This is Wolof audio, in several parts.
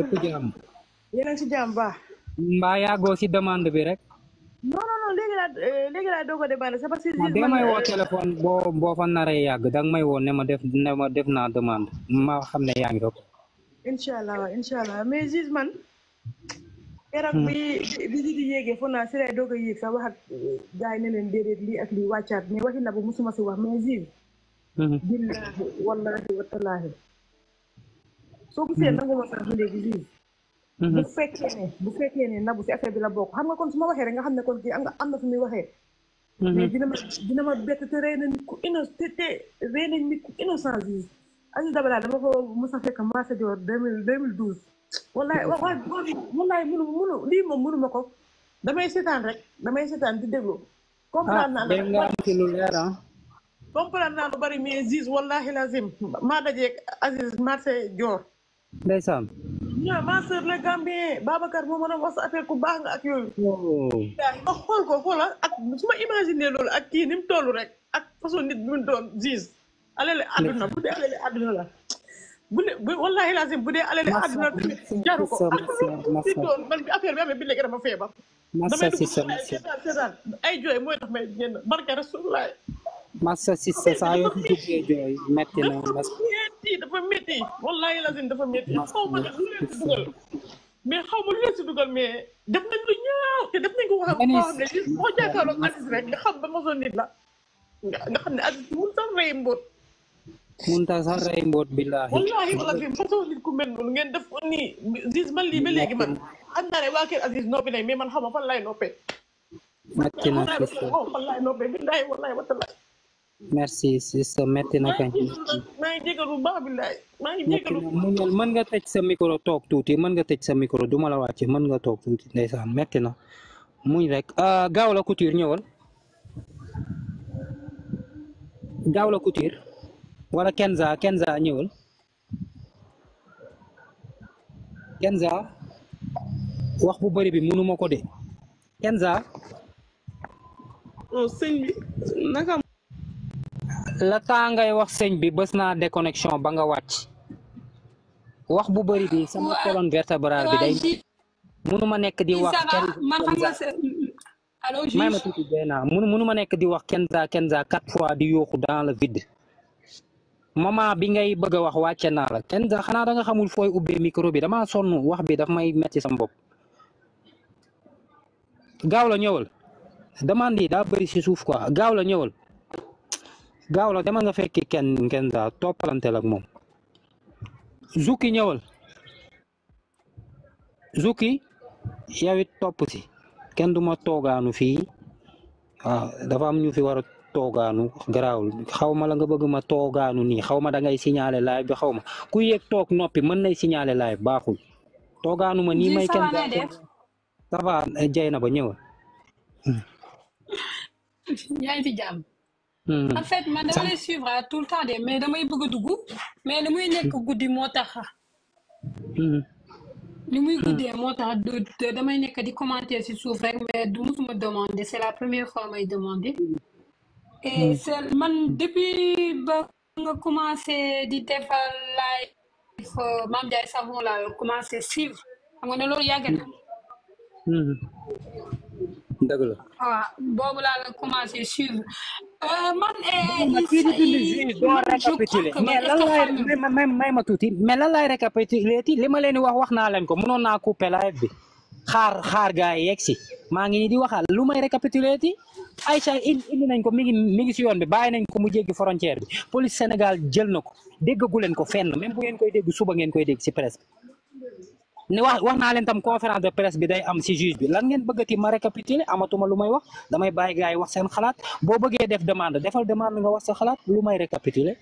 lépp jàmm yéen si jàmm si demande bi rek non non non léegi laa léegi laa doog a demande c'est parce que boo fa naree yàgg da may woo ne ma def ne ma def naa demande ma xam ne yaa ngi fa allah waaw allah mais juste man keroog hmm. bi visite yi yéegee foog naa si lay doog a yéeg sax wax ak gars ne leen déedéet lii ak lii wàccaat mais waxi na bu musuma si wax mais juste hmm. billaahi wallaahi watallaahi soo gisee hmm. nangu ma sax dundee di lii hmm. bu fekkee ne bu fekkee ne nabu si affaire bi la bokk xam nga kon su ma waxee rek nga xam ne kon kii am nga am na fu muy waxee hmm. mais di ma dina ma bett te na nit ku inno te te rey na nit ku innocent yi Aziz Dabala dama ko mos a fekk marché Dior deux mille deux mille douze wallaay wa waa wallaay munu munu lii moom munu ma ko damay seetaan rek damay seetaan di déglu comprendre naa ah, dégg nga am ci lu leer ah comprendre naa bari mais Ziz wallahi lazim maa dajeeg Aziz marché Dior ndeysaan waaw ma sœur la Gambien Babacar moo mën a wax sa affaire ku baax nga ak yooyu. Oh. ma xool ko xoola ak su ma imaginer loolu ak kii ni mu toll rek ak façon nit bi doon gis. alale àdduna bu dee alale àdduna la bu ne bu wallaahi lazim bu dee alale àdduna tamit jaru ko ak lu si doon man affaire bi amee bi léegi dama feebar. damay dugg seetaan seetaan ay jooy mooy tax may génn barke massa Cissé saa yoo fi duggee jooy metti na metti dafa metti wallahi lazim dafa metti xaw ma lu leen si dugal xaw ma lu leen si dugal mais def nañ lu ñaaw te def nañ ko xam ne nga xam ne Aziz mun sax rey mbóot mun tax sax rey mbóot wallahi lazim masoon nit ku mel noonu ngeen def nii Aziz man lii ba léegi man xam naa ne waa kër Aziz noppi nañ mais man xam ma fan laay noppee metti na wallahi noppee billaahi wallahi watalaay merci si sa metti na kañ maa ngi jégalu bu baax billaay maa ngi jégalu mën nga tëj sa micro toog tuuti mën nga tëj sa micro du ma la wàcce mën nga toog tuuti ndeysaan metti na muñ rek ah, gaaw la couture ñëwal gaaw la couture wala Kenza Kenza ñëwal Kenza wax bu bëri bi mënuma ko de Kenza sëñ bi naka le temps ngay wax sëñ bi bës naa déconnexion ba nga wàcc wax bu bëri bi sama colonne vertébrale bi day munu ma nekk di wax may ma tuuti Dieyna munu ma nekk di wax Kenza Kenza quatre fois di yooxu dans le vide moment bi ngay bëgg a wax wàcce naa la Kenza xanaa da nga xamul fooy ubbi micro bi damaa sonn wax bi dafa may metti sam bopp gaaw la ñëwal demande yi daa bëri si suuf koi gaaw la ñëwal gaaw la demal nga fekki kenn ngeen daal toppalanteel ak moom Zuki ñëwal Zuki yawit topp si kenn du ma toogaanu fii waaw ah, dafa am ñu fi war a toogaanu garaawul xawma la nga bëgg ma toogaanu nii xaw ma da ngay signaler live bi xaw ma ku yéeg toog noppi mën nay siñaale live baaxul toogaanu ma nii may kenn ça va jay na ba ñëwal Hmm. en fait man dama lay suivre ah, tout le temps de mais damay bëgg a dugg mais li muy nekk hmm. guddi moo tax. Hmm. li muy guddee moo tax damay nekk di commenter ci suuf rek mais du musuma demande. c'est la première fois may demander. et c'est man depuis ba nga commencé di defal live euh, Mame Ndiaye Savon la commencé suivre xam nga ne loolu yàgg na. dëgg la. waaw boobu laa la commencé suivre Eh, man. kii eh, eh, di dund juge mais lan laay may may ma tuuti mais lan laay li ma leen di wax wax naa leen ko mënoon naa coupé live bi xaar xaar gars yi ci si maa ngi nii di waxaal lu may récapitulé ti Aïcha indi nañ ko mi ngi mi ngi si yoon bi bàyyi nañ ko mu jéggi frontière bi police Sénégal jël na ko déggagu leen ko fenn même bu ngeen koy dégg suba ngeen koy dégg si presse ni wax wax naa leen tam conférence de presse bi day am si juge bi lan ngeen bëggati ma récapituler amatuma lu may wax damay bàyyi gars yi wax seen xalaat boo bëggee def demande defal demande nga wax sa xalaat lu may récapituler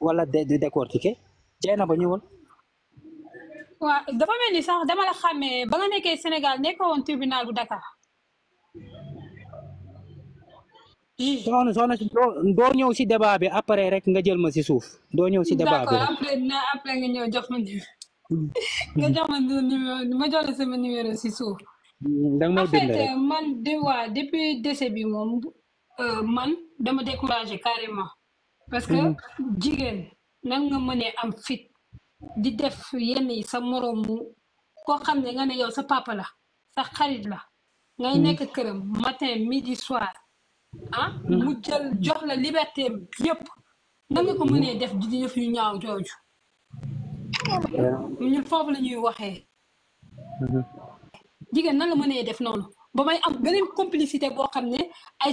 wala de décortiquer jey na ba ñëwal dafa mel ni sax dama la xàmmee ba nga nekkee Sénégal nekkoon tribunal bu Dakar soxna soxna si ñëw si débat bi après rek nga jël ma si suuf doo ñëw si débat nga jox ma numéro ma jox la sama numéro si suuf. danga ma euh, man de waa depuis décès bi moom euh, man dama découragé carrément. parce que mm. jigéen nan nga mënee am fit di def yenn yi sa moroomu koo xam ne nga ne yow sa papa la sa xarit la. ngay mm. nekk këram matin midi soir ah. Mm. mu jël jox la liberté yëpp nan nga ko mënee def di def yu ñaaw jooju. ñun foofu la ñuy waxee mhm. jigéen nan la mënee def noonu ba am beneen complicité boo xam ay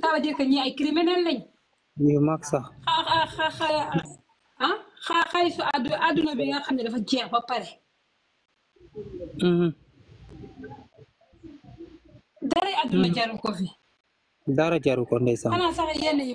ça dire que ay criminel sax ah bi nga dafa ba dara jaru ko dara jaru ko sax yi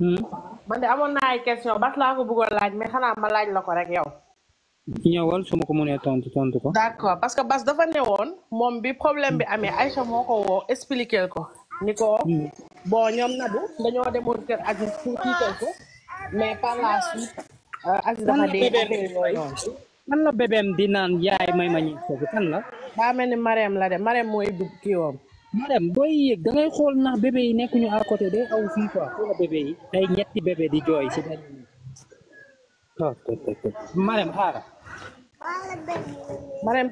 Hmm? man de amoon naa ay question bas laa ko bëggoon laaj mais xanaa ma laaj la ko rek yow. ñëwal su ma ko mënee tontu tontu ko. d'accord parce que bas dafa ne woon moom bi problème bi amee Aïcha moo ko woo expliquer ko ni ko. Hmm. bon ñoom Nabou dañoo demoon kër Aziz pour tiital ko mais par la suite. man euh, la bébéem di naan yaay may ma ñëw kan la. daa mel ni Marème la de Marème mooy kii woom. madame booy yéeg dangay xool ndax bébé yi nekkuñu à côté day aw fii quoi xoolal bébé yi day ñetti bébé di jooy si benn waaw ah, madame xaaral marem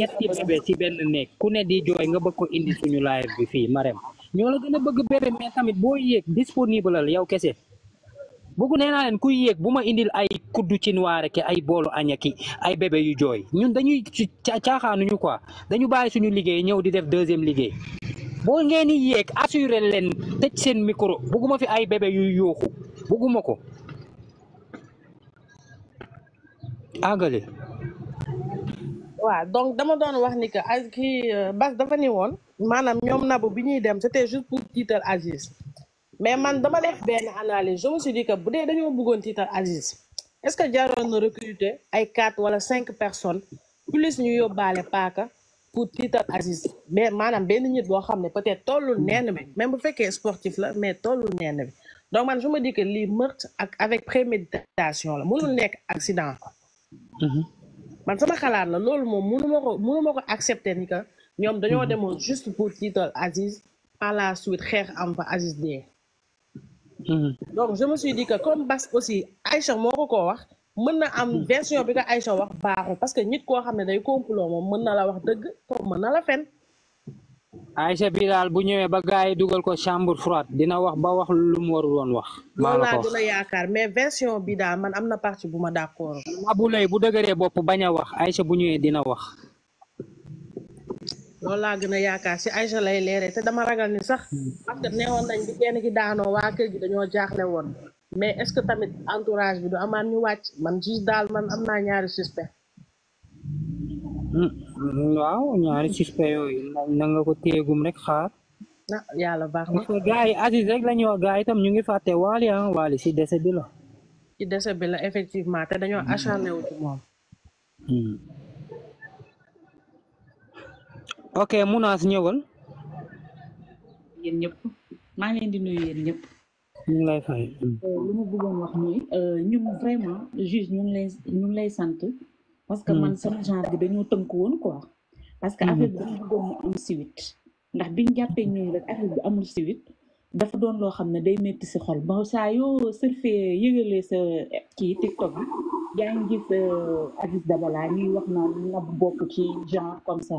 ñetti bébé ci benn néeg ku ne di jooy nga bëgg ko indi suñu live bi fii marem ñoo la gën a bëgg bébé mais tamit boo yéeg disponible al yow kese bugu nee naa leen kuy yéeg bu ma indil ay kuddu ci noire ki ay boolu añaki ay bébé yu jooy ñun dañuy caaxaanuñu quoi dañu bàyyi suñu liggéey ñëw di def deuxième liggéey boo ngeen di yéeg assuré leen tëj seen micro bugguma fi ay bébé yu yuuxu bugguma ko àggale waaw donc dama doon wax ni que ak kii euh, Bas dafa ni woon maanaam ñoom nabu bi ñuy dem c'était juste pour tiital Aziz mais man dama def ben analyse je me suis dit que bu dee bëggon bëggoon Aziz est-ce que jaroon na recruter ay quatre wala cinq personnes plus ñu yóbbaale paka pour tiital Aziz mais manam ben nit bo xamné peut-être tollul nenn bi même bu féké sportif la mais tollul nenn bi donc man je me dis que li meurt ak avec préméditation la mënul nek accident mhm. man sama xalaat la loolu moom mënumako mënumako accepter ni que ñoom dañoo demoon juste pour titre Aziz par la suite xeex am fa Aziz dee Hmm. donc je me suis dit que comme Bass aussi Aïcha moo ko koo wax mën na am hmm. version bi nga Aïcha wax baaxul parce que nit koo xam ne day complot moom mën na la wax dëgg comme mën na la fen Aïcha bi daal bu ñëwee ba gars yi dugal ko chambre froide dina wax ba wax lu mu warul woon wax. maa la ko wax yaakaar mais version bi daal man am na partie bu ma d'accord. Abou Leye bu dëgëree bopp bañ a wax Aïcha bu ñëwee dina wax. loolu laa gën a yaakaar si Aïcha lay leeree te dama ragal ni sax parce que neewoon nañ bi kenn gi daanoo waa kër gi dañoo jaaxle woon mais est-ce que tamit entourage bi du amaan ñu wàcc man juste daal man am naa ñaari suspect mm, waaw ñaari suspect yooyu na nga ko téegum rek xaar ah yàlla baax na gars yi Aziz rek la ñuy wax itam ñu ngi fàtte waali ah waali si dese bi ci dese bi la effectivement te dañoo acharné wu ci moom mm. ok Mounass ñëwal. yéen ñëpp maa ngi leen di nuyu yéen ñëpp. ñu ngi lay fay. Euh, li ma bëggoon wax mooy euh, ñun vraiment juge ñu ngi lay ñu ngi lay sant. parce que mm. man sama genre bi dañoo tënk woon ko parce que mm. affaire bi dañu bëggoon mu am suite. ndax biñ jàppee ñun rek affaire bi amul suite. dafa doon loo xam ne day métti si xol ba saa yoo surfee yëgalee sa kii TikTok bi yaa ngi gis euh, Aziz Dabala ñuy wax naan na bokk ci genre comme ça.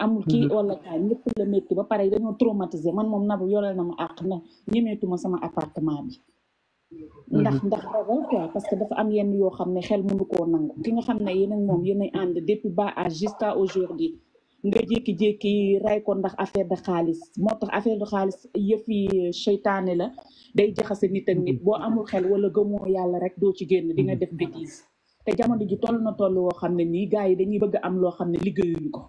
amul kii mhm. wala kaa la métti ba pare dañoo traumatisé man moom nabu yoreel na ma àq na ñemeetuma sama appartement bi mhm. ndax ndax ragal quoi parce que dafa am yenn yoo xam ne xel mënu koo nangu ki nga xam ne yéen moom yéen ay ànd depuis bas à jusqu'à aujourd'hui nga jékki-jékki rey ko ndax affaire de xaalis moo tax affaire de xaalis yëf yi seytaane la day jaxase nit ak nit mhm. boo amul xel wala gëmoo yàlla rek doo ci génn di def bêtise te jamono ji toll na toll woo xam ne nii gars yi dañuy bëgg am loo xam ne liggéeyuñu ko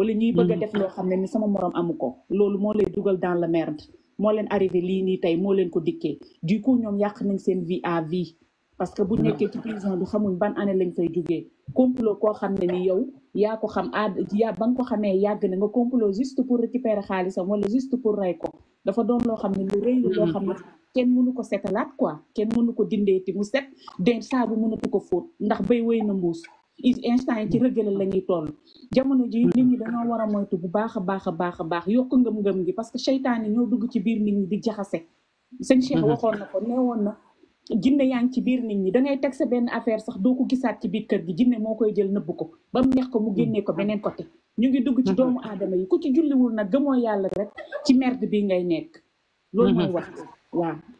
wala ñuy bëgg a mm-hmm. def loo xam ne ni sama morom amu ko loolu moo lay dugal dans la merde moo leen arrivé lii nii tey moo leen ko dikkee du coup ñoom yàq nañ seen vie à vie parce que bu mm-hmm. nekkee ci prison bi xamuñ ban année lañ fay jugee complot koo xam ne ni yow yaa ko xam aad yaa ba nga ko xamee yàgg na nga complot juste pour récupérer xaalisam wala juste pour rey ko dafa doon loo xam ne lu rëy loo mm-hmm. xam ne kenn mënu ko setalaat quoi kenn mënu ko ti mu set den saabu mënatu ko fóot ndax bay wéy na mbuus instant yi ci rëgëla la ñuy toll jamono ji nit ñi dañoo war a moytu bu baax a baax a baax a baax yokk ngëm-ngëm gi parce que seytaane ñoo dugg ci biir nit ñi di jaxase sëñ Cheikh mhm. waxoon na ko nee woon na jinne yaa ngi ci biir nit ñi da ngay teg sa benn affaire sax doo ko gisaat ci biir kër gi jinne moo koy jël nëbb ko ba mu neex ko mu génnee ko mhm. beneen côté ñu ngi dugg ci mhm. doomu aadama yi ku ci julliwul nag gëmoo yàlla rek ci merde bi ngay nekk loolu mooy wax waaw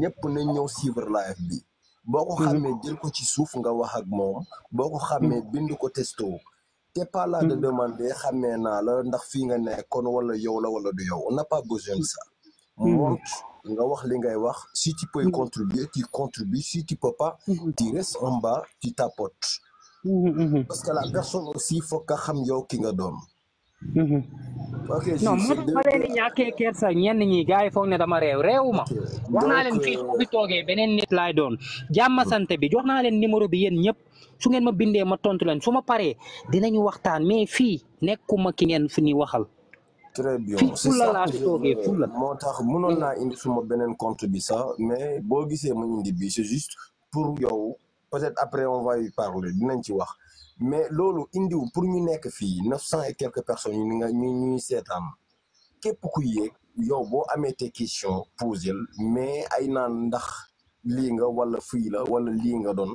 ñepp na ñëw suivre live bi boko mhm. xamé jël ko ci souf nga wax ak mom boko xamé xàmmee mhm. bind ko testo t'es pas là de mhm. demander xamé na la ndax fi nga kon wala yow la wala du yow on n'a pas besoin de ça montre nga wax li ngay wax si tu peux contribuer tu contribues si tu peux pas tu restes en bas tu tapotes parce que la personne aussi faut que xam yow ki nga doon non moo tax ma leen di ñàkkee kersa ñenn ñi gars yi foog ne dama réew réew ma wax naa leen fii bi toogee beneen nit laay doon jàmm sante bi jox naa leen numéro bi yéen ñëpp su ngeen ma bindee ma tontu leen su ma paree dinañu waxtaan mais fii nekkuma ki ngeen fi ñuy waxal. très bien fii fulla laa fi moo tax mënoon naa mm. indi suma beneen compte bi sax mais boo gisee ma indi bi c'est juste pour yow peut-être après on va y parler dinañ ci wax. mais loolu indiw pour ñu nek fi 900 et quelques personnes ñu nga ñu ñuy seetaan képp ku yéeg yow bo amé té question poser mais ay naan ndax li nga wala fii la wala li nga don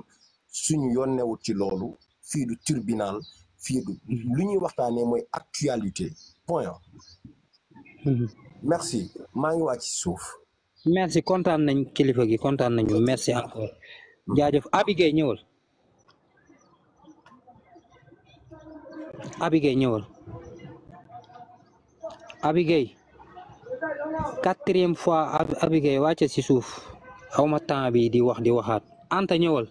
suñu yoon ci lolu fi du tribunal fi du mhm. lu ñuy waxtaanee actualité point. Mhm. merci ma ngi wacc souf merci content nañ kilifa gi kontaan nañu merci encore mm. jaajëf abigay Gueye Abigay ñëwal Abigay quatrième fois Abigay wacce ci souf awma temps bi di wax di waxat Anta ñëwal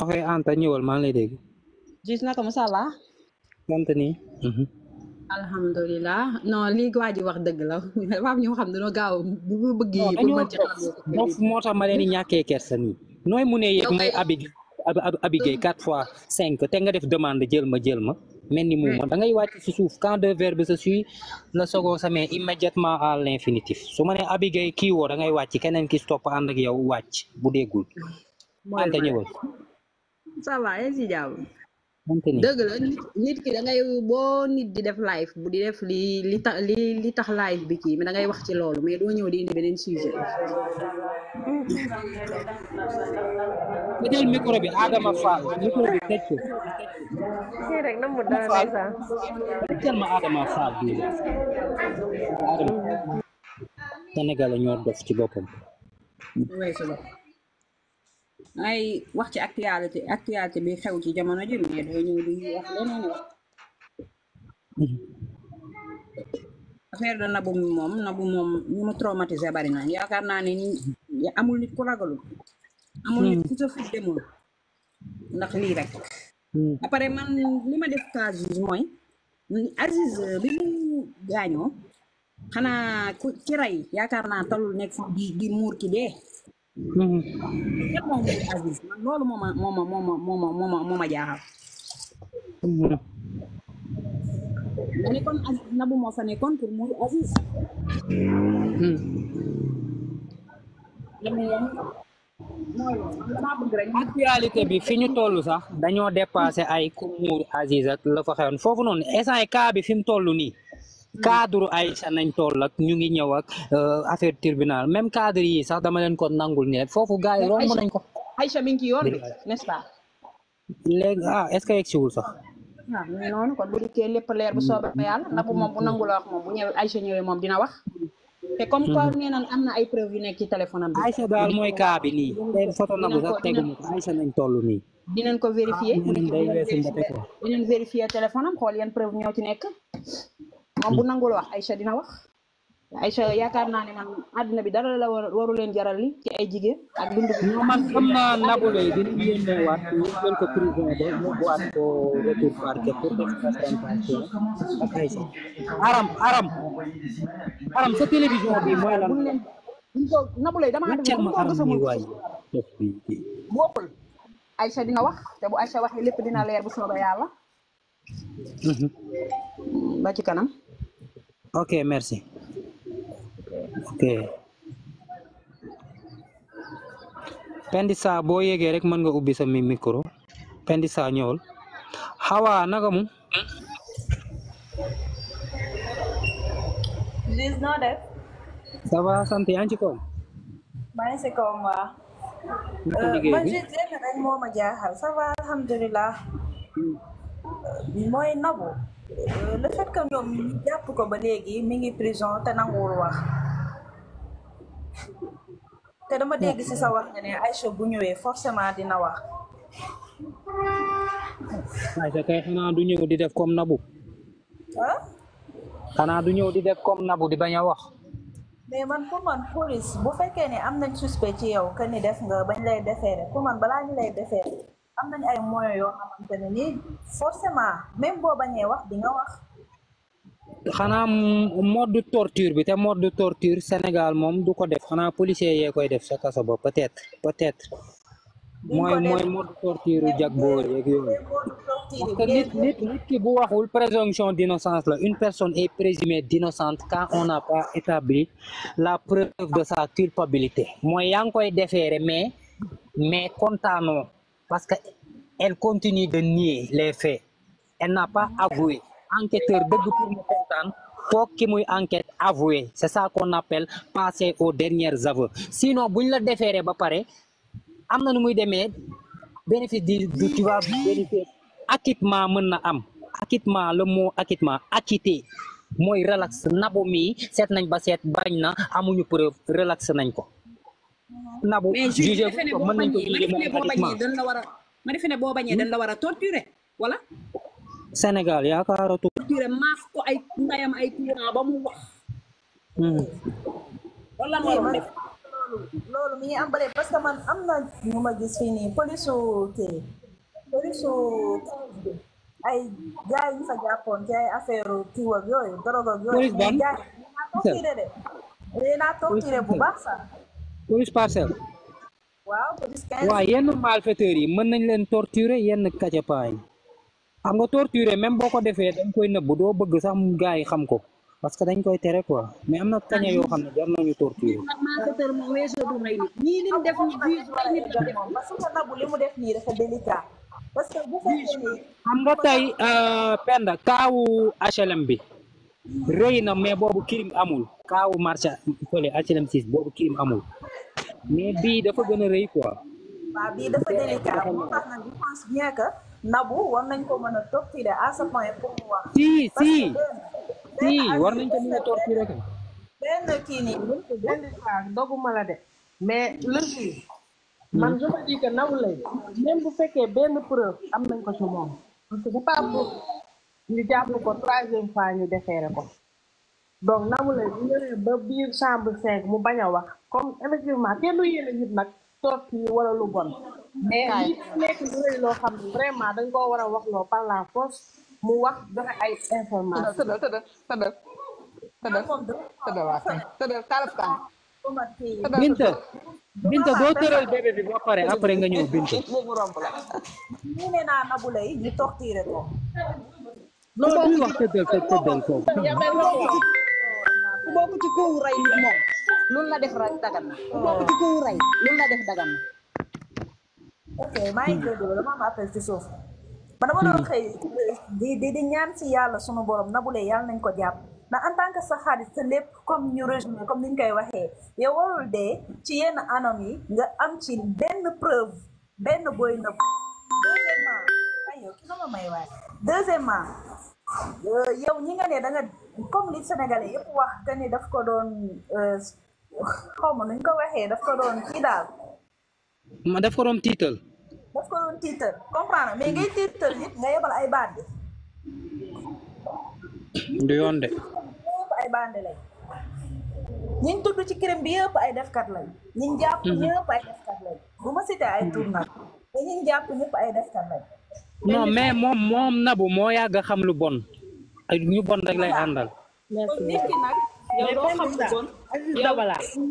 ok Anta ñëwal ma ngi lay dégg gis naka mu sàlla sant nii mhm. alhamdulilah Alhamdulillah no li ji wax dëgg la dafa am ñoo xam ne gaaw bu bu xam ma kersa mu ne Abigay abigay mm-hmm. quatre fois cinq te nga def demande jël ma jël ni mouvement mm-hmm. da ngay wàcc si suuf quand deux verbes se suivent le second se met immédiatement à l'infinitif su ma ne abigay kii woo da wàcc keneen ki stop ànd ak yow wàcc bu déggul mm-hmm. anta ñëwal ça va dëgg la nit ki da ngay boo nit di def live bu di def li li tax li bi kii mais da wax ci loolu mais doo ñëw di indi beneen sujet. nga jël micro bi Adama Fall micro ko. kii la. Adama Sénégal ci bokkam ngay wax ci actualité actualité bi xew ci jamono ji mais doo ñëw di wax leneen wax affaire de nabu moom nabu moom ñu mu traumatisé bari na yaakaar naa ne ni amul nit ku ragalul amul nit ku sa fu demul ndax lii rek hmm. après man li ma def Aziz mooy Aziz euh, bi ñu gaañoo xanaa ku ci yaakaar naa talul nekk di di muur ki dee ñëpp moom mooy Aziz man loolu ma jaaxal. Mm-hmm. ma mm-hmm. bi fi ñu toll sax dañoo dépassé ay ku muur Aziz ak la fa xewoon foofu noonu instant cas bi fi mu toll nii. cadre Aïcha nañ toll ak ñu ngi ñëw ak euh, affaire tribunal même cadre yi sax dama leen ko nangul nii rek foofu gars yi ko. Aïcha mi ngi yoon bi n'est-ce pas. léegi ah est ah, bu dikkee lépp leer bu soobee yàlla ndax bu moom wax moom bu ñëwee Aïcha ñëwee moom dina wax. te comme quoi mhm. nee naan am na ay preuve yu nekk ci téléphone am bi. Aïcha daal mooy cas bi nii. tey photo nangu sax tegu ma nañ toll nii. dinañ ko vérifier ah, téléphone am xool yan preuve ñoo ci nekk. moom bu nangul wax Aisha dina wax nah, aisha yaakaar na ne man aduna bi dara la waru len jaral li ci ay jigen ak dundu bi. ñoo man xam nabulay di ñu yéne wat ñu jël ko prison do mu boîte ko retour parquet pour def confrontation ak Aram Aram Aram sa télévision bi lan. ko ko dina wax te bu dina leer bu ba ci kanam. Okay, merci. Okay. Pendisa boo yegee rek mën nga ubbi sa mi micro Pendisa ñëwal Hawa naka mu. Liz noo def. ça va sant yaa ngi ci kawam. maa ngi si kawam waa. man jii lenn rek moo ma jaaxal ça va alhamdulilah. mooy nabu. Euh, le fait que ñoom jàpp ko ba léegi mi ngi prison te nanguwul wax te dama dégg ci sa wax nga ne Aïcha bu ñëwee forcément dina wax Aïcha kay xanaa du ñëw di def comme Nabou ah du ñëw di def comme Nabou di bañ a wax mais man pour man police bu fekkee ne am nañ suspect ci yow que ni def nga bañ lay defeere pour man balaa ñu lay defeere am nañ ay moyens yoo xamante ne forcément même boo bañee wax di nga wax. xanaa mode de torture bi te mode de torture Sénégal moom du ko def xanaa policier yee koy def sa kaso ba peut-être peut-être. mooy mooy mode torture jagboor yeeg yooyu parce que nit nit nit ki bu waxul présomption d'innocence la une personne est présumée d'innocente quand on n'a pas établi la preuve de sa culpabilité mooy yaa ngi koy déférer mais mais kontaanoo parce qu'elle continue de nier les faits. Elle n'a pas avoué. Enquêteur de pour faut que muy enquête avouée c'est ça qu'on appelle passer aux dernières aveux sinon buñ la le ba paré am na nu bénéfice du, tu vas bénéficier acquittement am acquittement le mot acquittement acquitté Moi relax nabo mi seet nañ ba seet na amuñu preuve relax nañ na bu jugé ko mën nañ ko jugé médiatiquement dañ la wara ma kau né bo bañé dañ la wara torturer wala lalu, lalu, torturer lalu, ko ay ndayam ay courant ba mu wax wala mo lalu, lalu, mi ngi am lalu, parce que man lalu, lalu, lalu, lalu, lalu, lalu, lalu, lalu, lalu, lalu, ay lalu, lalu, lalu, lalu, lalu, lalu, affaire lalu, lalu, lalu, drogue lalu, lalu, lalu, lalu, lalu, lalu, lalu, lalu, de. lalu, lalu, bu baax sax. police parcelle. waaw yenn malfaiteurs yi mën nañ leen torturer yenn kacapaa yi xam nga torturer même boo ko defee dañ koy nëbb doo bëgg sax mu gars yi xam ko parce que dañ koy tere quoi mais am na kaña yoo xam ne jar nañu torturer. malfaiteur moom weesoo du rey que nabu li mu def xam nga tey euh, Penda kaawu HLM bi. rëy na mais boobu crime amul kaawu marché fële HLM 6 boobu crime amul mais bii dafa gën a rëy quoi. waaw bii dafa délicat moo tax nag je pense bien que nabu war nañ ko mën a si si benn kii nii lu ko benn doguma la de mais le juge man je me dis lay même bu fekkee benn preuve am nañ ko ci moom parce que bu ñu jàpp ko troisième fois ñu defeere ko donc namu la ba biir chambre cinq mu bañ a wax comme effectivement kenn du yéene nit nag toog kii wala lu bon mais li nekk looy loo xam ne vraiment dañ koo war a wax loo par la force mu wax joxe ay information tëddal tëddal tëddal tëddal tëddal waa tëddal taalaftaan binta binta doo tëral bébé bi ba pare après nga ñëw binta mu romb ne naa Nabou Leye ñu toog ko non duñu wax tëddal tëddal foofu. ku bokk ci kawu rey nit moom loolu la def rek dagan na. ku bokk ci kawu rey loolu la def dagan na. ok maa ngi déglu dama am appel ci suuf. ma dama doon xëy di di di ñaan si yàlla sunu borom nabule yàlla nañ ko jàpp ndax en tant que sa xaalis sa lépp comme ñu résumé comme niñ koy waxee yow warul dee ci yenn anam yi nga am ci benn preuve benn booy nëb. deuxièmement aywa ki nga ma may waay. deuxièmement euh, yow ñi nga ne da nga comme li Sénégalais yëpp wax que daf ko doon euh, xaw ma nuñ ko waxee daf ko doon kii daal. ma daf ko doon tiital. daf ko doon mais ngay tiital nga yebal ay bande. du yoon de. ay bande lañ. ñi ñu tudd ci crime bi yëpp ay defkat lañ. ñi ñu jàpp mhm. ñëpp ay defkat lañ. bu ma cité ay tournage. te ñi jàpp ñëpp ay defkat lañ. no mais moom moom Nabou moo yàgg xam lu bon ak ñu bon rek lay àndal. merci beaucoup Aziz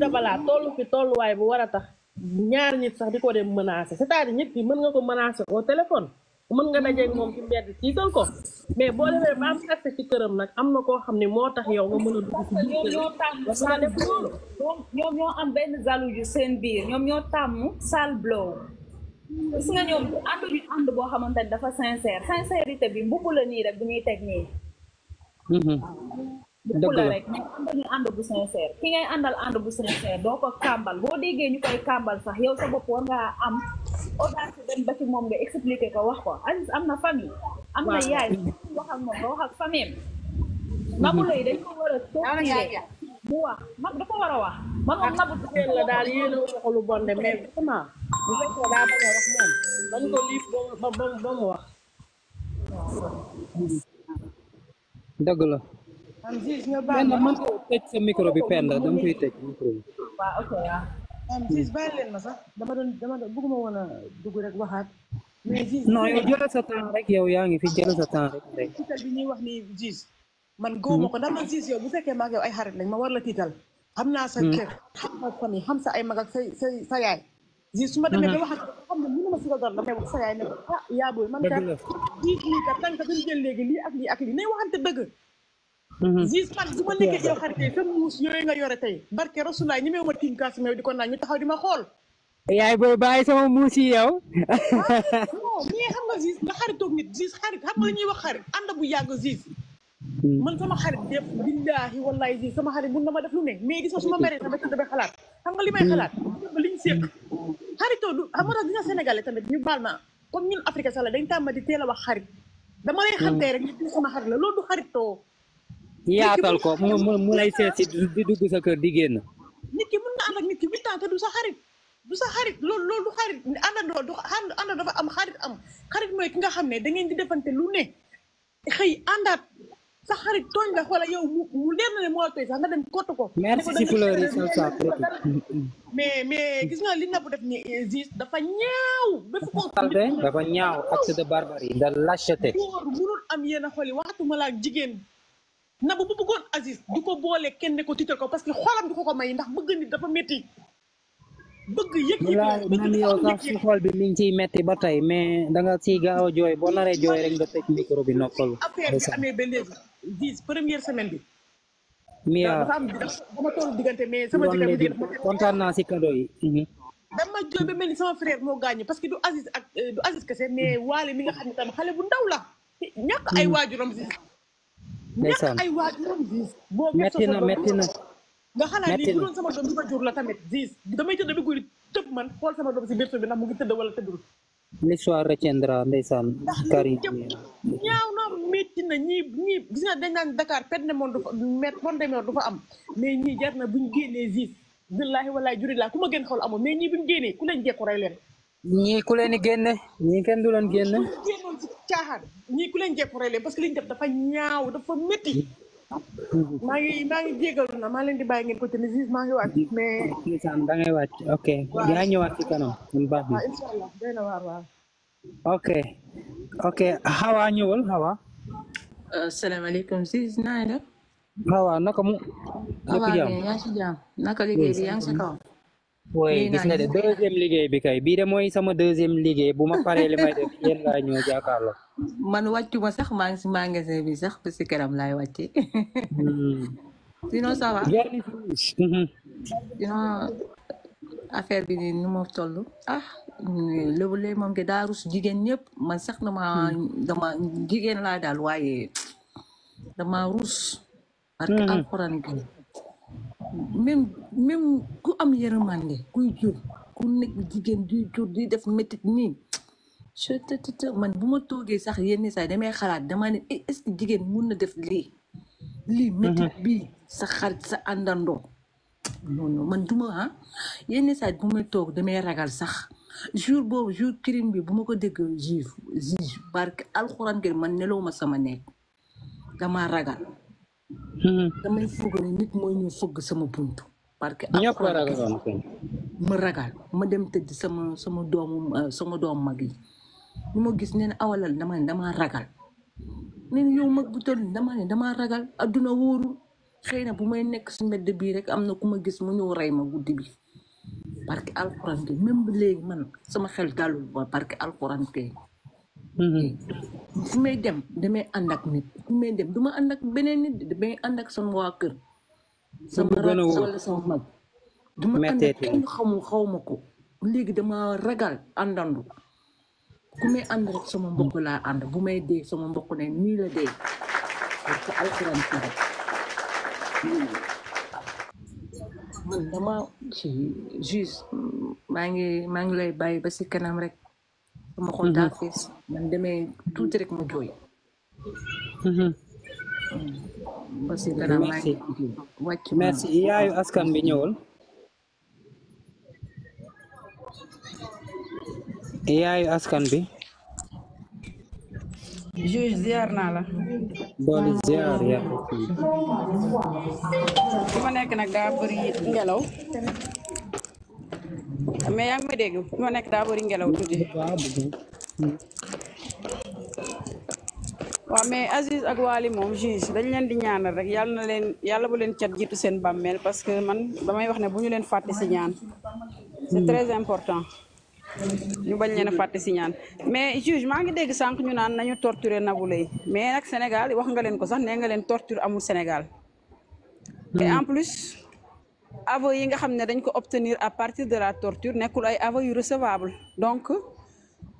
Dabala tollu fi tolluwaay bu war a tax ñaar nit sax di ko dem menacer c'est-à-dire nit mën nga ko menacer au téléphone mën nga dajeeg moom ci mbedd tiital ko mais boo demee ba am accès ci këram nag am na koo xam ne moo tax yow nga mën a dugg ci biir seen biir ñoom ñoo tàmm sale blow gis nga ñoom ànd ñu ànd boo xamante ne dafa sincère sincérité bi mbubb la nii rek bu ñuy teg nii mm-hmm. mbubb la rek ñu ànd ñu ànd bu sincère ki ngay àndal ànd bu sincère doo ko kàmbal boo déggee ñu koy kàmbal sax yow sa bopp war ngaa am audace dem ba ci moom nga expliqué ko wax ko Aziz am na famille am na yaay wax ak moom nga wax ak famille am nga bu lay war a mu wax nab dafa war man moom nabu jigéen la daal lu bon de mais la am gis nga baal ma man ko micro bi pend dama koy tëj micro bi waaw ok waaw am gis bàyyi leen ma sax dama doon dama doon bëgguma woon a dugg rek waxaat mais gis non yow sa temps rek yow yaa ngi fi jëlal sa temps rek man hmm. góoma ko ndax man siis bu fekkee maag yow ay xarit lañ ma war la tiital xam naa sa hmm. kër xam sa famille sa ay mag ak sa sa yaay si su ma demee hmm. ba wax ak xam ne mënu ma si la dara damay wax sa yaay ne ko ah yaa booy man kat lii lii kat tànk bi ñu jël léegi lii ak lii ak lii nay waxante dëgg gis man xarit yi sa muus yooyu nga tey barke rasulaay ñi meew ma tiim kaas di ko naan ñu taxaw di ma xool yaay booy bàyyi sama yi yow non mais xam nga gis nga xaritoog nit gis xarit xam nga la ñuy xarit ànd bu yàgg gis Hmm. man sama xarit def billaahi wallaahi ji sama xarit mun na ma def lu ne mais gis nga su ma hmm. meree tamit damay xalaat xam nga li hmm. xalaat xaritoo du xam nga dina tamit ñu baal ma comme ñun afrique sax la dañ tàmm di teel a wax xarit dama lay xam tey rek ñu sama xarit loolu du ko mu mu mu lay seet si di dugg sa kër di génn nit ki mun nga ànd ak sa xarit du sa xarit loolu loolu du xarit àndandoo dafa am xarit am xarit mooy ki nga xam ne da ngeen di defante lu ne xëy àndaat sa xarit tooñ la xoola yow mu mu leer na ne moo la tooñ sax nga dem kottu ko. merci si fleur yi mais mais gis nga li nga bu def ni existe dafa ñaaw. dafa ko dafa ñaaw acte de barbarie. de lâcheté. góor munul am yenn xol yi waxatuma la ak jigéen. na bu bëggoon Aziz du ko boole kenn ko tiital ko parce que xolam du ko ko may ndax bëgg nit dafa métti. bëgg yëg yi man yow sax si xool bi mi ngi ciy metti ba tey mais danga nga gaaw a jooy boo naree jooy rek nga te micro bi noppal. affaire bi amee semaine bi. Mia dama toll diggante mais sama diggante si cadeau yi. Mhm. mel ni sama frère moo gaañu parce que du Aziz ak euh, du Aziz kese mais mhm. waale mi nga xam ne tam xale bu ndaw la ñàkk ay mhm. waajuram si. ndeysaan ñàkk ay waajuram metti na metti na. nga xanaa nii bu doon sama doom sama jur la tamit dis damay tëdd bi guddi tëb man xool sama doom si biir bi ndax mu ngi tëdd wala tëddul. l'histoire na métti na ñii ñii gis nga dañ naan ne moom met bon demee du fa am mais ñii jar na bu ñu génnee gis billaahi wallaahi juri la ku ma génn xool amoon mais ñii bu ñu génnee ku leen jekku rey leen. ñii ku leen di génne ñii kenn du leen génne. ñii ku leen jekku rey parce que liñ def dafa ñaaw dafa métti. maa ngi maa ngi jégalu na maa leen di bàyyi ngeen continué si maa ngi wàcc mais. ndeysaan da ngay wàcc ok dinaa ñëwaat ci kanam. baax na ah, incha allah doy na Hawa ñëwal Hawa. asalaamaaleykum euh, sis naa Hawa naka mu. naka naka liggéey bi yaa ngi Woi, gis nga de deuxième liggéey bi kay bii de mooy sama deuxième liggéey bu ma paree li may def yéen laa ñëw jàkkaarloo. man wàccuma sax maa ngi si magasin bi sax ba si kanam laay hmm. sinon ça va. sinon affaire bi nii nu ah Lébu Leye moom de daa rus jigéen ñëpp man sax dama dama jigéen laa daal rus. même ku am yërmande kuy jur ku nekk jigéen di jur di def mettit nii man bu ma toogee sax yenn saa damay xalaat dama ne eh, est-ce que jigéen mun na def lii lii mhm. métit bii sa xarit sa àndandoo non non man duma ah yenn saa yi bu may toog damay ragal sax jour boobu jour crime bi bu ma ko dégg juif juge barke alxuraan man nelawuma sama nekk dama ragal Hmm. damay foog ne nit mooy ñu fëgg sama buntu. parce que ñëpp ragal ma ragal ma dem tëdd sama sama doomu euh, sama doom mag yi ñu ma gis ne awalal dama ne ragal neen yow mag bu tëdd dama ne damaa ragal adduna wóorul xëy na bu may nekk si mbedd bii rek am na ku ma gis mu ñëw rey ma guddi bi parce que alxuraan même léegi man sama xel dalul ba parce que alxuraan Mm-hmm. Mm. fu may dem damay ànd ak nit fu may dem du ma ànd ak beneen nit damay ànd ak sama waa kër. sama rakk sama mag. du ma ànd ak xaw ma ko. léegi dama ragal àndandu ku may ànd rek sama mbokk laa ànd bu may dee sama mbokk ne nii la dee dama ci maa ngi maa ngi lay bàyyi ba si kanam rek. sama xol merci wàcc askan bi ñëwul yaayu askan bi juge ziar naa la boole ziar yaa fi ma nekk nag daa bëri ngelaw mais yaa ngi may dégg fi ma nekk daa bëri ngelaw tuuti. waaw mais Aziz ak Waly moom juge dañ leen di ñaanal rek yàlla na leen yàlla bu leen cat jiitu seen bàmmeel parce que man damay wax ne bu ñu leen fàttee si ñaan. c'est très important. ñu bañ leen a fàtte si ñaan mais juge maa ngi dégg sànq ñu naan nañu torturer Nabou Leye mais nag Sénégal wax nga leen ko sax nee nga leen torture amul Sénégal. et en plus. aveux yi nga xamné dañ ko obtenir à partir de la torture nekul ay aveux yu recevable donc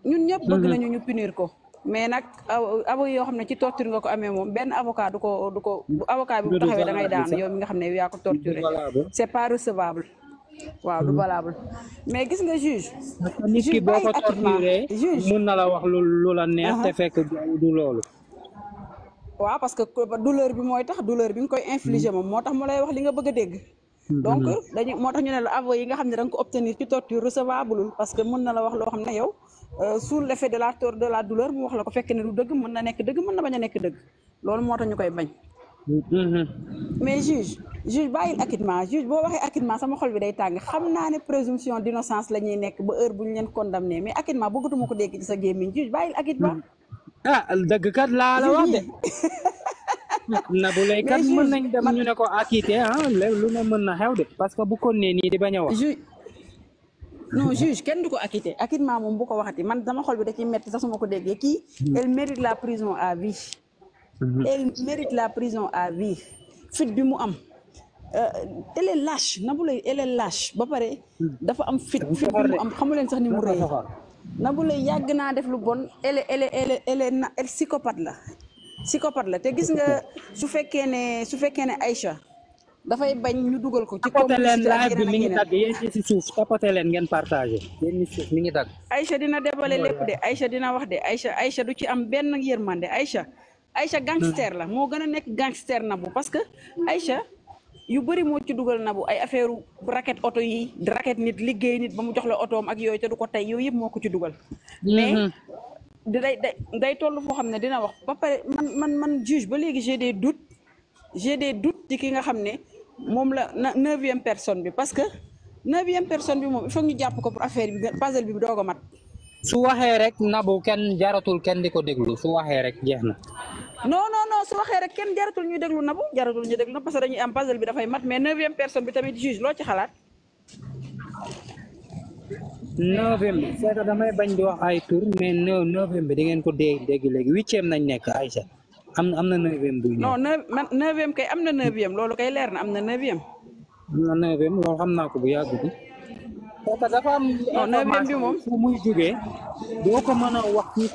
ñun ñëpp bëgg mhm. nañu ñu punir ko mais nak aveux yo xamné ci torture nga ko amé mom ben avocat du ko du ko avocat bi bu da ngay daan yow mi nga xamné ne yaa ko torturer c'est pas recevable waaw du mhm. valable mais gis nga juge nit ki boo torturer mën na la wax lu la neex te uh-huh. fekk du loolu waaw parce que douleur bi moy tax douleur bi nga koy infliger mom mhm. motax mo lay wax li nga bëgg dégg donc dañu motax ñu né la aveu yi nga xamné ne da nga ko obtenir ci torture recevable parce que mën na la wax lo xamné ne yow euh, sous l'effet de la torture de la douleur mu wax la ko fekké né du dëgg mën na nekk dëgg mën na baña a nekk dëgg loolu motax tax bañ mm-hmm. mais juge juge bayil acquittement juge bo waxee acquittement sama xol bi day tang xamna né présomption d'innocence innocence la ñuy nekk ba heure bu ñu leen condamné mais acquittement bëggatuma mako dégg ci sa gémmiñ juge bayil acquittement mm. ah dëgg kat la la wax dé Nabou Leye kan mën nañ dem ñu ne ko acquitté ah mën na parce que bu ko di bañ a wax. non juge kenn du ko acquittement moom bu ko waxati man dama xol bi da metti sax ma ko hmm. elle mérite la prison à vie. Hmm. elle mérite la prison à vie. fit bi mu am. elle est lâche elle e est e lâche ba pare. Hmm. dafa am fit bi mu am sax ni mu def lu elle est elle elle e, psychopathe la si koppar la te gis nga su fekkee ne su fekkee ne Aïcha fay bañ ñu duggal ko ci tapote leen suuf ngeen suuf mi ngi Aïcha dina débalé lépp dé Aïcha dina wax dé Aïcha Aïcha du ci am benn yermandé Aïcha Aïcha gangster la mo gëna nek gangster Nabou parce que Aïcha yu bari mo ci dugal Nabou ay affaireu raquette auto yi raquette nit liggéey nit ba mu jox la am ak yoy te du ko tay yoy yëpp moko ci duggal mhm. mais day day day toll foo xam ne dina wax ba pare man man man juge ba léegi j'ai des doutes j'ai des doutes ci ki nga xam ne moom la na neuvième personne bi parce que neuvième personne bi moom il faut ñu jàpp ko pour affaire bi puzzle bi doog a mat. su waxee rek nabu kenn jaratul kenn di ko déglu su waxee rek jeex na. non non non su waxee rek kenn jaratul ñu déglu nabu jaratul ñu déglu na parce que dañuy am puzzle bi dafay mat mais neuvième personne bi tamit juge loo ci xalaat. novembre c'est que damay bañ di wax ay tour di ngeen ko dégg dégg léegi huitième nañ nekk Aïcha am na am na neuvième buy non neuvième am na neuvième loolu kay leer na am na neuvième am xam naa ko bu yàgg bi parce que dafa am neuvième bi moom ko mën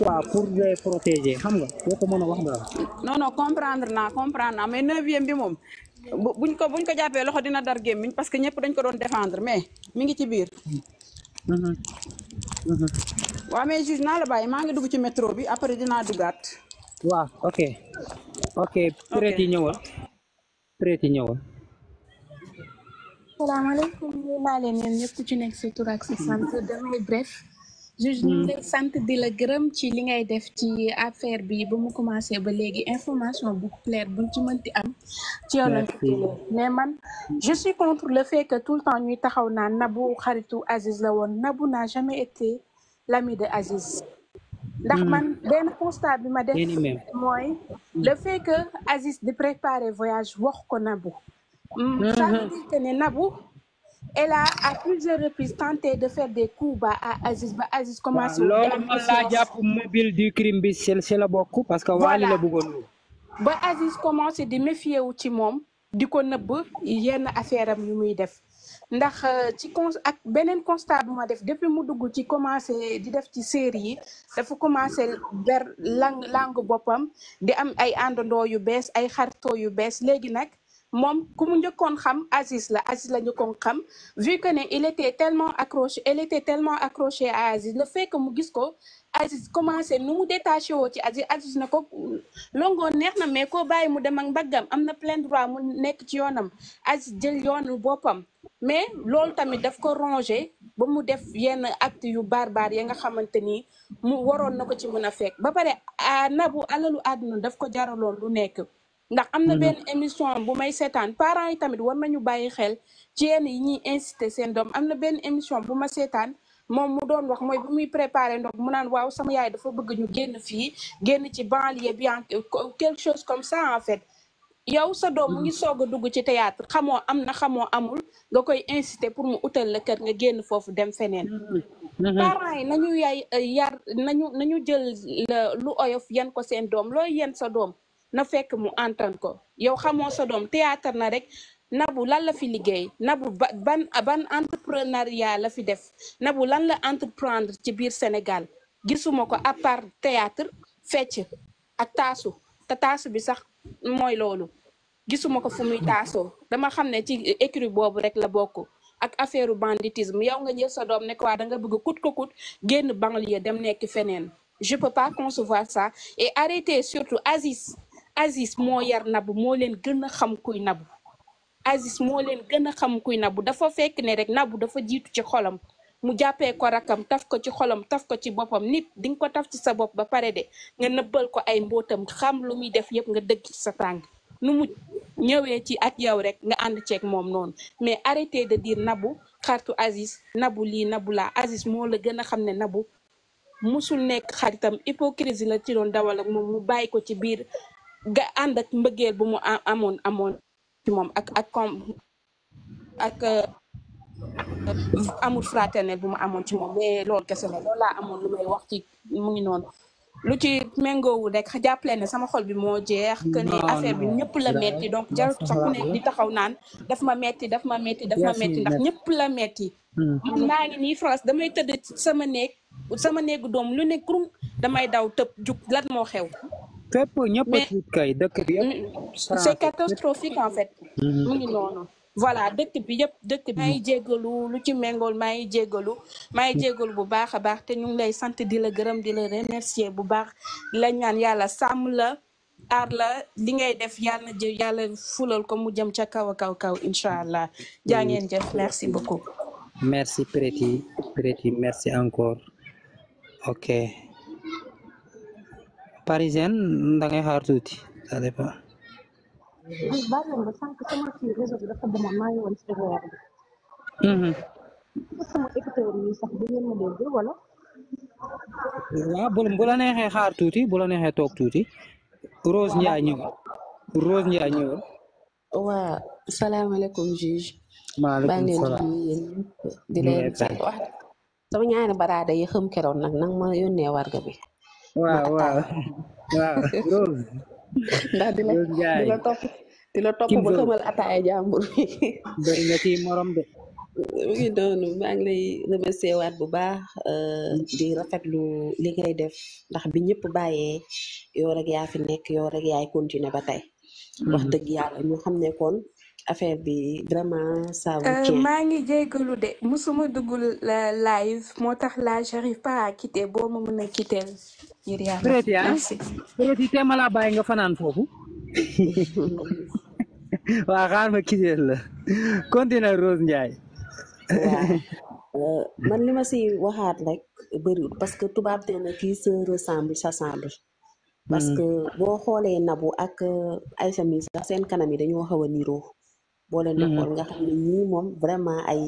a pour les protéger nga doo ko a wax daal comprendre naa comprendre naa mais neuvième bi moom buñ ko buñ ko jàppee loxo dina dar gémmiñ parce que ñëpp dañ ko doon défendre mais mi ngi ci biir Mm-hmm. Mm-hmm. waaw mais juge naa la bàyyi maa ngi dugg ci metro bi après dinaa duggaat. waaw ok ok prête yi ñëwal prête yi ñëwal. salaamaaleykum ñu ngi leen ñëpp ku ci nekk si tur si sant damay bref. juge ñu lay sant di la gërëm ci li ngay def ci affaire bi ba mu commencé ba léegi information bu claire bu ci mënti am ci yow mais man je suis contre le fait que tout le temps ñuy taxaw naan nabu xaritu Aziz la woon nabu n'a jamais été l'ami de Aziz ndax hmm. man benn constat bi ma def mooy hmm. le fait que Aziz di préparer voyage wax ko nabu hmm. ça veut dire que ne nabu elle a à plusieurs reprises tenté de faire des coups bas à Aziz ba Aziz commencé. Bah, loolu man laa mobile du crime bi la parce que. waali la bëggoon lu ba Aziz commencé de méfier wu ci moom di ko nëbb yenn affaire am yu muy def ndax euh, ci con ak benen constat bu ma def depuis mu dugg ci commencé di def ci série yi dafa commencé ber lang langue bopam di am ay àndandoo yu bees ay xaritoo yu bees léegi nak moom ku mu njëkkoon xam Aziz la Aziz la njëkkoon xam vu que ne il était tellement accroché il était tellement accroché à Aziz la fait mu gis ko Aziz commencé nu mu détaché woo ci Aziz Aziz na ko longoon neex na mais ko bàyyi mu dem ak mbaggam am na plein droit mu nekk ci yoonam Aziz jël yoonu boppam mais loolu tamit daf ko rongé ba mu def yenn acte yu barbare ya nga xamante ni mu waroon na ko ci mën a fekk ba pare a nabu alalu àdduna daf ko jaraloon lu nekk ndax amna mm. ben émission bu may sétane parents yi tamit war nañu bayyi xel ci yenn yi ñuy inciter seen dom amna ben émission bu ma sétane mom mu doon wax moy bu muy préparer ndox mu naan waaw sama yaay dafa bëgg ñu génn fii génn ci banlieue bi quelque chose comme ça en fait yow sa doom mu mm. ngi soog a dugg ci théâtre xamoo am na xamoo amul nga koy inciter pour mu utal la kër nga génn foofu dem feneen mm. mm-hmm. parents yi nañu yaay yar nañu nañu jël lu oyof yan ko seen doom looy yen sa doom na fekk mu entendre ko yow xamoo sa doom théâtre na rek nabu lan la fi liggéey nabu ban ban entrepreneuriat la fi def nabu lan la entreprendre ci biir Sénégal gisuma ko à part théâtre fecc ak taasu te taasu bi sax mooy loolu gisuma ko fu muy taasoo dama xam ne ci écrit boobu rek la bokk ak affaire banditisme yow nga jël sa doom ne ko da nga bëgg kut ko kut génn banlieue dem nekk feneen je peux pas concevoir ça et arrêter surtout Aziz Aziz moo yar nabu moo leen gën a xam kuy nabu Aziz moo leen gën a kuy nabu dafa fekk ne rek nabbu dafa jiitu ci xolam mu jàppee ko rakam taf ko ci xolam taf ko ci boppam nit di nga ko taf ci sa bopp ba pare de nga nëbbal ko ay mbóotam xam lu muy def yëpp nga dëgg ci sa tàng nu mu ñëwee ci ak yow rek nga ànd ceeg moom noonu mais arrêtez de dire nabu xaritu Aziz nabu lii nabu laa Aziz moo la gën a xam ne nabu mosul nekk xaritam hypocrisie la ci doon dawal ak moom mu bàyyi ko ci biir ga ànd ak mbëggeel bu mu amoon amoon ci moom ak ak ak euh, amul fraternel bu mu amoon ci moom mais loolu kese la loolu laa amoon lu may wax ci mu ngi noonu lu ci wu rek jàppale ne sama xol bi moo jeex que affaire bi ñëpp la metti donc jarut sax ku nekk di taxaw naan daf ma metti dafa ma metti daf ma metti ndax ñëpp la metti hmm. man maa ngi nii France damay tëdd sama néeg sama néegu doom lu nekk kurum damay daw tëb jug lat moo xew c'est catastrophique en fait. Mm-hmm. mu ngi voilà dëkk bi yëpp dëkk bi. maa ngi mm-hmm. jégalu lu ci méngool maa ngi jégalu. maa mm-hmm. bu baax baax te ñu lay la gërëm di la remercier bu baax la ñaan yàlla sàmm la aar la li ngay def yàlla jë fulal ko mu jëm kaw kaw kaw ngeen merci beaucoup. merci Préti Préti merci encore ok. parisienne da ngay xaar tuuti ça dépend. Mhm. waaw bu bu la xaar tuuti bu la neexee toog tuuti Rose Ndiaye ñëwal Rose Ndiaye ñëwal. juge. maaleykum salaam di sama ñaari baraada yi xam keroon nag ma yónnee warga bi. waaw waaw waaw Rose. ndax di la di la topp di la topp ba xamal ataaya jàmbur. bëri nga ci morom de. mi ngi doonu maa ngi lay remercier waat bu baax euh, mm. di rafetlu li ngay def ndax bi ñëpp bàyyee yow rek yaa fi nekk yow rek yaay continuer ba tey. Mm-hmm. wax dëgg yàlla ñu xam ne kon affaire bi vraiment ça vous tient. Euh, maa ngi jégalu de musuma la live motax la j'arrive pas à quitter bo ma meuna quitter ngir yàlla. peut être yaa mala baye nga fanan fofu wa xaar ma quitter la continue Rose ndjay euh, man lima si waxat rek beuri parce que tubaab nee na kii se ressemble semble parce hmm. que bo xolé nabu ak euh, aïssa mi sax sen kanam yi dañoo xaw a boo leen di mm-hmm. xool nga xam ne ñii moom vraiment ay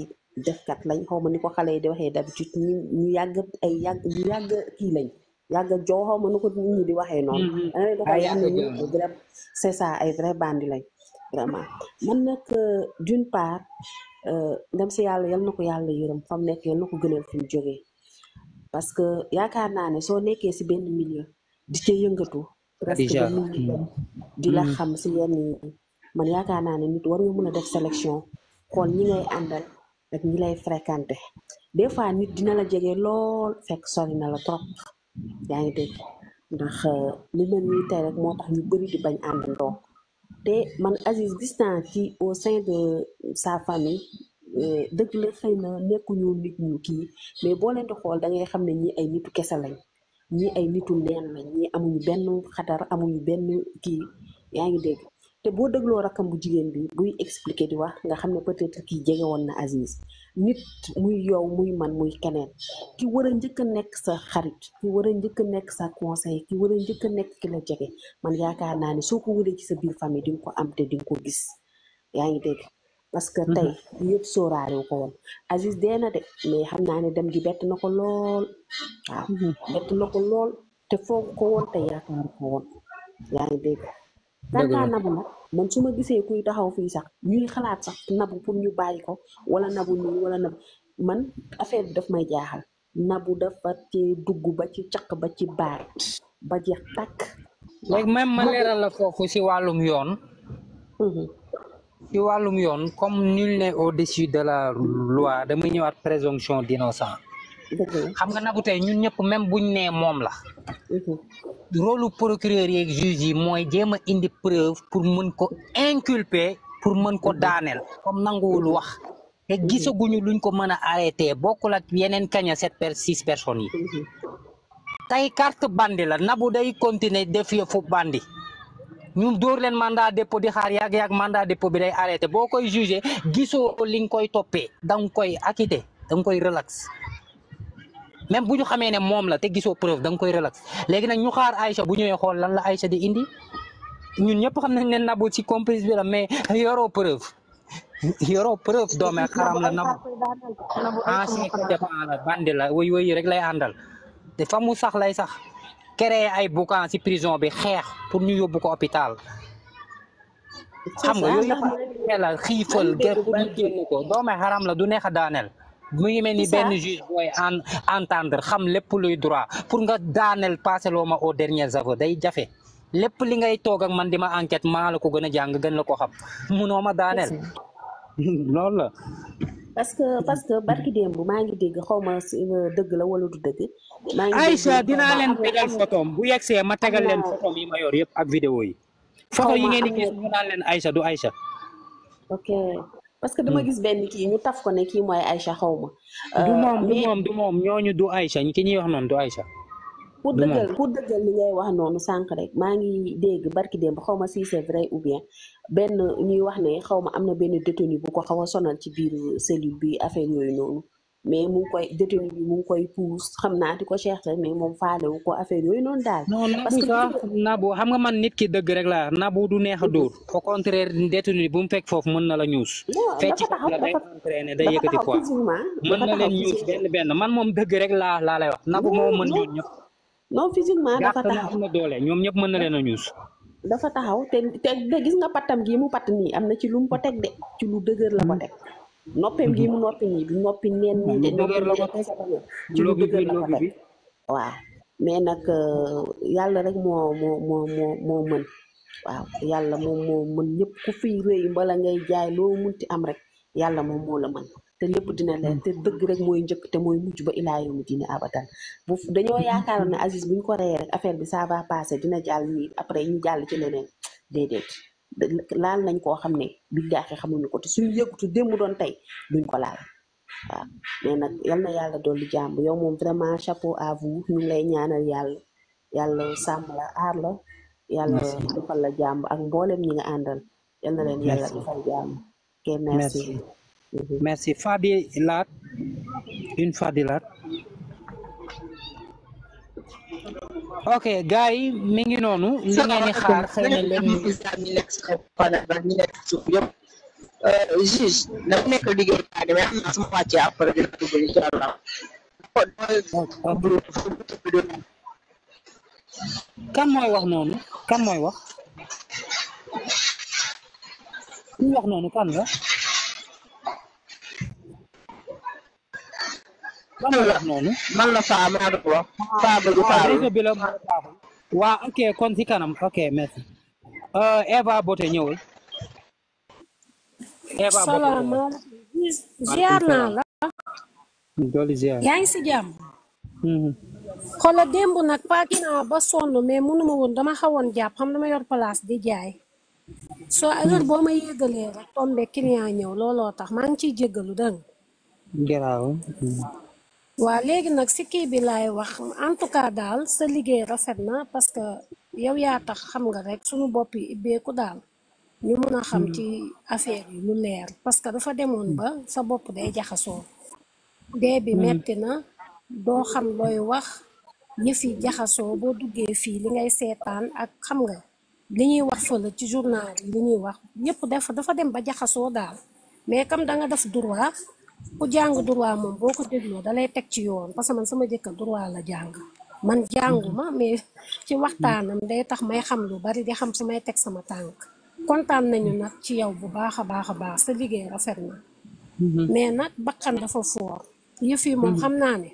defkat lañ xaw ma ni ko xale yi di waxee d'habitude ñu ñu yàgg ay yàgg ñu kii lañ yàgg joo xaw ma nu ko nit ñi di waxee noonu dana leen di xool c'est ça ay vrai bandi lañ vraiment man nag euh, d'une part euh, ndem si yàlla yal na ko yàlla yërëm fa mu nekk yal na ko gënal fi mu jógee parce que yaakaar naa ne soo nekkee si benn milieu di ca yëngatu presque di mm-hmm. la mm-hmm. xam si yenn man yaakaar naa ne nit war nga a def sélection xool ñi ngay àndal ak ñi lay fréquenté des fois nit dina la jege lool fekk sori na la trop yaa ngi dégg ndax euh, li mel nii tey rek moo tax ñu bëri di bañ àndandoo te man Aziz gis naa ci au sein de sa famille euh, dëgg la xëy na nekkuñu nit ñu kii mais boo leen xool da ngay xam ne ñii ay nitu kese lañ ñii ay nitu neen lañ ñii amuñu benn xadar amuñu benn kii yaa ngi dégg te boo dégloo rakkam bu jigéen bi buy expliqué di wax nga xam ne peut-être kii jege woon na Aziz nit muy yow muy man muy keneen ki war a njëkk nekk sa xarit ki war a njëkk nekk sa conseil ki war a njëkk nekk ki la jege man yaakaar naa ne soo ko wëree ci sa biir famille di ko am te di ko gis yaa ngi dégg. parce que mhm. tey yëpp sóoraale ko woon Aziz dee na de mais xam naa ne dem gi bett na ko lool waaw mhm. bett na ko lool te foog ko woon te yaakaar ko woon yaa ngi kantaa nabu nag man su ma gisee kuy taxaw fii sax ñuy xalaat sax nabu pour ñu bàyyi ko wala nabu nii wala nabu man affaire bi daf may jaaxal nabu dafa cee dugg ba ci caq ba ci baat ba jeex tàkk léegi même ma leeral la foofu si wàllum yoon ci mhm. wàllum yoon comme nul n'est au-dessus de la loi dama ñëwaat présomption d'innocence Mhm. xam nga Nabou tey ñun ñëpp même buñ nee moom la. Mhm. rôle procureur yeeg juge yi mooy jéem a indi preuve pour mën ko inculper pour mën ko mhm. daaneel comme nanguwul wax. te gisaguñu luñ ko mën a arrêté bokkul ak yeneen kaña sept per six personnes yi. tey carte bandi la Nabou day continuer def yëfu bandi. ñun door leen mandat dépôt di xaar yàgg yàgg mandat dépôt bi day arrêté boo koy jugé gisoo li nga koy toppee da nga koy acquitté da nga koy relax. même bu ñu xamee ne moom la te gisoo preuve danga koy relax léegi nag ñu xaar Aïcha bu ñëwee xool lan la Aïcha di indi ñun ñëpp xam nañ ne Nabou ci complice bi la mais yoro preuve yoroo preuve doome xaram la Nabou ancien dépend la bandi rek lay àndal te fa mu sax lay sax créé ay boucan ci bi xeex pour ñu yóbbu ko hôpital xam nga yooyu yëpp la xiifal ger pour du neex a daaneel guñu melni ben juge boy en entendre xam lepp luy droit pour nga danel passer loo ma au dernier aveu day jafé lepp li ngay toog ak man dima enquête maa la ko gën a gën la ko xam munoo ma daaneel loolu la parce que parce que barki dembu ma ngi dégg xawma deug la wala du deug maa ngi Aïcha dina len tégal photo bu yexé ma tégal len photo yi ma yor yépp ak vidéo yi photo yi ngeen di gis ñu naan leen Aïcha du Aïcha okay parce que dama hmm. gis benn kii ñu taf ko ne kii mooy Aïcha xaw ma. du euh, moom du moom ñooñu du Aïcha ki ñuy wax noonu du Aïcha. pour dëggal pour dëggal li ngay wax noonu sànq rek maa ngi dégg barki dem démb xaw ma si c'est vrai ou bien benn ñuy wax ne xaw ma am na benn détenu bu ko xaw a sonal ci biir cellule bi affaire yooyu noonu. mais mu koy détenu bi mu koy puus xam naa di ko cherché mais moom faale wu ko affaire yooyu noonu daal. parce que non xam nga man nit ki dëgg rek la Nabou du neex a dóor. au contraire détenu bi bu mu fekk foofu mën na la ñuus. fecc la yëkkati poids mën na benn benn man moom dëgg rek laa laa lay wax Nabou moo mën ñoom ñëpp. non physiquement dafa taxaw am na doole ñoom ñëpp mën na leen a ñuus. dafa taxaw te te nga pattam gii mu patt nii am na ci lu mu de ci lu dëgër la ko hmm. teg. noppeem gi mu mhm. noppi nii du noppi neen waaw mais nag euh, yàlla rek moo moo moo moo mën waaw yàlla moom moo mën ñëpp ku fiy rëy mbala ngay jaay loo munti am rek yàlla moom moo la mën te lépp dina leer mhm. te dëgg rek mooy njëkk te mooy mujj ba ilaa yow mi diine abadan bu dañoo yaakaaroon ne Aziz bu ñu ko reyee rek affaire bi ça va dina jàll nii après ñu jàll ci leneen déedéet laal nañ koo xam ne billaahi xamuñu ko te suñu yëgutu démb doon tey duñ ko laal waaw mais nag yal na yàlla dolli jàmm yow moom vraiment chapeau à vous ñu ngi lay ñaanal yàlla yàlla sàmm la aar la yàlla defal la jàmm ak mboolem ñi nga àndal yal na defal jàmm ok merci merci Laat une Fadi Laat ok gars yi mi ngi noonu. li ngeen di xaar xëy na leen ñu suuf yëpp. Euh, juge dafa nekk liggéey kaa demee am na sama wàccee après dina dugg incha allah. kan mooy wax noonu kan mooy wax. ki wax noonu kan la. lan la wax noonu man la Faa maa kon kanam merci Eva Bote ñëwal Eva Bote salaamaaleykum ziar la dolli ziar yaa ngi si jàmm xoolal démb nag paaki naa ba sonn mais mënuma woon dama xawoon jàpp xam dama yor place di jaay rek tombe client tax ngi waa léegi nag siki bi laay wax en tout cas daal sa liggéey rafet na parce que yow yaa tax xam nga rek suñu bopp yi ibbeeku daal ñu mën a xam hmm. ci affaire yi lu leer parce que dafa demoon hmm. ba sa bopp day jaxasoo dee bi hmm. metti na doo xam looy wax yëf yi jaxasoo boo duggee fii li ngay seetaan ak xam nga li ñuy wax fële ci journal yi li ñuy wax yépp def dafa dem ba jaxasoo daal mais comme da def droit ku jang droit mom boko ko dalay tek ci yoon parce que man sama jëkkër droit la jang man janguma mais ci waxtanam day tax may xam lu bari di xam sama tek sama tank kontan nañu nak ci yow bu baax a baax sa liggéey rafetna mhm. mais nak bakkan dafa for yëf yi moom mhm. ne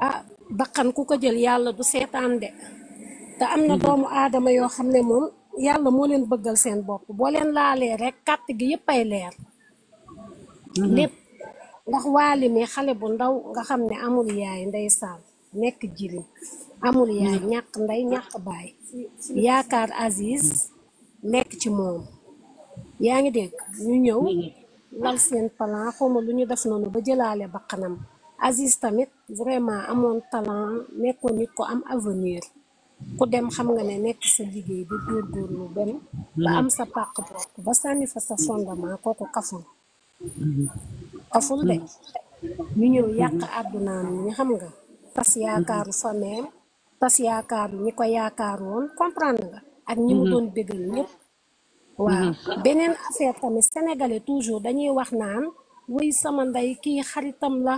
ah bakkan ku ko jël yalla du setan de ta amna mhm. doomu adama yo xamne mom yalla mo moo leen bëggal seen leen rek kàtt gi yëpp leer lepp ndax waali mi xale bu ndaw nga xam ne amul yaay ndeysaan nekk jirim amul yaay mm. ñàkk nday ñàkk baay yaakaar Aziz mm. nekk ci moom yaa ngi dégg ñu ñëw mm. lal seen talent xawma lu ñu def noonu ba jëlaale bakkanam Aziz tamit vraiment amoon talent nekkoon nit ko am avenir ku dem xam nga ne nekk sa liggéey di lu benn ba am sa pàq bopp ba sànni fa sa fondement kooku kaful daful mm-hmm. de mm-hmm. ñu ñëw yàq àddunaam ñi xam nga tas yaakaaru fameem mm-hmm. tas yaakaaru ñi ko yaakaaroon woon comprendre ak ñi mu doon bégal ñëpp waaw beneen affaire tamit sénégalais toujours dañuy wax naan wuy sama nday kii xaritam la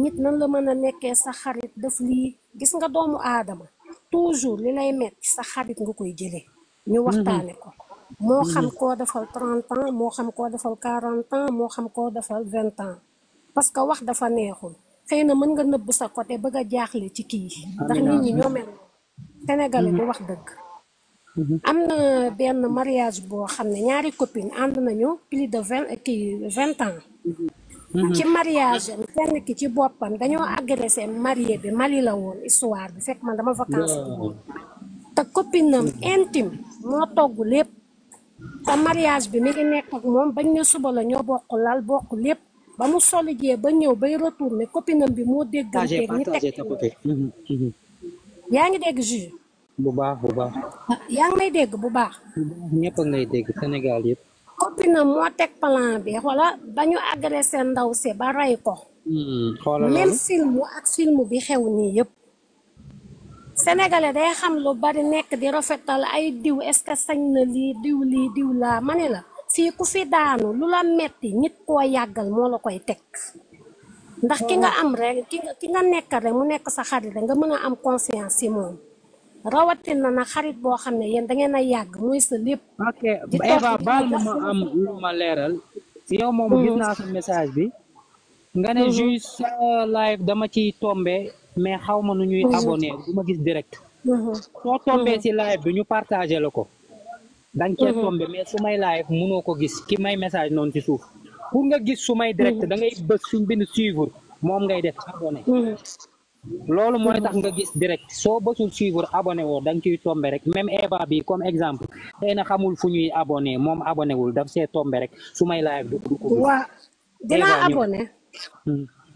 nit nan la mën a nekkee sa xarit def lii gis nga doomu aadama toujours li lay metti sa xarit nga koy jëlee ñu waxtaane ko Mm-hmm. moo xam koo defal 30 moo xam koo defal 40 moo xam koo defal 20 ans parce que wax dafa neexul xëy na mën nga nëbb sa côté bëgg a jaaxle ci kii ndax nit ñi ñoo mel sénégalais du mm-hmm. wax dëgg mm-hmm. am na benn mariage boo xam ne ñaari copine ànd nañu plus de vingt kii vingt ans ci mariage am kenn ki ci boppam dañoo agressé marié bi Mali la woon histoire bi fekk man dama vacance te copine am intime moo togg lépp te mariage bi mi ngi nekk ak moom bañ na suba la bokk lal bokk lépp ba mu soli ba ñëw bay retourné copinam bi moo dégganteeg ah, ñi teg mhm, mhm. yaa ngi dégg juge bu baax bu baax ah, yaa ngi dégg bu baax ñëpp a ngay dégg Sénégal yëpp copinam moo teg plan bi wala ba ñu agressé ndaw si ba rey ko hmm, même film ak film bi xew nii yëpp sénégalais day xam lu bari nek di rafetal ay diw est ce que sañ na lii diw li diw la ma ne la fii ku fi daanu lu la metti nit ko yagal mo la koy tek ndax ki nga am rek ki nga ki rek mu nek sa xarit rek nga mën am conscience ci mom rawati na xarit bo ne da ngeen a yàgg muy sa lepp ok Eva bal mu am lu ma leeral. si yow mom mm. gis na sa message bi. nga ne mm-hmm. juste live dama tombe. tomber mais xaw ma nu ñuy mhm. abonné du ma gis direct mhm. soo tombee si live bi ñu partagé la ko danga cee mhm. tombé mais su may live mënoo ko gis ki may message noonu ci suuf pour nga gis su may direct da ngay bës suñ bind suivre moom ngay def abonné loolu mooy nga gis direct soo bësul suivre abonné woo da nga ciy rek même Eva bi comme exemple xëy na xamul fu ñuy abonné moom abonné wul daf see tombe rek su may live du ko waaw dinaa abonné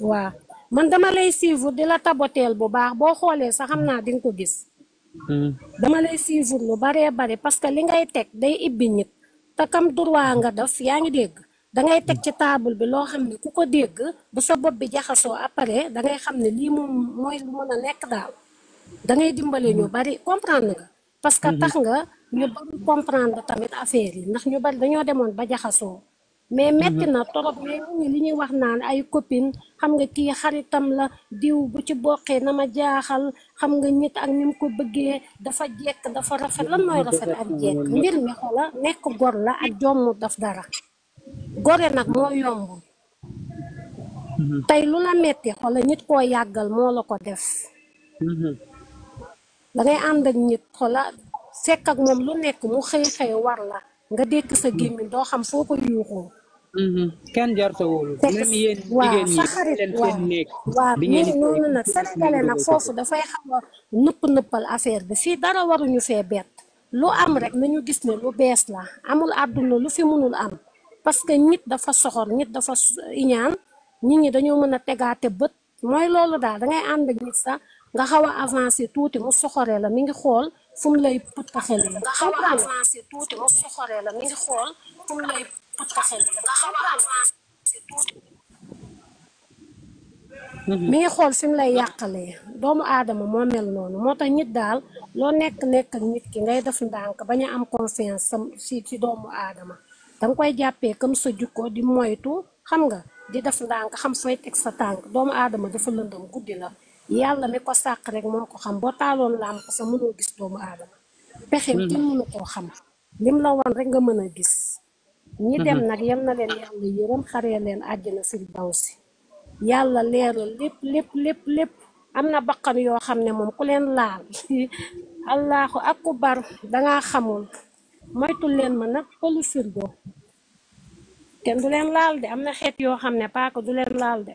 waaw man dama lay suivre di la tabotel bu baax bo xolé sa xamna di nga ko gis. Hmm. dama lay suivre lu bare bare parce que li ngay tek day ibbi nit ta kam droit nga def yaa ngi dégg da ngay tek ci table bi lo xamni ku ko bu sa bob bi jaxaso après da ngay xamni li moy lu meuna nek dal da ngay dimbalé ñu bari comprendre nga. parce que hmm. tax nga ñu bari comprendre tamit affaire yi ndax ñu bari dañoo ba jaxaso mais mm-hmm. metti na torop mais ñu li ñuy wax naan ay copine xam nga kii xaritam la diw bu ci bokkee na ma jaaxal xam nga nit ak ni mu ko bëggee dafa jekk dafa rafet lan mooy rafet ak jekk mbir mi xoola nekk gor la ak jommu daf dara gore nag moo yomb mm-hmm. tey lu la metti xoola nit koo yàggal moo la ko def mm-hmm. da ngay ànd ak nit xoola sekk ak moom lu nekk mu xëy xëy war la nga dékk sa gémmiñ doo xam foo ko yuuxoo mhm. kenn jar sa wóolu même yéen jigéen ñi sa xarit waaw waaw mais noonu nag sénégalais nag foofu dafay xaw nëpp nëppal affaire bi fii dara waruñu fee bett lu am rek nañu gis ne lu bees la amul àdduna lu fi mënul am parce que nit dafa soxor nit dafa iñaan nit ñi dañoo mën a tegaate bët mooy loolu daal dangay ànd ak nit sax nga xaw a avancé tuuti mu soxoree la mi ngi xool fu mu lay potaxalee nga xam avancé tuuti mu soxoree la mi ngi xool fu mu lay potaxalee nga xam avancé tuuti ngi xool fi mu lay yàqalee doomu aadama moo mel noonu moo tax nit daal loo nekk nekk ak nit ki ngay def ndànk bañ a am confiance sam ci doomu aadama danga koy jàppee comme sa jukko di moytu xam nga di def ndànk xam fooy teg sa tànk doomu aadama dafa lëndam guddi la yàlla mi ko sàq rek moo ko xam boo taaloon làmp sa mënoo gis doomu aadama pexew kenn mënu koo xam lim la woon rek nga mën a gis ñi dem nag yam na leen yàlla yërëm xaree leen àjjana firdawsi yàlla leeral lépp lépp lépp am na bakkan yoo xam ne moom ku leen laal allahu akbar dangaa xamul moytu leen ma nag pëlu firdo kenn du leen laal de am na xeet yoo xam ne paaka du leen laal de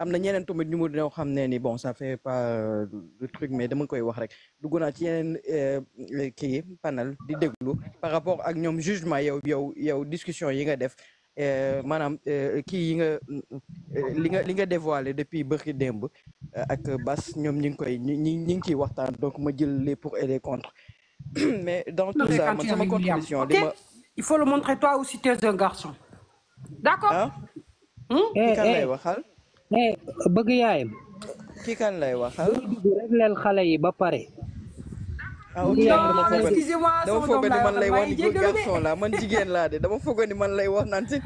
amna na ñeneen tamit ñu mu ñoo xam ne ni bon ça fait pas le euh, truc mais dama koy wax rek dugg naa ci yeneen euh, kii panel di déglu par rapport ak ñoom jugement yow yow yow discussion yi nga def euh, maanaam kii yi nga li nga li nga dévoilé depuis bërki démb ak Bas ñoom ñi ngi koy ñi ñi ngi ciy waxtaan donc ma jël les pour et les contre mais dans tout ça man sama contribution li ma il faut le montrer toi aussi tu es un garçon d'accord ah? hmm? kan lay eh, eh. waxal mais bëgg yaayam. ki kan lay waxal. bu rek xale yi ba pare. ah ok dama foog man lay wax ni man jigéen laa de dama foog ni man lay wax naan si.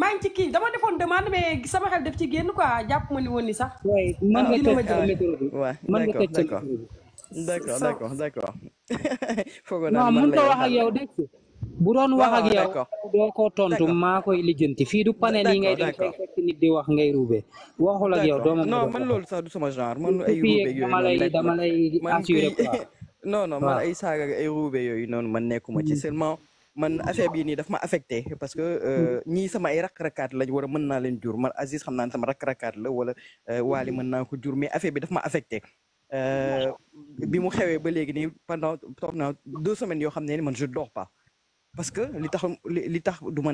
maa ngi ci kii dama defoon demande mais sama def ci génn quoi jàpp ma ni woon ni sax. waaye mën nga ah, tëj sa mën nga tëj sa météo bi. d'accord d'accord d'accord foog naa bu doon wax ak yow doo ko tontu maa koy lijjanti fii du panel yi ngay fekk nit di wax ngay ruube waxul ak yow doomam non man loolu sax du sama genre man ay ruube yooyu dama lay ay saaga ay ruube yooyu noonu man nekkuma ci mm-hmm. seulement man affaire bii nii daf ma affecté parce que euh, mm-hmm. ñii sama ay rakk-rakkaat lañ war a mën naa leen jur man Aziz xam naa sama rakk-rakkaat la wala euh, mm-hmm. Waly mën naa ko jur mais affaire bi daf ma affecté euh, bi mu xewee ba léegi nii pendant toog naa deux semaines yoo xam ne man je dors pas parce que li tax li tax du ma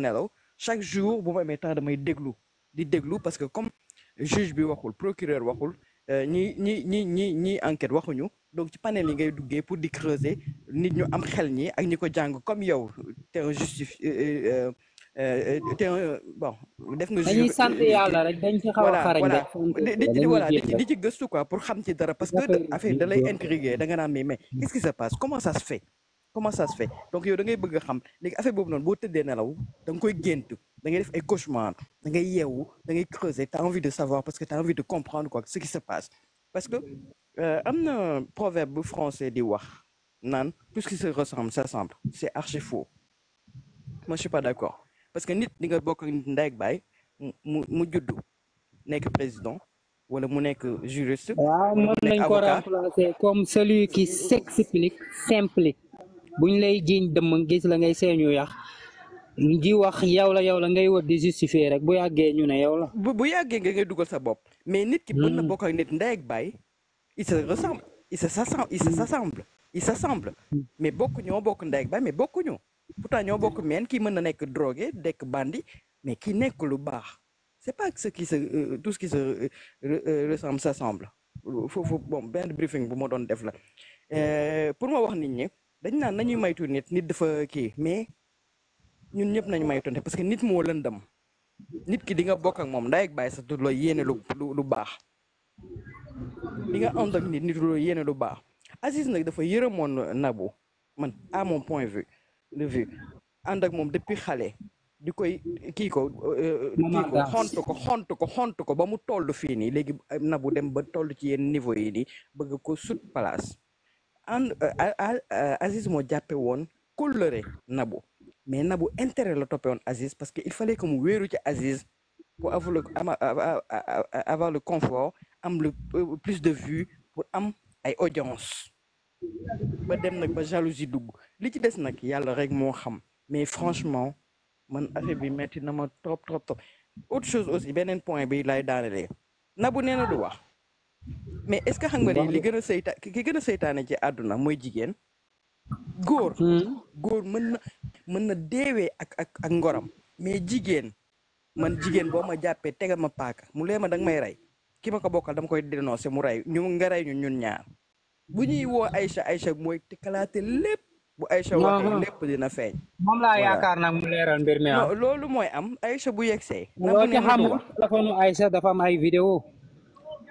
chaque jour bon ma amee temps damay déglu di déglu parce que comme juge bi waxul procureur waxul ni ni ni ni ñi enquête waxuñu donc ci panel yi ngay duggé pour di creuser nit ñu am xel ñi ak ñiko jang comme yow te un euh, euh, euh, euh té bon def nga. dañuy santé yalla rek dañ ci xaw xarañ rek voilà di di ci gëstu quoi pour xam ci dara parce que affaire da lay intriguer da nga na mais mais qu'est-ce qui se passe comment ça se fait comment ça se fait donc yow da ngay bëgg xam léegi affaire bobu non bo teudé nelaw da nga koy géntu da ngay def ay cauchemar da ngay yeewu da ngay creuser tu as envie de savoir parce que tu as envie de comprendre quoi ce qui se passe parce que euh, amna proverbe français di wax naan tout ce qui se ressemble s'assemble c'est archi faux moi je suis pas d'accord parce que nit di nga bokk nit nday ak bay mu mu juddu nekk président wala mu nek juriste waaw mën nañ ko comme celui qui s'explique s'implique buñ lay jiiñ dëmm gis la ngay seeñu yax di wax yaw la yaw la ngay war di justifier rek bu yagge ñu ne yaw la. bu yagge nga ngay duggal sa bop mais nit ki bëna na hmm. bokk ak nit nday ak bay il se ressemble il se s'assemble il se hmm. s'assemble il s'assemble hmm. mais bokku ñoo bokk nday ak bay mais ñu pourtant ñoo bokk men ki mëna nek drogué dekk bandi mais ki nek lu baax c'est pas ce qui se euh, tout ce qui se euh, euh, ressemble s'assemble faut bon ben briefing bu mo don def la pour mo wax nit ñi. dañ naan nañuy maytu nit nit dafa kii mais ñun ñëpp nañ maytunte parce que nit moo lëndëm nit ki di nga bokk ak moom ndaay ak bàyyi sax du loo yéene lu lu baax di nga ànd ak nit nit loo yéene lu baax Aziz nag dafa yërëmoon nabu man à mon point vue de vue ànd ak moom depuis xale di koy kii ko euh, kii ko xont ko xont ko xont ko ba mu toll fii nii léegi euh, Nabou dem ba toll ci yenn niveau yi nii bëgg ko sut place and uh, Aziz mo jàppe woon kóllëre Nabou mais nabo intérêt la toppe woon Aziz parce que il fallait comme wéru ci Aziz pour avoir le avoir le confort am le euh, plus de vues pour am ay audience ba dem nak ba jalousie dugg li ci dess nak yalla rek mo xam mais franchement man affaire bi metti na ma top top top autre chose aussi benen point bi lay daanelee nabo néna na du wax mais est-ce que xam nga ni li gën a sayta ki gën a saytaane ci àdduna mooy jigéen góor hmm. góor mën na mën na deewee ak ak ak ngoram mais jigéen man jigéen boo ma jàppee tegal ma paaka mu lee ma danga may rey ki ma ko bokkal dama koy dénoncé mu rey ñu nga rey ñu ñun ñaar bu ñuy hmm. woo Aïcha Aïcha mooy tikalaate lépp bu Aïcha waxee lépp dina feeñ moom laa yaakaar nag mu leeral mbir ah. loolu mooy am Aïcha bu yegsee na mu ne xam la ko nu Aïcha dafa am ay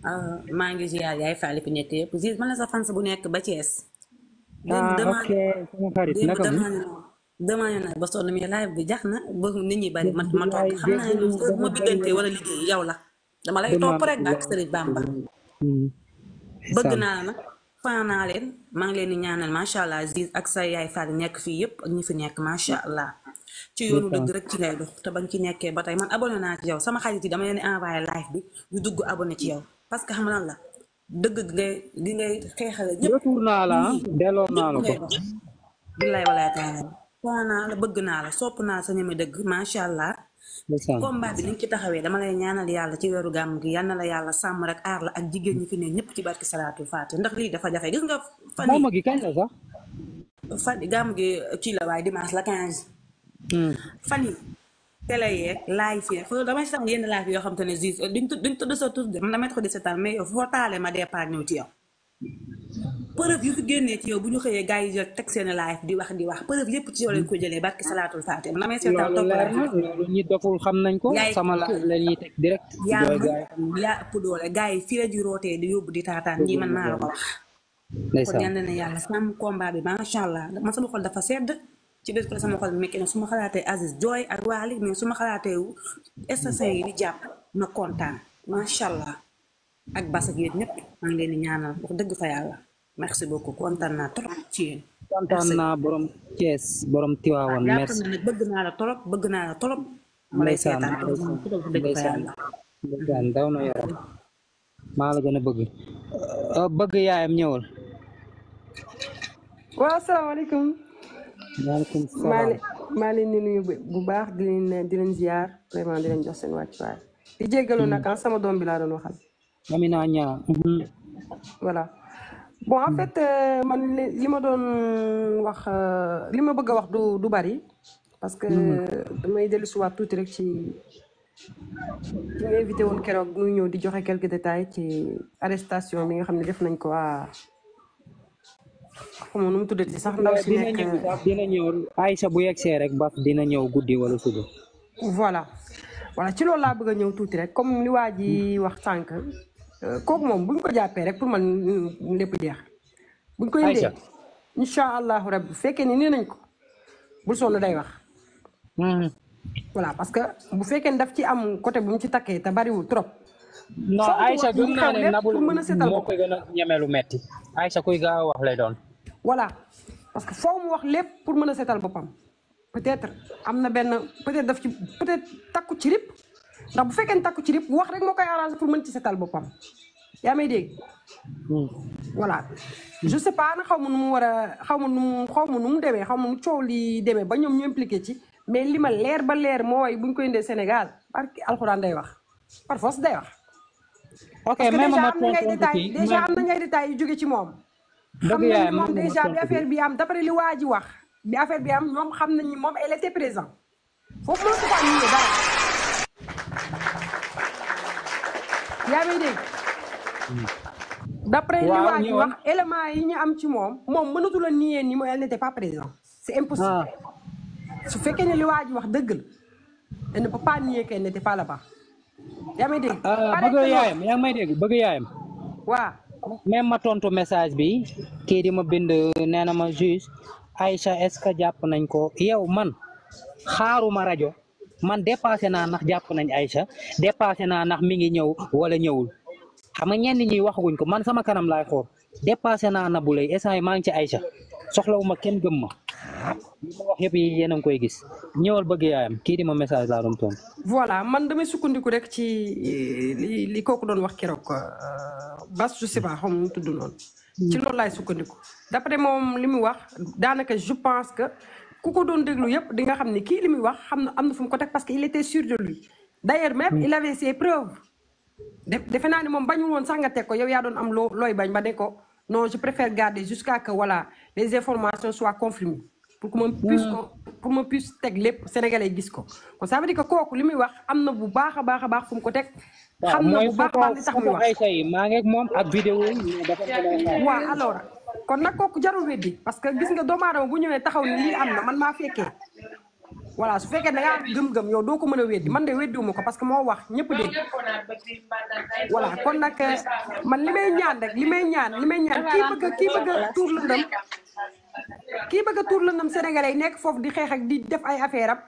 Ah, maa ngi ziar yaay Fally ku nekk yëpp Ziz man la sa fans bu nekk ba Thiès. ah ok sama xarit na ba sonn mi live bi jax na ba nit ñi bari man ma naa wala yow la dama lay topp rek nag Serigne Bamba. Hmm, naa nag fan naa leen maa ngi leen di ñaanal allah Ziz ak sa yaay Fally nekk fii yëpp ak ñu fi nekk macha allah. ci yoonu deug rek ci ngay dox te bañ ci nekké batay man abonné na ci yow sama xarit yi dama leni envoyer live bi ñu dugg abonné ci yow parce que xam nan la deug ngay di ngay xéxal ñepp retour na la delloo na la ko billahi wala taala foo la bëgg na la sopp na sa deug ma sha allah combat bi ni ci taxawé dama lay ñaanal yalla ci wëru gam gi yalla la yalla sam rek ar la ak jigeen ñi fi ne ñepp ci barki salatu fatih ndax li dafa jafe gis nga fani yi gàmm gi kañ la sax fani gam gi ci la way dimanche la 15 fan yi télé yeeg live yeeg foofu damay sax yenn live yoo xam te ne juste duñ tudd duñ tudd sa tur de man damay tax di seetaan mais yow foo taalee ma départ ñëw ci yow. preuve yu fi génnee ci yow bu ñu xëyee gars yi jël teg seen live di wax di wax preuve yépp ci yow lañ ko jëlee barki salaatul faate man damay seetaan topp la loolu ñi la la ñuy teg direct yaa yaa ëpp doole gars yi fii la ji rootee di yóbbu di taataan ñii man maa la ko wax kon ñaan na ne yàlla sam combat bi macha allah man sama xol dafa sedd ci bés sama xol metti suma su ma xalaatee Aziz jooy ak waali mais su ma xalaatee station yi di jàpp na kontaan macha allah ak bas ak yéen ñëpp maa ngi dëgg fa yàlla merci beaucoup kontaan naa trop ci yéen. kontaan naa borom Thiès borom Tiwaawan ah, merci bëgg naa la trop bëgg naa la trop. lay seetaan dëgg fa yàlla. ndeysaan daw na maa la gën a bëgg euh, bëgg yaayam ñëwal. waaw asalaamaaleykum. maaleykum salaam maa leen di nuyu bu baax di leen di leen ziar vraiment di leen jox seen wàccuwaay. di jéggalu nag ah, sama doom bi laa doon waxal. Amina Niang. voilà bon en fait euh, man li ma doon wax euh, li ma bëgg a wax du du bari. parce que mm-hmm. damay dellusiwaat tuuti rek ci ci invité keroog muy ñëw di joxe quelques détails ci arrestation bi nga xam ne def nañ ko waa xamoo nu mu tuddati sax ndaw si nekk dina ñëw Aïcha bu yegsee rek baf dina ñëw guddi wala suba. voilà voilà ci loolu laa bëgg a ñëw tuuti rek comme ni waa ji wax sànq euh, kooku moom buñ ko jàppee rek pour man euh, lépp jeex. buñ ko yëndee incha allahu rabbi bu fekkee ni nee nañ ko bul sonn day wax. Hmm. voilà parce que bu fekkee ne daf ci am côté bu mu ci takkee te bariwul trop. non Aïcha du naa ne nabul moo koy a ñeme lu metti Aïcha kuy gaaw wax lay doon. voilà parce que foo mu wax lepp pour mën a bopam peut-être amna ben peut-être daf ci peut-être takku ci rip ndax bu fekkee ne takku ci rip wax rek moo koy arranger pour mën ci seetal bopam yaa may dégg. Hmm. voilà je sais pas nag xawmu nu mu war a nu xawmu nu mu demee xaw nu ciow li démé ba ñom ñu impliqué ci mais lima ma leer ba leer mooy buñ koy indee Sénégal barki alcorane day wax par force day wax. ok même ma tontu déjà am na ngay détails yu jóge ci mom xam nañ moom déjà bi affaire bi am d'après li waji wax bi affaire bi am mom xam nañ ni mom elle était présent faut mo su ko amee dara. yaa may dégg. Hmm. d'après li waji wax élément yi ñu am ci mom mom mënatu la niiyee ni moom elle n'était pas présent c'est impossible. Ah. su fekkee ni li waji wax dëgg la elle ne peut pas nier qu'elle n'était pas là-bas. yaa may dégg. Ah, bëgg yaayam yaa may dégg bëgg yaayam. waaw. même ma tontu message bi kii di ma bind nee na ma juge Aïcha est-ce que jàpp nañ ko yow man xaaruma rajo man dépassé naa ndax jàpp nañ Aïcha dépassé naa ndax mi ngi ñëw wala ñëwul xam nga ñenn ñi waxaguñ ko man sama kanam laay xool dépassé naa Nabou Leye instant maa ngi ci Aïcha soxlawuma kenn gëm ma li ma wax yëpp yi gis ñëwal bëgg yaayam kii di ma message laa doon tontu. voilà man damay sukkandiku rek ci eh, li li koku doon wax keroog euh, bas je sais pas xam ma tudd noonu. ci loolu lay sukkandiku. d'après mom limi wax danaka je pense que ku ko doon déglu yëpp di nga xamni ki limi wax xamna amna am fu ko tek parce que il était sûr de lui. d'ailleurs même il avait ses preuves. defé naa ne moom bañu won sax nga teg ko yow ya doon am loy bañ ba ne ko non je préfère garder jusqu'à que voilà les informations soient confirmées. pour que moom puisse ko hmm. pour que puisse teg lépp sénégalais gis ko kon ça veut dire que koku limi wax amna bu baakha baakha baax fum ko tek xamna bu baax baax li tax muy wax ma ngi ak mom ak vidéo wa alors kon nak koku jarul weddi parce que gis nga doomu aadama bu ñëwee taxaw ni lii man ma féké voilà su féké da nga gëm-gëm yow do ko mëna weddi man de weddiwuma ko parce que mo wax ñëpp dé voilà kon nak man limay ñaan rek limay ñaan limay ñaan ki bëgg ki bëgg lu ndam kii bëgg a tuur la nam sénégalais yi nekk foofu di xeex ak di def ay affaire am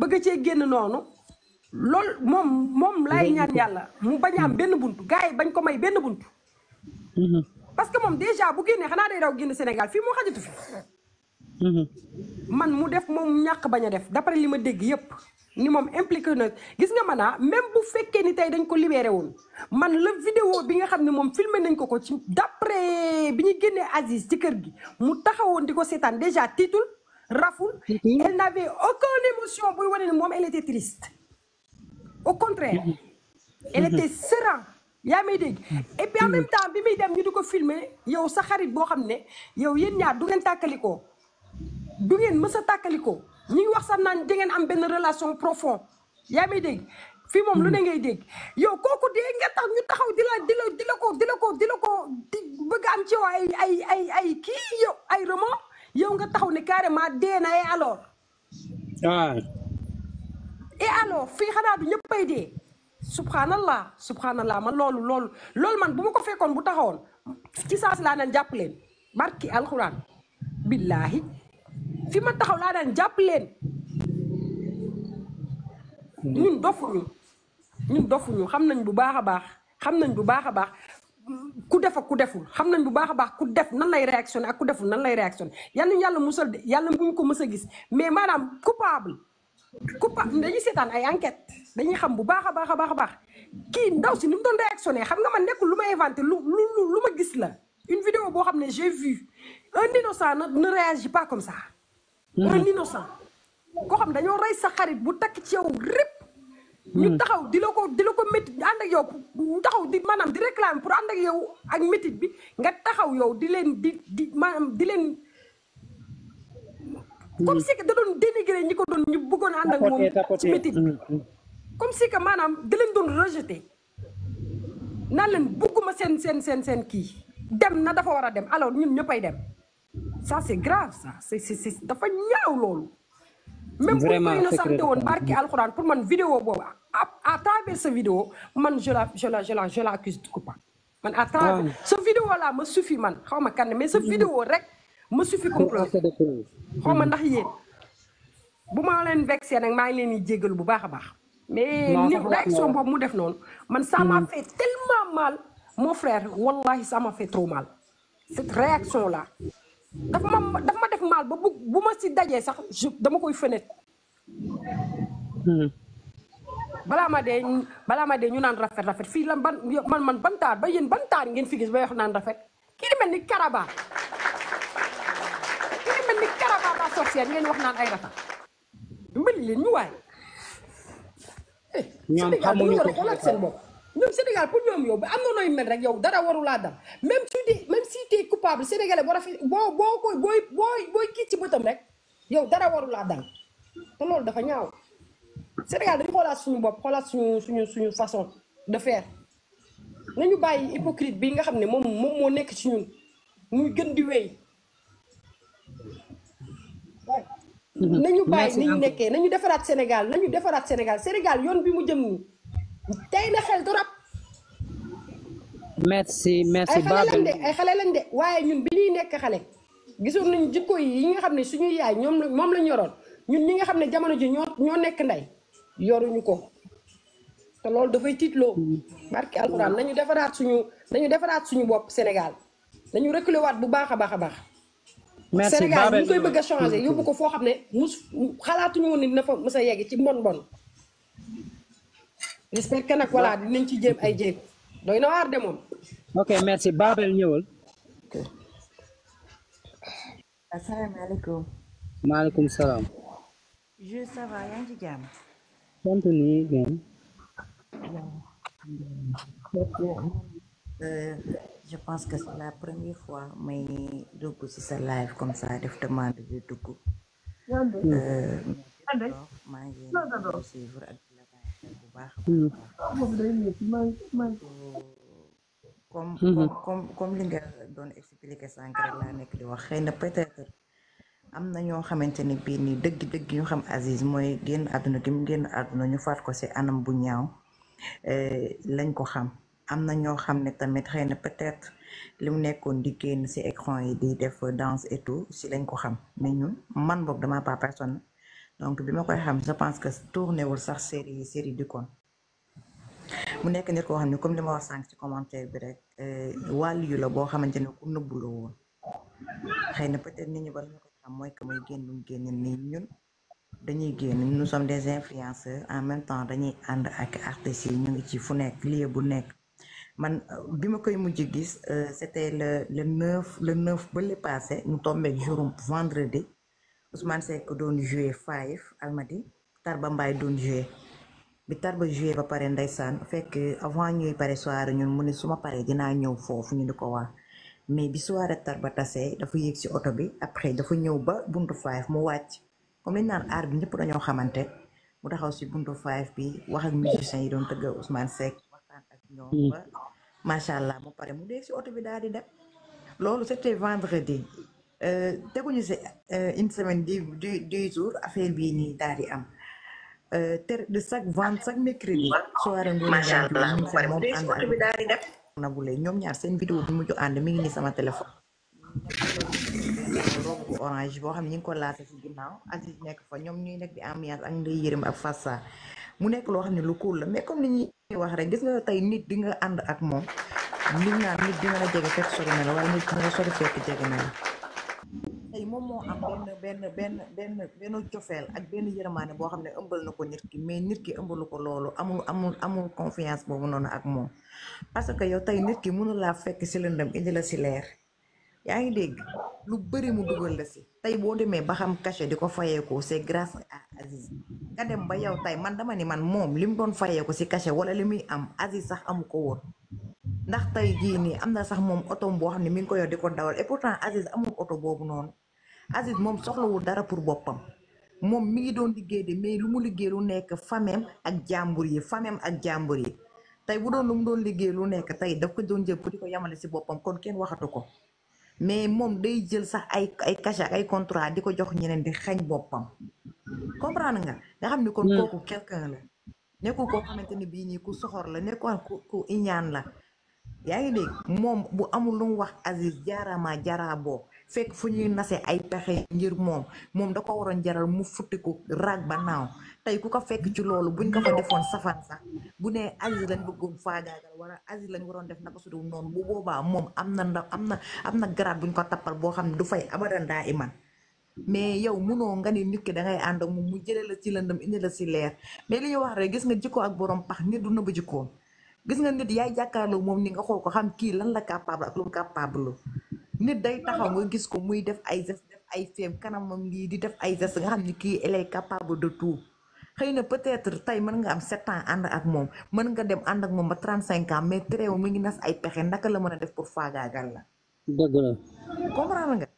bëgg cee génn noonu lool moom moom laay ñaan yàlla mu bañ am benn buntu gars bañ ko may benn buntu. Mm-hmm. parce que moom déjà bu génnee xanaa day daw génn Sénégal fii moo xajatu fi. Mm-hmm. man mu def moom ñàkk bañ a def d'après li ma dégg yépp ni mom impliqué na gis nga mana a même bu fekkee ni tay dañ ko libéré woon man le vidéo bi nga xam mom filmé nañ ko ko ci d'après biñu ñu Aziz ci kër gi mu taxawoon diko sétane déjà titre. raful elle n'avait aucune émotion bu wone ni elle était triste au contraire mm-hmm. elle était mm-hmm. serein yaa may dégg et puis en mm-hmm. même temps bi muy dem ñu diko ko filmer yow sa xarit bo xamné yow yeen ñaar du ngeen takaliko du ngeen mësa takaliko ñu ngi wax sax naan dangeen am benn relation profond yaa may dégg fii moom lu ne ngay dégg yow kooku dee nga tax ñu taxaw di la di la di la ko di la ko di la ko bëgg am ci yow ay ay ay ay kii yow ay remon yow nga taxaw ne carrément dee na et alors ah et alors fii xanaa du ñëppay dee subhanallah subhanallah man loolu loolu loolu man bu ma ko fekkoon bu taxawoon ci saasi laa naan jàpp leen barki alxuraan billahi fi ma taxaw laa daan jàpp leen ñun dofuñu ñun dofuñu xam nañ bu baax a baax xam nañ bu baax a baax ku def ak ku deful xam nañ bu baax a baax ku def nan lay réactionné ak ku deful nan lay réactionné yàlla ñu yàlla musal de yàlla buñ ko mës a gis mais maanaam coupable coupable dañuy seetaan ay enquête dañuy xam bu baax a baax a baax a baax kii ndaw si ni mu doon réactionné xam nga man nekkul lu ma inventé lu lu lu ma gis la une vidéo boo xam ne j'ai vu un innocent ne réagit pas comme ça un sa hmm. koo xam dañoo rey sa xarit bu takk ci yow rip ñu hmm. taxaw di la ko di la ko métti ànd ak yow ñu taxaw di maanaam di réclamer pour ànd ak yow ak métit bi nga taxaw yow di leen di di maanaam di leen hmm. comme si que da doon dénigré ñi ko doon ñu bëggoon ànd ak moom ci métit bi comme si que maanaam da leen doon rejeté naan leen bugguma seen seen seen seen kii dem na dafa war a dem alors ñun ñëppay dem ça c'est grave ça c'est c'est fait ñaaw loolu. même bu ñu innocenté woon barki alcorane pour mon vidéo boobu à travers cette vidéo man je la je la je la je la accuse de coupable man à travers ce vidéo là me suffit man xaw kan mais ce mm. vidéo rek me suffit comprendre xaw mm. ndax yéen bu ma vexé nak ma ngi leen di jégalu bu baax a baax mais ni réaction bobu mu def non man ça m'a mm. fait tellement mal mon frère wallahi ça m'a fait trop mal cette réaction là daf ma daf ma def mal ba bu ma si dajee sax dama koy fenêtre hmm. balaa ma dee ma dee ñu naan rafet rafet fii la ban man man ban taar ba yéen ban ngeen fi gis ba wax naan rafet kii di mel ni karaba kii di mel ni karaba ba sorcière ngeen wax naan ay rafet mbali leen ñu waay eh, ñoom xamuñu ko seen bopp ñoom Sénégal pour ñoom yow ba am na nooy mel rek yow dara waru laa dal même su dee même si t'es coupable sénégalais boo rafet boo boo koy booy booy booy kii ci bëtam rek yow dara warulaa laa dal te loolu dafa ñaaw Sénégal dañu xoolaat suñu bopp xoolaat suñu suñu suñu façon de faire nañu bàyyi hypocrite bi nga xam ne moom moom moo nekk ci ñun muy gën di wéy mm-hmm. nañu bàyyi ni ñu nekkee nañu defaraat Sénégal nañu defaraat Sénégal Sénégal yoon bi mu jëm nii tey na xel trop. merci merci Babel ay xale lañ de ay xale lañ de waaye ñun bi ñuy nekk xale gisoon nañu jikko yi nga xam ne suñuy yaay ñoom la moom lañ yoroon ñun ñi nga xam ne jamono ji ñoo ñoo nekk ndey yoruñu ko te loolu dafay tiitloo. Mm. barki alxuraan nañu defaraat suñu nañu defaraat suñu bopp Sénégal nañu reculer waat bu baax a baax a baax. merci Sénégal ñu koy bëgg a changer yóbbu ko foo xam ne mus xalaatuñu woon ni na fa mës a yegg ci mbon mbon. respecté nag voilà dinañ ci jëm ay jéeg doy na waar de moom. ok merci Babel ñëwal. ok. asalaamaaleykum. maaleykum salaam. je ça va yaa ngi euh, fois may ci sa live comme def demande bi dugg. Euh, maa ngi suivre ak. bu baax a comme comme comme li nga doon expliquer sànq rek laa nekk di wax xëy na peut am na ñoo xamante ni bii nii dëgg dëgg ñu xam Aziz mooy génn àdduna gi mu génn àdduna ñu faat ko ci anam bu ñaaw eh, lañ ko xam am na ñoo xam ne tamit xëy na peut-être li mu nekkoon di génn ci écran yi di def danse et tout ci lañ ko xam mais ñun man boog dama pas personne donc bima koy xam je pense que tourné wul sax série série du kon mu nekk nit koo xam ne comme li ma wax sànq ci commentaire bi rek eh, wàll yu la boo xamante ne ku nëbbu la woon xëy na peut-être nit ñu bari ñu ko xam mooy que muy génn génn ni ñun dañuy génn nous sommes des influenceurs en même temps dañuy ànd ak artistes yi ñu ngi ci fu nekk lié bu nekk man bi ma koy mujj gis euh, c'était le le neuf le neuf ba le passé ñu tombé jour vendredi Ousmane Seck doon joué five almadi Tarba Mbaye doon joué bi Tarba joué ba pare ndeysaan fekk avant ñuy pare soirée ñun mu ne su ma paree dinaa ñëw foofu ñu ni ko waa mais bi soirée Tarba tasee dafa yéeg si oto bi après dafa ñëw ba buntu five mu wàcc comme li ñu naan aar bi ñëpp dañoo xamante mu taxaw si buntu five bi wax ak musiciens yi doon tëgga Ousmane Seck waxtaan ak ñoom ba mm. macha allah mu pare mu dee si oto bi daal di dem loolu c'était vendredi. Eh, teguñu si eh, une semaine di di dix jours affaire bii nii daal di am eh, te de chaque vente chaque mercredi soirée ngoon macha allah moom ànd bi daal di def ñoom ñaar seen vidéo bi mujj ànd mi ngi nii sama téléphone robu boo xam ne ñu ngi ko laata si ginnaaw Aziz nekk fa ñoom ñuy nekk di ambiance ak ak fassa mu nekk loo xam ne lu cool la mais comme ni ñuy wax nga tey nit di nga ànd ak moom nit naan nit di nga la jege fekk wala nit di nga sori fekk jege na la tey moom moo am benn benn benn benn cofeel ak benn yërmaane boo xam ne ëmbal na ko nit ki mais nit ki ëmbalu ko loolu amul amul amul confiance boobu noonu ak moom parce que yow tey nit ki mënul laa fekk si lëndëm indi la si leer yaa ngi dégg lu bëri mu dugal la si tey boo demee ba xam cachet di ko fayeekoo c'est grâce à Aziz nga dem ba yow tey man dama ni man moom li mu doon fayeeku si cachet wala li muy am Aziz sax amu ko woon ndax tey jii nii am na sax moom oto boo xam ne mi ngi ko yor di ko dawal et pourtant Aziz amul oto boobu noonu Aziz moom soxlawul dara pour boppam moom mi ngi doon liggéey de mais lu mu liggéey lu nekk famem ak jàmbur yi famem ak jàmbur yi tey bu doon lu mu doon liggéey lu nekk tey daf ko doon jël ko yamale si boppam kon kenn waxatu ko mais moom day jël sax ay ay cachet ak ay contrat di ko jox ñeneen di xañ boppam comprendre nga nga xam ni kon hmm. kooku quelqu'un la nekkul koo xamante ni bii nii ku soxoor la nekkul ku ku iñaan la yaa ngi dégg moom bu amul lu mu wax Aziz jaaraama jaraa Fek fu ñuy nase ay pexé ngir mom mom da ko waroon jaral mu ko rag ba naw tay ku ko fek ci lolu buñ ko fa defon safan sax bu né Aziz lañ bëggoon faagaagal wala Aziz lañ waroon def naka su non bu boba mom amna na amna amna grade buñ ko tapal bo xamni du fay abadan daa iman mais yow munoo nga ni nit ki dangay ànd ak moom mu jëlé la ci lëndëm indi la ci lèr mais li ñu wax rek gis nga jikko ak borom pax nit du neub jikko gis nga nit yaay jakarlo mom ni nga xol ko xam ki lan la capable ak lu capable nit day taxaw nga gis ko muy def ay geste def ay feem kanamam lii di def ay geste nga xam ni kii elle est capable de tout xëy na peut-être tey mën nga am sept ans ànd ak moom mën nga dem ànd ak moom ba trent cinq ans mais terew mi ngi nas ay pexe naka la mën a def pour faagaagal la. dëgg la. comprendre nga.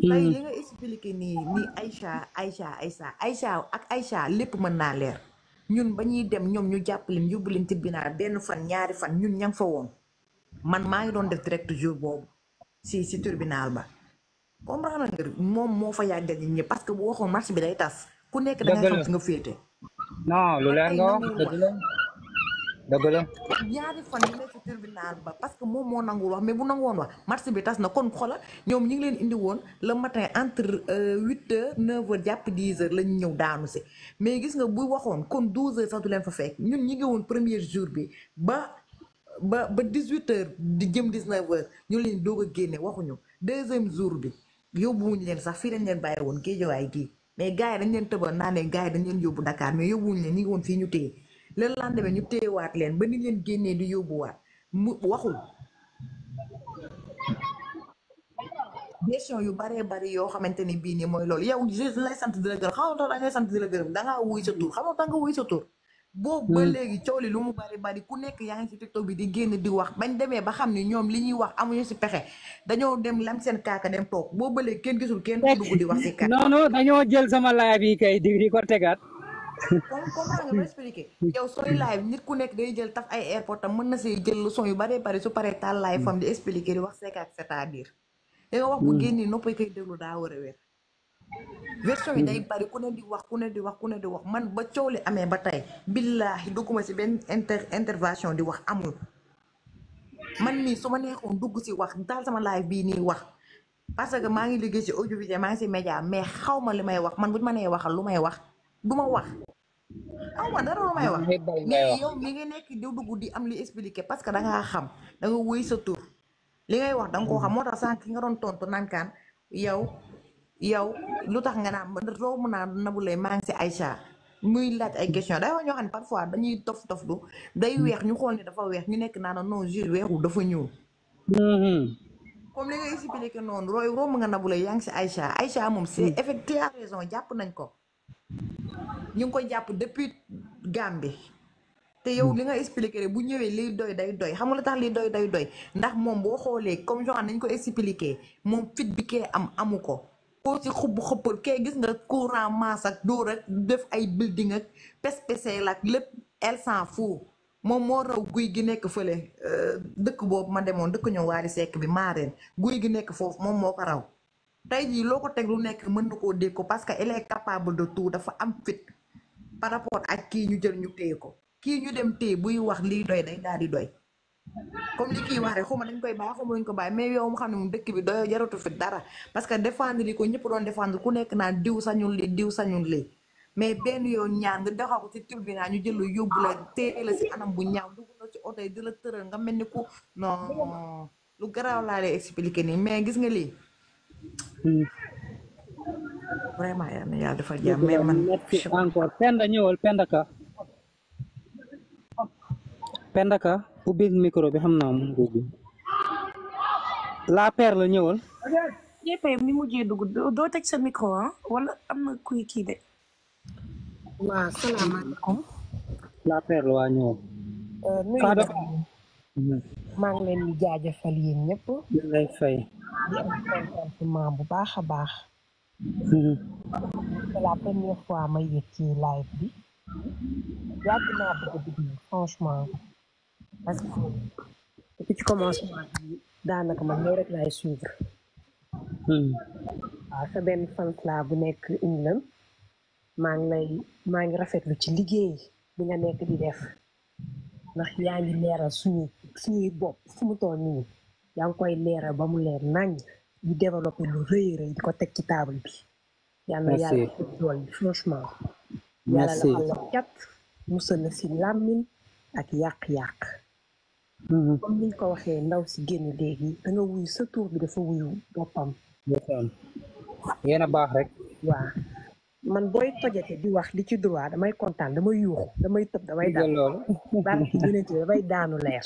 Hmm. tey li nga expliqué nii nii Aïcha Aïcha Aïcha Aïcha ak Aïcha lépp mën naa leer ñun ba ñuy dem ñoom ñu jàppaleen yóbbu leen tribunal benn fan ñaari fan ñun ña fa woon man maa ngi doon def direct jour boobu. si si tribunal ba comprendre nga moom moo fa yàggal nit ñi parce que bu waxoon marché bi day tas ku nekk da nga xam nga féete non lu leer nga wax dëgg la parce que moom moo nangul wax mais bu nangoon wax marché bi tas na kon xola ñoom ñi ngi leen indi woon le matin entre euh, huit heures neuf heures jàpp dix heures lañu ñëw daanu si mais gis nga bu waxoon kon douze sax du leen fa fekk ñun ñi ngi woon premier jour bi ba ba ba dix-huit heures di jëm dix-neuf heures ñu leen doog a génne waxuñu deuxième jour bi yóbbuwuñu leen sax fii dañ leen bàyyi woon géejawaay gii mais gars yi dañ leen tëboon naa ne gars yi dañ leen yóbbu Dakar mais yóbbuwuñu leen ñu ngi woon fii ñu téye le lendemain ñu téyewaat leen ba ni leen génnee di yóbbuwaat mu waxul question yu baree bari yoo xamante ni bii nii mooy loolu yow je lay sant di la gërëm xamantoon da ngay sant di la gërëm dangaa wuy sa tur xamantoon nga wuy sa tur boobu ba hmm. léegi coow li lu mu bari bari ku nekk yaa ngi si TikTok bi di génn di wax bañ demee ba xam ni ñoom li ñuy wax amuñu si pexe dañoo dem lam seen kaaka dem toog boobu ba léegi kenn gisul kenn dugg di wax ci kaaka non non dañoo jël sama live yi kay di di ko tegaat comme comment nga ma expliqué ku nekk day jël taf ay airport mën na see jël leçon yu baree bari su paree taal live fam di expliqué di wax seekaak c'est-à-dire da nga wax bu hmm. génnee noppay koy déglu daa war a wér version yi day bari ku ne di wax ku ne di wax ku ne di wax man ba ciowli amé ba tay billahi dugguma si benn inter intervention di wax amul man nii suma ma neexoon ci wax dal sama live bini wak wax parce que ma ngi ci audio vidéo ma ngi wak média mais xawma limay wax man bu mané wak waxal lumay wax duma wax aw ma dara lumay wax yow mi ngi nek di dugg di am li expliquer parce que da nga xam da nga wuy sa tour li ngay wax dang ko xam motax sank nga don tontu nankan yow yow lu tax nga naan romb naa Nabou Leye maa ngi si Aïcha muy laaj ay question day wax ñoo xam ne parfois dañuy tof tof lu day mm. weex ñu xool ni dafa weex ñu nekk naa non jure weexu dafa ñuul mm-hmm. comme li nga noonu rooy romb nga Nabou Leye yaa ngi si Aïcha Aïcha moom c'est mm. effectivement jàpp nañ ko ñu ngi koy jàpp depuis Gambie te yow mm. li nga expliqué bu ñëwee liy doy day doy xam nga lu tax liy doy day doy ndax moom boo xoolee comme joxaan nañ ko expliqué moom fit bi kee am amu ko koo ci xub xëppal kee gis nga courant masse ak dóor ak def ay building ak pespeseel ak lépp elle s'en moom moo raw guy gi nekk fële euh, dëkk boobu ma demoon dëkk ñoo waari sekk bi maareen guy gi nekk foofu moom moo ko raw tey jii loo ko teg lu nekk mën na koo dégg ko parce que elle capable de tout dafa am fit par rapport ak kii ñu jël ñu téye ko kii ñu dem téye buy wax liy doy day daal di doy comme li kii wax rek xuma dañ koy bàyyi xuma dañ ko bàyyi mais yow mu xam ne mu dëkk bi doyoo jaratu fi dara parce que défendre yi ko ñëpp doon défendre ku nekk naan diw sañul lii diw sañul lii mais benn yow ñaar nga doxal ko ci tribunal ñu jël la yóbbu la téye la anam bu ñaaw dugg la ci oto nga mel ni ku non lu garaw laa lay expliquer nii mais gis nga lii. vraiment yal na yàlla dafa mais man. encore Penda ñëwal Penda Ka. Penda Ka. ubbil micro bi xam naa moom ubbi la perle ñëwal. ñëpp mujjee dugg doo teg sa micro ah wala am na kuy kii de. waaw salaamaaleykum. waa ñëwal. Euh, mhm. maa ngi leen di jaajëfal yéen ñëpp. ñu lay fay. di am bu baax a baax. Mhm. franchement. parce que depuis ci commencement bi daanaka man ñëw rek laay suivre. Hmm. waaw benn fan la bu nekk England maa ngi lay maa rafetlu ci liggéey bi nga nekk di def ndax yaa ngi leeral suñu suñuy bopp fu mu toll yaa ngi koy leeral ba mu leer nañ ñu développé lu rëy rëy di ko teg ci table bi. yàlla yàlla dool bi franchement. yàlla la la si làmmiñ ak yàq-yàq. Mm-hmm. comme niñ ko waxee ndaw si génn léegi danga wuy wuyu sa tur bi dafa wuyu boppam. yéen a baax rek. waa man booy tojate di wax li ci droit damay kontaan damay yuuxu damay tëb damay daanu. barki yonente damay daanu leer.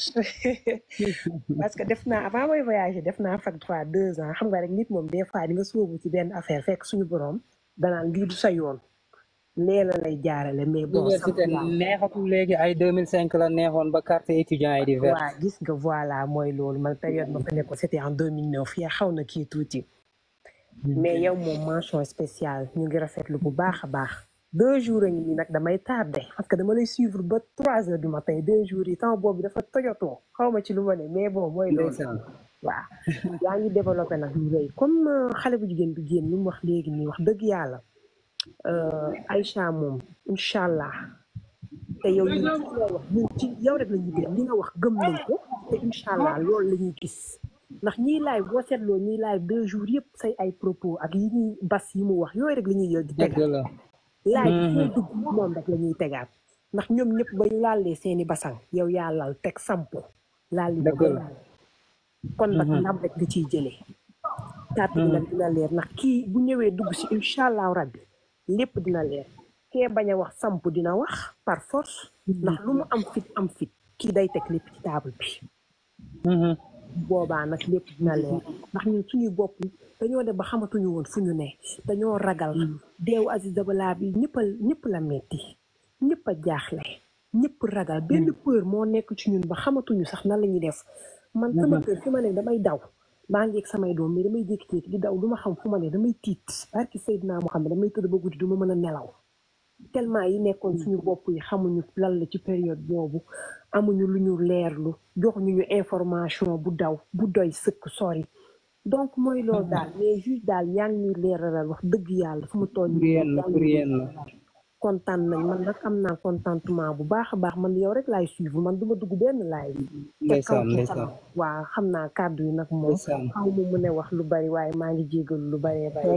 parce que def naa avant mooy voyager def naa fac droit deux ans xam nga rek nit moom des fois di nga sóobu ci benn affaire fekk suñu borom danaan lii du sa yoon. nee la lay jaarale mais bon université neexatul léegi ay 2005 la neexoon ba carte étudiant yi di vert waaw gis nga voilà mooy loolu man période ba fa nekkoon c'était en 2009 yaa xaw na kii tuuti hmm. mais yow moom mention spéciale ñu ngi rafetlu bu baax a baax deux jours a ngi nii nag damay tardé parce que dama lay suivre ba trois heures du matin deux jours yi temps boobu dafa tojotoo xaw ma ci lu ma ne mais bon mooy loolu waaw yaa ngi développé nag lu rëy comme euh, xale bu jigéen bi génn ni mu wax léegi nii wax dëgg yàlla Euh, Aïcha moom incha allah te yow li nga wax ñun ci yow la ñuy gëm nañ ko te incha allah loolu gis ndax ñii laay boo seetloo ñiy laay deux jours yëpp say ay propos ak yi ñuy bas yi mu wax yooyu rek la ñuy di tegaat laay mm-hmm. ñuy dugg moom rek la ñuy tegaat ndax ñoom ñëpp ba ñu laalee seen i basang yaa laal teg sampo laal li ko kon nag mm-hmm. ndam rek nga ciy jëlee. kàttan mm-hmm. la dina leer ndax kii bu ñëwee dugg si incha rabbi lépp dina leer kee bañ a wax samp dina wax par force mm-hmm. ndax lu mu am fit am fit kii day teg lépp ci table bi mm-hmm. boobaa nag lépp dina leer ndax ñun suñuy bopp dañoo dem ba xamatuñu woon fu ñu ne dañoo ragal mm-hmm. deewu Aziz Dabala bi ñëpp ñëpp la metti ñëpp a jaaxle ñëpp ragal benn peur moo nekk ci ñun ba xamatuñu sax nan la ñuy def man sama kër fi ma ne damay daw maa ngi samay doom mais damay jékki-jékki di daw du ma xam fu ma ne damay tiit moo xam Muhammad damay tëdd ba guddi du ma mën a nelaw tellement yi nekkoon suñu mm. bopp yi xamuñu lan la ci période boobu amuñu lu ñu leerlu jox ñu ñu information bu daw bu doy sëkk sori donc mooy loolu mm. daal mais juste daal yaa ngi ñuy leeralal wax dëgg yàlla fu mu toll nii. kontaan nañ man nag am naa contentement bu baax a baax man yow rek laay suivre man du ma dugg benn laay te kaw ci sama xam naa kàddu yi nag moom xaw ne wax lu bari waaye maa ngi jégal lu baree bari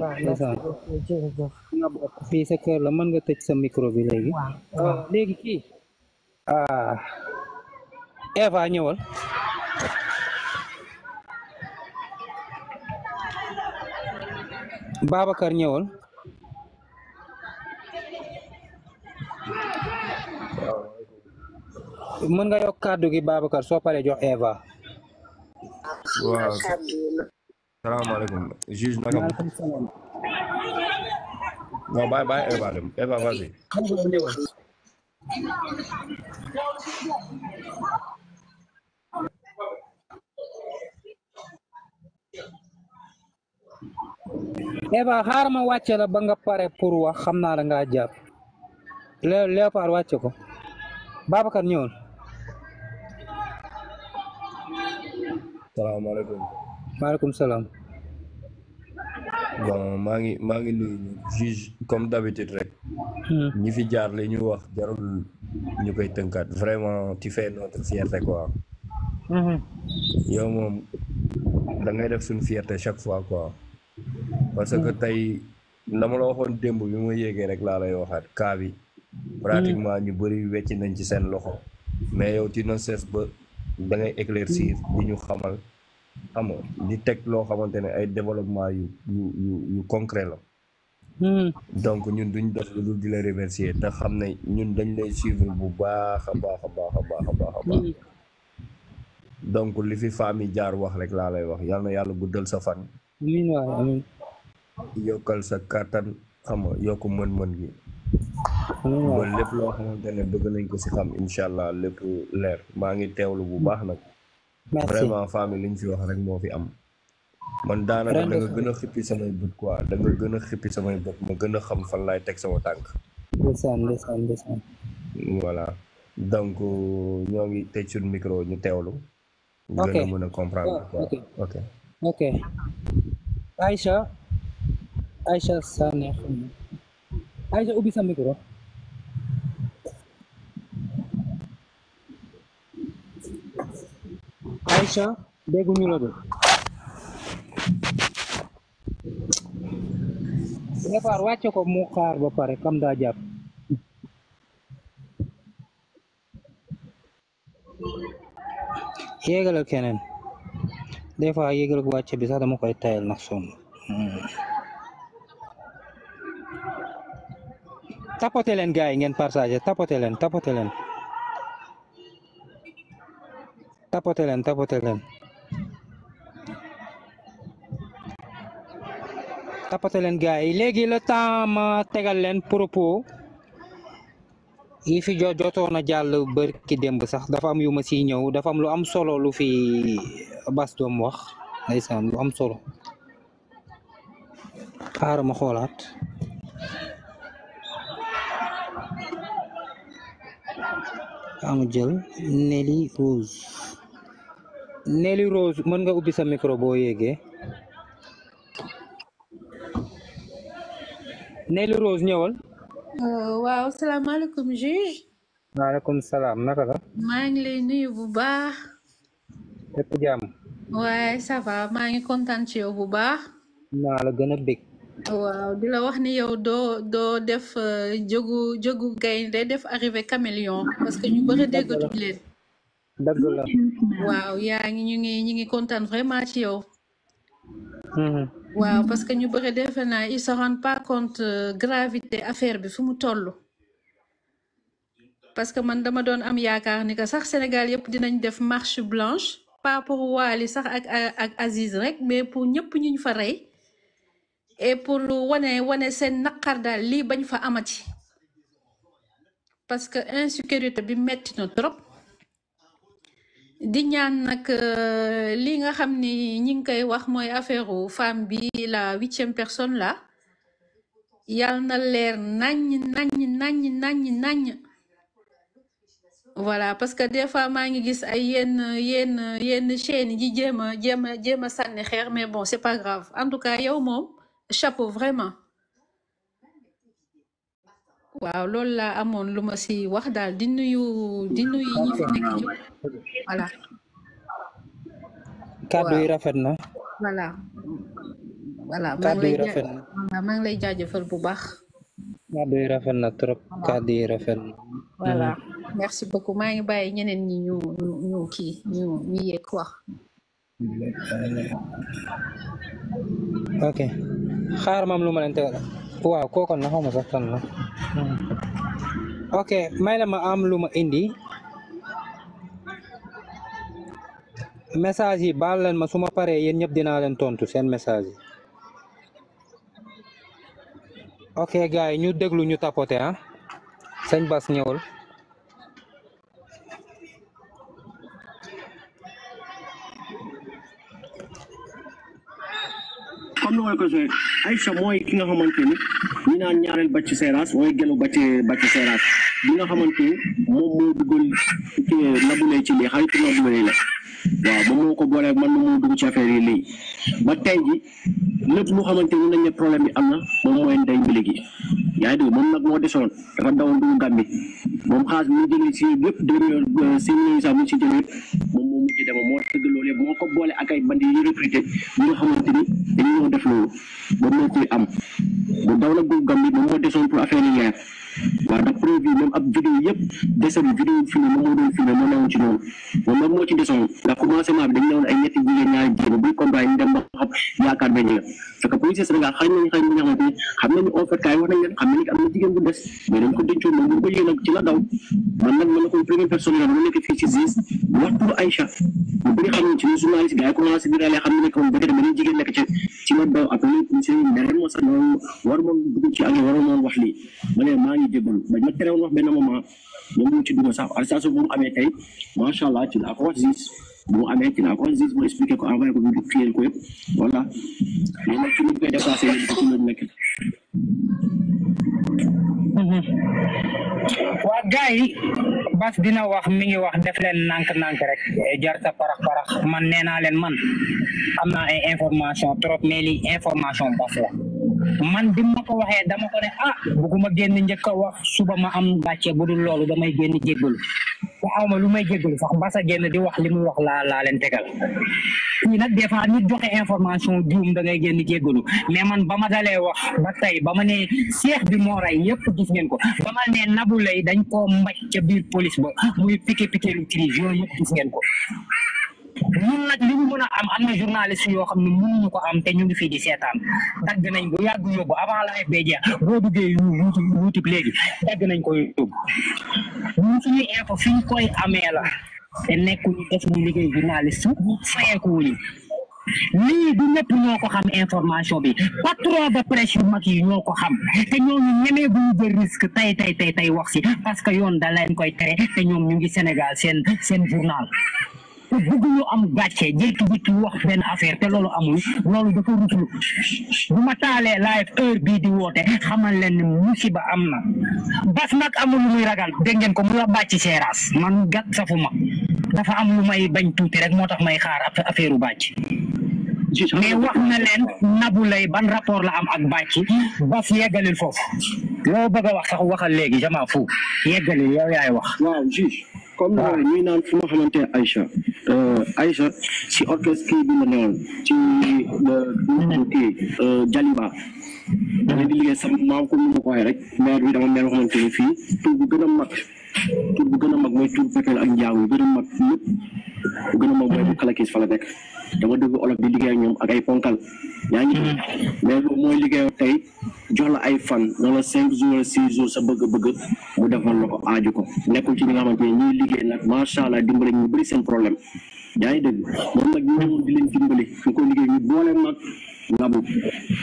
waaw jërëjëf nga bokk fii sa kër la mën nga tëj sa micro bi léegi oh, léegi kii ah. Eva ñëwal Babacar ñëwal mën nga yok kàddu gi babakar so paré jox Eva. waaw salaamaaleykum juge naka no bye bye Eva dem Eva vas-y. Eva harma wacce la ba nga pare pour wax xam naa la ngaa jàpp. Léopard wacce ko Babacar ñewul salaamaaleykum. maaleykum salaam. bon maa ngi maa ngi nuyu juge comme d'habitude rek. Hmm. ñi fi jaar li ñu wax jarul ñu koy tënkaat vraiment tu fais notre fierté quoi. Hmm. yow moom da def suñu fierte chaque fois quoi. parce que hmm. tey la ma la waxoon démb bi ma yéegee rek laa lay waxaat cas bi. pratiquement ñu bëri wecc nañ ci seen loxo. mais yow tu ne cesses ba da ngay éclaircir di ñu xamal. xam nga di teg loo xamante ne ay développement yu yu yu yu concret la hmm. donc ñun duñ def lu dul di la remercier te xam ne ñun dañ lay suivre bu baax a baax a baax a baax a baax a baax hmm. donc li fi femme yi jaar wax rek laa lay wax yàlla na yàlla guddal sa fan yokkal sa kàttan xam nga yokk mën-mën gi lépp loo xamante ne bëgg nañ ko si xam incha allah lépp leer maa ngi teewlu bu baax nag merci vraiment famille li ñu fi wax rek moo fi am. man daanaka da nga gën a xippi samay bët quoi da gën a xippi samay bët ma gën a xam fan laay teg sama tànk. ndeysaan ndeysaan ndeysaan. voilà donc ñoo ngi tëj suñu micro ñu teewlu. ok gën a mën a comprendre quoi ok. ok Aïcha Aïcha Sané Aïcha ubbi sa micro. Aïcha dégguñu la de. départ wàcce ko mu xaar ba pare kam daa jàpp. keneen des fois yéegal ko wàcce bi sax dama koy tayal nag sonn. tapote leen gars yi ngeen partagé leen tapote leen. Tapo len, tapo len. Tapo leen gars legi léegi le tegal len propos yi fi jo to na jàll barki demb sax dafa am yu si ñew dafa am lu am solo lu fi bas doom wax ndaysan lu am solo xaar ma xolaat amu jël Nelly Rose Nelly Rose mën nga ubbi sa micro boo yéegee Nelly Rose ñëwal. Euh, waaw salaamaaleykum juge. maaleykum salaam naka la. maa ngi lay nuyu bu baax. lépp jàmm. waaye ça maa ngi kontaan ci bu baax. naa la gën a bég. waaw di la wax ni yow doo doo def euh, jógu jógu gaynde def arrivé caméléon parce que ñu bëri déggatuñ leen. dëgg la waaw yaa ngi ñu ngi ñu ngi kontaan vraiment ci yow. Mm-hmm. waaw parce que ñu bëri defe naa ils se rendent pas compte euh, gravité affaire bi fu mu toll. parce que man dama doon am yaakaar ni que sax Sénégal yëpp dinañ def marche blanche pas pour Wali sax ak ak Aziz rek mais pour ñëpp ñu ñu fa rey et pour wane wane seen naqar daal lii bañ fa amati parce que insécurité bi metti na trop. Dignan que euh, li nga xamni ñi wax femme bi la huitième personne la yal na leer nañ nañ nañ nañ nañ voilà parce que des fois ma ngi gis ay yenn yenn yenn chaîne ji jema jema jema mais bon c'est pas grave en tout cas yow mom chapeau vraiment waaw loolu laa amoon lu ma si wax daal di nuyu di nuyu ñi fi nekk ñëpp voilà. kàddu yi rafet na. voilà. voilà maa ngi lay maa ngi jaajëfal bu baax. kàddu yi rafet na trop kàddu yi rafet na. voilà hmm. merci beaucoup maa ngi bàyyi ñeneen ñi ñu ñu ñu ñu wax. ok xaar mam lu ma leen tegal waaw kooku na xaw sax kan la ok may la ma am lu ma indi message yi baal leen ma su ma paree yéen ñëpp dinaa leen tontu seen message yi ok gars yi ñu déglu ñu tapote ah sëñ Bas ñëwul comme ni ma ko sooyee Aïcha mooy ki nga xamante ni ñu naan ñaareel bacc Seras mooy gënu Bathie Bathie Seras bi nga xamante ni moom moo duggal Nabou Leye ci lii xaritu Nabou Leye la. waaw ba moo ko boolee man na moo dugg ci affaire yi ba tey ji lépp lu xamante ni nañ ne problème bi am na moom mooy ndey bi léegi yaa ngi dégg moom nag moo desoon dafa dawoon dugg Gàmbi moom xaas mu jëlee si yëpp deux six millions sax mu si jëlee moom moo mujj dema moo tëgg loolu yëpp ko boole ak ay bandi yu recruté ñi nga xamante ni dañu ñoo def loolu ba moo koy am bu daw la dugg Gàmbi moom moo desoon pour affaire leer waaw ndax preuve yi même ab vidéo yëpp desoon vidéo bi filmé moom moo moom ci noonu moom nag ci desoon ndax moom ci la daw ci gis wax pour ci ñu journaliste moom war moom moom wax lii ma ne jégalu mais ma terewoon wax benn moment moom mu ci dugg sax arrestation bu mu amee tey macha allah ci la ko gis bu mu amee ci la ko gis mu expliqué ko envoyé ko bi fiyeen ko yëpp voilà ci mhm. wax mi ngi wax def leen nànk-nànk rek eh, jar sa parax man nee naa leen man am naa ay information trop mais lii bas la man bi ma waxee dama ko ne ah bëgguma génn njëkk a wax suba ma am gàcce bu dul loolu damay génn jéggalu te aw ma lu may jéggalu sax ba sa génn di wax li mu wax laa laa leen tegal fii nag des fois nit joxe information juum da ngay génn jéggalu mais man ba ma dalee wax ba tey ba ma ne seex bi moo rey yëpp gis ngeen ko ba ma ne Nabou dañ koo mbaj ca biir police ba muy piqué piqué lu crise yëpp gis ngeen ko ñun nag li a am am na journaliste yoo xam ne mënuñu ko am te ñu ngi fii di seetaan dagg nañ bu yàgg yóbbu avant la FB jeex boo duggee YouTube léegi dagg nañ koy yóbbu ñun suñuy koy amee la te nekkuñu ñu liggéey journaliste fayeeku wuñu lii du ñëpp ñoo ko xam information bi patron de yu mag yi ñoo ko xam te ñooñu ñemee bu ñu jël risque tey tey tey tey wax si parce que yoon da leen koy tere te ñoom ñu ngi Sénégal seen seen journal te bëgguñu am gàcce jékki-jékki wax benn affaire te loolu amul loolu dafa rutlu bu ma taalee live heure bii di woote xamal leen ni musiba am na bas nag amul muy ragal dégg ko mu la bàcc seeraas man gàtt safuma dafa am lu may bañ tuuti rek moo tax may xaar affaire u bàcc mais wax na leen Nabou ban rapport la am ak bàcc bas yeggalil foofu loo bëgg a wax sax waxal léegi jamaa fu yeggalil yow yaay wax comme ah. ñuy naan fu ma xamante ne Aïcha euh, Aïcha si orchestre bi la newoon ci ñun euh, kii euh, Jaliba dama di liggéey sama maam comme ni ma ko rek maire bi dama maire boo xamante fii tur bu gën a mag tur bu gën a mag mooy tur Bakel ak Njaago yu gën a mag lépp bu gën a mag mooy bu Kalakis fa la dama dugg olof di liggéey ak ñoom ak ay ponkal yaa ngi mais mooy liggéeyoo tey jox la ay fan wala cinq jours wala six jours sa bëgg-bëgg mu defal la ko aaju ko nekkul ci li nga xamante ne ñuy liggéey nag macha allah dimbali ñu bëri seen problème yaa ngi dégg moom nag ñooñu di dimbali ñu ko liggéey ñu boole mag nabu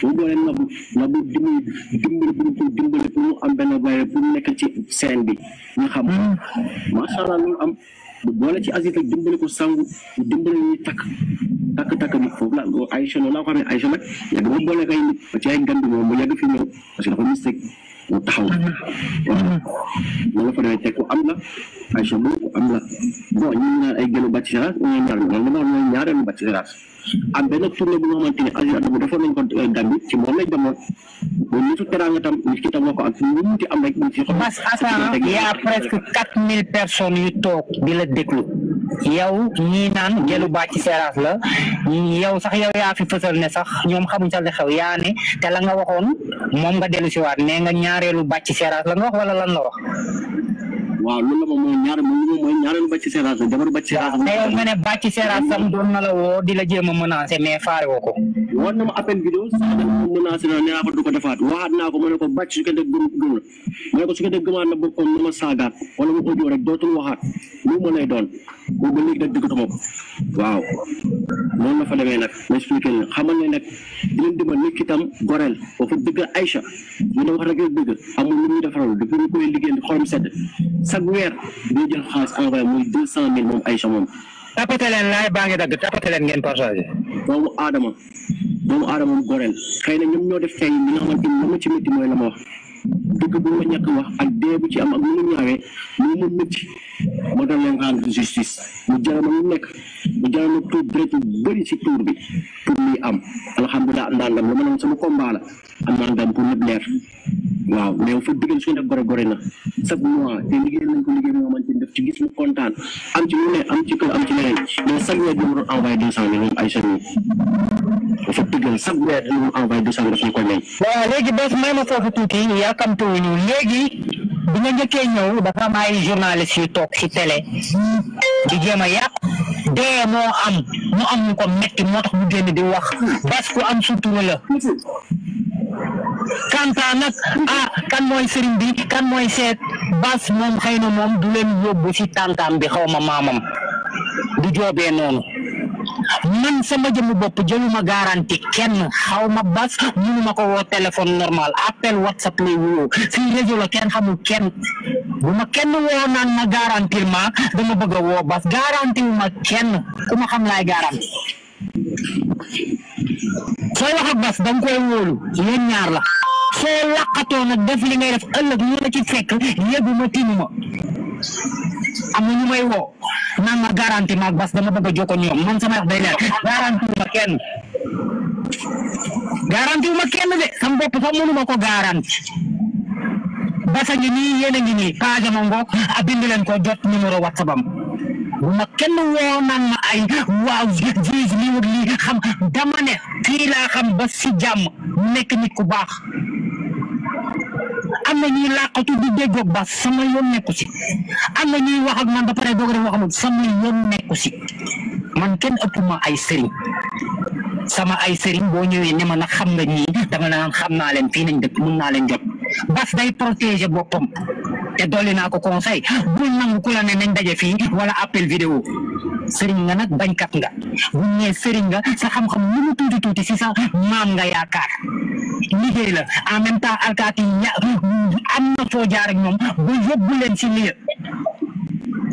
bu boole nabu nabu dimbali dimbali bu ñu ko pour mu am benn baye pour nekk ci scène bi ñu xam macha allah loolu am bu boole ci asif dimbali ko sangu dimbali ñuy takk. tak ni fof la Aïcha loolu laa ko xamee Aïcha nag yàgg ma boole kay nit ba ci ay gan mo moom mu fi ñëw parce que dafa mistake mo taxaw mo la fa demee te ku am la Aïcha moom ko am la bo ñu na ay gënu bàcc ra ñu ñaar ñu dama wax ñooy ñaareelu bàcc ra am ak tournée bu nga xamante ne Aziz Adamu nañ ko gan ci moom lañ demoon ba nitu teranga tam nit ki tam ko ak ñu ci am rek ñu ci xam parce que y presque 4000 personnes yu tok di ya, kan, ya. eh, la déglu yow ñii naan gelu bàcc seeraas la yow sax yow yaa fi fësal ne sax ñoom xamuñ sax li xew yaa ne te la nga waxoon moom nga dellu siwaat nee nga ñaareelu bàcc seeraas la nga wax wala lan la wax waaw loolu la ma mooy ñaar ma lu ma mooy ñaareelu bàcc seeraas la jabaru bàcc seeraas mais yow nga ne bàcc seeraas sam doon na la woo di la jéem a menacé mais faare woo ko war na ma appel vidéo saa dama menacé na nee naa ko du ko defaat waxaat naa ko ma ne ko bàcc su ko def gëm gëm la ma ne ko su ko def gëmaat na boppam na ma saagaat wala ma audio rek dootul waxaat lu ma lay doon boobu ba léegi nag dëggatuma ko waaw noonu la fa demee nag ma expliqué leen xamal ne nag di leen dimbal nit ki tam goreel foofu dëgg Aïcha ñu ne wax rek dëgg amul lu muy defaral depuis ñu koy liggéey xolam sedd chaque weer day jël xaalis envoyé muy deux cent mille moom Aïcha moom. tapete leen laay baa dagg tapete ngeen partagé. doomu Adama doomu Adama mu goreel xëy na ñoom ñoo def tey li nga xamante ni ma ci métti mooy la ma wax dëgg bu ma ñàkk wax ak dee ci am ak lu mu ñaawee lu mu modal yang leen rendre justice mu jaama lu nekk mu jaama bi pour am alhamdulilah ndàndam la sama combat la am naa ndam pour lépp leer waaw mais fa dëggal suñu gore gore na chaque mois te liggéey nañ ko liggéey moo xamante def ci gis mu kontaan am ci lu ne am ci kër am ci leneen mais chaque weer dina doon envoyé deux ay daf ñu ko waaw may ma tuuti nga ñëw dafa journaliste yu toog si télé di jéem a yàq dee moo am mu am ñu ko metti moo tax mu génn di wax parce que am sutura la kanta nag ah kan mooy sëriñ kan mooy seet bas moom xëy na moom du leen yóbbu ci tàntaam bi xaw ma maamam du joobee noonu man sama jëmmu bopp jëluma garanti kenn xaw ma bas ma ko woo téléphone normal appel whatsapp lay wuyoo fii réseau la kenn xamul kenn bu ma kenn woo naan ma garantir ma dama bëgg a woo bas garanti wu ma kenn ku ma xam laay garanti sooy wax bas da koy wóolu yéen ñaar la soo làqatoo nag def li ngay ñu la ci fekk yëguma tinuma am na ñu may woo naan ma garanti maag bas dama bëgg a jokko ñoom man sama wax day garanti wu ma kenn garanti wu ma kenn de sama bopp sax ko garanti basa ngi nii yéen a ngi nii page ma ngoog a ah, bind leen ko jot numéro whatsapp am bu ma kenn woo naan ma ay waaw gis lii wut lii xam dama ne kii laa xam bas si jàmm nekk ni ku baax am na ñuy làqatu di déggoog ba sama yoon nekku si am na ñuy wax ak man ba pare doog rek wax moom sama yoon nekku si man kenn ëpp ma ay sëriñ sama ay sëriñ boo ñëwee ne ma na xam nga ñii dama naan xam naa leen fii nañ dëkk mun naa leen jot bas day protéger boppam te dolli naa ko conseil bul nangu ku la ne nañ daje fii wala appel vidéo sëriñ nga nag bañkat nga buñ nee sëriñ nga sa xam-xam lu tuuti tuuti si sa maam nga yaakaar liggéey la en même temps alkaati ña am na foo jaar ak ñoom ba yóbbu leen si lii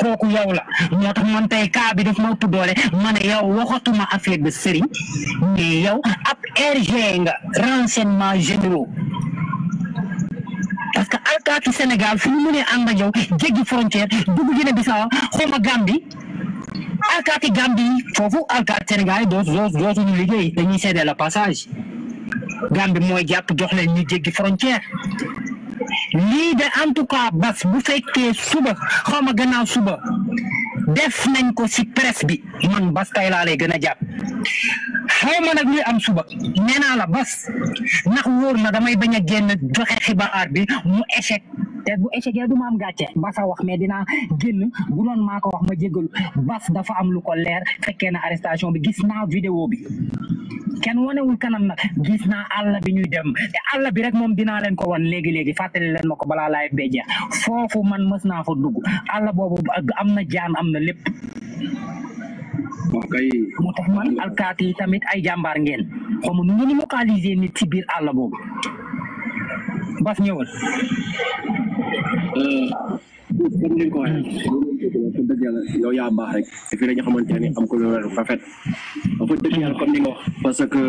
kooku yow la moo tax man tey kaa bi daf ma ëpp doole ma ne yow waxatuma affaire de sëriñ mais nga renseignement généraux parce que du Sénégal fu ñu mënee des frontières, frontière dugg Guinée Bissau de Gambie alkaati Gambie foofu vous Sénégal yi dootu ni de le passage Gambie moi, en train de frontière. lii de en tout cas bas bu fekkee suba xaw ma gannaaw suba def nañ ko si presse bi man bas tay laa lay gën a jàpp xaw ma nag luy am suba nee naa la bas ndax wóor na damay bañ a génn joxe xibaar bi mu échec te bu échecgee du ma am gàcce basa wax mais dinaa génn bu doon maa ko wax ma jégalu bas dafa am lu ko leer fekkee na arrestation bi gis naa vidéo bi kenn wanewul kanam nag gis naa àll bi ñuy dem te àll bi rek moom dinaa leen ko wan léegi léegi fàttali leen ma ko balaa laay bee foofu man mës naa fa dugg àll boobu am na jaan am na lépp moo tax man alkaati yi tamit ay jàmbaar ngeen xaw ma nu ngeen nit ci biir àll boobu bas ñëwal. comme ni nga ko waxee wax dëgg yàlla yow yaa baax rek fi la ñu xamante ne am ko loolu rafet wax dëgg yàlla comme ni nga wax parce que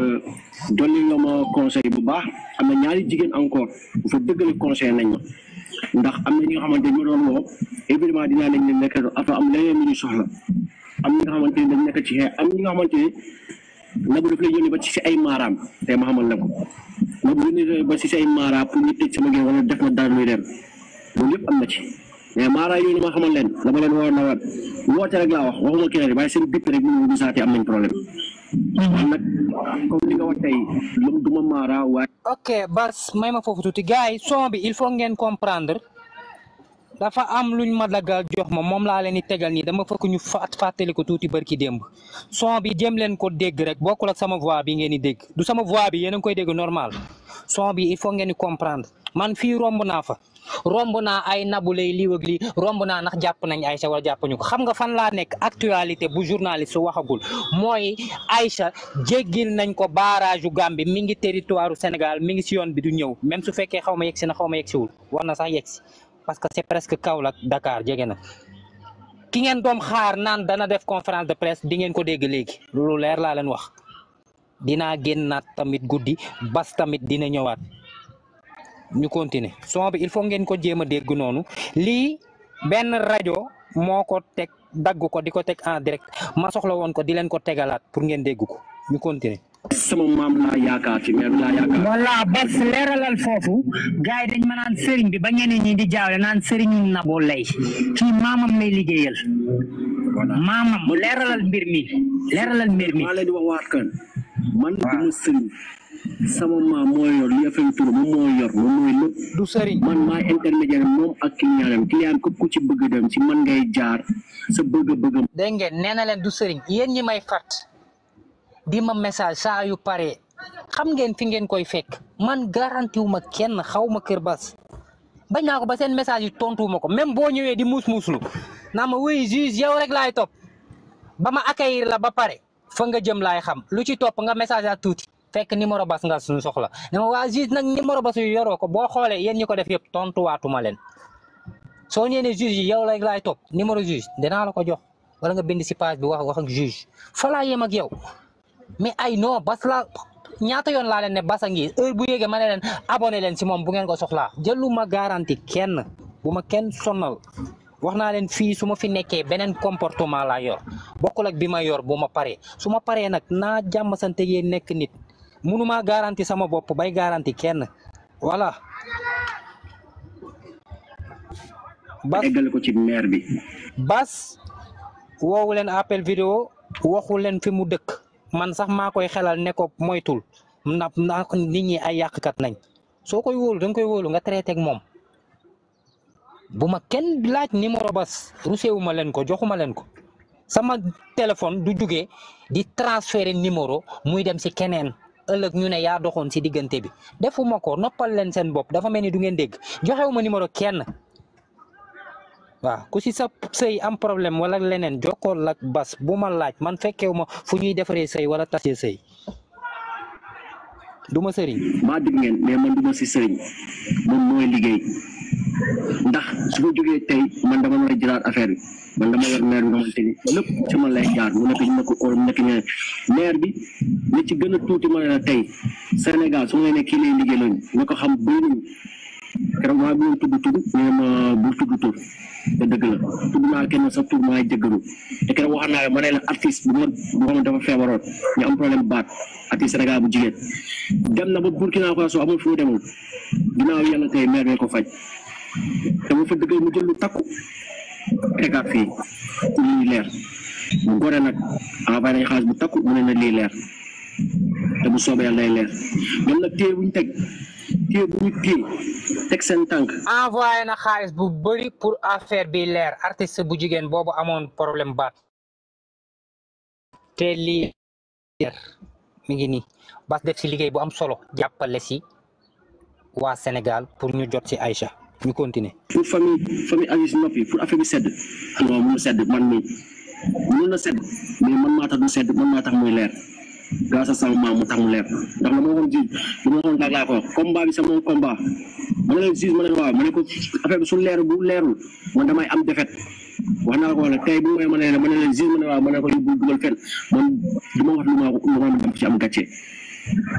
dolli nga ma conseil bu baax am na ñaari jigéen encore bu dëgg dëggal conseil nañ ma ndax am na ñi nga xamante ñu doon woo évidemment dinaa leen ne nekk am leneen ñu soxla nekk ci am ñi nga nabu daf lay yónni ba si ay ma xamal na ko nabu yónni ba ci si ay maaraam pour ñu tëj sama ngeen wala def ma daal muy dem loolu yëpp am na ci mais maaraam yooyu ma xamal leen dama leen waroon a war woote rek laa wax waxuma keneen rek waaye seen bipp rek ñu ñu saatee am nañ problème kon nag comme li nga ok Bas may ma foofu tuuti gars yi il faut ngeen comprendre dafa am luñ ma dagal jox ma mom la leni di tegal nii dama fekk ñu fat fàttali ko tuuti barki demb son bi jëm len ko dégg rek bokkul ak sama voix bi ngeen dégg du sama voix bi yéen a koy dégg normal son bi il faut ngeen di comprendre man fi romb na fa romb na ay nabulay lay lii li romb na ndax japp nañ Aïcha wala japp ñuko xam nga fan la nek actualité bu journaliste waxagul moy Aïcha jéggil nañ ko barrage gambi mi ngi territoire Sénégal mi ngi si yoon bi du ñew même su fekkee xawma ma na xaw ma war na sax yegsi parce que c'est presque Kaoula Dakar jege ki ngeen dom xaar nan dana def conférence de presse di ngeen ko dégg lu leer la len wax dina génnaat tamit goudi bas tamit dina ñëwaat ñu continuer son bi il faut ngeen ko jéem Li dégg radio lii kotek rajo moo ko ko diko tek en direct ma soxla won ko di len ko tegalaat pour ngeen dégg ko ñu continuer sama maam laa yaakaar ci meer laa yaakaar voilà bas leeralal foofu gars yi dañ ma naan sëriñ bi ba ñeneen ñi di mama naan mama, Nabou Leye kii maamam lay liggéeyal maamam leeralal mbir kan. sama maam moo yor li FM tur moom moo yor moom mooy lépp du sëriñ man maay intermédiaire moom ak client am client képp ku di ma message saa yu pare xam ngeen fi ngeen koy fekk man garanti wu ma kenn xaw ma Kër bas bañ naa ko ba seen message yi tontuwu ma ko même boo ñëwee di muus muuslu naa ma wuy juge yow rek laay topp ba ma accueillir la ba pare fa nga jëm laay xam lu ci topp nga message ak tuuti fekk numéro bas nga suñu soxla ne ma waa juge nag numéro bas yu yoroo ko boo xoolee yéen ñu ko def yëpp tontuwaatuma leen soo ñëwee ne juge yi yow rek laay topp numéro juge dinaa la ko jox wala nga bind si page bi wax wax ak juge fa laa yem ak yow me ay no bas la ñaata yoon laa ne basa ngi heure bu yegge mané len abonné len ci mom bu ngeen ko soxla jëluma garanti kenn bu ma kenn sonal waxna len fi suma fi nekké benen comportement la yor bokkul ak bima yor bu ma suma paré nak na nag naa jàmm sante nit munuma garanti sama bop bay garanti kenn voilà bas eggal ko ci maire bi bas woowu wulen appel vidéo waxu fi mu man sax maa koy xelal ne ko moytul na na nit ñi ay yàqkat nañ soo koy wóolu da nga koy wóolu nga traité ak moom bu ma kenn laaj numéro bas rusewu ma leen ko joxuma leen ko sama téléphone du jugee di transférer numéro muy dem si keneen ëllëg ñu ne yaa doxoon si diggante bi defuma ko noppal leen seen bopp dafa mel ni du ngeen dégg joxewu ma numéro kenn. waaw ku si sa sëy am problème wala leneen jokkool ak bas bu ma laaj man fekkewu ma fu ñuy defaree sëy wala tasee sëy du sëriñ. maa dégg ngeen mais man du si sëriñ moom mooy liggéey ndax su ma tey man dama war a jëlaat affaire bi nga xamante ni lépp lay jaar mu nekk ñu nekk ko mu nekk ñeneen maire bi li ci gën a tuuti ma ne la tey Sénégal su ma nee kii lay liggéey lañu nga ko xam bëri nañu keroog maa ngi tudd tudd mais ma bul tudd tudd. ba dëgg la tudd naa kenn sax tur maa jëggalu te kenn wax naa ma ne la artiste bu ma boo xam ne dafa feebaroon ñu am problème baat bu jigéen dem na ba Burkina Faso amul fu mu demul ginnaaw yàlla tey maire ko faj dama fa dëggal mu jël lu takku tegaat fii lii leer bu gore nag envoyé nañ xaalis bu takku mu ne na lii leer te bu soobee yàlla day leer ñoom nag bu ñu teg téye bu ñu téye teg seen tànk. envoyé na xaalis bu bëri pour affaire bi leer artiste bu jigéen boobu amoon problème baat te lii mi ngi nii bas def si liggéey bu am solo jàppale si waa Sénégal pour ñu jot ci ay ñu continuer. pour famille bi sedd non mu sedd man mii mun na sedd mais man maa tax sedd man maa muy leer. grâce à sama maam mu tax mu leer ndax ma waxoon juge lu ma waxoon daal laa ko wax combat bi sama combat ma ne ma ne ko affaire bi su leer bu leerul man am defet wax naa la ko wax ne tey bu ma ne ma ne leen juge waaw ma ne ko bu dugal fenn man du ma wax lu ma lu ma ci am gàcce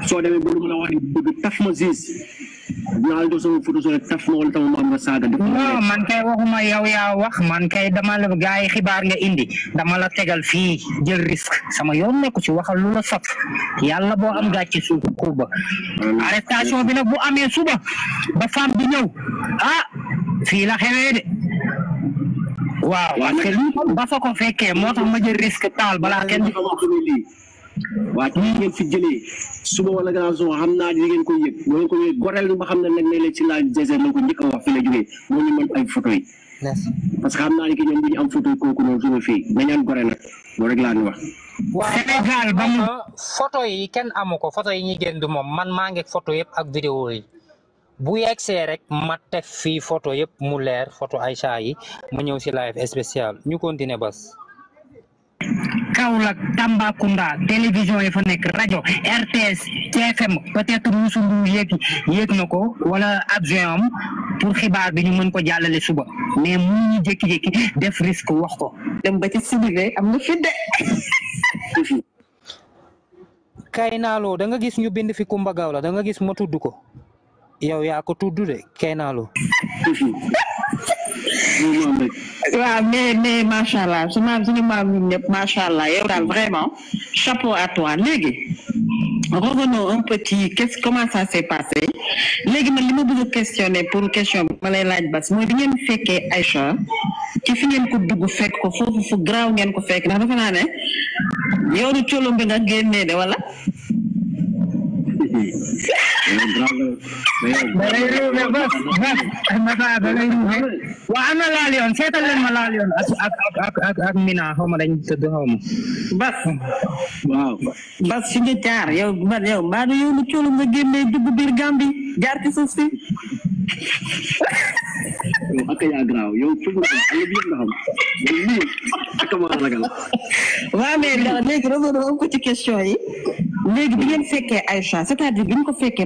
soo demee ba ma la wax ni taf ma juge dinaa def sama photo sama ma wala man kay waxuma yow yaa wax man kay dama la gars yi xibaar nga indi dama la tegal fii jël risque sama yoon nekku ci waxal lu la saf yàlla boo am gàcce suuf kuuba arrestation bi nag bu amee suba ba femme bi ñëw ah fii la xewee de waaw parce que ba fa ko fekkee moo tax jël risque taal balaa kenn waa te ngeen fi jëlee suba wala gannaaw suba xam naa li ngeen koy yëg boo ngeen ko yëg ba xam ne nag ne la ci laaj désert njëkk a wax fi parce que xam naa ne que am photo kooku noonu fii nañaan gore nag loolu rek amu ko photo yi ñuy moom man maa ngi photo yëpp ak vidéo yi bu yegsee rek ma teg fii photo yëpp mu leer photo ay yi mu ñëw si live spécial ñu continuer bas Kaolack Tambacounda télévision yi fa nekk rajo RTS TFM peut-être Youssou Ndour yéeg na ko wala adjoint am pour xibaar bi ñu mën ko jàllale suba mais mun ñu jékki-jékki def risque wax ko dem ba ci Sidibé am na fit de kay naaloo da nga gis ñu bind fi Kumba Gawla da nga gis ma tudd ko yow yaa ko tudd de kay Jou yo mbe. Mbe Mbache a la, jou mbe mbache a la. Il eh, a vreman. Chapo a toi. Nege, revenon un peti. Koman sa se pase? Nege, men li mbe bouzou kestyonne pou mkechyon pala ilayt bas. Mwen yen fpyan Aifa ki fpyan m koubou frpyan koufoufou promote koufou bwa jè nyel nanen diyo l Αndonou a signan ne чwButriï da lay ruube bas bas naka da lay ruube waa laal yoon seetal leen ma laal yoon ak ak ak ma dañ tëdd xaw ma bas waaw bas fi nga jaar dugg biir Gambie jaar ci suuf si yow ak yaa garaaw ko ci question yi léegi bi ngeen fekkee Aïcha c'est-à-dire bi ko fekkee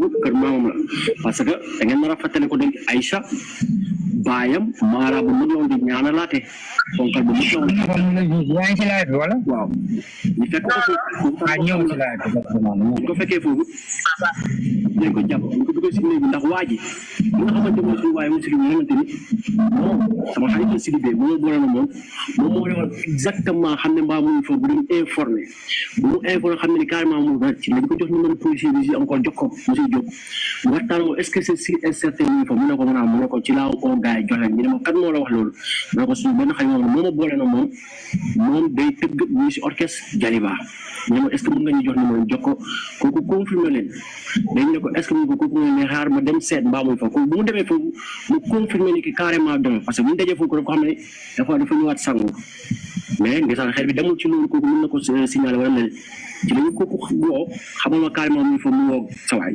dugg kër maamam la parce que da ngeen nar a fàttali ko dégg Aïcha baayam maara bu mën woon di ñaanalaate fonkal bu mën woon yaa ngi ci laaj bi wala waaw ñu fekk ko foofu a ah, ñëw ci laaj bi ko fekkee foofu dañ ko jàpp ñu ko dugal si néeg bi ndax waa ji mu nga xamante mooy suñu waaye mu si mu xamante ni moom sama xarit la Sidibé moo boole na moom moom moo demal exactement xam ne mbaa muy foofu bu doon informé bu mu informé xam ne ni carrément mu ci lañ ko jox ñu mën policier bi encore jox ko Diop waxtaan ko est-ce que c'est sûr ne a mu ne ko ci laaw oo jox leen ñu moom ma boole na moom moom day tëgg ñu si orchestre Jaliba ñu ne ma est-ce ko kooku confirmé ko est mu ne xaar ma dem seet mbaa muy fa kooku bu mu demee foofu mu confirmé ni ki carrément doon parce que mu ñu dajee foofu rek ko xam ne dafa dafa ñëwaat sangu mais ndeysaan xel bi demul ci loolu kooku mën na ko euh, signaler a mel ci lañu kooku woo xamal ma carrément muy fa mu woo sa waay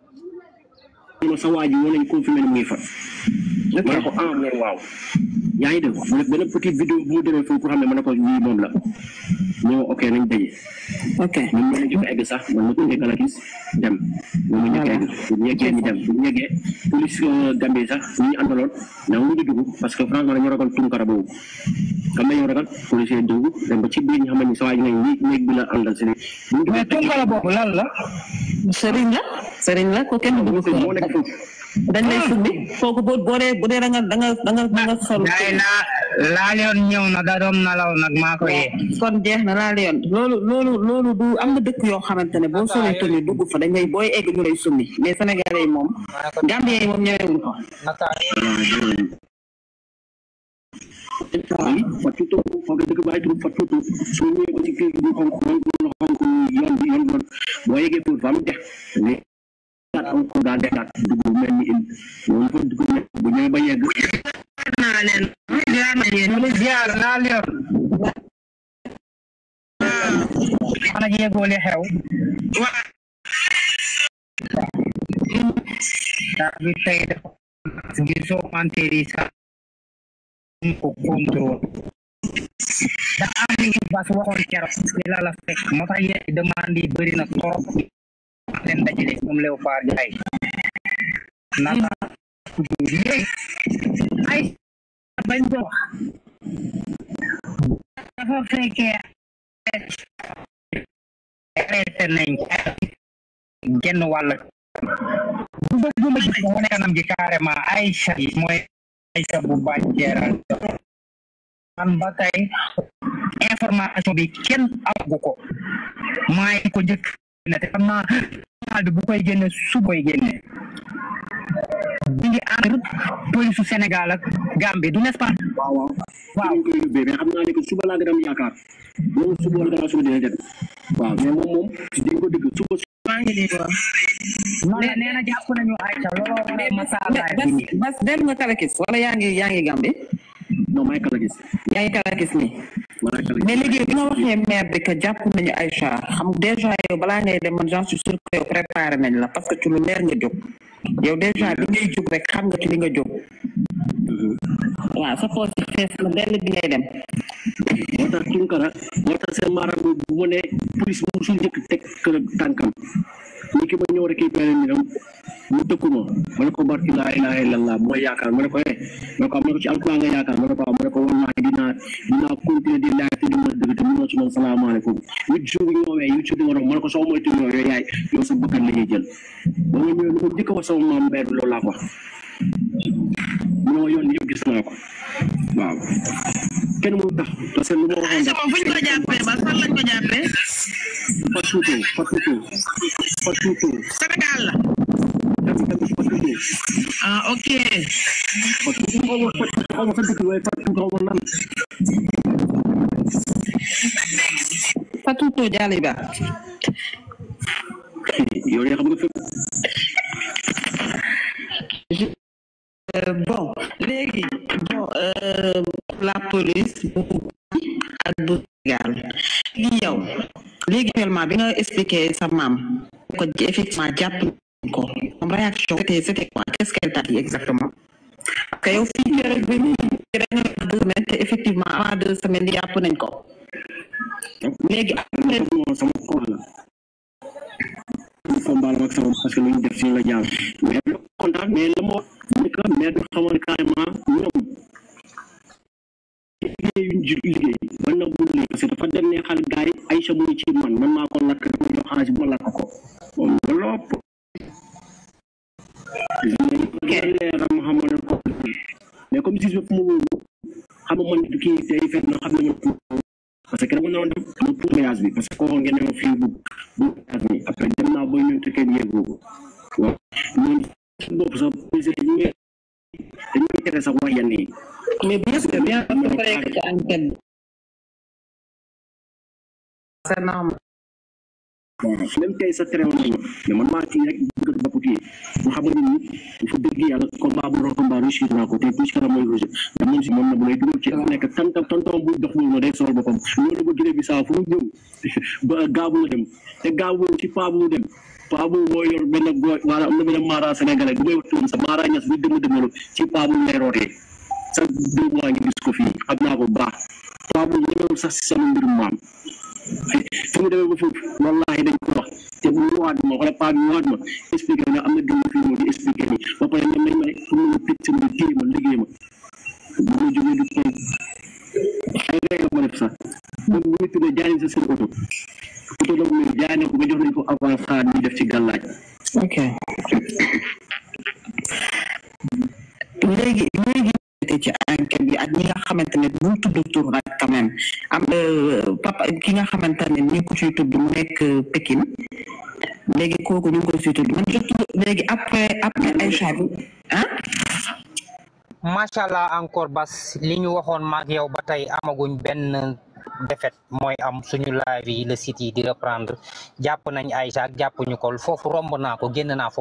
ma sa waaji woo lañ confirmé ne mu fa ma ko ah mu ne waaw yaa ngi def mu def vidéo bu mu demee foofu pour xam ko ñii moom la ñoo ok nañ daje ok ñun ma leen jot egg man ma tuddee kala gis dem ma ma ñëkkee bu ñëkkee ñu dem bu ñëkkee police euh, Gambie sax ñu àndaloon na mu ngi dugg parce que dañu ragal kam kan ragal police dugg dem ba ci biir ñu sa nañ ñi bi la lan la la la ko kenn ko dañ lay summi ah. kooku boo boo dee boo dee da nga da nga da nga da nga xaru na laaliyoon na da doon nalaw nag maa ko yee kon jeex na laaliyoon loolu loolu loolu du am na dëkk yoo xamante boo solee tenue dugg fa dañ lay egg ñu lay summi mais sénégalais yi moom gambien yi moom so ñëwee ba ci kër bu xonk mooy dex defaat un coup daa defaat dugub mel ni in loolu ko dugub ne bu ñëwee ba yegg naa leen ziar na leen mu ziar naa leen ana yegoo li xew bi tey dafa gisoo anteri sax ko contrôle da am li bas waxoon keroog ci la la fekk moo tax demande yi bëri na trop leen dajale moom Léopold ay bañ ko wax dafa fekkee arrêté nañ genn wàll bëgguma gis wane kanam gi carrément Aïcha mooy Aïcha bu bànjeera man ba tey information bi kenn amagu maay ko njëkk na su koy génne du nest a am yaakaar moom suba moom moom dañ ko dégg suba maa ngi nii quoi mais nee na jàpp nañu Aïcha looloo bas bas nga Karakis wala yaa ngi yaa ngi Gambie non maa ngi kala gis. yaa ngi léegi bi nga waxee maire bi que jàpp nañu Aïcha xam déjà yow balaa ngay dem man j'en suis yow préparé nañ la parce que ci lu leer nga jóg yow déjà bi ngay jóg rek xam nga ci li nga jóg. waaw sa poos si fees na benn bi ngay dem moo tax Tunkara moo tax seen maaram bi bu mu ne police musul njëkk teg kër tànkam ni ki ma ñëw rek kii benn niram mu tëkku ma ma ne ko barki laa ilaaha illallah mooy yaakaar ma ne ko eh ma ne ko am na ko ci alquran nga yaakaar ma ne ko am ah, ma ne ko wallaahi dinaa dinaa continuer di laaj te dima dëgg te munoo ci man salaamaaleykum huit jours yi ñoo wee huit jours ma ne ko soo moytu ñoo yooyu yaay yow sa bakkan a ñuy jël ba nga ñëwee ni a li ma yoon yëpp gis naa waaw kenn mënu tax parce que lu ma waxoon rek moom ko ba lañ ko Sénégal la ah ok Patuto xaw ma fatuto xaw xam nga Euh, bon léegi bon euh, la police bu ak bu Sénégal li léegi actuellement bi nga expliqué sa maam ko effectivement jàpp nañ ko moom réaction c'était c'était quoi qu'est-ce qu'elle exactement parce que yow fii nii rek bi mu rek deux semaines te effectivement avant deux semaines jàpp nañ ko léegi am na combat la ak sama parce que lu ñu def si la jaar mais lu kontaan mais la moo nekk mais du xamoon carrément ñoom liggéey ma lakk ko moom lopp leeram xamal ne ko mais comme si foofu mu xam nga man kii tey fekk na xam ne man parce que dama ne pour mariage parce que kooku ngeen ne ma fii bu après dem naa ba ñëw te kenn yëgoo ko waaw ñun suñu bopp sax policiers mais bien sûr bien sûr. c'est normal. même tey sa train nañu mais man maa kii rek bëgg bopp kii bu xam ni dafa dëgg yàlla combat bu romba réussir naa ko tey plus kanam mooy réussir si moom na bu lay dugal nekk tantam tantam bu dox loolu day sol boppam loolu ba Guinée ba gaabu la dem te gaabu ci paa bu dem paa bu mooy yor benn góor wala am na benn maara sénégalais bu may wax turam sa maara ñas bu dëmm dëmmalu sa deux ngi gis ko fii xam naa ko baax paa bu sax si sama mbirum maam fi mu demee ba foofu wallaahi dañ ko wax te bu ñëwaat ma wala pas ñëwaat ma expliqué na am na diw fii moo di expliqué nii ba pare ma ne pour ñu ma téye ma liggéey ma bu ma jógee du tey xëy na nga ma def sax kon bu ñu tuddee jaay sa seen oto oto la muy jaay na ko ba jox nañ ko avant def ci gàllaaj léegi léegi ci enquête bi ak ñi nga xamantene buñ tudd tour nak quand même am papa ki nga xamantene ni ko ci mu Pekin légui koku ñu ko ci tudd man jottu légui après après hein machallah encore bas li ñu waxoon maak yow ba amaguñ benn defet moy am suñu live yi le site di reprendre jàpp nañ Aïcha jàppuñu ko foofu romb naa ko génn naa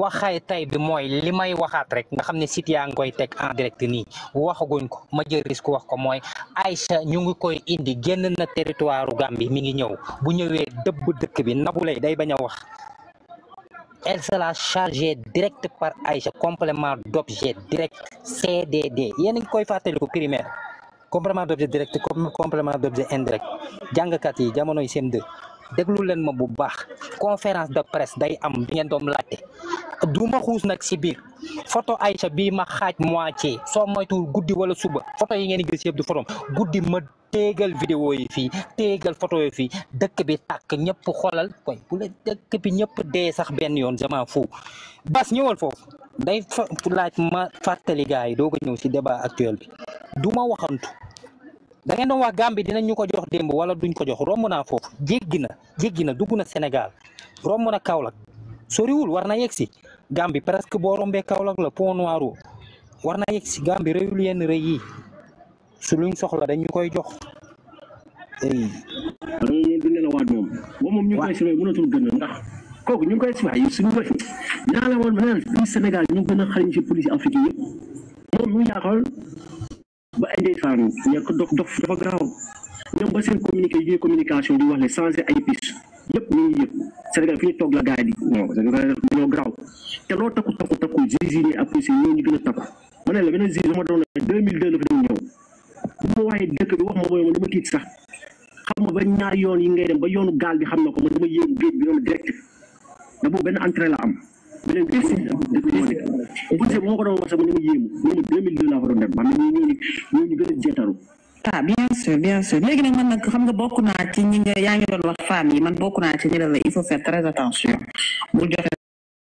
waxaay tay bi mooy li may waxaat rek nga xam ne site yaa ngi koy teg en direct nii waxaguñ ko ma jël risque wax ko mooy Aïcha ñu ngi koy indi génn na territoire Gambie mi ngi ñëw bu ñëwee dëbb dëkk bi Nabou Leye day bañ wax elle sera chargée direct par Aïcha complément d'objet direct CDD yéen a ngi koy fàttaliku primaire complément d'objet direct complément d'objet indirect jàngkat yi jamonoy CM2 déglu leen ma bu baax conférence de presse day am bi ngeen doom laajte du xuus nag si biir photo sa bii ma xaaj moitié soo moytuwul guddi wala suba photo yi ngeen di du fotom guddi ma téegal vidéo yi fii téegal photo yi fii dëkk bi tàkk ñëpp xoolal koy bu la dëkk bi ñëpp dee sax benn yoon jaman fou bas ñëwal foofu day fa laaj ma fàttali gars yi doo ko ñëw si débat actuel bi du waxantu da ngeen doon wax Gambie dinañ ñu ko jox démb wala duñ ko jox romb naa foofu jéggi na jéggi na dugg na Sénégal romb na Kaolack soriwul war na yegg si Gambie presque boo rombee Kaolack la pont noir war na yegg si Gambie réyul yenn rëy yi luñ soxla dañ jox. loolu a waat moom. moom moom ñu koy suwee mënatul gën ñu koy suwaay ñaa la woon fii Sénégal ñu police Afrique yëpp ba ay défense ñeeko dox dox dafa gaaw ñoom ba seen communication di wax ne changé ay piste yëpp ñu ngi yëpp Sénégal fi ñu toog la gars yi di te loo takku takku takku juge yi ak policiers ñoo ñu gën a takku ma ne ma doon la deux mille ñëw bu waxee dëkk bi wax ma booy ma tiit sax xam nga ba ñaari yoon yi ngay dem ba yoonu gaal bi xam na ko ma dama yéeg géej bi noonu direct da boobu benn entrée la am léegi question dafa ñëw rek budget moo ko doon wax sama ni ma yéemu nee na deux mille deux laa ko doon dem man ñoo ñu ñoo ñu gën a jeetaru ah bien sûr bien sûr léegi nag man nag xam nga bokk naa ci ñi nga yaa ngi doon wax femmes yi man bokk naa ci ñi la il faut faire très attention bul joxe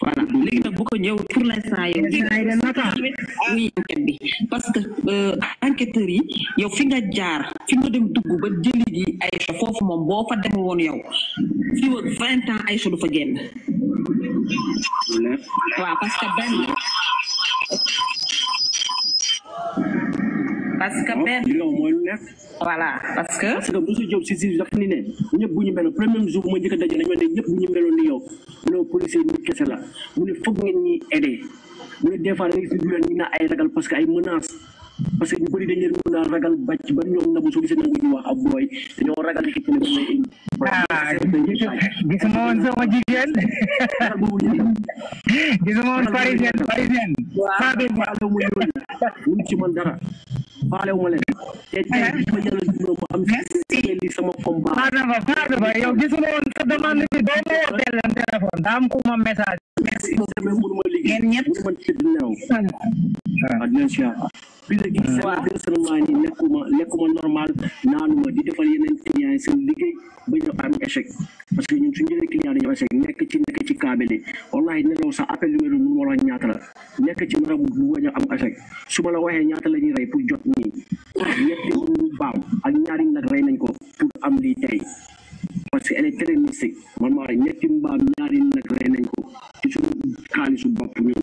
voilà léegi nag bu ko ñëw pour l'instant yow muy parce que euh, enquêteurs yow fi nga jaar fi nga dem dugg ba jëli ji Aïcha foofu moom boo fa dem woon yow fi wa vingt ans Aïcha du fa génn waaw parce que benn parce que benn voilà parce que. parce que Moussa Diop si si dafa ni ne ñëpp bu ñu meloon jour ma njëkk a daje dañoo ne ñëpp bu ñu ni yow loolu policier ñu kese la mu ne foog ngeen ñuy aider mu ne des fois dañuy tudd leen ñu ay ragal parce que ay menaces parce que ñu bëri dañ ragal bàcc ba ñoom na bu soo gisee nangu wax ab booy dañoo ragal xëcc na bu may indi. ah gis nga woon sama jigéen gis nga woon parisien parisien fabe mu ci man dara faale wu ma leen te tey li sama pompa ba faade ba yow gis nga woon sa demande bi doo ma woo téléphone daa am ku ma message merci beaucoup ngeen ñëpp ah, lekkuma lekkuma normal naanuma di defal yeneen client seen liggéey dafa am échec parce que ñun suñu jëlee client dañu am échec nekk ci nekk ci kaabele wallahi nelaw sa appel numéro bi mu war a la nekk ci marabu bu bañ a am échec su ma la waxee ñaata la ñuy rey pour jot nii ñetti ñu ak ñaari nag rey nañ ko pour am lii tey parce que elle est très mystique man maa ñetti mbaam ñaari nag rey nañ ko ci suñu xaalisu bopp ñun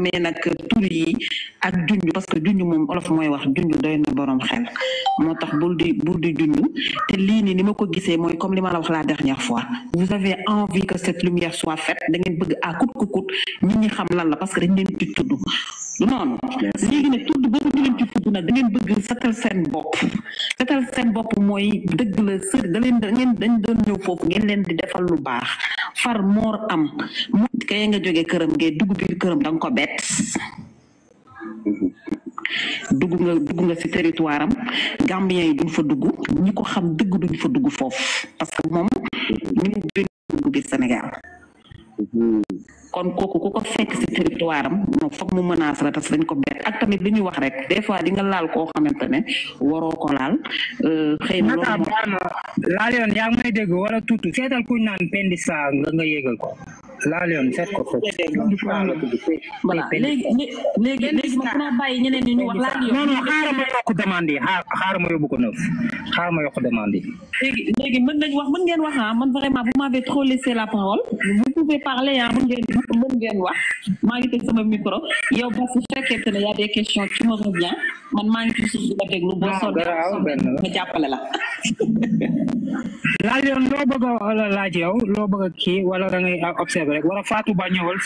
mais nak tout yi ak junj parce que junj mom olof moy wax junj doy na borom xel motax tax bul di bul di junj te li ni nima ko gisee moy comme lima la wax la dernière fois vous avez envie que cette lumière soit faite da ngeen bëgg à coûte coûte nit ñi xam lan la parce que dañ leen ci tudd non léegi nag tudd boobu ñu leen ci tudd nag da ngeen bëgg setal seen bopp setal seen bopp mooy dëgg la sër da leen ngeen dañ doon ñëw foofu ngeen di defal lu baax far moor am mu kay ya nga jóge këram ngay dugg biir këram da nga ko bett dugg nga dugg nga si territoire am gambien yi duñ fa dugg ñi ko xam duñ fa dugg parce que dugg sénégal mm-hmm. kon kooku ku ko fekk si territoire am moom foog mu menace la tas dañ ko bett ak tamit li ñuy wax rek des fois di nga laal koo xamante ne waroo ko laal. Euh, xëy na loolu moom laal yoon yaa ngi may dégg wala tuuti seetal kuñ naan pendi saa nga nga yégal ko. laal yoon fekk ko foofu. voilà léegi léegi léegi mën wax laal ma yokk demande yi xaaral ma yóbbu ko neuf xaaral ma yokk demande yi. léegi léegi mën nañu wax mën ngeen wax ah man vraiment vous m'avez la parole vous pouvez parler ah mën ngeen mën ngeen wax maa ngi teg sama micro yow ba su a des questions tu me ma jàppale la. laal yoon loo bëgg a laaj yow loo bëgg a kii wala da ngay observé. rek wala Fatou Ba ñëwal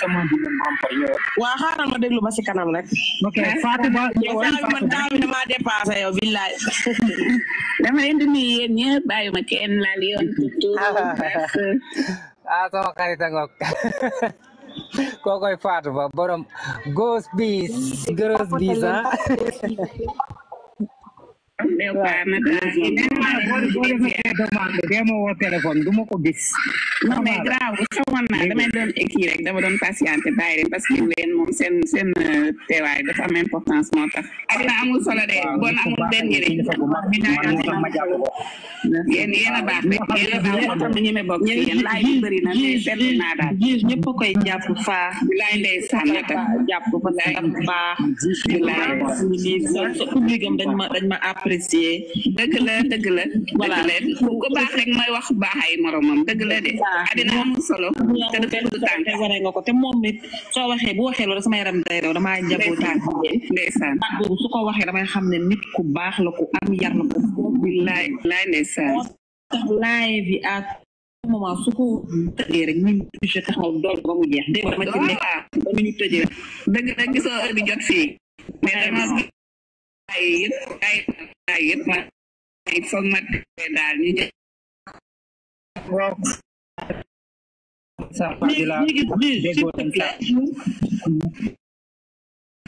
ma déglu ba si kanam rek. ok Ba ñëwal Fatou Ba ñëwal ma dépassé yow billaay. dama leen di nuyu yéen ñëpp bàyyi ma kenn laal yoon tuuti. ah sama xarit a ngoog kookoy Fatou Ba borom gos bis gros bis ah. dama woo téléphone du ma ko gis. non mais grave xamoon naa damay doon écrit rek dama doon patienté bàyyi leen parce que leen moom seen seen euh, teewaay dafa am importance moo tax. ak na amul solo de bon amul benn njëriñ. yéen yéen a baax de yéen a baax de ñeme bokk yéen laaj yu bëri na te seetlu naa daal. ñëpp a koy jàpp faa. bilaay ndeysaan la tam jàpp fa dañ ma dañ ma àpp apprécier da la da la voilà ku baax rek mooy wax baax ay moromam dëgg la de àddina am solo te dafa ko te moom it soo waxee bu waxee loolu sama yaram day rew damaa jaboo tànk ndeysaan baat boobu su ko waxee damay xam ne nit ku baax la ku am yar la ko billaay laay ndeysaan tax live yi ak moment su ko tëjee rek ñun je taxaw dool ba mu jeex dégg dama ci a ba ñu tëjee dëgg gisoo heure bi ay yëpp ay ay yëpp ah.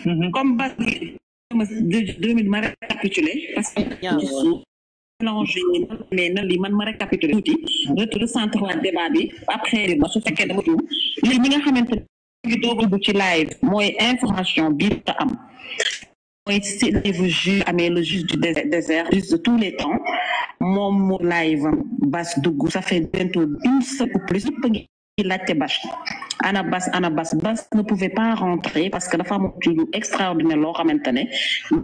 mhm. comme bas deux minutes ma récapitulé parce que mélangé mais na man ma récapitulé tuuti recentre waat débat bi après ma su fekkee dama tuum li mi nga xamante ñu ngi doogal bu ci live mooy information bi ta am c'est vous juge amee le juge du désert juste de tous les temps mon mu live basse dougou ça fait bientôt une semaine ou plus il a laajte bâché ana Bass ana basse basse ne pouvait pas rentrer parce que la femme ci extraordinaire à maintenant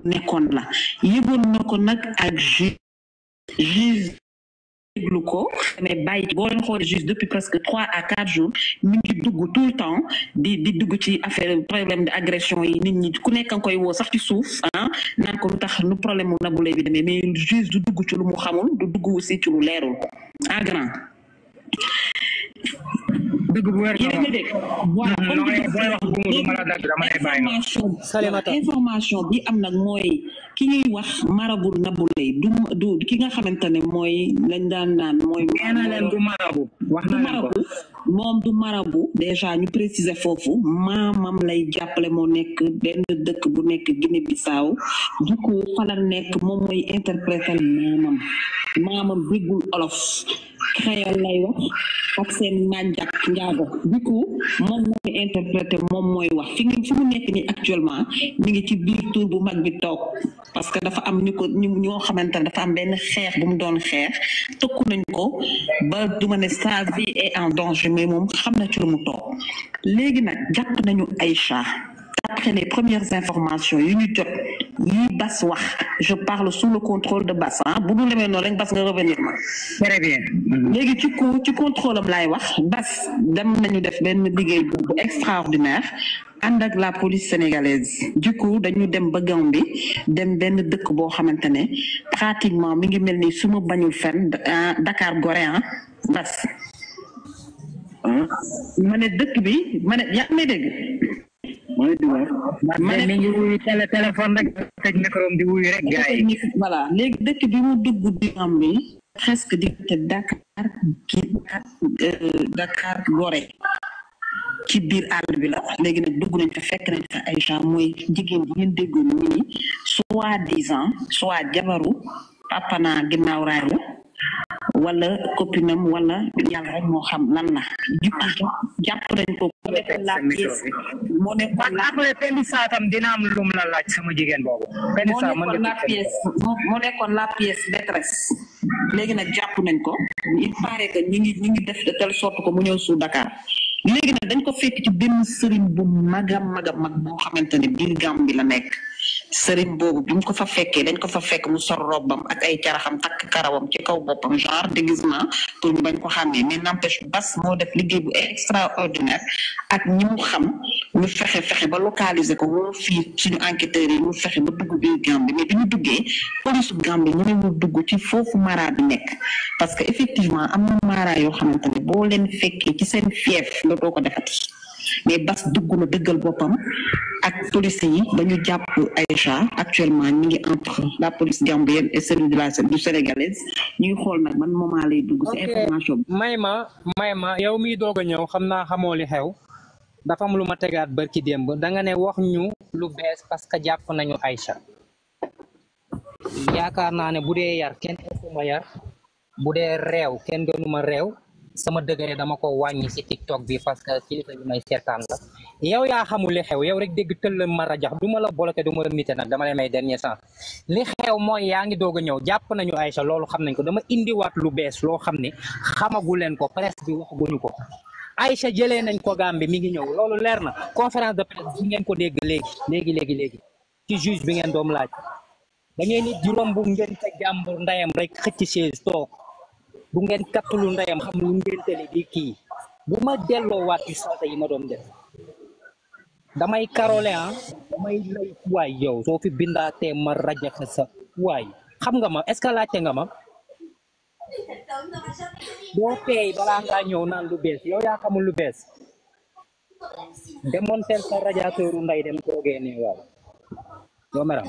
ne conne là il na nous connaître ak juste déglu mais bàyyi boo leen xoolee juste depuis presque 3 à 4 jours ni ngi dugg tout le temps di di dugg ci affaire problème de agression yi nit ñi ku nekk nga koy sax ci souf hein ah, naan ko lu tax nu problème mu Nabou bi demee mais juste du dugg ci lu mu xamul du dugg aussi ci lu leerul en grand dëgg bu wér yéen a information bi am nag mooy ki ñuy wax marabu Nabou Leye du du ki nga xamante ne mooy lañ daan naan mooy. nee na leen wax na leen ko. moom du marabu déjà ñu préciser foofu maamam lay jàppale moo nekk benn dëkk bu nek Guinée Bissau du ko fa nek, nekk moom interprète interpréter maman, maamam déggul olof créole lay wax ak seen nanjak njaago du ko moom mooy interpréter moom mooy wax fi ngi fi ni actuellement ni ngi ci biir tour bu mag bi toog parce que dafa am ñu ko ñu ñoo xamante dafa am benn xeex bu mu doon xeex tëkku nañ ko ba du ma sa vie est en danger mais mon xam na ci lu mu toog léegi nag nañu Aïcha d'après les premières informations yu ñu jot yi Bass wax je parle sous le contrôle de Bass ah bu dul demee noonu rek Bass nga revenir très bien. Mm-hmm. léegi ci ko ci contrôle am wax Bass dem nañu def Ben liggéey bu extraordinaire Andak la police sénégalaise du coup dañu dem ba Gàmbi dem benn dëkk boo pratiquement mi ngi mel ni ah, Dakar Gorée ah, Bass. ma dëkk bi ma ne yaa ngi may dégg. ma ne teg micro di wuyu rek dëkk bi mu dugg di am bi presque diggante Dakar euh, ci biir àll bi la léegi nag dugg nañ fa fekk nañ fa ay gens mooy jigéen bi ngeen déggoon ñu ni soit disant soit jabaru papana ginnaaw raay la wala copinam wala yàlla rek moo xam nan la jàpp nañ ko mu nekkoon la pièce mu saatam dina am lum la laaj sama jigéen boobu benn saa mu nekkoon la nekkoon la pièce léegi nag jàpp nañ ko il paraît que ñi ngi ñi ngi def de sot ko mu ñëw su Dakar léegi nag dañ ko fekk ci benn sëriñ bu mag a mag a mag boo xamante ne biir Gàmbi la nekk sëriñ boobu bi mu ko fa fekkee dañ ko fa fekk mu sol robbam ak ay caraxam takk karawam ci kaw boppam genre déguisement pour ñu bañ ko xàmmee mais n'empêche bas moo def liggéey bu extraordinaire ak ñi mu xam ñu fexe fexe ba localiser ko woo fii suñu enquêteurs yi ñu fexe ba dugg biir Gambie mais bi ñu duggee police Gambie ñu ne ñu dugg ci foofu mara bi nekk parce que effectivement am na mara yoo xamante ne boo leen fekkee ci seen fief la doo ko defati mais bas duggu na deugal bopam ak police yi dañu japp Aïcha actuellement ñi ngi entre la police gambienne et celle de la du sénégalaise ñuy xol nak man moma lay dugg ci information mayma mayma yow mi doga ñew xamna xam li xew da fam lu ma tegaat barki demb da nga né wax ñu lu bes parce que japp nañu Aïcha yaakaar naa ne bu dee yar kenn ëppuma yar bu dee réew kenn gënuma réew sama dëgëre dama ko wañi si tiktok bi parce que kilifa bi may seetaan la yow ya xamul li xew yow rek deg teul le rajax du ma la bolaté duma la mite nak dama lay may dernier sens li xew moy yaangi doga ñew japp nañu Aïcha lolu xam nañ ko dama wat lu bees lo xamni ne xamagu leen ko presse bi guñu ko Aïcha jëlé nañ ko Gambie mi ngi ñew lolu leer na conférence de presse bi ngeen ko dégg léegi léegi léegi léegi ci juge bi ngeen doom laaj da ngeen nit juróom bu ngeen te jàmbur ndayam rek ci chaise tok bu ngeen kattulu ndayam xam lu ngeen tele di ki ah. bu ma delloowaat ci salta yi ma doon def damay carolé han damay lay way yow so fi bindaatee ma rajaxe sa way xam nga ma est ce que laajte nga ma doo peey bala nga ñew nan lu bes yow ya xam lu bes demontel sa radiateur nday dem ko gene waaw meram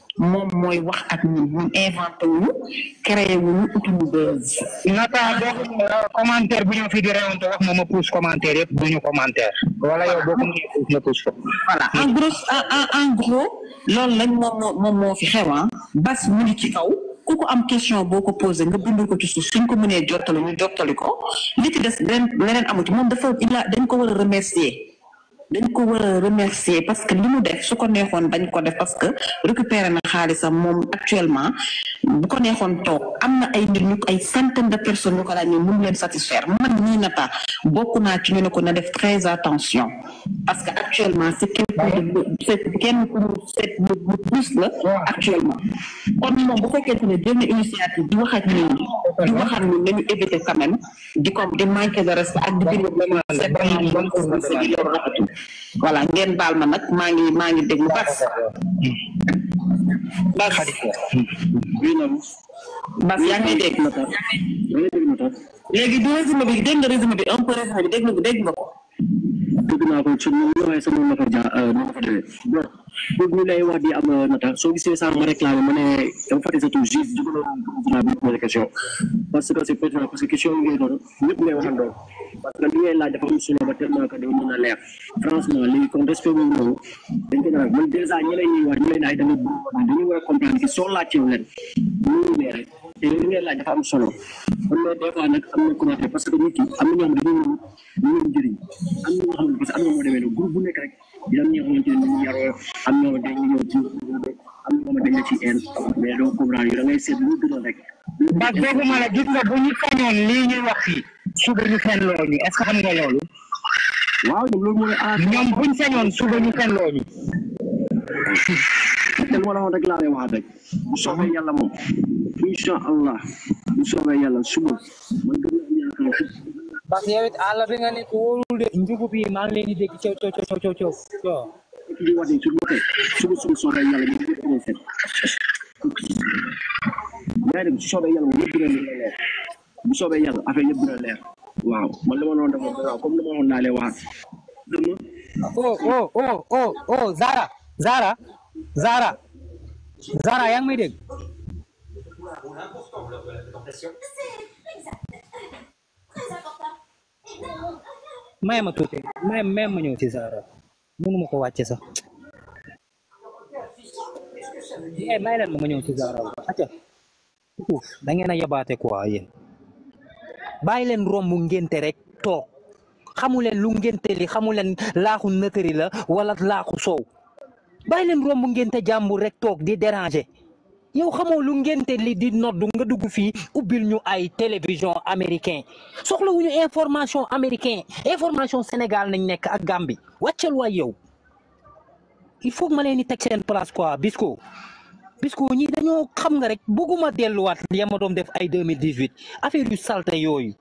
moom mooy wax ak ñun ñun inventé wu ñu créé wu ñu outil bu bees. nata dox commentaire fi di réewante wax moom ma pousse commentaire yëpp bu ñu commentaire. wala yow boo ko mënee pousse nga ko. voilà en gros en lañ moom moom moo fi xew ah bas mu ngi ci aw ku ko am question boo ko posé nga bind ko ci suuf suñ ko mënee jottali ñu jottali ko li ci des leneen leneen amu ci moom dafa il dañ ko war a remercier. dañ ko war a remercier parce que li mu def su ko neexoon bañ ko def parce que récupéré na xaalisam moom actuellement bu ko neexoon toog am na ay nit ñu ay centaine de personnes ñu ko laaj ñu mun leen satisfaire man nii na pas bokk naa ci ñu ne ko na def très attention parce que actuellement c'est quelqu'un de c'est kenn ku c'est lu plus la actuellement kon moom bu fekkee ne jël na initiative di wax ak nit di wax ak ñun nañu éviter quand même di comme di manquer de respect ak di bind c'est voilà ngeen baal ma nag maa ngi maa ngi déglu bas bas bas yaa ngi dégg motor léegi du résumé bi dégg nga résumé bi un peu résumé bi dégg nga dégg nga ko dégg naa ko ci waaye sama motor ja pour ñu lay wax di am euh, nataal soo gisee sax ma réclamé ma ne dama fàtte sa tur juste di ko doon posé question parce que c'est pertinent parce que question yi ngay doon ñëpp ngay waxandoo parce que li ngay laaj dafa am solo ba tellement que day mën a leer franchement léegi kon respect boobu noonu dañ koy naan man dèjà ñi lay ñuy wax ñu lay naaj dama bëgg dañuy war a comprendre que soo laajteewu leen ñu ne rek te li ngay laaj dafa am solo kon mais des fois nag am na commentaire parce que nit ki am na ñoo xam ne dañoo ñëw njëriñ am na ñoo xam ne parce que am na moo demee ne groupe bu nekk rek juróom ñi xamante ni yaroo am ñoo dañu ñëw ci am ñoo dañ la ci en mais doo comprendre da ngay seet lu gën rek parce que foofu ma la gis nga bu ñu kañoon lii ñuy wax fii suba ñu fen loo ñu est-ce que xam nga loolu waaw loolu mooy aar ñoom buñ sañoon suba ñu fen loo ñu te lu ma la wax rek laa lay soobee yàlla moom incha allah bu soobee yàlla suba man gën naa yaakaar parce que yow it àll bi nga nekk wóorul de njugub yi maa ngi leen di dégg coow coow coow coow coow coow. di wane ci boppam suba suba soobee yàlla ñu ngi ko fenn yaa dem su soobee yàlla moom yëpp dina leer bu soobee yàlla affaire yëpp dina leer waaw man li ma doon defoon waaw comme li ma waxoon naa leen waat. oh oh oh oh oh Zara Zara Zara Zara yaa ngi may dégg. may ma tuuti may may ma ñëw ci Zara mënuma ko wàcce sax may may leen ma ma ñëw ci Zara acca suuf da a yabaate ko yéen bàyyi leen romb ngénte rek toog xamu leen lu ngénte li xamu laaxu nëtëri la wala laaxu soow bàyyi leen romb ngénte jàmbur rek toog di déranger yow xamoo lu ngénte li di noddu nga dugg fii ubbil ñu ay télévision américain soxlawuñu information américain information Sénégal nañ nekk ak Gambie wàccal waay yow il faut ma leen di teg seen place quoi Bisco Bisco ñi dañoo xam nga rek bëgguma delluwaat li ma doon def ay 2018 affaire yu salte yooyu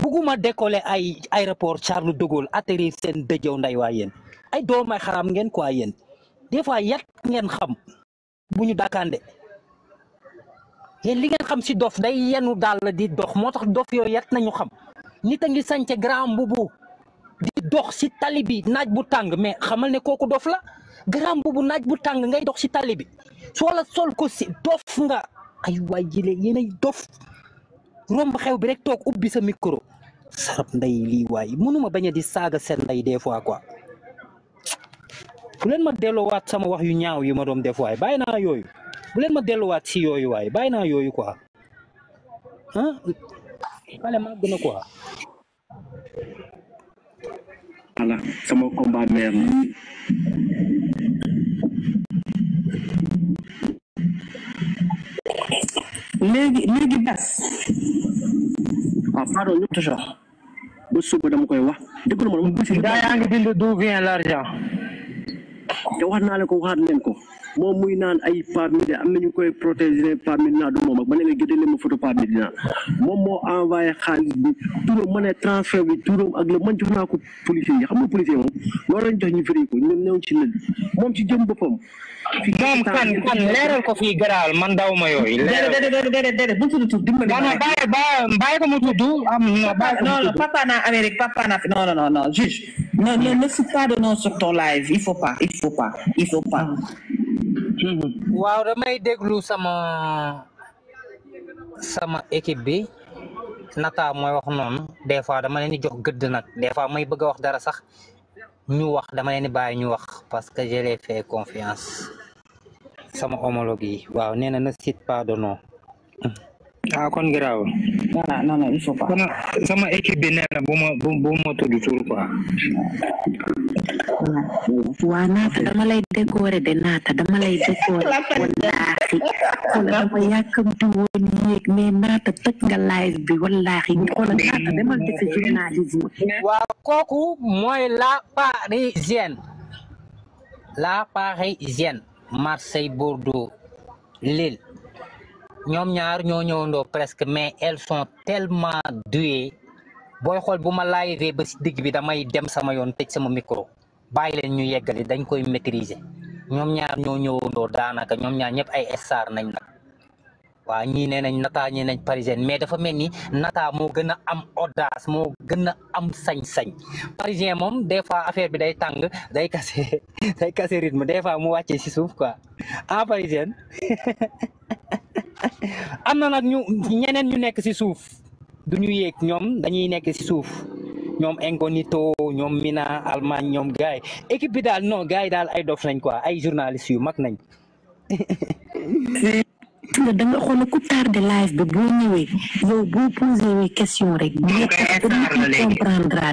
bëgguma décoller ay aéroport Charles de Gaulle atterrir seen dëjëw nday waa yéen ay doomay xaraam ngeen quoi yéen des fois yat ngeen xam bu ñu dàkkande te li ngeen xam si dof day yanu dal di dox motax dof yo yat nañu xam nit nga ngi grand bubu di dox si talibi naaj bu tang mais xamal ne koku dof la grand bubu naaj bu tang ngay dox si talibi bi wala sol ko si dof nga ay wajile jile dof romb xew bi rek tok ubbi sa micro sarap nday li way munuma baña di saga sen nday des fois quoi bu leen ma wat sama wax yu ñaaw ma dom bu ma delluwaat si yooyu waaye bàyyi naa yooyu quoi ah xale maa gën a quoi. voilà sama combat meer la. léegi léegi bas waaw pardon ñu toujours ba suba dama koy wax déglu ma dama. daa yaa ngi bind d'où vient l'argent. te naa la ko waxaat leen ko. moom muy naan ay Pape Médina am nañu koy protéger Pape Médina du moom ak ba ne nga géddale ma photo Pape Médina moom moo envoyé xaalis bi turam ma ne transfert bi turam ak la man jox naa ko policiers yi xam nga policier ñu firi ko ñoom ñëw ci lël moom ci jëm boppam moom kan kan leeral ko fii garaal man daw ma yooyu déedéet bu tudd tudd dimbali bàyyi ko mu tudd am non non papa na Amérique papa na non non non juge ne ne ne fous pas de nom sur ton live il faut pas il faut pas il faut pas ah. waaw damay déglu sama sama équipe bi nata mooy wax noonu des fois dama leen di jox gëdd nag des fois may bëgg a wax dara sax ñu wax dama leen di bàyyi ñu wax parce que je les fais confiance sama homologue yi waaw nee na ne cite pas de nom ah kon garaawul. voilà non non sama équipe bi bu ma bu ma tudd waa naata dama lay décorer de naata dama lay décorer wallaahi xoolal dama yàkkamti woon yéeg mais naata tëj nga bi wallaahi xoolal kooku mooy la parisienne la parisienne Marseille Bordeaux Lille. ñoom ñaar ñoo ñëwandoo presque mais elles sont tellement douées booy xool bu ma laajee ba si digg bi damay dem sama yoon tëj sama micro bàyyi leen ñu yeggali dañ koy maîtriser ñoom ñaar ñoo ñëwandoo daanaka ñoom ñaar ñëpp ay star nañ nag waaw ñii nee nañ Nata ñii nañ parisienne mais dafa mel ni nataa moo gën a am audace moo gën a am sañ-sañ parisien moom des fois affaire bi day tàng day kase day kase rythme des fois mu wàccee si suuf quoi en ah, parisienne am na nag ñu ñeneen ñu nekk si suuf du ñu yéeg ñoom dañuy nekk si suuf ñoom incognito ñoom mina Allemagne ñoom gars yi bi daal no gars yi daal ay dof nañ quoi ay journalistes yu mag nañ. nga da nga xool ku live bi boo ñëwee yow boo posé question rek. comprendre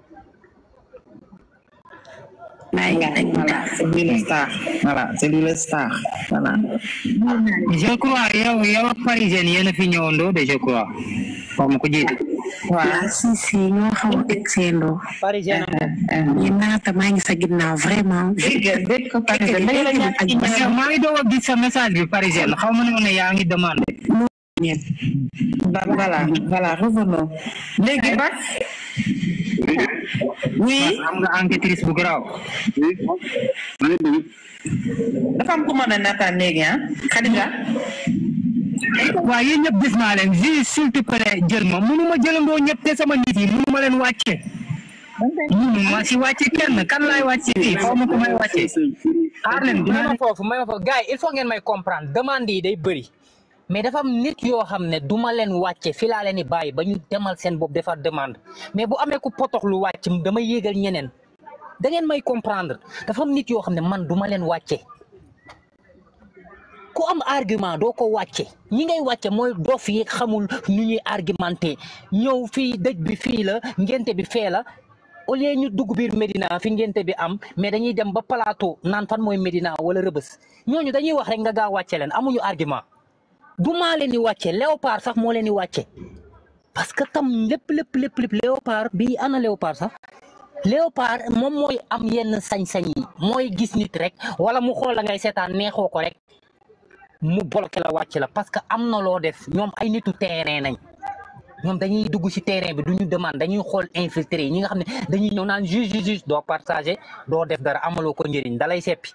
voilà c'est lui le star voilà je crois yow yow ak parisienne a fi ñëwandoo de je crois xaw ma ko jiite voilà si si ñoo naata maa ngi sa ginnaaw naa maa ngi doog a gis xaw ma ne woon yaa ngi demandé Oui. xam nga enquêtrice bu garaaw. oui maa ngi dafa am ku mën a nataal léegi Khadija. waaw yéen ñëpp gis naa leen jii s'il te plaît jël ma sama nit yi mënuma leen wàcce. mënuma si wàcce kenn kan laay wàcce fii xaw ma may wàcce. xaar dina ma foofu may ma foofu il faut ngeen may comprendre demande yi day bëri. mais dafa am nit yoo xam ne du leen wàcce fi laa leen di bàyyi ba ñu demal seen bopp defar demande mais bu amee ku potox lu wàcc damay yéegal ñeneen da ngeen may comprendre dafa am nit yoo xam ne man du leen wàcce ku am argument doo ko wàcce ñi ngay wàcce mooy dof yi xamul ñu ñuy argumenté ñëw fii dëj bi fii la ngénte bi fee la au lieu ñu dugg biir Médina fi ngénte bi am mais dañuy dem ba plateau naan fan mooy Médina wala rëbës ñooñu dañuy wax rek nga gaaw wàcce leen amuñu argument du maa leen di wàcce léopard sax moo leen di wàcce parce que tam lépp lépp lépp lépp léopard bi ana léopard sax léopard moom mooy am yenn sañ-sañ yi mooy gis nit rek wala mu xool la ngay seetaan neexoo ko rek mu bloqué la wàcc la parce que am na loo def ñoom ay nitu terrain nañ ñoom dañuy dugg ci terrain bi duñu demande dañuy xool infiltré yi ñi nga xam ne dañuy ñëw naan juge juge doo partager doo def dara amaloo ko njëriñ dalay seppi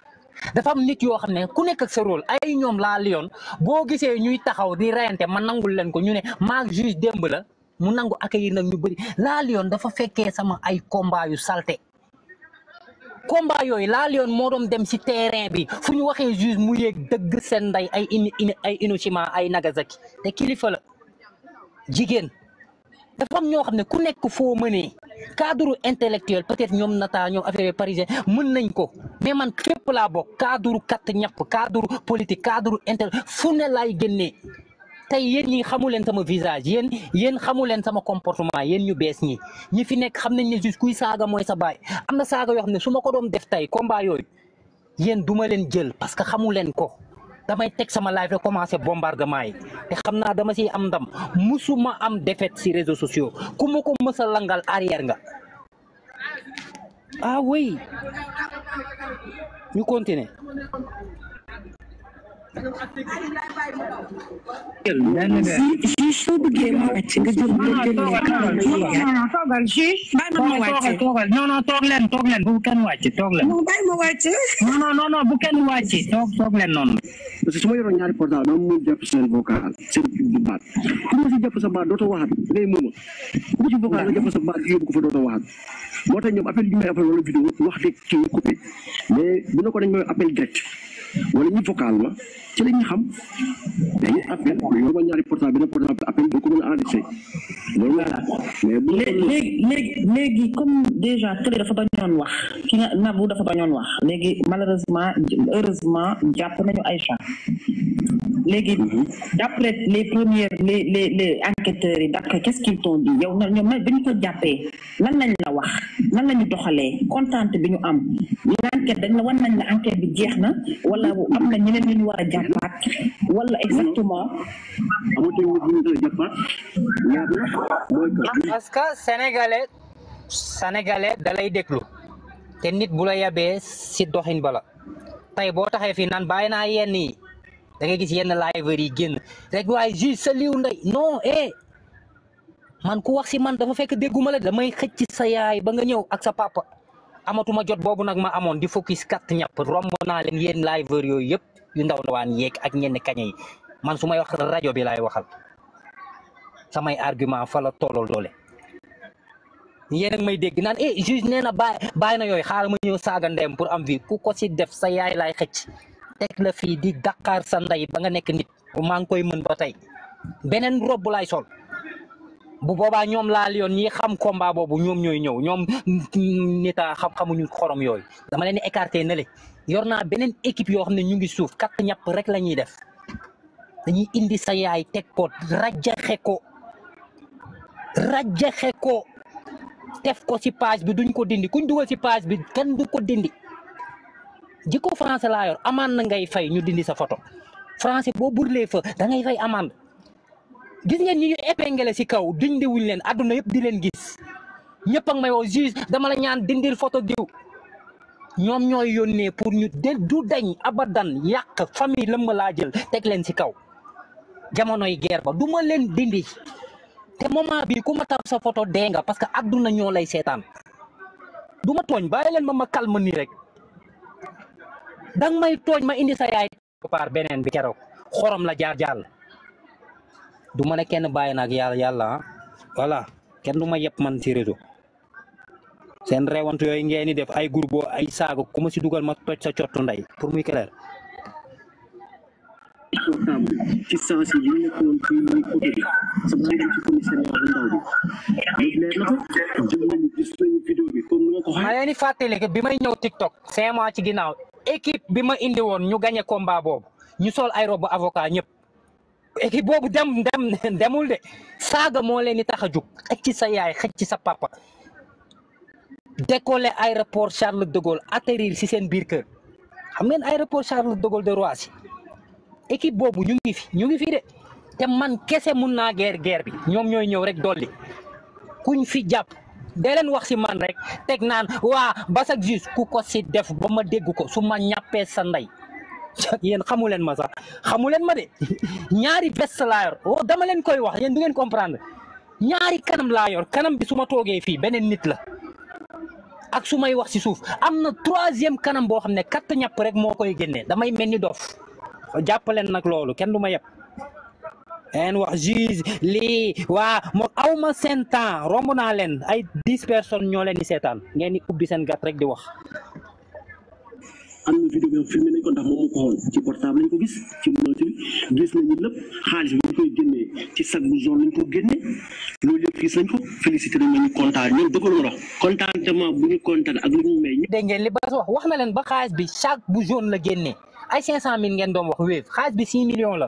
dafa am nit yoo xam ne ku nekk ak sa rôle ay ñoom laa liyoon boo gisee ñuy taxaw di reyante ma nangul leen ko ñu ne maag juge démb la mu nangu accueillir nag ñu bari laa liyoon dafa fekkee sama ay combat salte salté yooyu laa liyoon moo doon dem si terrain bi fu ñu waxee juge mu yéeg dëgg seen nday ay ay Hiroshima ay Nagasaki te kilifa la jigéen defam ñoo xam ne ku nekk foo mënee cadre intellectuel peut-être ñoom nata ñoom affaire parisien mën nañ ko mais man fépp laa bokk cadre katt ñàpp cadre politique cadre intel fu ne laay génnee tey yéen ñi xamu leen sama visage yéen yéen xamu leen sama comportement yéen ñu bees ñi ñi fi nekk xam nañ ne juste kuy saaga mooy sa baay am na saaga yoo xam ne su ma ko doon def tey combat yooyu yéen duma leen jël parce que xamu leen ko damay teg sama live rek commencé bombardement yi te xam naa dama ci am ndam musuma am défaite si réseau sociaux ku ma ko mës langal arrière nga ah oui ñu continuer shi so buge ma a ci gajin gajin ne kawai ba no no toog leen toog leen bu kenn wàcce toog leen no bay ma wàcce no no no bu kenn noonu parce que su ma yoroon ñaari portable dama mun jàpp seen vocal seen baat ku ma si jàpp sa baat dootoo waxaat day muuma ku ma si vocal nga jàpp sa baat yóbbu waxaat moo tax ñoom appel ne ko dañ may appel direct wala ñu vocal ma ci la xam dañuy appel yow ma ñaari portable benn portable appel doo ko mën a enregistré loolu laa mais bu léegi léegi léegi comme déjà télé dafa bañoon wax ki na Nabou dafa bañoon wax léegi malheureusement heureusement jàpp nañu Aïcha léegi. d'après les premiers les les les enquêteurs yi d'après qu'est-ce qu'ils t'ont dit yow ñoom bi ñu ko jàppee lan lañ la wax lan la ñu doxalee contente bi ñu am l'enquête dañ la wan nañ la enquête bi jeex na wala am na ñeneen ñu ñu war a jàppaat wala exactement. Ah, parce que sénégalais sénégalais dalay déglu te nit bu la yabee si doxin bala tey boo taxee fii naan bàyyi naa yenn yi da ngay gis yenn liveur yi génn rek waaye juge sa liw ndey non eh man ku wax si man dafa fekk dégguma la damay xëcc sa yaay ba nga ñëw ak sa papa amatuma jot boobu nag ma amoon di focus kat ñàpp romb naa leen yéen liveur eh, yooyu yëpp yu ndaw ndawaan yeeg ak ñenn kañe yi man su may wax rajo bi laay waxal samay argument fa la tollol doole yéen ak may dégg naan eh juge nee na bàyyi bàyyi na yooyu xaaral ma ñëw saaga ndeyam pour am vie ku ko si def sa yaay laay xëcc teg la fii di daqaar sa nday ba nga nekk nit maa ngi koy mën ba tey beneen rob laay sol bu boobaa ñoom laal yoon ñi xam komba boobu ñoom ñooy ñëw ñoom nita xam-xamuñu xorom yooyu dama leen écarté na yor naa beneen équipe yoo xam ne ñu ngi suuf kat ñapp rek la ñuy def dañuy indi sa yaay teg ko rajaxe ko rajaxe ko def ko ci page bi duñ ko dindi kuñ dugal ci page bi kenn du ko dindi jikko français laa yor amande ngay fay ñu dindi sa photo français boo burlee fa da ngay fay amande gis ngeen ñi ñu épinglé si kaw dindi leen àdduna yëpp di leen gis ñëpp ak may woo juge dama la ñaan dindil photo diw ñoom ñooy yónnee pour ñu de du dañ abadan yàq famille lëmm laa jël teg leen si kaw jamonoy guerre ba du ma leen dindi te moom bi ku ma tar sa photo dee nga parce que adduna ñoo lay seetaan du ma tooñ bàyyi leen ma ma calme nii rek. danga may tooñ ma indi sa yaay beneen bi keroog xorom la jaar jàll du ma ne kenn bàyyi na yàlla yàlla ah voilà kenn du ma yëpp man ci réseau seen yooyu ngeen di def ay groupe ay saaga ku si dugal ma toj sa cottu ndey pour muy clair ci sens yi nekkoon ci oto bi ma ko waxee ma bi may ñëw TikTok cinq mois ci ginnaaw équipe bima ma indi won ñu gagné combat bob ñu sol ay robe avocat ñep équipe boobu dem dem demul de saga mo leni di xec ci sa yaay xec ci sa papa décoller aéroport Charles de Gaulle atterrir ci sen biir keur xam ngeen aéroport Charles de Gaulle de Roissy équipe bobu ñu ngi fi ñu ngi fi de te man kese mun na guerre guerre bi ñom ñoy ñew rek doli kuñ fi japp dee wax si man rek teg naan waa basak jus ku ko si def ba ma dégg ko suma ñappé sa nday yéen xamu ma sax xamulen ma de ñaari best la yor oh dama len koy wax yeen du ngeen comprendre ñaari kanam la yor kanam bi suma toge fi benen nit la ak sumay wax si suuf amna 3e kanam bo xamne kat ñap rek mo koy genné damay melni dof jappalen nak lolu kenn duma ngeen wax juge lii waa moom aw ma seen temps romb naa leen ay dix personnes ñoo leen di seetaan ngeen di ubbi seen gat rek di wax. am na vidéo bi filmé nañ ko ndax moom moo ko xool ci gis ci montre bi gis nañu bi ñu koy génnee ci sac bu jaune lañ ko génnee loolu yëpp gis nañ ko félicité nañ ñu kontaan ñoom dëgg lu ma wax contentement bu ñu kontaan ak lu ñu may. dégg ngeen li Bass wax wax na leen ba xaalis bi sac bu jaune la génne ay cinq cent mille ngeen doom wax wéef xaalis bi six millions la.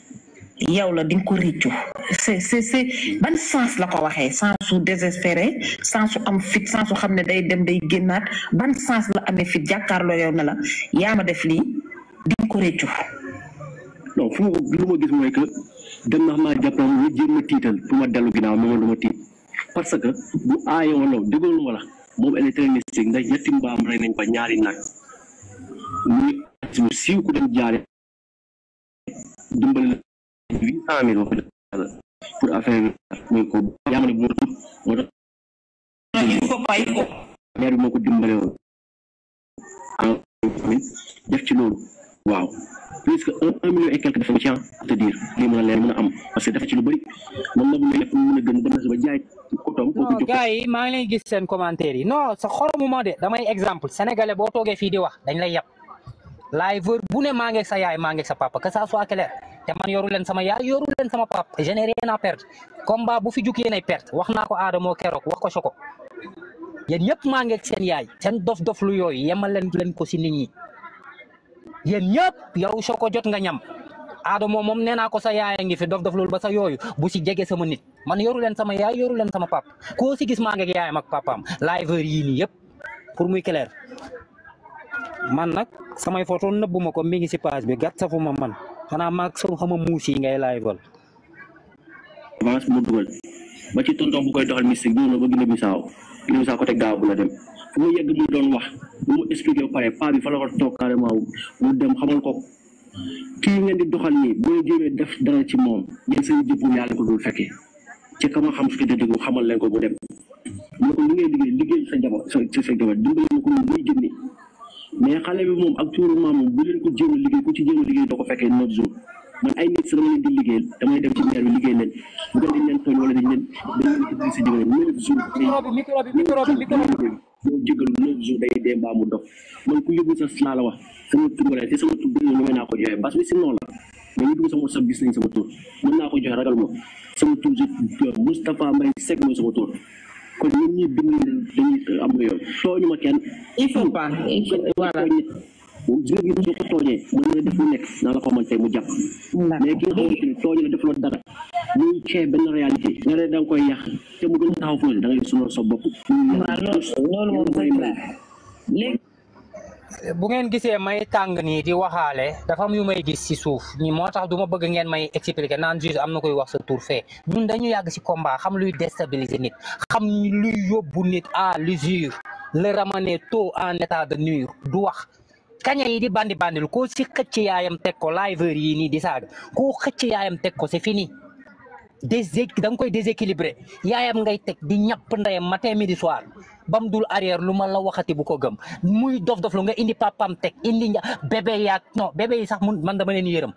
yow la di ko réccu c'est c'est c'est ban sens la ko waxee sens su désespéré sens su am fit sens su xam ne day dem day génnaat ban sens la amee fit jàkkaarloo yow na la yaa ma def lii di nga ko réccu lu ma gis mooy que dem na maa jàppam ñu jéem ma dellu ginnaaw mooma lu ma tiit parce que bu aaye wala déggoon wala moom électronique ndax ñetti mbaam rey nañ ko ñaari nag muy siiw ku dem jaare huit cent mille wax dëgg pour bi muy ko ah, ko dimbale def ci loolu waaw plus que un million et quelque dafa ci te dire lii mën a am parce que dafa ci lu bëri man la bu nekk mën a gën dem na si jaay maa ngi lay gis seen commentaire yi no sa xoromuma de damay exemple sénégalais boo toogee fii di wax dañ lay yàpp liveur bu ne maa ngeeg sa yaay maa ngeeg sa papa que ça soit clair te man yoru leen sama yaay yoru leen sama papa je n'ai rien à perdre bu fi jug yéenay perte wax naa ko Adamo keroog wax ko Choco yéen ñëpp maa ngeeg seen yaay seen dof-dof lu yooyu yemal leen leen ko si nit ñi yéen ñëpp yow Choco jot nga ñam Adamo moom nee naa ko sa yaay a ngi fi dof-dof loolu ba sa yooyu bu si jege sama nit man yoru leen sama yaay yoru leen sama papa koo si gis maa ngeeg yaayam ak papaam liveur yii nii yëpp pour muy clair. man nag samay photo nëbbuma ko mi ngi si page bi gàtt safuma man xanaa maag soo xama muus yi ngay laay vol. avance mu ba ci tonton bu koy doxal mystique bi ba a a misaaw ko teg gaaw bu la dem fu mu yegg mu doon wax mu expliqué ba pare pa bi fa ko toog carrément mu dem xamal ko kii ngeen di doxal nii boo jéemee def dara ci moom yéen seen jëppum yàlla ko dul fekkee ci kama xam suñu dëgg xamal leen ko bu dem mu ne ko li ngay liggéey liggéey sa jabar sa sa jabar ko muy jëndi mais xale bi moom ak tuuru maam bu leen ko jéem a liggéey ku ci jéem liggéey doo ko fekkee neuf jours man ay nit sama leen di liggéeyal damay dem ci maire bi liggéey leen bu ko dañ si jëgal neuf jours boo jëgalu neuf jours day dee mbaa mu dox man ku yóbbu sax laa la wax sama tur wala te naa ko joxe parce que si noonu la mais ñu dugg sama WhatsApp tur mën naa ko joxe ragal ma sama tur Moustapha Mbaye Seck mooy sama tur kon ñun ñi bind dañuy am yoon tooñu ma kenn. il faut pas voilà. gis nga gis soo ko tooñee def lu nekk naa la ko mën tey mu jàpp mais ki nga xamante ni tooñ la def loolu dara muy xee benn réalité nga ne da koy yàq te mu gën a taxaw foofu da ngay sunal sa bopp. waaw loolu loolu moom bu ngeen gisee may tàng nii di waxaale dafa am yu may gis si suuf ñi moo tax du ma bëgg ngeen may expliquer naan juste am na koy wax sa tur fee ñun dañu yàgg si combat xam luy déstabiliser nit xam luy yóbbu nit à l'usure le ramener tôt en état de nuire du wax kaña yi di bandi bandil ko si xëcc yaayam teg ko liveur yii nii di saaga ko xëcc yaayam teg ko c'est fini désé da nga koy déséquilibré yaayam ngay teg di ñàpp ndeyam matin midi soir bam dul arrière luma la waxati bu ko gem muy dof dof lu nga indi papam tek indi bébé yaag non bébé yi sax man dama len yërëm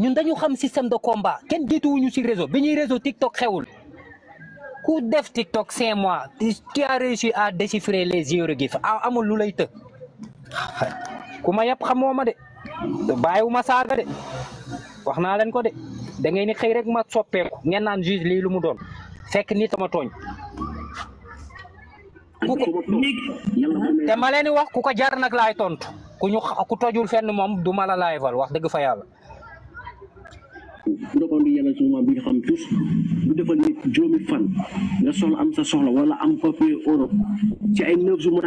ñun dañu xam système de combat kenn wuñu ci réseau biñuy réseau tiktok xewul ku def tiktok 5 mois tu as réussi à déchiffrer les hiéroglyphes a amul lu lay te ku ma yàpp xamoo ma de bàyyiwuma saaga de waxna len ko de da ngay ni xey rek ma soppeku ngeen nan juge li lu mu doon fekk ni sama togn ku te ma leen di wax ku ko jar nag laay tontu ku ñu ku tojul fenn moom du ma la laayval wax dëgg fa yàlla. ndogandu yàlla bi ñu xam tous bu defal nit juróomi fan nga soxla am sa soxla wala am papier Europe ci ay neuf jours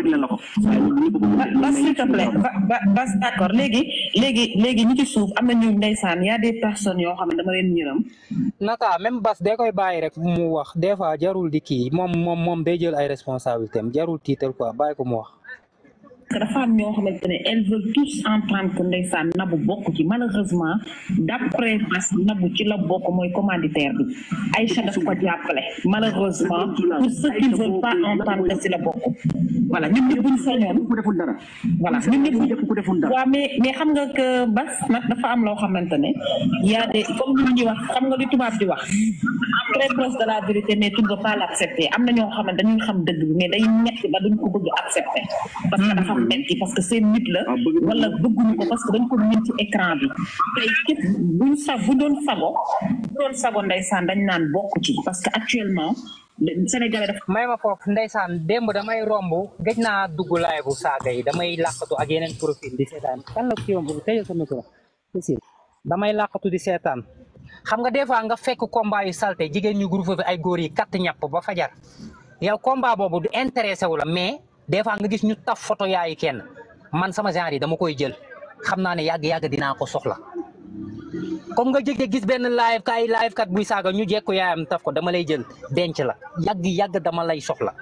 bas s'il léegi léegi léegi ñu ci suuf am na ñu ndeysaan y a personnes yoo xam ne dama leen ñëram. naka même bas day koy bàyyi rek mu wax des fois jarul di kii moom moom moom day jël ay responsabilités am jarul tiital quoi bàyyi ko mu wax. que dafa am ñoo xamante ne elles veulent tous entendre que ndeysaan nabu bokk ci malheureusement d'après mas nabu ci la bokk mooy commanditaire bi Aïcha daf ko jàppale malheureusement pour ceux qui ne veulent pas entendre que si la bokk voilà ñun ñëpp buñ sañoon voilà ñun ñëpp waaw mais mais xam nga que bas nag dafa am loo il y a des comme li ñuy wax xam nga li tubaab di wax très proche de la vérité mais tu ne peux pas l'accepter am na ñoo xamante dañuy xam dëgg mais day ñett ba duñ ko bëgg accepter parce que dafa metti parce que seen nit la ah, wala bëgguñu ko parce que dañ ko mën ci bi sa bu doon sago bu doon sago dañ naan bokk ci parce que actuellement Sénégal dafa may ma foofu ndeysaan démb damay romb gëj naa dugg laay bu saaga yi damay làqatu ak yeneen profil di seetaan kan la kii woon tey damay làqatu di seetaan xam nga des fois nga fekk combat yu salté jigéen ñu groupe bi ay góor yi katt ñap ba fajar yow combat boobu du intéressé mais des fois nga gis ñu taf photo yaayu kenn man sama genre yi dama koy jël xam naa ne yàgg yàgg dinaa ko soxla comme nga jëg gis benn live kaay live kat buy saaga ñu jekku yaayam taf ko dama lay jël denc la yàgg yàgg dama lay soxla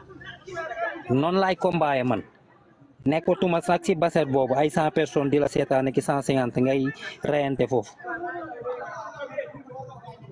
noonu laay combattre man nekkatuma sax ci baset boobu ay cent personnes di la seetaan ki cent cinquante ngay reyante foofu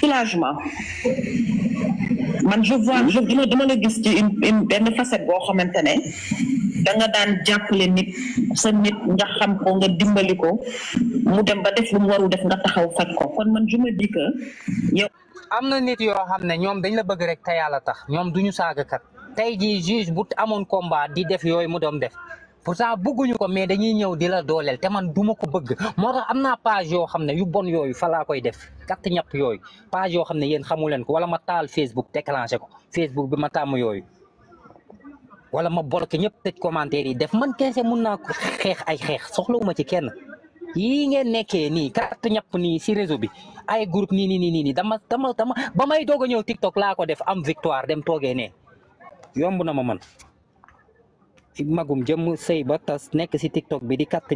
soulagement man je vois je dama la gis ci une benn facette boo xamante ne danga nga daan jàppale nit sa nit nga xam ko nga dimbali ko mu dem ba def lu mu warul def nga taxaw faj ko kon man je me am na nit yoo xam ne ñoom dañ la bëgg rek te yàlla tax ñoom du duñu saagakat tey jii juge bu amoon combat di def yooyu mu doon def. pourtant bëgguñu ko mais dañuy ñëw di la dooleel te man duma ko bëgg moo tax am naa page yoo xam ne yu bon yooyu fa laa koy def katt ñapp yooyu page yoo xam ne yéen xamu leen ko wala ma taal Facebook déclenché ko Facebook bi ma tàmm yooyu wala ma bloqué ñëpp tëj commentaire yi def man keese mun naa ko xeex ay xeex soxlawuma ci kenn yii ngeen nekkee nii carte ñapp nii si réseau bi ay groupe nii nii nii dama dama dama ba may doog a ñëw TikTok laa ko def am victoire dem toogee ne yomb na ma man magum jëmm sëy ba tas si tiktok bi di katt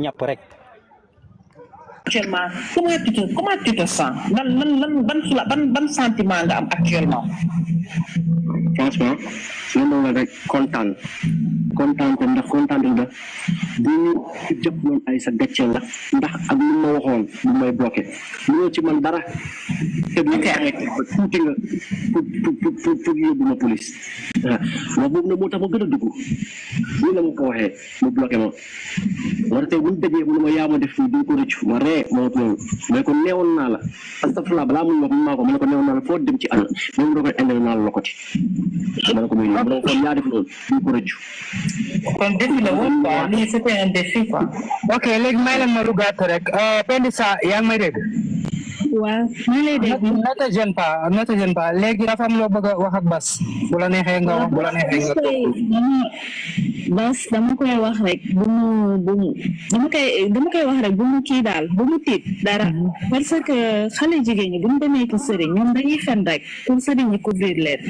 actuellement comment tu te comment tu te sens ban, ban, ban, ban sula ban ban sentiment nga am actuellement franchement lu ma rek content content ko ndax content ndax bu ñu jëpp man ay sa gatché la ndax ak lu ma waxoon lu may bloqué mënoo ci man dara te bu ñu arrêté ba tuuti nga pour pour pour pour yóbbu ma police wa bu nag moo ba gëna dugg lii la ma ko waxé mu bloqué mo war té bu ñu dajee mu ne ma yaa ma def duñ ko rëccu ma mais moo moom ne ko neewoon naa la astafurlah balaa muy wax maa mu ko neewoon naa la foo dem ci àll même doo ko indil naa la lokati mu ne ko muy mu ne ko def ko kon la c'était un défi quoi. ok may la ma rek euh, Pendi Sa yaa ngi may dégg. waaw ñu lay dégg nata jeune pas nata jeune pas léegi dafa am bëgg wax ak bas bu la nga wax bu la nga bas dama koy wax rek bu mu bu mu dama koy dama koy wax rek bu mu kii daal bu mu tiit dara mm-hmm. parce que xale jigéen ñi bu ñu demee ci sëriñ ñoom dañuy fen rek pour sëriñ ñi couvrir leen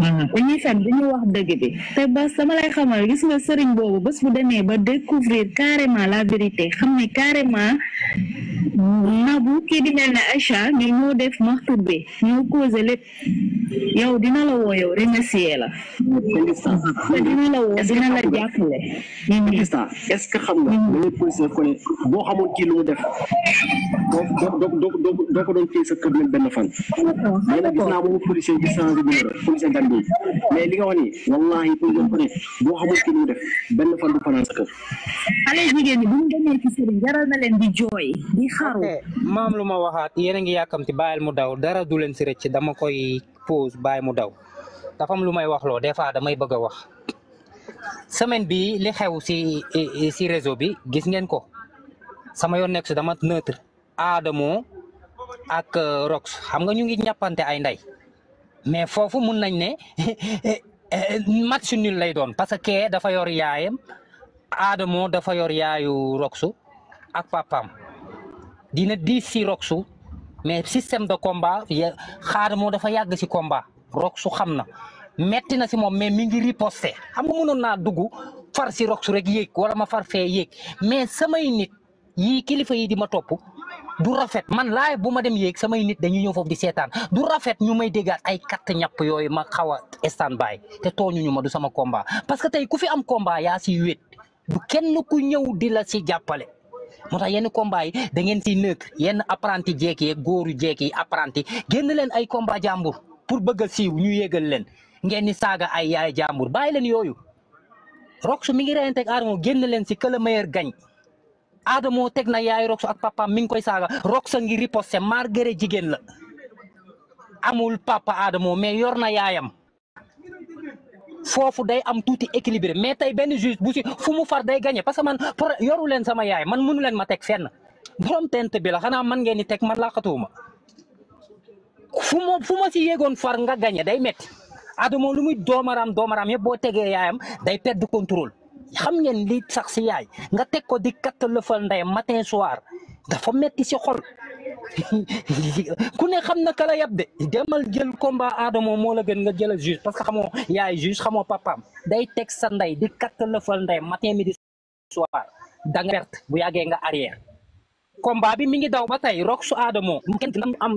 mm-hmm. dañuy fen bu wax dëgg bi te bas dama lay xamal gis nga sëriñ boobu bés bu demee ba découvrir carrément la vérité xam ne carrément nabu kii di mel ne Aïcha ñoo ñoo def maxtur bi ñoo causé lépp yow dina la woo yow remercier la mm-hmm. dina la dina gis naa est-ce que xam nga. boo xamoon kii lu mu def doo sa benn fan. mais gis naa moom policier bi changé numéro boo xamoon kii lu benn fan du fanaan sa kër. xale jigéen di jooy di xaru. maam lu ma waxaat yéen a ngi yàkkamti bàyyil mu daw dara du leen si rëcc dama koy pause baay mu daw dafa am lu may wax loo des fois damay bëgg a wax. semaine bi li xew si si réseau bi gis ngeen ko sama yoon nekk si dama neutre Adamo ak euh, Rox xam nga ñu ngi ñàppante ay ndey mais foofu mun nañ ne match nul lay doon parce que dafa yor yaayam Adamo dafa yor yaayu Roxu ak papaam dina diis si Roxu mais système de combat xaar moo dafa yàgg si combat Roxu xam na metti na ci mom mais mi ngi riposté xam nga mënon na duggu far si rox rek yéeg wala ma far fee yéeg mais samay nit yi kilifa yi di ma top du rafet man lay buma dem yéeg samay nit dañuy ñëw fofu di seetaan du rafet ñu may déggaat ay kat ñap yoy ma xawa standby te ñu ma du sama combat parce que tay ku fi am combat ya ci wéet du kenn ku ñëw di la ci jappalé motax yenn combat yi da ngeen si neuk yenn apprenti jeek goru góoru apprenti génn leen ay combat jambour pour bëggal ñu yéggal leen ngeen saga saaga ay yaay jambour bay leen yoyu Rox mi ngi reyante ak Adamo génn leen si que mingkoi meilleur gagne Adamo tek na yaay ak papa mi ngi koy ngi riposte jigen la amul papa Adamo mais yor na yaayam fofu day am touti équilibré mais tay ben juge bu ci fu far day gagner parce que man yorou leen sama yaay man munu leen ma tek fenn borom tente bi la xana man ngeen ni tek man laqatuwuma fu ma fu ma far nga gagner day metti Adamo lu muy doomaraam doomaraam yëpp boo tegee yaayam day perdre contrôle xam ngeen li sax si yaay nga teg ko di kattan lëfal ndey matin soir dafa metti si xol ku ne xam na kala yab de demal jël combat gën nga jël juge parce que xamoo yaay juge xamoo papaam day teg sa ndey di kattan lëfal ndey matin bu yàggee nga arrière. bi mi ngi daw ba tey rox su Adamo kenn am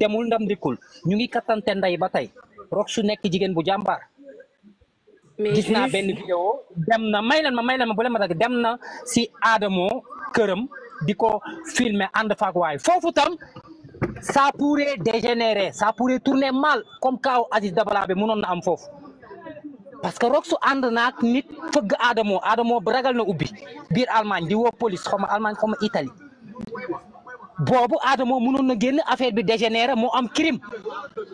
demul ndam dikkul ñu ngi katante ndey ba tey. su nek jigen bu jambar gis na ben video dem na may leen ma may ma bu le ma rek dem na si Adamo keureum di filmer and fak way fofu tam ça pourrait dégénérer ça pourrait tourner mal comme kaw Aziz Dabala bi mënoon na am fofu parce que su and naak nit feug Adamo Adamo bragal na ubi, bir almagne di wo police xoma almagne xoma Italie boobu Adama mënoon na génn affaire bi dégénéré moo am crime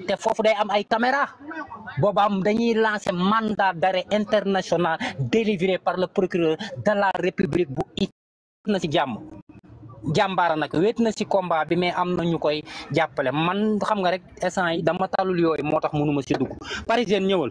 te foofu day am ay caméra boobu dañuy lancer mandat d'arrêt international délivré par le procureur de la République bu it na ci jàmm jàmbaara nag wéet na ci combat bi mais am na ñu koy jàppale man xam nga rek instant yi dama talul yooyu moo tax mënuma ci dugg Parisien ñëwal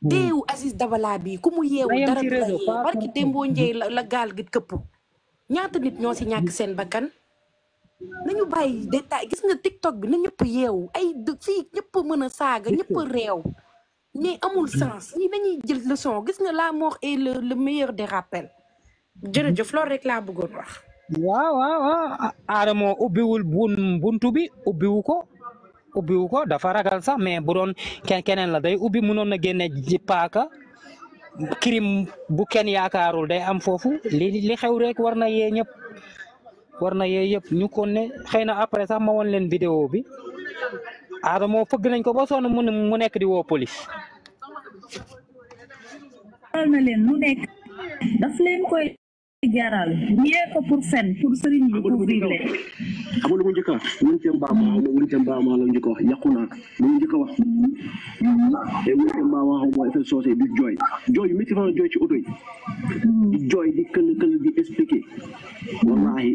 Hmm. deewu Aziz Dabala bi ku mu yeewu dara du la yee barki Dembo Ndiaye la gaal gi këpp ñaata nit ñoo ci ñàkk seen bakkan nañu bàyyi détail gis nga TikTok bi na ñëpp yeewu ay fii ñëpp mën a saaga ñëpp réew mais amul hmm. sens ñi nañuy jël leçon gis nga la mort est le le meilleur des rappels hmm. jërëjëf loolu rek laa bëggoon wax waaw waaw waaw aadama ubbiwul bun bi ubbiwu ko ubbiwu ko dafa ragal sax mais bu doon keneen la day ubbi noon na génne ji paaka crime bu kenn yaakaarul day am foofu li li xew rek war na yee ñëpp war na yee yëpp ñu ko ne xëy na après sax ma won leen vidéo bi Adamo fëgg nañ ko ba sonn mu mu nekk di woo mu nekk daf leen koy jaral rien que pour fen pour sëriñ bi pour vivre xam nga lu mu njëkk a wax wuñ ca ma wuñ ca a wax yàqu naa lu mu njëkk a wax te wuñ ca mbaama xaw ma effet du jooy jooy yu métti fan jooy ci oto yi jooy di kël kël di expliquer wallaahi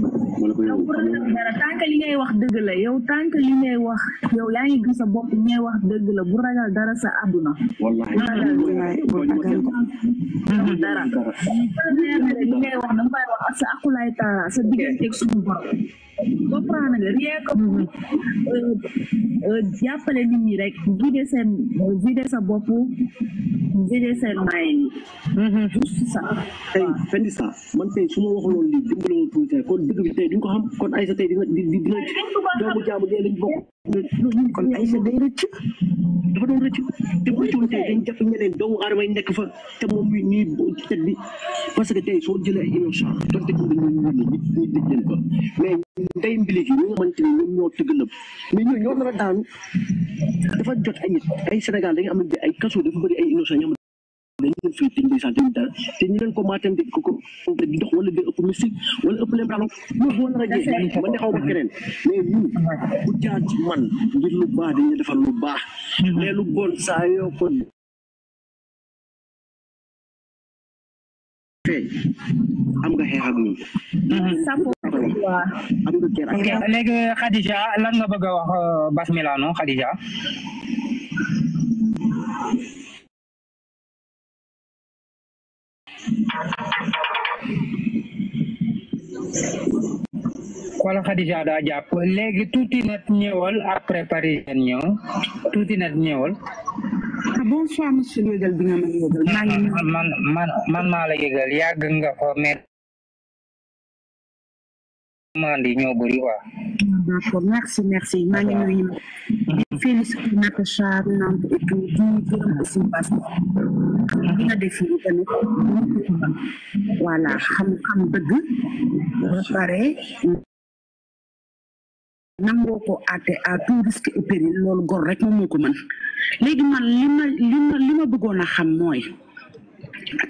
dara tant que li ngay wax dëgg la yow tant que li ngay wax yow yaa ngi gis sa bopp li ngay wax dëgg la bu ragal dara sa àdduna wallahi dara li ngay wax danga koy wax sa akulaay taala sa digganteeg suñu borom comprendre nga rien que jàppale nit ñi rek vider seen vider sa bopp vider seen maay juste ça tey man tey su ma wax loolu lii dimbali ma tuuti kon dëgg bi tey duñ ko xam kon Aïssa tey dina dina dina rëcc doomu jaamu dee lañ bokk. ñun kon Aïssa day rëcc dafa doon rëcc te bu rëccoon tey ñeneen doomu aadama yi nekk fa te moom mi nii ci tet parce que tey soo jëlee ay émission donte ñu dañoo ñu ñu ñu dégg leen ko mais ndey mbiligi ñi nga xamante ni ñoom ñoo tëgg lëb a daanu dafa jot ay nit ay Sénégal dañu dañu fi tiñ di santé dal té ñu leen ko matam di ko di dox wala di ëpp musique wala ëpp leen talon mo bo na rajé man de xaw ma keneen mais ñu bu jaar ci man ngir lu baax dañu defal lu baax mais lu bon sa yo ko am nga ak Khadija lan nga bëgg wax Khadija wala Khadija daa jàpp léegi tuuti nag ñëwal après Paris ngeen ñëw tuuti nag ñëwal. Ah, bonsoir monsieur Yégal bi nga ma yégal. man man man maa la yégal yàgg nga ko mais. commande yi ñoo d'accord merci merci maa ngi nuyu pare nangoo ko àtte à tout risque loolu gor rek moom moo ko mën léegi man li ma li ma li ma bëggoon a xam mooy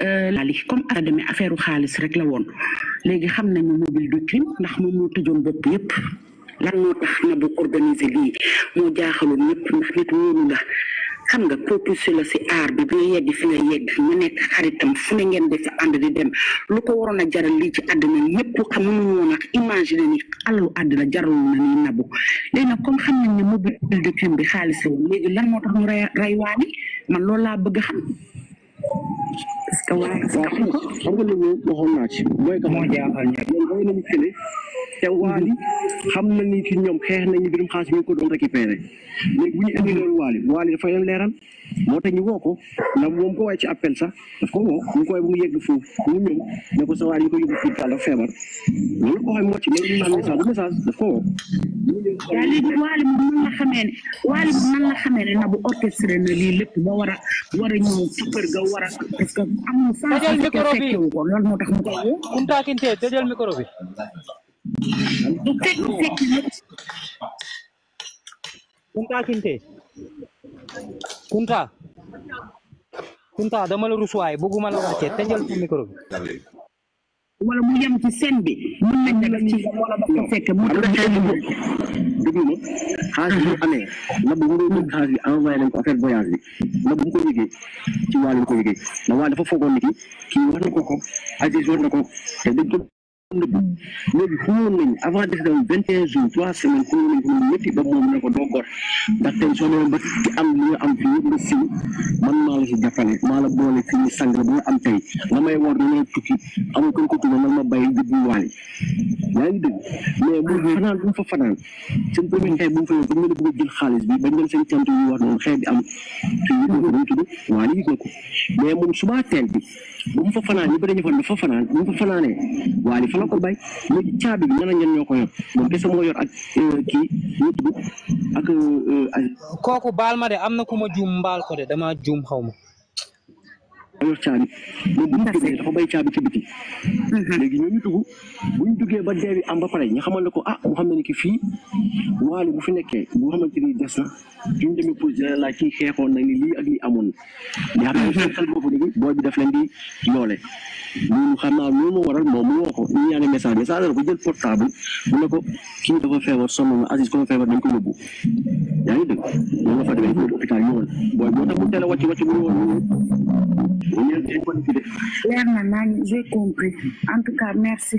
euh, laali comme ara demee affaire xaalis rek la woon léegi xam nañu mobile du crime ndax moom moo tëjoon bopp yépp lan moo tax na bu organiser lii moo jaaxalul ñëpp ndax nit wóolu la xam nga propulsé la si aar bi bi yegg fi nga yegg nga nekk xaritam fu ne ngeen def ànd di dem lu ko waroon a jaral lii ci àddina ñëpp xam mënuñu woon ak ni alalu àddina jaral na ni nabu bi xaalis la woon lan moo tax ñu ray man loolu laa bëgg xam parce que waaye xam nga lu mooy que moo jaaxal ñëpp te waali xam na ni ci ñoom xeex nañu birum xaalis mi ngi ko doon récupéré léegi bu ñu indi loolu waali waali dafa leen leeral moo tax ñu woo ko ndax moom ko waaye ci appel sax daf ko woo ñu koy bu mu yegg foofu mu ñëw ne sa waali ñu ko yóbbu fii dafa feebar loolu ko xam moo ci loolu ñu naan message bu message daf ko woo yaa léegi waali moom nan la xamee ne waali na a a ñëw a parce ኩንታ ኪንቴ ኩንታ kunta dama la rusu waay bëgguma la wàccee te jël sa micro bi. wala mu yem ci seen bi mën nañ la ci wala ba mu am na xaalis bu déglu ma xaalis bu amee la bu mu mën xaalis bi envoyé nañ ko affaire voyage bi la bu mu ko liggéey ci waa ko liggéey na waa dafa foogoon ni ki kii war na ko ko Aziz war na ko te léegi xamoon nañ avant def dem vingt et un jours trois semaines xamoon nañ xamoon métti ko doo ndax tey soo demee ba ci am li nga am fii yëpp nga siw man maa la si la boole fi ñu sang ba am tey la may war da ngay tukki ko tuba man ma bàyyi jubbu waale yaa ngi dégg mais bu mhm. fanaan bu fa fanaan seen premier bu mu fa xaalis bi bañ dem seen cant yu wax noonu xeex bi am fii yëpp ko duñ tudd waa li yëg ko mais moom subaa teel bi bu mu fa fanaan ñu bëri ñëfoon dafa fanaan bu mu fa fanaanee waali fa la ko bay léegi caabi bi ñan a ñen ñoo ko yor moom kese moo yor ak euh, kii ñu ak euh, kooku baal ma de am na ku ma juum mbaal ko de damaa juum xaw ma yor caabi moom bu mu duggee dafa bay caabi ci biti mm-hmm. léegi bu ñu duggee ba dee bi am ba pare ñu xamal ko ah mu xam ne ni ki fii waale bu fi nekkee bu xamante ni des na suñ demee pause dina laaj na ni lii ak na mais xam nga boobu léegi booy bi daf leen di loole loolu xam naa loolu moo waral moom mu woo ko ñu ñaanee ko jël portable bu ne ko kii dafa feebar na ko ma feebar dañ ko yóbbu yaa ngi dégg loolu la fa demee ñu hôpital yoon booy moo tax mu a wàcc wàcc bu woon en tout cas merci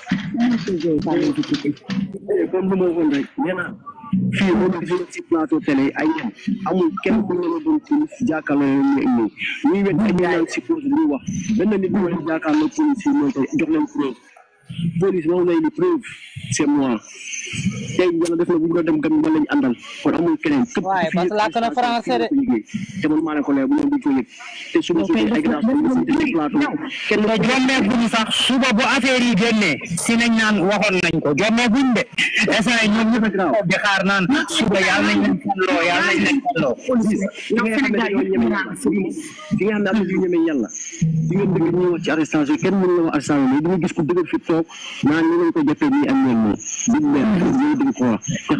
émission yooyu baa ngi dugg ci comme lu ma waxoon rek di jël plateau télé ay yéen amul kenn ku ñëw doon ci jàkkaarloo ñu indi ñuy wet ay ñaan si pour ñu wax benn nit ñu leen jàkkaarloo police yi mooy jox leen preuve police moom lay ni preuve c'est moi tey yàlla def na bu ñu doon dem gam man lañ àndal kon amul keneen. waaye parce que de. te man maa ne ko léegi bu ñu ko yëg te suba su ay glace bu ñu si si nañ naan waxoon nañ ko jommeekuñ de instant ñoom ñëpp di xaar naan suba yàlla nañ leen falloo yàlla nañ leen falloo. di nga na ñu ñeme yàlla di nga dëgg ñu wax ci arrestation kenn mënu la wax arrestation mais di nga gis ku dëgër fi naan ñu lañ ko jàppee ñii ak ñoom moom ñooñu duñ ko wax te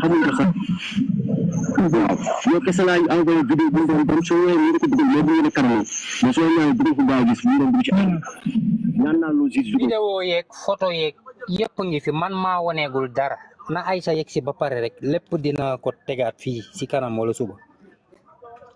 lu gis dugal vidéo ngi fi man maa woneegul dara na Aïcha yegg si ba pare rek lépp dina ko tegaat fii si kanam wala suba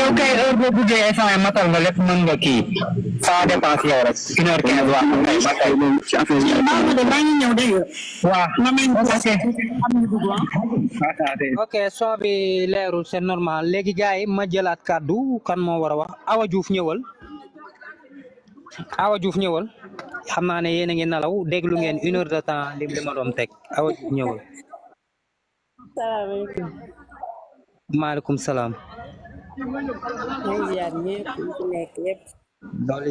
యోకే book చేసాం ఏమతాం మళ్ళీ ముందుకి సాడే పాస్ అవ్వరు okay soobi leerul c'est normal léegi gaay ma jëlaat kàddu kan moo war a wax Awa Diouf ñëwal Awa Diouf ñëwal xam naa ne yéen a ngi nalaw déglu ngeen une heure de temps li ma doon teg Awa Diouf ñëwal salaamaaleykum maalikum salam.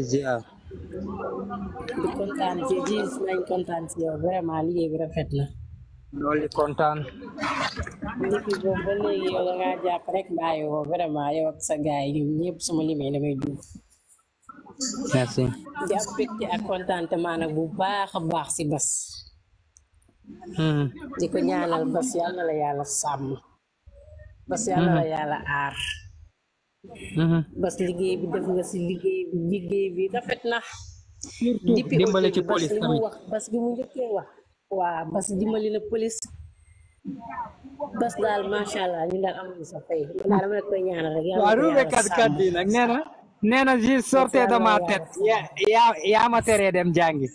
ziar di kontaan ci nañ kontaan ci hmm. yow vraiment liggéey bi rafet kontaan. boobu ba léegi yow jàpp rek vraiment yow ak sa suma limee damay merci. di ko ñaanal bas yàlla la bas yàlla mm-hmm. la yàlla aar mm-hmm. bas liggéey bi def nga si liggéey bi liggéey bi rafet na surtout dimbale ci police tamit li mu wax bas dimbali na police bas daal macha allah ñu daal amuñu sa fay daal dama kat kat bi nag nee na nee na ji yaa yaa ma teree dem jàngi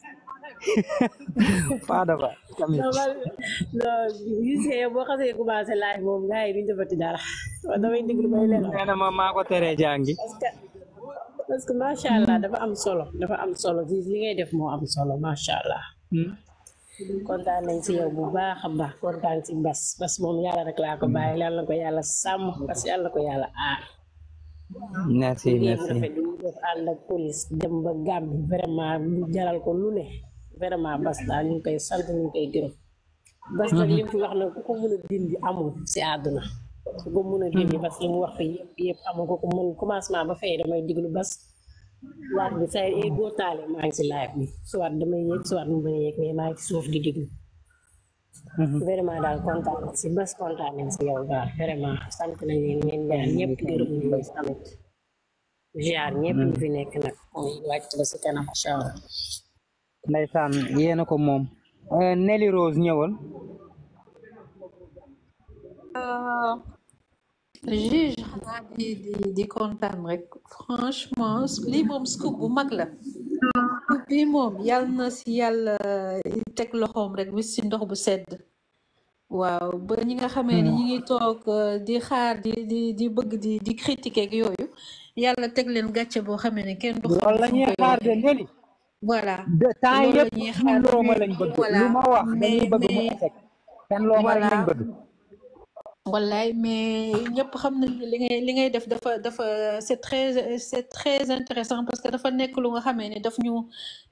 Pada Ba tamit. non gis nga yow boo xasee commencé laaj moom gars yi duñ defati dara damay déglu may leen. nee na ma maa ko teree jàngi. parce que parce que macha allah dafa am solo dapat am solo li ngay def moo am solo macha allah. Hmm. kontaan nañ si yow bu baax a baax kontaan si bas bas moom yàlla rek laa ko bàyyi yàlla na ko yàlla sàmm parce que yàlla na ko yàlla aar. merci merci. ànd ak police dem ba Gambie ko lu ne. vraiment Bas daal ñu ngi koy sant ñu ngi koy gërëm. Bas nag mhm. li mu fi wax nag ku ko mën a dindi amul si àdduna. ku ko mën a mhm. dindi parce que li mu wax fi yëpp yëpp amul ko ku mën commencement ba fay damay diglu Bas. waat bi say e boo taale maa ngi si live bi soit damay yéeg soit mu bañ a yéeg mais maa ngi si suuf di diglu. Mhm. vraiment daal kontaan si Bas kontaan nañ si yow daal vraiment sant nañ leen ngeen ñaar ñëpp gërëm nañ leen tamit. jaar ñëpp ñu fi nekk nag wàcc ba si kanam incha allah en a ko moom euh, Nelly Rose ñëwal euh, juge xanaa di di di franchement lii moom scoop bu mag la scoop bi moom yàlla na si yàlla euh, rek wis si ndox bu sedd waaw ba ñi nga xamee ni ñi ngi toog di xaar di di di bëgg di di critiquer ak yooyu yàlla teg leen gàcce boo xamee ne kenn du xam voilà de temps yëpp looma lañ bëgg lu ma wax dañuy bëgg mu échec kenn looma lañ bëgg wallaay mais ñëpp xam nañ li ngay li ngay def dafa dafa c'est très c'est très intéressant parce que dafa nekk lu nga xamé ni daf ñu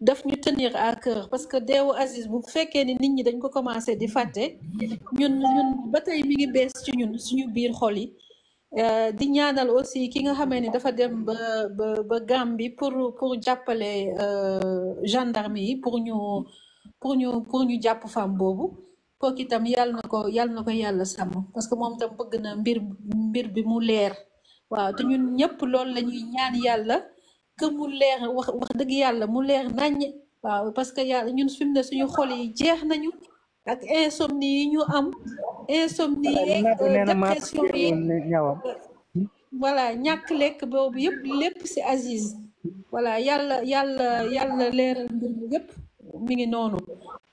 daf ñu tenir à cœur parce que deewu Aziz bu fekké ni nit ñi dañ ko commencé di faté ñun ñun ba mi ngi bees ci ñun suñu biir xol yi Euh, di ñaanal aussi ki nga xamee ni dafa dem ba ba ba bi pour pour jàppale euh, gendarme yi pour ñu pour ñu pour ñu jàpp fam boobu kooku itam yàlla na ko yàlla na ko yàlla sàmm parce que moom itam bëgg na mbir mbir bi mu leer waaw te ñun ñëpp loolu la ñuy ñaan yàlla que mu leer wax wax dëgg yàlla mu leer naññ waaw parce que yàlla ñun fi mu ne suñu xol yi jeex nañu ak insomnie yi ñu am insomnie yeeg euh, dépression yi voilà ñàkk lekk boobu yëpp lépp si Aziz voilà yàlla yàlla yàlla leeral mbir mi yëpp noonu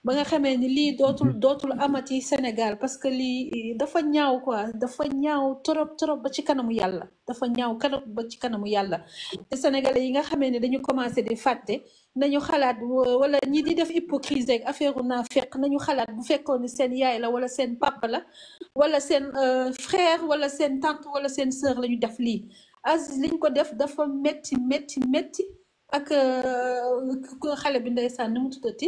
ba nga xamee ni lii dootul mm-hmm. dootul amati Sénégal parce que lii dafa ñaaw ko dafa ñaaw trop trop ba ci kanamu yàlla dafa ñaaw kanam ba ci kanamu yàlla te sénégalais yi nga xamee ne dañu commencé di fàtte nañu xalaat wala ñi di def hypocrisie ak affaire naa fekk nañu xalaat bu fekkoon ne seen yaay la wala seen papa la wala seen euh, frère wala seen tante wala seen sœur la ñu def lii Aziz liñ ko def dafa metti metti metti ak euh, xale bi ndeysaan ni mu tuddati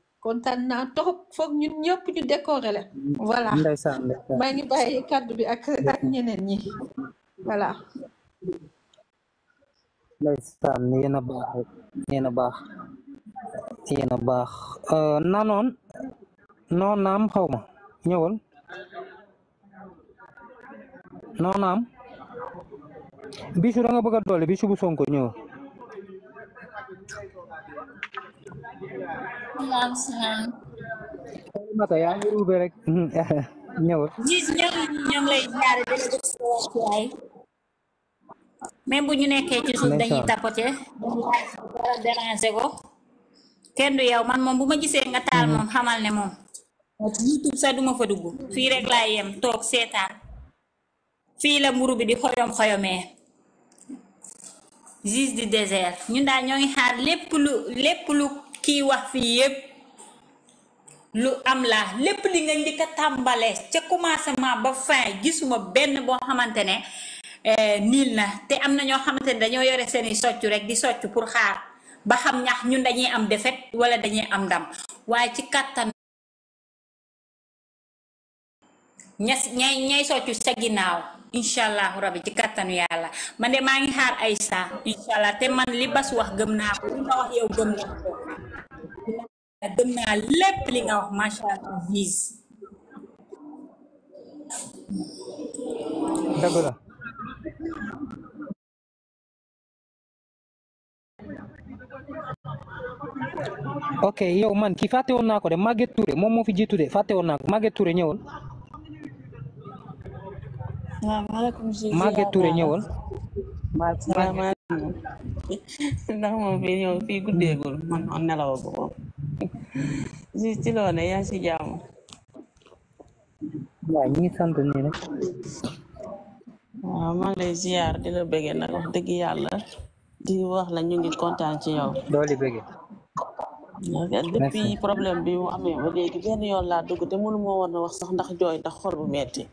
kontaan naa trop foog ñun ñu décorer la. voilà maa ngi bàyyi bi ak ñeneen ñi voilà. ndeysaan yéen a baax yéen baax yéen baax euh, nanoon noon naam xaw ma ñëwal noon naam bisu nga bëgg doole bisu bu sonko ñëwal mata yaa ngi uube rek bu ñu nekkee ci suuf dañuy tapote dara kenn du yow man moom bu ma gisee nga taal moom xamal ne moom youtube sax duma fa dugg fii rek yem toog seetaan fii la mburu bi di xoyom xoyomee gis di désert ñun daal ñoo ngi xaar lépp lu lépp lu kii wax fii yépp lu am la lépp li nga njëkk a tàmbale ca commencement ba fin gisuma benn boo xamante ne eh, niil na te am na ñoo xamante ne dañoo yore seeni soccu rek di soccu pour xaar ba xam ñax ñun dañuy am defet wala dañuy am ndam waaye ci kàttan ña ñay ñay soccu ca ginnaaw incha allahu rabi ci kàttanu yàlla man de maa ngi xaar ay saa incha te man li bas wax gëm naa ko li ma wax yow gëm naa ko gëm yow man ki fàtte woon naa ko de Maguette Touré moom moo fi jiitu de fàtte woon naa ko Maguette Touré ñëwal. waaw maaleykum salaam Maguette Touré ñëwal. ndax moom fii ñëw fii guddeegul man on nelaw bu moom si ci loo ne yaa si jàmm waaw ñi sant nii rek waaw maa lay ziar di la bëggee nag wax dëgg yàlla di wax la ñu ngi kontaan ci yow dooli bëggee depuis problème bi mu amee ba léegi benn yoon laa dugg te mënu moo war na wax sax ndax jooy ndax xor bu metti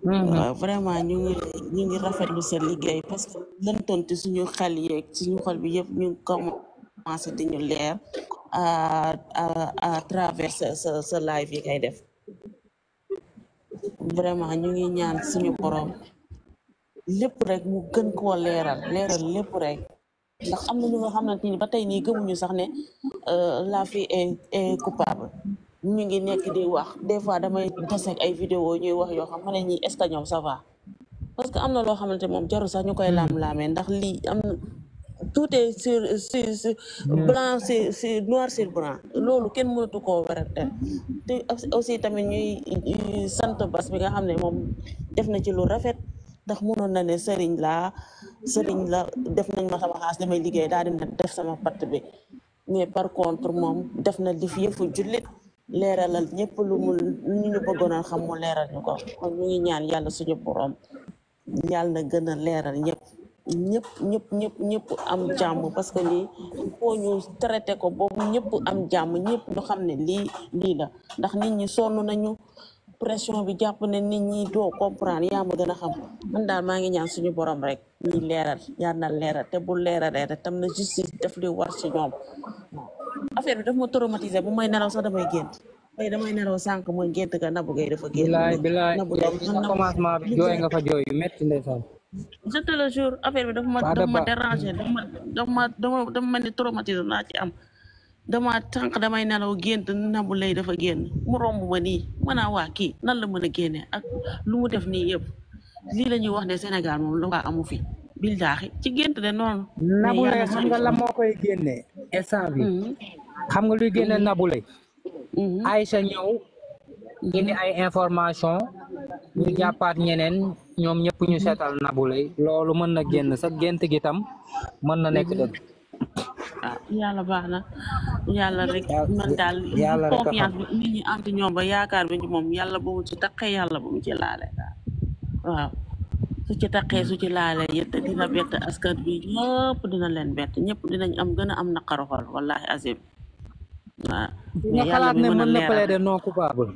Mm-hmm. waaw vraiment ñu ngi ñu ngi rafetlu seen liggéey parce que lëntoon ci suñu xel yeeg suñu xol bi yëpp ñu ngi commencé di ñu leer à à travers sa sa live kay def vraiment ñu ngi ñaan suñu borom lépp rek mu gën koo leeral leeral lépp rek ndax am na ñu nga xamante ni ba tey nii gëmuñu sax ne euh, laa fille est coupable ñu ngi nekk di wax des fois damay taseeg ay vidéo ñuy wax yoo xam ma ne ñi est ce que ñoom ça parce que am na loo xamante moom jarul sax ñu koy laam-laamee ndax lii am tout est sur sur blanc sur noir sur blanc loolu kenn mënatu koo werante te aussi tamit ñuy sant bas bi nga xam ne moom def na ci lu rafet ndax mënoon na ne sëriñ laa sëriñ la def nañ ma sama xaas damay liggéey daal dina def sama patt bi mais par contre moom def na li fi yëfu jullit leeralal ñëpp lu mu lu ñu bëggoon a xam mu leeral ñu ko mu ñu ngi ñaan yàlla suñu borom yàlla na gën a leeral ñëpp ñëpp ñëpp ñëpp ñëpp am jàmm parce que lii foo ñu traité ko boobu ñëpp am jàmm ñëpp ñu xam ne lii lii la ndax nit ñi sonn nañu pression bi jàpp ne nit ñi doo comprendre yaa ma gën a xam man daal maa ngi ñaan suñu borom rek ñuy leeral yàlla na leeral te bu leeralee rek tam na justice daf li war ci ñoom affaire bi daf ma traumatiser bu may nelaw sax damay gént tey damay nelaw sànq mooy gént ka nabu gay dafa gént. bilaay bilaay bi jooy nga fa jooy yu métti ndeysaan. je te le bi dafa ma ma déranger dafa ma dafa ma dafa dafa laa ci am dama sànq damay nelaw gént nabu lay dafa génn mu romb ma nii mën a waa kii nan la mën a génne ak lu mu def nii yëpp lii la ñuy wax ne Sénégal moom lu ko amu fi. billaahi ci gént de noonu. nabulay xam nga la moo koy génne instant mm-hmm. xam nga luy génne nabulay. Mm-hmm. Aïcha ñëw. indi mm-hmm. ay information ñu jàppaat ñeneen ñoom ñëpp ñu setal nabulay loolu mën na génn sa gént gi tam mën na nekk dëgg. Ah, yàlla na yàlla rek man daal confiance bi yaakaar moom yàlla bu mu ci taqee yàlla bu mu ci laale su ci taqee su ci laalee yëpp ya, dina bett askan bi ñëpp dina leen bett ñëpp ya, dinañ am gën a am naqaru xol wallahi azim waaw xalaat ne mën na plaider non coupable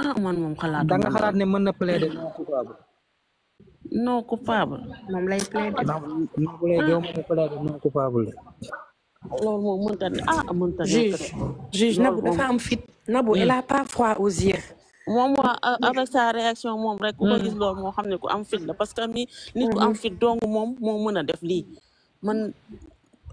ah man moom xalaat da nga xalaat ne mën na plaider non coupable non coupable moom lay plaider non plaider moom plaider non coupable loolu moom mënta ne ah mënta ne ah, juge juge Nabou dafa am fit Nabou il hmm. a pas froid aux yeux moom waa avec sa réaction moom rek ku ko hmm. gis loolu moo xam ne ku am fit la parce que mi nit ku am hmm. fit dong moom moo mën a def lii man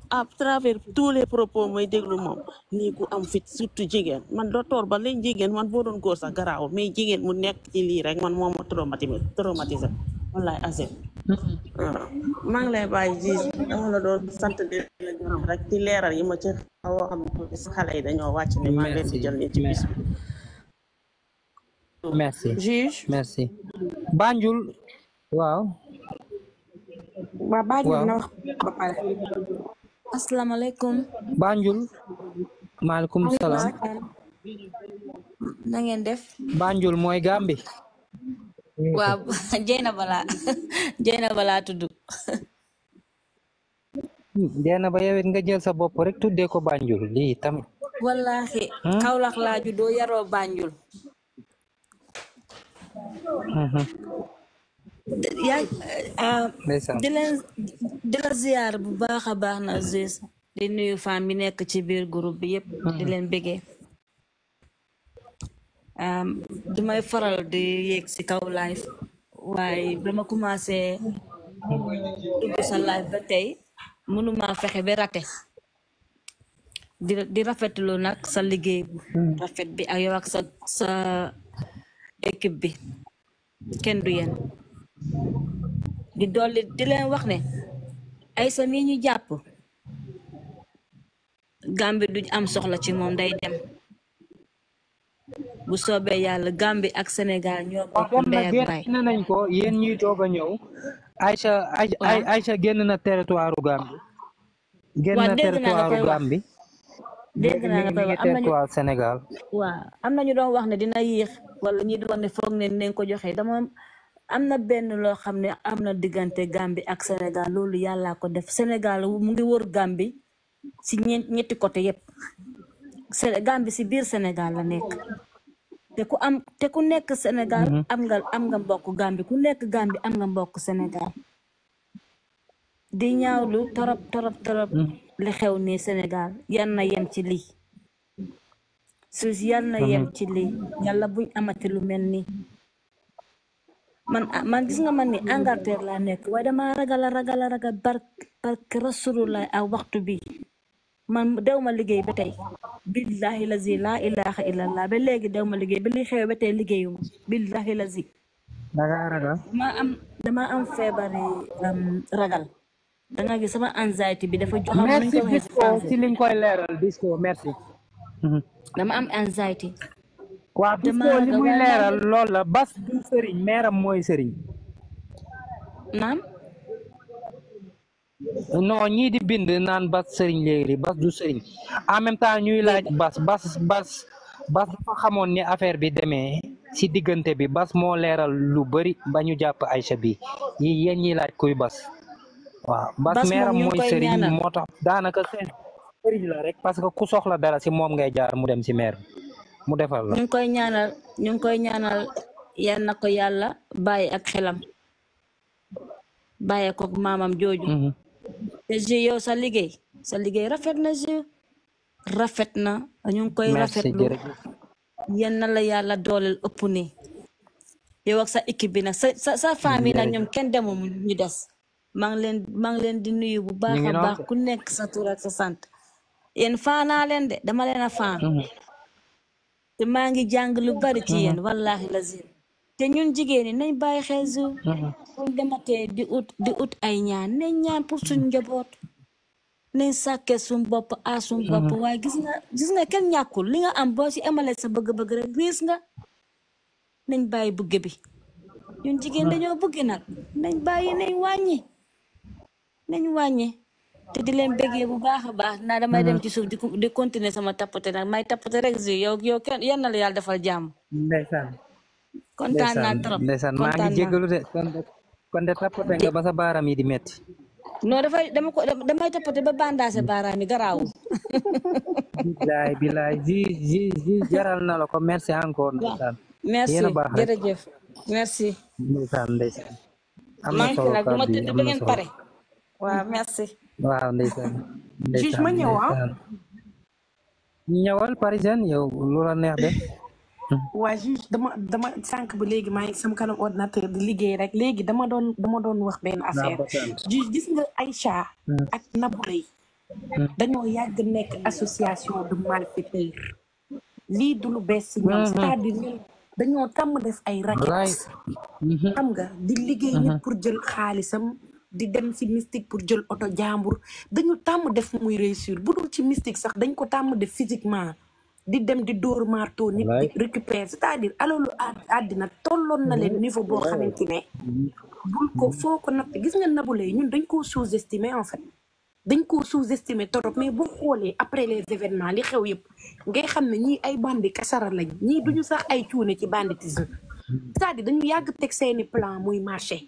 à travers tous les propos mooy déglu moom nii ku am fit surtout jigéen man docteur ba lañ jigéen man boo doon góor sax garaaw mais jigéen mu nekk ci lii rek man moom ma traumatisé traumatisé wallaay azim hmm. waaw maa ngi lay bàyyi ji dama la doon sant di la gërëm rek ci leeral yi ma ci xaw xam ne xale yi dañoo wàcc ni maa ngi leen di jël nii ci merci juge merci Banjul wow. Bapak Banjul na Bapak. Assalamualaikum. Banjul malikum salam. na def Banjul mooy Gambi Wow. Jena Bala Jena Bala tudd Jeyna ba yowit nga jël sa bop rek tuddé ko Banjul lii wallahi wallaahi hmm? la ju do yaro Banjul Mm-hmm. yaa uh, di la di la ziyaar bu baax a baax na Aziz di nuyu femme bi nekk ci biir groupe bi yépp di mm-hmm. leen bëggee um, du faral di yéeg si kaw live waaye dama ma commencé dugg sa live ba tey mënuma fexe ba rate di di nag sa liggéey bu mm-hmm. rafet bi ak yow ak sa sa équipe bi kenn du yéen di dolli di leen wax ne ay sa mii jàpp Gàmbi du am soxla ci moom day dem bu soobee yàlla Gàmbi ak Sénégal ñoo bokk génn nañ ko yéen ñuy toog a ñëw Aïcha Aïcha génn na territoire u génn na territoire u dégg naa nga koy wax am nañu Sénégal waaw am nañu doon wax ne dina yéex wala ñi doon ne foog ne nañ ko joxee dama am na benn loo xam ne am na diggante Gambie ak Sénégal loolu yàllaa ko def Sénégal mu ngi wër Gambie si ñetti côté yépp Gambie ci biir Sénégal la nekk te ku am te ku nekk Sénégal mm-hmm. am nga am nga mbokk Gambie ku nekk Gambie am nga mbokk Sénégal di ñaawlu torop torop torop mm-hmm. li xew ne Sénégal yal na yem ci lii suus yal na yem ci lii yàlla buñ amati lu mel nii man man gis nga man ni Angleterre laa nekk waaye dama ragal a ragal a ragal bark bark rasulullah ak waxtu bi man dew ma liggéey ba tey billahi lazi laa ilaha illallah ba léegi dew ma liggéey ba li xew ba tey liggéeyuma billahi lazi dama am dama am feebari ragal da nga sama anxiety bi dafa jox merci Bisco ci li nga koy leeral Bisco merci mhm. dama am anxiety waaw Bisco li muy leeral loolu la bas du sëriñ meeram mooy sëriñ noo non ñii di bind naan bas sëriñ léegi bas du sëriñ en ñuy laaj bas bas bas bas dafa xamoon ni affaire bi demee ci diggante bi bas moo leeral lu bëri ba ñu jàpp Aïcha bi yi yéen ñi laaj kuy bas waaw bas meeram mooy sëriñ moo daanaka seen sëriñ rek parce que ku soxla dara si moom ngay jaar mu dem si meer mu defal la. ñu koy ñaanal ñu ngi koy ñaanal yal na ko yàlla bàyyi ak xelam bàyyi ko maamam jooju. Mhm. yow sa liggéey sa liggéey rafet na rafet na ñu ngi koy. rafetlu yal na la yàlla dooleel ëpp nii yow ak sa équipe bi nag sa sa sa famille nag ñoom kenn demul ñu des. maa leen maa ngi leen di nuyu bu baax a baax ku nekk sa tur sa sant yéen faanaa leen de dama leen a faan mm-hmm. te maa ngi jàng lu bari ci yéen mm-hmm. wallahi lazim te ñun jigéen ñi nañ bàyyi xel su mm-hmm. buñ dematee di ut ay ñaan nañ ñaan pour suñ njaboot ne sàkkee suñ bopp a suñ bopp waaye gis nga gis nga kenn ñàkkul li nga am boo ci amale sa bëgg-bëgg rek wiis nga nañ bàyyi bëgg bi ñun jigéen dañoo bëgg nag nañ bàyyi nañ wàññi nañ wàññi te di leen bëggee bu baax a baax naa damay dem mm-hmm. ci suuf di di continuer sama tapote nag may tapote rek si yow yow kenn yan na la yàlla defal jàmm. ndeysaan kontaan naa trop ndeysaan maa ngi jégalu de kon de tapote nga ba sa baaraam yi di metti noo dafay dama ko damay tapote ba bandaase baaraam yi garaawu. bilaay bilaay ji ji ji na la ko merci encore. ndeysaan merci jërëjëf merci. ndeysaan ndeysaan am na solo pare. waaw merci. waaw ndeysaan. juge ma ñëw ah. ñëwal Parisienne yow lu la neex waa juge dama dama sànq ba léegi maa sam sama kanam ordinateur di liggéey rek léegi dama doon dama doon wax benn affaire. juge gis nga ay Aïcha. Hmm. ak Naboulaye. Hmm. dañoo yàgg nekk association de malfaiteurs. lii du lu bees si ñoom. Hmm. c'est-à-dire dañoo tàmm def ay raquettes. xam nga di liggéey nit pour jël xaalisam. di dem si mystique pour jël oto jàmbur dañu tàmm def muy réussir bu dul ci mystique sax dañ ko tàmm def physiquement di dem di door marteau nit di récupérer cest àddina tolloon na leen niveau boo xamante ne mm-hmm. bul ko mm-hmm. foo ko natt gis nga nabu lay ñun dañ koo sous-estimer dañ koo sous-estimer trop mais boo xoolee après les événements li xew yëpp ngay xam ne ñii ay bandi kasara lañ ñii duñu sax ay cuune ci banditisme mm-hmm. cest à dañu yàgg teg seeni plan muy marché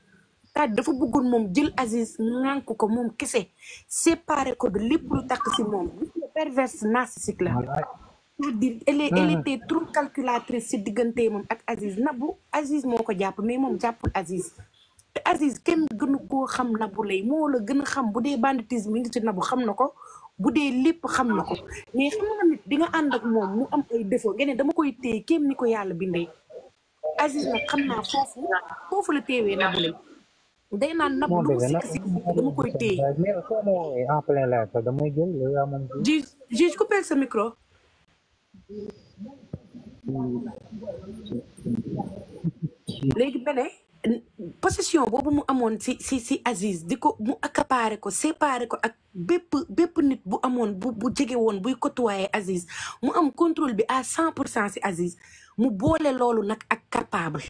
Katy dafa bëggoon moom jël Aziz nànk ko moom kese séparé ko lépp lu takk ci moom perverse narcissique la c'est-à-dire elle elle hmm. était trop calculatrice si diggante moom ak Aziz Nabu Aziz moo ko jàpp mais moom jàppul Aziz te Aziz kenn gënu koo xam Nabu lay moo la gën a xam bu dee banditisme mi ngi ci Nabu xam na ko bu dee lépp xam na ko mais xam nga nit di nga ànd ak moom mu am ay défaut ngeen dama koy téye kenn ni ko yàlla bindee Aziz nag xam naa foofu la téewee Nabu દેના નબળું શીખવું કોઈ આપણે લેતા તમે ગેમ લેવા મન જી જી કો પેલ સે micro léegi bene possession boobu mu amoon si si si Aziz di ko mu accaparé ko séparé ko ak bépp bépp nit bu amoon bu bu jege woon buy côtoyer Aziz mu am contrôle bi à cent pour cent Aziz mu boole loolu nag ak capable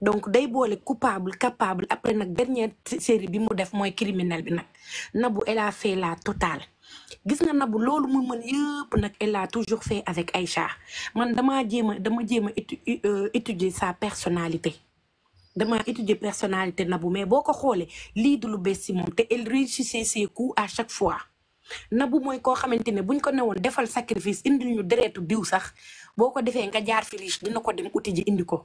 donc day boole coupable capable après nak dernière série bi mu def moy criminel bi nak Nabou elle a fait la totale gis nga Nabou lolou mu meun yëpp nak elle a toujours fait avec Aïcha man dama djema dama djema euh, étudier sa personnalité dama étudier personnalité Nabou mais boko xolé li dou lu bees si elle réussissait ses coups à chaque fois Nabou moy ko xamante buñ ko newoon defal sacrifice indi ñu deretu diw sax boko défé nga jaar fi riche dina ko dem outil ji indi ko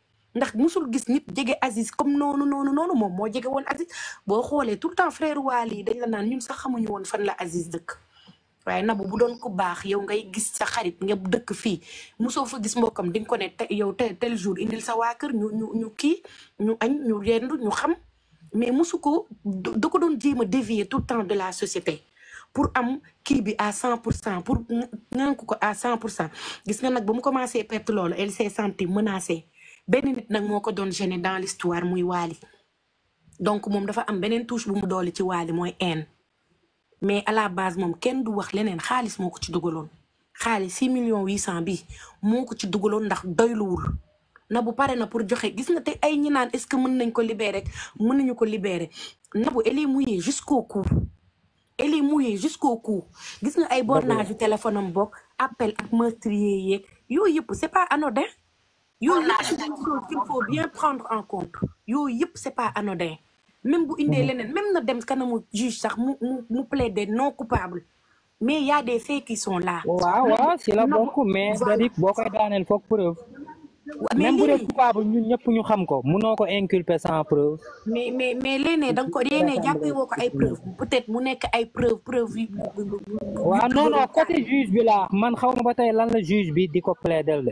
ndax musul gis nit jege Aziz comme noonu noonu noonu mom mo jege won Aziz bo xolé tout temps frère wali dañ la naan ñun sax xamuñu won fan la Aziz dëkk waye nabu bu doon ku baax yow ngay gis sa xarit nga dëkk fi mosoo fa gis mbokam di nga ko ne yow tel jour indil sa waa kër ñu ñu ñu ki ñu añ ñu yendu ñu xam mais mosu ko da ko doon jéem a dévier tout temps de la société pour am kii bi à 100 pour cent pour ko à 100 gis nga nag ba mu commencé perte loolu elle s'est sentie menacée benen nit nak moko ko gêné dans l'histoire muy wali donc mom dafa am benen touche bu mu doole ci wali moy haine mais à la base mom Ken du wax lenen khalis moko ci dugaloon khalis six millions huit bi moko ci dugaloon ndax na bu paré na pour joxé gis na té ay ñi naan est-ce que mën nañ ko libérer mën nañu ko libérer Nabou elle est mouillée jusqu'au cou elle est mouillée jusqu'au cou gis nga ay bornage téléphone am bok? appel ak meurtrier yeeg yoyep c'est pas anodin yooyu yëpp c'est des choses qu'il faut bien prendre en compte Yo, yep, c'est pas anodin même bu indé mhm. leneen même na dem kanamu juge sax mu mu plaider non coupable mais il y a des faits qui sont là. waaw waaw c'est la bokk mais cest à danel boo preuve. même bu dee coupable ñun ñëpp ñu xam ko mëno ko inculper sans preuve. mais mais mais léeg dang ko léeg jappé woko ay preuve peut-être mu nek ay preuve preuve wa non non côté juge bi là man xaw ba tay lan la juge bi diko plaider de.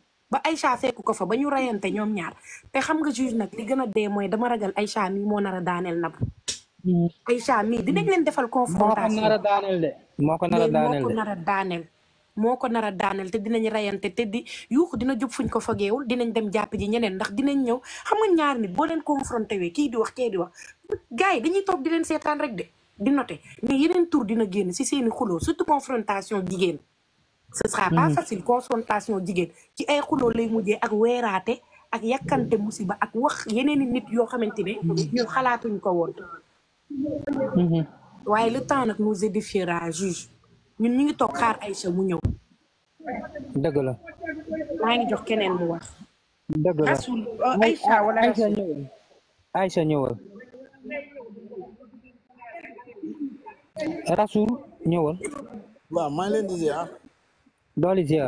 ba Aïcha fekku ko fa ba ñu rayante ñoom ñaar te xam nga juge nag li gën a dee mooy dama ragal ay mii moo nar a daaneel nab Aïcha mii dinañ leen defal confrontation moo ko daaneel de moo ko nar a daaneel moo ko nar a daaneel te dinañ reyante te di yuuxu dina jub fuñ ko fageewul dinañ dem jàpp ji ñeneen ndax dinañ ñëw xam nga ñaar nit boo leen confronté wee kii di wax kee di wax gars yi dañuy toog di leen seetaan rek de di note mais yeneen tour dina génn si seeni xuloo surtout confrontation jigéen ce sera pas mm. facile confrontation jigéen ci ay xuloo lay mujjee ak weeraate ak yàkkante musiba ak wax yeneen i nit yoo xamante ne ñun xalaatuñ ko woon mm-hmm. waaye le temps nag nous édifiera juge ñun ñu ngi toog xaar Aïcha mu ñëw dëgg la maa ngi jox keneen mu wax dëgg la rasul euh, ñëwal Aïcha ñëwal rasul ñëwal Dolizia,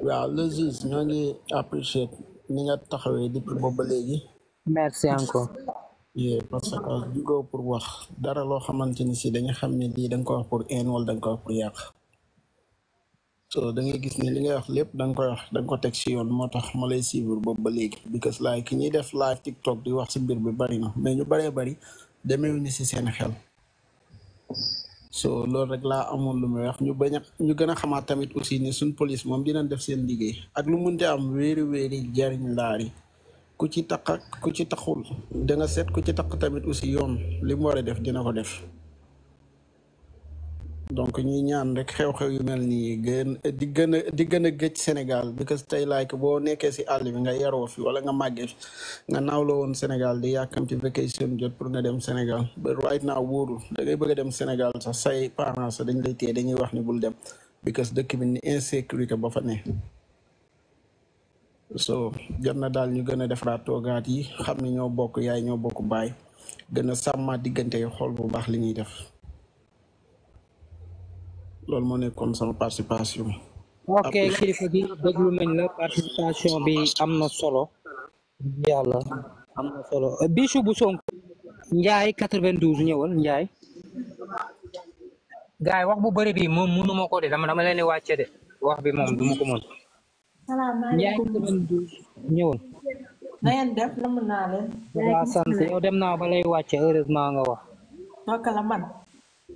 Well waaw le juge ñoo ngi apprécier ni nga taxawee depuis boobu ba léegi. merci encore. parce que jugoo pour wax dara loo xamante ni si dañu xam ne lii da nga ko wax pour een wala da nga ko wax pour yàq. so da ngay gis ni li ngay wax lépp da nga koy wax da nga ko teg si yoon moo tax ma lay suivre boobu ba léegi because like ki def live TikTok di wax si mbir bi bari na mais ñu bëree bari demeewuñu si seen xel. so loolu rek laa amoon lu mu weex ñu bañ a ñu gën a xamaat tamit aussi ni suñ police moom dinañ def seen liggéey ak lu munte am wéeri wéeri jariñ laari ku ci taq ak ku ci taxul danga seet ku ci taq tamit aussi yoon li mu war a def dina ko def donc ñuy ñaan rek xew-xew yu mel nii di gën a di gën a gëj Sénégal because tey like boo nekkee si àll bi nga yaroo fi wala nga màggee fi nga naawloo woon Sénégal di yàkkam ci vacation jot pour nga dem Sénégal but right now wóorul da ngay bëgg a dem Sénégal sax say parents sax dañ lay téye dañuy wax ni bul dem because dëkk bi ni insécurité ba fa ne so jot na daal ñu gën a defaraat toogaat yi xam ne ñoo bokk yaay ñoo bokk baay gën a sàmmaat diggante yi xool bu baax li ñuy def loolu mo nekkon sama participation. ok kilifa gi deglu nañ la participation bi amna solo. yalla amna na solo Bijou bu Sonko. Ndiaye 92 ñewal Ndiaye. gars wax bu bari bi mom mënu ma ko de dama dama leni wacce de wax bi mom duma ma ko mën. salaamaaleykum Ndiaye 92 ñëwal. na ngeen def namm naa leen. sant yow dem na balay wacce heureusement nga wax. naka man.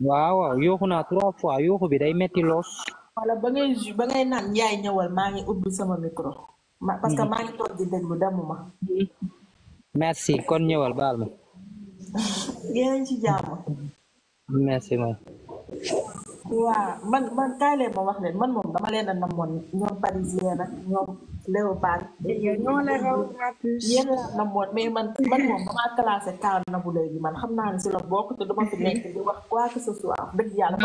waaw waaw naa trois fois yooxu bi day metti loos. wala ba ngay ju ba ngay naan yaay ñëwal maa ngi ubbi sama micro. ma parce que maa ngi toog di déglu demuma. merci kon ñëwal baal ma. yéen ci jàmm. merci ma. waaw man man kaay leen wax leen man moom dama leen a namoon ñoom parisien ak ñoom léopard mais man man moom damaa classé kaa nabu léegi man xam naa ne si la bokk te dama fi nekk di wax quoi que ce soit léegi ah ah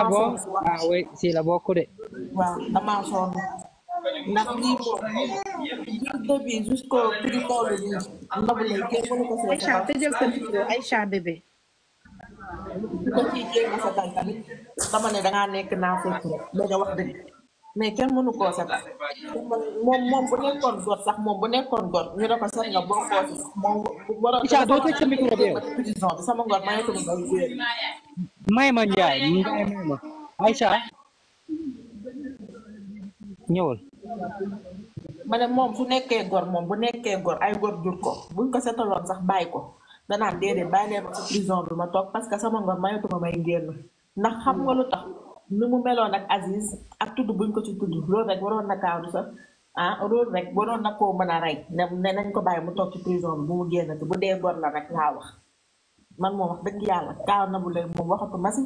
kenn mënu ko seetal Aïcha ko ciy jéem a sa tànk dama ne dangaa nekk naa fekk rek danga wax dëgg mais kenn mënu koo setal moom moom bu nekkoon gor sax moom bu nekkoon góor ñu moom waroon Issa doo sa micro bi may ma njaay njaay may ma ma ne moom su nekkee góor moom bu nekkee gor ay góor jur ko buñ ko setaloon sax bàyyi ko danaan déedéet bàyyi leen ma si prison bi ma toog parce que sama ngor mayatuma may génn ndax hmm. xam nga lu tax ni mu meloon ak Aziz ak tudd buñ ko ci tudd loolu rek waroon na kaaw sax ah loolu rek waroon na koo mën a rey ne ne nañ ko bàyyi mu toog ci prison bi bu mu génnati bu dee bor la rek laa wax man moom wax dëgg yàlla kaaw na bu lay moom waxatu ma si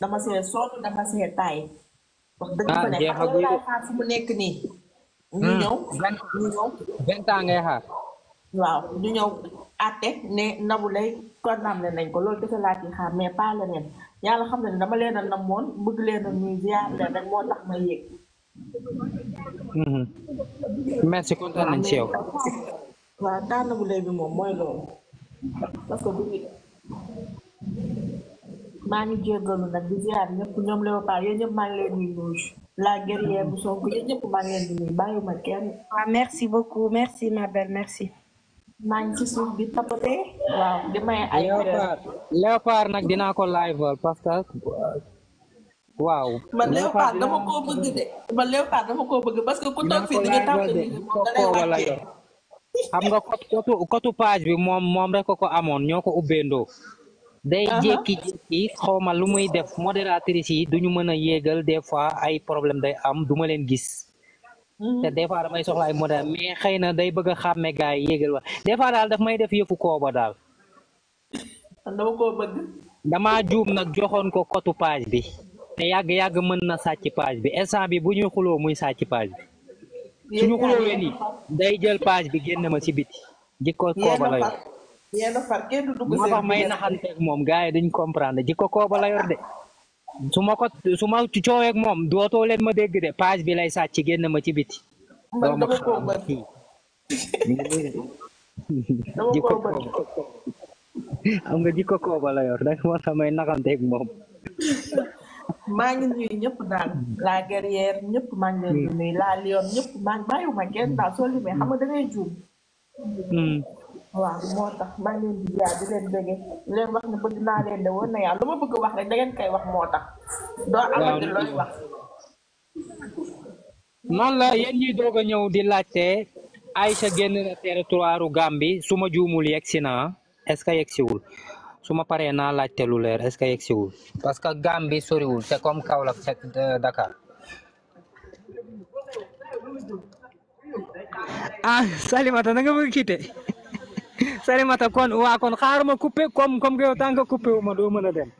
dama see sonn dama see taay wax dëgg ah, fa ne xam nga xaar fu mu nekk nii hmm, ñu ñëw ñu ñëw vingt ans ngay xaar waaw ñu ñëw àtte ne Nabou Leye condamné nañ ko loolu defe laa ci xaar mais pas leneen yàlla xam na ne dama leen a namoon bëgg leen a nuyu leen rek moo tax ma yéeg. Mm-hmm. merci kontaan nañ ci yow. waaw bu léegi moom mooy loolu parce que du maa ngi jéggalu nag di ziar ñëpp ñoom Léopard yooyu ñëpp maa leen di nuyu la guerrière bu Sonko yooyu ñëpp maa leen di bàyyi ma kenn. waaw merci beaucoup merci ma merci. maa ngi ci léopard nag dinaa ko liveal parce que waaw koo bëgg de parce que ku toog fii di nga tàmbali moom dalay xam nga kotu kotu page bi moom moom rek ko amoon ñoo ko ubbeendoo day jékki-jékki xaw ma lu muy def modératrice yi duñu mën a yéegal des fois ay problème day am duma leen gis Mm-hmm. te des fois damay soxla ay mais xëy na day bëgg a xàmme gars yi yéegal wa des daal daf may def yëfu kooba daal. dama koo juum nag joxoon ko kotu page bi. te yàgg yàgg mën na sàcc page bi instant bi bu ñuy xuloo muy sàcc page bi. suñu xuloowee nii day jël page bi génn ma ci biti. jikko kooba la yor yéen a far tax may naxanteeg moom gars yi duñ comprendre jikko kooba la yor de. su ma su ma cooweeg moom dootoo leen ma dégg de page bi lay sàcc génn ma ci biti. doo ma xam jikko xam nga jikko kooba la yor rek moo samay naxanteeg moom. maa ngi nuyu ñëpp daal la guerrière ñëpp maa ngi leen di nuyu la lion ñëpp maa ngi bàyyiwuma daal soo limee xam nga da ngay juum. Hmm. waaw moo tax maa ngi leen di jaar di leen bëgge di leen wax ne bëgg naa leen de woon na yàlla lu ma bëgg wax rek da ngeen koy wax moo tax doo amati looy wax noonu la yéen ñi doog a ñëw di laajte Aïcha génn na territoire Gambie su ma juumul yegg naa est ce que yegg su ma paree naa laajte lu leer est ce que yegg parce que Gambie soriwul c'est comme Kaolack c'est Dakar ah Salimata na nga bëgg kiite sare mata kon wa kon ma coupé comme comme geu tanga coupé ma do meuna dem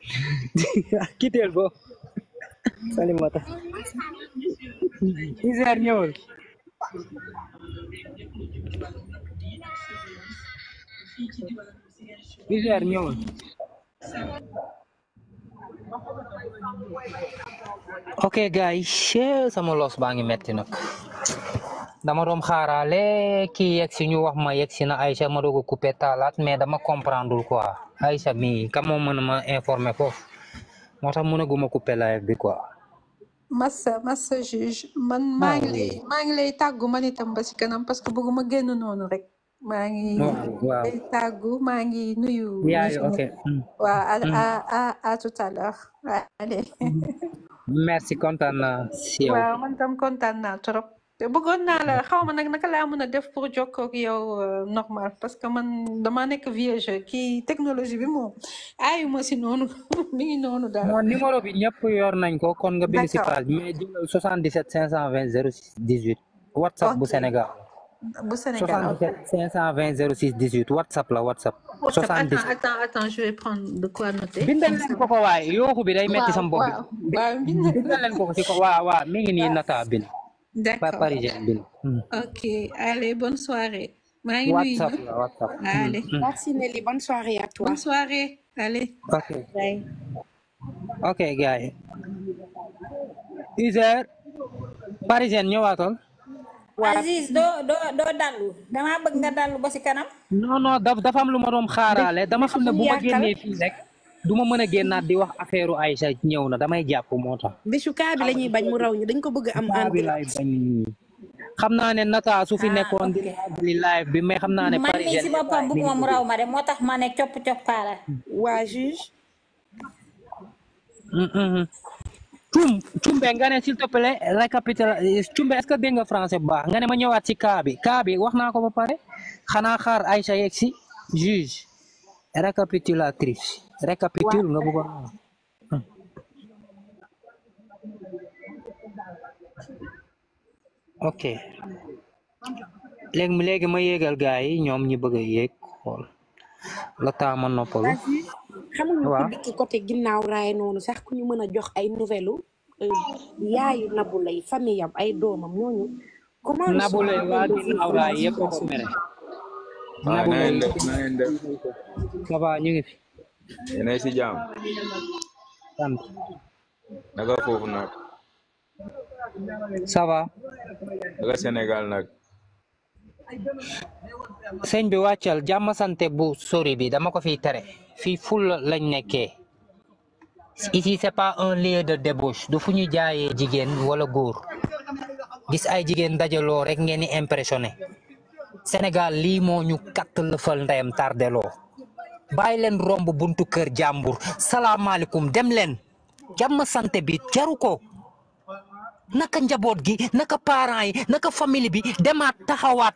kitel bo sare mata isar ñewul isar ñewul Oke okay, guys, sama loss bangi metti nak dama rom xaaraale ki yegg si ñu wax ma yek si na aisha ma doog coupé talat mais dama comprendre quoi aisha mi, ka mo meuna ma informer fof moo meuna guma coupé live bi quoi. massa massa juge man maa ngi lay maa ngi lay taggu man itam ba ci kanam parce que bëgguma genn nonu rek. maa ngi lay tàggu maa ngi nuyu. Mm. wa mm. a a a tout à l'heure allez. Mm. merci kontaan si wa man tam trop. bëggoon naa la mm-hmm. xawma ma nag naka laa mën a def pour jokkoo yow euh, normal parce que man dama nekk vierge kii technologie bi moom aayu ma si noonu mi ngi noonu daal. non numéro bi ñëpp yor nañ ko kon nga bind si page mais jëlal 77 520 06 18. whatsapp bu Sénégal. bu Sénégal 77 520 06 18 whatsapp la whatsapp. 77 attends attends je vais prendre de quoi noter. bindal leen ko ko waay yooxu bi day metti sama bopp bi. waaw waaw bindal leen ko ko si ko waaw waaw mi ngi nii ah. nata bind. D'accord. Pas parisienne, hmm. Ok, allez, bonne soirée. Marie WhatsApp, hein? là, WhatsApp. Allez. Hmm. Merci hmm. Nelly, bonne soirée à toi. Bonne soirée, allez. Ok. Bye. Ok, guys. Is there parisienne ñëwaatal. waaw Aziz do, do do dalu. Dama bëgg nga dalu ba si kanam. non non dafa am lu ma doon xaaraale dama xam ne bu ma génnee fi rek. duma mëna gennat di wax affaireu Aïcha ñew na damay japp moo tax. bisu kaa bi la bañ mu raw ñu dañ ko bëgg am. xamna ne Nata su fi nekkon ah, di li live bi may xamna ne. Paris man ci bopam boppam bëgguma mu raw ma de motax ma ne ciop kala wa juge. cum cumbe nga ne s'il te plaît récapitula cumbe est-ce que benga français ba baax nga ne ma ñëwaat ci kaa bi kaa bi wax ko ba paré xana xaar Aïcha yexi juge récapitulatrice. récapitule nga ah. bëggoon ok léegi ma yéegal gaa yi ñoom ñi bëgg a yéeg xool la taama noppalu. xamuñu ko dëkk côté ginnaaw raay noonu sax ku ñu mën a jox ay nouvelle euh, yaayu Nabou Leye famille ay doomam ñooñu. comment Nabou Leye waa ginnaaw raay yëpp a ko mere. Nabou Leye ñu ngi yéenay si jàmm. sant. foofu nag. ça va. Sénégal nag. sëñ bi wàccal jàmmasante bu sori bi dama ko fi tere fii ful lañ nekkee. ici c'est pas un lieu de débauche du fu ñu jaayee jigéen wala góor. gis ay jigéen dajaloo rek ngeen di impressionné. Sénégal lii moo ñu katt lëfal ndeyam tardeloo bàyyi leen buntu buntu jambour salam alaykum dem len jam sante bi jaruko naka njabot gi naka parents yi naka family bi demat taxawat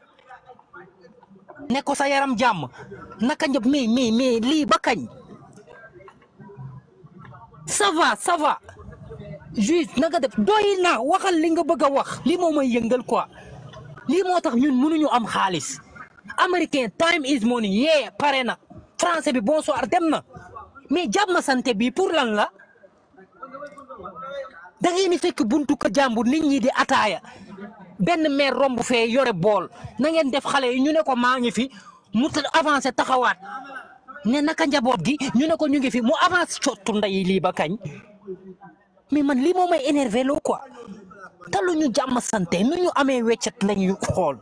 ne ko sa yaram jam naka njab mi mi mi Sava, sava. ça va ça va juste naga def doyna waxal li nga bëgg wax li yëngal quoi li motax ñun mënuñu am xaalis américain time is money Yeah, pare nak français bi bonsoir dem na mais jàmm sante bi pour lan la da ngay ni fekk buntu ko jàmbur nit ñi di ataaya benn maire romb fee yore bool na ngeen def xale yi ñu ne ko maa ngi fi mu avancé taxawaat ne naka njaboot gi ñu ne ko ñu ngi fi mu avance cottu nday lii ba kañ mais man lii moo may énervé loo quoi talu ñu jàmm sante nu ñu amee weccet lañuy xool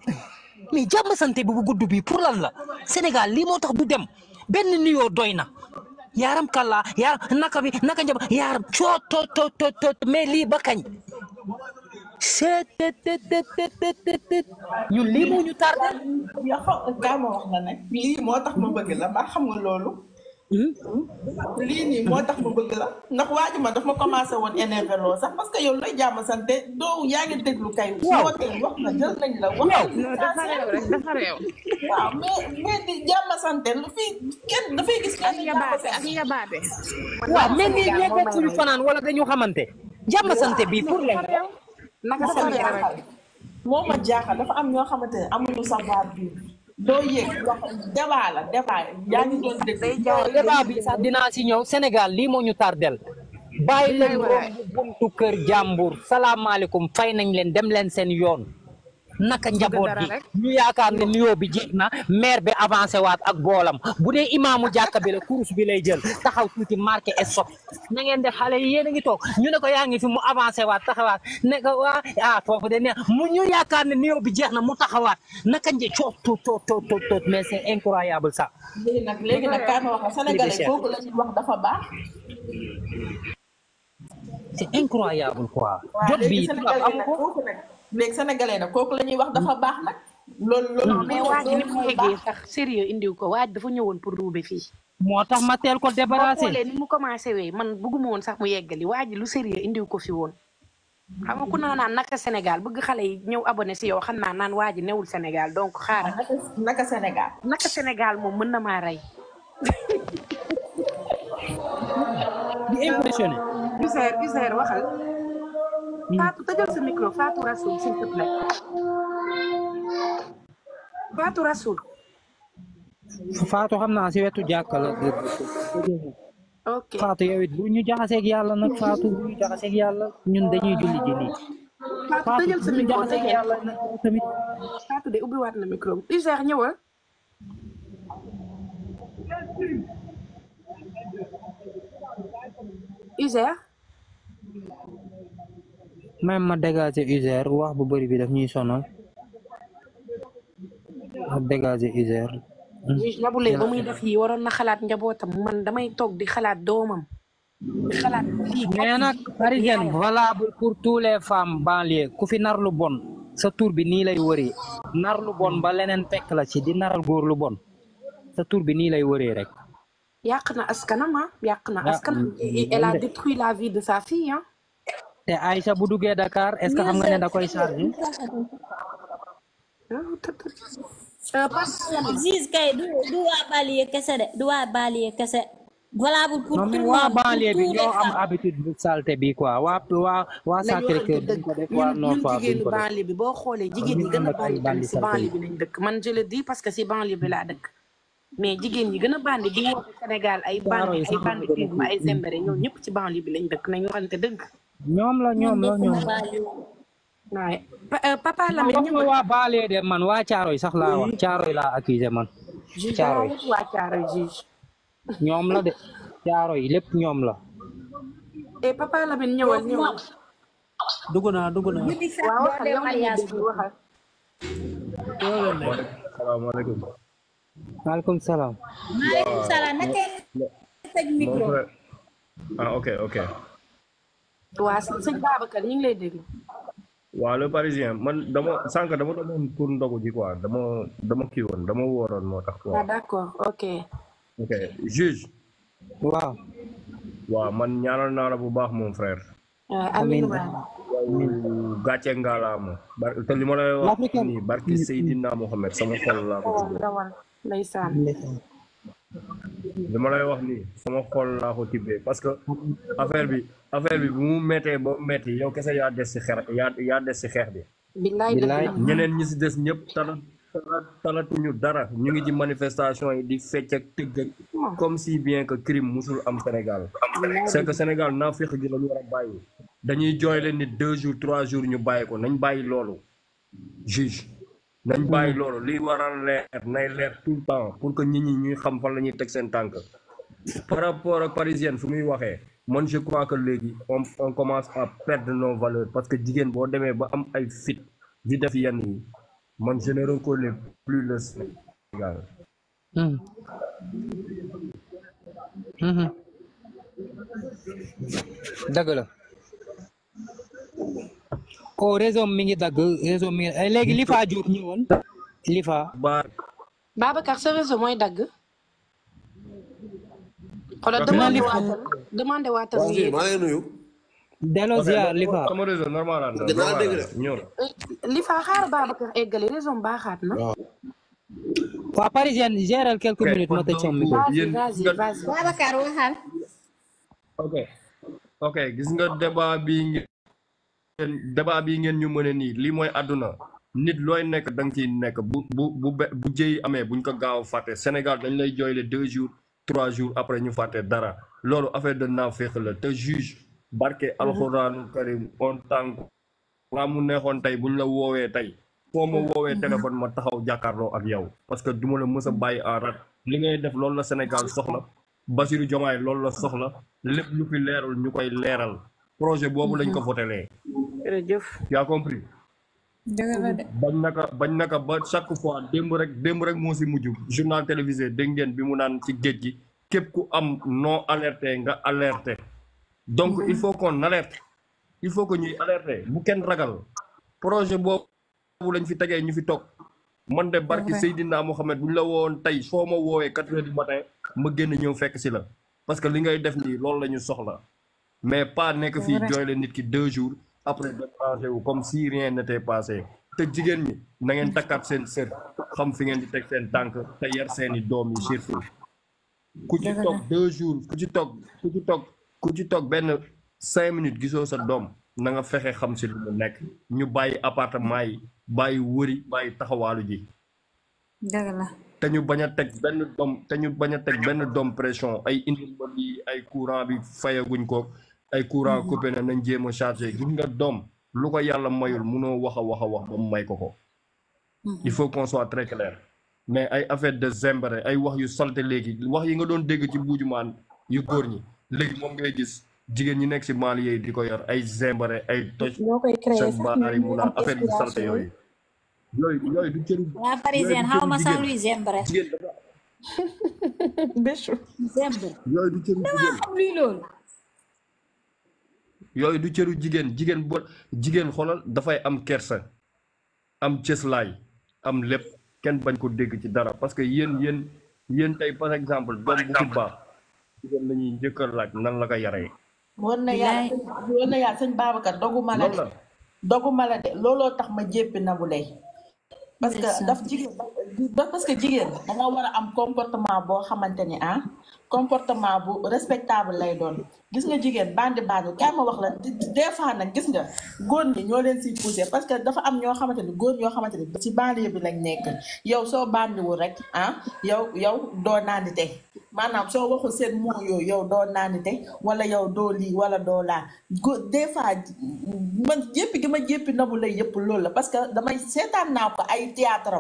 mais jàmm sante bi bu gudd bi pour lan la Sénégal lii moo tax bu dem. benn nuyoo doy na yaaram kàllaa yaaram naka bi naka njab yaaram coo to to to lii ba kañ seet teet teet teet teet teet lii moo ñu tardé. yaa lii moo tax ma bëgg la ba xam nga loolu. Hmm? Hmm? lii nii moo tax ma bëgg la ndax waa ji ma daf ma woon énervé loo sax parce que yow lay jàmm sante doo yaa ngi déglu kay. waaw mais mais di jàmm sante dafay gis. ak yabaate ak yabaate. waaw mais nii nekkatul fanaan wala dañu xamante. jàmm sante bi pour leen naka sa jaaxal moo ma jaaxal dafa am ñoo xamante ne amuñu savoir bi doo yëg débat la débat yaa ngi doon dégg débat bi sax dinaa si ñëw Sénégal lii moo ñu tardel bàyyi leen romb buntu kër jàmbur salaamaaleykum fay nañ leen dem leen seen yoon naka njaboot bi ñu yaakaar ne nuyoo bi jeex na maire bi avancé waat ak boolam bu dee imaamu jàkka bi la course bi lay jël taxaw tuuti marqué stop na ngeen def xale yi yéen a ngi toog ñu ne ko yaa ngi fi mu avancé waat taxawaat ne ko waa ah foofu de ne mu ñu yaakaar ne nuyoo bi jeex na mu taxawaat naka një coot toot toot toot toot mais c'est incroyable ça. léegi nag léegi nag kaan wax sénégalais kooku la ñuy wax dafa léegi sénégalais na kooku la ñuy wax dafa baax nag. loolu loolu hmm. mais waaj ni mu yeggee sax sérieux indiw ko waaj dafa ñëwoon pour ruube fii. moo tax ma teel ko débarrassé boo ni mu commencé wee man bëgguma woon sax mu yeggali waaj lu sérieux indiw ko fi woon. xam nga ku na naan naka Sénégal bëgg xale yi ñëw abonné si yow xam naa naan waa ji newul Sénégal donc xaaral. Ah, naka Sénégal. naka Sénégal moom mën na maa rey. di impressionné. Bisaer Bisaer waxal. Fatou tëjal sa micro Fatou Rassoul s'il te plaît Fatou Rassoul. Fatou xam naa si wetu já, la. ok Fatou yow it bu ñu jaxaseeg yàlla nag Fatou bu ñu jaxaseeg yàlla ñun dañuy julli ji nii. Fatou tëjal sa micro tey yàlla nag tamit. Fatou de ubbiwaat na micro bi Isaac ñëwal. Isaac. même ma dégager user wax bu bari bi daf ñuy sonal ma dégager user Nabou Leye muy def yi waroon na xalaat njabootam man damay toog di xalaat doomam di xalaat lii nag parisienne valable pour tous les femmes banlieue ku fi nar lu bon sa tur bi nii lay wëree nar lu bon ba leneen fekk la ci di naral góor lu bon sa tur bi nii lay wëree rek yàq na askanam ah. yàq na ah, mm, te Aïcha bu duggee Dakar est-ce que xam nga ne da koy chargé. parce que Ziz kay du waa banlieue kese de du waa banlieue kese. valable pour tout le waa banlieue bi ñoo am habitude bu salte bi quoi waa waa waa Sacré-Cœur bi ko def waa Nord Foire bi boo xoolee jigéen ñi gën a bandi si banlieue bi lañ dëkk man je le dis parce que si banlieue bi laa dëkk. mais jigéen ñi gën a bandi di woote Sénégal ay bandi ay bandi ay ñëpp ci banlieue bi lañ dëkk nañ nañu waxante dëgg. ñoom la ñoom la ñoom waaye euh, papa Lamine ñu waa Baale de man waa Caaroy sax laa wax Caaroy laa accusé man Caaroy ñoom la de Caaroy lépp ñoom la e papa Lamine ñëwal ñëwal dugg naa dugg naa salaam maaleykum salaam ah, ok ok waa sëñ parisien man dama sànq dama doon pour ndogu ji quoi dama dama kii dama wooroon moo tax. ah ok. juge. waaw. waaw man ñaanal naa la bu baax moom frère. Ah, amiin waaw gàcce te li ma lay wax nii barke Seydina sama xol laa ko. Oh, ndeysaan li ma lay wax nii sama xool laa ko tibbee parce que affaire bi affaire bi bu mu méttee ba métti yow kese yaa des si xeex bi. billaay ñeneen ñi si des ñëpp tala talatuñu dara ñu ngi ci manifestation yi di fecc ak tëgg comme si bien que crime mosul am Sénégal. c'est que Sénégal naafiq gi la ñu war bàyyi. dañuy jooyle nit deux jours trois jours ñu bàyyi ko nañ bàyyi loolu juge. nañ mm. bàyyi loolu liy waral leer nay leer tout le temps pour que nit ñi ñuy xam fan la ñuy teg seen tànk par rapport ak parisienne fu muy waxee man je crois que léegi on on commence à perdre nos valeurs parce que jigéen boo demee ba am ay fit di def yenn yi man je ne reconnais plus le Sénégal. Mm. Mm-hmm. dëgg la. o réseau mi ngi dagg réseau mi eh, léegi Lifa Diop ñëwoon Lifa. Babacar sa réseau mooy dagg. xoolal demandé waatal demandé waatal. maa ngi nuyu. delloo ziar Lifa. sama eh, Lifa xaar Babacar eggale réseau am baaxaat na. waa parisienne géral quelques minutes ma tëj sama micro. vas-y vas-y Babacar gis nga débat bi débat yi ngeen ñu mëne nii lii mooy àdduna nit looy nekk da nga ciy nekk bu bu bu bu jëy amee buñ ko gaaw fàtte Sénégal dañu lay jooyle deux jours trois jours après ñu fàtte dara loolu affaire de naaféq la te juge barke mhm. alxuraanu karim on tànk laa mu neexoon tey buñ la woowee tey foo ma woowee mhm. téléphone ma taxaw jàkkaarloo ak yow parce que duma la mës a bàyyi en rat li ngay def loolu la Sénégal soxla Bassirou Diomaye loolu la soxla lépp lu fi leerul ñu koy leeral projet boobu lañ ko mhm. votelee. jërëjëf yaa compris. dëgg la bañ naka bañ naka ba chaque fois démb rek démb rek moo si mujj journal télévisé dégg ngeen bi mu naan ci géej gi képp ku am no alerté nga alerte donc mhm. il faut qu'on alerte il faut que ñuy alerte bu kenn ragal projet boobu lañ fi tegee ñu fi toog. man de barki Seydina Mohamed bu ñu la woowoon tey soo ma woowee quatre heures du matin ma génn ñëw fekk si la parce que li ngay def nii loolu la ñu soxla. mais pas nekk fii jooy la nit ki deux jours après de tranché wu comme si rien n'était passé te jigéen ñi na ngeen takkaat seen sër xam fi ngeen di teg seen tànk te yar seeni doom yi surtout ku ci toog deux jours ku ci toog ku ci toog ku ci toog benn cinq minutes gisoo sa doom na nga fexe xam si lu mu nekk ñu bàyyi appartement yi bàyyi wëri bàyyi taxawaalu ji dëgg te ñu bañ a teg benn doom te ñu bañ a teg benn doom pression ay indi yi ay courant bi fayaguñ ko ay courant coupé na nañ jéem a chargé gis nga doom lu ko yàlla mayul munoo wax a wax a wax ba mu may ko ko. Mm-hmm. il faut qu'on soit très mais ay affaire de zembare ay wax yu salte léegi wax yi nga doon dégg ci buujumaan yu góor ñi léegi moom ngay gis jigéen ñi nekk si maal yooyu di ko yor ay zembare ay toj. ñoo koy créé mun a affaire yu salte yooyu. yooyu yooyu waa parisienne xaw ma sax luy zembare. yooyu xam luy loolu. yooyu du cëru jigéen jigéen bo jigéen xoolal dafay am kersa am cëslaay am lépp kenn bañ ko dégg ci dara parce que yéen yéen yéen tey par exemple doom bu fi baax jigéen la laaj nan la ko yaree. war na yàlla war na yàlla sëñ ma la de dogu la de looloo tax ma jéppi na bu parce que daf jigéen ba parce que jigéen da nga war a am comportement boo xamante ni ah comportement bu respectable lay doon gis nga jigéen bandi bandi kaay ma wax la des fois nag gis nga góor ñi ñoo leen si poussé parce que dafa am ñoo xamante ni góor ñoo xamante ni ci banlieue bi lañ nekk yow soo bandiwul rek ah yow yow doo naanite maanaam soo waxul seen moo yooyu yow doo tey wala yow doo lii wala doo laa des fois man jéppi gi ma jéppi nabu lay yëpp loolu la parce que damay seetaan naa ko ay théâtre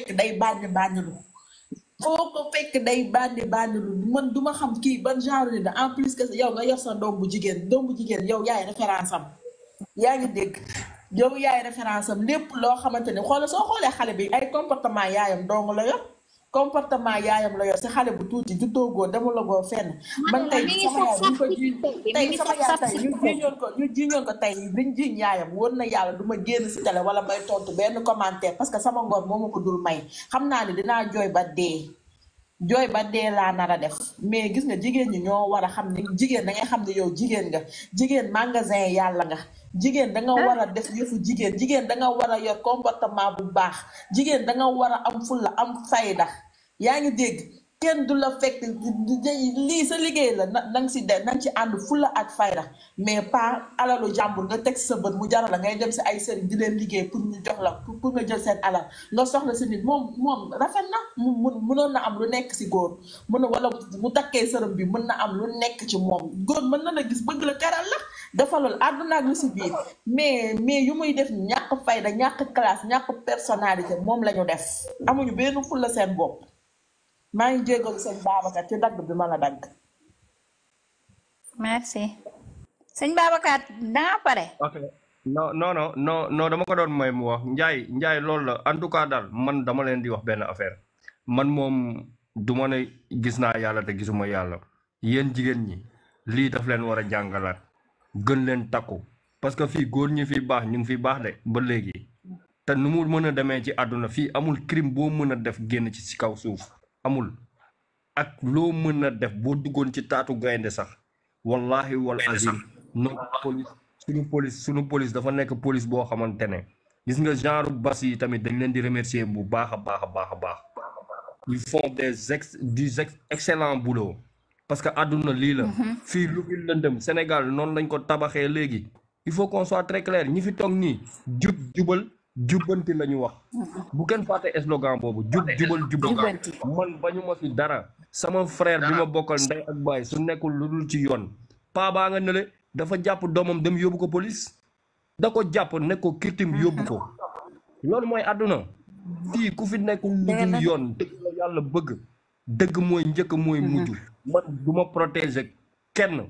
fekk day bànni bànnilu foo ko fekk day bànni bànnilu man duma xam kii ban genre ni en plus que yow nga yor sa doom bu jigéen doom bu jigéen yow yaay référence am yaa ngi dégg yow yaay référence am lépp loo xamante ne xoolal soo xoolee xale bi ay comportement yaayam dong la yor comportement yaayam la yor si xale bu tuuti ju toogoo demulagoo fenn. man tey sama yaay ko ji tey sama tey ñu ñu jiñoon ko tey yaayam wóor na yàlla du ma génn si tele wala may tontu benn commentaire parce que sama ngoor moo ma ko dul may xam naa ne dinaa jooy ba dee. jooy ba dee laa nar a def mais gis nga jigéen ñi ñoo war a xam ne jigéen da xam ne yow jigéen nga jigéen magasin yàlla nga. jigéen da war a def yëfu jigéen jigéen da war a yor comportement bu baax jigéen da war a am fulla am fayda yaa ngi dégg kenn du la fekk lii sa liggéey la na nga si de na ci ànd fulla ak fayda mais pas alalu jàmbur nga teg sa bët mu jaral la ngay dem si ay sëriñ di liggéey pour ñu jox la pour nga jël seen alal nga soxla si nit moom moom rafet na mu munoon na am lu nekk si góor mën na wala mu takkee sërëm bi mën na am lu nekk ci moom góor mën na la gis bëgg la teral la. defalul àdduna ak lu si biir mais mais yu muy def ñàkk fayda ñàkk classe ñàkk personnalité moom la ñu def amuñu benn fulla seen bopp maa ngi jégalu sëñ Babacar ci dagg bi ma la dagg. merci sëñ Babacar danga pare. ok non non dama ko doon mooy mu wax Ndiaye njaay loolu la en tout cas daal man dama leen di wax benn affaire man moom du ma ne gis naa yàlla te gisuma yàlla yéen jigéen ñi lii daf leen war a jàngalaat. gën leen takku parce que fii góor ñi fi baax ñu ngi fi baax de ba léegi te nu mu mën a demee ci àdduna fii amul crime boo mën a def génn ci si kaw suuf amul ak loo mën a def boo duggoon ci taatu gaynde sax wallahi wal azim non police suñu police suñu police dafa nekk police boo xamante ne gis nga genre bas yi tamit dañ leen di remercier bu baax a baax a baax a baax ils font des ex du excellent boulot parce que àdduna lii la. Mhm. fii lu fi lëndëm Sénégal noonu lañ ko tabaxee léegi il faut qu'on soit très ñi fi toog nii jub jubal jubanti la ñu wax. Mhm. bu kenn fàtte slogan boobu jub jubal jubbanti. man bañu ma fi dara. sama frère bi ma bokkal ndey ak baay su nekkul lu dul ci yoon paa baa nga nële dafa jàpp doomam dem yóbbu ko police da ko jàpp ne ko kirtim yóbbu ko loolu mooy àdduna fii ku fi nekkul lu dul yoon dëgg la yàlla bëgg dëgg mooy njëkk mooy mhm. mujj. man du ma protéger kenn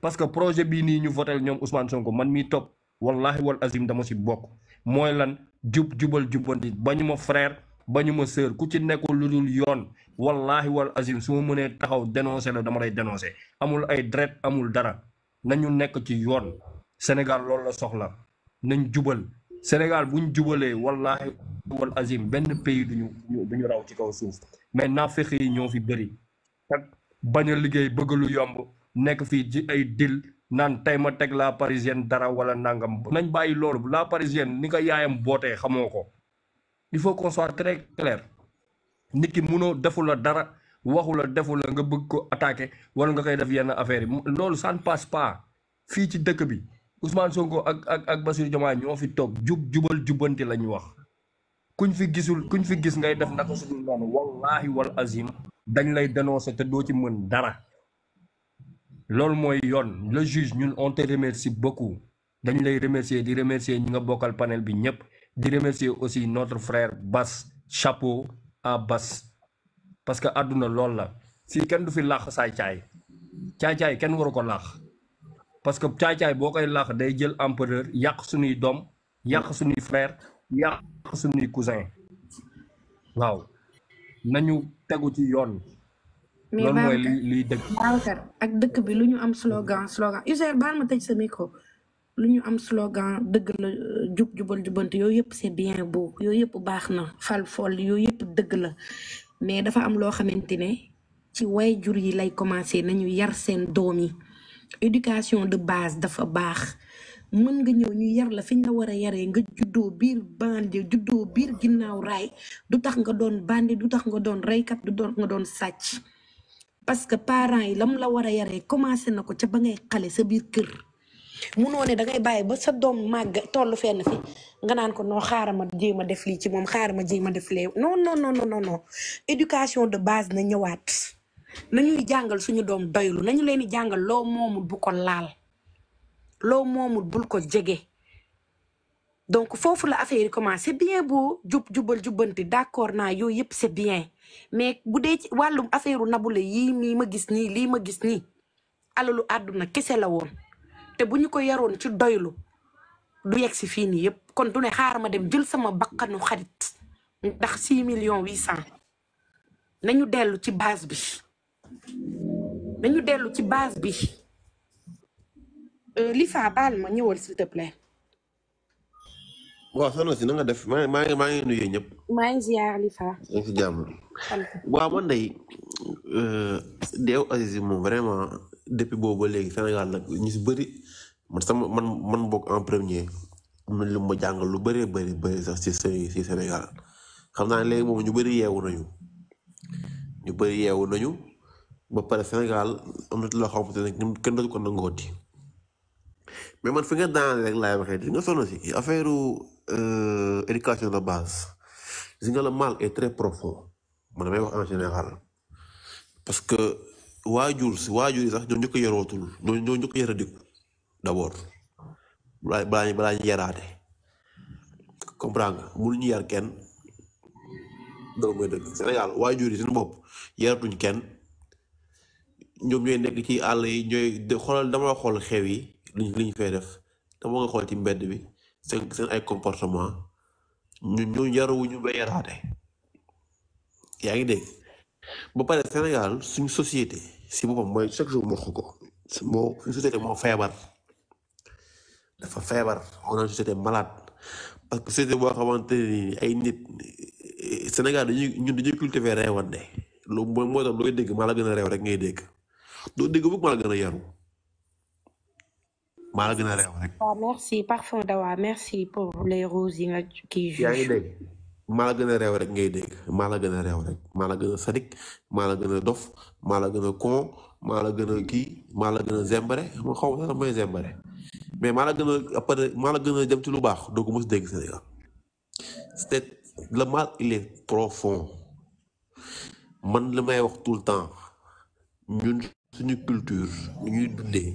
parce que projet bii nii ñu votel ñoom Ousmane Sonko man mii topp wallahi wal azim dama si bokk mooy lan jub jubal jubanti ba ñu ma frère ba ñu ma sœur ku ci nekkul lu dul yoon wallahi wal azim su ma mënee taxaw dénoncé la dama lay dénoncé amul ay dret amul dara na ñu nekk ci yoon Sénégal lool la soxla nañ jubal Sénégal buñ jubalee wallahi wal azim benn pays duñu duñu raw ci kaw suuf mais naafeq yi ñoo fi bëri bañ a liggéey bëgg lu yomb nekk fii ci ay dil naan tey ma teg la parisienne dara wala nangam nañ bàyyi loolu la parisienne ni nga yaayam bootee xamoo ko il faut qu'on soit très clair nit ki munoo defu la dara waxu la defu la nga bëgg ko attaquer wala nga koy def yenn affaire yi loolu ça passe pas fii ci dëkk bi Ousmane Sonko ak ak ak Bassirou Diomaye ñoo fi toog jub jubal jubanti la ñu wax kuñ fi gisul ku ñu fi gis ngay def naka sudul noonu wallahi wal azim dañ lay dénoncer té do ci mën dara le juge ñun on te remercie beaucoup dañ lay remercier di remercier ñi nga panel bi di remercier aussi notre frère Bass chapeau à Bass parce que aduna lola la kenn du fi lakh say tay tay tay kenn waru ko parce que tay tay bokay lakh day jël empereur yak suñuy dom yak frère yak cousin waaw. nañu tegu ci yoon. loolu mooy liy dëgg. ak dëkk bi lu ñu am slogan slogan User baal ma tëj sa micro lu ñu am slogan dëgg la jub jubal jubanti yooyu yëpp c'est bien beau yooyu yëpp baax na fal fol yooyu yëpp dëgg la mais dafa am loo xamante ne ci way jur yi lay commencer nañu yar seen doom yi éducation de base dafa baax. mën nga ñëw ñu yar la fiñ la wara yaré nga juddoo biir bandi juddoo biir ginnaw ray du tax nga doon bandi du tax nga doon kat du doon nga doon sacc parce que parents yi lam la wara yaré commencé na ko ca ba ngay xalé sa biir kër munoo ne da ngay bàyyi ba sa doom màgg toll fenn fi nga naan ko no xaarama jima def lii ci moom xaarama def lee non non non non non éducation de base na ñëwaat nañuy jàngal suñu doom doylu nañu leen jangal jàngal loo moomul bu ko laal. loo moomul bul ko jege donc foofu la affaire yi commencé bien beau jub jubal jubbanti d'accord naa yooyu yëpp c'est bien mais bu dee ci wàllum affaire u Nabou Leye yii mii ma gis nii lii ma gis nii alalu àdduna kese la woon te bu ñu ko yaroon ci doylu du yegg si fii nii yëpp kon du ne xaar ma dem jël sama bakkanu xarit ndax six millions huit cent nañu dellu ci baas bi nañu dellu ci baas bi Euh, Lifa baal ma ñëwal s'il te plaît. waaw soxna si na def maa maa ngi maa ngi nuyu ñëpp. maa ngi ziar Lifa. maa ngi si jàmm. waaw man deew euh, Aziz moom vraiment depuis boobu léegi Sénégal nag ñu si bëri man sama man man bokk en premier man jàngal lu baree bëri bëri sax si si Sénégal xam naa léegi moom ñu bëri yeewu nañu ñu bëri yeewu nañu ba pare Sénégal am na loo xamante ne kenn dootu ko nangooti. mais man fi nga daan rek laay waxee gis nga sono si affaire euh, éducation de base gis nga le mal est très profond man damay wax en général parce que waajur si waajur yi sax ñoo njëkk yarootul ñoo njëkk yaradiku d' abord balaa balaa ñu balaa ñu yaraate comprendre kenn loolu mooy dëgg Sénégal waajur yaratuñ kenn ñoom ñooy nekk ci àll yi ñooy xoolal dama xool xew yi li li ñu fay def te moo nga xool ci mbedd bi seen seen ay comportement ñun ñu yaruwuñu ba yaraate yaa ngi dégg ba pare Sénégal suñu société si boppam mooy chaque jour moo ko moo suñu société moo feebar dafa feebar on a une société malade parce que société boo xawante ni ay nit Sénégal dañuy ñun dañuy cultiver reewande loolu mooy moo tax looy dégg maa la gën a reew rek ngay dégg doo dégg bug maa la gën a yaru maa rek. merci parfois merci pour les roses yi nga kii yaa ngi dégg maa la gën a rek ngay rek sadik maa la dof maa la gën a con maa la gën a kii maa xaw zembare mais maa la gën a dem ci lu le mal il est profond man li may wax tout le temps ñun suñu culture ñuy dundee.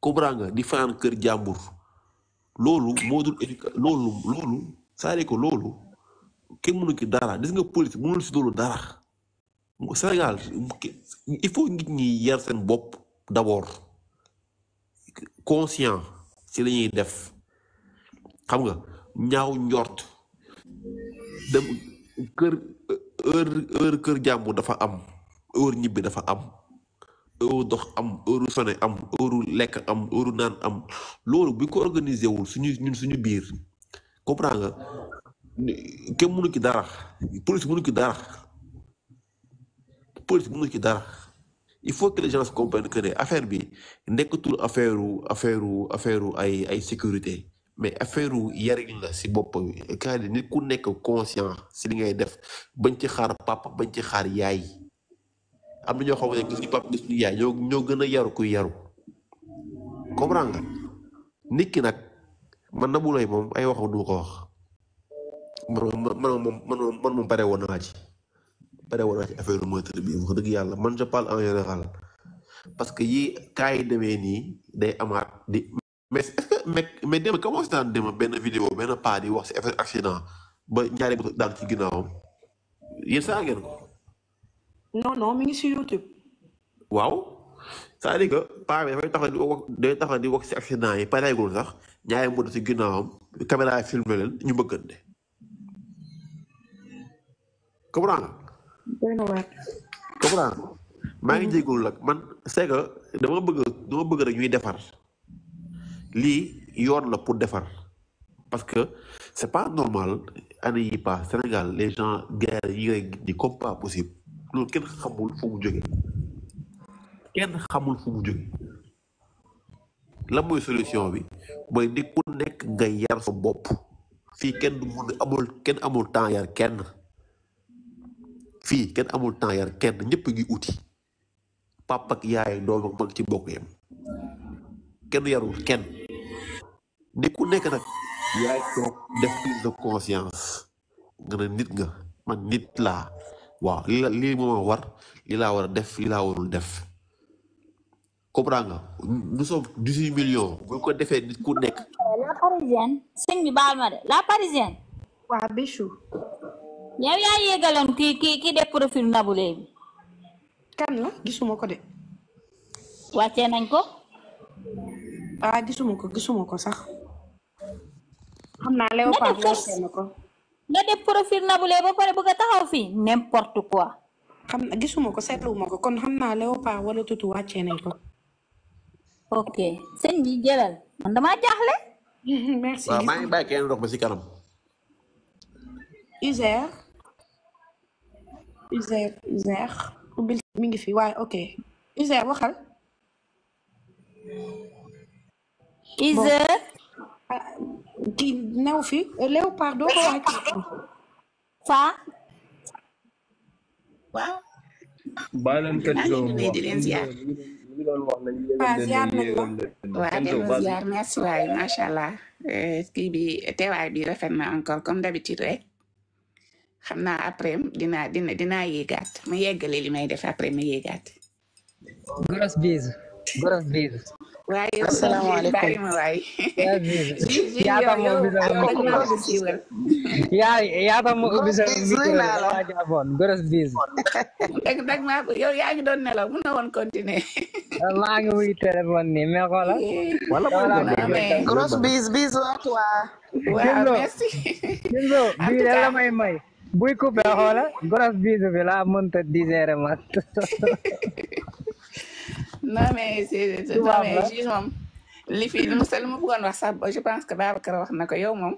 kubra nga di fanaan kër jàmbur loolu moo dul éduca loolu loolu c'est-à-dire loolu kenn mënu ki dara des nga police mënul si loolu dara Sénégal il faut nit ñi yar seen bopp d'abord conscient ci lañuy def xam nga ñaaw njort dem kër heure heure kër jàmbur dafa am heure ñibbi dafa am euro dox am euro sone am euro lekk am euro naan am loolu bu ko organisé wul suñu ñun suñu biir que nga kenn mënu ci dara police mënu ci dara police mënu ci dara il faut que les gens comprennent que ne affaire bi nekkatul affaire affaire affaire ay ay sécurité mais affaire yarin la si bopp bi kaa nit ku nekk conscient si li ngay def bañ ci xaar papa bañ ci xaar yaay am na ñoo xam ne gis gis yaay ñoo gën a yaru kuy yaru comprendre nga nit ki nag man na bu moom ay waxu du ko wax man man moom man moom pare woon naa ci pare woon naa ci affaire moteur bi wax dëgg yàlla man je parle en général parce que yii kaa yi demee nii day amaat di mais mais mais dem commencé daan dem benn vidéo benn paa di wax si affaire accident ba ñaari moto daan ci ginnaawam yéen saa ngeen ko non non mi ngi si YouTube. waaw cest à que paa bi dafay taxaw di wax day taxaw di wax si accident yi pareegul sax ñaari moto si ginnaawam caméra yi filmé ñu bëggante. comprendre maa ngi mm. jégalu nag man c'est dama bëgg dama bëgg rek defar lii yoon la pour defar parce que c'est pas normal année yi pas Sénégal les gens yi rek di comme pas possible. loolu kenn xamul fu mu jóge kenn la mooy solution bi mooy ni ku nekk nga yar sa bopp fii kenn du mun amul kenn amul temps yar kenn fii ñëpp ngi uti papa yaay doom ak ci bokk yam kenn yarul kenn ni nekk nag yaay toog def prise de conscience nga ne nit nga man nit laa waaw lii moom war li laa war a def li laa warul def comprendre nga nous sommes dix-huit millions bu ko defee nit ku nekk. la bi baal ma de la parisienne. waa Bichou. yow yaa yéegaloon kii kii def profil Nabou Léye bi. kan la gisuma ko de. wàccee nañ ko. ah gisuma ko gisuma ko sax. xam naa Léopard wàccee na ko. nga def profil nabule ba pare bëgg a taxaw fii n'importe quoi. xam na gisuma ko seetluwuma ko kon xam naa léopard wala tutu wàccee nañ ko. ok sëñ bi jëlal man damaa jaaxle. merci waaw maa ngi ba si kanam. User. User User. ubbil mi ngi fi waaye ok User waxal. User. Ah, kii new fi léopard doo ko wax faa waaw merci waay macha allah eh, kii bi teewaay bi rafet na encore comme d'habitude rek xam naa après dina dina dinaa yéegaat ma yeggale may def après ma yéegaat gros bisous Gora Visa. waaye yow salaamaaleykum yaata mo bisal yaata mo bisal jaaboon Gora Visa dëgg dëgg maa yaa ngi doon nelaw mën na woon continuer maa ngi wuy téléphone nii mais xoolal wala Gora Visa Visa waaw merci Kinzo bii de la may non mais c'est non mais juge moom li fi lu ma bëggoon wax sax je pense que ba Babacar wax na ko yow moom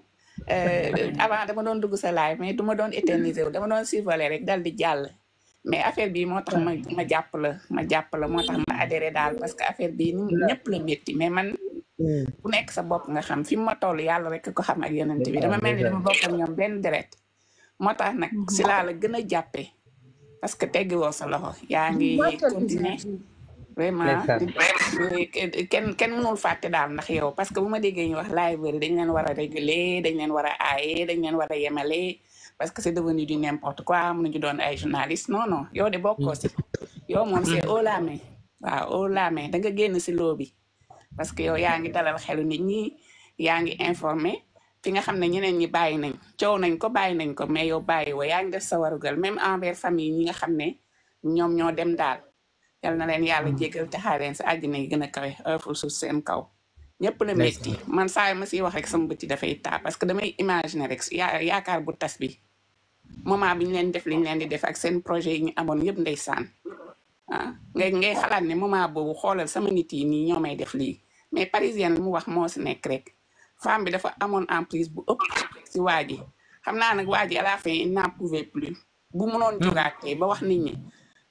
euh, avant dama doon dugg sa live mais du ma doon éterniser wu dama doon survoler rek dal di jàll mais affaire bi moo tax ma ma jàpp la ma la moo daal parce que affaire bi ñëpp la métti mais man u nekk sa bopp nga xam fi mu ma toll yàlla rek ko xam ak yonent bi dama mel ni dama bokk ak ñoom benn deret moo tax nag si laa gën a jàppee parce que teggi woo sa loxo yaa ngi continuer vraiment kenn kenn mënul fàtte daal ndax yow parce que bu ma déggee ñu wax librairie dañ leen war a réguler dañ leen war a aaye dañ leen war a yemale parce que c'est devenu du n'importe quoi mënuñu doon ay journaliste non non yow de bokkoo si yow moom c'est mm-hmm. haut la main waaw haut la main da nga génn si loo bi parce que yow yaa ngi dalal xelu nit ñi yaa ngi informé fi nga xam ne ñeneen ñi bàyyi nañ coow nañ ko bàyyi nañ ko mais yow bàyyi woo yaa ngi def sa warugal même envers famille ñi nga xam ne ñoom ñoo dem daal yal na leen yàlla mm. jégal te xaar leen sa àjjana yi gën a kawe ëfful suuf seen kaw ñëpp la métti man saa ma siy wax rek sama bëti dafay taa parce que damay imaginer rek yaa yaakaar bu tas bi moment bi ñu leen def li leen di def ak seen projet yi ñu amoon yëpp ndeysaan ah ngay ngay xalaat ne moment boobu xoolal sama nit yi nii ñoo may def lii mais parisienne mu wax moo si nekk rek femme bi dafa amoon en prise bu ëpp si waa xam naa nag waa ji à la fin il n'en plus bu munoon mm. jógaatee ba wax nit ñi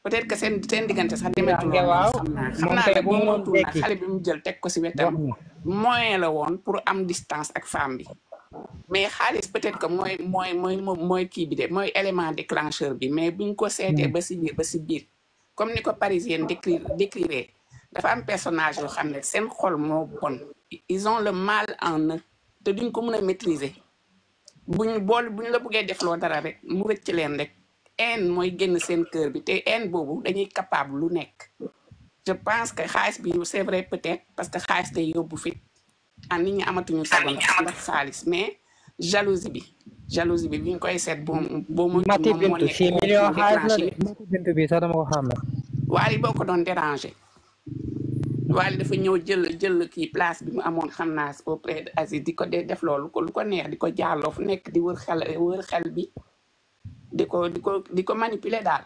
peut-être que sen sen diggante sax demeetul waaw xam naa rek bu motul nag xale bi mu jël tek ko ci wétam moyen la won pour am distance ak femme bi mais xaliss peut-être que moy moy moy moy ki bi dé moy élément déclencheur bi mais buñ ko sété ba ci bir ba ci bir comme niko ko parisienne décri décrire dafa am personnage yo xamné sen xol mo bon ils ont le mal en eux te duñ ko mën maîtriser buñ bol buñ la bëggé def lo dara rek mu rëcc leen rek haine mooy génn seen cœur bi te haine boobu dañuy capable lu nekk je pense que xaalis bi c'est vrai peut parce que xaalis day yóbbu fit ah ni ñu amatuñu sago ah, ndax xaalis mais jalousie bi jalousie bi bi ñu koy seet boo boo mu mati bintu si million ko doon déranger waali dafa ñëw jël jël kii place bi mu amoon xam naa auprès de Aziz di ko dee def loolu ko lu ko neex di ko jaarloo fu nekk di wër xel wër xel bi di ko di ko di ko manipuler daal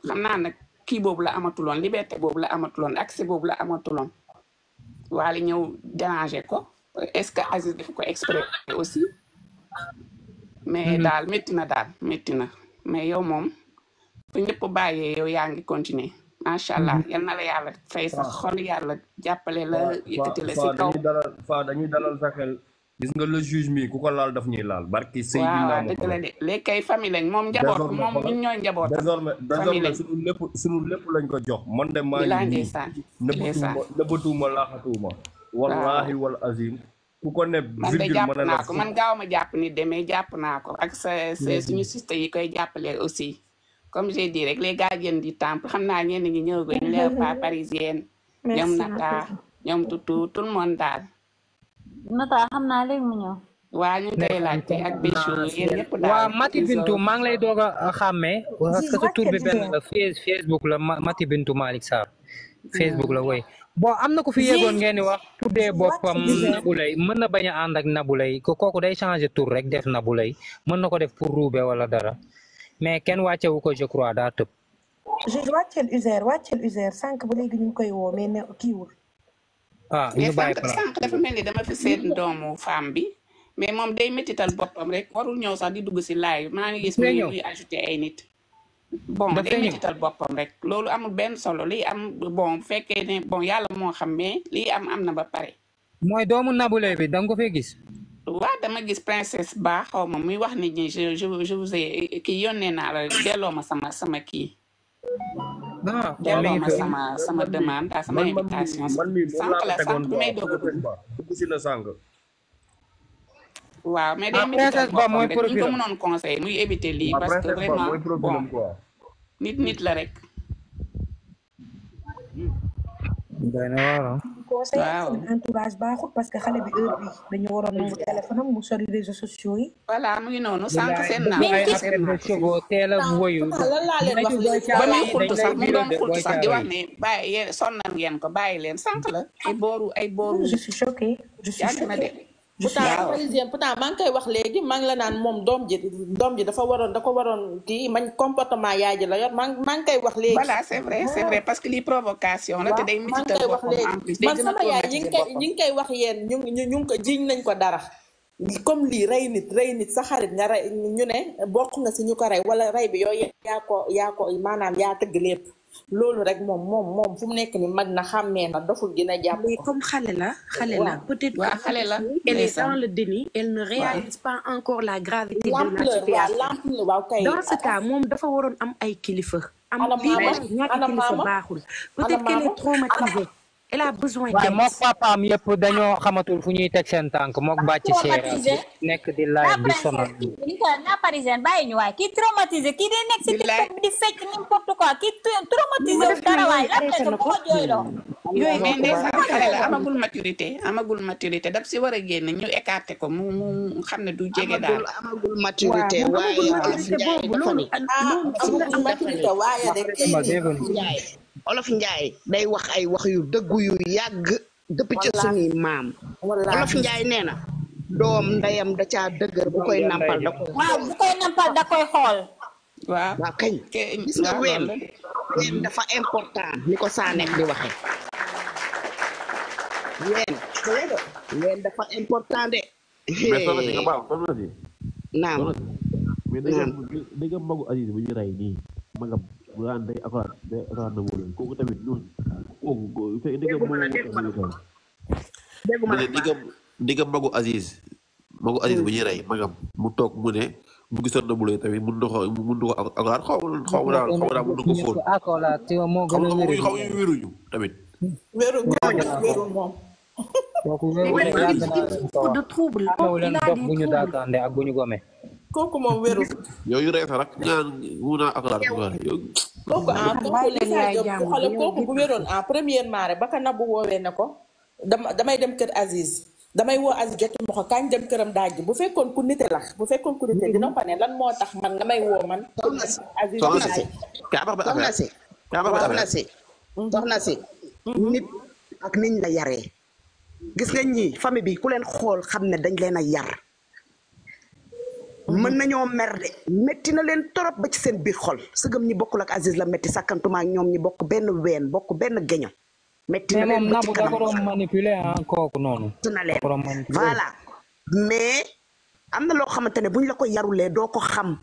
xam naa nag kii boobu la amatuloon liberté boobu la amatuloon accès boobu la amatuloon waale ñëw déranger ko est-ce que Aziz def ko exprès aussi mais mm-hmm. daal métti na daal métti na mais yow moom fu ñëpp bàyyee yow yaa ngi continuer macha allah mm-hmm. yal na la yàlla fay sa xol yàlla jàppale la yëkkati la si kaw fa dañuy dalal sa xel gis nga le juge mi ku ko laal daf ñuy laal barki sëy waaw dëgg la de léegi kay famille lañ moom njaboot moom ñun ñooy njaboot désormais désormais suñu lépp suñu lépp lañ ko jox man de maa ngi nii nëbbatuuma nëbbatuuma laaxatuuma wallaahi wal azim ku ko ne virgule mën naa ko man gaaw ma jàpp ni demee jàpp naa ko ak sa suñu siste yi koy jàppale aussi comme j'ai dit rek les gardiens du temple xam naa ñenn ñi ñëw goñ les parisienne ñoom Nata ñoom Tutu tout le monde daal Nata xam naa léegi mu ñëw. waa ñu lay waaw Mati Bintu maa doog a euh, xàmmee. parce que sa tur bi la Facebook la Mati Bintu Malick Sarr. Mm. Facebook la woy bon am na ko fi yeggoon ngeen di wax. tuddee boppam Naboulaye mën na bañ a ànd ak ko kooku day changer tur rek def Naboulaye mën na ko def pour ruube wala dara mais kenn wàccewu ko je crois daa tëb. je wàcceel user wàcceel user sànq ba léegi ñu ngi koy woo mais kiiwul. ah ñu bàyyi sànq dafa mel ni dama fi doomu femme bi mais moom day métital boppam rek warul ñëw sax di dugg si live maa ngi gis mu ñuy ajouté ay nit bon day métital boppam rek loolu amul benn solo lii am bon bu fekkee ne bon yàlla moo xam mais lii am am na ba pare mooy doomu nabule bi danga fee gis waaw dama gis princesse ba xaw ma muy wax ni ñi je je kii yónnee naa la delloo ma sama sama kii ah sama sama demande ak sama invitation. man mii moom laa ko tegoon waaw mais day princesse ba la rek. doy na waaw conseil seen entourage parce que xale bi heure bi dañu waroon nangu téléphone am mu sori réseaux sociaux yi voilà mu ngi noonu sànq seen naa teel a woyu lan mu doon xultu sax ngeen ko bàyyi leen sànq la ay booru ay booru je suis choquée je pourtant parisien pourtant maa ngi koy wax léegi maa la naan moom doom ji doom ji dafa waroon da ko waroon kii man comportement yaay ji la yor maa ngi koy wax léegi voilà parce que lii provocation la te day koy wax léegi man sama yaay ñi ngi koy ñi ngi koy wax yéen ñu ñu ngi ko jiñ nañ ko dara comme lii rey nit rey nit sa xarit nga rey ñu ne bokk nga si ñu ko rey wala rey bi yooyu yaa ko yaa ko maanaam yaa tëgg lépp lolu rek mom mom mom fum nek ni mag na xàmmee na doful gën a jàpp mais comme xale la xale la peut-être waaw xale la elle est dans le déni elle ne réalise pas encore la gravité de la situation waaw kay dans ce cas mom dafa waroon am ay kilifa am bii ñàkk kilifa baaxul peut-être qu'elle est traumatisée elle a besoin d'aide. yëpp dañoo xamatul fu ñuy teg seen tànk mook bàcc seera nekk di laaj di sonal la parisienne bàyyi ñu waay kii traumatisé kii di nekk si bi di fecc n'importe quoi kii traumatisé wu dara waay lan la ko ko jooyloo si war a génn ko mu xam ne du jege daal amagul olof njaay day wax ay wax yu dëggu yu yàgg depuis ci suñuy maam olof njaay nee na doom ndeyam da caa dëgër bu koy nampal da koy xool waaw kañ ween ween dafa important ni ko saaneex di waxe ween ween dafa important de naam naam dëgg bu daan day afaar day afaar na magu Aziz magu Aziz bu ñuy magam mu toog mu ne mu gisoon na mu tamit mun na ko mun na ko afaar xaw ma xaw ma xaw ma daal mun na ko ah, xaw ma wéruñu tamit wéru wéru moom kooku wéru de trouble ah, oh, ak bu ñu daakande ak kooku moom wéru. yow yu rees rek ñaan wuuna ak laal. kooku ah kooku Issa Diop xoolal kooku bu wéroon ah premièrement rek ba ka nabu woowee ne ko dama damay dem kër Aziz damay woo Aziz jot ma ko kañ dem këram daaj bu fekkoon ku nite bu fekkoon ku nite dina ko lan moo tax man nga may woo man. soxna si soxna si soxna si soxna si soxna si nit ak nit la yaree. gis nga ñii famille bi ku leen xool xam ne dañ leen a yar. mën nañoo mer de métti na leen torop ba ci seen biir xol sëgëm ñi bokkul ak Aziz la métti sàkkantuma ak ñoom ñi bokk benn ween bokk benn géño metti na leen ba ci kanam mais manipulé kooku noonu. na leen voilà mais am na loo xamante ne bu ñu la ko yarulee doo ko xam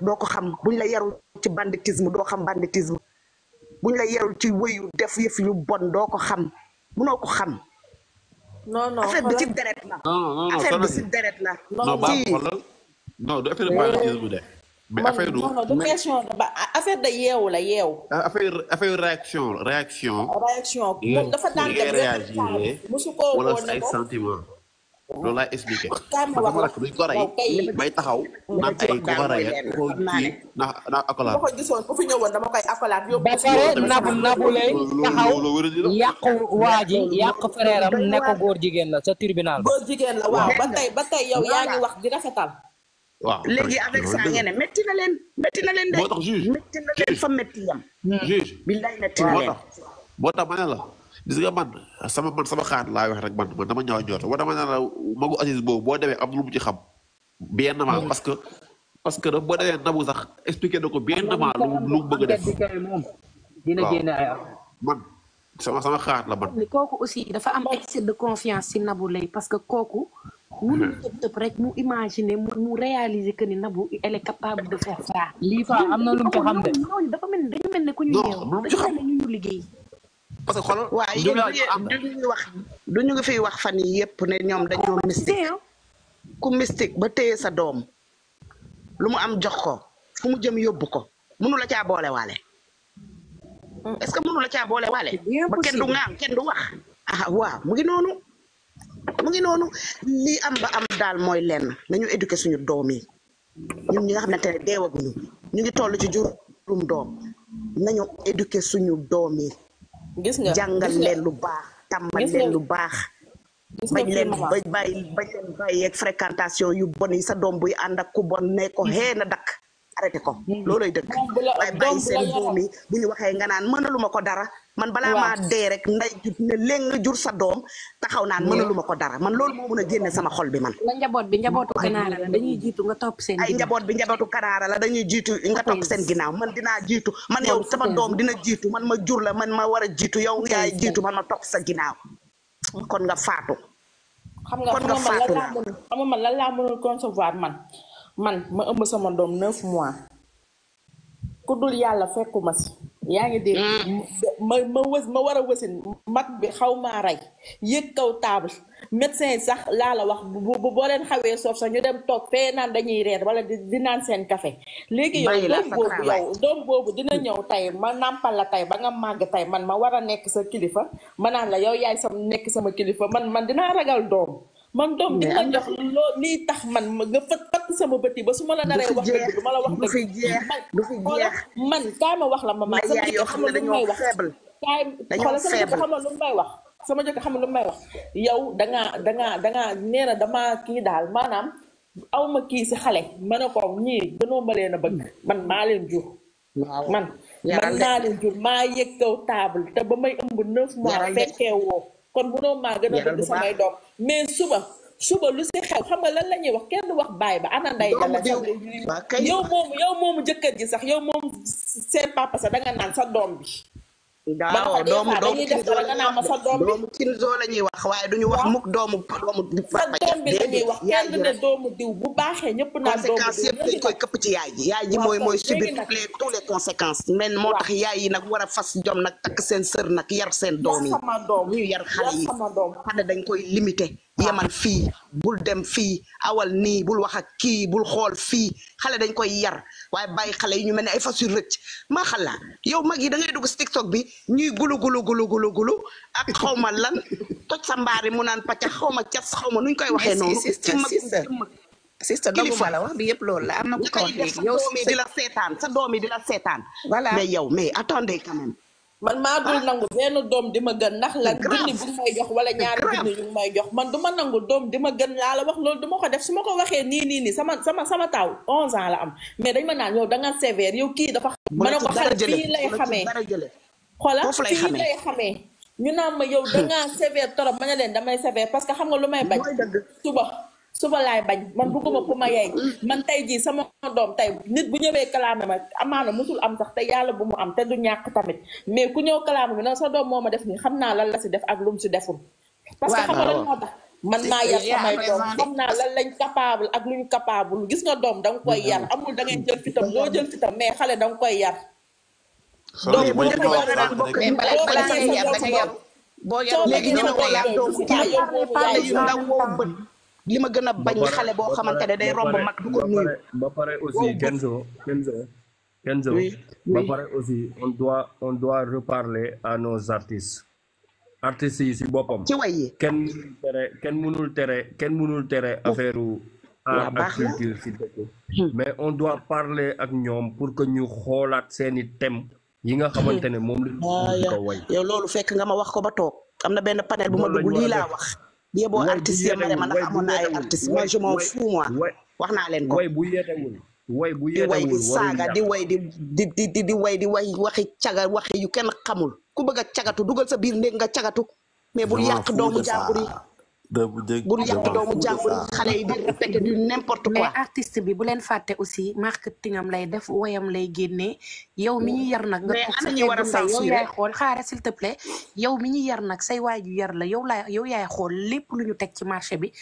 doo ko xam bu ñu la yarul ci banditisme doo xam banditisme bu ñu la yarul ci wéyu def yëf yu bon doo ko xam munoo ko xam. non non affaire bi ci deret la. non non non affaire bi ci deret la. non baax xoolal non du affaire banditisme de. mais affaire du question ba affaire da yeewu la yeewu. Ah, affaire affaire réaction réaction. réaction dafa daan def réaction musu ko wala ay sentiment. loolu laay expliqué. sama taxaw. naan ay ku ko ba pare nabu nabu lay taxaw yàqu waa ji yàq frère am góor jigéen la sa tribunal. góor jigéen la ba tey ba tey yow yaa wax di rafetal. léegi avec ça ngeen métti leen métti leen fa métti yam. juge billaay moo tax ma la. gis nga man sama man sama xaar laay wax rek man man dama ñaaw njort wa dama ne la magu boo demee am lu mu ci xam. bien mm. parce que parce que boo demee nabu sax expliqué na ko bien avant mu bëgg a def. dina génne ay man sama sama xaar la man. kooku aussi dafa am excès de confiance si Nabou lay parce que kooku. mënul hmm. tëb tëb rek mu imaginer mu réaliser que ni Nabou elle est capable de faire ça. lii fa am na lu mu ci xam de. dafa mel ne ku ñu ñëw dañu mel ne parce que xoolal. du la am du ñu wax du ñu ngi fiy wax fan yii yëpp ne ñoom ah, dañoo mystique. ku mystique ba téye sa doom lu mu am jox ko fu mu jëm yóbbu ko mënu la caa waale. Mm. est-ce que mënu la caa waale. ba kenn du ŋaam kenn du wax. ah waaw mu ngi noonu. mu ngi noonu lii am ba am daal mooy lenn nañu éduquer suñu doom yi ñun ñi nga xamante ne deewaguñu ñu ngi toll ci jurum doom nañu éduquer suñu doom yi. gis nga jàngal leen lu baax tàmmal leen lu baax bañ leen bañ bàyyi bañ leen bàyyi ak fréquentation yu bon yi sa doom buy ànd ak ku bon ne ko xee na dakk arrêté ko loolu looloy dëkk waaye bàyyi seen doom yi bu ñu waxee nga naan mënaluma ko dara man bala ma dé rek nday jut ne leng jur sa dom taxaw naan mënaluma ko dara man lool mo mën génné sama xol bi man. la njaboot bi njabotu kanara la dañuy jitu nga top sen ay njabot bi njabotu kanara la dañuy jitu nga top sen ginaaw man dina jitu man yow sama dom dina jitu man ma jur la man ma wara jitu jiitu yow yaay jitu man ma top sa ginaaw kon nga faatu. xam nga xam nga man la laa mënul concevoir man man ma ëmb sama dom 9 mois ku dul yàlla fekkuma ci yaa ngi dégg. Mm. ma ma wës ma war a wësin mag bi xaw ma rey yëg kaw table médecin yi sax laa la wax bu bu boo leen xawee soof sax ñu dem toog fee naan dañuy reer wala di naan seen café léegi yow doom boobu yow doom boobu dina ñëw tey ma nàmpal la tey ba nga màgg tey man ma war a nekk sa kilifa ma naan la yow yaay sam nekk sama kilifa man man dinaa ragal doom. Iya. man di ma jox ni lii tax man nga fët fët sama bët yi ba su ma la naree wax dëgg du ma la wax dëgg du fi jeex man kaay ma wax la ma man sama jëkkër xamul lu may wax kaay xoolal sama jëkkër xamul lu may wax sama lu may wax yow na damaa kii daal aw ma kii si xale ma ne ko ñii man maa leen man mm. man maa leen jur maa table te ba may kon mënoo maa gën a samay doom mais suba suba lu si xew xam nga lan la ñuy wax kenn wax baay ba ana nday dala yow moomu yow moomu jëkkër ji sax yow moom seen papa sax danga naan sa doom bi daaw doomu doomu doomu Kinzo la ñuy wax waaye duñu wax mukk doomu doomu Farba bu baaxee ñëpp naan doomu diw yëpp dañ koy këpp ci yaay ji yaay ji mooy mooy subir toutes les tous les conséquences men moo tax yaay yi nag war a fas jom nag takk seen sër nag yar seen doom yi ñu yar xale yi xale dañ koy limité yemal fii bul dem fii awal nii bul wax ak kii bul xool fii xale dañ koy yar waaye bàyyi xale yi ñu mel ni ay fas yu rëcc maa xalaa yow mag yi da ngay dugg si tiktok bi ñuy gulu gulu gulu gulu gulu ak xaw ma lan toj sa mbaari mu naan pàcc xaw ma cas xaw ma nu ñu koy waxee noonu. ci mag sista dogu ma la wax bi yëpp loolu la am na mu ko wax léegi yow sa doom di la seetaan sa doom yi di la seetaan. voilà mais yow mais attendez quand même. man maa dul ah. nangu benn doom di ma gën ndax lan junni bu may jox wala ñaari junni yu may jox man du ma nangu doom di ma gën laa la wax loolu du ma ko def su ma ko waxee nii nii nii sama sama sama taw onze ans la am mais dañ ma naan yow da nga sévère yow kii dafa a ko xale fii lay xamee xoola fii lay xamee ñu naan ma yow da ngaa sévère torop ma ne leen damay sévère parce que xam nga lu may bañ suba suba laay bañ man bëgguma ku ma yey man tey jii sama doom tey nit bu ñëwee kalaame ma amaana musul am sax te yàlla bu mu am te du ñàkk tamit mais ku ñëw kalaame bi non sa doom moo ma def nii xam naa lan la si def ak lu mu si deful parce que man maa yar samay doom xam naa ak lu ñu gis nga doom da nga koy yar mm-hmm. amul da ngay jël loo mm-hmm. jël fitam mais xale da nga koy yar ñu ko boo yar léegi lima gëna gën a bañ xale boo xamante day romb mak du ko nuyu. ba pare aussi Kenzo Kenzo Kenzo ba pare aussi on doit on doit reparler à nos artistes artistes yi si boppam. ci way ken téré ken mënul téré ken mënul téré affaire hmm. mais on doit parler ak ñom pour que ñu xolaat seeni thème yi nga xamantene mom lu hmm. ko way yow lolu fekk nga ma wax ko ba tok amna na benn panel bu ma dugg lii laa wax. yeboo artiste yëpp ma ne man amoon na ay artiste moi je m'en fous moi wax naa leen ko way bu yeetewul way bu yeetewul di way di di way di di di di way di way waxi caga waxi yu kenn xamul ku bëgg a cagatu dugal sa biir néeg nga cagatu mais bu yàq doomu jàmbur yi bu ñu yàq doomu jàmbur xale mais artiste bi bu leen fàtte aussi marketing am lay def woyam lay génne yow mi ñu yar nag. nga ana ñu war yaay xool xaaral s'il yow mi ñu yar nag say waaju yar la yow laa yow yaay xool lépp lu ñu teg ci marché bi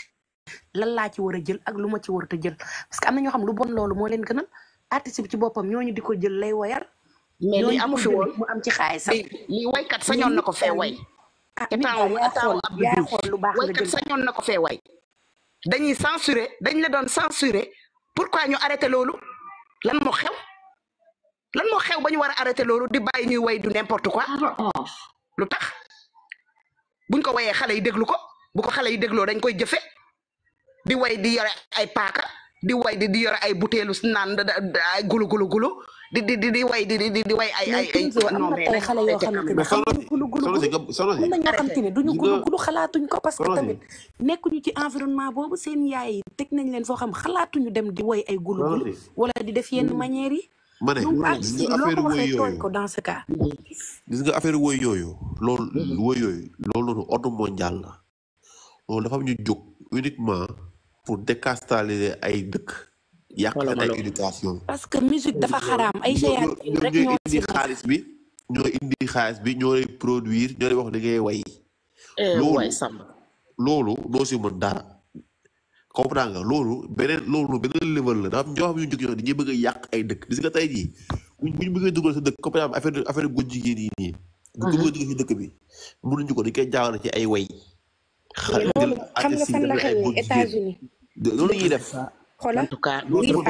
lan laa ci war a jël ak lu ma ci warut a jël parce que am na ñoo xam lu bon loolu moo leen gënal artiste bi ci boppam ñooñu di ko jël lay woyal. mais li amu fi woon mu am ci xaay sax li waykat sañoon na ko fee way. Ah, temps temps Abdou Diouf waykat sañoon na ko fee way dañuy censuré dañ la doon censuré pourquoi ñu arrêté loolu lan moo xew lan moo xew ba ñu war a arrêté loolu di bàyyi ñuy way du n'importe quoi ah, ah, lu tax buñ ko wayee xale yi déglu ko bu ko xale yi dégloo dañ koy jëfe di way di yore ay paaka di way di di yore ay butéelu naan ay gulu gulu gulu di di di di way di di di way ay ay ay. non mais ay xale yoo xamante ne gulu gulu gulu gulu xalaatuñ ko parce que tamit nekkuñu ci environnement boobu seen yaay yi teg nañ leen foo xam xalaatuñu dem di way ay gulu gulu wala di def yenn hmm. manières yi. ma ne nga affaire woy yooyu ko dans ce gis nga affaire woy yooyu loolu hmm. woy yooyu loolu noonu ordre mondial la loolu dafa ñu jóg uniquement pour décastaliser ay dëkk. yàq na ay éducation. parce que musique dafa xaraam ay seeyaan rek ñoo indi xaalis bi ñoo indi xaalis bi ñoo lay produire ñoo lay wax da ngay way. Eh, loolu loolu doo si mën dara. comprends nga loolu beneen loolu beneen level la dafa am ñoo xam ñu jóg ñoo dañuy bëgg a yàq ay dëkk gis nga tey jii bu ñu bëggee dugal sa dëkk comme affaire affaire góor jigéen yi nii. bu mm-hmm. ñu bëggee dugal si dëkk bi mënuñu ko dañ koy jaawale ci ay way. xale xam nga fan la xewee États-Unis loolu ñuy def. xola loolu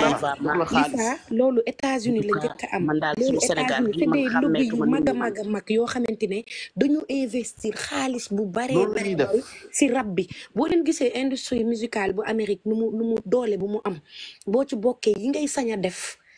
loolu États-Unis la njëkk am loolu États-Unis te day lobby yu mag a mag a mag yoo xamante ne dañu investir xaalis bu baree baree bari si rab bi boo leen gisee industrie musicale bu Amérique nu mu nu mu doole bu mu am boo ci bokkee yi ngay sañ a def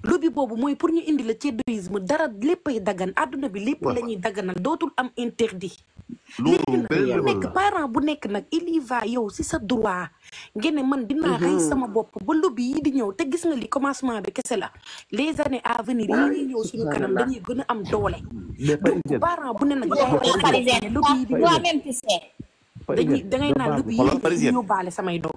lobby boobu mooy pour ñu indi la ceddoïsme dara léppay dagan àdduna bi lépp la ñuy daganal dootul am interdit léegi nag nekk parent bu nekk nag il y yow si sa droit ngene man dinaa mhm. rey sama bopp ba lobby yi di ñëw te gis nga li commencement bi kese la les années à venir yi ñuy ñëw suñu kanam dañuy gën a am doole donc parent bu ne nag yaay lobby yi di ñëw dangay naan lobby yi di ñëw baale samay doom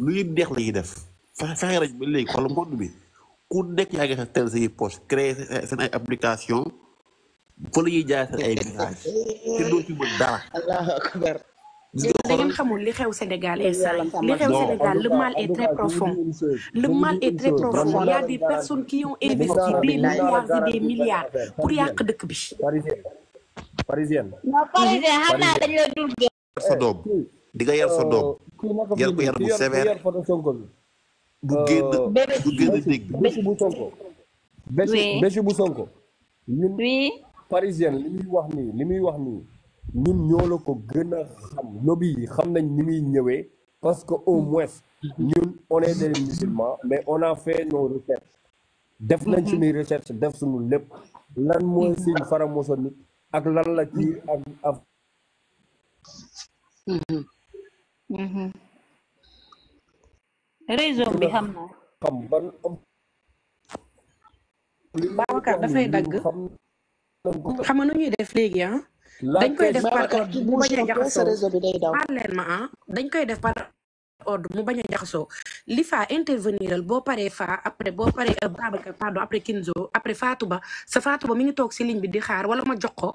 luy neex la ñuy def fexe fexe nañ ba léegi xool monde bi ku nekk yaa ngi sa tel say poche créer seen ay application fa la ñuy jaay seen ay message te doo ci mën dara. allahu akbar. da ngeen xamul li xew Sénégal instant li xew Sénégal le mal est très profond le mal est très profond Il y a des personnes qui ont investi des milliards et des milliards pour yàq dëkk bi. parisienne parisienne. non parisienne xam naa dañ la sa doom. Eh, di nga yar sa doom. Uh, yar ko yar bu sévère uh, bu génn bu génn dégg. bési bu sonko. oui bési bu sonko. ñun parisien li muy wax nii li muy wax nii ñun ñoo la ko gën a xam lobby yi xam nañ ni muy ñëwee parce que au moins ñun on est des musulmans mais on a fait nos recherches. def nañ mm-hmm. suñuy recherche def suñu lépp lan mooy mm-hmm. signe faramoso nit ak lan la ci ak. Mm-hmm. raison mm-hmm. bi xam na xam ban am Babacar dafay dagg xam nga nu ñuy def léegi ah dañ koy def par a jaxasoo par ma ah dañ koy def par mu bañ a jaxasoo li faa interveniral boo paree faa après boo paree euh, Babacar pardon après Kinzo après Fatou Ba sa Fatou Ba mi ngi toog si ligne bi di xaar wala ma jox ko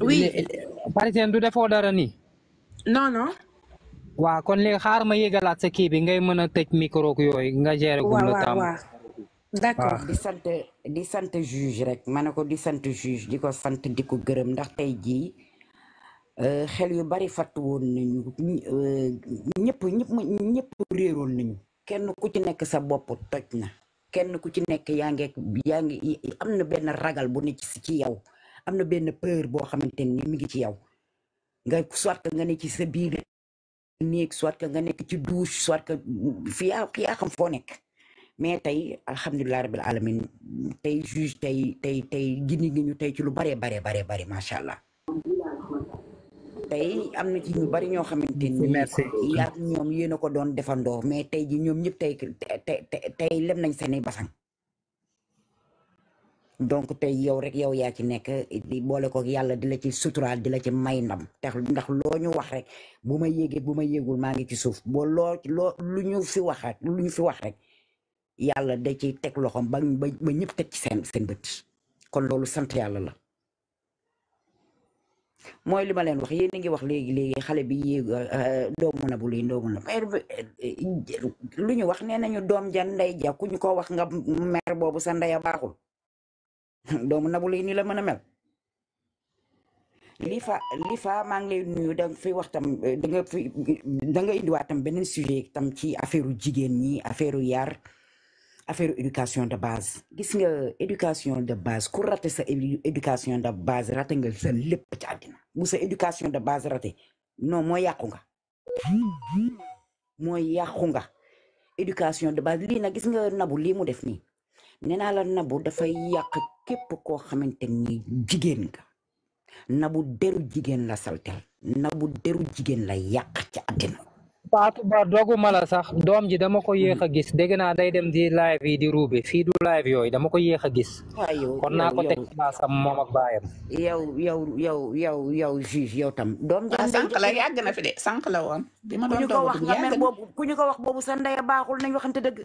oui parisien du defoo dara nii. non non. waaw kon léegi xaar ma yégalaat sa kii bi ngay mën a tëj micro yooyu nga gérer. waaw waaw waaw d'accord di sant di sant juge rek ma ne ko di sant juge di ko sant di ko gërëm ndax tey jii euh, xel yu bari fàttu woon nañu euh, ñëpp ñëpp ñëpp réeroon nañu kenn ku ci nekk sa bopp toj na kenn ku ci nekk yaa ngi yaa ngi am na benn ragal bu ne ci yow. am na benn peur boo xamante nii mi ngi ci yow nga soit que nga ne ci sa biir néeg soit que nga nekk ci douche soit que fi yaa fi xam foo nekk mais tey alhamdulilah rabil alamin tey juge tey tey tey gindi ngi ñu tey ci lu baree baree baree bari macha allah tey am na ci ñu bari ñoo xamante ni yaa ñoom yéen a ko doon defandoo mais tey ji ñoom ñëpp tey tey tey lem nañ seeni basang donc tey yow rek yow yaa ci nekk di boole ko yàlla di la ci suturaal di la ci may ndam tax ndax loo ñu wax rek bu ma yéegee bu ma yéegul maa ngi ci suuf boo loo lu ñu fi wax rek lu ñu fi wax rek yàlla da ci teg loxoom ba ba ñëpp teg ci seen seen bët kon loolu sant yàlla la mooy li ma leen wax yéen a ngi wax léegi léegi xale bi yéeg euh, euh, doomu na bu lii doomu na euh, lu ñu wax nee nañu doom ja ndey ja ku ñu ko wax nga mer boobu sa ndeya baaxul doomu Nabou Leye nii la mën mel li fa li fa maa ngi lay nuyu da nga fi wax tam da nga fi tam beneen sujet tam ci affaire jigéen ñi affaire yar affaire éducation de base gis nga éducation de base ku raté sa éducation de base raté nga sa lépp ci àddina bu sa éducation de base raté non mooy yàqu nga mooy yàqu nga éducation de base lii nag gis nga Nabou li mu def nii nee naa la nabu dafay yàq képp koo xamante ni jigéen nga nabu deru jigéen la saltel nabu deru jigéen la yàq ci àddina Fatou Ba doguma la sax doom ji dama ko yéex a gis dégg naa day dem di live di ruube fii du live yooyu dama ko yéex a gis. kon naa ko teg yow yow yow yow yow juge yow tam. doom fi de sànq woon. a ku ñu wax nga mer boobu ku ñu ko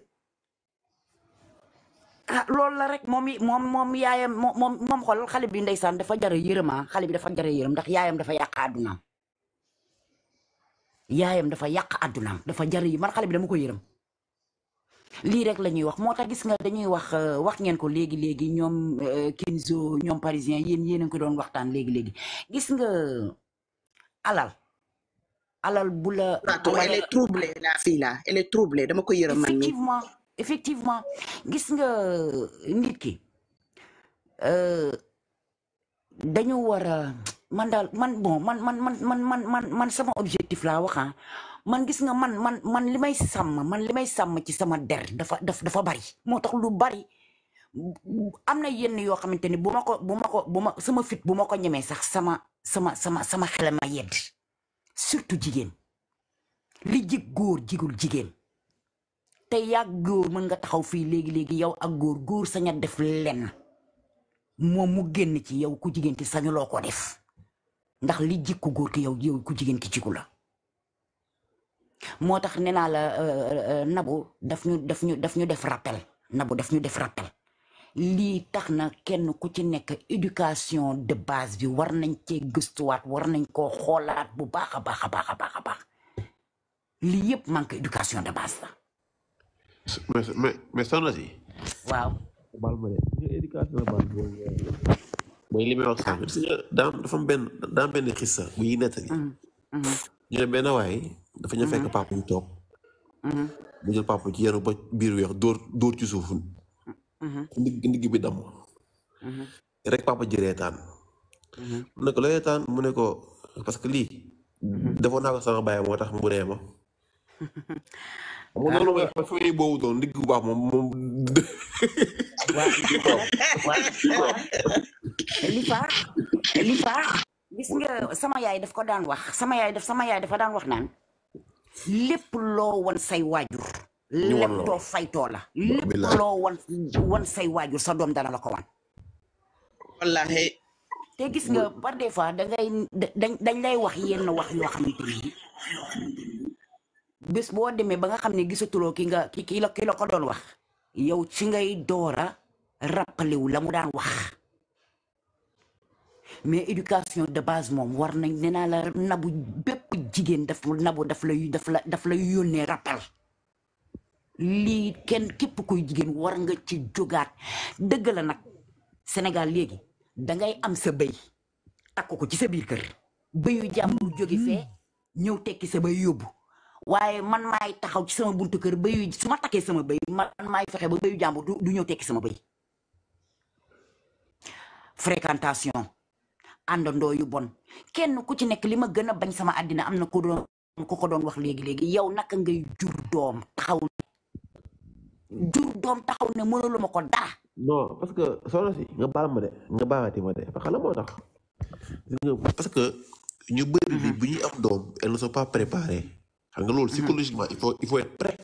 Ah, lol la rek momi mom mom yaayam mom mom xol xale bi ndeysaan dafa jare yërëm ah xale bi dafa jare yërëm ndax yaayam dafa yàq aduna yaayam dafa yàq aduna dafa jare yi man xale bi dama ko yërëm li rek la wax motax gis nga dañuy wax euh, wax ngeen ko legui legui ñom euh, Kinzo ñom parisien yeen yeen ko doon waxtaan legui legui gis nga alal alal bu la. elle est troublée la fille là elle est troublée dama ko yërëm man. effectivement effectivement gis nga euh, nit ki euh, dañu wara man dal man bon man man man man man man sama objectif la wax ah. man gis nga man man man limay sam man limay sam ci sama der dafa dafa dafa bari motax lu bari amna yenn yo xamanteni buma ko buma ko buma sama fit buma ko ñëmé sax sama sama sama sama xelama yedd surtout jigen li jig goor jigul jigen te gur góor mën nga taxaw fi léegi-léegi yow ak góor góor saña def len moom mu genn ci yow ku jigen ci sañu loko def ndax li jikko ki yow yow ku jigen ki ci kula motax la eh, eh, eh, nabu daf ñu daf ñu daf ñu def rappel nabu daf ñu def rappel li taxna kenn ku ci nek education de base bi war nañ gëstu wat war nañ ko xolaat bu baaxa baaxa baaxa baaxa baax li yep de base la mais mais mais soxna si. waaw. baal ma de éducation la baal boobu mooy li may wax sànq daam dafa am benn daam benn xissa bu ñuy nettali. Mm, mm. ñu ne benn waay dafa ñu fekk mm-hmm. papa ñu toog. Mm-hmm. mu jël papa ci yaru ba biir weex dóor dóor ci suuf. Mm-hmm. ndig ndig bi damm. rek papa ji reetaan. mu ne ko looy reetaan mu ne ko parce que lii. defoon naa ko sama baay moo tax mu ree ma. moom noonu mooy fafee moom moom. waaw gis nga sama yaay daf ko daan wax sama yaay daf sama yaay dafa daan wax naan lépp loo wan say waajur. lépp doo la. lépp loo wan say waajur sa doom dana la ko wan. wallaahi. te gis nga par des fois da dañ lay wax yenn wax yoo xamante ni. bis bo demé ba nga xamné ne gisatuloo ki nga ki ki la ki la ko doon wax yow ci ngay dora rappelé wu lamu daan wax mais éducation de base mom war nañ la nabu bép jigen daf nabu daf la daf la daf la ken rappel li ken kep koy jigen war nga ci jogat deug la nak Sénégal légui da ngay am sa bay takko ko ci sa bir kër bayu jamm joggé fé ñew tekki sa bay yobbu waaye man maay taxaw ci sama buntu kër béyu su ma takkee sama béy man maay fexe ba béyu jàmbur du ñëw tekki sama béy fréquentation àndandoo yu bon kenn ku ci nekk li ma gën a bañ sama àddina am na ko doon ko ko doon wax léegi-léegi yow naka ngay jur doom taxaw jur doom taxaw ne mënuluma ko dara non parce que soxna si nga baal ma de nga baalati ma de parce que la moo ñu bëri li bu ñuy am doom elles ne sont pas préparées xam nga loolu mm-hmm. psychologiquement il faut il faut être prêt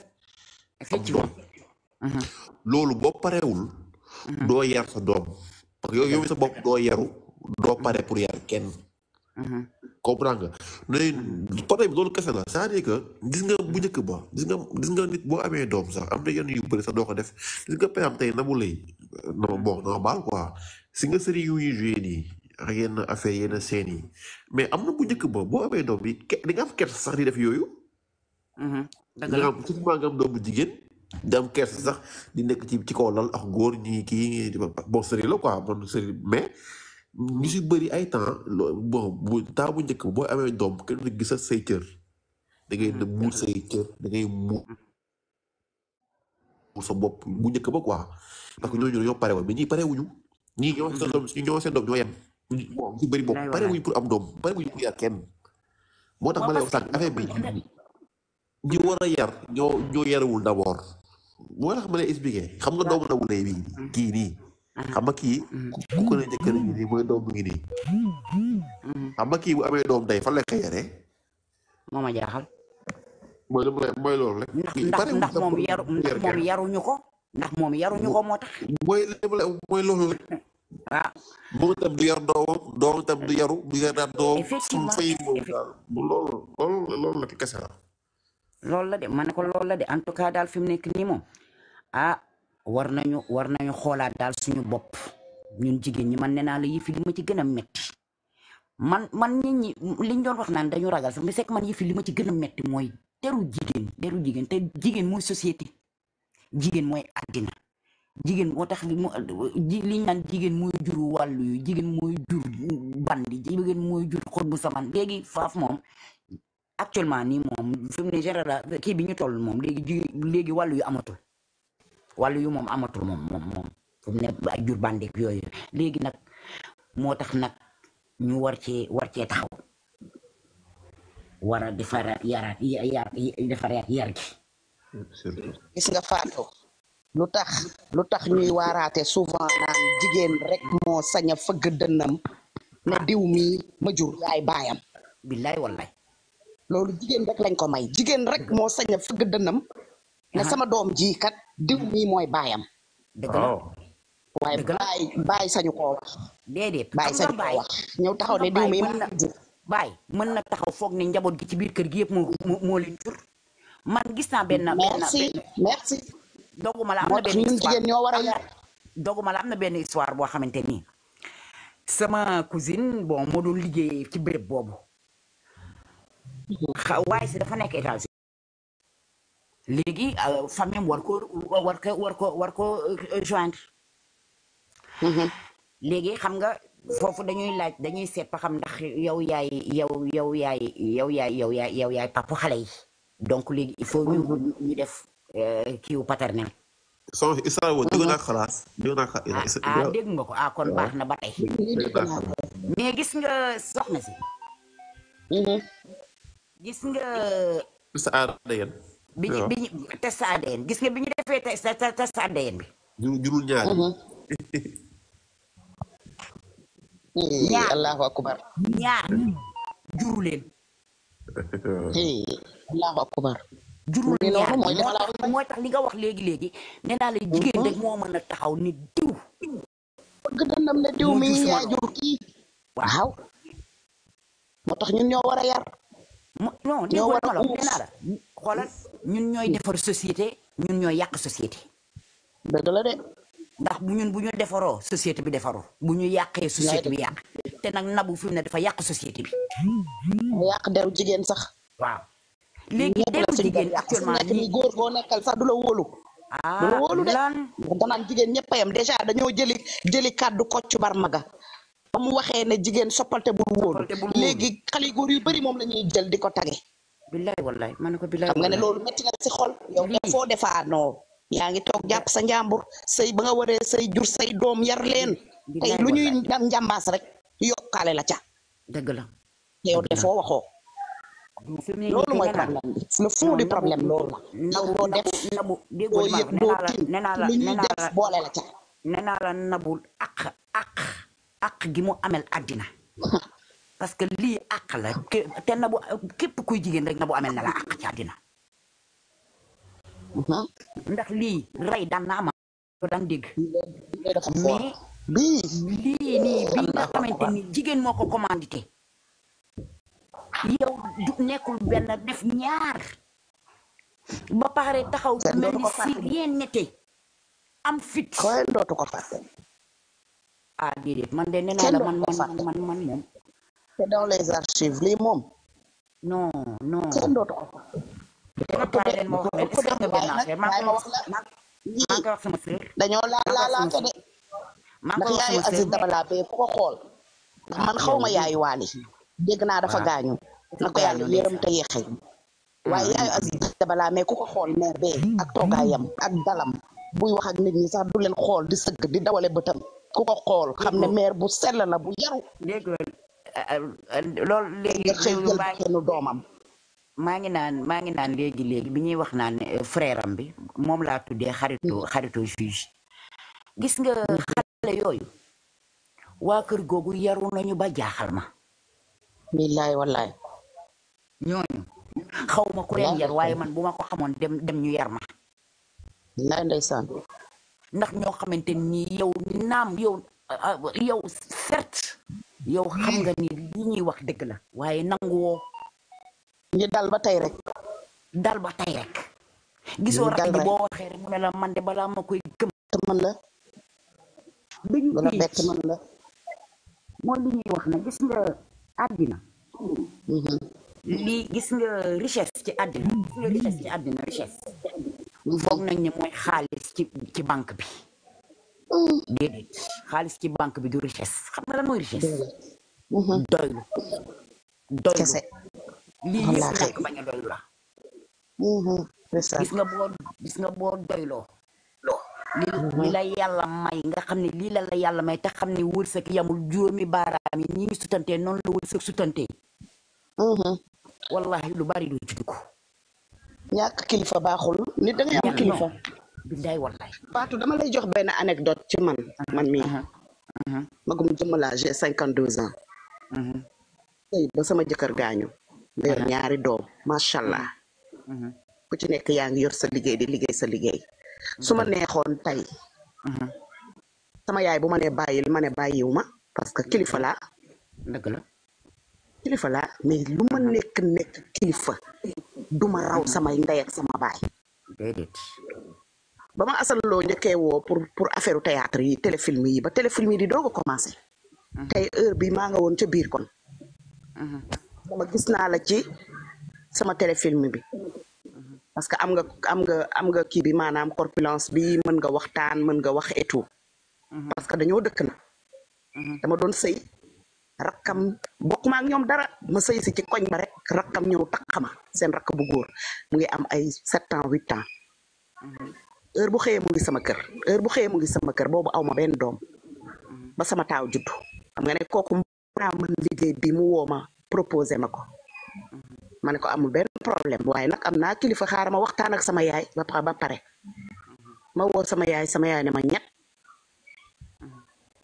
effectivement doom mm-hmm. loolu boo parewul mm-hmm. doo yar sa doom parce que yow yow sa bopp doo yaru doo pare pour yar kenn comprends nga mais côté bi loolu kese la c'est-à-dire que gis nga bu njëkk ba gis nga gis nga nit boo amee doom sax am na yenn yu bëri sax doo ko def gis nga payam tey na mu lay na bon na baal quoi si nga série yu ñuy joué nii ak yenn affaire yenn scène yi mais am na bu njëkk ba boo amee doom bi di nga am kers sax di def yooyu Mm-hmm. dëgg la nga xam surtout nga am doom bu jigéen. di am kees sax di nekk ci kaw lal ak góor ñi kii bon sëriñ la quoi bon sëriñ mais ñu si bëri ay temps bon bu bu njëkk boo amee doom kenn du gis mm-hmm. say cër da ngay muur say mm-hmm. cër sa bopp bu njëkk ba quoi parce que ñooñu ñoo pare woon mais ñii pare wuñu ñii ñoo seen doom ñoo seen doom ñoo yem ñu si bëri bopp pare wuñu pour am doom pare wuñu pour yar kenn moo tax ma lay wax sànq affaire bi ñi war a yar ñoo ñoo yarewul d'abord mooy xam ma xam nga doomu Nabou bi kii nii xam nga kii ku ko ne jëkkër ngi nii doom bi ngi nii xam nga kii bu amee doom day fan la koy yaree moo jaaxal mooy mooy loolu rek ndax ndax moom yaru ko ndax moom yaruñu ko ah. du yar doomam doom itam du yaru du yar daal doom suñu fay moom daal loolu loolu loolu la kese la lola de ma ne ko de en tout cas dal fim nek ni nii ah war nañu war nañu xoolaat daal suñu bop ñun jigeen ñi man neena la yifi li ci gëna metti man man nit ñi liñ doon wax naan dañu ragal mais man yifi li ma ci gëna metti moy teru jigeen teru jigeen te jigeen moy société jigeen moy adina jigen moo tax li ñu jigen moy mooy jur walu jigen moy jur bandi jigen moy jur xol bu saman legi faaf mom actuellement ni mom fi mu ne général ki mom toll mom légui légui walu yu amatul walu yu mom amatul mom mom mom fi ne ay jur bandé ak léegi légui nak motax nak ñu war ci war ci taxaw war a yara yar defaraat yar gi gis nga Fatou lutax lutax ñuy waaraate souvent naan jigen rek mo saña a fëgg dënnam ne diw mi ma jur yaay bayam billahi wallahi loolu jigéen rek lañ ko may jigéen rek moo sañ a fëgg dënnam ne sama doom ji kat diw mii mooy baayam. dëgg la waaye baay baay sañu koo wax. déedéet baay sañu koo wax ñëw taxaw ne diw mii ma baay mën na taxaw foog ne njaboot gi ci biir kër gi yëpp moo moo leen jur man gis naa benn. merci doguma la am na benn histoire ñoo war a am na benn histoire boo xamante ni sama cousine bon moo doon liggéey ci béréb boobu. waaye si dafa nekk États-Unis léegi euh, famille war ko war ko war ko war ko euh, joindre mm-hmm. léegi xam nga foofu dañuy laaj dañuy seet ba ndax yow yaay yow yow yaay yow yaay yow yaay yow yaay papa xale yi donc léegi il faut ñu mm-hmm. ñu def euh, kiiw paternel so isa wo dégg naa xalaas mm-hmm. dégg naa xalaas ah, ah dégg nga ah, baax na ba mais gis nga soxna si gis nga. sa ADN. bi ñu bi ñu test ADN gis nga bi te sa sa sa aden bi. jurul jurul mhm. ñaar. Ya allahu akbar. ñaar juru leen. allahu akbar. jurul ñaar mooy mooy tax li nga wax léegi léegi nee na lay mhm. jigéen rek mo meuna taxaw ni diw. bëgg dëndam ne diw mi ya jur ki. waaw Motax ñun ñoo wara yar non dégg nga la nee naa la xoolal ñun ñooy defar société ñun ñooy yàq société. dëgg la de. ndax bu ñun bu ñu defaroo société bi defaroo bu ñu yàqee société bi yàq te nag nabu fi mu ne dafa yàq société bi. mu yàq deru jigéen sax. waaw léegi deru jigéen actuellement nii góor boo nekkal sax du la ah lan du la wóolu de danaan jigéen ñëpp a yem dèjà dañoo jëli jëli kàddu kocc bar bamu waxé né jigen sopalté soppante bul wóolu léegi xale góor yu bari mom lañuy jël diko tagué billahi wallahi wallaay ma ko billaay xam nga né loolu metti na ci xol yow def foo defaanoo yaa ngi tok japp sa njàmbur sey ba nga waree sey jur sey dom yar leen tey lu ñuy ndam njàmbaas rek yokalé la ca dëgg la yow defoo waxo loolu moy problème le fond du problème loolu la yow doo def doo yëg doo tiim lu la def boole la ca nee naa la nabul ak ak ak gi mu amel adina parce que li ak la te na bu kep kuy jigen rek na bu amel na la ak ci adina ndax li ray dan na ma do dan dégg bi li ni bi nga xamante ni jigéen moo commandité yow du nekkul benn def ñaar ba pare taxaw ci melni ci rien n'était am fit ko fàtte ah déedéet man de nee naa la man man man man moom. c'est dans les archives lii moom. kenn dootu ko fa. dina paa wax maa dañoo laa laa laata de. ndax yaayu Aziz Dabala bee ku ko xool. ndax ah, man yaayu waali. naa dafa ah. gaañu. na ko yàlla yërëm te yeexe. Ah, mais xool meer bee. ak toogaayam ak dalam. buy wax ak nit ñi sax du leen xool di sëgg di dawale bëtam. ku ko xool xam ne mm-hmm. maire bu sell la bu yaru euh, euh, léegi réew doomam maa ngi naan maa ngi naan léegi léegi bi ñuy wax naan euh, frère am bi moom laa tuddee xaritu mm-hmm. xaritu juge gis nga mm-hmm. xale yooyu waa kër googu yaru nañu ba jaaxal ma billaay wallaay ñooñu xaw ma ku leen yar waaye man bu ma ko xamoon dem dem ñu yar ma ndax ñoo xamante ni yow naam yow euh, yow certes xam nga ni li ñuy wax dëgg la waaye nangu woo ñu dal ba tey rek dal ba tey rek gisoo rakk ji boo waxee rek mu man de bala ma koy gëm te man la dañu bett man la mooy li ñuy wax na gis nga àddina mhm. lii gis nga richesse ci àddina gis nga richesse foog nañ ne mooy xaalis ci ci banque bi mm. déedéet xaalis ci banque bi du richesse xam nga lan mooy richesse mm-hmm. doylu doylu lii yëpp lekk bañ doylu la mm-hmm. gis nga boo gis nga boo doyloo mm-hmm. li la yàlla may nga xam ne lii la la yàlla may te xam ne wërsëg yamul juróomi baaraam yi ñi ngi sutantee noonu la wërsëg sutantee wallahi lu bari du ci ñàkk kilifa baaxul nit da ngay am kilifa bindaay wallaay dama lay jox benn anecdote ci man man mii uh-huh. Uh-huh. magum jëmm laa cinquante deux ans uh-huh. tey ba sama jëkkër gaañu nga yor ñaari doom macha allah ku ci nekk yaa ngi yor sa liggéey di liggéey sa liggéey su ma neexoon tey sama yaay bu ma ne bàyyil ma ne ma parce que kilifa laa la kilifa laa mais lu ma nekk nekk kilifa duma raw samay ndey sama baay déedéet ba ma asal loo njëkkee woo pour pour affaire théâtre yi téléfilm yi ba téléfilm yi di doog a commencé mhm. tey heure bi maa nga woon ca biir kon mhm. dama gis naa la ci sama téléfilm bi mhm. parce que am nga am nga am nga kii bi maanaam corpulence bi mën nga waxtaan mën nga wax et parce que dañoo dëkk na dama doon sëy rakkam bokkuma ak ñoom dara ma sëy si ci koñ ba rek rakkam ñëw takk ma seen rakk bu góor mu ngi am ay sept ans huit ans mm-hmm. heure bu xëyee mu ngi sama kër heure bu xëyee mu ngi sama kër boobu aw benn doom mm-hmm. ba sama taaw juddu xam nga ne kooku mën mën liggéey bi mu woo ma proposé ma ko mm-hmm. ma ne ko amul benn problème waaye nag am naa kilifa xaaral ma waxtaan ak sama yaay ba ba pare ma woo sama yaay sama yaay ne ma ñett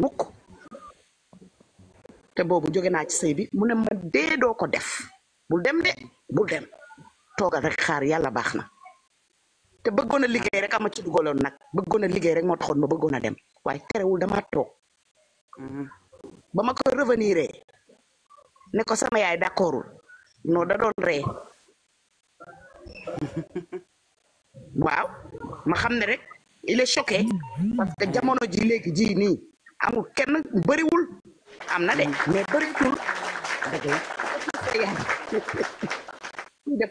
mukk te boobu jóge naa ci sëy bi mu ne ma dee doo ko def bul dem de bul dem toogal rek xaar yàlla baax na te bëggoona a liggéey rek ama ci dugaloon nag bëggoon liggéey rek moo taxoon ma bëggoona dem waaye terewul damaa toog mm-hmm. ko sama yaay d'accordul non da doon waaw ma xam ne rek il est choqué parce jamono ji léegi ji nii amul kenn bëriwul am na de mais bëreetul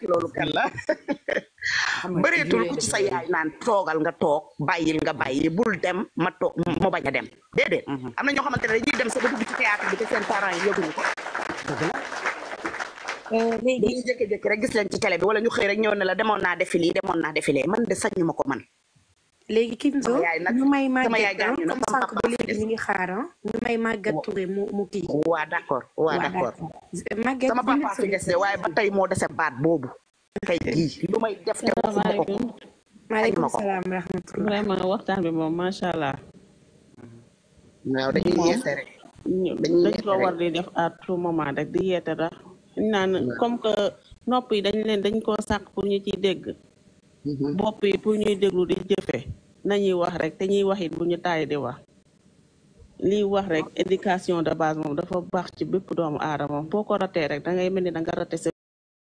ku loolu kan la bëreetul ku ci sa yaay naan toogal nga toog bàyyil nga bàyyi bul dem ma toog ma bañ a dem déedéet mhm. am na ñoo xamante ne dañuy dem sa ba dugg ci théâtre bi te seen parents yi yëguñu ko euh, léegi dañuy jékki-jékki rek gis leen ci télé bi wala ñu xëy rek ñëw ne la demoon naa défilé demoon naa défilé man de sañu ma ko man léegi Kinzo ñu may màggat ah, comme sànq ba léegi ñu ngi xaar ah, ñu may màggat Touré mu mu kii. d' accord waaw d' accord. màggat sama ba tey moo dese baat boobu. salaam wa waxtaan bi moom macha allah. Mm-hmm. waaw dañ ko war di def à tout moment rek di yeete rek. naan mm-hmm. comme que nopp yi dañ leen dañ ko sàkk pour ñu ci dégg. Mm-hmm. bopp yi pour ñuy déglu di jëfee. nañuy wax rek te ñuy wax it bu ñu tàyyi de wax lii wax rek éducation de base moom dafa baax ci bépp doomu aadama boo ko ratee rek dangay ngay mel ni da nga rate sa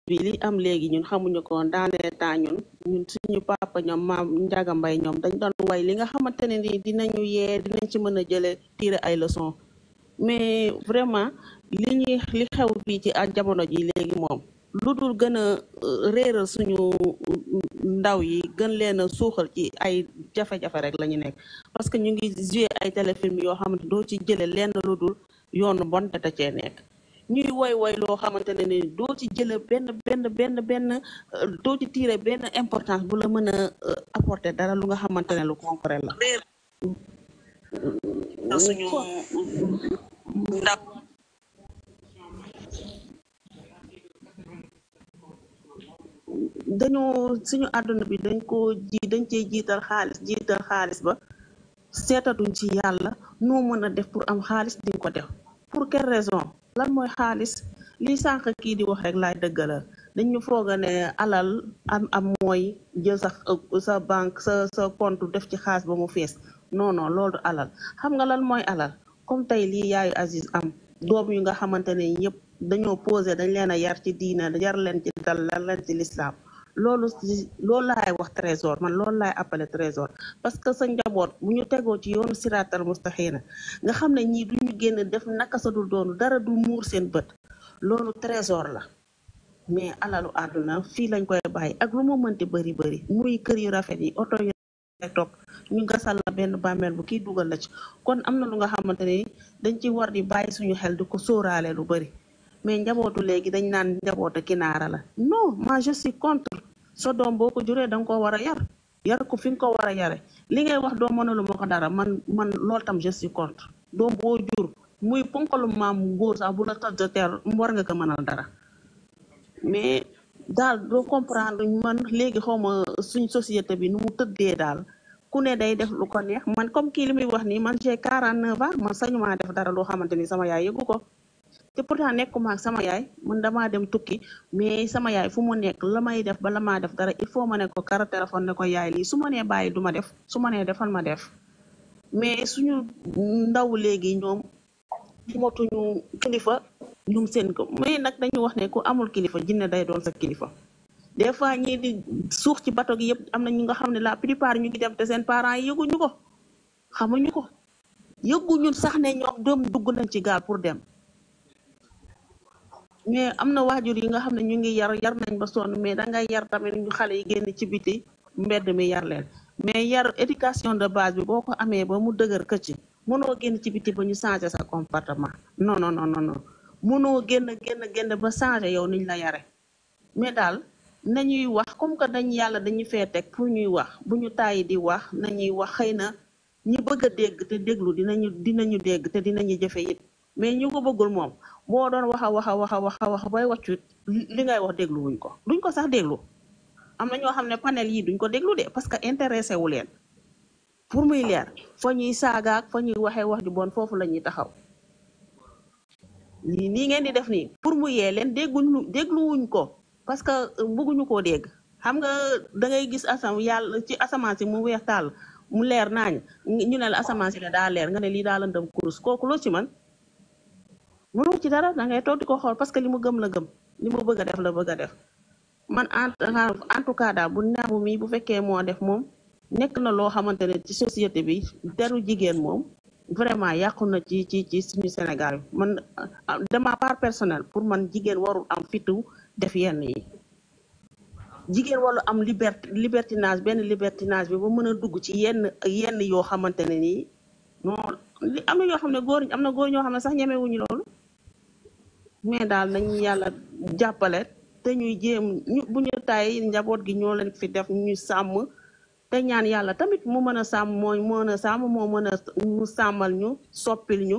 bi li am léegi ñun xamuñu ko woon dans les temps ñun ñun suñu papa ñoom maam Njaga Mbay ñoom dañ doon way li nga xamante ne ni dinañu yee dinañ ci mën a jële tirer ay leçons mais vraiment li ñuy xew bii ci ak jamono ji léegi moom lu dul gën a uh, réeral suñu uh, uh, ndaw yi gën leen suuxal ci ay jafe-jafe rek la ñu nekk parce que ñu ngi joué ay téléfilm yoo xamante doo ci jële lenn lu yoonu bon te cee nekk ñuy woy woy loo xamante ne doo ci jële benn benn benn benn doo ci tiire benn importance bu la mën a apporter dara lu nga xamante ne lu concret la dañoo suñu àdduna bi dañ koo ji dañ cee jiital xaalis jiital xaalis ba seetatuñ ci yàlla noo mën a def pour am xaalis di ko def pour quelle raison lan mooy xaalis liy sànq kii di wax rek laay dëggalal dañu foog alal am am mooy jël sa sa banque sa sa compte def ci xaalis ba mu fees non loolu alal xam nga lan mooy alal comme tey lii yaayu Aziz am doom yu nga xamante ne yëpp dañoo posé dañ leen a yar ci diina yar leen ci dal yar leen ci lislaam loolu loolu laay wax trésor man loolu laay appelé trésor parce que sa njaboot bu ñu tegoo ci yoonu siraatal na nga xam ne ñii duñu génn def naka sa dul doonu dara du muur seen bët loolu trésor la mais alalu àdduna fii lañ koy bàyyi ak lu mu mënti bëri bëri muy kër yu rafet yi oto yu toog ñu gasal la benn bàmmeel bu kii dugal la ci kon am na lu nga xamante ne dañ ci war di bàyyi suñu xel di ko sóoraale lu bëri mais njabootu léegi dañ naan njabootu kinaara la non moi je suis contre so doom boo ko juree da nga koo war a yar yar ko fi ko war a yare li ngay wax doo mënalu ma dara man man loolu tam je suis contre doom boo jur muy ponkalu maam góor sax bu la tas de terre war nga ko mënal dara mais daal doo comprendre man léegi xaw suñ société bi nu mu tëddee daal ku ne day def lu ko neex man comme kii li wax nii man j'ai quarante neuf ans man sañumaa def dara loo xamante sama yaay yëgu te pourtant nekkuma ak sama yaay mën damaa dem tukki mais sama yaay fu mu nekk la may def ba la maa def dara il faut ma ne ko kara téléphone ne ko yaay lii su bàyyi du ma def su ma defal ma def mais suñu ndaw léegi ñoom mootuñu kilifa ñum seen ko mais nag dañu wax ne ku amul kilifa jinne day doon sa kilifa des fois ñii di suux ci batoog gi yëpp am na ñu nga xam ne la plupart ñu ngi dem te seen parents yi yëguñu ko xamuñu ko yëguñu sax ne ñoom doom dugg nañ ci gaal pour dem mais am na waajur yi nga xam ne ñu ngi yar yar nañ ba sonn mais da nga yar tamit ñu xale yi génn ci biti mbedd mi yar leen mais yar éducation de base bi boo ko amee ba mu dëgër këcc mënoo génn ci biti ba ñu changé sa comportement non non non no mënoo génn génn génn ba changé yow niñ la yare mais daal nañuy wax comme que dañ yàlla dañu fee teg pour ñuy wax bu ñu tàyyi di wax nañuy wax xëy na ñi bëgg a dégg te déglu dinañu dinañu dégg te dinañu jëfe it mais ñu ko bëggul moom boo doon wax a wax a wax a wax a wax bay waccut li ngay wax dégluwuñ wuñ ko duñ ko sax déglu am na ñoo xam ne panel yi duñ ko déglu de parce que intéressé wu leen pour muy leer fa ñuy saagaak fo ñuy waxee wax ju bon foofu lañuy taxaw lii nii ngeen di def nii pour mu yee leen dégguñ dégluwuñ ko parce que euh, bëgguñu koo dégg xam nga da ngay gis asam yàlla ci asamaan si mu weex taal mu leer naañ ñu ne la asamaan si ne leer nga ne lii daa lëndëm kurus kooku loo ci man mënoo ci dara da ngay toog di ko xool parce que li mu gëm la gëm li mu bëgg a def la bëgg a def man en tout cas daal bu naamu mi bu fekkee moo def moom nekk na loo xamante ne ci société bi deru jigéen moom vraiment yàqu na ci ci ci suñu Sénégal man de ma part personnelle pour man jigéen warul am fitu def yenn yi jigéen warul am liberté libertinage benn libertinage bi ba mën a dugg ci yenn yenn yoo xamante ne nii non li am na yoo xam ne góor am na góor ñoo xam ne sax ñemewuñu loolu mais daal nañ yàlla jàppale te ñuy jéem ñu bu ñu tàyyi njaboot gi ñoo leen fi def ñu sàmm te ñaan yàlla tamit mu mën a sàmm moo mën a sàmm moo mën a sàmmal ñu soppil ñu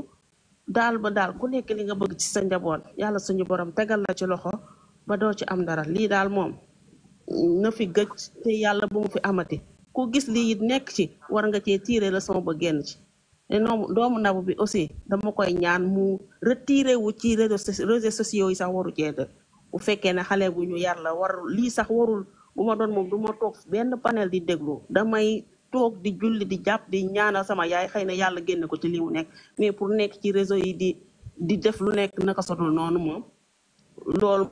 daal ba daal ku nekk li nga bëgg ci sa njaboot yàlla suñu borom tegal la ci loxo ba doo ci am dara lii daal moom na fi gëj te yàlla bu mu fi amati ku gis lii it nekk ci war nga cee tiire la sama ba génn ci noo doomu nabu bi aussi dama koy ñaan mu retiré wu ci réseaux sociaux yi sax waru ceeda bu fekkee ne xale bu la war lii sax warul bu ma doon moom du ma toog benn panel di déglu damay toog di julli di jàpp di ñaana sama yaay xëy na yàlla génne ko ci li nekk mais pour nekk ci réseau yi di di def lu nekk naka sotul noonu moom loolu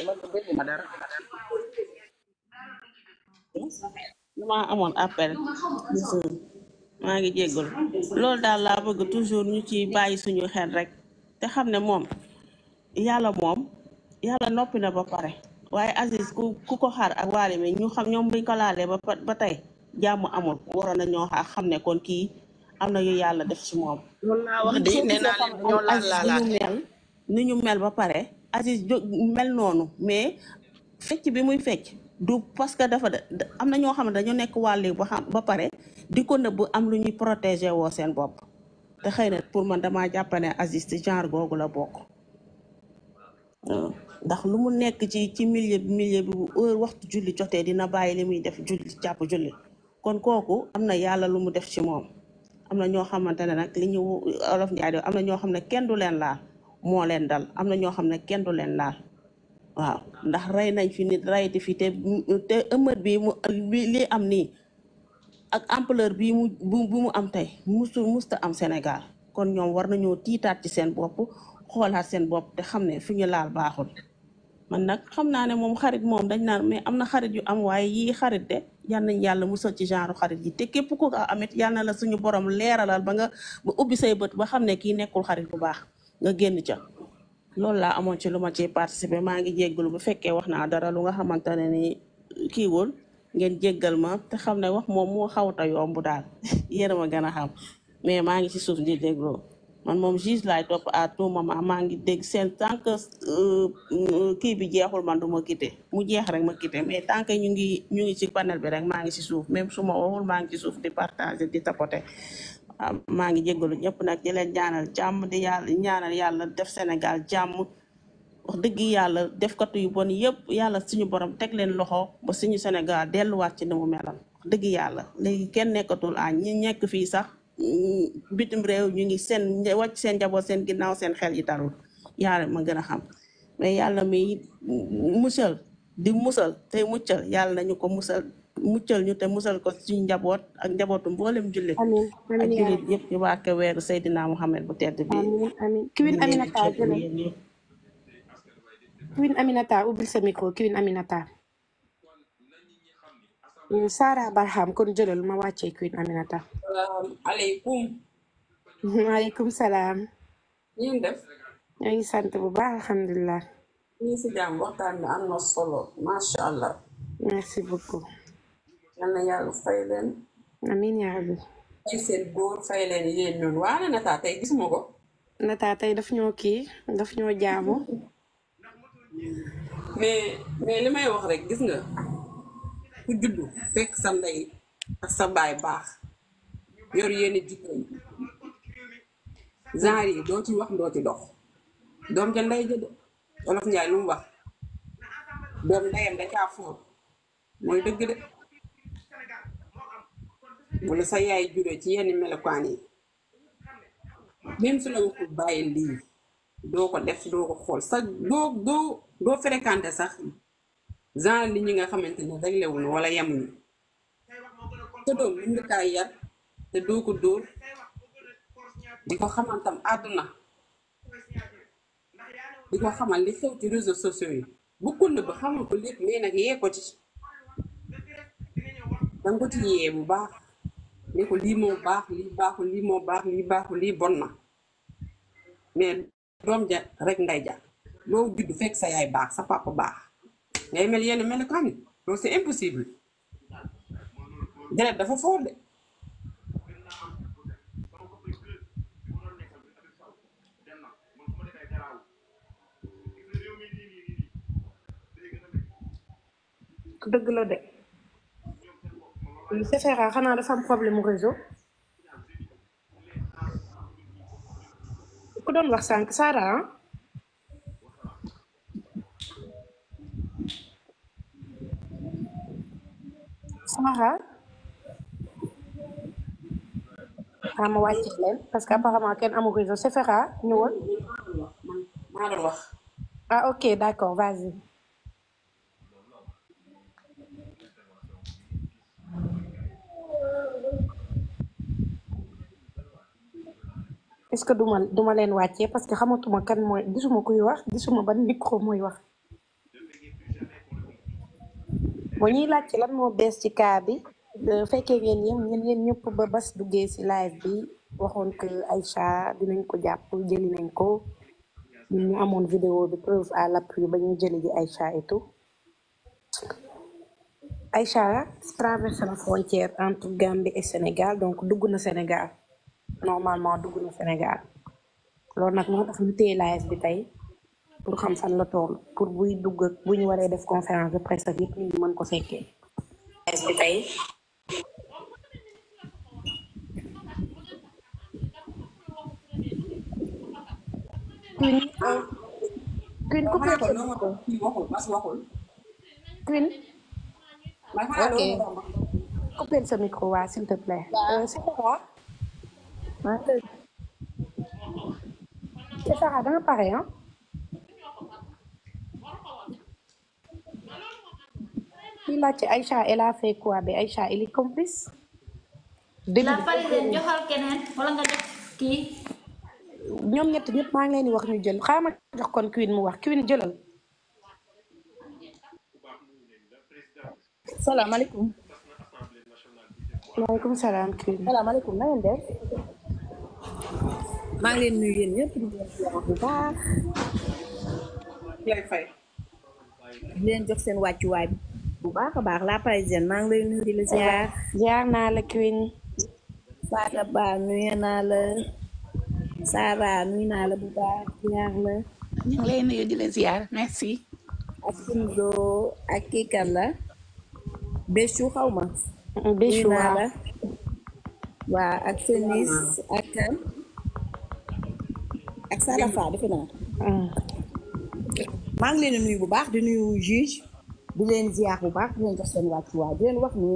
cuman mungkin sadar dama amoon appel maa ngi jéggul loolu daal laa bëgg toujours ñu ci bàyyi suñu xel rek te xam ne moom yàlla moom yàlla noppi na ba pare waaye Aziz ku ku ko xaar ak waale mi ñu xam ñoom buñ ko laalee ba ba tey jàmm amul waroon na ñoo xaar xam ne kon kii am na yu yàlla def ci moom loolu laa wax de nee naa leen ñoo laal laalaat ni ñu mel ni ñu mel ba pare Aziz jóg mel noonu mais fecc bi muy fecc du parce que dafa am na ñoo xam ne dañu nekk wàll ba xam ba pare di ko nëbb am lu ñuy protéger woo seen bopp te xëy na pour man damaa jàpp ne Aziz ci genre googu la bokk ndax lu mu nekk ci ci milieu bi bu heure waxtu julli jotee dina bàyyi li muy def julli jàpp julli kon kooku am na yàlla lu mu def ci moom am na ñoo xamante ne nag li ñu olof Njaay am na ñoo xam ne kenn du leen laal moo leen dal am na ñoo xam ne kenn du leen laal waaw ndax rey nañ fi nit rayati fi te te ëmmat bi mu li am nii ak ampleur bi mu bu mu am tey musu musta am Sénégal kon ñoom war nañoo tiitaat ci seen bopp xoolaat seen bopp te xam ne fi ñu laal baaxul man nag xam naa ne moom xarit moom dañ naan mais am na xarit yu am waaye yii xarit de yal nañ yàlla musal ci genre xarit yi te képp ku ko amit yal na la suñu borom leeralal ba nga ba ubbi say bët ba xam ne kii nekkul xarit bu baax nga génn ca loolu laa amoon ci lu ma ciy participer maa ngi jéggalu bu fekkee wax naa dara lu nga xamante ne ni kiiwul ngeen jéggal ma te xam ne wax moom moo xawta yomb daal yéen a ma gën a xam mais maa ngi ci suuf di dégloo man moom juge laay topp à tout moment maa ngi dégg seen tant que euh, kii bi jeexul man du ma quitté mu jeex rek ma quitté mais tant que ñu ngi ñu ngi ci panel bi rek maa ngi ci suuf même su ma waxul maa ngi ci suuf di partager di tapoter Ah, maa ngi jéggalu ñëpp nag di leen ñaanal jàmm di yàlla ñaanal yàlla def Sénégal jàmm wax dëgg yàlla defkatu yu bon yëpp yàlla suñu borom teg leen loxo ba suñu Sénégal delluwaat ci ni mu meloon wax dëgg yàlla léegi kenn nekkatul ah ñu nekk fii sax mm, bitim réew ñu ngi seen wàcc seen njaboot seen ginnaaw seen xel yi tarul yàlla ma gën a xam mais yàlla mi mm, musal di musal tey muccal yàlla nañu ko musal muccal ñu te musal ko suñu njaboot ak njabootu mboolem jullit ak jullit yëpp ñu waake weeru Seydina Muhammad bu tedd bi kiwin Aminata kiwin Aminata ki sa micro kiwin Aminata Sara Barham kon jëlal ma wàcce kiwin Aminata aleykum maaleykum salaam ñeen def ñoo ngi sant bu baax alhamdulilah ñii si jàmm waxtaan allah merci beaucoup yal na yàlla fay leen. amiin yaa rabbi. ci seen góor fay leen yéen noonu waane Nata tey gisuma ko. Nata tey daf ñoo kii daf ñoo jaamo mais li may wax rek gis nga ku juddu fekk sa ndey ak sa baay baax yor yenn jikko yi genre yi doo ci wax doo ci dox doom ja ndey ja de Wolof Njaay lu wax doom ndeyam da caa mooy dëgg de. wala sa yaay juree ci yenn melokaan yi même su la waxul bàyyi lii doo ko def doo ko xool sa doo doo doo sax genre li ñi nga xamante ne réglé wuñu wala yemuñu te doom mën nga kaa yar te doo ko dóor di ko xamantam àdduna di ko xamal li xew ci réseaux sociaux yi bukkul na ba xamal ko lépp mais nag yee ko ci danga ko ci yee bu baax ni ko lii moo baax lii baaxul lii moo baax lii baaxul lii bon na mais dom ja rek nday ja lo judd fek sa yay bax sa papa bax ngay mel yene mel kan lo c'est impossible deret dafa fo de deug la de Sefera xanaa dafa am problème le réseau ku doon wax sànq Sara ah Sara xaaral ma wàcc parce que apparemment kenn amu réseau Sefera ñëwal. maa wax. ah ok d'accord vas-y. est-ce que duma duma leen wàccee parce que xamatuma kan mooy gisuma kuy wax gisuma ban micro mooy wax ba ñuy laajte lan moo bees ci cas bi fekkee ngeen yem ngeen yéen ñëpp ba bas duggee ci live bi waxoon que Aïcha dinañ ko jàpp jëli nañ ko ñun ñu amoon vidéo bi preuve à l'appui ba ñuy jëli ji Aïcha et tout Aïcha traversé la frontière entre Gambie et Sénégal donc dugg na Sénégal normalement dugg na Sénégal loolu nag moo tax ñu téye live bi tey pour xam fan la toll pour buy dugg ak bu ñu waree def conférence de presse ak yëpp ñu mën ko fekkee live bi tey Queen coupé ah, ko Queen ok coupé sa micro waa s'il te plaît Ça te Sarah danga pare hein kii Aïcha elle a fait quoi Mais Aïcha elle est complice la farine joxal keneen wala nga jox kii ñoom ñett ñëpp ngi leen wax ñu jël jox kon Queen mu wax Queen jëlal Queen na ngeen def mang lên huyền nhất ba wifi lên cho xem watch wifi bác ba ka bak lại parisien mang lên huyền là gia gia na là queen ba là ba nuôi na là Sarah nuôi na là bu ba gia là mang lên huyền là gia merci Akindo Akikala Beshu Hauma Beshu Hauma waaw ak Fenis ak kan ak Salafa defe naa. Ah. maa ngi leen nuyu bu baax di nuyu juge di leen ziar bu baax di leen jox seen wàccuwaay di leen wax ni.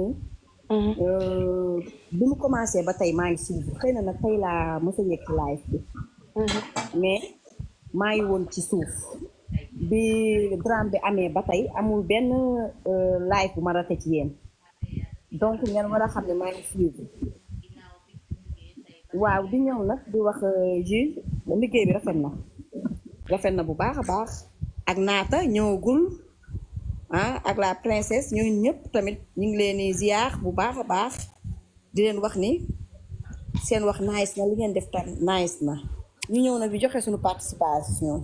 Mm-hmm. Euh, bi mu commencé ba tey maa ngi suivre xëy na nag tey laa mos a yëg live bi. Mm-hmm. mais maa ngi woon ci suuf bi drame bi amee ba tey amul benn euh, live bu ma rate ci yéen donc ngeen war a xam ne maa ngi suivre. waaw di ñëw nag di wax euh, juge liggéey bi rafet na rafet na bu baax a baax ak naata ñëwagul ah ak la princesse ñooy ñëpp tamit ñu ngi leen di ziar bu baax a baax di leen wax ni seen wax nice na li ngeen def tam nice na ñu ñëw nag di joxe suñu participation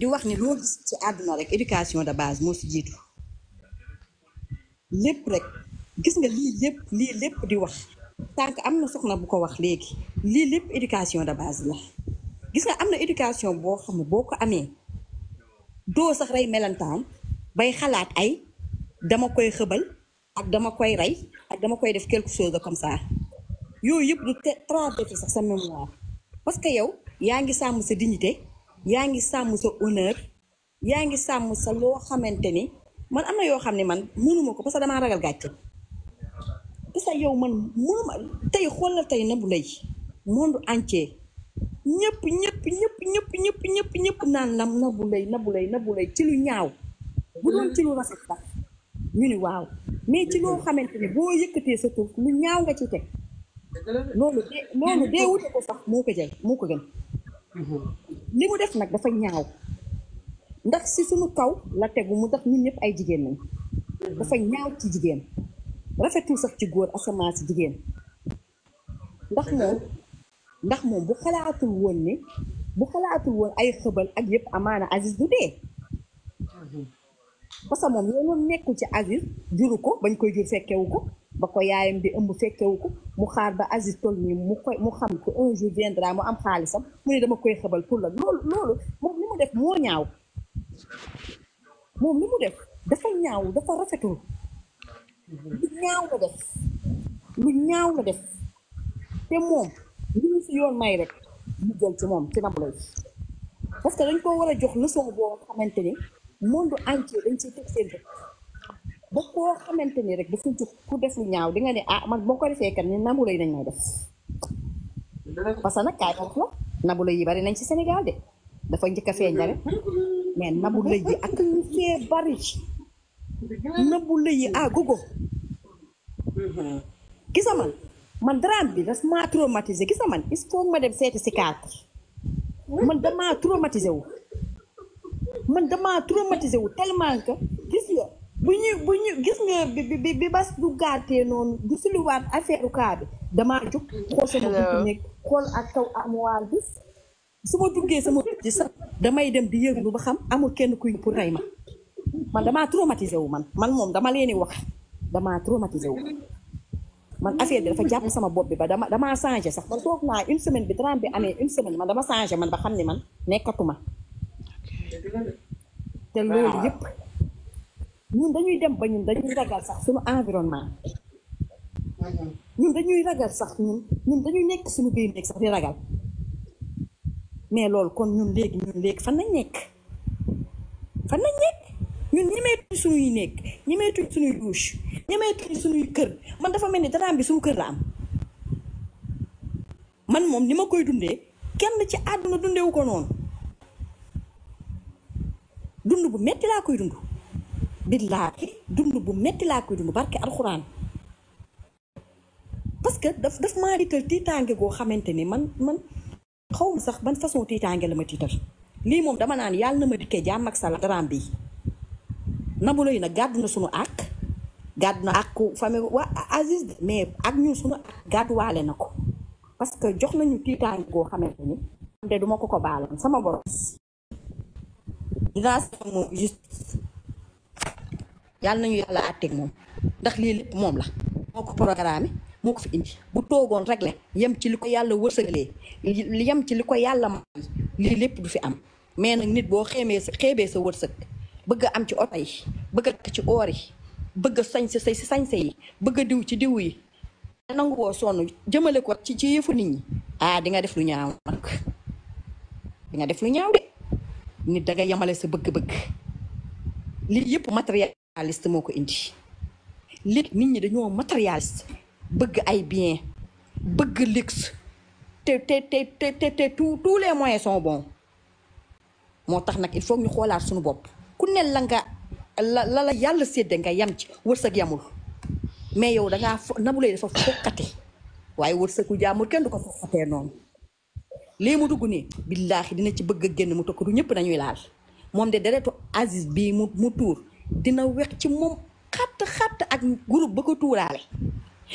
di wax ni loo gis ci àdduna rek éducation de base moo si jiitu lépp rek gis nga lii lépp lii lépp di wax sànq am na na bu ko wax léegi lii lépp éducation de base la gis nga am na éducation boo xam ne boo ko amee doo sax rey melantaan bay xalaat ay dama koy xëbal ak dama koy rey ak dama koy def quelque chose de comme ça yooyu yëpp du traversé sax sa mémoire parce que yow yaa ngi sàmm sa dignité yaa ngi sàmm sa honneur yaa ngi sàmm sa loo xamante ni man am na yoo xam ne man mënuma ko parce que damaa ragal gàcce. gis yow man moom tey xoolal tey Nabou Leye monde entier ñëpp ñëpp ñëpp ñëpp ñëpp ñëpp ñëpp naan lam Nabou Leye Nabou Leye Nabou Leye ci lu ñaaw bu doon ci lu rafet ñu ni waaw mais ci loo xamante ni boo yëkkatee sa tur lu ñaaw nga ci teg loolu de loolu dee wute ko sax moo ko jël moo ko gën li mu def nag dafa ñaaw ndax si suñu kaw la tegu mu tax ñu ñépp ay jigéen lañ dafa ñaaw ci jigéen rafetu sax ci góor asamaa si jigéen ndax moom ndax moom bu xalaatul woon ni bu xalaatul woon ay xëbal ak yëpp amaana Aziz du dee parce que moom yoon nekkul ci Aziz juru ko bañ koy jur fekkewu ko ba ko yaayam di ëmb fekkewu ko mu xaar ba Aziz toll nii mu koy mu xam ko un jour viendra mu am xaalisam mu ne dama koy xëbal pour la loolu loolu moom li mu def moo ñaaw moom li mu def dafa ñaaw dafa rafetul lu ñaaw la def te moom li ñu si yoon may rek mu ci moom ci Nabou Leye parce que dañ ko war a jox leçon boo xamante ni monde entier dañ ciy teg seen bët ba koo xamante ni rek dafa jug ku def lu ñaaw di nga ne ah man boo ko defee kat ni Nabou Leye nañ may def parce que nag kaay wax la Nabou yi bari nañ ci Sénégal de dafa njëkk a feeñ rek mais Nabou yi ak ñu fee bari nëbbu lëy yi ah gogo mm-hmm. gis man man drame bi daf maa traumatisé gis man il faut ma dem seeti psychiatre man damaa traumatisé man damaa traumatisé wu tellement gis nga bu ñu bu ñu gis nga bi bi bi bas du gàttee noonu du suluwaat affaire kaa bi damaa jóg xool sama buntu nekk xool ak kaw amuwaal bi su ma duggee sama buntu sax damay dem di yëglu ba xam amul kenn kuy pour rey ma man damaa traumatisé wu man man moom dama leen wax damaa traumatisé wu man affaire bi dafa jàpp sama bopp bi ba dama damaa changé sax man toog naa une semaine bi trente bi amee une semaine man dama changé man ba xam ne man nekkatuma te loolu yëpp ñun dañuy dem ba ñun dañuy ragal sax suñu environnement ñun dañuy ragal sax ñun ñun dañuy nekk suñu biir sax di ragal mais loolu kon ñun léegi ñun léegi fan nañ nekk fan nañ nekk ñun ñemeetuñ suñuy nekk ñemeetuñ suñuy douche ñemeetuñ suñuy kër man dafa mel ni daraam bi suñu kër la am man moom ni ma koy dundee kenn ci àdduna dundewu ko noonu dund bu metti laa koy dund billaahi dund bu metti laa koy dund barke alxuraan parce que daf daf maa dikkal tiitaange goo xamante ni man man xaw ma sax ban façon tiitaange la ma tiital lii moom dama naan yàlla na ma dikkee jàmm ak salaam daraam bii Nabou Leye nag gàddu na sunu àq gàddu na àqu famille waa Aziz ak ñun sunu àq gàdduwaale na ko parce que jox nañu tiitaan goo xamante ni am de duma ko ko baaloon sama borom dinaa seet moom juste yàlla nañu moom ndax lii lépp moom la moo ko programme moo ko fi indi bu toogoon rek yem ci li ko yàlla wërsëgalee yem ci li ko yàlla may lii lépp du fi am mais nag nit boo xeebee sa xeebee sa wërsëg bëgg am ci oto bëgg a ci oor yi bëgg a sañ sa si sañse yi bëgg a diw ci diw yi nanguwoo sonn jëmale ko ci ci yëfu nit ñi ah di nga def lu ñaaw nag di nga def lu ñaaw de nit da nga yemale sa bëgg-bëgg lii yëpp matérialiste moo ko indi lit nit ñi dañoo matérialiste bëgg ay bien bëgg luxe te te te te te tous les moyens sont bons moo tax nag il faut ñu xoolaat suñu bopp ku ne la nga la yàlla séddee nga yam ci wërsëg yamul mais yow dangaa fo Nabou Leye dafa fokkate waaye wërsëgu jaamur kenn du ko fokkatee noonu lii mu dugg nii billaahi dina ci bëgg a génn mu tokk du ñëpp nañuy laal moom de deretu Aziz bi mu mu tuur dina weex ci moom xat xatt ak group ba ko tuuraale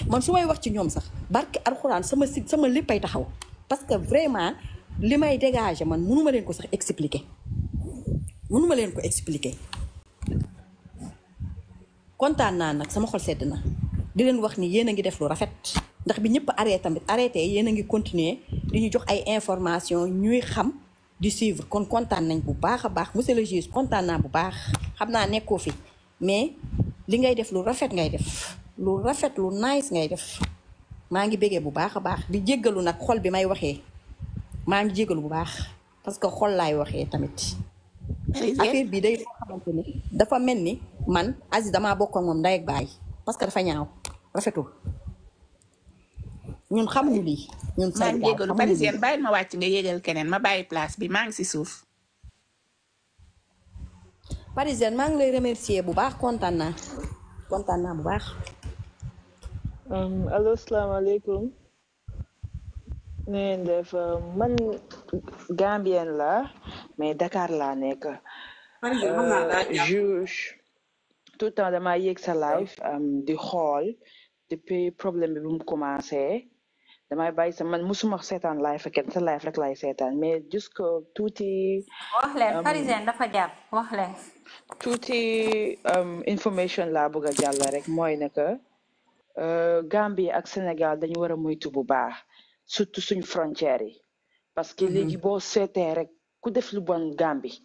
man su may wax ci ñoom sax barke alxuraan sama si sama léppay taxaw parce que vraiment li may dégage man mënuma leen ko sax expliquer mënuma leen ko expliquer kontaan naa nag sama xol sedd na di leen wax nii yéen a ngi def lu rafet ndax bi ñëpp arrêté tamit arrêté yéen a ngi continuer di ñu jox ay information ñuy xam di suivre kon kontaan nañ bu baax a baax monsieur le juge kontaan naa bu baax xam naa nekkoo fi mais li ngay def lu rafet ngay def lu rafet lu nice ngay def maa ngi bégee bu baax a baax di jéggalu nag xol bi may waxee maa ngi jéggalu bu baax parce que xol laay waxee tamit affaire bi day dafa mel ni man Aziz damaa bokk ak moom ndey ak baay parce que dafa ñaaw rafetul ñun xamuñu lii. ñun Sénégal maa ngi yégalu Parisienne bàyyil ma wàcc nga yégal keneen ma bàyyi place bi maa ngi ci suuf. Parisienne maa ngi lay remercier bu baax kontaan naa kontaan naa bu baax. Um, allo salaamaaleykum. nee def eh, man Gambienne la mais dakaar laa nekk. Eh, juge tout le temps damay yéeg sa live di xool depuis problème bi bu mu commencé damay bàyyi sa man musuma seetaan live kenn sa live rek lay seetaan mais jusque tuuti. wax leen Parisien dafa jàpp wax leen. tuuti information laa bëgg a jàll rek mooy ne que eh, Gambie ak Sénégal dañu war a moytu bu baax. surtout suñ frontières yi parce que mhm. léegi boo seetee rek ku def lu bon Gambie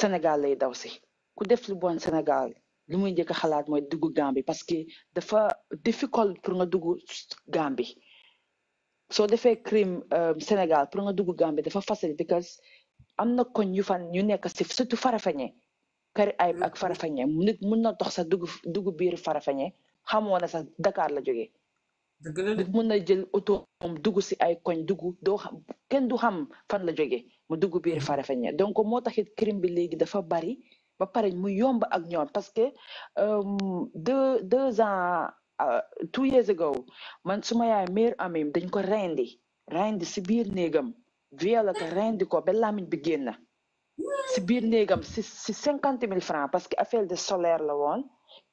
Sénégal lay daw si ku def lu bon Sénégal lu muy njëkk a xalaat mooy dugg Gambie parce que dafa difficile pour nga dugg Gambie soo defee crime euh, Sénégal pour nga dugg Gambie dafa facile because am na koñ yu fan ñu nekk si surtout Farafeñe kari ay ak mhm. Farafeñe nit mun na tox sax dugg dugg biir Farafeñe xamoo na sax dakaar la jóge mun na jël auto am dugg si ay koñ dugg doo xam kenn du xam fan la jógee mu dugg biir mm-hmm. Farafenni donc moo taxit crime bi léegi dafa bari ba pare mu yomb ak ñoom parce que euh, deux deux ans euh, two years ago man suma yaay mère amim dañ ko rendi rendi si biir néegam viol ko rendi ko ba lamiñ bi génn si biir néegam si si cinquante mille francs parce que affaire de solaire la woon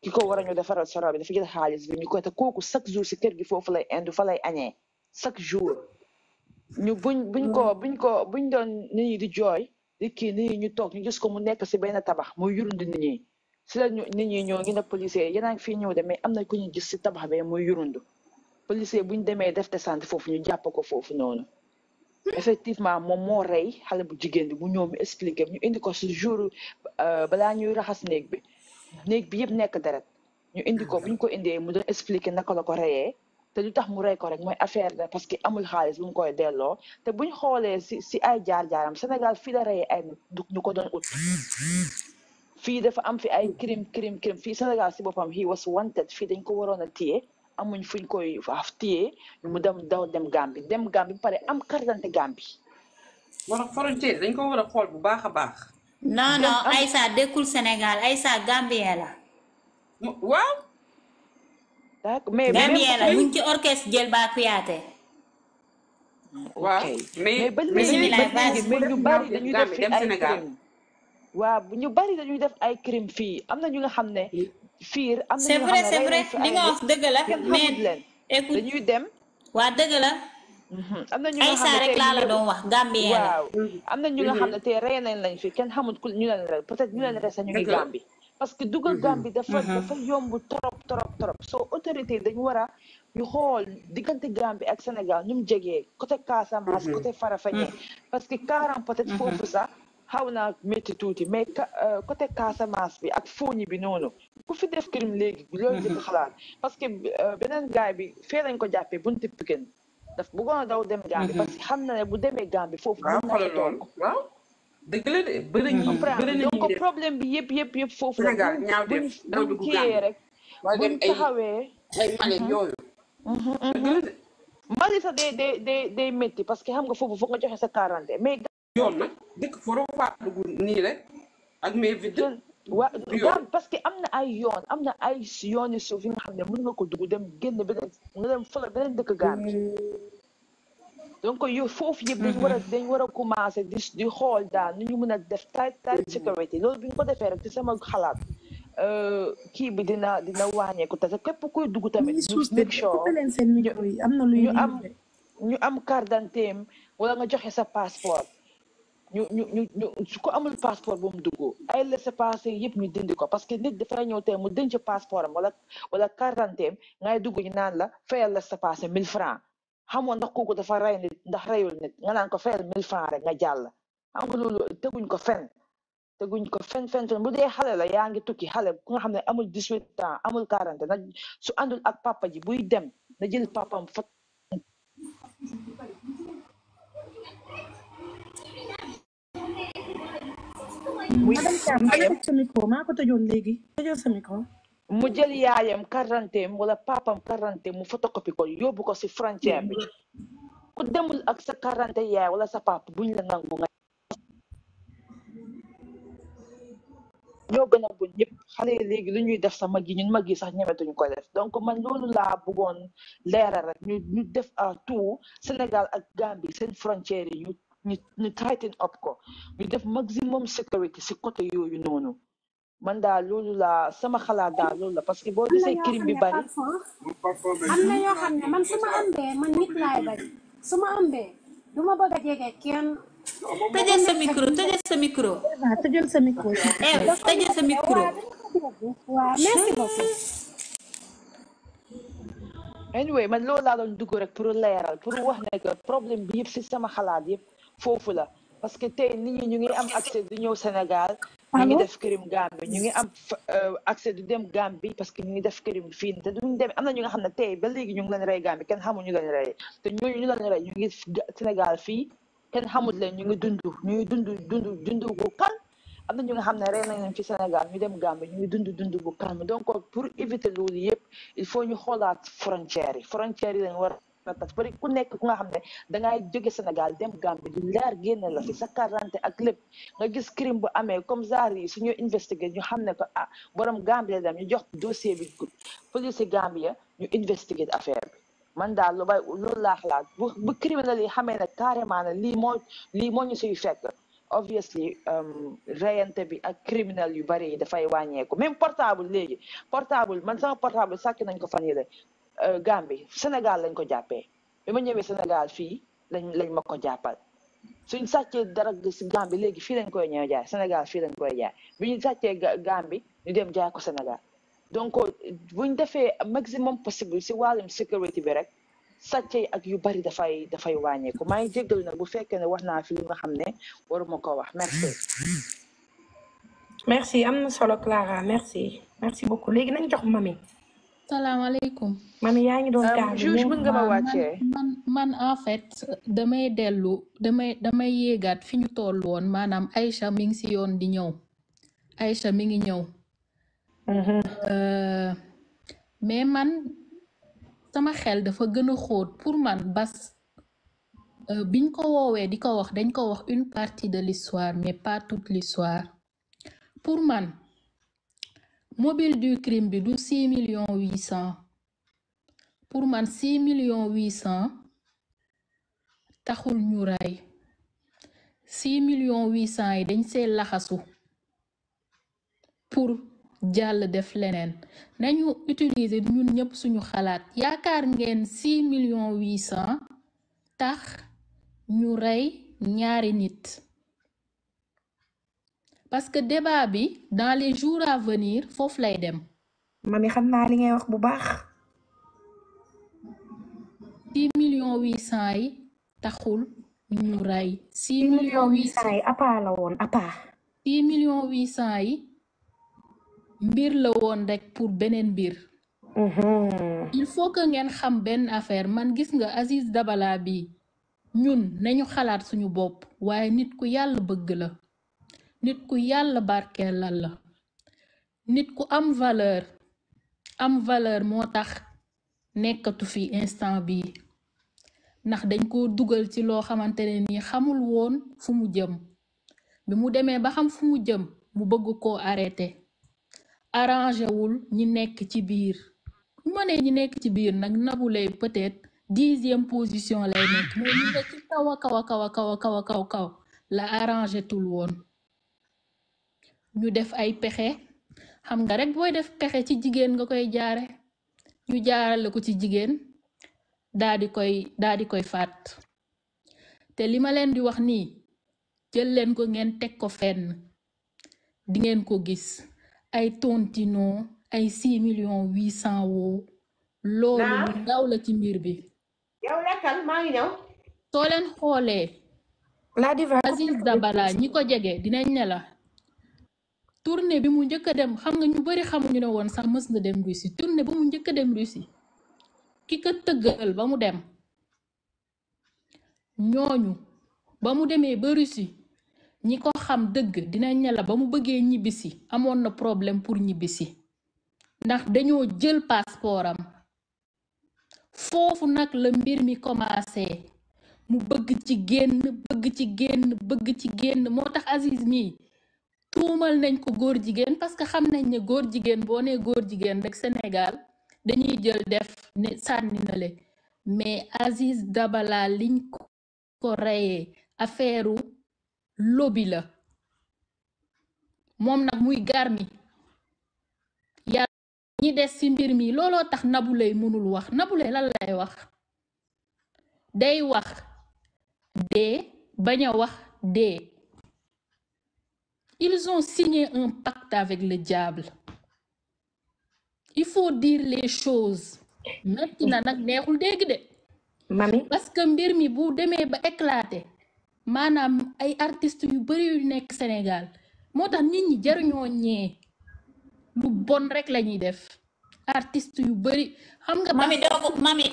Ficou o aranho da farol sarabia, da fiquei de ralhas, vinho conta coco, sac jur, se quer que for, falei, ando, falei, ané, sac jur. Nhu bun, bun ko, hum. bun ko, bun don, nini de joy, de que nini nhu toque, nhu just como neca se bem na tabar, mo yurun de nini. Se da nini nhu ngi na polícia, yana fi nhu de me, amna kunyi just se tabar bem mo yurun do. Polícia bun de me, def te sante fofu, nhu japa ko fofu nono. Hum. effectivement moom moo rey xale bu jigéen bi bu ñoom expliqué ñu indi ko si jour euh, balaa ñuy raxas néeg bi néeg bi yëpp nekk deret ñu indi ko bu ñu ko indee mu doon expliquer naka la ko reyee te lu tax mu rey ko mooy affaire la parce que amul xaalis bu koy delloo te bu xoolee si si ay jaar-jaaram Sénégal fii la reyee ay nit ñu ko doon ut fii dafa am fi ay crime crime crime fii Sénégal si boppam he was wanted fii dañ ko waroon a téye amuñ fuñ koy faaf téye mu dem daw dem Gàmbi dem Gàmbi pare am carte d'identité Gàmbi. dañ ko war a xool bu baax a baax. non non Aïssa dëkkul Sénégal Aïssa Gambien la. waaw. Gambien la ñu ci orchestre Djelba Kouyaté. waaw mais mais ñu bari dañuy def ñu bari dañuy def ay crime fii am na ñu nga xam ne. fiir am na ñu nga wax dëgg la mais écoute dañuy dem. waa dëgg la. Mhm. am na ñu nga xam ne rek am na ñu nga xam ne te rey nañ lañ fi kenn xamul ku ñu leen rey peut-être ñu leen rey sax ñu ngi Gambie parce que dugal mhm. Gambie dafa mhm. dafa yomb trop trop trop soo autorité dañu war a ñu xool diggante Gambie ak Sénégal ñu mu jegee côté Casamance côté Farafenni parce que Karang peut-être foofu sax xaw naa métti tuuti mais euh, côté Casamance bi ak Fougne bi noonu ku fi def crime léegi loolu di xalaat parce que euh, beneen gaay bi fee lañ ko jàppee bu bunti Pikine daf bëggoon a daw dem Gambie parce que xam na ne bu demee Gambie foofu mun na toog waaw dëgg la de bëri nañu bëri bi yëpp yëpp yëpp foofu la buñ buñ kiyee rek buñ taxawee ay male mm-hmm. yooyu dëgg mm-hmm, mm-hmm. la day day parce que xam nga foofu foog nga joxe sa quarante mais yoon nag dëkk foro faa dugg nii rek ak mais vide وجاب أيوة. بس كي أمنا أي يون أمنا أي سيون يسوفين حمد من لكو دو قدام جن بدن ندم فلا بدن دك جامد دونك يو فوف يبدي ورا الدين ورا كوماس ديش دي خول دا نيو من الدفتات تا سيكوريتي لو بين كو دفير تسمى خلاص أه، كي بدينا دينا واني كنت تسكي بو كو دو قدام نيو ستيك شو نيو أم نيو أم كاردان تيم ولا نجح يسا باسبورت ñu ñu ñu ñu su amul passeport bu mu dugg ay laissez-passer yëpp ñu dindi ko parce que nit dafay ñëw tey mu denc passeport am wala wala carte d'identité ngay dugg ñu naan la fayal laissez-passer 1000 francs xamoo ndax ko dafa rey nit ndax reyul nit nga naan ko fayal 1000 francs rek nga jàll xam nga loolu teguñ ko fenn teguñ ko fenn fenn fenn bu dee xale la yaa ngi tukki xale ku nga xam ne amul 18 ans amul 40 na su àndul ak papa ji buy dem na jël papam fa madame sa micro maa ko tëjoon léegi tëjoo sa micro mu jël yaayam quarante wala papam quarante mu photocopie ko yo ko si frontière bi ku demul ak sa quarante yaay wala sa pap buñ la nangu nga ñoo gën a bon ñëpp xale yi def sa mag yi ñun mag yi sax ñemetuñu ko def donc man loolu laa bëggoon leeral rek ñu ñu def à tout Sénégal ak Gambie seen frontière yi ñu ñu ñu tighten up ko ñu def maximum security si côté yooyu noonu man daa loolu laa sama xalaat daal loolu la parce que boo gisee crime bi bari am na yoo xam ne man ma ambee du ma bëgg a jege kenn tëjal sa micro tëjal sa micro tëjal sa micro tëjal sa micro waaw merci beaucoup anyway man loolu laa doon dugg rek pour leeral pour wax ne que bi yëpp si sama xalaat yëpp foofu la parce que tey nit ñi ñu ngi am accès du ñëw Sénégal ñu ngi def kërim Gambie ñu ngi am euh, accès du dem Gambie parce que ñu ngi def kërim fii te duñu dem am na ñu nga xam ne tey ba léegi ñu ngi leen rey Gambie kenn xamul ñu leen rey te ñu rey ñu ngi Sénégal fii kenn xamul leen ñu ngi dundu ñu ngi dund dund dund bu kan am na ñu nga xam ne rey nañ leen fi Sénégal ñu dem Gambie ñu ngi dund dund bu kan donc pour éviter loolu yëpp il faut ñu xoolaat frontières yi frontières yi lañ war na tax bari ku nekk ku nga xam ne dangay jóge Sénégal dem Gambie di leer génne la fi sa quarante ak lépp nga gis crime bu amee comme genre yi suñu investigué ñu xam ne ko ah borom Gambie la dem ñu jox dossier bi si Gambie ñu investigué affaire man daal lu bay loolu laa xalaat bu bu criminel yi xamee ne carrément ne lii moo lii moo ñu suy fekk obviously um, reyante bi ak criminel yu bari yi dafay wàññeeku même portable léegi portable man sama portable sàkk nañ ko fan yii Euh, Gambie Sénégal lañ ko jàppee bi ma ñëwee Sénégal fii lañ lañ ma ko jàppal suñ sàccee dara si Gambie léegi fii lañ koy ñëw jaay Sénégal fii lañ koy jaay bi ñu sàccee Gambie ñu dem jaay ko Sénégal donc buñ defee maximum possible si wàllum sécurité bi rek sàccee ak yu bari dafay dafay wàññeeku maa ngi jégalu nag bu fekkee ne wax naa fi li nga xam ne waruma ko wax merci. merci am na solo Clara merci merci beaucoup léegi nañ jox mami. salaamaaleykum. man yaa ngi doon kaar juge mën ma man man en fait damay dellu damay damay yéegaat fi ñu toll woon maanaam Aïcha mi ngi si yoon di ñëw Aïcha mi ngi ñëw. Mhm. Euh, mais man sama xel dafa gën a xóot pour man bas euh, biñ ko woowee di ko wax dañ ko wax une partie de l'histoire mais pas toute l'histoire pour man. mobile du crime bi du six millions huit pour man six millions huit taxul ñu rey six millions huit yi dañ see laxasu pour jàll def leneen nañu utiliser ñun ñëpp suñu xalaat yaakaar ngeen six millions huit tax ñu rey ñaari nit parce que débat bi dans les jours à venir fof lay dem. mami xamna li ngay wax bu bax six millions 800 yi taxul ñu ray 6 millions 800 yi apa la won apa six millions 800 yi mbir la won rek pour beneen mbir. Mhm. il faut que ngeen xam ben affaire man gis nga Aziz Dabala bi ñun nañu xalaat suñu bop waye nit ku yalla bëgg la. nit ku yàlla lal la nit ku am valeur am valeur moo tax nekkatu fi instant bi ndax dañ ko dugal ci loo xamante ne ni xamul woon fu mu jëm bi mu demee ba xam fu mu jëm mu bëgg ko arrêté arrangé wul ñi nekk ci biir bu ma nee ñi nekk ci biir nag Nabou Leye peut-être dixième position lay nekk mais ñu ne ci kaw a kaw a kaw a kaw a kaw a kaw la arrangé woon ñu def ay pexe xam nga rek booy def pexe ci jigéen nga koy jaare ñu jaarale ko ci jigéen daa koy daa koy faat te li ma leen di wax nii jël leen ko ngeen teg ko fenn di ngeen ko gis ay tontino ay six millions huit cent woo loolu lu ndaw la ci mbir bi yow lakkal maa ngi soo leen xoolee Aziz Dabala ñi ko jege dinañ ne la tournée bi mu njëkk a dem xam nga ñu bari xamuñu ne woon sax mës na dem Russie tournée ba mu njëkk a dem Russie ki ko tëggal ba mu dem ñooñu ba mu demee ba Russie ñi ko xam dëgg dina ñela ba mu bëggee ñibbisi amoon na problème pour ñibbisi ndax dañoo jël passeport am foofu nag la mbir mi commencé mu bëgg ci génn bëgg ci génn bëgg ci génn moo tax Aziz mii tuumal nañ ko góor jigéen parce que xam nañ ne góor jigéen boo nee góor jigéen rek Sénégal dañuy jël def ne sànni na le mais Aziz Dabala liñ ko reyee affaireu lobby la moom nag muy garmi ya, ñi des ci mbir mi looloo tax nabulay Leye mënul wax nabulay lan lay wax day wax dee bañ wax dee Ils ont signé un pacte avec le diable. Il faut dire les choses. mami parce que Mbirmi Bou éclaté Je ay artistes yu bari yu Sénégal artistes mami mami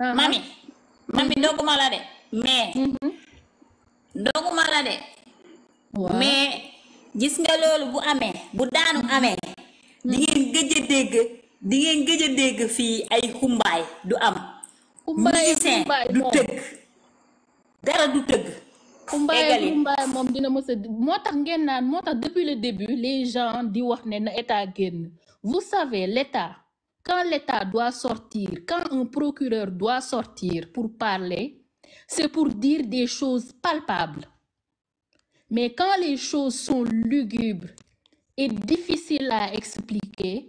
ah, mami. Ah. mami mami mais gis nga lolou bu Amé, bu daanu Amé. di ngeen gëj dégg di ngeen gëj a dégg fii ay xumbaay du am musicien du tëgg dara du tëgg xumbaay xumbaay mom dina mës tax ngeen naan depuis le début les gens di wax né na état vous savez l'état quand l'état doit sortir quand un procureur doit sortir pour parler c'est pour dire des choses palpables mais quand les choses sont lugubres et difficiles à expliquer,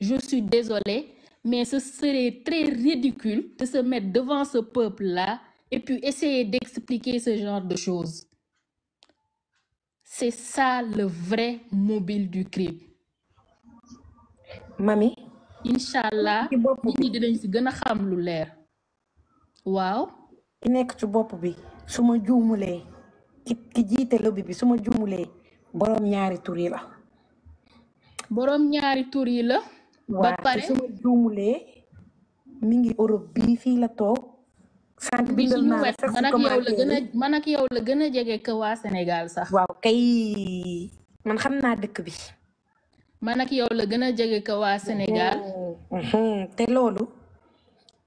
je suis désolée, mais ce serait très ridicule de se mettre devant ce peuple-là et puis essayer d'expliquer ce genre de choses. C'est ça le vrai mobile du crime. Mami. Inch'Allah, nit xam lu a que ci lui. bi ki jité lobby bi suma jumulé borom ñaari turila. yi la. borom ñaari turila, yi la. ba paré suma jumulé mi ngi Europe bi fi la toog. sànq bi ñu wét man ak yow la gëna a man ak yow la gëna ke wa Sénégal sax. waaw kay man xamna dëkk bi. man ak yow la gëna a ke wa sénégal mm-hmm, hmm té lolu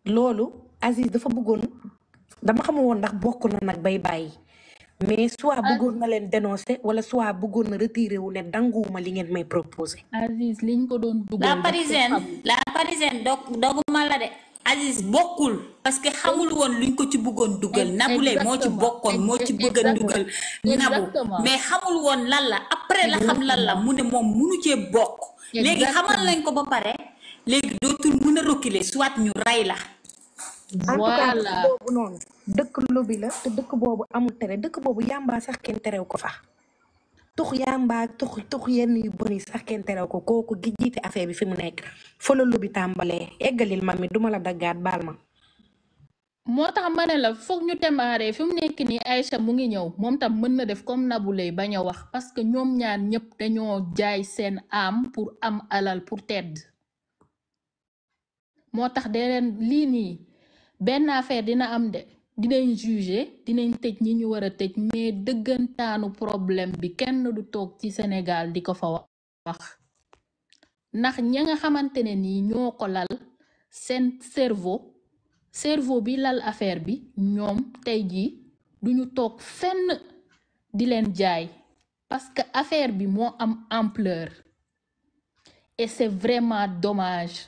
lolu Aziz dafa bëggoon dama xamul woon ndax bokku na nak bay bay mais soit bëggoon na leen dénoncer wala soit bëggoon na retiré wu ne danguwuma li ngeen may proposé. Aziz liñ ko doon bëggoon la parisienne la parisienne dog doguma la de. Aziz bokkul parce que xamul woon luñ ko ci bëggoon dugal. Nabou Leye moo ci bokkoon moo ci bëgg a dugal. Nabou mais xamul woon lan la après la xam lan la mu ne moom munu ceeb bokk. léegi xamal lañ ko ba pare léegi dootul mën a reculer soit ñu rey la. voilà dëkk lobi la te dëkk boobu amul tere dëkk boobu yàmbaa sax kenn terew ko fa tux yàmbaa tux tux yenn yu bëri sax kenn terew ko kooku gi jiite affaire bi fi mu nekk fa la lobi tàmbalee eggalil ma mi duma la daggaat baal ma moo tax ma ne la foog ñu démarrer fi mu nekk nii Aïcha mu ngi ñëw moom tam mën na def comme Nabou Leye bañ a wax parce que ñoom ñaan ñëpp dañoo jaay seen am pour am alal pour tedd moo tax de lii nii benn affaire dina am de dinañ juger dinañ tëj ñi ñu war a tëj mais dëggantaanu problème bi kenn du toog ci Sénégal di ko fa wax ndax ña nga xamante ne nii ñoo ko lal seen cerveau cerveau bi lal affaire bi ñoom tey jii duñu toog fenn di leen jaay parce que affaire bi moo am ampleur et c'est vraiment dommage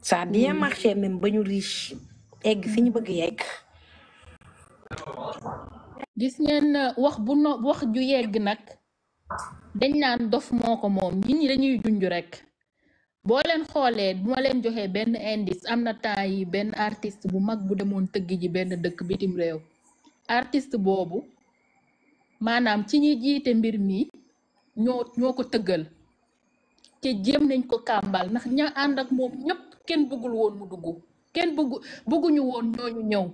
ça a bien mm. marché même ba ñu egg fi ñu bëgg yegg. gis ngeen euh, wax bu no wax ju yegg nag dañ naan dof moo ko moom nit ñi dañuy junj rekk boo leen xoolee bu leen joxee benn indice am na temps yi benn artist bu mag bu demoon tëgg ji benn dëkk bitim réew artist boobu maanaam ci ñi jiite mbir mi ñoo ñoo ko tëggal te jéem nañ ko kàmbal ndax ña ànd ak moom ñëpp kenn bëggul woon mu dugg kenn bëggu bëgguñu woon ñooñu ñëw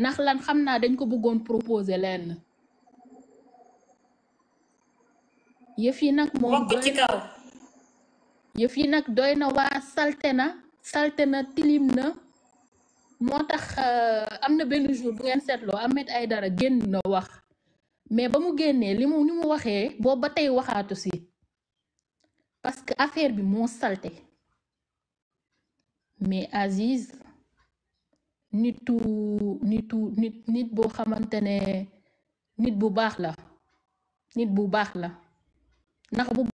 ndax lan xam naa dañ ko bëggoon proposer lenn yëf yi nag moom ci kaw nag doy na waa salte na salte na tilim na moo tax euh, am na benn jour bu ngeen seetloo Ahmed Aïdara génn na wax mais ba mu génnee li mu ñu mu waxee boobu ba tey waxaatu si parce que affaire bi moo salté mais Aziz nitu ni nit nit ni xamantene nit bu bax la nit bu la bu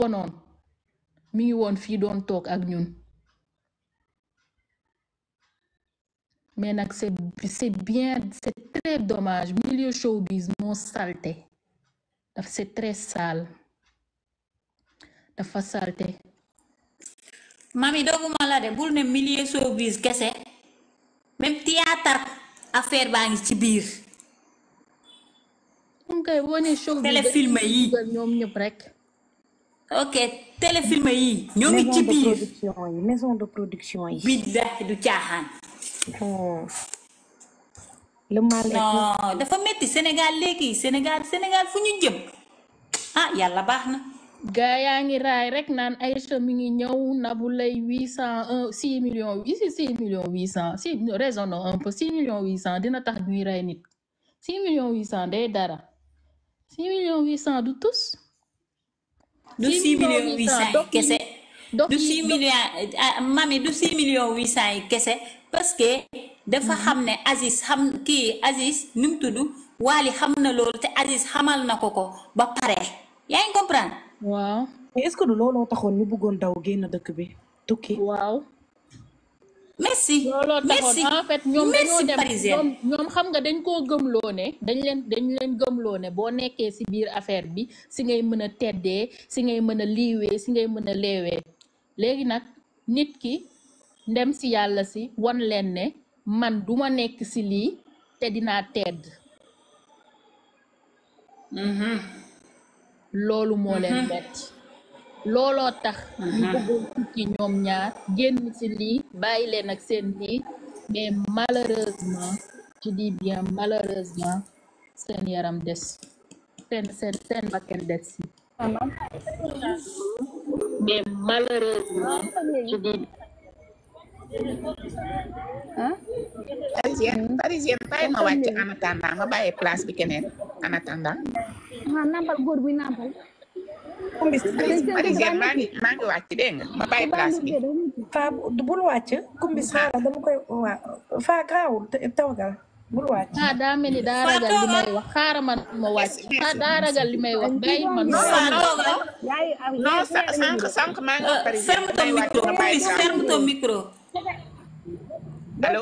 mi ngi ak ñun mais c'est c'est bien c'est très dommage milieu showbiz mon salté daf c'est très sale mami doguma la de bul ne milieu showbiz kese même théâtre affaire baa ngi ci biir. ok boo nee showbiz téléfilm yi ñoom ñëpp rek. ok téléfilm yi. ñoo ngi ci biir maison de production yi du caaxaan. Oh. le mal dafa métti Sénégal léegi Sénégal Sénégal fu ñu jëm ah yàlla baax na. gaa yaa ngi raay rek naan Aïcha mi ngi ñëw Nabou Leye huit cent un six millions ici six millions huit cent six raisonne un peu six huit cent dina tax ñuy rey nit six millions huit cent day dara six millions cent du tus du six millions kese du six millions mami du six millions huit cent yi kese parce que dafa xam ne Aziz xam kii Aziz ni mu tudd Wally xam na loolu te Aziz xamal na ko ko ba pare yaa ngi comprendre waaw mais est looloo taxoon ñu bëggoon daw génn dëkk bi tukki waaw merci looloo taxoon en fait ñoom dañoo dem ñoom xam nga dañ koo gëmloo ne dañ leen dañ leen gëmloo ne boo nekkee ci biir affaire bi ci ngay mën a teddee ci ngay mën a liiwee ci ngay mën a leewee léegi nag nit ki ndem ci yàlla ci wan leen ne man duma nekk ci lii te dinaa tedd mhm. Lolu mo len mhm. metti lolo tax ñu mhm. bëggoon tukki ñoom ñaar genn ci li bàyyi len ak sen lii mais malheureusement je dis bien malheureusement sen yaram dess c'est sen seen bakkan dess mais malheureusement je dis ah. parisienne parisienne bàyyi ma wàcc en ma bàyyi place bi keneen en attendant. waaw ah, nampal góor buy nampal. parisienne maa ngi maa ngi wàcc dégg ma bàyyi place bi. faa bul wàcc. kumbis xaaral ah. dama koy waaw faa gaawul tawgal. bul wàcc ah daa mel ni daa ragal li may maa ngi. Ah, ferme ton micro allo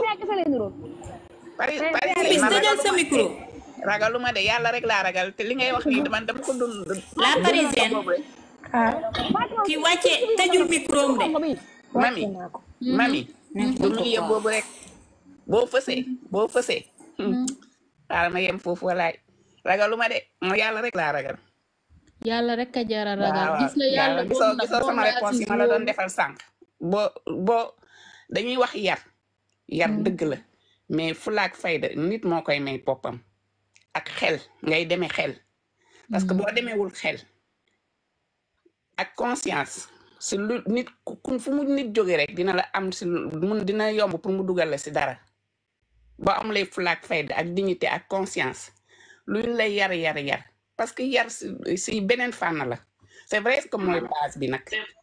allo ragaluma de yàlla rek laa ragal te li ngay wax nii man dama ko dund. la parisienne ki wàcce tëjul micro de. mami mami. bu ñu hmm. hmm. yem boobu rek iya, boo fësee eh. boo fësee. xaaral hmm. ma yem foofu walaay ragaluma de mo yàlla ya, rek laa ragal. yàlla ya, rek ka jara ragal. gis nga yàlla ya, doon sama réponse yi ma la doon defal sànq. boo boo. dañuy wax yar yar mm-hmm. dëgg la mais fulaak fayda nit moo koy may boppam ak xel ngay demee xel parce que mm-hmm. boo demeewul xel ak conscience si lu nit ku fu mu nit jóge rek dina la am si dina yomb pour mu dugal la si dara boo amulee fulaak fayda ak dignité ak conscience luñ lay yar yar yar parce que yar si beneen fànn la c'est vrai que mooy ah. base bi nag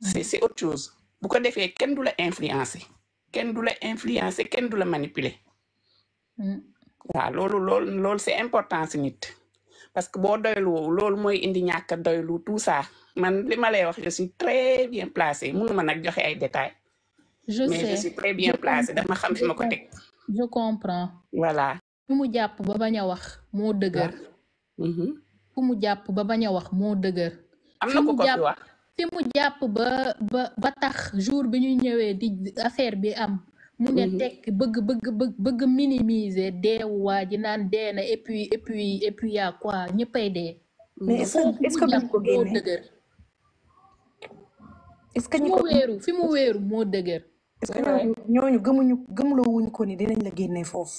c'est c'est autre chose bu ko defee kenn du la influencer kenn du la influencer kenn du la manipuler mm. waa loolu loolu lool c'est important si nit parce que boo doyluwoo loolu mooy indi ñàkk a doylu tout ça man li ma lay wax je suis très bien placée mënuma nag joxe ay détails je mais sais je très bien placée dama xam fi ma ko teg je comprends voilà fu mu jàpp ba bañ a wax moo dëgër mhm. fu mu jàpp ba bañ a wax moo dëgër am na ko ko wax fi mu jàpp ba ba ba tax jour bi ñu ñëwee di affaire bi am mu ne mhm. tekk bëgg bëgg bëgg bëgg deewu waa ji naan dee na et puis et puis et puis yaa quoi ñëppay dee mais est ko génne moo que wéeru fi mu wéeru moo dëgër est-ce que ñooñu gëmuñu gëmloo ko ni dinañ la génnee foofu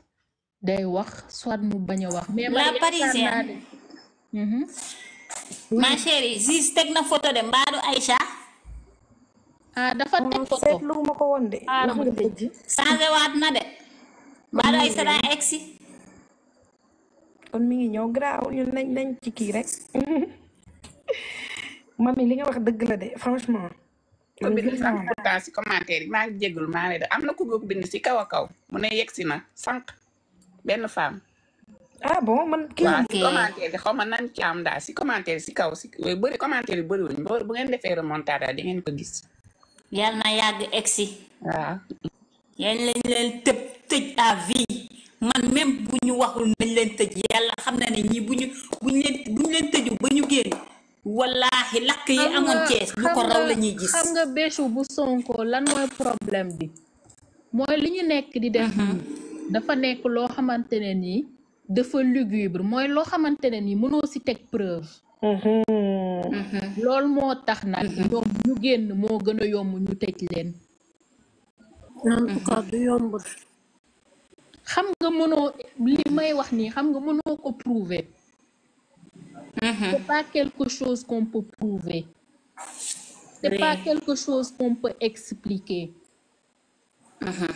day wax soit mu baña a wax. mais la parisienne ma chérie Ziz tek na photo de Mbadou Aïcha. ah dafa tek photo seetlu lu mako won de. sangé wat na de. Mbadou Aïcha da exi on mi ngi ñow graw ñu nañ nañ ci ki rek. mami li nga wax deug la de franchement. ko bind sànq pourtant si commentaire yi maa ngi jégalu maa ne de am na ku bind kaw mu na benn femme. ah bon man kii waaw si commentaire xaw ma nan am daal si commentaire si kaw si bëri commentaire bëri wuñ bu ngeen defee remontada da ngeen ko gis. yal na yàgg exi. waaw. yal lañ leen tëb tëj à vie man même bu ñu waxul nañ leen tëj yàlla xam na ne ñi bu ñu bu ñu leen bu ñu leen tëju ba ñu génn. wallahi lakk yi amoon Cees lu ko raw la ñuy gis. xam nga bu Sonko lan mooy problème bi mooy li ñu nekk di def. Mhm. dafa nekk loo xamantene ni nii dafa lugubre mooy loo xamante ne nii mënoo si teg preuve. Mm-hmm. loolu moo tax nag. ñoom ñu génn moo gën a yomb ñu tëj leen. en tout cas du yomb. xam nga mënoo li may wax nii xam nga mënoo ko prouver. Mm-hmm. c'est pas quelque chose qu'on peut prouver. c'est pas quelque chose qu'on peut expliquer. Mm-hmm.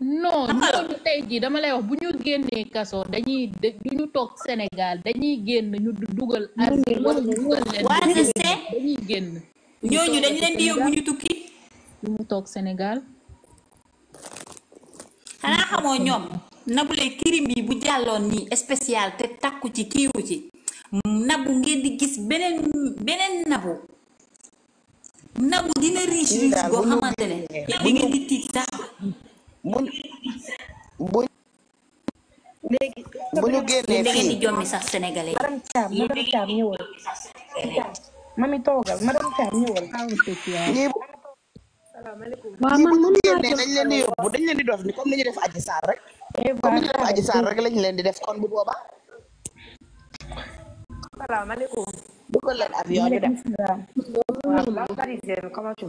non loolu tey jii dama lay wax bu ñu génnee kaso dañuy du ñu toog Sénégal dañuy génn ñu dugal. asile wala dugal leen dañuy génn. ñooñu dañu leen di yóbbu ñu tukki. du ñu toog Sénégal. xanaa xamoo ñoom nabu lay kirim bi bu jàlloon nii spécial te takku ci kiiwu ci nabu ngeen di gis beneen beneen nabu. nabu dina riche riche boo xamante ne. ngeen di tiit sax. buñ buñ léegi bu ñu génnee fii di jommi sax sénégalais madame Thiam madame Thiam ñëwal mami toogal madame Thiam ñëwal waaw man mën naa dañ leen di yóbbu dañ leen di def ni comme ni ñu def aji saar rek eh, comme ni ñu def aji saar rek lañ leen di def kon bu boobaa salaamaaleykum dugal leen avion ñu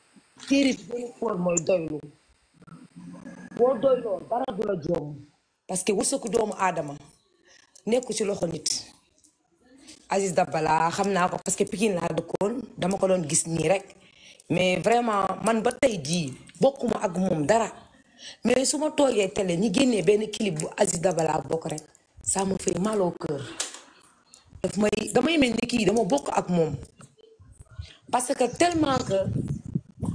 téere bi benn xool mooy doylu boo doyloo dara du la joom parce que wërsëgu doomu aadama nekku ci loxo nit Aziz Dabala xam naa ko parce que Pikine laa dëkkoon dama ko doon gis nii rek mais vraiment man ba tey jii bokkuma ak moom dara mais su ma toogee télé ñi génnee benn clip bu Aziz Dabala bokk rek ça me fait mal au daf may damay mel ni kii dama bokk ak moom parce que que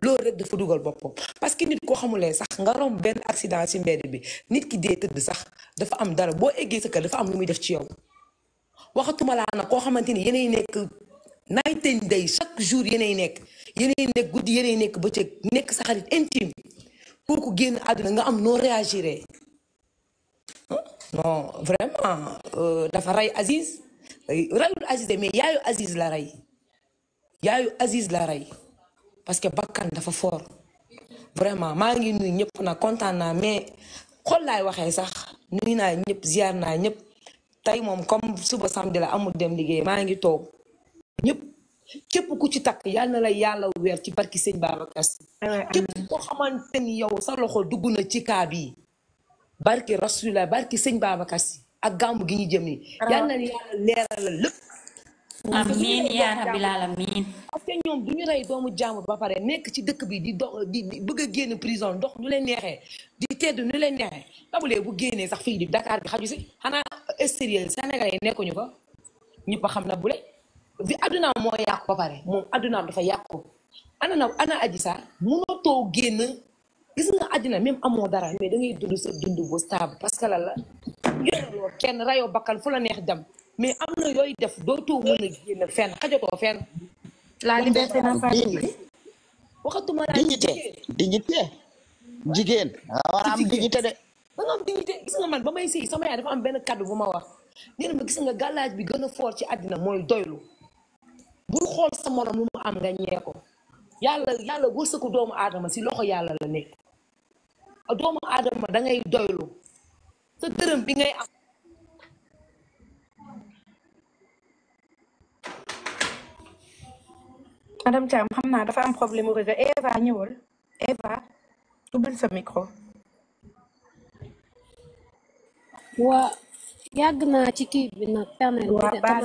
loolu rek dafa dugal parce que nit sax nga accident ci mbedd bi nit ki dee tëdd sax dafa am dara boo sa dafa am def ci yow waxatuma day chaque jour yeneen nekk yeneen nekk guddi nekk bëccëg nekk saxarit intime pour nga am réagiré non vraiment euh, dafa Aziz Aziz mais Aziz la Aziz la parce que bakkan dafa foor vraiment maa ngi nuyu ñëpp nag kontaan naa mais xool laay waxee sax nuyu naa ñëpp ziar naa ñëpp tey moom comme suba samedi amul dem liggéey maa ngi toog ñëpp képp ku ci takk yal na la yàlla weer ci barki sëñ Babacar Si képp koo xamante ni yow sa loxo dugg na ci kaa bii barki Rasulullah barki sëñ Babacar yi ak gàmb gi ñu jëm nii yal na la yàlla amiin yaa rabbil aalamiin parce que ñoom du ñu rey doomu jàmbur ba pare nekk ci dëkk bi di dox di bëgg a génn prison dox ñu leen neexee di tedd ñu leen neexee babulee bu génnee sax fii di Dakar bi xaju si xanaa extérieur Sénégalais nekkuñu ko ñëpp a xam na bu le bi addunaam moo yàqu ba pare moom addunaam dafa yàqu ana na ana aji sax mënatoo génn gis nga àddina même amoo dara mais da ngay dund sa dund bu stable parce que lan la kenn rayoo bakkal fu la neex dem mais am na yooyu def dootoo mën a génn fenn xajatoo fenn. laa liberté n'a pas de prix. waxatuma laa jigéen war am dignité de. nga am dignité gis nga man ba may sëy sama yaay dafa am benn kàddu bu ma wax nee ma gis nga gàllaaj bi gën a foor ci àddina mooy doylu bul xool sa morom lu mu am nga ñee ko yàlla yàlla wërsëgu doomu aadama si loxo yàlla la nekk doomu aadama da ngay doylu sa dërëm bi ngay am madame Thiam xam naa dafa am problème mu réseau Eva ñëwal Eva naa ci kii bi nag. waaw baal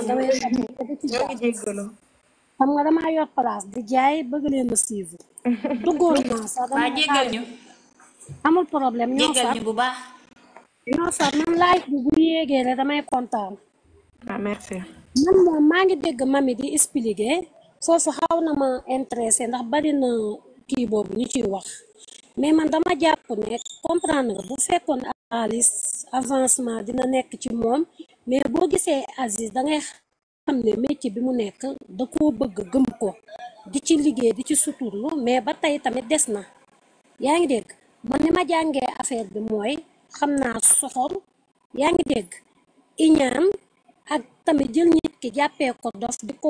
ma nga damaa yor place di jaay bëgg leen a suivre. duggoon naa sax dama jéggal ñu. amul problème ñoo far jéggal ñu bi bu yéegee damay kontaan. ah maa ngi dégg mami di expliquer. soosu xaw na ma intéressé ndax bari na kii boobu ñu ciy wax mais man dama jàpp ne comprendre nga bu fekkoon xaalis avancement dina nekk ci moom mais boo gisee Aziz dangay xam ne métier bi mu nekk da koo bëgg gëm ko di ci liggéey di ci lu mais ba tey tamit des na yaa ngi dégg man ni ma jàngee affaire bi mooy xam naa soxor yaa ngi dégg iñaan tamé djël nit ki jappé ko dof diko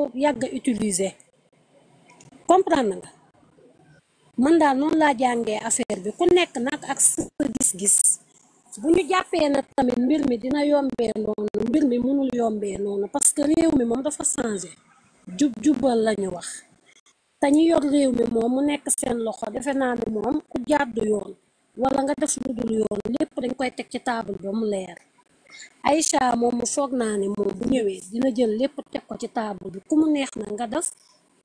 comprendre nga man affaire bi ku nek nak ak gis-gis bu ñu jappé tamit mbir mi dina non mbir mi mënul parce que réew mi dafa changer jub lañu wax ta ñi yor réew mi mu nek sen loxo defé na ne ku jaddu yoon wala nga def yoon lepp dañ koy ci Aïcha moom foog naa ne moom bu ñëwee dina jël lépp teg ko ci table bi ku mu neex na nga def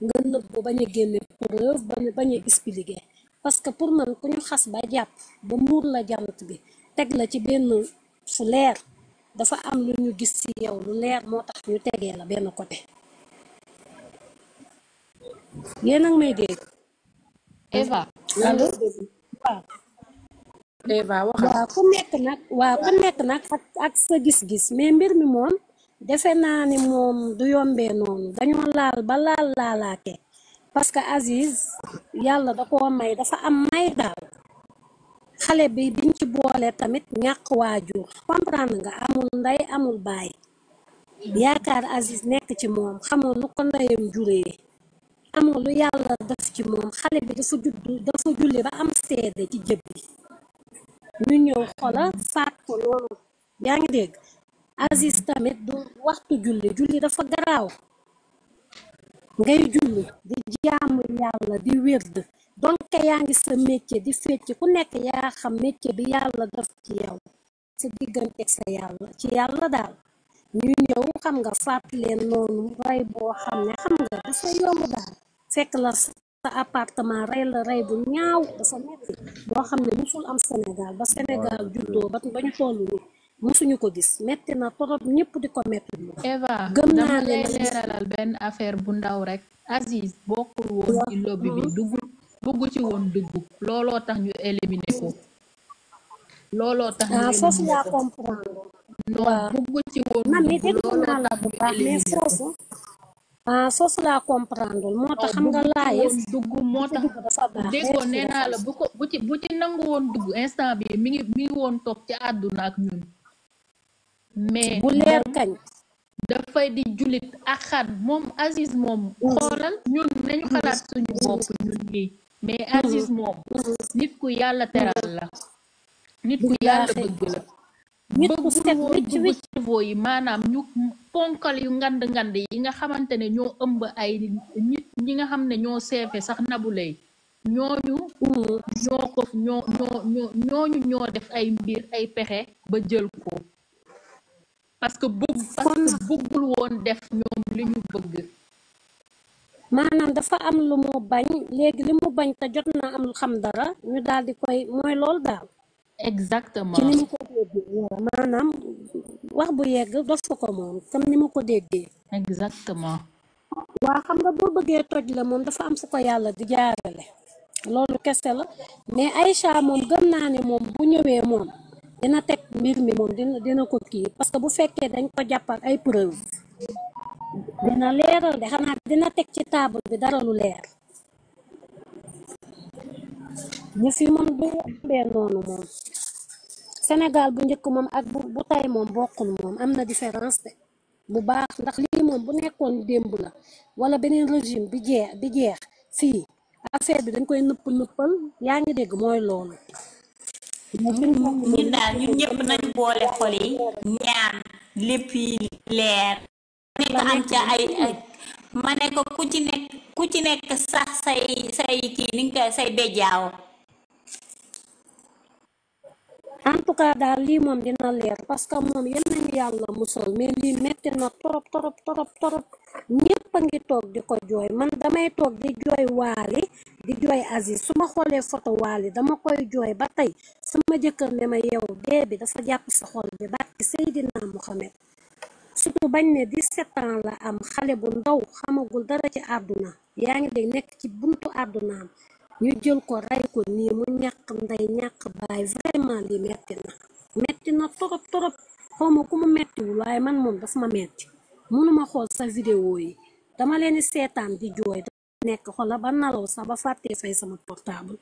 nga nëb ko bañ a génne preuve bañ bañ a expliquer parce que pour man ku ñu xas ba jàpp ba muur la jànt bi teg la ci benn fu leer dafa am lu ñu gis ci yow lu leer moo tax ñu tegee la benn côté yéen a ngi may dégg Eva waaw ku nekk nag waaw ku nekk nag ak sa gis-gis mais mbir mi moom defe naa ni moom du yombee noonu dañoo laal ba laal laalaake parce que Aziz yàlla da koo may dafa am may daal xale bi biñ ci boole tamit ñàkk waajur comprendre nga amul ndey amul baay yaakaar Aziz nekk ci moom xamul lu ko ndeyam juree amul lu yàlla def ci moom xale bi dafa judd dafa julli ba am seede ci jëb ñu ñëw xoolal sàkku loolu yaa ngi dégg Aziz tamit du waxtu julli julli dafa garaaw ngay julli di jaamu yàlla di wérd donte yaa ngi sa métier di fecc ku nekk yaa xam métier bi yàlla daf ci yow sa diggante sa yàlla ci yàlla daal ñu ñëw xam nga fàtt leen noonu rey boo xam ne xam nga dafa yomb daal fekk la sa appartement rey la rey bu ñaaw boo xam ne musul am Sénégal ba Sénégal juddoo ba ba ñu toll nii musuñu ko gis metti na torop di ko metti lu Eva gëm naa benn affaire bu ndaw rek Aziz bokkul woon ci bi mm-hmm. dugg bugg ci woon dugg looloo tax ñu éliminer ko looloo tax ñu ah, foofu laa comprendre non ci woon man mi dégg naa la bu ah foofu laa comprendre moo tax oh, xam nga laaye dugg moo tax déggoo nee la bu ci nangu woon dugg instant bi mi ngi mi woon toog ci àdduna ak ñun mais bu leer kañ dafay di jullit axat moom Aziz moom mm. xoolal ñun nañu mm. xalaat suñu bopp ñun nii mais Aziz mm. moom nit ku yàlla teral la nit ku yàlla bëgg la nit ku set wicc wicc niveau yi maanaam ñu ponkal yu ngand ngand yi nga xamante ne ñoo ëmb ay nit ñi nga xam ne ñoo seefe sax Nabou Leye ñoo ko ñoo def ay mbir ay pexe ba jël ko parce que bëgg parce que bëggul woon def ñoom li ñu bëgg maanaam dafa am lu mu bañ léegi li mu bañ te jot na am xam dara ñu daal di koy mooy loolu daal exactement ci ni ma ko déggee maanaam wax bu yegg dafa ko moom comme ni ma ko déggee. exactement. waa xam nga boo bëggee toj la moom dafa am su ko yàlla di jaarale loolu kese la mais Aïcha moom gëm naa ne moom bu ñëwee moom dina teg mbir mi moom dina ko kii parce que bu fekkee dañ ko jàppal ay preuve dina leeral de xanaa dina teg ci table bi dara lu leer. ñu fi moom du yombee noonu moom Sénégal bu njëkk moom ak bu bu tey moom bokkul moom am na différence de bu baax ndax lii moom bu nekkoon démb la wala beneen régime bi jeex bi jeex fii affaire bi dañ koy nëpp nëppal yaa ngi dégg mooy loolu. ñun daal ñun ñëpp nañ boole xol ñaan lépp yi leer nekk am ca ay. ma ne ko ku ci nekk ku ci nekk sax say say kii ni nga say bejjaaw en lii moom dina leer parce que moom yal nañu yàlla musal mais lii metti torop torop torop torop ñépp a ngi toog di ko jooy man damay toog di jooy waali di jooy Aziz su ma xoolee photo waali dama koy jooy ba tey sama jëkkër ne ma yow dee bi dafa jàpp sa xol bi barki Seydina Muhammad surtout bañ ne 17 ans la am xale bu ndaw xamagul dara ci àdduna yaa ngi dégg nekk ci buntu àddunaam ñu jël ko rey ko nii mu ñàkk ndey ñàkk baay vraiment li metti na metti na torop torop xawma ku mu mettiwul waaye man moom dafa ma metti mënuma xool sa vidéo yi dama leen di seetaan di jooy dama nekk xoola ba nalaw sax ba fàttee fay sama portable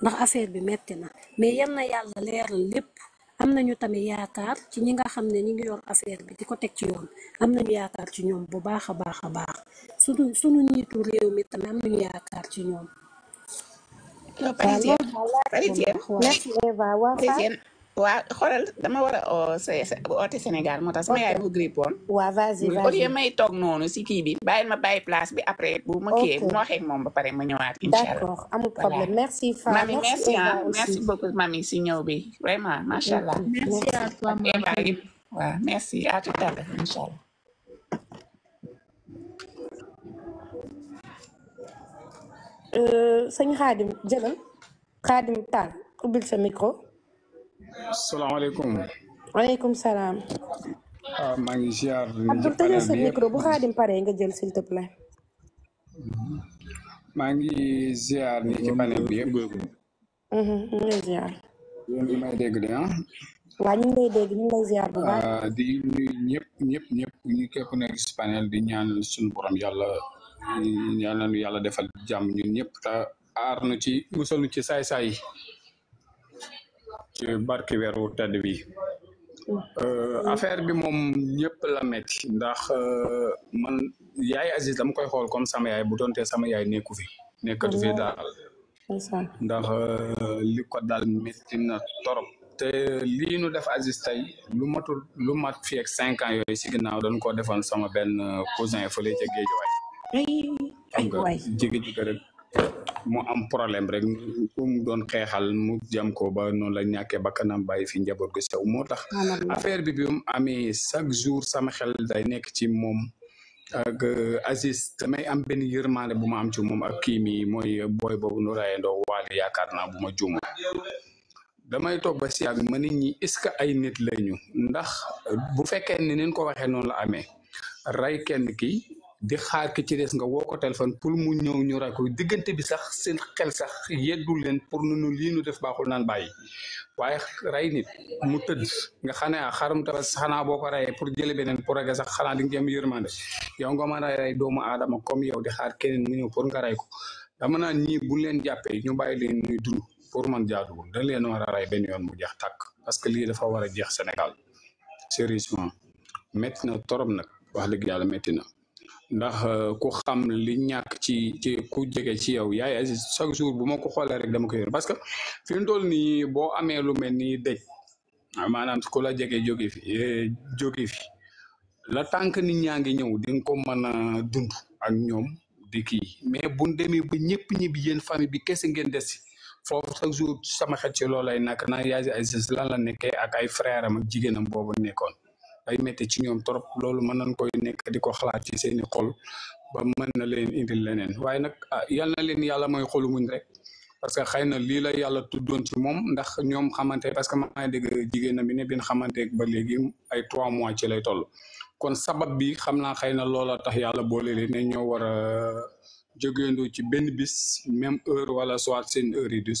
ndax affaire bi metti na mais yal na yàlla leeral lépp am nañu tamit yaakaar ci ñi nga xam ne ñi ngi yor affaire bi di ko teg ci yoon am nañu yaakaar ci ñoom bu baax a baax a baax suñu suñu njiitu réew mi tamit am nañu yaakaar ci ñoom. waa xoolal dama war a oh, oote Sénégal moo tax sama yaay mu grippe waa vas-y vas-y au lieu si kii bi. bàyyil ma bàyyi place bi après bu ma moom ba pare ma ñëwaat. incha allah d'accord amul problème merci. beaucoup mami si ñëw bi vraiment macha allah. merci à tout à l'heure incha allah. Euh, sëñ Xaadim jëlal Xaadim Tall ubbil sa micro. salaamaaleykum. waaleykum salaam. waaw ah, maa ngi ziar. Abdoul tëjee sa micro bu xaadim pare nga jël s'il te plaît. Mm-hmm. maa ngi ziar ni ci panel bi yëpp. Mm-hmm, ñu ngi lay ziar. yéen ñi may dégg de ah. waa ñu ngi lay dégg ñu ngi lay ziar bu baax. Ah, di nuyu ñëpp ñëpp ñëpp ñu képp ku nekk si panel di ñaan suñu borom yàlla yàlla nu yàlla defal jàmm ñun ñëpp te aar nu ci musal nu ci saay-saay yi. ci barki weeru tedd bi euh, affaire bi moom ñëpp la metti ndax euh, man yaay Aziz dama koy xool comme sama yaay bu doonte sama yaay nekku fi nekkatu fi oh. daal ndax euh, li ko daal metti na torop te lii nu def Aziz tey lu matul lu mat fi ak cinq ans yooyu si ginnaaw dañ koo defoon sama benn cousin fële ca géej waay ay waay jigi rek mu am problème rek ku mu doon xeexal mu jam ko ba noonu la ñàkkee ba kanam bàyyi fi njaboot gu sew moo tax affaire bi bi mu amee chaque jour sama xel day nekk ci moom ak euh, Aziz damay am benn yërmande bu ma am ci moom ak kii mi mooy booy boobu nu rayandoo waale yaakaar naa bu ma juumoo damay toog ba si yàgg ma nit ñi est-ce que ay nit lañu ndax bu fekkee ne nin ko waxee noonu la amee ray kenn ki di xaar ki ci des nga woo ko téléphone pour mu ñëw ñu ray ko diggante bi sax seen xel sax yeggul leen pour nu nu lii nu def baaxul naan bàyyi waaye rey nit mu tëdd nga xam ne ah xarum tabas xanaa boo ko reyee pour jële beneen pour rege sax xanaa di nga jëm yërmande yow nga mën a rey doomu aadama comme yow di xaar keneen mu ñëw pour nga rey ko dama naan ñii bu leen jàppee ñu bàyyi leen ñuy dund pour man jaaduwul dañ leen war a rey benn yoon mu jeex tàkk parce que lii dafa war a jeex Sénégal sérieusement métti na nag wax dëgg yàlla métti na ndax euh, ku xam li ñàkk ci ci ku jege ci yow yaay Aziz chaque jour bu ma ko xoolee rek dama ko yor parce que fi mu toll nii boo amee lu mel nii dëj maanaam ku la jege jóge fi eh, jóge fi la tànk nit ñaa ngi ñëw di nga ko mën a dund ak ñoom di kii mais bu ñu demee ba ñëpp ñibbi yéen famille bi kese ngeen des si foofu chaque jour sama xel ci loolay nag naa a Aziz lan la nekkee ak ay frère am ak jigéenam boobu nekkoon. ay metti ci ñoom torop loolu mën nañ koy nekk di ko xalaat ci i xol ba mën na leen indil leneen waaye nag ah, yal na leen yàlla mooy xolu muñ rek parce que xëy na lii la yàlla tuddoon ci moom ndax ñoom xamante parce que maa dégg jigéen bi ne bin xamanteeg ba léegi ay trois mois ci lay toll kon sabab bi xam naa xëy na loola tax yàlla boole leen ne ñoo war a jógeendoo ci benn bis même heure wala soit seen heure yi du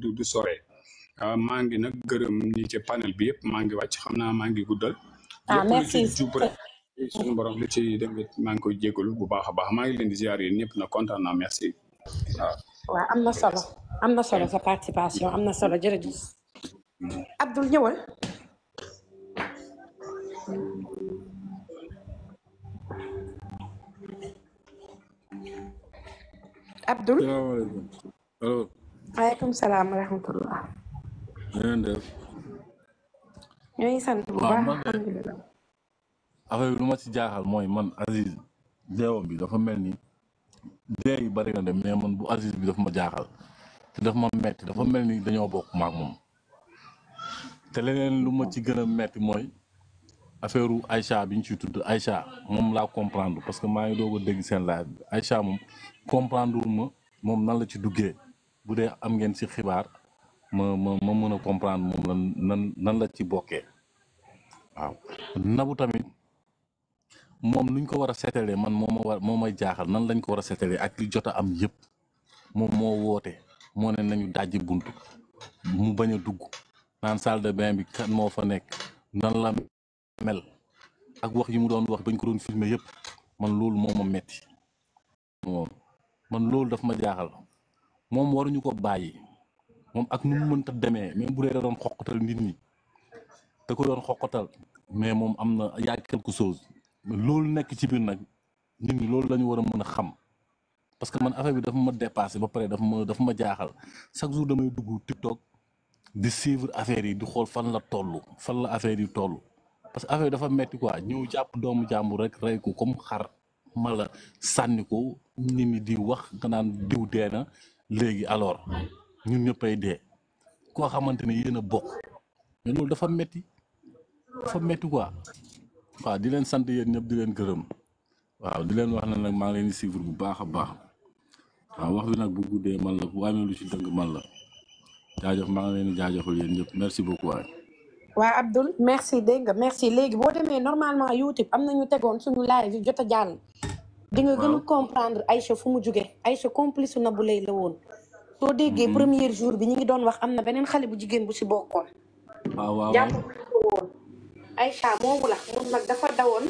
du du sore ah, maa ngi nag gërëm ñi ci panel bi yëpp maa ngi wàcc xam naa maa ngi guddal ah merci lépp lu ci suñu borom lu ci demit maa ngi koy jégalu bu baax a baax maa ngi leen di ziar yéen ñëpp na kontaan naa merci. waaw am na solo am na solo sa participation am na solo jërëjëf. Abdoul ñëwal. Abdoul. salaamaaleykum. allo. waaleykum salaam wa rahmatullah. na ngeen def. ñoo ngi sant bu baax alhamdulilah ma ci jaaxal mooy man Aziz deewam bi dafa mel ni dee yi bari na de mais man bu Aziz bi dafa ma jaaxal te dafa ma metti dafa mel ni dañoo bokk maak moom te leneen lu ma ci gën a metti mooy affaire u Aïcha bi ñu ciy tudd Aïcha moom laa comprendre parce que maa ngi doog a dégg seen live bi Aïcha moom comprendre ma moom nan la ci duggee bu dee am ngeen ci xibaar ma ma mën a comprendre moom lan nan nan la ci bokkee waaw nabu tamit moom nuñ ko war a seetalee man moo ma war moo may jaaxal nan lañ ko war a seetalee ak li jot a am yëpp moom moo woote moo ne nañu dajji bunt mu bañ a dugg naan salle de bain bi kan moo fa nekk nan la mel ak wax yi mu doon wax bañ ko doon filmer yëpp man loolu moo ma metti man loolu daf ma jaaxal moom waruñu ko bàyyi moom ak nu mu mënta demee même bu dee da doon xoqatal nit ñi da ko doon xoqatal mais moom am na yaay quelque chose loolu nekk ci biir nag nit ñi loolu lañu war a mën a xam parce que man affaire bi dafa ma dépassé ba pare dafa ma dafa ma jaaxal chaque jour damay dugg TikTok di suivre affaire yi di xool fan la toll fan la affaire yi toll parce que affaire dafa metti quoi ñëw jàpp doomu jàmbur rek rey ko comme xar la sànni ko nit ñi di wax nga naan diw dee na léegi alors ñun ñëppay dee koo xamante ne bokk mais loolu dafa dafa métti quoi. waaw di leen sant yéen ñëpp di leen këram waaw di leen wax na nag maa ngi leen di bu baax a baax. waaw wax bi nag bu guddee man la bu amee lu ci dëng man la. jaajëf maa ngi leen di jaajëfal yéen ñëpp merci beaucoup waay. waa Abdoul merci dégg nga merci léegi boo demee normalement YouTube am na ñu tegoon suñu live jot a jàll. di nga gën a ay Aïcha fu mu jugee Aïcha complice na bu lay la woon. soo déggee mm-hmm. premier jour bi ñu ngi doon wax am na beneen xale bu jigéen bu si bokkoon. Aïcha moomu la moom nag dafa dawoon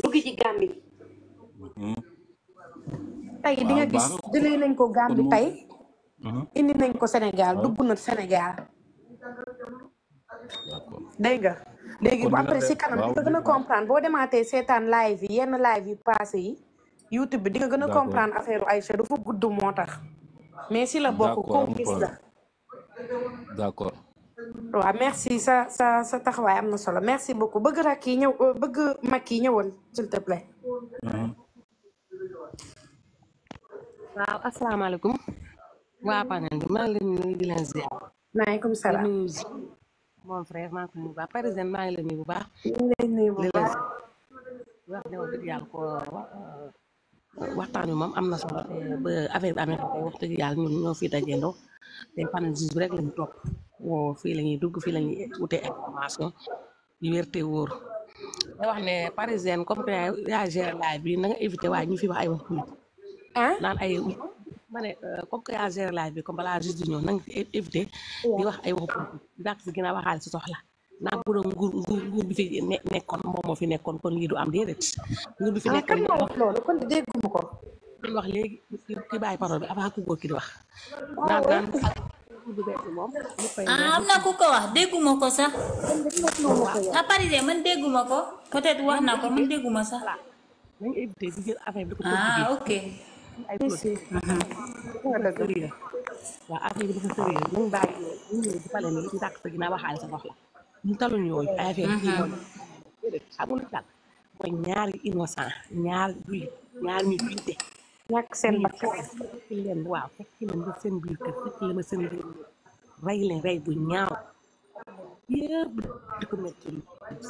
dugg ci Gàmbi tey di nga gis jëlee nañ ko Gàmbi tey mhm. indi nañ ko Sénégal dugg na Sénégal dégg nga léegi bu après si kanam di nga comprendre boo demaatee seetaan live yi yenn live yi passé yi YouTube bi di nga gën a comprendre affaire Aïcha dafa gudd moo tax mais si la bokk koo gis la waaw merci sa sa sa taxawaay am na solo merci beaucoup bëgg ra ki ñew bëgg ma ki ñëwoon s'il te plaît. Mm-hmm. waaw asalaamaaleykum. waa panel bi maa ngi leen nuyu di leen ziar. wa alaykum salam mon frère ma ko nuyu ba baax président maa ngi lay nuyu bu baax. ñu lay nuyu bu baax wax ne wax dëgg yàlla ko euh, waxtaan yu mom amna solo euh, ba affaire bi amee ko wax dëgg yàlla ñun ñoo fi dajé ndo té panel juste rek lañu top woo fii la ñuy dugg fii la ñuy wute information yu wér te wax ne parisienne comme que yaa géré live bi na nga éviter waaye ñu fi wax ay wax politique naan ay ma ne euh, comme que yaa géré live bi balaa juste di ñëw na éviter di wax ay wax politique dàq si gën a waxaale si soxla naa bu doon nguur nguur bi fi nekkoon moom moo fi nekkoon kon lii du am déedéet nguur bi fi ah, nekkoon loolu kon wax léegi ki bàyyi parole bi avant ku góor ki di wax naan naan am na ko wax dégguma ko sax à Paris de man dégguma ko peut wax na man dégguma sax ah ok waaw affaire bi dafa sori rek ñu bàyyi ñu ñëw di pale nii ñu tàkk sa ginnaaw waxaale sa wax la ñu taluñ yooyu ay affaire yi moom xamul tàkk mooy ñaari innocent ñaar julli ñaar ñàkk seen bakkan fekk leen waaw fekk leen ba seen biir kër fekk leen ba seen rey leen rey bu ñaaw yëpp di ko metti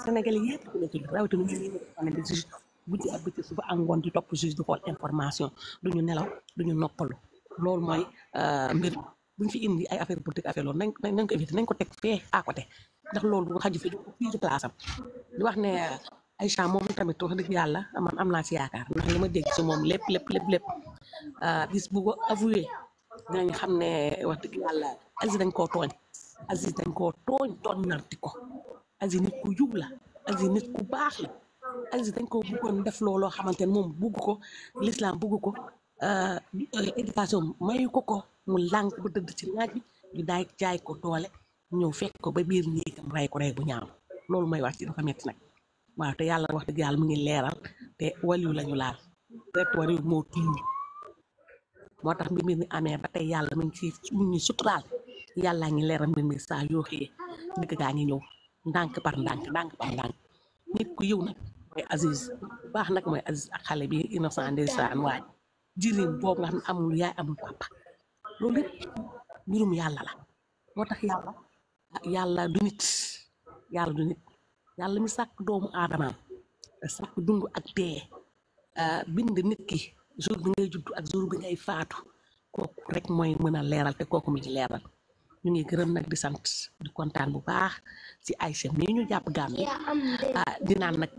Sénégal yëpp di ko metti rawatina ñu ne di juge bu ci ab ci suba angoon di topp juge di xool information duñu nelaw duñu noppalu loolu mooy euh, mbir buñ fi indi ay affaire politique affaire loolu nañ nañ ko éviter nañ ko teg fee à côté ndax loolu bu xaju fi fii ci place di wax ne Aïcha moom tamit wax dëgg yàlla man am naa si yaakaar ndax la ma dégg si moom lépp lépp lépp lépp gis ah, bu ko avoué dinañ xam ne wax dëgg yàlla Aziz dañ koo tooñ Aziz dañ tooñ narti ko Aziz nit ku jub la nit ku baax la Aziz dañ ko bëggoon def looloo xamante ne moom bugg ko l'islam bugg ko ah, euh, éducation mayu ko ko mu lank ba dëdd ci naaj bi daay jaay ko doole ñëw fekk ko ba biir néegam rey ko rey bu ñaaw loolu may wax ci dafa metti nag waaw te yàlla wax dëgg yàlla mu ngi leeral te waliyu lañu laal rek waliyu moo tiim moo tax mbir mi amee ba tey yàlla mu ngi ci mu ngi suturaal yàllaa ngi leeral mbir mi saa yoo xëyee dëgg gaa ngi ñëw ndànk par ndànk ndànk par ndànk nit ku yiw nag mooy Aziz baax nag mooy Aziz ak xale bi innocent ndeysaan waaj jëriñ boobu nga xam ne amul yaay amul papa loolu lépp mbirum yàlla la moo tax yàlla mi sàkk doomu aadamaam sàkk dund ak dee euh, bind nit ki jour bi ngay juddu ak jour bi ngay faatu kooku rek mooy mën a leeral te kooku mu ci leeral ñu ngi gërëm nag di sant kontaan bu baax ci Aïcha mii ñu jàpp Gàmbi ah, di naan nag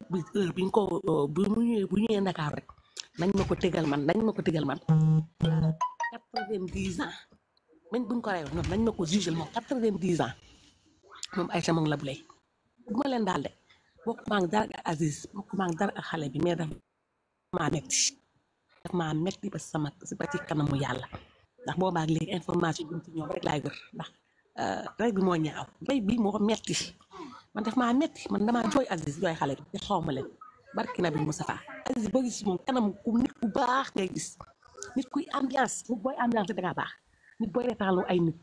bi ko euh, bu ñu bu ñëwee rek nañ ma ko tegal man nañ ma ko tegal man quatre-vingt-dix ans même buñ ko reyoon noonu ko jugel moom quatre-vingt-dix moom Aïcha moom la bu duma leen daal de bokk maa ngi dara ak Aziz maa ngi xale bi mais dafa maa metti dafa maa metti ba sama ba ci kanamu yàlla ndax boobaak léegi information bi ci ñoom rek laay wër ndax euh, rek bi moo ñaaw bay bi moo metti man daf maa metti man damaa jooy Aziz jooy xale bi te xaw ma leen barki na bi Moustapha Aziz boo gis moom kanam ku nit ku baax ngay gis nit kuy ambiance nit booy ambiance nit booy reetaanloo ay nit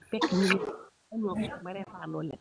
leen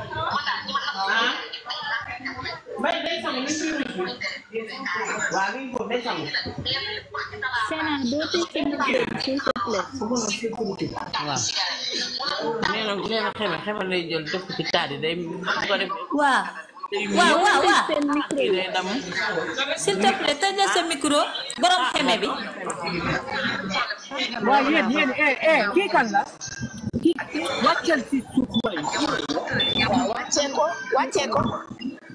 mbay day sang li s'il te te plaît tëjal sa xeme bi.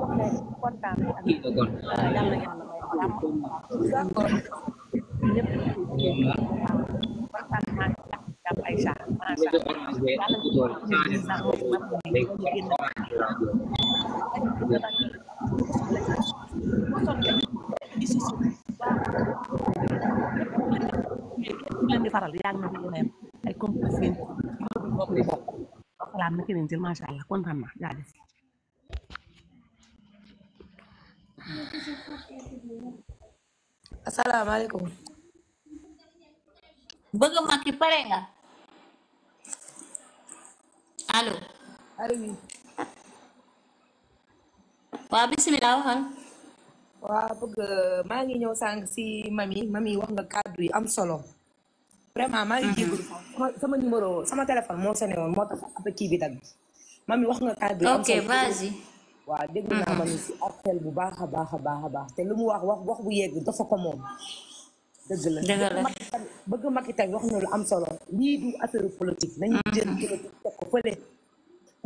kontaan faral yàgg na fi yeneen ay complice yi bokk waxalaat na keneen jël macha allah kontaan naa jaajëf asalaamaaleykum. bëgg Macky pare nga. allo. allo. waaw bisimilah waxal. waaw bëgg maa ngi ñëw sànq si mami mami wax nga kàddu yi am solo. vraiment maa ngi mhm. jégalu sama numéro sama téléphone moo sonné woon moo tax après kii dagg mami wax nga kàddu yi am solo ok waaw dégg naa mm-hmm. ma si appel bu baax a baax a baax a baax te lu mu wax wax wax bu yegg dafa ko moom dëgg la bëgg mag tamit wax na lu am solo lii du affaire politique nañu mm-hmm. jël politique teg ko fële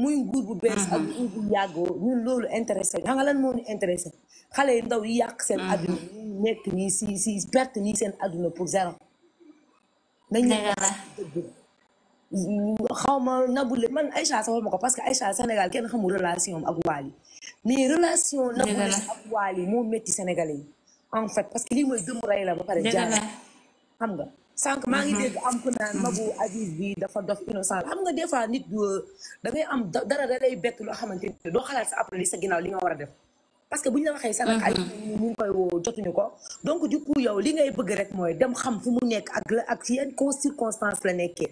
muy nguur bu bees ak mm-hmm. nguur bu yàggoo ñun loolu intéressé xam nga lan moo ñu intéressé xale yi ndaw yi yàq seen adduna ñu nekk nii si si perte nii seen adduna pour zéro nañ dëgg xawma nabule man Aïcha sama ma ko parce que Aïcha Sénégal kenn xamul relation am ak Wally mais relation nabule ak Wally moo métti Sénégalais yi en fait parce que lii mooy dëmm rey la ba pare jaar xam nga sànq maa ngi dégg am ku naan magu Aziz bi dafa dof innocent xam nga des fois nit da ngay am dara da lay bett loo xamante ne doo xalaat sa après li sa ginnaaw li nga war a def parce que bu ñu la waxee sax nag ay ñu ngi koy woo jotuñu ko donc du coup yow li ngay bëgg rek mooy dem xam fu mu nekk ak la ak yan circonstance la nekkee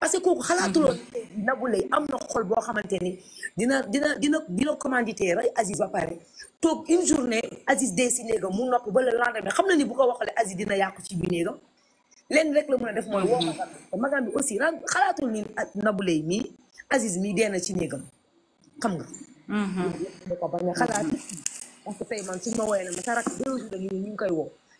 parce que kooku xalaatuloo mm-hmm. Nabou Leye am na xol boo xamante ni dina dina dina dina commandité rey Aziz ba pare toog une journée Aziz dee si néegam mu nopp ba le lendemain xam na ni bu ko waxalee Aziz dina yàqu ci bi néegam lenn rek la mën a def mooy woo magam te magam bi aussi ren xalaatul ni Nabou mii Aziz mii dee na ci néegam xam nga. da mm-hmm. ko bañ a xalaat parce que tey ngi koy woo.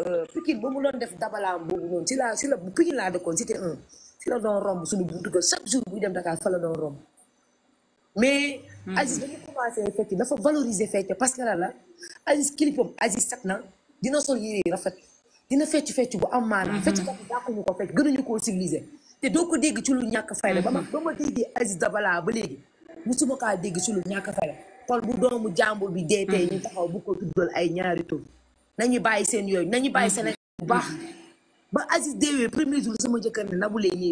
Euh, Pikine ba mu doon def dabalaam boobu noonu si la si la Pikine laa dëkkoon cité un si la doon romb suñu buntu ko chaque jour buy dem Dakar fa la doon romb mais hmm. Aziz ba mu dafa valoriser fecc parce que la la Aziz kilipam set na dina sol yére rafet dina fecc fecc bu am maanaam hmm. fecc kat ko fecc gënuñu koo civiliser te doo ko dégg ci lu ñàkk fayda ba ma ba ma déggee Aziz Dabala ba léegi musuma kaa dégg ci lu ñàkk fayda kon bu doomu jàmbur bi dee hmm. ñu taxaw bu ko tuddal ay ñaari tur nañu bàyyi seen yooyu nañu bàyyi mm-hmm. Sénégal bu baax ba Aziz deewee premier jour sama jëkkër ne Nabou Leye ñi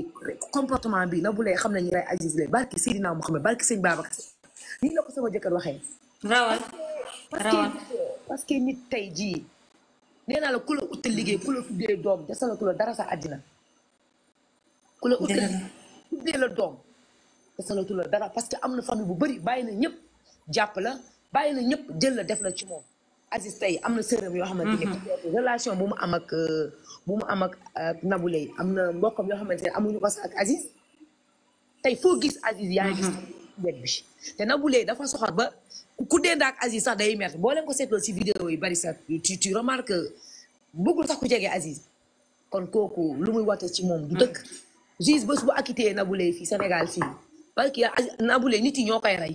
comportement bi Nabou Leye xam nañu rey Aziz Leye barki Seydina Mouhamed barki sëñ Babacar ni la ko sama jëkkër waxee rawal rawal parce que nit tey jii nee naa la liggéey ku la tuddee doom desalatu la dara sa àddina ku la utal dara parce que am na famille bu bëri bàyyi na ñëpp jàpp la bàyyi na ñëpp jël la def la ci moom Aziz tey am na sërëm yoo xamante ne mm-hmm. relation bu mu am ak bu mu am ak Nabou am na mbokkam yoo xamante ne amuñu ko ak Aziz tey foo gis Aziz yaa ngi mm-hmm. dafa soxor ba ku denda ak Aziz sax day métti boo leen ko seetloo si vidéo yi bari sax tu tu remarque bëggul sax ku jege Aziz kon kooku lu muy wate ci moom du dëkk juge ba bu acquitté Nabou Leye fii Sénégal fii parce que Nabou Leye nit yi ñoo koy rey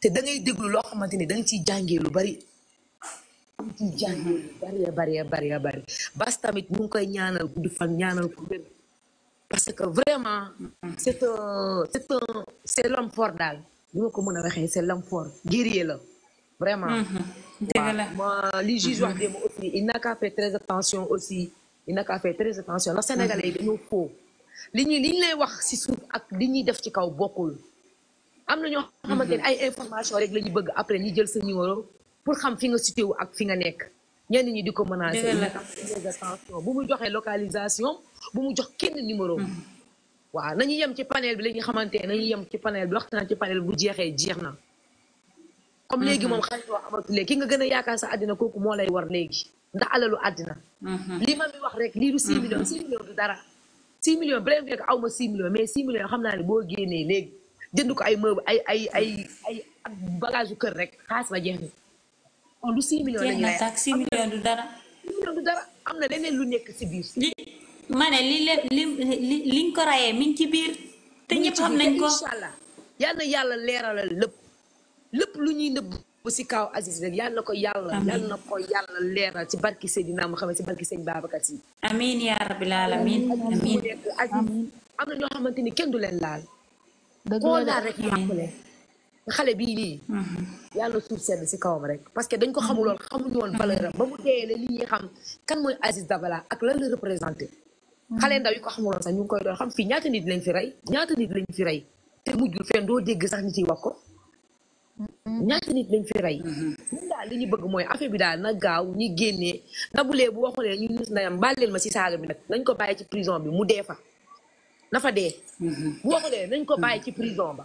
te da ngay déglu loo xamante ni da nga ciy jàngee lu bari am ciy jàngee lu bari ya bari ya bari ya bari bas tamit ñu ngi koy ñaanal gudd fan ñaanal ko wér parce que vraiment c'est un c'est un c'est l'homme fort daal li ma ko mën a waxee c'est l'homme fort guerrier la vraiment mhm. dëgg la li juge wax mhm. déema aussi il n'a qu'à faire très attention aussi il n'a qu'à faire très attention la Sénégalais mhm. yi dañoo faux li ñuy li ñu lay wax si suuf ak li ñuy def ci kaw bokkul am na ñoo mhm. xamante ne ay information rek la ñu bëgg après ñu jël sa numéro pour xam fi nga situé wu ak fi nga nekk ñenn ñi di ko menacer bu mu joxee localisation bu mu jox kenn numéro mhm. waaw nañu yem ci panel bi xamante ne yem ci panel bi waxtaan ci panel bu jeexee jeex na comme léegi mhm. moom xaritoo amatulee ki gën a yaakaar sa àddina kooku moo lay war léegi ndax alalu àddina wax rek lii du dara six millions bien vrai que aw ma mais six millions xam naa ne boo génnee léegi jënd ko ay meuble ay ay ay ay ak bagage kër rek xaalis ba jeex na. lu 6 millions lañu lay am 6 millions du dara. am na leneen lu nekk ci biir. li ma ne li leen li liñ rayee mi ci biir. te ñëpp xam nañ ko incha allah yal na yàlla leeralal lépp lu ñuy nëbb bu si kaw Aziz rek yal ko yàlla. yal na ko yàlla leeral ci barki Seydina Muhammad ci barki Sëñ Babacar Si. amiin yaa rabbil aalamiin amiin. am na ñoo xamante ni kenn du leen laal. koo laal rek yàqule xale bii nii yàlla suuf sedd si kawam rek parce que dañ ko xamul xamuñu woon valeur ba mu dee la li ñuy xam kan mooy Aziz Dabala ak lan la représenté xale ndaw yi ko xamul sax ñu koy doon xam fii ñaata nit lañ fi rey ñaata nit lañ fi rey te mujjul fenn doo dégg sax nit yi wax ko ñaata nit lañ fi rey ñun li ñu bëgg mooy affaire bi daal na gaaw ñu génnee na bu lee bu waxulee ñu nit ndayam bàlleel ma si saaga bi nag nañ ko bàyyi ci prison bi mu dee fa na fa dee. Mhm. boo ko dee nañ ko mhm. bàyyi ci prison ba.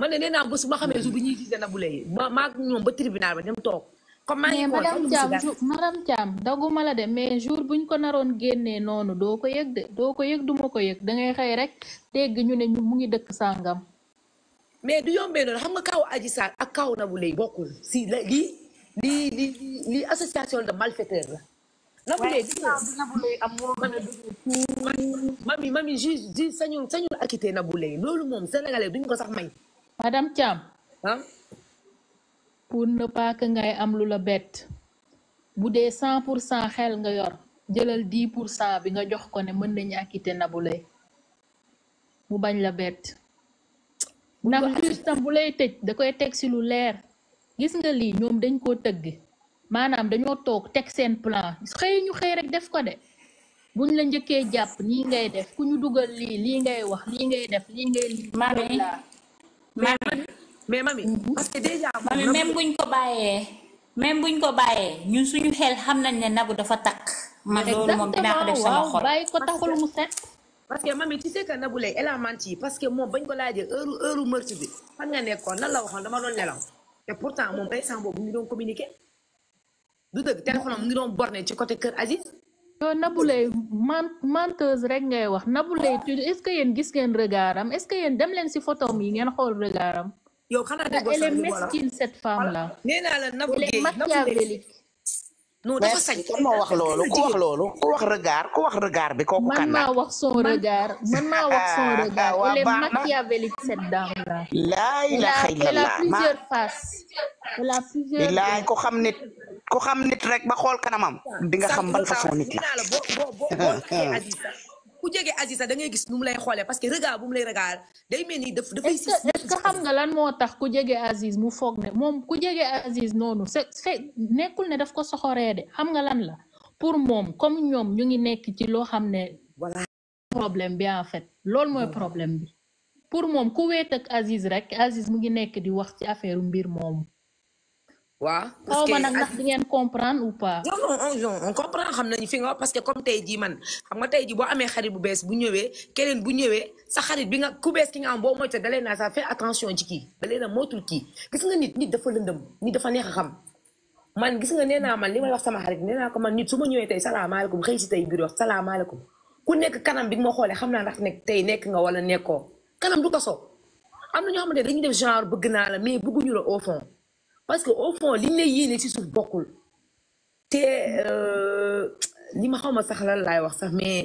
man ne nee naa bés bu ma xamee su bu ñuy gisee na bu lay ma maa ñoom ba tribunal ba dem toog. comme maa ngi mais madame Thiam madame Thiam daguma la de mais jour buñ ko naroon génnee noonu doo ko yëg de doo ko yëg duma ko yëg da ngay xëy rek tegg ñu ne mu ngi dëkk sàngam. mais du yombee noonu xam nga kaw Adji Sarr ak kaw na bu lay bokkul si lii lii li lii association de malfaiteurs la. nabulee gis nga nabulee am moo mën a dugg mami mami juge juge sañul sañul acquitté nabulee loolu moom sénégalais duñ ko sax may madame Thiam ah? pour ne pas que ngay am lu la bett bu dee cent pour cent xel nga yor jëlal dix pour cent bi nga jox ko ne mën nañu acquitté nabulee mu bañ la bett ndax juge tam bu lay tëj da koy teg ci lu leer gis nga lii ñoom dañ koo tëgg maanaam dañoo toog teg seen plan xëy ñu xëy rek def ko de buñ la njëkkee jàpp nii ngay def ku ñu dugal lii lii ngay wax lii ngay def lii ngay. mami mami mais mami. Mhm. parce que déjà mami même buñ ko bàyyee. même buñ ko bàyyee ñun suñu xel xam nañ ne nabu dafa takk. man loolu moom dinaa ko def sama xol bàyyi ko taxul mu set. parce que mami tu sais que Nabou Leye elle a menti parce que moom bañ ko laajee heure heure meurtre bi fan nga nekkoon nan la waxoon dama doon nelaw te pourtant moom instant boobu ñu doon communiquer. du dëgg téléphone am mu ngi doon borné ci côté kër Aziz. yow Nabou Leye man menteuse rek ngay wax Nabou Leye est-ce que yéen gis ngeen regard am est-ce que yéen dem leen si photo am yi ngeen xool regard am. yow xanaa déggoo sax elle est mesquine cette femme là. nee naa la Nabou Leye machiavélique. non dafa sañ kon ma wax loolu ku wax loolu ku wax regard ku wax regard bi kooku kan la man maa wax son regard man maa wax son regard elle est machiavélique cette dame là. laa ilaha illallah elle a plusieurs faces. elle a plusieurs. bilaay ko xam nit. ku xam nit rek ba xool kanamam. di nga xam bal façon nit la boo boo ku jege Aziza da ngay gis nu mu lay xoolee parce que regard bu mu lay regard day mel ni daf dafay. est-ce xam nga lan moo tax ku jege Aziz mu foog ne moom ku jege Aziz noonu c' est nekkul ne daf ko soxoree de xam nga lan la pour moom comme ñoom ñu ngi nekk ci loo xam ne. voilà problème bi en fait loolu mooy problème bi. pour moom ku weet ak Aziz rek Aziz mu ngi nekk di wax ci affaire mbir moomu. waaw parce que ngeen comprendre ou pas. non on comprend fi nga parce que comme tey jii man xam nga tey ji boo amee xarit bu bees bu ñëwee keneen bu ñëwee sa xarit bi nga ku bees ki nga am boo moytuwul dalee naa sa fait attention ci kii dalee na mootul kii gis nga nit nit dafa lëndëm nit dafa neex a xam man gis nga nee naa man li may wax sama xarit nee naa ko man nit su ma ñëwee tey salaamaaleykum xëy si tey biir wax salaamaaleykum ku nekk kanam bi nga ma xoolee xam naa ndax nekk tey nekk nga wala nekkoo kanam du ko so am na ñoo xamante dañuy def genre bëgg naa la mais bëgguñu la au fond parce que au fond liñ lay yéene ci bokul té euh li ma xaw sax lan lay wax sax mais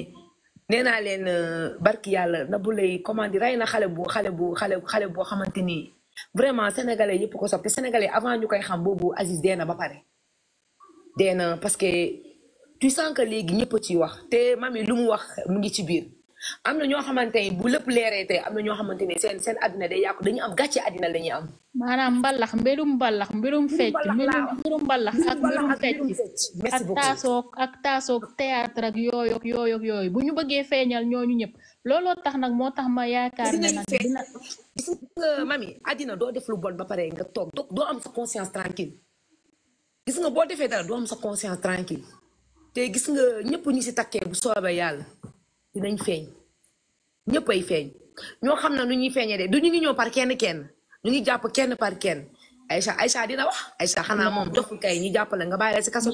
néna len euh, barki yalla na bu lay commandé rey na xalé bu xalé bu xalé xale boo xamante ni vraiment sénégalais yépp ko sopp sénégalais avant ñukay xam bobu Aziz déna na ba paré déna na parce que tu sens que légui ñëpp ci wax té mami lu mu wax mu ngi ci biir. am na ñoo xamante ne bu lépp leeree tey am na ñoo xamante ne seen seen day yàqu dañu am gàcce adina la am. maanaam mbalax mbirum mbalax mbirum fecc mbirum mbalax ak mbirum fecc ak taasoog ak taasoog théâtre ak yooyu ak yooyu ak yooyu bu ñu bëggee feeñal ñooñu ñëpp looloo tax nag moo tax ma yaakaar ne nag dina mami adina doo def lu bon ba pare nga toog doo am sa conscience tranquille gis nga boo defee dara doo am sa conscience tranquille te gis nga ñëpp ñu si takkee bu soobee yàlla dinañ feeñ ñëpp ay feeñ ñoo xam na nu ñuy feeñee de du ñu ngi ñëw par kenn kenn ñu ngi jàpp kenn par kenn Aïcha Aïcha dina wax Aïcha xanaa moom doxul kay ñu jàppale nga bàyyi la si kaso.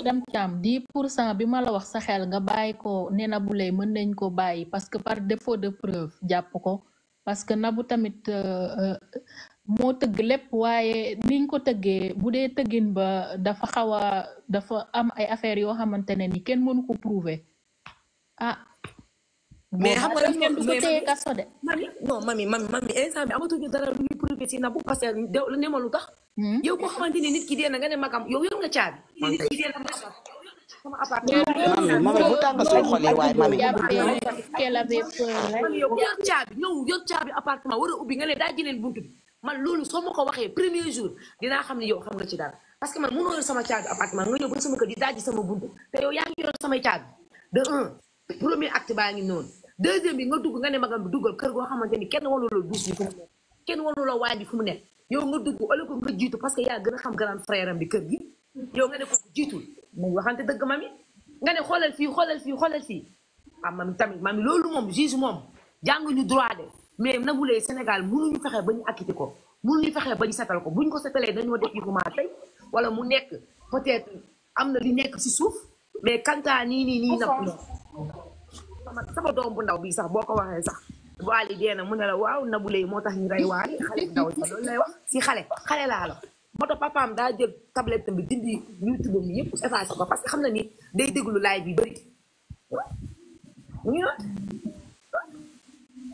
pour cent bi ma la wax sa xel nga bàyyi ko nee na bu lay mën nañ ko bàyyi parce que par défaut de preuve jàpp ko parce que nabu tamit euh, euh, moo tëgg lépp waaye niñ ko tëggee bu dee tëggin ba dafa xaw a dafa am ay affaires yoo xamante ne ni kenn mënu ko prouver ah. mais xam nga dafa mais mami kaso de. mami non mami mami mami instant bi amatuñu dara lu ñu privé si na bu parce que de ne ma lu tax. Hmm? yow koo xamante ni nit ki dee na nga ne magam yow yor nga caabi. nit ki dee na magam. sama appartement. mami bu tànk suñu xoolee waaye mami. yow yor caabi ñëw yor caabi appartement war a ubbi nga ne daa jëleen buntu bi man loolu soo ma ko waxee premier jour dinaa xam ne yow xam nga ci dara parce que man mënoo yor sama caabi appartement nga ñëw ba sama kër di daaj sama buntu te yow yaa ngi yor samay caabi de un premier acte baa ngi noonu deuxième bi nga dugg nga ne magam bi duggal kër goo xamante ni kenn walu la duus fu mu nekk kenn walu la waaj bi fu mu nekk yow nga dugg ëllëg ko nga jiitu parce que xam grand frère am bi kër gi yow nga ne ko jiitul nañ waxante dëgg mami nga ne xoolal fii xoolal fii xoolal fii ah mami tamit mami loolu moom juge moom jànguñu droit de mais nagulee Sénégal mënuñu fexe ba ñu acquitté ko mënuñu fexe ba ñu setal ko buñ ko setalee dañoo def yufuma tey wala mu nekk peut am na li nekk si suuf mais kantaa nii nii nii napp man sama doom bu ndaw bii sax boo ko waxee sax waali dee na mu ne la waaw Nabou Leye moo tax ñu rey waali xale bu ndaw lay wax si xale xale laa la moto papaam daa jël tablette am di dindi youtube am yëpp effacé ko parce que xam na ni day déglu laay bi bëri ñu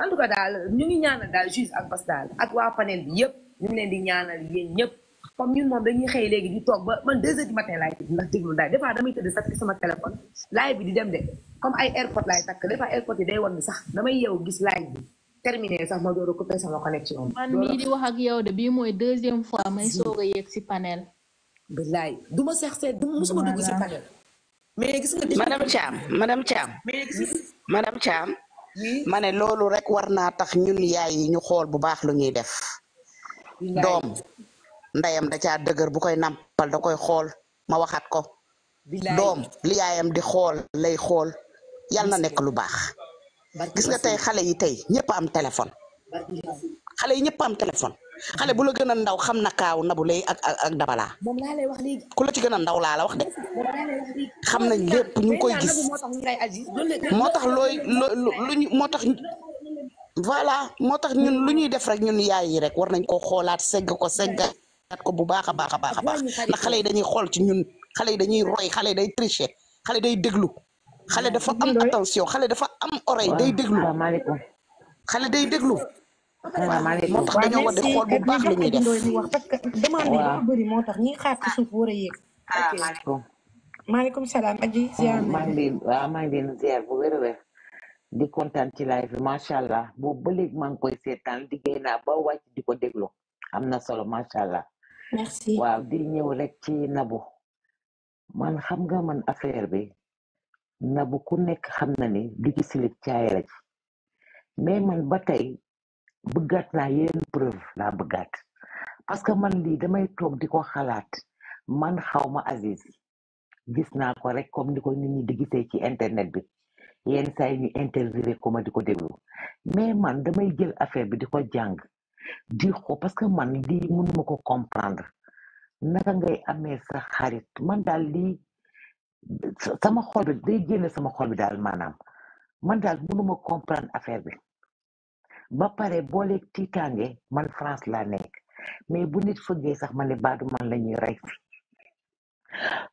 en tout cas daal ñu ngi ñaanal daal juge ak bas daal ak waa panel bi yëpp ñu ngi leen di ñaanal yéen ñëpp comme ñun moom dañuy xëy léegi di toog ba man deux heures du matin laay bi di dem de comme ay airport laay takk des fois airport sax damay yeewu gis live bi sax ma door a coupé sama connexion mii di wax ak yow de bii mooy deuxième fois may soog a yegg si panel billaay du ma seex seet du musuma dugg si panel mais gis nga madame Thiam madame Thiam madame Thiam ma ne loolu rek war naa tax ñun yaay yi ñu xool bu baax lu ñuy def doom ndeyam da caa dëgër bu koy nampal da koy xool ma waxaat ko. doom li yaayam di xool lay xool yal na nekk lu baax. gis na tey xale yi tey ñëpp am téléphone. xale yi ñëpp am téléphone. xale bu la gën a ndaw xam na kaaw nabu lay ak ak ak dabalaa. moom ku la ci gën a ndaw laa la wax de. xam nañ lépp ñu ngi koy gis. moo tax looy lu tax. voilà moo tax ñun lu ñuy def rek ñun yaay yi rek war nañ koo xoolaat segg ko segg. at ko bu baax a baax baax a xalé dañuy xol ci ñun xalé dañuy roy xalé day tricher xalé day déglu xalé dafa am attention xalé dafa am oreille day déglu xalé day déglu waaw moo tax dañoo war di xool bu baax li ñuy def parce que demande yi dafa bëri moo tax ñi xaar ci suuf war a yéeg ah. maaleykum aji ziar mm, maa ngi leen waaw maa ngi leen ziar bu wér a wér di kontaan ci live bi macha allah boobu ba léegi maa ngi koy seetaan liggéey naa ba wàcc di ko déglu solo waaw di ñëw rek ci nabu man xam nga man affaire bi nabu ku nekk xam na ni du ci silib caay la ci mais man ba tey bëggaat naa yéen preuve laa bëggaat parce que man lii damay toog di ko xalaat man xaw ma Aziz gis naa ko rek comme ni ko nit di gisee ci internet bi yenn saa yi ñu koma di ko déglu mais man damay jël affaire bi di ko jàng di xoo parce que man di mënuma ko comprendre naka ngay amee sa xarit man daal lii sama xol bi day génne sama xol bi daal maanaam man daal mënuma comprendre affaire bi ba pare boole tiitaange man France laa nekk mais bu nit fëggee sax man ne baadu man la ñuy rey fi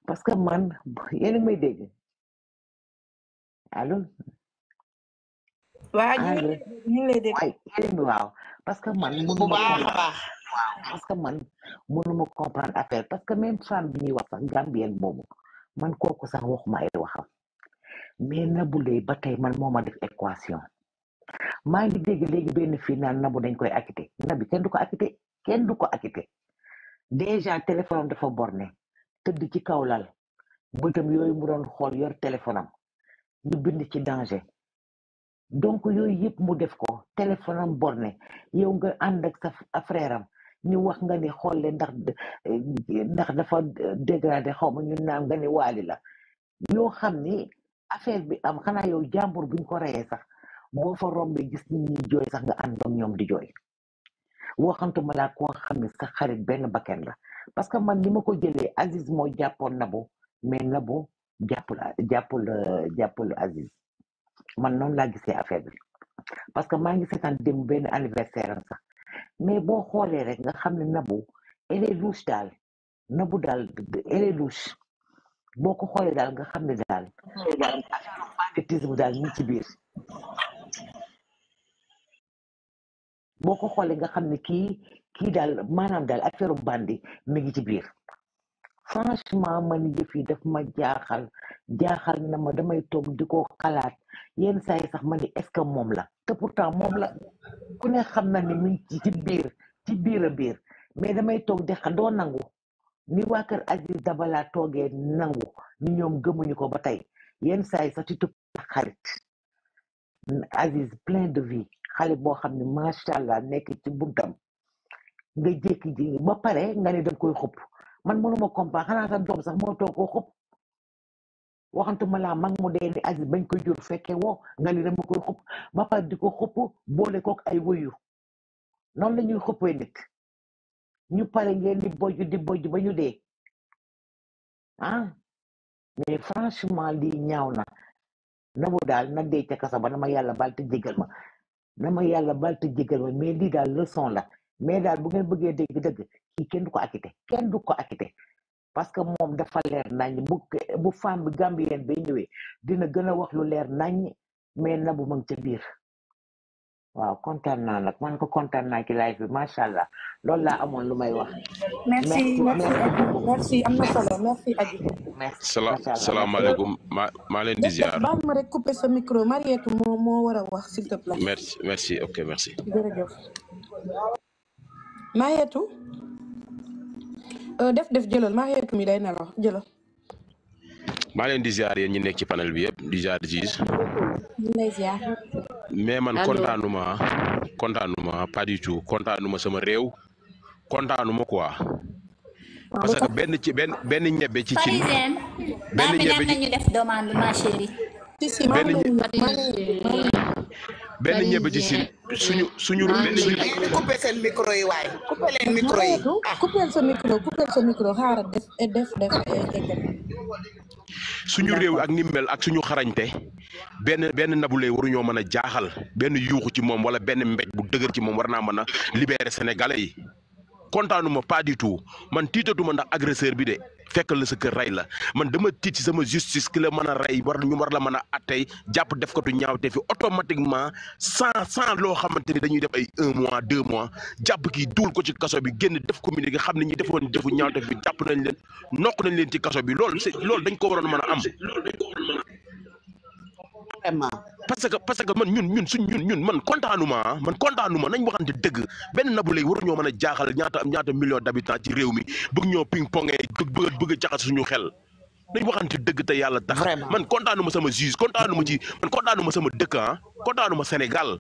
parce que man yéen may dégg allo. allo waaw ñu ngi lay dégg waaw. parce que man. bu baax a baax parce que man mënuma comprendre affaire parce que même femme bi ñuy wax sax boobu man kooku sax mais ba tey man moo ma def équation maa ngi dégg léegi benn fii naan Nabou dañ koy acquitté Nabi kenn du ko acquitté kenn du ko acquitté déjà téléphone dafa borné tëdd ci kaw lal bëtam yooyu mu doon xool yor téléphone am bind ci danger. donc yooyu yëpp mu def ko téléphone am borné yow nga ànd ak sa frère am ñu wax nga ni xolle ndax eh, ndax dafa dégradé xaw ma ñu naan nga ni waali la yoo xam ni affaire bi am xanaa yow jàmbur buñ ko reyee sax boo fa rombe gis nit ñi jooy sax nga àndoon ñoom di jooy waxantuma laa koo xam ne sa xarit benn bakken la parce que man li ma ko jëlee Aziz moo jàppoon Nabou mais Nabou jàppul jàppul jàppul Aziz man noonu laa gisee affaire bi parce que maa ngi seetaan démb benn anniversaire am sax mais boo xoolee rek nga xam ne Nabou elle daal Nabou daal elle boo ko xoolee daal nga xam ne daal affaire daal ci biir boo ko xoolee nga xam ne kii kii daal maanaam daal affaire bandi mi ngi ci biir franchement man yëf yi daf ma jaaxal jaaxal na ma damay toog di ko xalaat yenn saa sax ma ni est-ce que moom la te pourtant moom la ku ne xam na ni mu ngi ci biir ci biir biir mais damay toog di xa doo nangu ni waa kër Aziz toogee nangu ñoom gëmuñu ko ba tey yenn saa yi sax ci tëb xarit Aziz plein de vie xale boo xam ne macha allah nekk ci buntam nga jékki ji ba pare nga ne danga koy xupp man mënuma comprendre xanaa sa doom sax moo toog koo xupp waxantuma laa mag mu dee ne Aziz bañ ko jur fekke woo nga ni dama koy xupp ba pare di ko xupp boole kook ay wuyu noonu la ñuy xuppee nit ñu pare ngeen di bojj di bojj ba ñu dee ah mais franchement lii ñaaw na na mu daal na dee ka kasa ba na ma yàlla baal te jégal ma na ma yàlla baal te jégal ma mais lii daal leçon la mais daal bu ngeen bëggee dégg dëgg kii kenn du ko acquitté kenn du ko acquitté parce que moom dafa leer nañ bu bu femme bi gambien bi dina gën a wax lu leer nañ mais na bu mag ca biir waaw kontaan naa nag man ko kontaan naa ci live bi macha allah loolu la amoon lu may wax. merci merci am leen di ziar. baal rek couper sa micro Mariette moo moo war wax merci merci ok merci. jërëjëf Euh, def def jëlal maa xeetu mi day nelaw jëlal. maa leen di ziar yéen ñi nekk ci panel bi yëpp di ziar Ziz. lay ziar. mais man kontaanuma kontaanuma pas du tout kontaanuma sama réew kontaanuma quoi. parce que benn ci benn benn ñebe ci cin. benn ñebe ci Parisien. def demande ma chérie. benn ñebe ji si suñu suñu. suñu coupé seen micro yi waaye ah. eh, eh, suñu réew ak ni mel ak suñu xarañte benn benn Nabou Leye waruñoo mën a jaaxal benn yuuxu ci moom wala benn mbéj bu dëgër ci moom war naa mën a libérer sénégalais yi kontaanuma pas du tout man tiitatuma ndax agresseur bi de. fekk la sa kër rey la man dama tiit ci sama justice ki la mën a rey war ñu war la mën a attey jàpp def ko tu ñaaw te fi automatiquement sans sans loo xamante ni dañuy def ay un mois deux mois jàpp kii dugal ko ci kaso bi génn def communiqué xam ne ñi defoon defu ñaaw te fi jàpp nañ leen nokk nañ leen ci kaso bi loolu loolu dañ ko waroon mën a am vraiment. parce que parce que man ñun ñun suñ ñun ñun man kontaanuma man kontaanuma nañ waxante dëgg benn Nabou Leye waruñoo mën a jaaxal ñaata ñaata million d'habitants ci réew mi bëgg ñoo ping pongé bëgg bëgg a jaxas suñu xel nañ waxante dëgg te yàlla tax man kontaanuma sama juge kontaanuma ci man kontaanuma sama dëkk ah kontaanuma Sénégal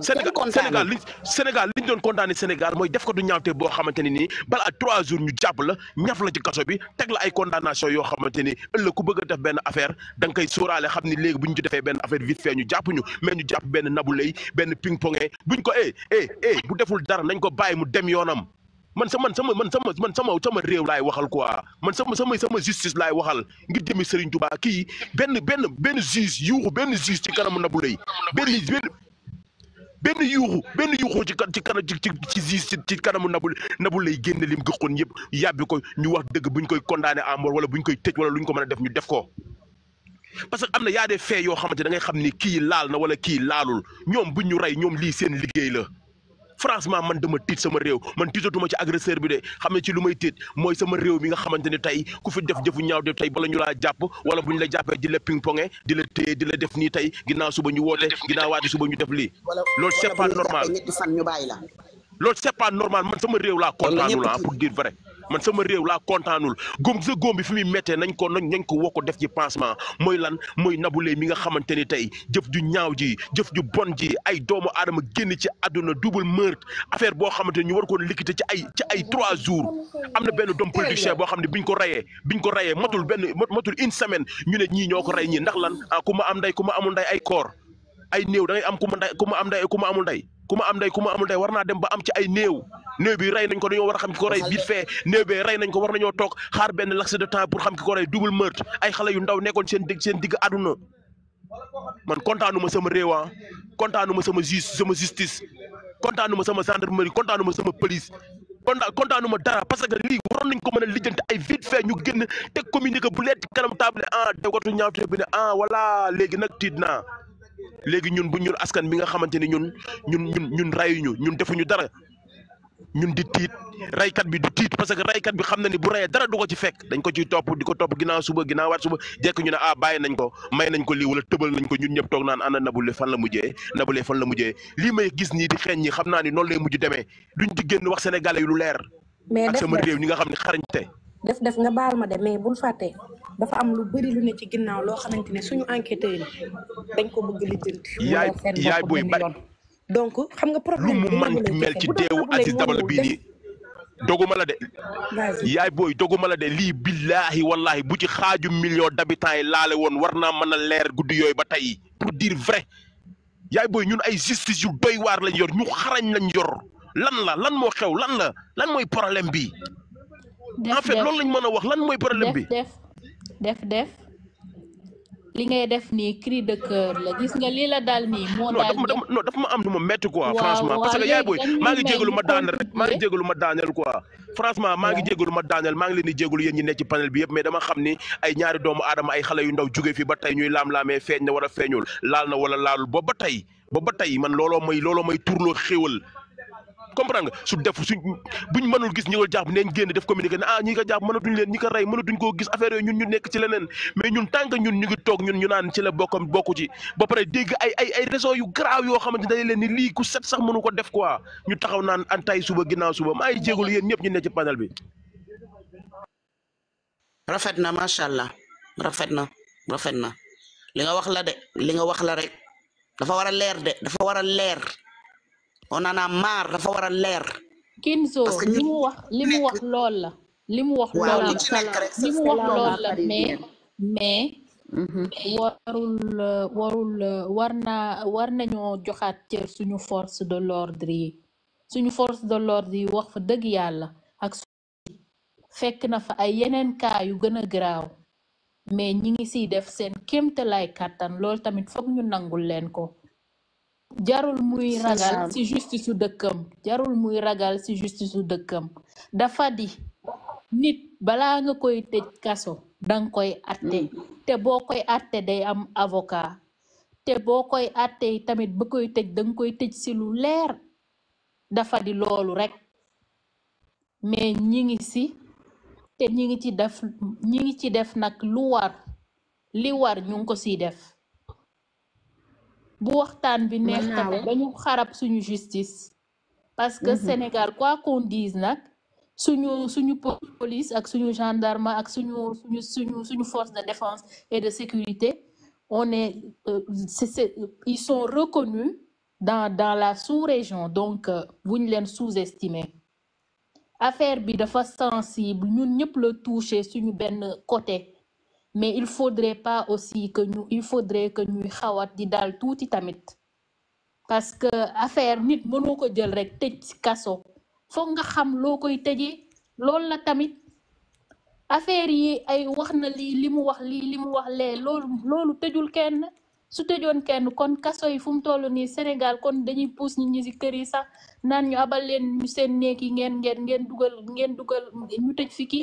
Sénégal Sénégal li Sénégal li ñu doon kontaane Sénégal mooy def ko du ñaawte boo xamante ne nii balaa trois jours ñu jàpp la ñaf la ci kaso bi teg la ay condamnation yoo xamante ni la ku bëgg def benn affaire da nga koy xam ni léegi bu ñu ci defee benn affaire vite fait ñu jàpp ñu mais ñu jàpp benn Nabou Leye benn ping pongé buñ ko eh eh eh bu deful dara nañ ko bàyyi mu dem yoonam man sa man sama man sama man sama sama réew laay waxal ko man sama sama sama justice laay waxal ngir jëmi Serigne Touba kii benn benn benn juge yuuxu benn juge ci kanamu Nabou Leye benn benn benn yuuxu benn yuuxu ci ci kanam ci ci ci ci kanamu nabu nabu lay génne lim gëxoon yëpp yàbbi ko ñu wax dëgg buñ koy condamné à mort wala buñ koy tëj wala luñ ko mën a def ñu def ko. parce que am na yaa des faits yoo xamante da ngay xam ni kii laal na wala kii laalul ñoom buñ ñu rey ñoom lii seen liggéey la. franchement man dama tiit sama réew man tiitatuma ci agresseur bi de xam ne ci lu may tiit mooy sama réew mi nga xamante ne tey ku fi def jëfu ñaaw de tey bala ñu laa jàpp wala bu ñu la jàppee di la ping pongé di la téye def nii tey ginnaaw suba ñu woote ginnaaw waati suba ñu def lii loolu c'est pas normal loolu c'est pas normal man sama réew laa kontaanu la pour dire vrai man sama réew laa kontaanul gom sa góom bi fi muy méttee nañ ko nañ ko woo ko def ci pansement mooy lan mooy nabulee mi nga xamante ni tey jëf ju ñaaw ji jëf ju bon ji ay doomu aadama génn ci àdduna double meurtre affaire boo xamante ni ñu war koon liquité ci ay ci ay trois jours am na benn doom politicien boo xam ne biñ ko reyee biñ ko rayee matul benn matul une semaine ñu ne ñii ñoo ko rey ñii ndax lan ah ku ma am nday ku ma amul nday ay koor ay néew da am ku ma ku ma am nday ku ma amul nday ku am nday ku ma amul nday war naa dem ba am ci ay néew néew bi rey nañ ko dañoo war a xam ki ko rey vite fait néew bi rey nañ ko war nañoo toog xaar benn laps de temps pour xam ki ko rey double meurtre ay xale yu ndaw nekkoon seen digg seen digg àdduna man kontaanuma sama réew ah kontaanuma sama ju sama justice kontaanuma sama gendarmerie kontaanuma sama police kontaan kontaanuma dara parce que lii waroon nañ ko mën a lijjanti ay vite fait ñu génn te communique bu leet kanam table ah déggatu ñaawte bi ne ah léegi nag tiit naa léegi ñun bu ñun askan bi nga xamante ni ñun ñun ñun ñun rayuñu ñun defuñu dara ñun di tiit raykat bi du tiit parce que raykat bi xam na ni bu rayee dara du ko ci fekk dañ ko ci topp di ko topp ginnaaw suba ginnaaw waat suba jekk ñu ne ah bàyyi nañ ko may nañ ko lii wala tëbal nañ ko ñun ñëpp toog naan ana nabule fan la mujjee nabule fan la mujjee lii may gis nii di xeeñ ñi xam naa ni noonu lay mujj demee duñ di génn wax sénégalais yu lu leer. ak sama réew ñi nga xam ne xarañte. def def nga baal ma de mais bul fàtte dafa am lu bëri lu ne ci ginnaaw loo xamante ne suñu enquêteurs yi dañ ko bëgg lijjanti. yaay yaay booy bari donc xam nga problème lu mu man mel ci deewu Aziz Dabala bii nii doguma la de. yaay booy doguma la de lii billaahi wallaahi bu ci xaaju million d'habitants yi laale woon war naa mën a leer guddi yooyu ba tey pour dire vrai yaay booy ñun ay justice yu doy waar lañ yor ñu xarañ lañ yor lan la lan moo xew lan la lan mooy problème bi. en fait loolu lañ mën a wax lan mooy problème bi. def def li ngay def nii cri de cœur la gis nga lii la daal nii. moo daal non dafa ma am lu ma metti ko franchement parce que yaay booy maa ngi jégalu ma daaneel rek maa ngi ma daaneel quoi. franchement maa ngi jégalu ma daaneel maa ngi leen di jégalu yéen ñi nekk ci panel bi yëpp mais dama xam ni ay ñaari doomu aadama ay xale yu ndaw jóge fi ba tey ñuy laam-laamee feeñ na war a feeñul laal na wala laalul ba ba tey ba ba tey man looloo may looloo may turloo xéwal. comprendre nga su def suñ buñ mënul gis ñëwal jàpp neen génn def communiqué ah ñi ko jàpp mënatuñ leen ñi ko rey mënatuñ koo gis affaire yooyu ñun ñu nekk ci leneen mais ñun tant que ñun ñu ngi toog ñun ñu naan ci la bokkam bokku ci ba pare dégg ay ay ay raison yu grave yoo xamante dañ leen ni lii ku set sax mënu ko def quoi ñu taxaw naan an tay suba ginnaaw suba maa ngi jégalu yéen ñëpp ñu ne ci panel bi rafet na macha allah rafet na rafet na li nga wax la de li nga wax la rek dafa war leer de dafa war a leer on en a dafa war a leer. Kinzo li li mu wax lool la. li mu wax lool la mais mm-hmm. mais. warul warul war naa war joxaat cër suñu force de l'ordre yi suñu force de l'ordre yi wax fa dëgg yàlla ak fekk na fa ay yeneen cas yu gën a garaaw mais ñi ngi siy def seen kéemtalaay kàttan lool tamit foog ñu nangul leen ko. jarul muy ragal ci justice su dëkkam jarul muy ragal ci justice su dëkkam dafa di nit balaa nga koy tëj kaso danga koy atte mm. te boo koy atte day am avocat te boo koy atte tamit ba koy tëj danga koy tëj si lu leer dafa di loolu rekk mais ñi ngi ci te ñi ngi ci def ñi ngi ci def nag lu war li war ñu ngi ko ciy def bu waxtaan bi neex tamit xarab justice parce que mhm. Sénégal quoi qu'on dise nag suñu suñu police ak suñu gendarme ak suñu suñu force de défense et de sécurité on est euh, ils sont reconnus dans la sous-région donc euh, vous sont sous sous-estimer affaire bi dafa sensible ñun ñëpp la toucher suñu benn côté mais il faudrait pas aussi que nous il faudrait que nous xawat di dal touti tamit parce que affaire nit mënoo ko jël rek tej ci kaso fo nga xam loo koy tëjee la tamit affaire yi ay waxna li limu wax li limu wax le, loolu loolu tejul kenn su tejon kenn kon kaso yi fum mu ni senegal kon dañuy pousse nit ñi ci kër yi sax nan ñu abal leen ñu seen néeg yi ngeen ngeen ngeen dugal ngeen dugal ñu tej fi ki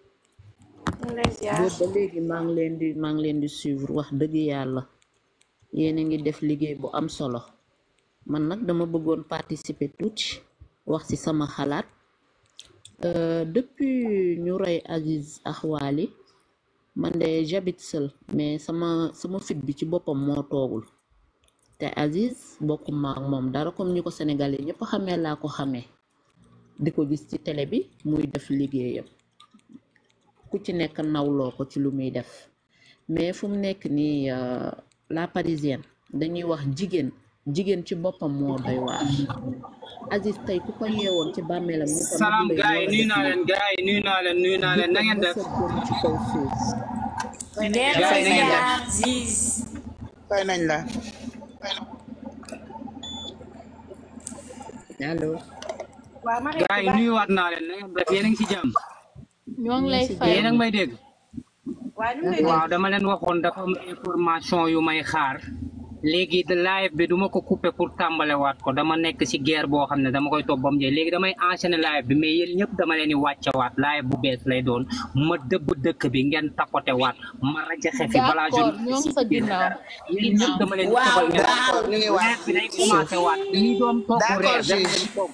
ba léegi maa ngi leen di maa ngi leen di suivre wax dëgg yàlla yéen a ngi def liggéey bu am solo man nag dama bëggoon participer tuuti wax ci sama xalaat euh, depuis ñu rey Aziz Akhwali man de j'habite seul mais sama sama fit bi ci boppam moo toogul te Aziz bokkuma maak moom dara comme ñu ko sénégalais ñëpp xamee laa ko xamee di ko gis ci télé bi muy def liggéeyam. ku ci nekk nawloo ko ci lu muy def mais fu mu nekk nii euh, la parisienne dañuy wax jigéen jigéen ci boppam moo doy waar Aziz tey ku ko ñëwoon ci bàmmeelam ñu naa leen gars def ci kaw nañ la ñoo ngi a may dégg. waaw dama leen waxoon dafa am information yu may xaar. léegi live bi duma ko coupé pour tàmbalewaat ko dama nekk ci geer boo xam ne dama koy topp ba mu jeex léegi damay enchaîner live bi mais yéen ñëpp dama leen di wàccewaat live bu bees lay doon ma dëbb dëkk bi ngeen tapote waat ma rajaxe fi balaa journée si génn dama leen di ngeen live li doom togg reer def togg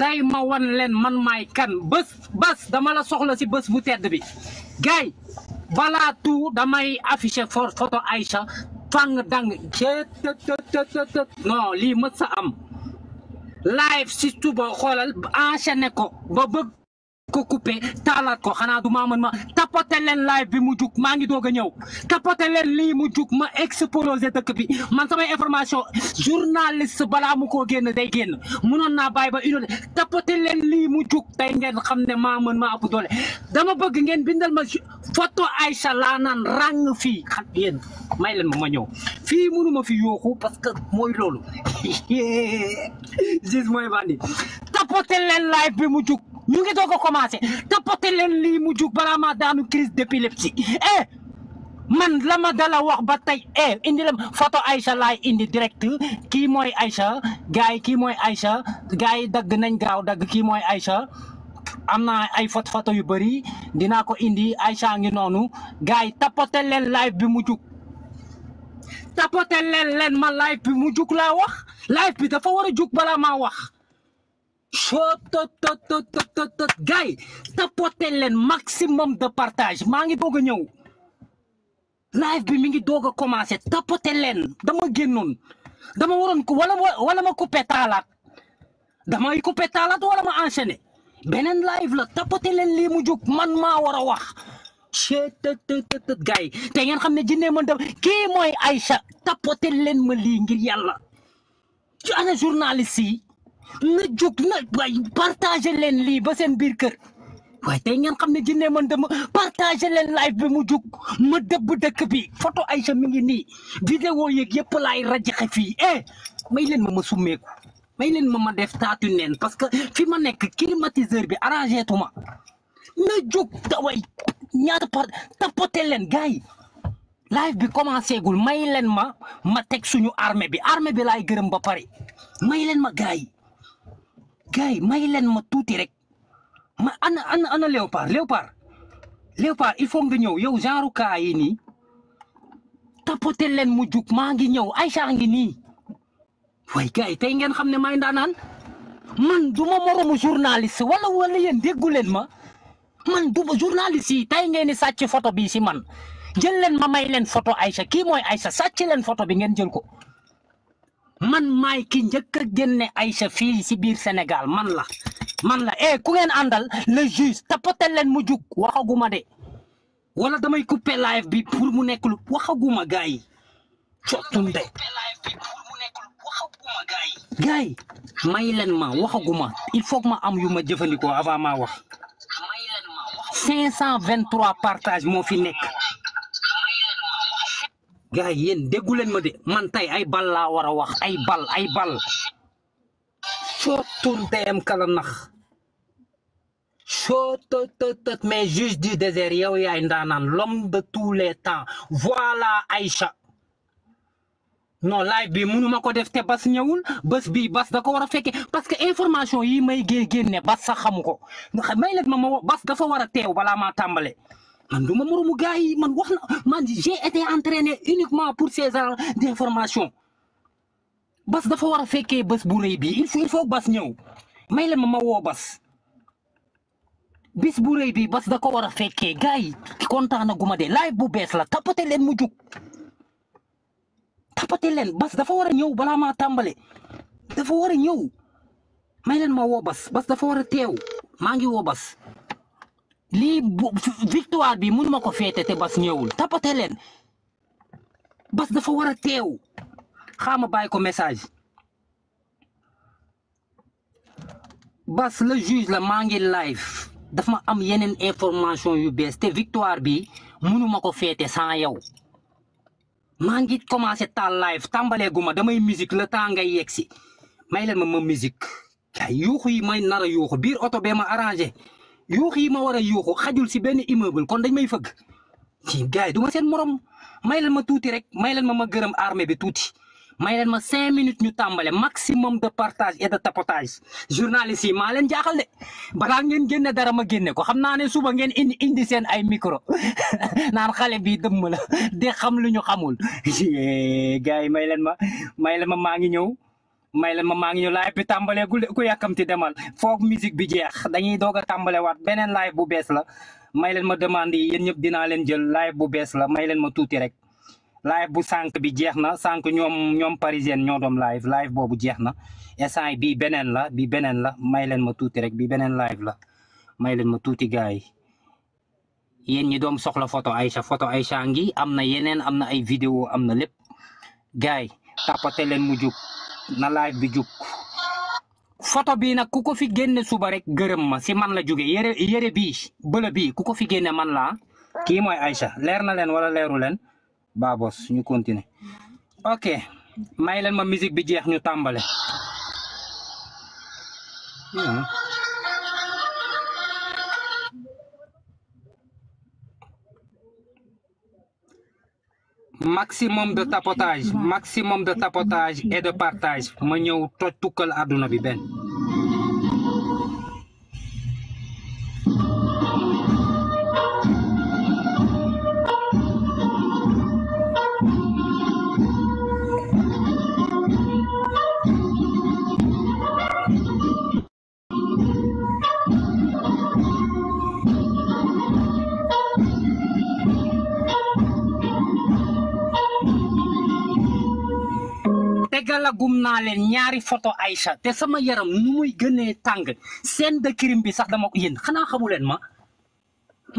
tey ma wan leen man maay kan bés bés dama la soxla si bés bu tedd bi gars yi balaa tout damay affiché for photo Aïcha fang dang cee të non lii mës sa am live si suba xoolal enchaîné ko ba bëgg ko coupé taalaat ko xanaa du maa mën ma tapoté leen live bi mu jug maa ngi doog a ñëw tapoté leen mu jug ma explosé dëkk bi man samay information journaliste balaa mu koo génn day génn mënoon naa bàyyi ba une tapoté leen lii mu jug tey ngeen xam ne maa ma a ëpp doole dama bëgg ngeen bindal ma photo Aïcha laa naan ràng fii xam yéen may leen ma ma ñëw fii mënuma fi yooxu parce que mooy loolu gis mooy bandi tapoté leen live bi mu jug ñu ngi doog a commencé tapoté leen lii mu jug balaa crise d'épilepsie eh man la ma dala wax ba tay eh indi la photo Aïcha lay indi direct ki moy Aïcha gars ki moy mooy Aïcha gars yi nañ graw dag ki moy Aïcha amna ay photo photo yu bari dina ko indi Aïcha ngi nonu gars yi len live bi mu jug tapoté len len ma live bi mu juk la wax live bi dafa wara juk bala ma wax chotototototot gars yi tapoter leen maximum de partage maa ngi doog a ñëw live bi mi ngi doog a commencé tapoter leen dama génnoon dama waroon ko wala wala ma coupé taalaat damay coupé taalaat wala ma enchaîné beneen live la tapoter leen lii mu jóg man maa war a wax chettëtëtët gars yi te ngeen xam ne jinne ma dem kii mooy Aïcha tapoter leen ma lii ngir yàlla ana journaliste yi na jóg na waay partagé leen lii ba seen biir kër waaye tey ngeen xam ne jinne man dama partagé leen live bi mu jug ma dëbb dëkk bi ay Aïcha mi ngi nii vidéo yeeg yëpp raj rajaxe fii eh may leen ma ma summeeku may leen ma ma def taatu neen parce que fi ma nekk climatiseur bi arrangé tuma na jóg daway ñaata par leen gars yi live bi commencé gul may leen ma ma teg suñu armée bi armée bi laay gërëm ba pare may leen ma gars yi gars yi may leen ma tuuti rek ma ana ana ana léopard léopard léopard il faut nga ñëw yow genre kaa yi nii tapoté leen mu jug maa ngi ñëw Aïcha ngi nii waaye gars yi tey ngeen xam ne may ndaanaan man du ma moromu journaliste wala wala yéen déggu leen ma man du ma journaliste yi tey ngeen ni sàcc foto bii si man jël leen ma may leen photo Aïcha kii mooy Aïcha sàcc leen foto bi ngeen jël ko. man maay ki njëkk a génne Aïcha fii si biir Sénégal man la man la eh ku ngeen àndal le juge tapotel leen mu jug waxaguma de wala damay couper live bi pour mu nekk lu waxaguma gars yi cottunde gars yi may leen ma waxaguma il faut ma am yu ma jëfandikoo avant ma wax 523 partage moo fi nekk. gars yi yéen déggu ma de man tay ay bal laa war wax ay bal ay bal kala nax mais juge du désert yow yaay ndanan l'homme de tous les temps voilà Aïcha non live, bi munu mako def te bas ñewul bés bi bas da ko war parce que information yi may génne bas sax xam ko may leen ma bas dafa war a teew balaa maa man du ma moromu gars yi man wax na man j'ai été entraîné uniquement pour ces genres d'information bas dafa war a fekkee bés bu rëy bi il faut bas ñëw may leen ma mawoo bas bis bu rëy bi bas da ko war a fekkee gars yi kontaan na guma de live bu bees la tapote leen mu jug tapote leen bas dafa war a ñëw balaa maa tàmbale dafa war a ñëw may leen ma woo bas bas dafa war a teew maa ngi woo bas lii bu victoire bi mënuma ko féete te bas ñëwul tapote leen bas dafa war a teew xaama bàyyi ko message bas le juge la maa ngi live dafa am yeneen information yu bees te victoire bi mënuma ko feete sans yow maa ngi commencé taal live tàmbaleegu ma damay musique le temps ngay yegsi may leen ma ma musique yuuxu yi may nar a yuuxu biir oto bee ma arrangé yuux yi ma war a yuuxu xajul si benn immeuble kon dañ may fëgg ci gars yi du ma seen morom may leen ma tuuti rek may leen ma ma gërëm armée bi tuuti may leen ma cinq minutes ñu tàmbale maximum de partage et de tapotage journaliste yi maa leen jaaxal de balaa ngeen génne dara ma génne ko xam naa ne suba ngeen indi indi seen ay micro naan xale bi dëmm la de xam lu ñu xamul gars yi may leen ma may leen ma maa ngi ñëw. may leen ma maa ngi ñu live bi tàmbaleegul ku yàkkamti demal foog musique bi jeex dañuy doog a tàmbalewaat beneen live bu bees la may leen ma demande yi yéen ñëpp dinaa leen jël live bu bees la may leen ma tuuti rek live bu sànq bi jeex na sànq ñoom ñoom parisienne ñoo doom live live boobu jeex na instant bii beneen la bi beneen la may leen ma tuuti rek bi beneen live la may leen ma tuuti gars yi yéen ñi doom soxla photo Aïcha photo Aïcha ngi am na yeneen am na ay vidéo am na lépp gars leen mu jóg na live bi jug photo bii nag ku ko fi génne suba rek gërëm ma si man la jóge yére yére bi bëla ku ko fi génne man la ki mooy Aïcha leer na leen wala leeru leen babos ñu continuer ok may leen ma musique bi jeex ñu tàmbale hmm. maximum de tapotage maximum de tapotage et de partage ma ñëw toj tukkal àdduna bi benn régalagum naa leen ñaari photo ay te sama yaram nu muy gënee tàng seen de bi sax dama ko yéen xanaa xamu leen ma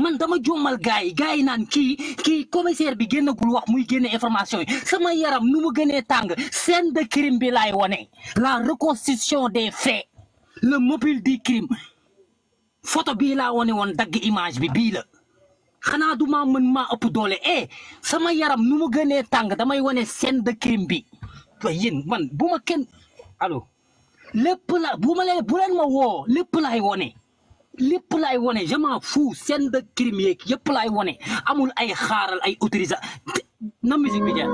man dama jommal gars yi gars yi naan kii kii commissaire bi génnagul wax muy génne information yi sama yaram nu mu gënee tàng seen de crime bi laay wone la reconstitution des faits le mobile di crime photo bii laa wone woon dagg image bi bii la xanaa duma mën maa ëpp doole eh sama yaram nu mu gënee tàng damay wone seen de bi waaye yéen man bu ma kenn allo lépp la bu ma leen bu leen ma woo lépp la ay wone lépp ay wone je m'en fous seen de crime yépp yëpp laay wone amul ay xaaral ay autorisé na musique bi jeex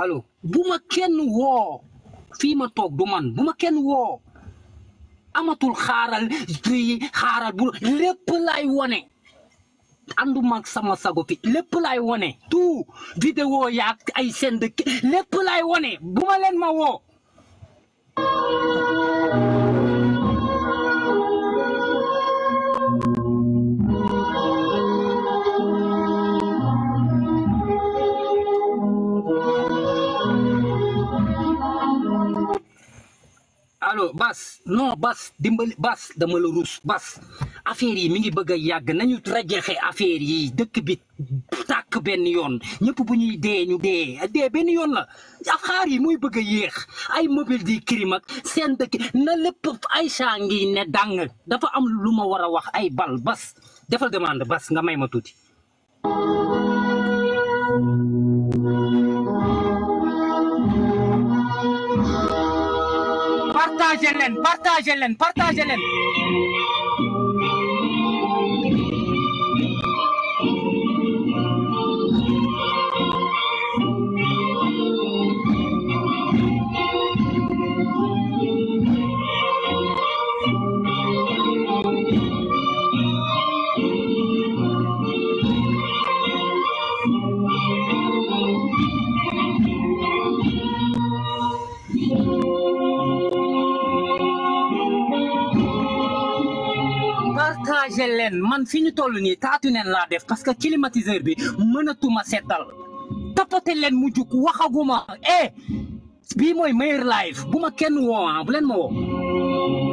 allo bu ma kenn woo fii ma toog du man bu ma kenn woo amatul xaaral yi xaaral bu lépp lay wone ànduma ak sama sago fi lépp lay wone tout vidéo yaak ay seen dëkk lépp lay wone bu ma ma woo allo Bas non Bas dimbali Bas dama la ruus Bas affaire yi mi ngi bëgg a yàgg nañu rajaxe affaire yi dëkk bi tàkk benn yoon ñëpp bu ñuy dee ñu dee dee benn yoon la affaire yi muy bëgg a yéex ay mobile di crime seen dëkk na lépp Aïcha ngi ne dàng dafa am lu ma war a wax ay bal Bas defal demande Bas nga may ma tuuti. Partagelen, partagelen, partagelen. soulager leen man fi ñu toll nii taatu neen laa def parce que climatiseur bi mënatuma setal tapote leen mu jug waxaguma eh bii mooy meilleur live bu ma kenn woo ah bu leen ma woo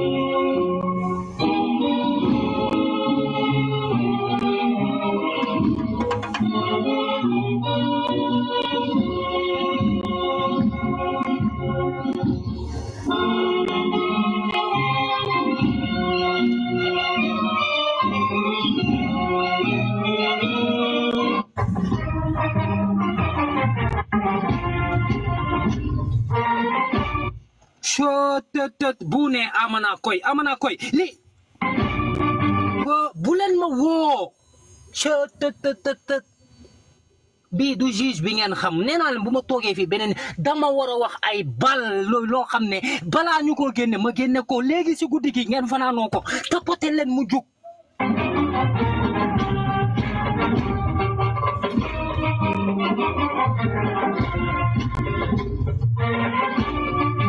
cootetët bu amana koy amana koy li ma du bi ngeen xam dama wax ay bal génne ma génne ko ngeen tapote mu Thank you.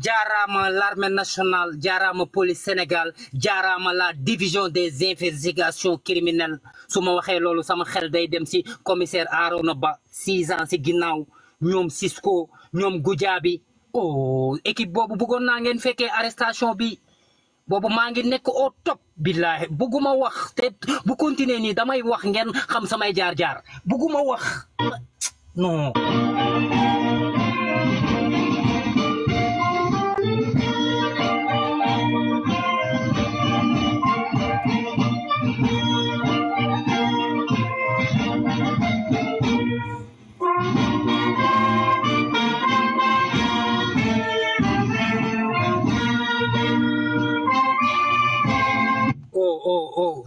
jaaraama l'armée nationale jaaraama police Sénégal jaaraama la division des investigations criminelles su ma waxee loolu sama xel day dem ci commissaire Arona Ba six ans ci ginnaaw ñoom Cisco ñoom Goudiaby oh équipe boobu bëggoon naa ngeen fekkee arrestation bi boobu maa ngi nekk au top billaahi bugguma wax te bu continuer nii damay wax ngeen xam samay jaar-jaar bugguma wax non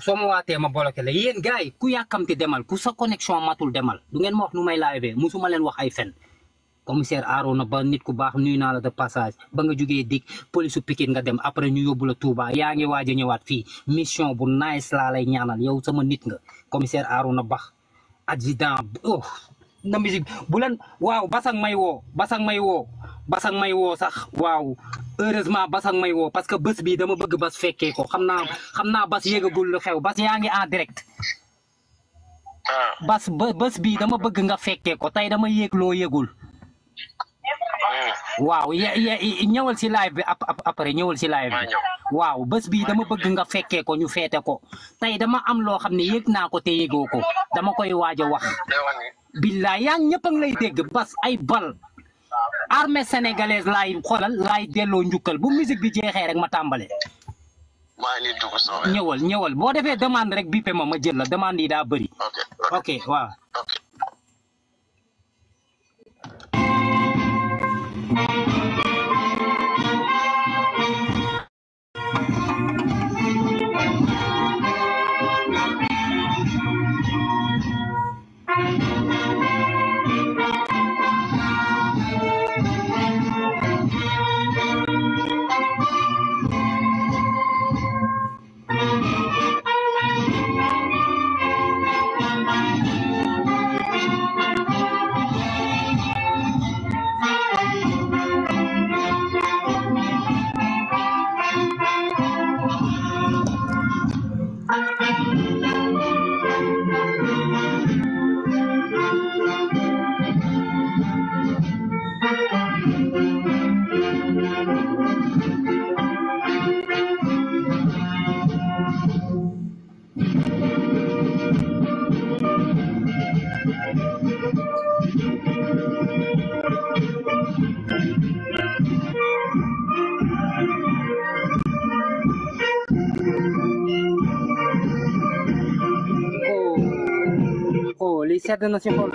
soo ma waatee ma bloqué la yéen gars yi ku yàkkamti demal ku sa connexion matul demal du ngeen ma wax nu may live musuma leen wax ay fen commissaire Arona ba nit ku baax nuyu naa la de passage ba nga jógee dig police u Pikine nga dem après ñu yóbbu la Touba yaa ngi waaj a ñëwaat fii mission bu nice laa lay ñaanal yow sama nit nga commissaire Arona Ba adjudant oh na musique bu leen waaw basang may woo basang may woo basang may woo sax waaw heureusement Bas ak parce que bés bi dama bëgg Bas fekkee ko xam naa xam naa Bas yëgagul lu xew Bas yaa ngi en direct. Ah. Bas ba bés bi dama bëgg nga fekkee ko tey dama yéeg loo yëgul. Hmm. waaw ñëwal si live bi après ñëwal si live waaw bés bi dama bëgg nga fekkee ko ñu feete ko tey dama am loo xam ne yëg naa ko te yëgoo ko dama koy waaj a wax. billaay yaa ñëpp a ngi lay dégg Bas ay bal. armée sénégalaise laay xoolal laay délo ñukkal bu musique bi jéxé rek ma tambalé ma ngi dugg sama ñëwal ñëwal bo défé demande rek bipé ma ma jël la demande yi da bari ok ok wa Thank you. sedd na si xol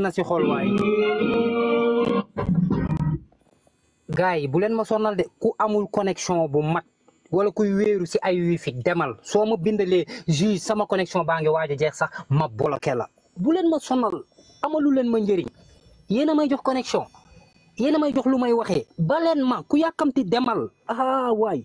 na si xol waaye gars yi bu leen ma sonal de ku amul connexion bu mat wala kuy wéeru si ay wifi demal soo ma bindalee ju sama connexion baa ngi waaj jeex sax ma bloqué la bu leen ma sonal amalu leen ma njëriñ yéen may jox connexion yéen may jox lu may waxee ba leen ma ku yàkkamti demal ah waay.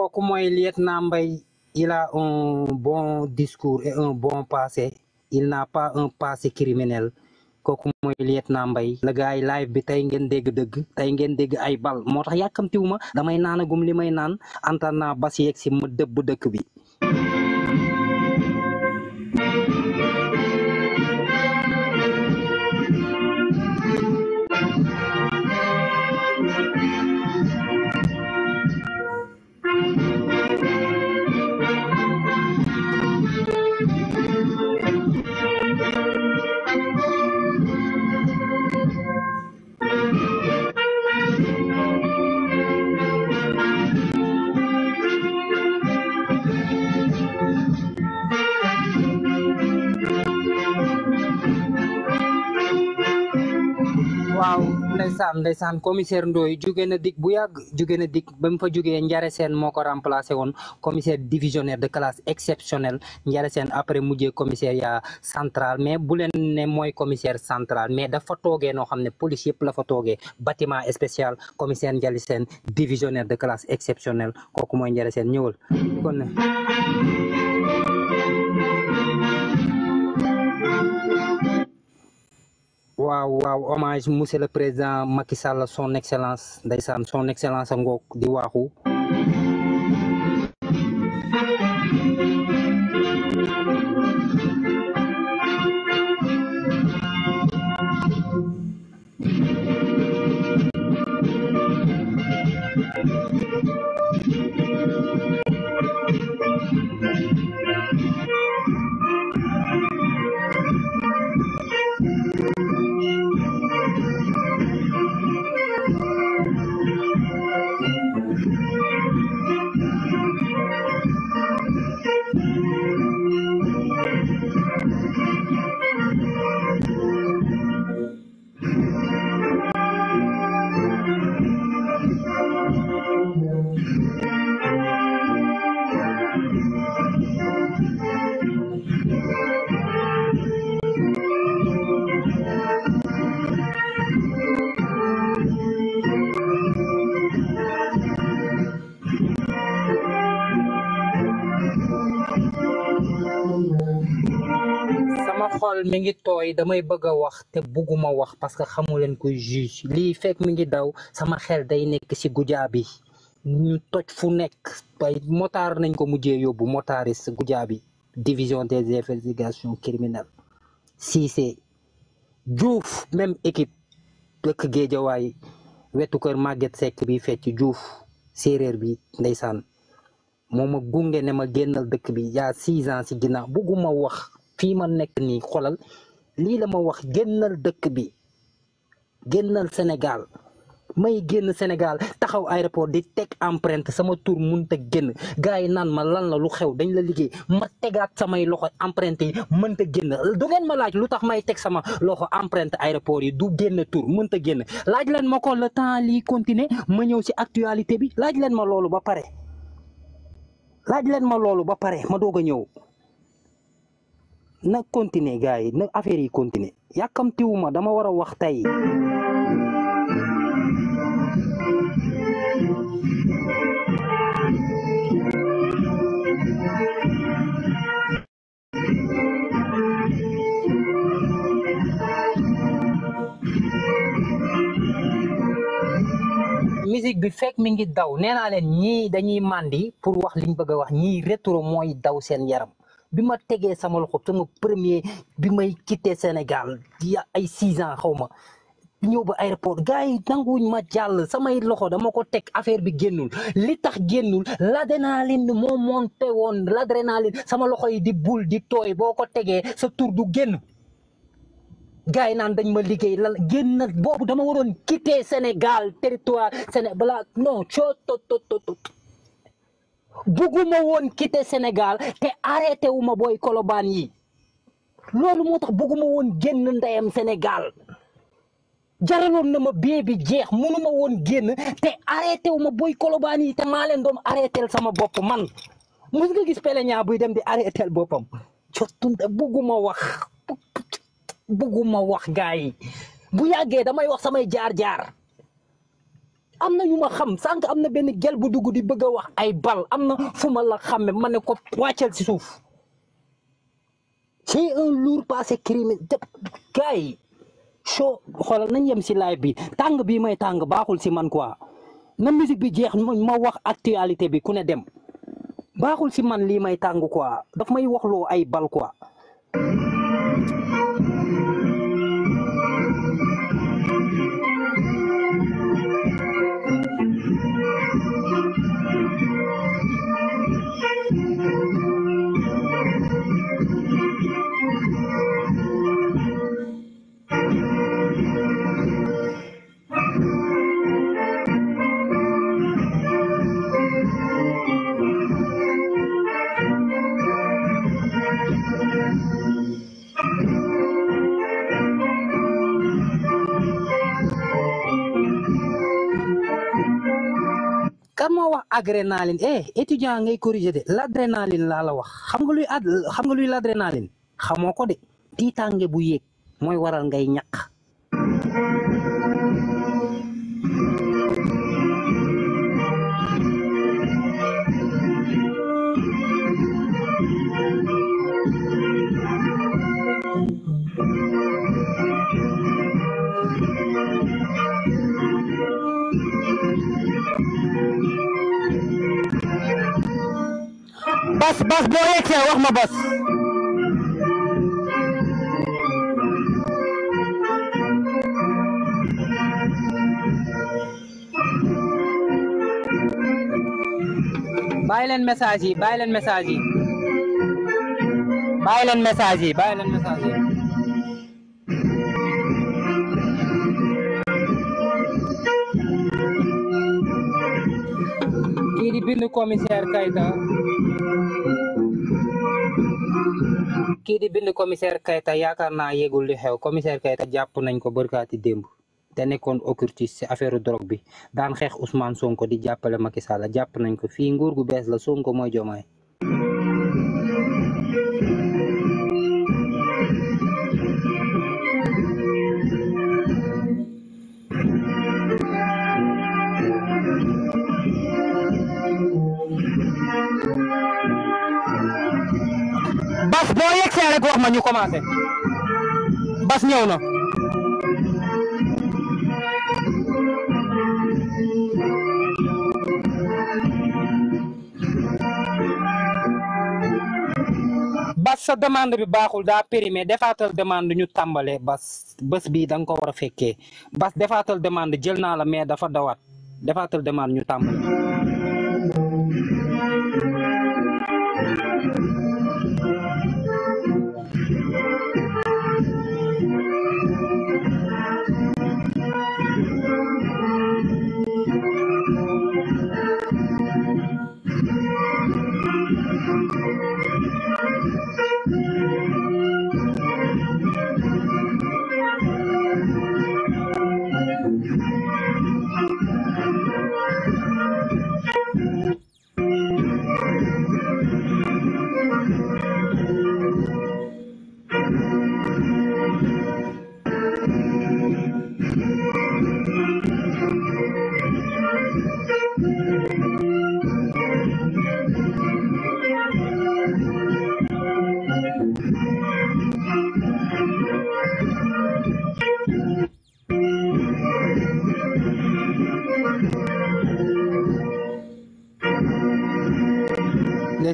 kooku mooy na Mbaye il a un bon discours et un bon passé il n'a pas un passé criminel kooku mooy lieutenant Mbaye la gars yi live bi tey ngeen dégg dëgg tey ngeen dégg ay bal moo tax yàkkamtiwu ma damay naanagum li may naan antan naa bas yeeg si ma dëbb dëkk bi waaw ndeysaan ndeysaan commissaire Ndoye jóge na DIC bu yàgg jóge na DIC ba mu fa jógee Njare Seen moo ko remplacé woon commissaire divisionnaire de classe exceptionnelle Njare Seen après mujjee leen ne mooy commissaire central mais dafa toogee noo xam ne police yëpp la fa toogee bâtiment spécial commissaire Njare Seen divisionnaire de classe exceptionnelle kooku mooy Njare Seen ñëwal waaw waaw hommage monsieur le président Macky Sall son excellence ndeysaan son excellence a ngoog di waaxu Sall mi ngi tooy damay bëgg a wax te bugguma wax parce que xamu leen koy juge lii fekk mu ngi daw sama xel day nekk ci gujaa bi ñu toj fu nekk bay motaar nañ ko mujjee yóbbu motaris gujaa bi division des investigations criminelles Cissé juuf même équipe dëkk Géejawaay wetu kër Maguette sekk bi fecc Diouf séeréer bi ndeysaan moo ma gunge ne ma génnal dëkk bi yaa six ans ci ginnaaw bugguma wax fii ma nekk nii xolal lii la ma wax génnal dëkk bi génnal Sénégal may génn Sénégal taxaw aéroport di teg empreinte sama tur mënta génn gars yi naan ma lan la lu xew dañ la liggéey ma tegaat samay loxo empreinte yi mënta génn du ngeen ma laaj lu tax may teg sama loxo empreinte aéroport yi du génn tur mënta génn laaj leen ma ko le temps lii continuer ma ñëw si actualité bi laaj leen ma loolu ba pare laaj leen ma loolu ba pare ma doog a ñëw na continuer gay na affaire yi continuer wuma dama wara wax tay musique bi fek mi ngi daw nee len ñi dañuy mandi pour wax liñ bëgg wax ñi retour moy daw sen yaram Bima tege samal sama loxo sama premier Bima may Senegal dia di ay 6 ans xawma ma ba aéroport gaay yi ma jàll samay loxo dama ko tek affaire bi gennul li tax gennul l'adrénaline mo monté won l'adrénaline sama loxo yi di boule di toy boko tege sa tour du genn gaay nan dañ ma liggéey lal génn boobu dama waron quitter senegal territoire Sénégal balaa non to to to to bugguma woon quitter Sénégal te arrêté wu ma booy kolobaan yi loolu moo tax bugguma woon génn ndeyam Sénégal jaraloon na ma bee bi jeex mënuma woon génn te arrêté wu ma booy kolobaan yi te maa leen doon arrêté sama bopp man mos nga gis peleñaa buy dem di arrêté boppam jotunte bugguma wax bugguma wax gars yi bu yàggee damay wax samay jaar-jaar amna yuma xam sank amna ben gel bu dugg di bëgg wax ay bal amna fuma la xamé mané ko ci suuf c'est un lourd passé criminel kay sho show nañ yëm si live bi tang bi may tang baaxul si man quoi na musique bi jeex ma wax actualité bi ku ne dem baaxul si man li may tang quoi daf may lo ay bal quoi kan moo wax adrénaline eh étudiant ngay corriger de l'adrénaline laa la wax xam nga luy ad xam nga luy l'adrénaline xamoo ko de tiitaange bu yég mooy waral ngay ñàkk bas bas boo yegsee wax ma bas bàyyi leen message yi bàyyi leen message yi bàyyi leen message yi bàyyi leen message yi kii di bind commissaire Kayta kii di bind commissaire Keita yaakaar naa yegul di xew commissaire Keita jàpp nañ ko bërkaati démb te nekkoon occultiste ci affaire drogue bi daan xeex Ousmane Sonko di jàppale Macky Sall jàpp nañ ko fii nguur gu bees la Sonko mooy Diomaye boo yegsee rek wax ma ñu commencé bas ñëw na bas sa demande bi baaxul daa mais defaatal demande ñu tàmbalee bas bés bii da ko war a fekkee bas defaatal demande jël naa la mais dafa dawaat defaatal demande ñu tàmbalee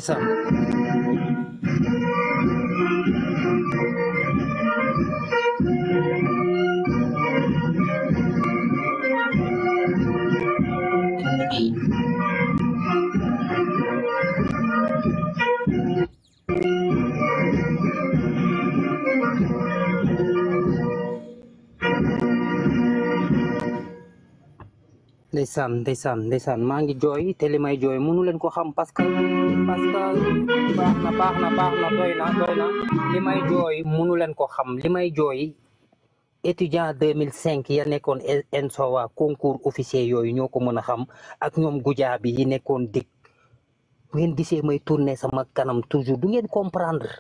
some. ndeysaan ndeysaan ndeysaan maa ngi jooy te li may jooy mënu leen ko xam parce que parce que baax na baax na baax na doy na doy na li jooy mënu leen ko xam li may jooy étudiant cinq ya nekkoon ENSOA concours officier yooyu ñoo ko mën a xam ak ñoom gujaa bi yi nekkoon dig bu ngeen gisee sama kanam toujours du ngeen comprendre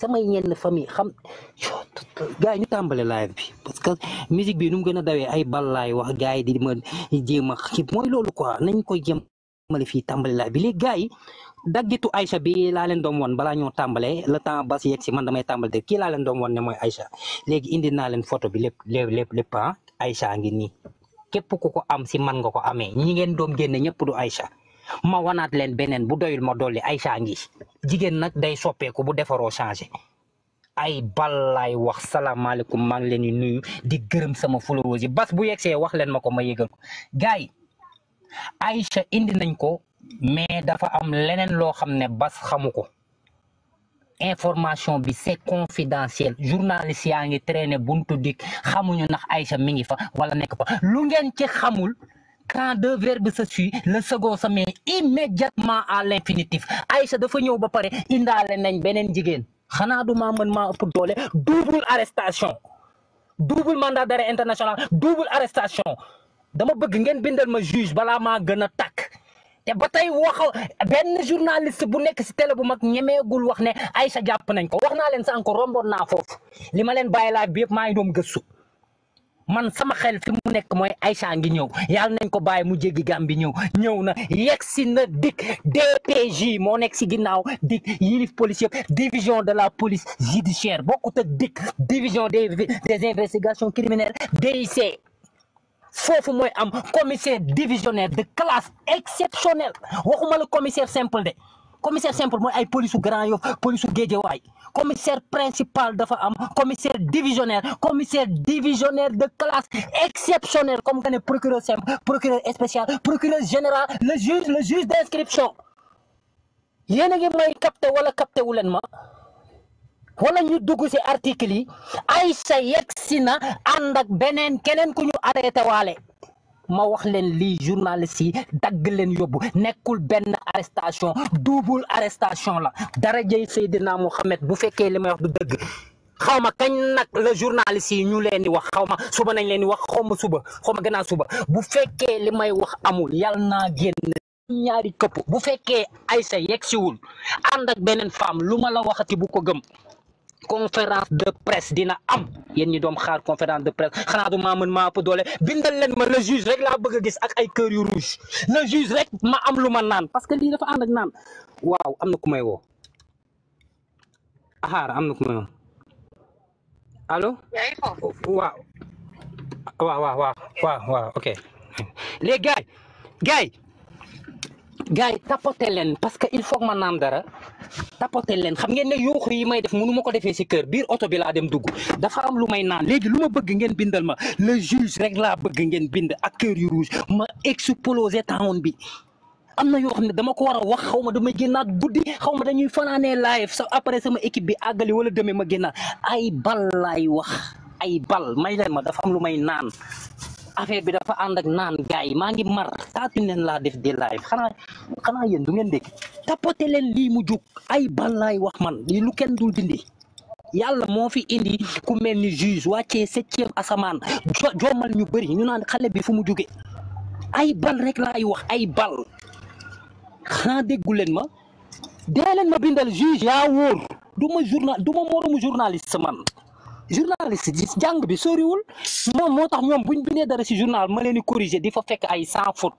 samay ñenn famille xam gars yi ñu tàmbale live bi parce que musique bi nu mu gën a dawee ay bal laay wax gars di ma jéem a xib mooy loolu quoi nañ koy jëmale fii tàmbale live bi léegi yi daggitu Aïcha laa leen doom woon balaa ñoo tàmbale le temps bas yegg si man damay tàmbale de kii laa leen doom woon ne mooy Aïcha léegi indi naa leen foto bi lépp lépp lépp lépp ah Aïcha ngi nii képp ku ko am si man nga ko amee ñi ngeen doom génne ñëpp du Aïcha ma wanaat leen beneen bu doyul ma dolli Aïcha ngi jigéen nag day soppeeku bu defaroo changé ay ballaay wax salaamaaleykum maa leen di nuyu di gërëm sama followers yi bas bu see wax leen ma ko ma yëgal ko gars yi Aïcha indi nañ ko mais dafa am leneen loo xam ne bas xamu ko information bi c'est confidentiel journaliste yaa ngi traîner buntu dik xamuñu ndax Aïcha mi ngi fa wala nekk fa lu ngeen ci xamul quand deux verbes se suivent le second se met immédiatement à l'infinitif Aïcha de ñëw ba pare indaale nañ du maman, double arrestation double mandat d'arrêt international double arrestation dama bëgg ngeen bindal ma juge balama ma gën a tàkk te ba wax benn journaliste bu nekk si télé bu mag ñemeegul wax ne Aïcha jàpp nañ ko encore li ma man sama xel fi mu nek moy Aïcha ngi ñew yàlla nañ ko bàyyi mu jéggi gambi ñew ñew na yegg si na dik DPJ moo nekk si dik yilif police division de la police judiciaire bokku ak dik division des des investigations criminelles DIC fofu moy am commissaire divisionnaire de classe exceptionnelle waxuma la commissaire simple de commissaire simple pour ay police Grand commissaire principal de am commissaire divisionnaire commissaire divisionnaire de classe exceptionnelle comme procureur simple procureur spécial procureur général le juge le juge d'inscription y may capté capté ma wala ñu dugg ci article yi ay sa ak ma wax leen lii journaliste yi dagg leen yóbbu nekkul benn arrestation double arrestation la darajey Seydina Mohamed bu fekkee li may wax du dëgg xawma kañ nag la journaliste yi ñu leen di wax xaw ma suba nañ leen di wax xaw suba xaw ma suba bu fekkee li may wax amul yàlla naa génn ñaari këpp bu fekkee Aïssa yegg siwul ànd ak beneen femme lu ma la waxati bu ko gëm conférence de presse dina am yéen ñi doom xaar conférence de presse xanaa du maa mën maa ëpp doole bindal leen ma le juge rek laa bëgg gis ak ay kër yu rouge le juge rek ma am lu man naan parce que lii dafa ànd ak naan waaw am na ku may woo xaar am na ku may woo allo waaw waaw waaw ok les gars gars gars yi tapoté leen parce que il faut que ma naam dara tapoté leen xam ngeen ne yuuxu yi may def mënu ma ko defee si kër biir oto bi laa dem dugg dafa am lu may naan léegi lu ma bëgg ngeen bindal ma le juge rek laa bëgg ngeen bind ak cœur yu rouge ma explosé town bi am na yoo xam ne dama ko war wax xaw ma damay génnaat guddi xaw ma dañuy fanaanee live sa après sama équipe bi àggali wala demee ma génnaat ay bal ay wax ay bal may leen ma dafa am lu may naan affaire bi dafa ànd ak naan gars yi maa ngi mar taatuñ leen laa def di live xanaa xanaa du ngeen dégg tapote leen lii mu jóg ay bal laay wax man lii lu kenn dul dindi yàlla moo fi indi ku mel ni juge wàccee septième asamaan joomal ñu bari ñu naan xale bi fu mu jóge ay bal rek laay wax ay bal xanaa déggu leen ma dee leen ma bindal juge yaa wóor du ma journal du ma moromu journaliste man journaliste di jang bi sori wul mom motax ñom buñ bindee dara si journal ma leni di corriger di fa fekk ay sans faute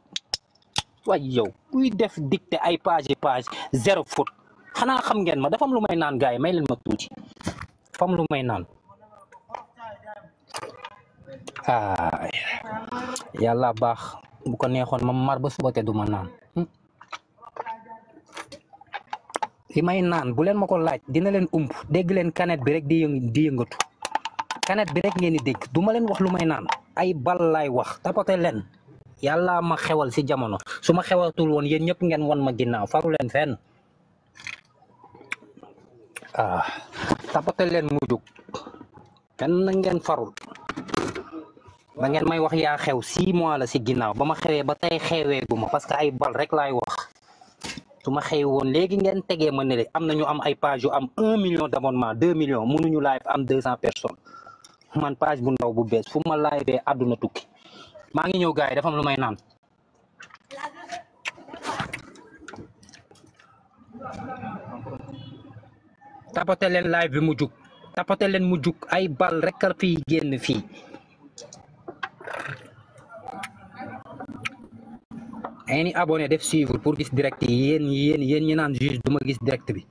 way yow kuy def dicter ay page page zéro faute xana xam ngeen ma dafa am lu may naan gars may leen ma tuuti fam am lu may naan ah bu ko neexon ma mar ba suba te du naan hm? li bu ma ko laaj dina ump deglen kanet bi rek di yëng di kanet bi rek ngeen di dégg duma leen wax lu may naan ay bal laay wax tapote leen yàlla ma xewal si jamono su ma xewatul woon yéen ñëpp ngeen won ma ginnaaw faru leen fenn ah tapote leen mu jóg kenn ngeen farul ba ngeen may wax yaa xew six mois la si ginnaaw ba ma xewee ba tey xeweegu ma parce que ay bal rek laay wax su ma xëy woon léegi ngeen tegee ma ne am na ñu am ay page yu am un million d'abonnement deux millions mënuñu live am deux cent personnes man page bu ndaw bu bees fu ma laay bee àdduna tukki maa ngi ñëw gars yi dafa am lu naan. tapote leen live bi mu jug tapote mu jug ay bal rek a fiy génn fii dangeen ni def suivre pour gis direct yi yéen yéen yéen naan juge du ma gis direct bi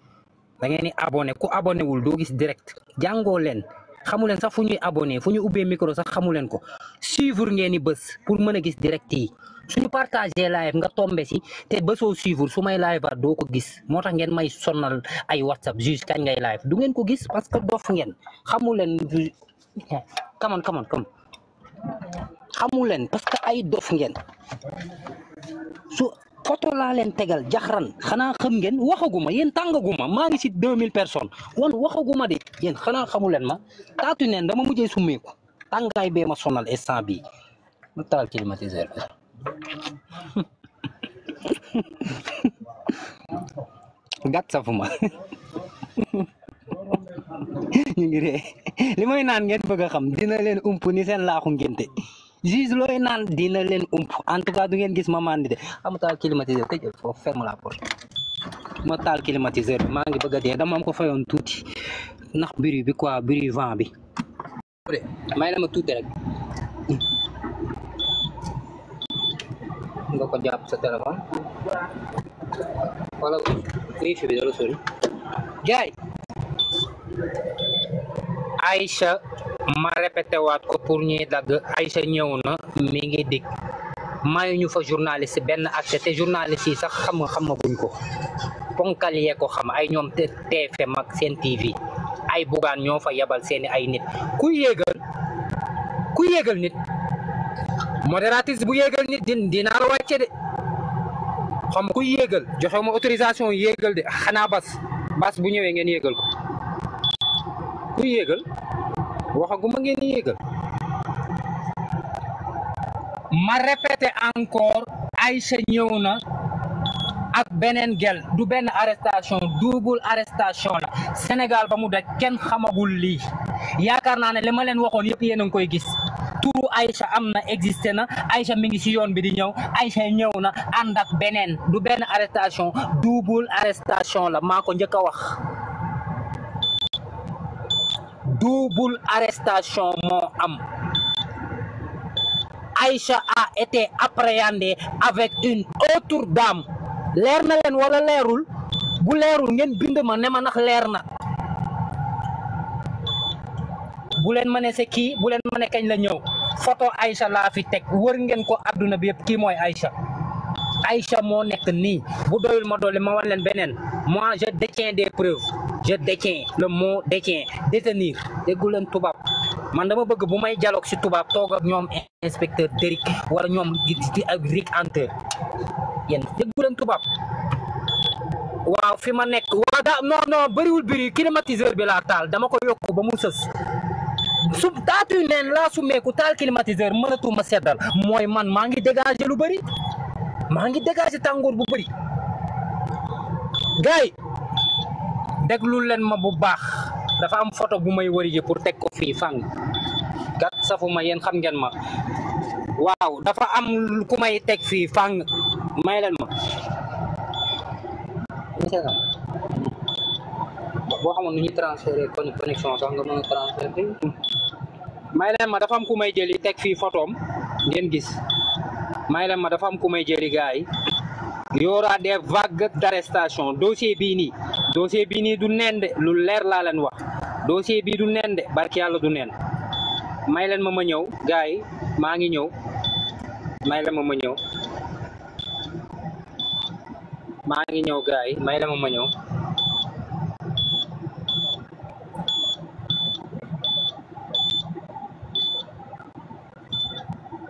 da ngeen ni ku abonné doo gis direct jàngoo leen xamu leen sax fu ñuy abonné fu ñu ubbee micro sax xamu leen ko suivre ngeen ni bés pour mën a gis direct yi suñu partagé live nga tombe si te bësoo suivre su may live ba doo ko gis moo tax ngeen may sonal ay whatsapp juste kañ ngay live du ngeen ko gis parce que dof ngeen xamu leen come on come leen parce que ay dof ngeen su photo laa leen tegal jaxran xanaa xam ngeen waxaguma yéen tàngaguma maa ngi si deux mille personnes wan waxaguma de yéen xanaa xamu leen ma taatu neen dama mujjee summeeku tàngaay bee ma sonal instant bii ma taal climatiseur bi gàtt safuma ñu ngi ree li may naan ngeen bëgg a xam dina leen ump ni seen laaxu ngénte loy nan dina len ump en tout cas du ngeen gis ma mandite xam ta climatiseur tëj foofu ferme la porte ma tal climatiseur ma ngi bëgg de dama am ko fayon touti nax bruit bi quoi bruit vent bi may na ma touti rek nga ko japp sa téléphone wala wifi bi dala sori jay Aïcha ma répété waat ko pour ñuy dagg Aïcha ñëw na mi ngi dikk ñu fa journaliste benn accès te journaliste yi sax xam nga xamaguñ ko ponkal yee ko xam ay ñoom TFM ak seen TV ay bugaan ñoo fa yebal seeni ay nit ku yéegal ku yéegal nit modératrice bu yéegal nit din dinaa de xam ku yéegal joxew ma autorisation yéegal de xanaa bas bas bu ñëwee ngeen yéegal ko kuy yéegal waxaguma ngeen yéegal ma répété encore Aïcha ñëw na ak beneen gel du benn arrestation double arrestation la Sénégal ba mu daj kenn xamagul lii yaakaar naa ne li ma leen waxoon yëpp yéen a ngi koy gis turu Aïcha am na existé na Aïcha mi ngi ci yoon bi di ñëw Aïcha ñëw na ànd ak beneen du benn arrestation double arrestation la maa ko njëkk a wax double arrestation mon am Aïcha a été appréhendée avec une autre dame L'air na pas wala leerul l'air leerul ngeen bind vous ne l'air la l'air photo Aïcha la fi wër ngeen ko àdduna bi Aïcha Aïcha mo nek ni bu doyul ma doole ma wan len benen moi je détiens des preuves je détiens le mot détiens, détenir déggu leen tubaab man dama bëgg bu may dialogue ci tubaab toog ak ñom inspecteur Derrick wala ñoom ak Rick Hunter yeen déggu leen tubaab waaw fi ma nek wa da non non bëriwul bari climatiseur bi la taal dama ko yokku ba mu seuss su tatu nen la su meeku taal climatiseur ma sédal moy man ma ngi dégager lu bari mangi dégager tàngoor bu bëri gaay déglu len ma bu bax dafa am photo bu may je pour tek ko fi fang gat safuma yen xam ngeen ma waw dafa am ku may tek fi fang may len ma bo xamone nu ñuy kon connexion sax nga mëna a transféré may len ma dafa am ku may jëli teg fii photoom ngeen gis may leen ma dafa am ku may jëli gars yi y aura des vagues d'arrestation bii nii dossier bi nii du neen de lu leer laa leen wax dossier bii du nen de barki yàlla du neen may leen ma ma ñëw gars yi maa ngi ñëw may leen ma ma ñëw maa ngi ñëw gars yi may leen ma ma ñëw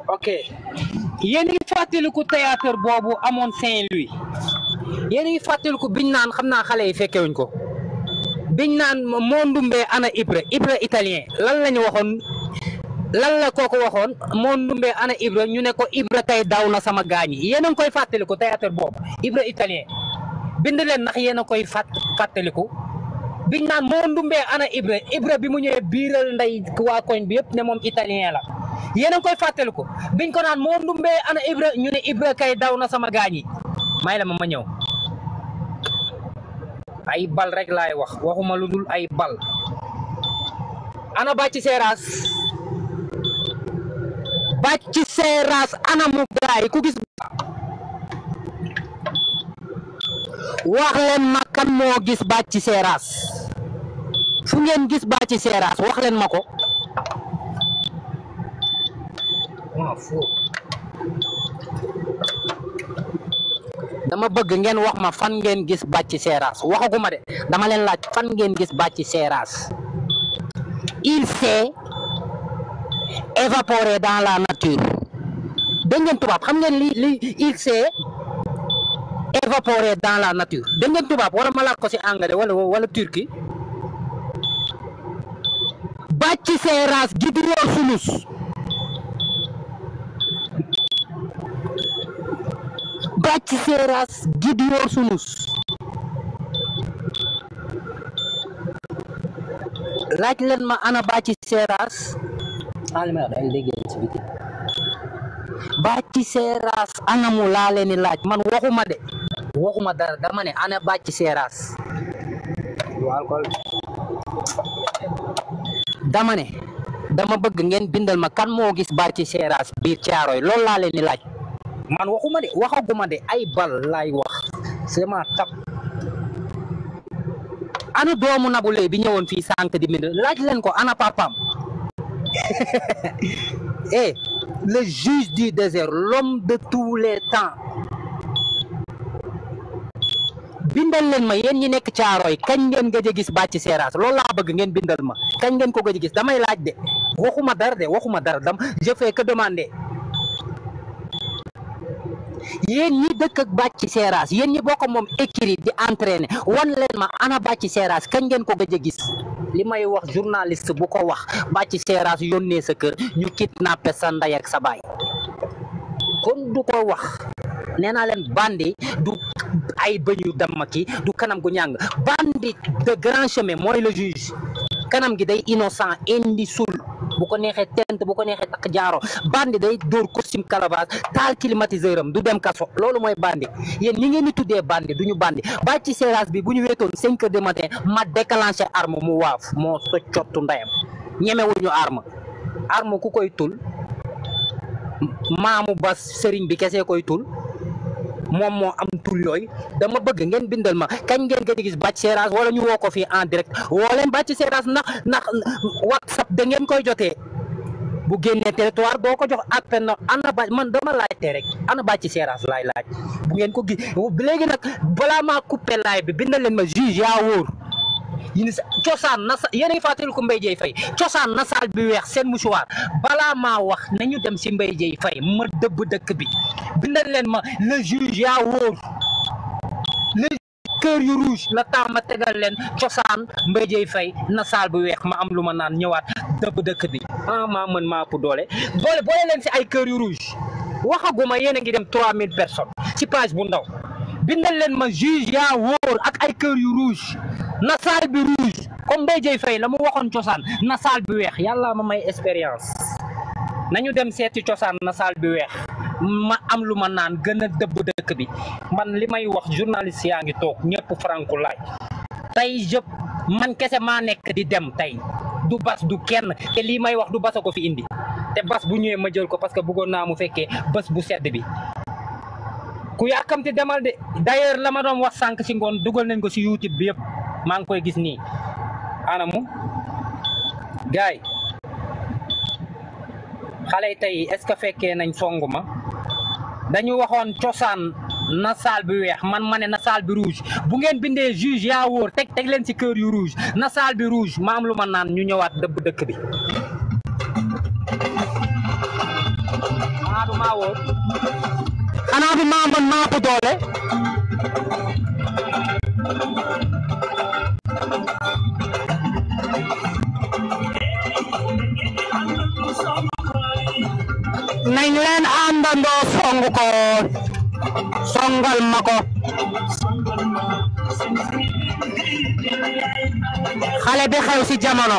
ok yéen ngi fàttaliku théâtre boobu amoon Saint-Louis yéen ngi fàttaliku biñ naan xam naa xale yi fekkewuñ ko biñ naan moo ndumbee ana Ibra Ibra italien lan lañu waxoon lan la kooku waxoon moo ndumbee ana Ibra ñu ne ko Ibra tey daw na sama gaañ yi yéen a ngi koy fàttaliku théâtre boobu Ibra italien bind leen ndax yéen a koy fàtt fàttaliku biñ nan mo ana ibra ibra bi mu ñëwee biral nday wa koñ bi yépp né mom italien la yéne ngoy ko biñ ko nan mo ana ibra ñu ne ibra kay daw na sama gañi may la ma ñëw ay bal rek lay wax waxuma luddul ay bal ana bàcc seras, bàcc seras, ana mu gay ku gis wax len ma kan gis fu ngeen gis ba ci séras wax len mako dama bëgg ngeen wax ma fan ngeen gis bàcc seras waxaguma de dama len laaj fan ngeen gis ci seras il s'est évaporé dans la nature dégg ngeen tubab xam ngeen li li il s'est évaporé dans la nature dégg ngeen tubab wala ma laaj ko wala wala turki bàcc seeraas gi di yor sulus bàcc seeraas gi di yor sulus leen ma ana bàcc seeraas bàcc seeraas ana mu laa leen di man waxuma de waxuma dara dama ne ana bàcc seeraas dama ne dama bëgg ngeen bindal ma kan moo gis ci Seras biir Caaroy lool laa leen di laaj man waxuma de waxaguma de ay bal laay wax sama tab ana doomu Nabou bi ñëwoon fii sànq di bind laaj leen ko ana papam et eh, le juge du désert l'homme de tous les temps bindal leen ma yéen ñi nekk caaroy kañ ngeen gëj a gis bàcc seeraas loolu laa bëgg ngeen bindal ma kañ ngeen ko gëj gis damay laaj de waxuma dara de waxuma dara dam je fais que demander yéen ñi dëkk ak bàcc seeraas yéen ñi ko moom écrit di entraîner wan ma ana bàcc seeraas kañ ngeen ko gëj a gis li may wax journaliste bu ko wax bàcc seeraas yónnee sa kër ñu kidnappé sa ndey ak sa baay kon du ko wax nee naa leen bandi du ay bëñu damaki du kanam gu ñàng bandi de grand chemin mooy la juge kanam gi day innocent indi sul bu ko neexee tent bu ko neexee takk jaaro bandi day dóor costume cravate taal climatiseur am du dem kaso loolu mooy bandi yéen ñi ngeen di tuddee bandi du ñu bandi bàyyi ci séerage bi bu ñu wéetoon cinq heures matin ma déclenché arme mu waaf moo sa cottu ndeyam ñemewuñu arme arme ku koy tul maamu ba sëriñ bi kese koy tul moom moo am tul yooyu dama bëgg ngeen bindal ma kañ ngeen gën a gis Bathie Seras wala ñu woo ko fii en direct woo leen Bathie Seras ndax ndax whatsapp da ngeen koy jotee bu génnee territoire doo ko jox appel na ana ba man dama laajte rek ana Bathie Seras laay laaj bu ngeen ko gis léegi nag balaa maa coupé laay bi bindal ma juge yaa wóor yi ni cosaan na sa yéen a ngi fàttaliku Mbaye Dieye Faye cosaan na saal bi weex seen mouchoir balaa maa wax nañu dem si Mbaye fay Faye ma dëbb dëkk bi bindal leen ma le juge yaa wóor le kër yu rouge la temps ma tegal leen cosaan Mbaye Dieye Faye na saal bu weex ma am lu ma naan ñëwaat dëbb dëkk bi ah maa mën maa ëpp doole doole boole leen si ay kër yu rouge waxaguma yéen a ngi dem trois mille personnes ci page bu ndaw bindal len ma juge ya wor ak ay cœur yu rouge na saal bi rouge comme bay jey fay lamu waxon ciosan na bi wex yalla ma may experience nañu dem setti ciosan na saal bi wex ma am luma nan naan gën a bi man limay wax journaliste yaangi tok ñepp tay, franku laaj tey man kese ma nek di dem tay du bas du kenn te limay wax du basako fi indi te bas bu ñëwee ma jël ko parce que bëggon na mu bas bu sedd bi ku yàkkamti demal de d'ailleurs lama don wax sank ci ngone dugal nañ ko ci youtube bi yeb mang koy gis ni anamu gay xalé tay est ce que nañ songuma dañu waxone ciosan na sal bi wex man mané na sal bi rouge bu ngeen bindé juge ya wor tek tek len ci cœur yu rouge na sal bi rouge ma lu ñu ñëwaat deub bi xanaa du maa mën maa ko doole nañ leen àndandoo ko songal ma ko xale bi xew ci jamono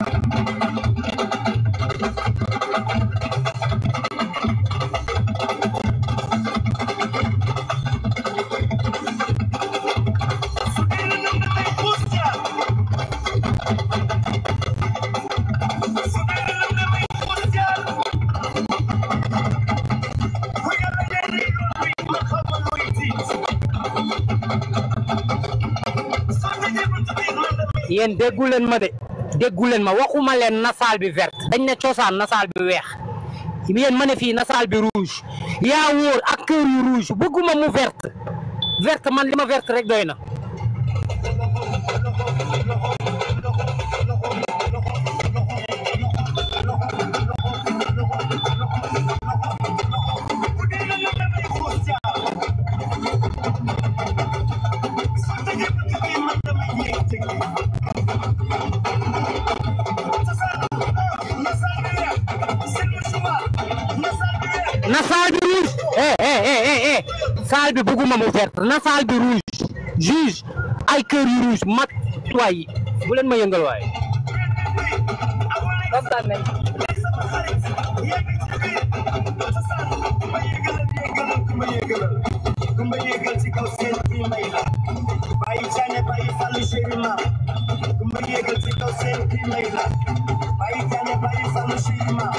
yéen déggu leen ma de déggu leen ma waxuma leen nasaal bi vert dañ ne cosaan nasaal bi weex yéen ma ne fii nasaal bi rouge yaa wóor ak kër yu rouge bëgguma mu vert vert man li ma vert rek doy na faal bi bugguma mu vert na faal bi rouge juge ay kër yu rouge mat waay bu leen ma yëngal waay Kumba yegal ci kaw seen kii may la bàyyi jànne bàyyi fàllu si ma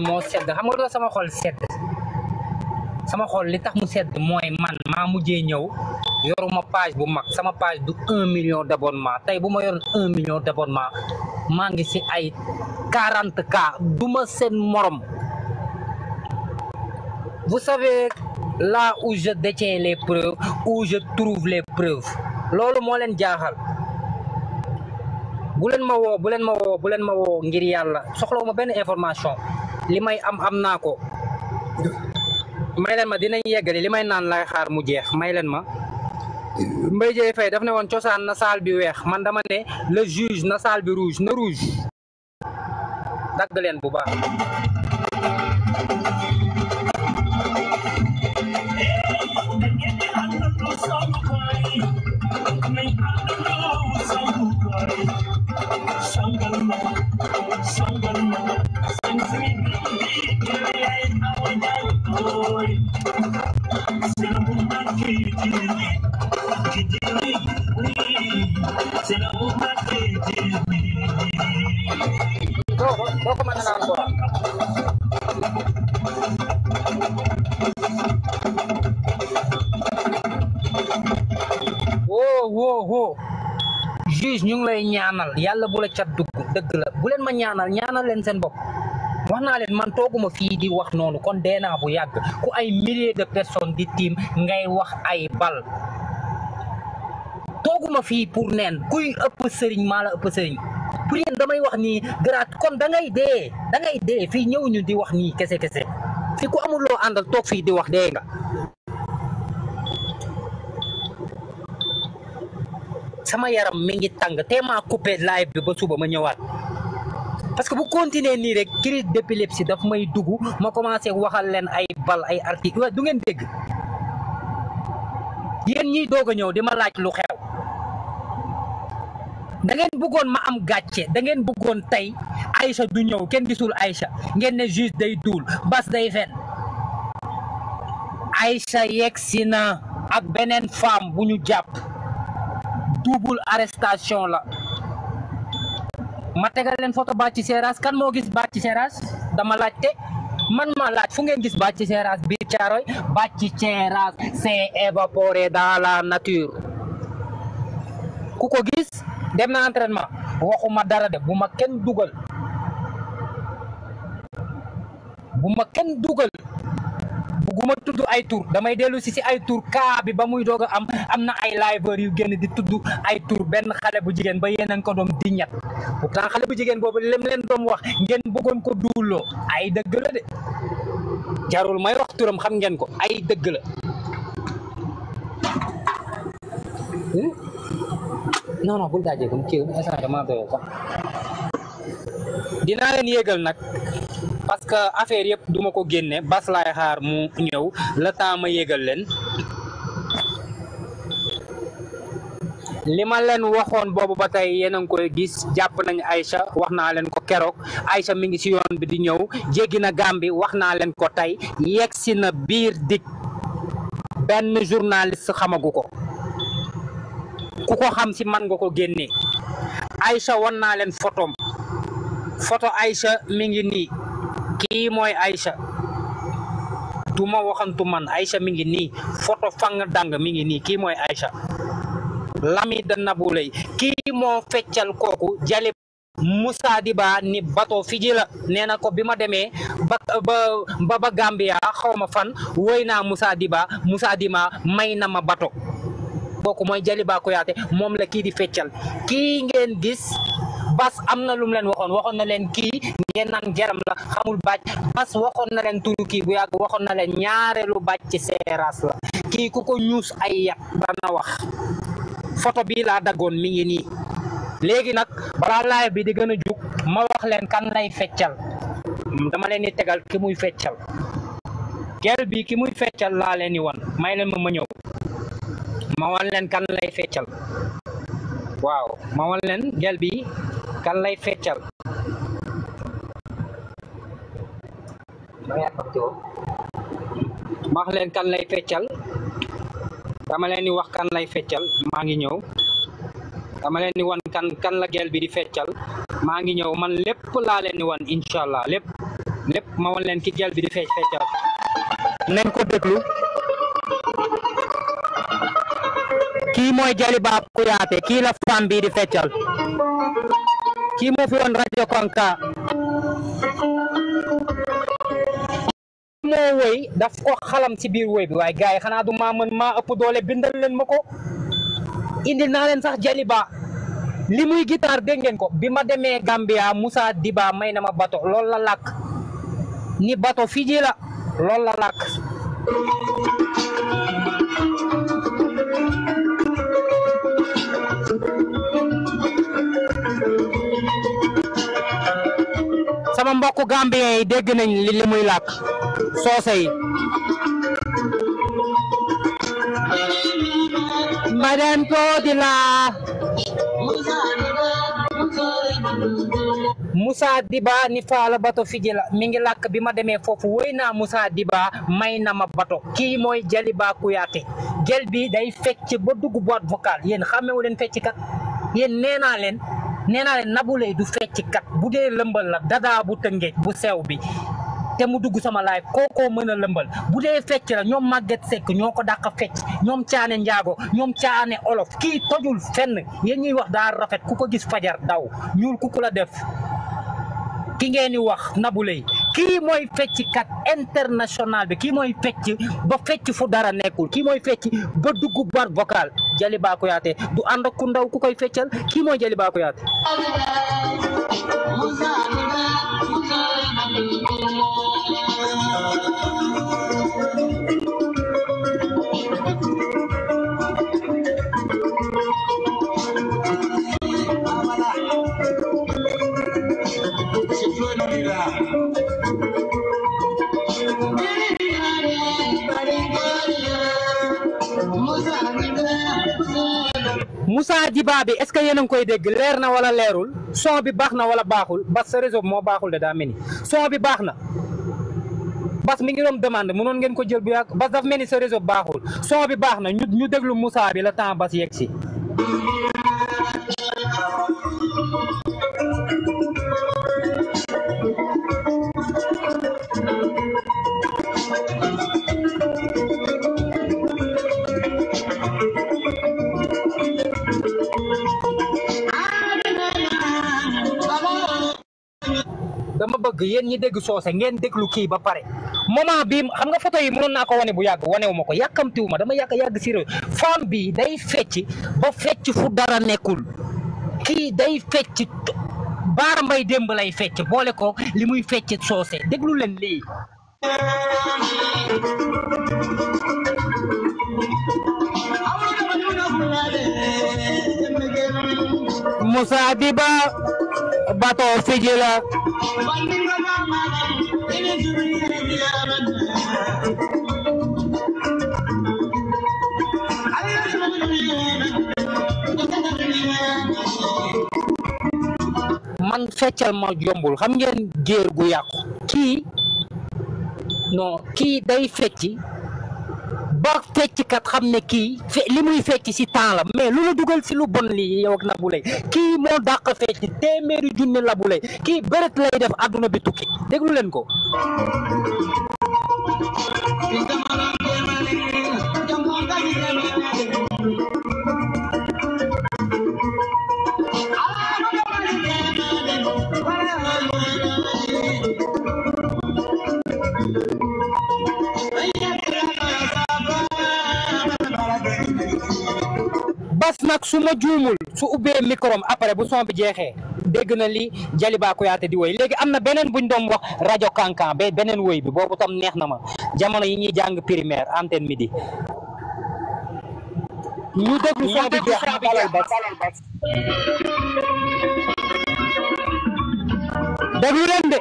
moo sedd xam nga sama xol set, sama xol li tax mu sedd moy man ma mujjé ñew yoruma page bu mag sama page du un million d'abonnement tay buma bu ma un million d'abonnement ma ngi ci ay 40 k duma sen morom vous savez là où je détiens les preuves où je trouve les preuves lolu mo len jaaxal bu len ma wo bu len ma wo bu len ma wo ngir yalla soxlawu ma information li may am am naa ko may leen ma dina yeggali li may naan lay xaar mu jeex may leen ma Mbaye Dieye Faye daf ne woon cosaan na saal bi weex man dama ne la juge na saal bi rouge na rouge dagg leen bu baax wow wow wow juge ñu ngi lay ñaanal yàlla bu la dugg dëgg la bu leen ma ñaanal ñaanal leen seen bopp wax naa leen man tooguma fii di wax noonu kon dee naa bu yàgg ku ay milliers de personnes di tiim ngay wax ay bal tooguma fii pour neen kuy ëpp sëriñ maa la ëpp sëriñ pour yéen damay wax nii garaat kon dangay ngay dee da ngay dee fii ñëw ñu di wax nii kese kese fii ku amul loo àndal toog fii di wax dee nga sama yaram mi ngi tema aku pe coupé live bi ba suba ma ñëwaat parce que bu continuer ni rek crise d'épilepsie daf may duggu ma commencé waxal len ay bal ay article du ngeen dégg yeen ñi doga a ñëw di ma laaj lu xew da ngeen bëggoon ma am gatché da ngeen bëggoon tay Aïcha du ñëw kenn gisul Aïcha ngeen ne juste day dul bas day fen Aïcha yexina ak benen femme buñu japp double arrestation la ma tegal leen photo ci Seras kan moo gis Bathie Seras dama laajte man ma laaj fu ngeen gis Bathie Seras biir Thiaroye Bathie Seras s'est évaporé dans la nature ku ko gis dem na entraînement waxuma dara de bu ma kenn dugal bu ma kenn dugal buguma tuddu ay tour damay delu si ci ay tour ka bi ba muy am amna ay liveur yu genn di tuddu ay tour ben xale bu jigen ba yenen ko dom di ñett pourtant xale bu jigen bobu lem len dom wax ngeen bëggoon ko dulo ay deug la de jarul may wax turam xam ngeen ko ay deug la hmm? non non bul daajee comme kii instant dina len yegal nak parce que affaire yëpp duma ko génne bas laay xaar mu ñëw le temps yégal leen li ma leen waxoon boobu ba tey yéen a ngi koy gis jàpp nañu Aïcha wax naa leen ko keroog Aïcha mi ngi ci yoon bi di ñëw jéggi na Gàmbi wax naa leen ko tey yegg si na biir di benn journaliste xamagu ko ku ko xam ci man nga ko génne Aïcha won naa leen photo Aïcha mi ngi nii ki moy aisha duma waxantu man aisha mi ngi ni photo fang dang mi ngi ni ki moy aisha lami da nabulay kii feccal koku jale musa Diba ni bato fiji la nee ko bima ma ba ba ba Gambia xawma fan woy musa Diba musa dima bato jali ba ko Kouyaté mom la ki di feccal ki ngeen gis bas amna lum len waxon waxon na len ki ngeen nan jaram la xamul bac bas waxon na len turu ki bu yag waxon na len ñaareelu bac ci seras la ki kuko news ay yat dana wax photo bi la dagon mi ngi ni léegi nak balaa live bi di gëna juk ma wax len kan lay feccal dama len ni tegal ki muy feccal gel bi ki muy feccal la len ni wan may len ma ma ma wan kan lay feccal waaw ma wan gel bi kan lay Maya ma wax leen kan lay feccal dama leen di wax kan lay feccal maa ngi ñëw dama leen di wan kan kan la gel bi di feccal maa ngi ñëw man lépp laa leen di wan incha allah lépp lépp ma wan leen ki gel bi di feccal nañ ko déglu Kimo moy Jali Ba Kouyaté ki la fam bi di feccal Kimo mo fi won radio Konka mo way daf ko xalam ci bir way bi way ma xana du ma man ma upp doole bindal len mako indi na len sax Jali Ba limuy guitar de ngeen ko bima deme Gambia Moussa Diba may ma bato lol la lak ni bato Fiji la lol la sama mbokku gambien yi dégg nañ li li muy làkk soose yi madame Codila Moussa Diba ni faala bato fiji la mi ngi làkk bi ma demee foofu wëy naa Moussa Diba may na ma bato kii mooy Jaliba Kouyaté jal bi day fecc ba dugg boîte vocale yenn xàmmewu leen fecc kat yéen nee leen nee naa leen nabuley du fecc kat bu dee lëmbal la dadaa bu tëngéej bu sew bi te mu dugg sama live kookoo mën a lëmbal bu dee fecc la ñoom Maguette Seck ñoo ko dàq fecc ñoom caane njaago ñoom caane olof kii tojul fenn ngeen ñuy wax daa rafet ku ko gis fajar daw ñuul ku ko la def ki ngeen di wax Nabou Leye kii mooy fecc kat international bi kii mooy fecc ba fecc fu dara nekkul kii mooy fecc ba dugg bar vocal Jaliba Kouyaté du ànd ak ku ndaw ku koy feccal kii mooy Jaliba Moussa Djibaabi est-ce que yéen a ngi koy dégg leer na wala leerul son bi baax na wala baaxul bas sa réseau bi moo baaxul de daa mel ni son bi baax na bas mi ngi doon demande mënoon ngeen ko jël bu yàgg bas daf mel ni sa réseau baaxul son bi baax na ñu ñu déglu mussa bi la temps bas yegg si dama bëgg yéen ñi dégg soose ngeen déglu kii ba pare moment bii xam nga photo yi mënoon naa ko wane bu yàgg wanewu ma ko yàkkamtiwu ma dama yàgg yàgg si réew femme bi day fecc ba fecc fu dara nekkul kii day fecc baara mbay démb lay fecc boole ko li muy fecc soose déglu leen lii Moussa man feccal ma jombul xam ngeen géer gu yàqu kii non kii day fecci ba fecckat xam ne kii li muy fecc si temps la mais lu la dugal si lu bon lii yow ak Nabou Leye kii moo dàq fecc téeméeri junni Nabou Leye kii bërët lay def àdduna bi tukki déglu leen ko bas nak su ma su ubbee microm après bu son bi jeexee dégg na li ko yaté di woy légui amna benen buñ dom wax radio kankan ba woy bi bobu tam neex na ma jamono yi ñi jang primaire antenne midi ñu déglu son bi jeex na dalal ba dalal ba déglu leen de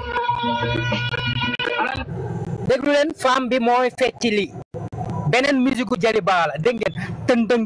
déglu leen femme bi mooy fecci lii beneen musique gu jali baa la dégg ngeen tëndëng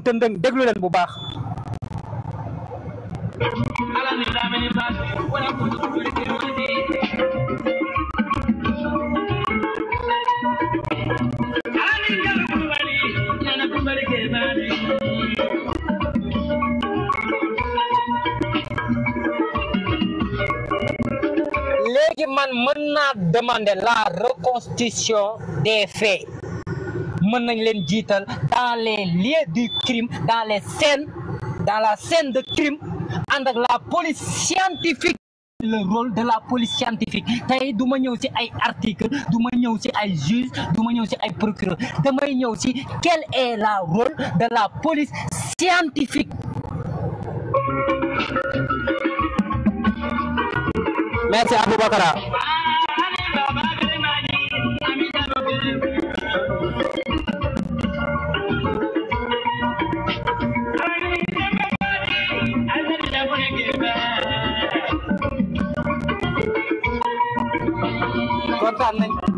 Le man mën naa demander la reconstitution des faits mën nañ leen dans les lieux du crime dans les scènes dans la scène de crime ànd la police scientifique le rôle de la police scientifique tey du ma ñëw ci ay article du ma ñëw ci ay juge du ma ci ay procureur damay ñëw ci quel est la rôle de la police scientifique Mete Abu Bakara. कौन सा online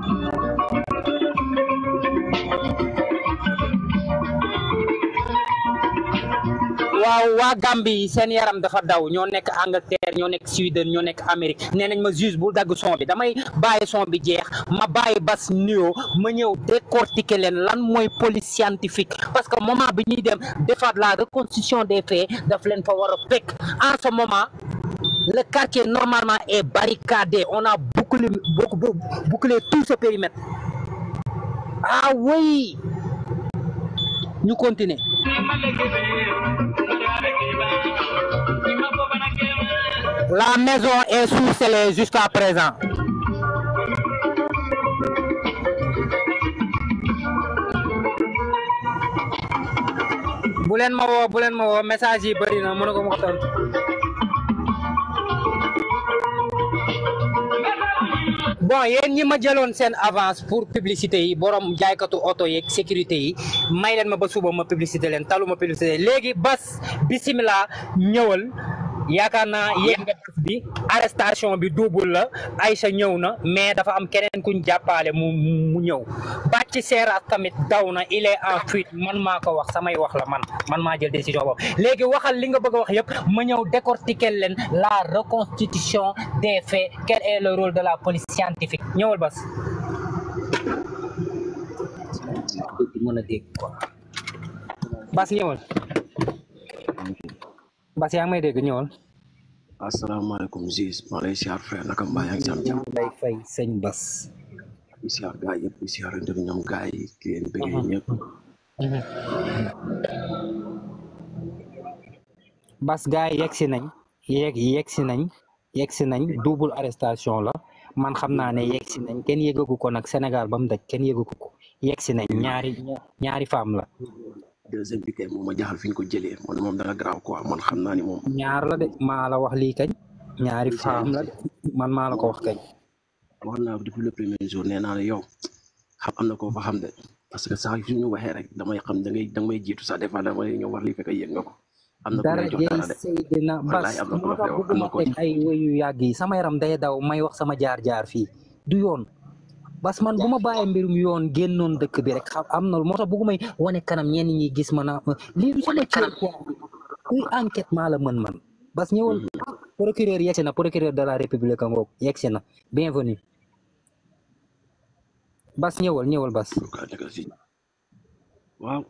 wa Gambie sen yaram dafa daw ño nek Angleterre ño nek Suède ño nek n'est nenañ ma juge bu dag son bi damay baye son bi jeex ma baye bas nio ma ñew décortiquer les lan moy police scientifique parce que moment bi ñi dem defaat la reconstitution des faits daf len fa war pek en ce moment le quartier normalement est barricadé on a bouclé bouclé tout ce périmètre ah oui ñu continue la maison est sous scellé jusqu'à présent bu ma woo bu leen ma woo message yi bëri na mënu ko ko tontu bon yéen ñi ma jëloon seen avance pour publicité yi borom jaaykatu oto yeeg sécurité yi may leen ma ba suba ma publicité leen talu ma publicité léegi bas bisimilah ñëwal. yakarna naa bi arrestation bi double la Aïcha ñewna mais dafa am keneen kuñ mu mu tamit il est en fuite man mako wax samay wax la man man ma jël décision boobu légui waxal li nga bëgg wax décortiquer la reconstitution des faits quel est le rôle de la police scientifique bas bas Bass yaa ngi dégg ñëwal. asalaamaaleykum Ziz maa lay siyaar fay sëñ Bass. di siyaar gaa yëpp di si nañ yegg yegg si nañ yegg si nañ double arrestation la man xam naa ne yegg si nañ kenn yëgagu ko nag Sénégal ba mu daj kenn yëgagu ko yegg si nañ ñaari ñaari femme la. deuxième bi kay moom ma jaaxal fi ñu ko jëlee man moom dana garaaw quoi man xam naa ni moom. ñaar la de maa la wax lii kañ. ñaari faam la de man maa la ko wax kañ. wax naa depuis le premier jour nee naa ne yow xam am na koo xam de parce que sax yu ñu waxee rek damay xam da ngay da may jiitu sax des fois damay ñëw war lii fekk yëg nga ko. am na ku may jox dara de Seydina Bass moo tax bëgguma teg ay woyu sama yaram day daw may wax sama jaar jaar fii du yoon. basman buma bayem ma mbirum yoon gennon dekk bi rek amna tax wane kanam ñen ñi gis ma eh, li lii anket malam ci enquête mala man man bas ñëwal hmm. ah, procureur yegsi na procureur de la république a ngoog na bienvenue bas ñëwal ñëwal bas waaw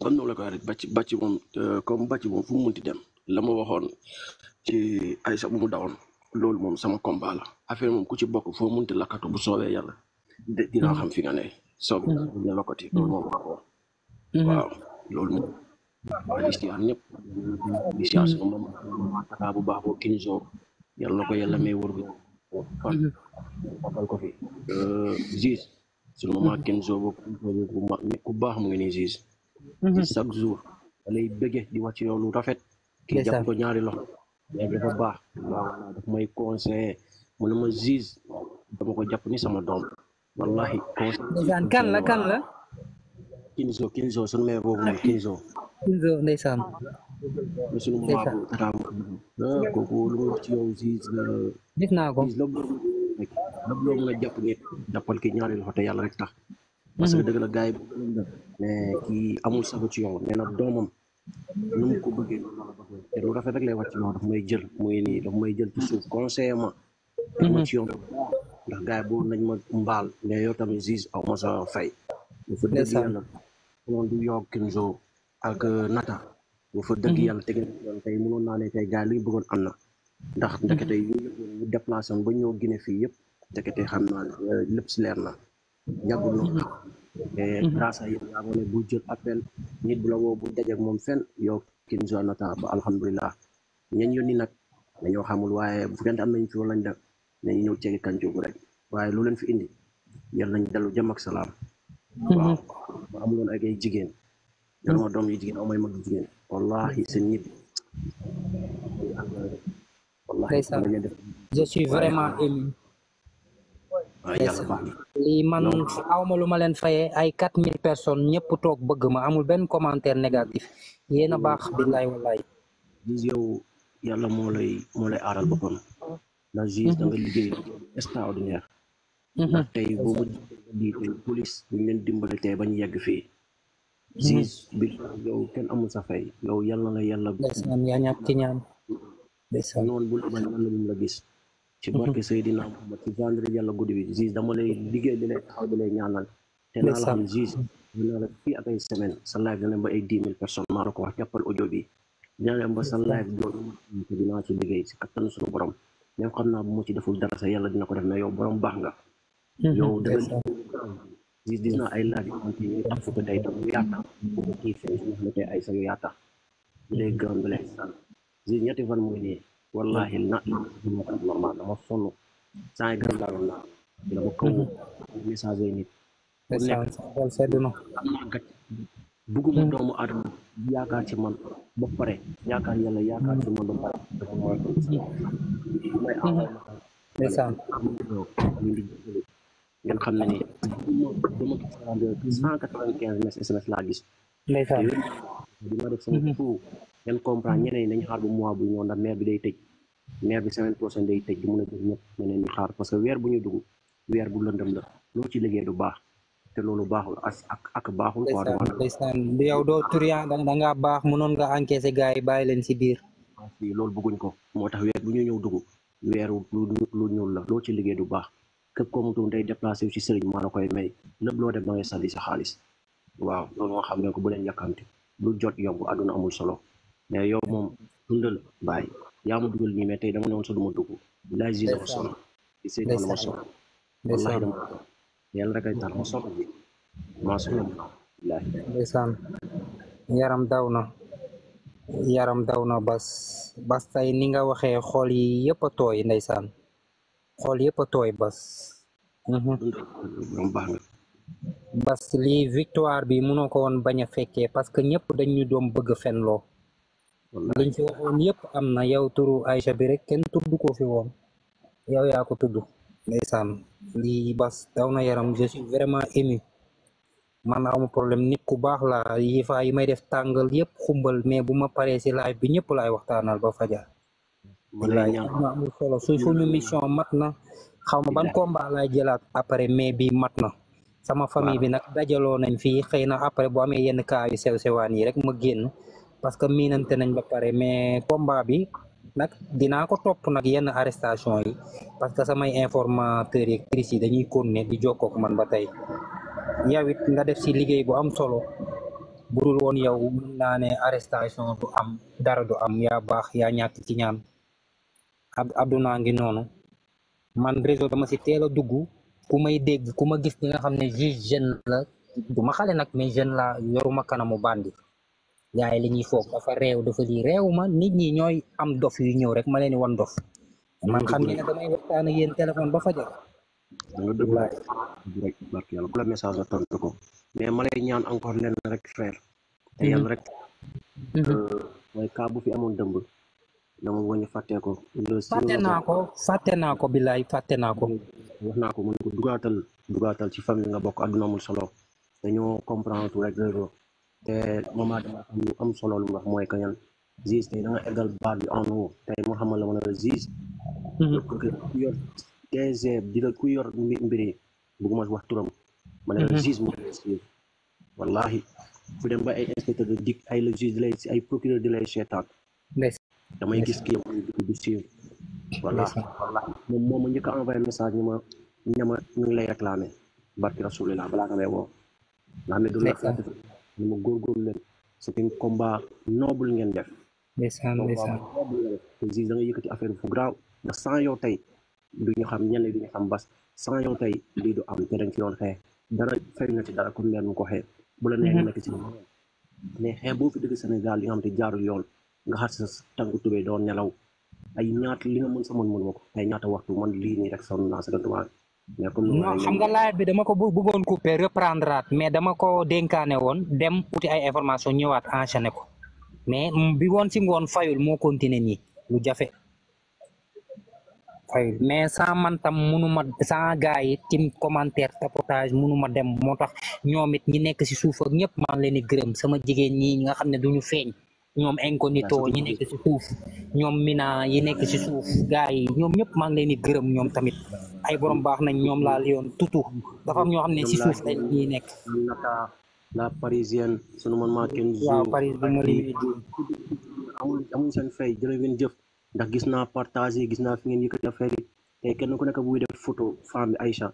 kon no la ko rek bacci bacci moom eh, comme bacci moom fu mu dem lama waxon ci aïssa bu mu dawon lolou mom sama combat la affaire mom ku ci bok fo munti lakkatu bu yalla dina mm-hmm. xam fi nga ne soog dina mm-hmm. la mm-hmm. moom waxoo waaw loolu moom waaye listiyaar ñëpp listiyaar su moom takaa bu baax boo kinzo yàlla na ko yàlla may wër bi fan waxal ko fi euh, ziz sunu baax mu ngi nii ziz chaque jour lay bëgge di wax ci yow lu rafet kii jàpp ko ñaari loxo yaa dafa baax may conseiller mu ne ma ziz dama ko jàpp ni sama doom wallahi ndeysaan kan la kan la Kinzo ah. Kinzo sunu mee boobu noonu ah. Kinzo Kinzo ndeysaan sunu maabu taraam kooku lu mu wax ci yow Ziz gis ah. naa ko Ziz lépp loo mën a jàpp nit jàppal ki ñaari loxo te yàlla rek ta parce que mhm. dëgg la gars yi mais kii amul sago ci yow nee na doomam nu mu ko bëggee te lu rafet rek lay wax ci yow daf may jël muy nii daf may jël ci conseillement ma mhm. ci yow ndax gars yi boobu nañ ma mbaal mais yow tamit juge aw ma sa fa dëgg yàlla moom du yow Kenzo ak euh, Nata. bu fa dëgg mm-hmm. yàlla tege yoon tey mënoon tey gars yi bëggoon am na. ndax mm-hmm. ndekete yi ñu déplacé ba ñëw Guinée yëpp ndekete xam naa euh, si leer na ñàggul loolu. Mm-hmm. mais grâce à yéen yaa ne bu jël appel nit bu la woo bu moom fenn yow Kenzo Nata ba alhamdulilah ñañ yónni nag dañoo xamul waaye bu fekkente am nañ fi lañ def. nañ ñëw kan kancugu rek waye lu leen fi indi yal nañ dalu jàmm ak salam mhm. wa am lu ak ay jigéen dama dom yi jigen amay mag jigen wallahi seen ñib je suis vraiment ému li man awma luma len fayé ay 4000 personnes ñepp tok bëgg ma amul ben commentaire négatif yéen bax billahi wallahi yow yalla mo lay mo lay aral bopam la juge da nga liggéey extraordinaire mhmm. ndax tey boo di police buñ leen dimbale tey bañ yegg fii juge mhmm. bi yow kenn amul sa fay yow yàlla la yàlla ndeysaan yaa ñàkk ci ñaan ndeysaan noonu bu la bañ yàlla la gis ci mhmm. barke sayidina Muhammad ci vendredi yàlla guddi bi juge dama lay liggéey di lay taxaw di lay ñaanal te naa la xam juge dinaa la fii ak ay semaine sa live dana ba ay dix mille personnes maa la ko wax jàppal audio bi dinaa ba sa live doon dinaa ci liggéey si kattanu suñu borom même xam naa bu mu ci deful dara sax yàlla dina ko def mais yow borom baax nga. Mhm, yow da nga gis gis ay laaj yu am photo day tam yaata kii nga xam sa fan mooy nii wallahi na ma ko normal dama sonn saa yu gërëm laa doon naa dama kaw mhm. nit. bugguma doomu adama yaakaar ci man ba pare yaakaar yàlla yaakaar ci man ba pare dafa ma may ngeen xam ne ni dama ko farande cent quatre-vingt-quinze mes sms laa gis di dina def sama mm-hmm. tout ngeen comprendre mm-hmm. ñeneen nañu xaar bu mois bu ñëw ndax maire bi day tëj maire bi semaine prochaine day tëj mun a ñëpp ñeneen ñu xaar parce que weer bu ñu dugg weer bu lëndëm la loo ci liggéey du baax te loolu baaxul as ak ak baaxul. quoi ndeysaan bi yow doo turiyan da ngaa baax mënoon nga encaissé gars yi bàyyi leen si biir. loolu bëgguñ ko moo tax weer bu ñu ñëw dugg weeru lu ñuul la loo ci liggéey du baax képp ko mu day déplacé wu ci sëriñ ma la koy may lépp loo def ba ngay sali sa xaalis waaw loolu moo xam ne ko bu leen yàkkamti lu jot yomb àdduna amul solo mais yow moom dundal bàyyi yaa ma dugal nii mais tey dama ne woon sa du ma dugg. ndeysaan a ndeysaan yalla kay tar masol masol billahi ndeysaan yaram daw na yaram daw na bas bas tey ni nga waxee xool yi yëpp a tooy ndeysaan xool yëpp ya bas mhm. bas lii victoire bi mënoo ko woon bañ a parce que ñëpp dañ ñu doon bëgg fenloo liñ fi waxoon yëpp am yow turu Aïcha bi rek kenn ko fi woon yow ko ndeysaan lii bas daw na yaram je suis vraiment ému man amu problème nit ku baax la yi fa yi may def tàngal yëpp xumbal mais bu ma paree si live bi ñëpp laay waxtaanal ba fajar wallaay amul solo su suñu mission mat na xaw ma ban combat laay jëlaat après mais bi mat na sama famille bi nag dajaloo nañ fii xëy na après boo amee yenn cas yu sew sewaan yi rek ma génn parce que miinante nañ ba pare mais combat bi nak dina ko top nak yenn arrestation yi parce que samay informateur yi crise dañuy continuer di joko ko man batay ya, tey nga def ci bu am solo burul won yow ya, mën naa ne arrestation du am dara du am ya bax ya ñak ci ñaan ab ngi man réseau dama ci dugu duggu ku may dégg ku ma gis nga xamné ne juge jeune la duma xalé nak mais jeune la yoruma ya, kanamu bandi gaay yi li ñuy foog dafa réew dafa lii réew ma nit ñi ñooy am dof yu ñëw rek ma leen won dof man xam ngeen ne damay waxtaan ak yeen téléphone ba fajar danga dëgg laaj rek barke yalla ku message la tontu ko mais ma lay ñaan encore lenn rek frère te yalla rek mhm. euh way ka bu fi amoon dëmb dama woñu faté ko fàtte naa faté nako naa ko bilaay fàtte naa wax nako ko mu ne ko dugatal dugaatal ci fami nga bokk aduna amul solo dañu comprendre tout rek te moment dama xam lu am solo lu wax moy que yan zis tey da nga eggal baat bi en haut tey moo xamal la wala ne la zis mhm. pour que ku yor DG di la ku yor mbiri bëgguma wax turam mané ne la mhm. zis moo wallahi bu dem ba ay inspecteur de dik ay le juge di lay ay procureur de lay mais damay gis ki yow du ci wallahi wallahi mom moo ñëk njëkk envoyé message ñuma ñama ñu lay réclamer barki rasulillah bala nga may wo la me ne du la ni ma góorgóorlu leen c'est un combat noble ngeen def. ndeysaan ndeysaan noble ngeen def te Ziz da nga yëkkati affaire fu graaw ndax yow tey du ñu xam ñenn du ñu xam bas sans yow tey lii du am te dañ ci doon xeex dara fay na ci dara comme leen mu ko xeex. bu la neexee mhm. nekk ci mais xeex boo fi dëgg Sénégal te jaarul yoon nga xar sa tànku tubéy doon nelaw ay ñaata li nga mën sa mën mënuma ko ay ñaata waxtu man lii nii rek sonn naa sa non xam nga live bi dama ko bëggoon couper reprendre mais dama ko dénkaane woon dem uti ay information ñëwaat enchaîné ko mais bi woon ci ngoon fayul moo continuer nii lu jafe fayul mais sans man tam munuma sans gars yi tim commentaire tapotage mënuma dem moo tax ñoom it ñi nekk si suuf ak ñëpp maa leen di gërëm sama jigéen ñi nga xam ne duñu feeñ nyom incognito ñi nek ci souf ñom mina yi nek ci souf gaay ñom ñep ma ngi leen di gërëm ñom tamit ay borom baax nañ ñom la yoon tutu dafa am ñoo xamne ci souf lañ ñi nek la parisienne sunu man maa paris bu mari leen amul amul seen fay jëre ngeen jëf ndax gis na partager gis na fi ngeen yëkkati affaire yi kenn ku nekk bu def photo femme Aïcha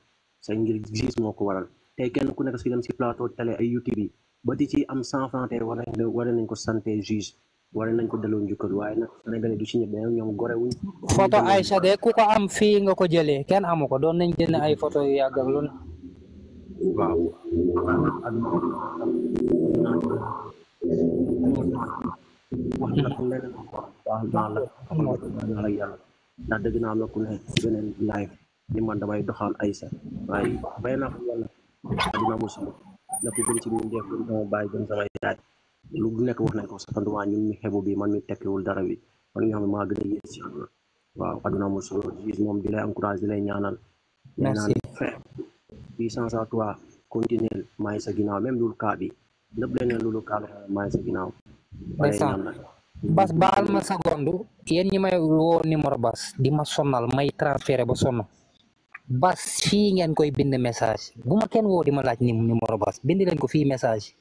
sa ngir gis moko waral tey kenn ku nekk ci dem ci plateau télé ay youtube ba di ci am cent franc tey nañ ko santé juge war nañ ko delloo njukkal waaye nag Sénégalais du ci ñëpp ñoom gore wuñ photo Aïcha de ku ko am fii nga ko jëlee kenn amu ko doon nañ jënd ay foto yu yàgg ak loolu waaw ndax dëgg naa am na ku ne ci beneen live ni man damay doxaan Aïcha waaye bay naa ko yàlla adduna musuma la ko gën ci ñun def gën sama baay gën ko sakantumaa ñun ñu bi man mi tekkiwul dara bi man nga xam ne a yées si àdduna waaw àdduna amul solo gis moom di lay encourage di maa sa ginnaaw même loolu kaa bi lépp leneen loolu kaa la maa ngi sa ma seconde yéen ñi may woo numéro bas di ma sonal may transféré ba sonn bas fii ngeen koy bind message bu ma kenn woo di ma laaj ni numéro bas bind leen ko fii message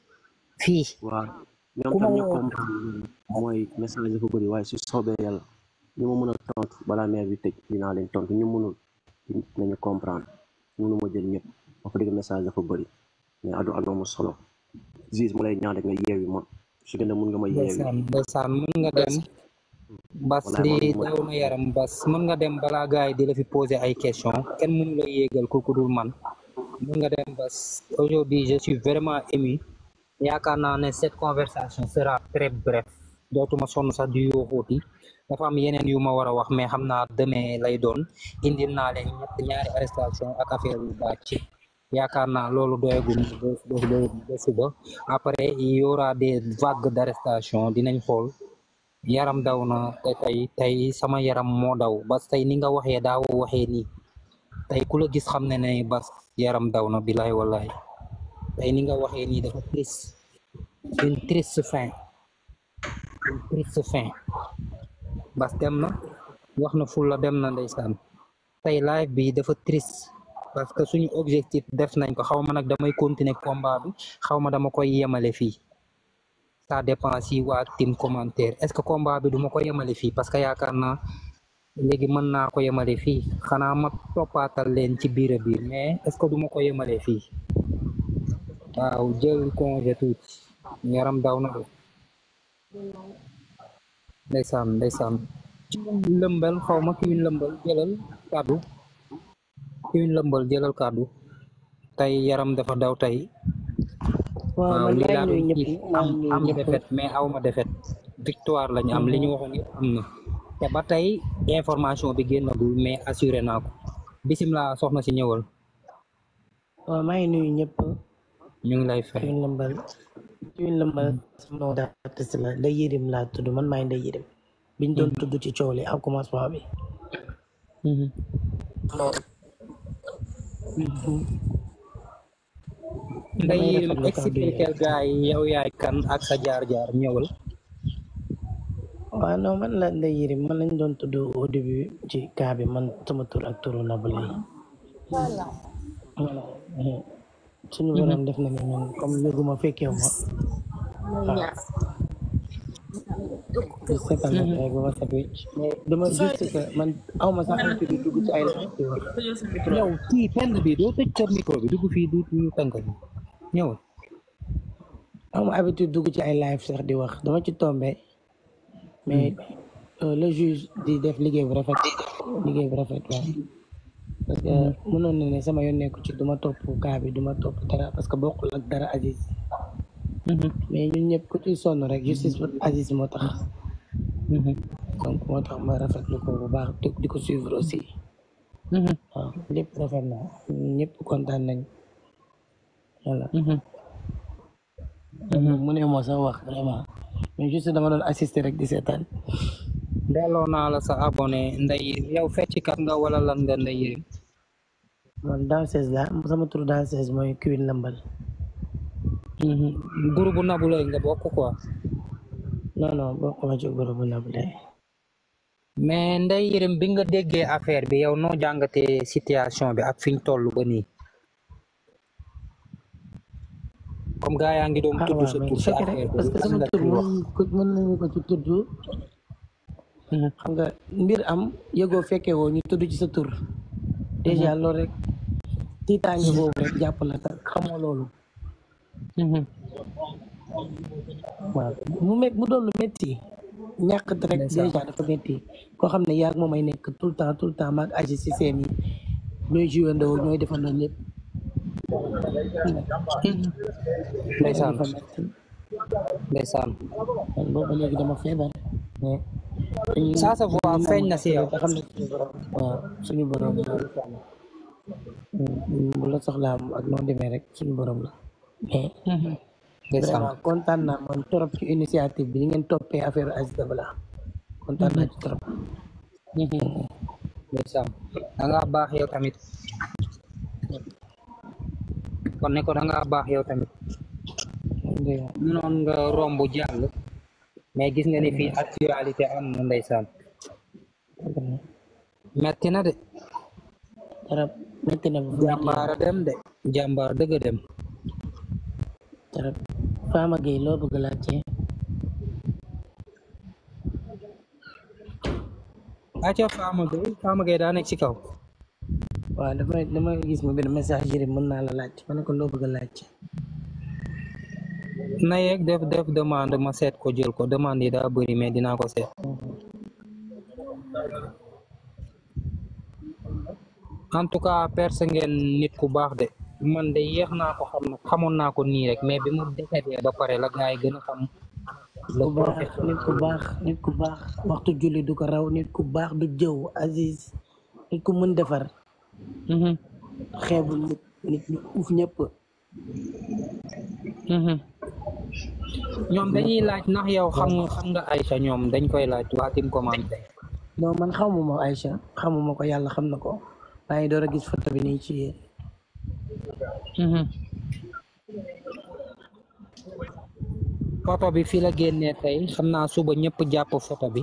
fii. waaw ñoom tam ñu mooy message dafa bëri waaye su soobee yàlla ñu ma mën a tontu balaa meer bi tëj dinaa leen tontu ñu mënul nañu comprendre mënu ma jël ñëpp wax dëgg message dafa bëri mais adu adu amul solo gis mu lay ñaan rek nga yeewi man su gën a mun nga ma yeewi. ndeysaan ndeysaan mun nga dem. bas lii daw na yaram bas mën nga dem balaa gars yi di la fi poser ay question kenn mënu la yéegal ku ku dul man mën nga dem bas aujourd'hui je suis vraiment ému yaakaar naa ne cette conversation sera très bref dootuma sonn sax di yooxóoti dafa am yeneen yu ma war a wax mais xam naa demee lay doon indil naa leen ñett ñaari arrestation ak affaire yu bàcc yaakaar naa loolu doyagum ba ba ba suba après il y aura des vagues d' arrestation dinañ xool yaram daw na te tey sama yaram moo daw bas tey ni nga waxee daaw waxee nii tey ku la gis xam ne ne bas yaram daw na bilaay wallaay tey ni nga waxee nii dafa triste une triste fin fin bas dem na wax na ful la dem na ndeysaan tey live bi dafa triste parce que suñu objectif def nañ ko xaw ma nag damay continuer combat bi xaw ma dama koy yemale fii ta dépend wa tim commentaire est ce combat bi duma ko yemale fi parce que yakarna légui léegi mën ko yemale fi xana ma topatal len ci biir a biir mais est ce duma ko yemale fi waaw jël congé tout yaram daw na de ndeysaan lumbel lëmbal xaw ma lumbel lëmbal jëlal kàddu lumbel lëmbal jëlal cadeau tay yaram dafa daw tay waaw man laa nuyu ñëpp am am mais aw ma défaite victoire la am li ñu waxoon yëpp am na ba tey information bi génnagul mais assurée naa ko bisimilah soxna si ñëwal. waaw maa ngi nuyu ñëpp. ñu ngi lay fay Thioune Lambal laa tudd man maa mhm. ci coow li ak commencement bi. Mhm. ngay expliquer gars yi yow yaay kan ak sa jaar-jaar ñëwal. waaw non man la Ndeye Yerim man lañ doon tudd au début ci cas bi man sama tur ak turu Nabou Leye. voilà. suñu mhm. borom def na ñun comme yëguma fekkee ma. waaw. di seetaan nag mhm. rek ba ma set wecc mais dama juste que man aw ma sax di dugg ci ay la yow kii pend bi doo tëj sa micro bi dugg fii du ñu tënk bi ñëwul am habitude dugg ci ay live sax di wax dama ci tombe mais hmm. euh, le juge di def liggéey bu rafet liggéey bu rafet waaw parce que hmm. mënoon ne sama yoon nekku ci duma topp kaa bi duma topp dara parce que bokkul ak dara Aziz hmm. mais ñun ñëpp ku ci sonn rek justice pour Aziz moo tax donc moo tax ma rafetlu ko bu baax di ko suivre aussi lépp rafet na ñëpp kontaan nañ yàlla. mu ne moo sax wax vraiment mais juste dama rek di seetaan. delloo naa la sa abonné Ndeye Yerim yow fecckat nga wala nga Ndeye Yerim. Mhm. nga bokk quoi. bi nga déggee affaire bi yow noo jàngatee situation bi ak fiñ ñu toll ba nii. Pemgayang gitu tujuh setuju sekarang tujuh tujuh xam nga mbir am yego fekke wo ñu tuddu ci ya tour déjà lool rek titangi bobu rek japp la ta xamo lolu mu mek mu doon lu metti ñak rek déjà dafa metti ko kan xamne yaak momay nek mau le temps tout le temps mak aji ci seen yi ñoy jiwendo ñoy defal ndeysaan ndeysaan boobu léegi dama feebar saa sa voix feeñ na si yow xam ne waaw suñu borom bu la hmm. hmm. soxlaam ak noonu demee rek suñu borom la hmm. ndeysaan kontaan naa man trop ci initiative bi ni ngeen toppee affaire Aziz Dabala kontaan naa ci trop ndeysaan baax yow kon ne ko da ngaa baax yow tamit mënoon nga romb jàll mais gis nga ni fii actualité am na ndeysaan metti na de tarab metti na dem de jàmbaar dëgg dem tarab Fama Gueye loo bëgg laajte acca Fama Gueye Fama Gueye daa ci kaw waaw dafa dama gis mu benn message Yirim mën naa la laaj ma ne ko loo bëgg a laaj na yeeg def def demande ma seet ko jël ko demande yi daa bëri mais ko set en tout cas ngeen nit ku de man de yéex iya, naa ko xam nag xamoon naa ko nii rek mais bi mu defetee ba pare la gars yi gën a xam nit ku baax nit ku waxtu julli du ko raw nit ku baax du jëw Aziz nit ku mën defar xeebul nit nit ñu uuf ñëpp ñoom dañuy laaj ndax yow xam nga xam nga Aïcha ñoom dañ koy laaj waa tim commenté non man xamuma Aïcha xamuma ko yàlla xam na ko maa ngi door a gis photo bi nii ci mm-hmm. photo bi fii la génnee tey xam naa suba ñëpp jàpp photo bi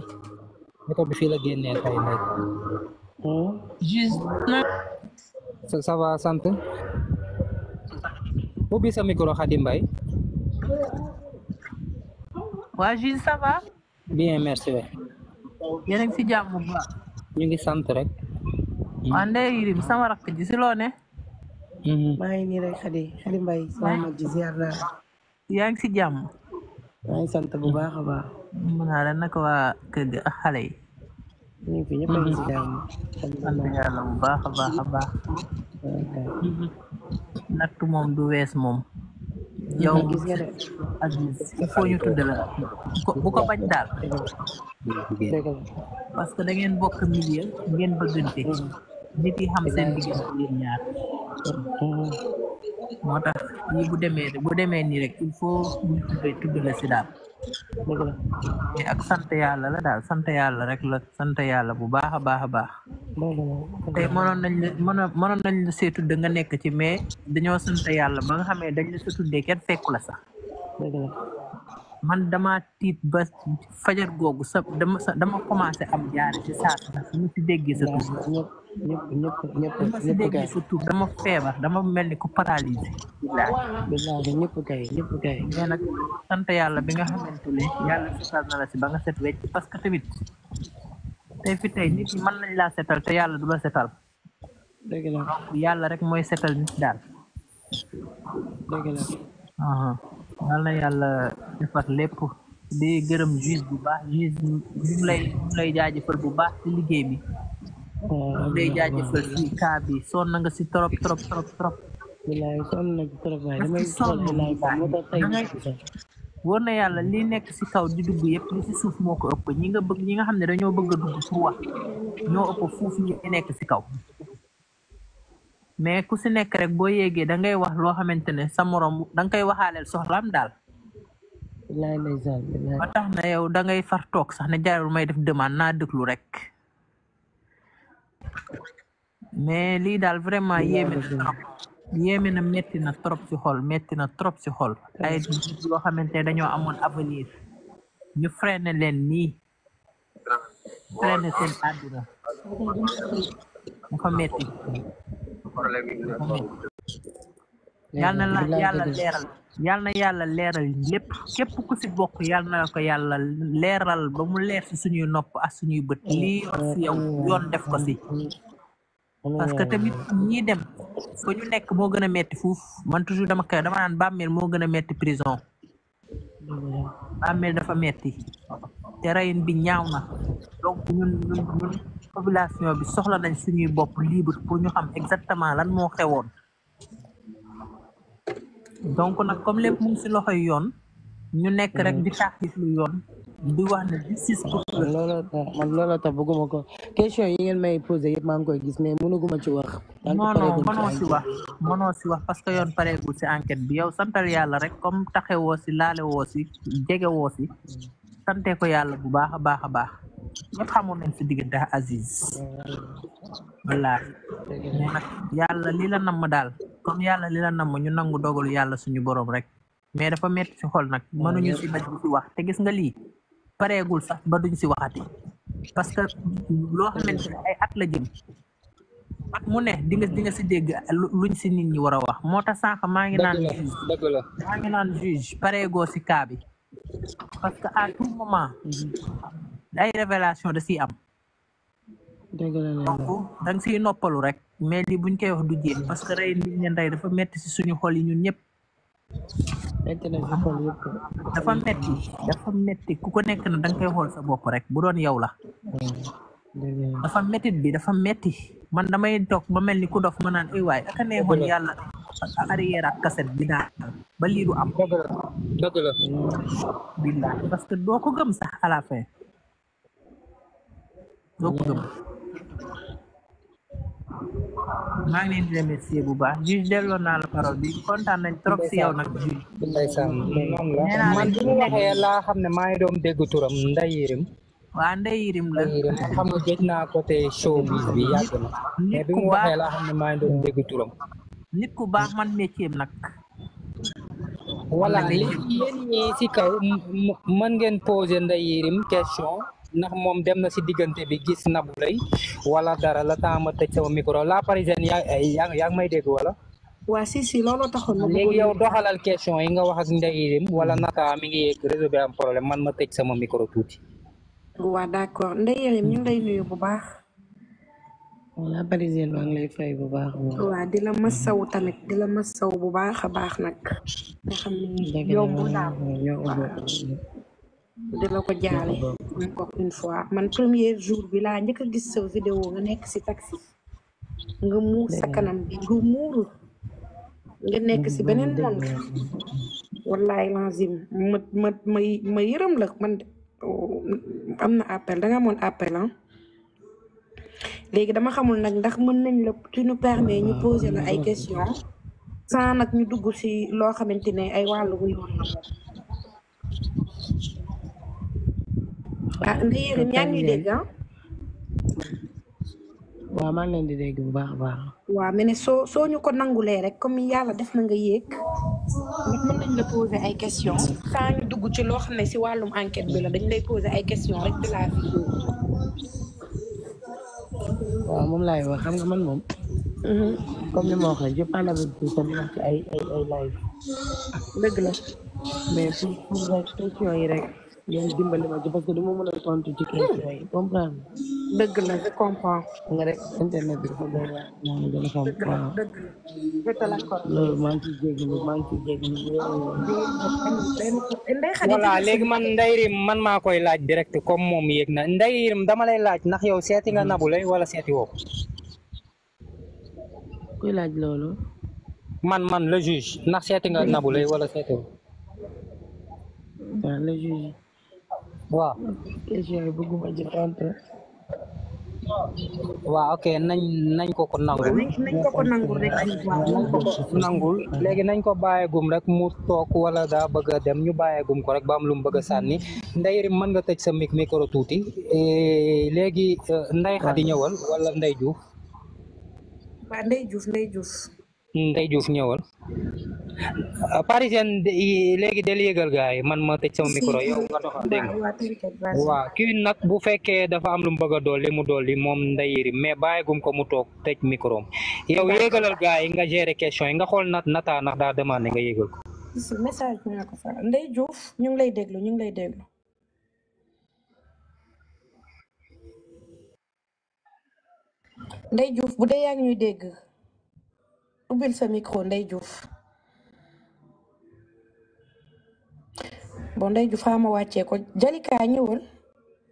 photo bi fii la génnee tey nag sawa sant ubbi bisa micro Khady Mbaye waa Jules ça va bien merci waay yéen a ngi si ñu ngi rek waa hmm. Ndeye sama rak ji ya? hmm. si loo ne maa hadi nii rek sama mag ji Yang naa yaa ngi si jàmm maa ngi sant bu baax a baax la kër gi yi ñu a mm-hmm. bu baax a baax a baax. Mm-hmm. natt moom du wees moom. Mm-hmm. yow gis nga de Aziz il faut ñu tudd bu ko bañ daal. parce que da ngeen bokk milieu ngeen bëggante. nit yi xam seen diggante ñaar. moo tax lii bu demee bu demee nii rek il faut ñu tudd si daal. mais ak sant yàlla la daal sant yàlla rek la sant yàlla bu baax a baax a baax. tey mënoon nañ la mënoon nañ la see tudde nga nekk ci mais dañoo sant yàlla ba nga xamee dañ la sa tuddee kenn fekku la sax. man dama tiit ba fajar googu sa dama sa am jaare ci saa si déggee sa tur. ñëpp dama feebar dama mel ni ku paralysé. billaahi ñëpp kay ñëpp kay. mais nag sant yàlla bi nga xamante ne yàlla setal na la si ba nga set wecc parce que tamit tey fi tey nit ñi nañ laa setal te yàlla du la setal. yàlla rek mooy setal nit daal. dëgg na yàlla defar lépp di gërëm juge bu baax juge ñu lay ñu lay jaajëfal bu baax ci liggéey bi. day jaajëf ci cas bi nga si trop trop trop trop bilaay sonn na ci trop waaye damay sonn bilaay moo tax tey wóor na yàlla li nekk si kaw di dugg yépp ya, li si suuf moo ko ëpp ñi nga bëgg ñi nga xam ne dañoo bëgg a dugg pour wax ñoo ëpp fuuf ñi nekk si kaw mais ku si nekk rek boo yéegee ya, da ngay wax loo xamante ne sa morom da nga koy waxaaleel soxlaam daal ba tax na ya, yow da ngay far toog sax ne jaarul may def demande naa déglu rek mais lii daal vraiment yéeme na trop na métti na trop ci xol métti na trop ci xol ay yoo dañoo amoon avenir ñu freiné leen nii freiné seen àdduna dafa métti yàlla na la yàlla leeral yal na yàlla leeral lépp képp ku si bokk yal na ko yàlla leeral ba mu leer si suñuy nopp ak suñuy bët lii yor si yow yoon def ko si parce que tamit ñii dem fa ñu nekk moo gën a metti fuuf man toujours dama kay dama naan bàmmeel moo gën a metti prison bàmmeel dafa metti te reyin bi ñaaw na donc ñun ñun ñun population bi soxla nañ suñuy bopp libre pour ñu xam exactement lan moo xewoon donc nag comme lépp mu ngi si loxoy yoon ñu nekk rek bi di tàxis lu yoon di wax ne di six pour ah, looloo looloo tax bëgguma ko question yi ngeen may posé yëpp maa ngi koy gis mais mënuguma ci wax non ci mënoo si wax mënoo si wax parce que yoon pareegul si enquête bi yow santal yàlla rek comme taxewoo si laalewoo woo si jege woo si ko yàlla bu baax a baax a baax ñëpp xamoon nañ si diggante Aziz wallaahi mais nag yàlla li la namm daal comme yàlla li la namm ñu nangu dogalu yàlla suñu borom rek mais dafa metti si xol nag mënuñu si baj si wax te gis nga lii pareegul sax ba duñ si waxati parce que loo xamante ne ay at la jëm at mu ne di nga di nga si dégg luñ si nit ñi war a wax moo tax sànq maa ngi naan juge maa ngi naan juge pareegoo si cas bi parce que à tout moment day révélation da siy am. donc da nga siy noppalu rek mais li buñ koy wax du jéem parce que rey liñ leen rey dafa metti si suñu xol yi ñun ñëpp. metti na si xol yëpp. dafa metti dafa metti ku ko nekk na da koy xool sa bopp rek bu doon yow la. dafa metti bi dafa metti man damay toog ba mel ni ku dof ma naan ay waay aka neexoon yàlla arrière ak cassette bi daal ba lii du am. dëgg la dëgg la. billahi parce que doo ko gëm sax à la fin. maa ngi leen di remercier bu baax kontaan nañ trop si man bi mu waxee laa xam ne maa ngi doon dégg turam Ndeye Yerim waa Ndeye Yerim la xam nga géej naa côté showbiz bi yàgg na mais bi mu waxee laa xam ne maa ngi dégg turam nit ku baax man métier nag voilà léegi yéen ñi si kaw mën ngeen poser Ndeye Yerim question ndax moom dem na si diggante bi gis Nabou Leye wala dara la temps ma tëj sama micro la parisienne yaa yaa ngi may dégg wala. waa si si looloo tax ma yow doxalal question yi nga wax ak Ndeye wala naka mi ngi problème man ma tëj sama micro tuuti. d' accord Ndeye Yerim bu baax. wala bu baax. waa di la tamit di la masaw bu baax a baax nag. nga xam de la ko encore une fois mon premier jour bi vidéo nga taxi nga sa kanam bi que c'est nga monde wallahi lazim ma man oh, am appel mon appel ah. dama xamul ndax tu nous permets ñu poser la sans nous ñu si ay ah nga yërim yaa ngi dégg ah. waaw maa ngi leen di dégg bu baax a baax. waaw mais ne soo soo ñu ko nangulee rek comme yàlla def na nga yéeg. ndax mën nañ la poser ay questions. sans ñu dugg ci loo xam ne si wàllum enquête bi la dañ lay poser ay questions rek de la vie. waaw moom laay wax xam nga man moom. Mm-hmm. comme ni ma wax yi rek. ngeen dimbali dëgg a xam waaw loolu maa ngi ciy léegi man ndayrim man maa koy laaj direct comme moom yéeg na ndayrim dama lay laaj ndax yow seeti nga Nabou Leye wala seeti woo laaj loolu man man le juge ndax seeti nga Nabou Leye wala seeti woo waaw question yi bëgguma ok nañ nañ ko ko nangul nangul léegi nañ ko bàyyeegum rek mu toog wala daa bëgg a dem ñu bàyyeegum ko rek ba am lu bëgg a sànni Ndeye Yerim mën nga tëj sa mic mikoro tuuti e, léegi e, Ndeye Khady ñëwal wala Ndeye Diouf. waaw Ndeye Ndeye Diouf ñëwal ah, Parisien léegi del yëgal gars yi man ma tëj sama micro yow nga doxal dégg nga waaw ki nag bu fekkee dafa am lu mu bëgg a dolli mu dolli moom Ndeye Yerim mais bàyyigum ko mu toog tëj micro am yow yëgalal gars yi nga gérer question yi nga xool nat nataa ndax daa demandé nga yëgal ko. message bi nga lay déglu ñu ngi lay déglu. Ndeye Diouf bu dee yaa ñuy dégg. ubbil sa micro Ndey Diouf bon Ndey Diouf xaama wàccee ko Jalika ñëwal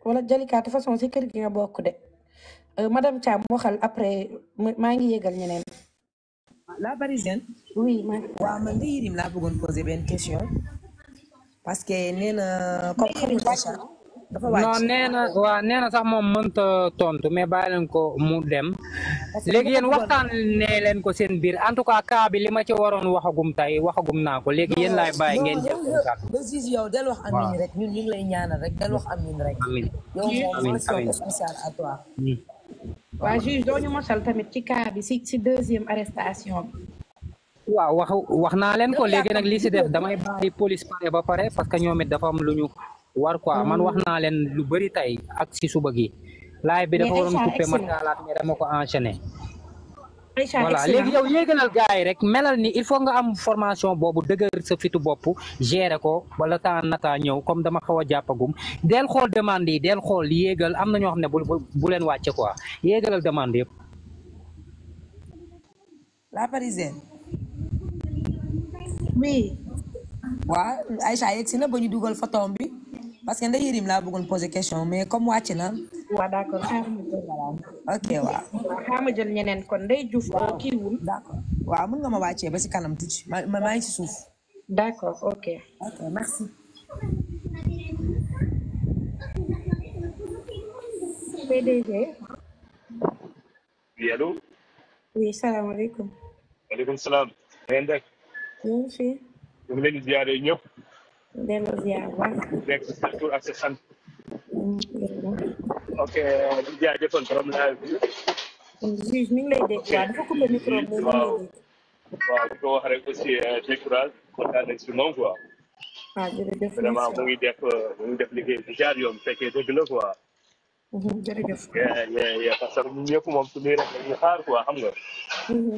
wala Jalika de façon si kër bokk de euh, madame Thiam waxal après maa ngi yégal ñeneen la parisienne oui ma waaw man Ndeye Yirim laa bëggoon poser benn question parce que nee na comme dafa wàcc nee na waaw nee na sax moom mënta tontu mais bàyyi leen ko mu dem. léegi yéen waxtaan nee leen ko seen biir en tout cas cas bi li ma ci waroon waxagum tay waxagum naa ko léegi yéen laay bàyyi ngeen jël. yow del wax amin rek ñun ñu ngi rek del wax amin rek. amin amin amin yow hmm. waaw tamit ci cas bi si si deuxième arrestation bi. waaw wax wax naa leen ko léegi nag li si def damay bàyyi police pare ba pare parce que ñoom it dafa am lu ñu. war quoi hmm. man wax na len lu bëri tay ak ci suba gi live ya, bi dafa woron coupé man gaalaat ah, mais dama ko enchaîner voilà léegi yow yéeganal gaay rek melal ni il faut nga am formation bobu deuguer sa fitu bop géré ko wala ta nata ñew comme dama xawa jappagum del xol demande yi del xol yéegal amna ño ñoo bu len wacce quoi yéegalal demande yëpp la parisienne oui wa Aïcha yegg si na ba ñu bi parce que Ndeye Yerim laa bëggoon poser question mais comme wàcc na. waaw d' accord ah, ok waaw. xaaral ah, ma jël ñeneen kon Ndeye Diouf. waaw kii wul d' accord waaw mën nga ma wàccee ba si kanam tuuti ma ma maa ngi si suuf. d' accord ok. ok merci. PDG. oui allo. oui salaamaaleykum. maaleykum salaam. na ngeen def. ñu ngi fi. ñu ngi leen di ziare ñëpp. delloo ziar bu baax. nekk sa tur ak sa sant. ok jaajëfal borom laaj bi. juge mi ngi lay dégg waaw dafa coupé micro bi waaw waaw di ko wax rek aussi décourage kontaan nañ si moom quoi. ah jërëjëf vraiment mu ngi def mu ngi def liggéey bu jaar yoon bu fekkee dëgg jërëjëf yaa parce que ñun ñëpp moom su lii rek ñu xaar quoi xam nga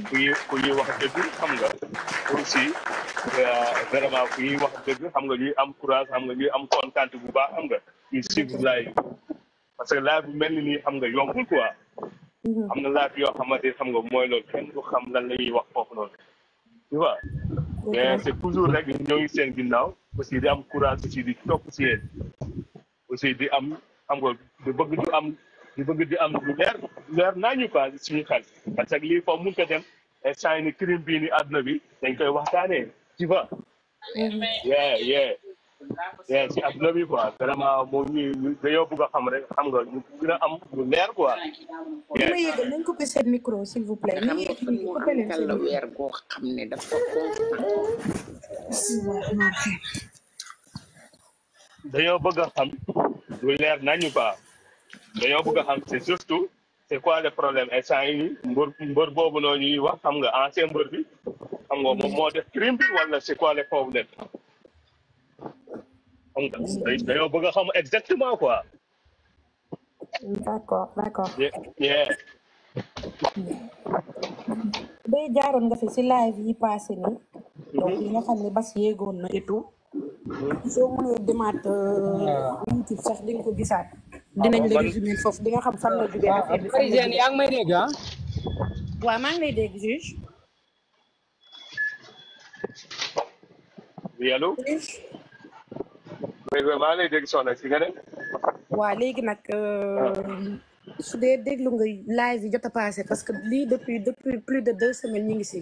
ku ñuy ku ñuy wax dëgg xam nga aussi vraiment ku ñuy wax dëgg xam nga ñuy am courage xam nga ñuy am kontaan bu baax xam nga ñu suivre live parce que live bu mel ni nii xam nga yombul quoi am na live yoo xamante xam nga mooy loolu kenn du xam lan la ñuy wax foofu noonu tu vois mais c'est toujours rek ñoo ngi seen ginnaaw aussi di am courage aussi di topp si yéen aussi di am xam nga di bëgg di am di lu leer leer naa ñu quoi suñu xel que lii foofu mun ko dem instant ni crime bii ni àdduna bi dañ koy waxtaanee tu vois. yeah yeah si àdduna bi quoi vraiment moom ñuy dañoo bëgg a xam rek xam nga ñu gën leer ko xam nga kon moo xam ne dafa a xam. lu leer nañu quoi dañoo bëgg xam c'est surtout c'est quoi problème instant yi nii mbër boobu noonu ñuy wax xam nga ancien mbër bi xam nga moom moo def crime bi wala c'est quoi problème dañoo bëgg a xam exactement quoi. d'accord d'accord. yeah. day jaaroon nga fi si live yi passé nii. donc yi nga xam ne bas yéegoon na et soo mënee demaat YouTube euh, ah. sax di ko gisaat. Ah, dinañ la résumé foofu di nga xam fan la jógee affaire bi. Parisienne ah? maa ngi lay dégg juge. oui allo. mais maa ngi dégg soxna si nga ne. waaw léegi nag. Euh, su dee déglu nga live yi jot a passé parce que lii depuis depuis plus de deux semaines ñu ngi si.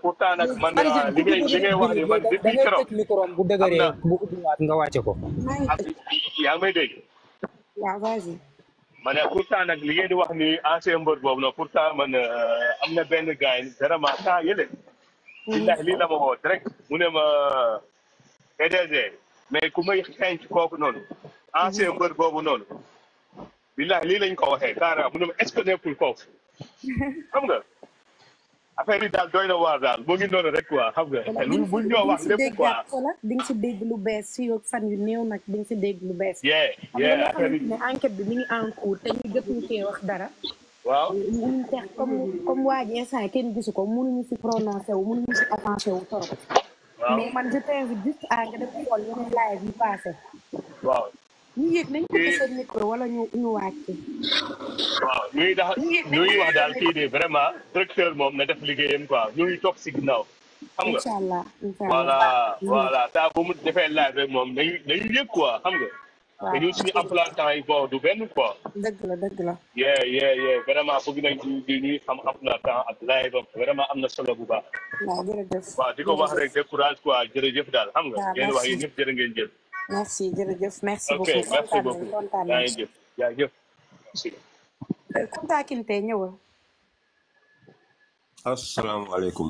pourtant pourtant nag man. li ngay wax ni man depuis keroog bu dëgëree bu ubbiwaat nga wàcce ko. yaa ngi may dégg. waaw vas-y. nag li ngeen di wax ni ancien mbër boobu nag pourtant man euh, am na benn gars yi vraiment temps yële. billahi lii la ma direct mu ne ma PDG mais ku may xeeñ ci kooku noonu. ancien mbër boobu noonu. billahi lii lañ ko waxee carrément mu ne ma est-ce nga. affaire yi daal doy na waar daal moo ngi noonu rek quoi xam nga. lu buñ ñoo wax lépp quoi di nga si dégg lu bees si yow fan yu néew nag di nga si dégg lu bees. yee yee ne enquête bi mi ngi en cours te ñu jot ñu cee wax dara. waaw mënuñ tex comme comme waa ji instant kenn gisu ko mënuñu si prononcé wu mënuñu si avancé wu trop. mais man je t'invite juste à nga def xool yeneen live yi passé. waaw. ñu yéeg nañ wala ñu ñu wàcc. wax daal kii de vraiment directeur moom na def liggéeyam quoi ñu ngi topp si ginnaaw. xam nga incha allah voilà voilà saa bu mu defee laaj moom dañuy dañuy yëg quoi xam nga. waaw te ñun temps yi bon du benn quoi. dëgg la dëgg la. yeah yeah yeah vraiment bëgg nañ ñuy xam emploi temps ak laay ba vraiment am na solo bu baax. waaw jërëjëf. waaw di ko wax rek décourage quoi jërëjëf daal xam nga. waaw merci yéen wax yi ñëpp jërë ngeen merci jërëjëf merci beaucoup kontaan nañu kontaan nañu jaajëf Kunta Kinte ñëwal. asalaamaaleykum.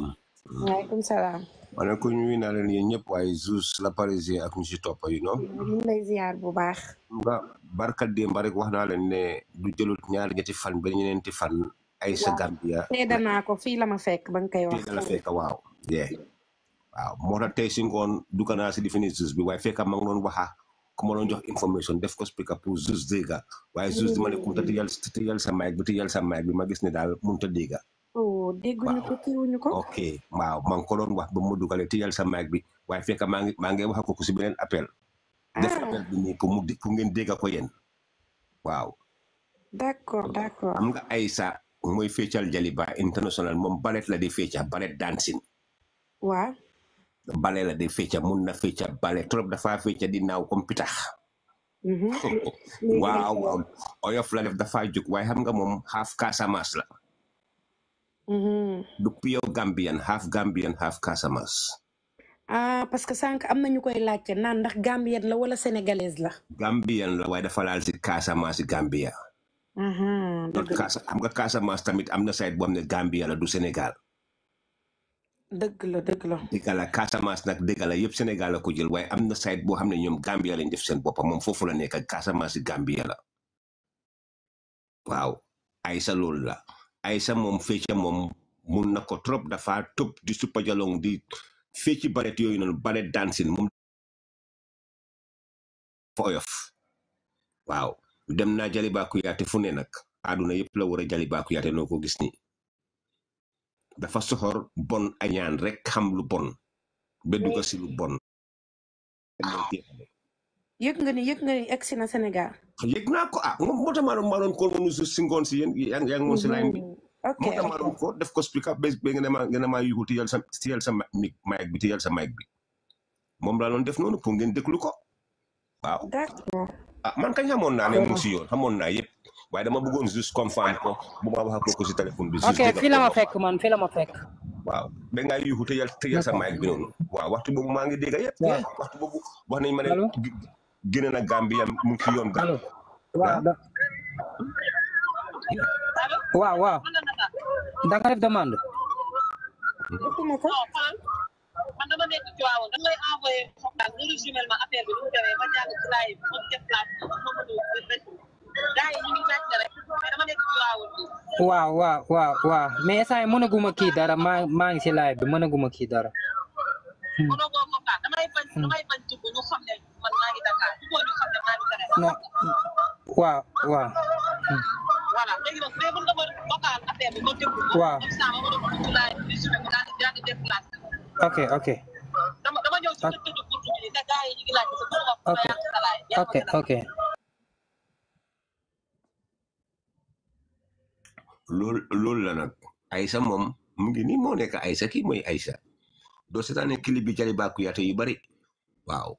maaleykum salaam. ma ne ko ñuy naa leen ñëpp waaye Zouz la parisien ak ñu si topp yi non. ñu lay ziar bu baax. nga barka démb rek wax naa leen ne du jëlut ñaar ñetti fan ba ñeneenti fan. ay sa Gambia. tey ko fii la ma fekk ba koy wax. fii waaw. waaw moo tax tey si ngoon dugg naa si defini juge bi waaye fekk ma ngi doon waxa ku ma doon jox information def ko speaker pour juge dégg waaye juge dama ne ku ta tëjal tëjal sa mic bi ma gis ne daal mënut ta dégg. Oh, ko ok waaw maa ko doon wax ba mu dugalee tëjal sa mic bi waaye fekk maa ngi maa ngi wax ko si beneen appel. Ah. def appel bi nii pour mu pour ngeen dégg ko yéen waaw. d'accord d'accord. am nga Aïssa mooy feccal Jaliba international moom balet la di fecca balet dancing. bale la di fecca mun na fecca bale trop dafa fecca di naaw comme pitax mhm. waaw waaw oyof la def dafa jóg waaye xam nga moom half Casamance la mhm. du pure Gambian half Gambian half Casamance ah parce que sànq am na ñu koy laajte naan ndax Gambien la wala sénégalaise la Gambien la waaye dafa laal si Casamance Gambia not mhm, xam nga Casamance tamit am na sayt boo xam ne Gambia la du Sénégal dëgg la dëgg la. dëgg la Casamance nag dëgg la yëpp Sénégal la ko jël waaye am na site boo xam ne ñoom Gambia lañ def seen boppam moom foofu la nekk ak Casamance Gambia la waaw Aysa loolu la Aysa moom fecca moom mun na ko trop dafa topp di suppa jalong di fecci balet yooyu noonu balet dancing moom fa oyof waaw dem naa jali baaku yaate fu ne nag àdduna yëpp la war a jali baaku yaate noo ko gis ni dafa soxor bon a añaan rek xam lu bon ba dugg si lu bon. yëg nga ni yëg na Sénégal. yëg naa ko ah moom moo tax maa doon maa doon ko si ngoon si yéen yaa ngi yaa ngi def ko expliqué ba ba ngeen maa ngeen maa yuuxu sa tiyal sa mic bi sa mic bi moom laa doon def noonu pour ngen déglu ko waaw. ah man kañ xamoon naa ne mu ngi si yoon xamoon naa yëpp. waaye dama bëggoon juste confirmer ko bu ma wax ak ko si téléphone bi. ok fii la ma fekk man fii la ma fekk. waaw da ngaa yuuxu tëjal tëjal sa mic bi noonu. waaw waxtu boobu maa ngi dégg yëpp. waxtu boobu wax nañ ma ne. génne na Gambia mu ngi ci yoon. allo waaw ah? da waaw waaw. da nga def demande. man dama nekk ci waawoon dañ lay envoyé vocal nga résumé ma affaire bi nu mu demee ma jàng ci live ma def place ma mën a waa waaw waaw waaw mais saa yi mënaguma kii dara maa maa ngi si laay bi mënaguma kii dara. Hmm. Hmm. non waaw waaw. waaw. ok ok. ok ok. lo loolu la nag Aïssa moom mu ngi nii moo nekk Aïssa kii mooy Aïssa Jaliba Kuyate yu bari waaw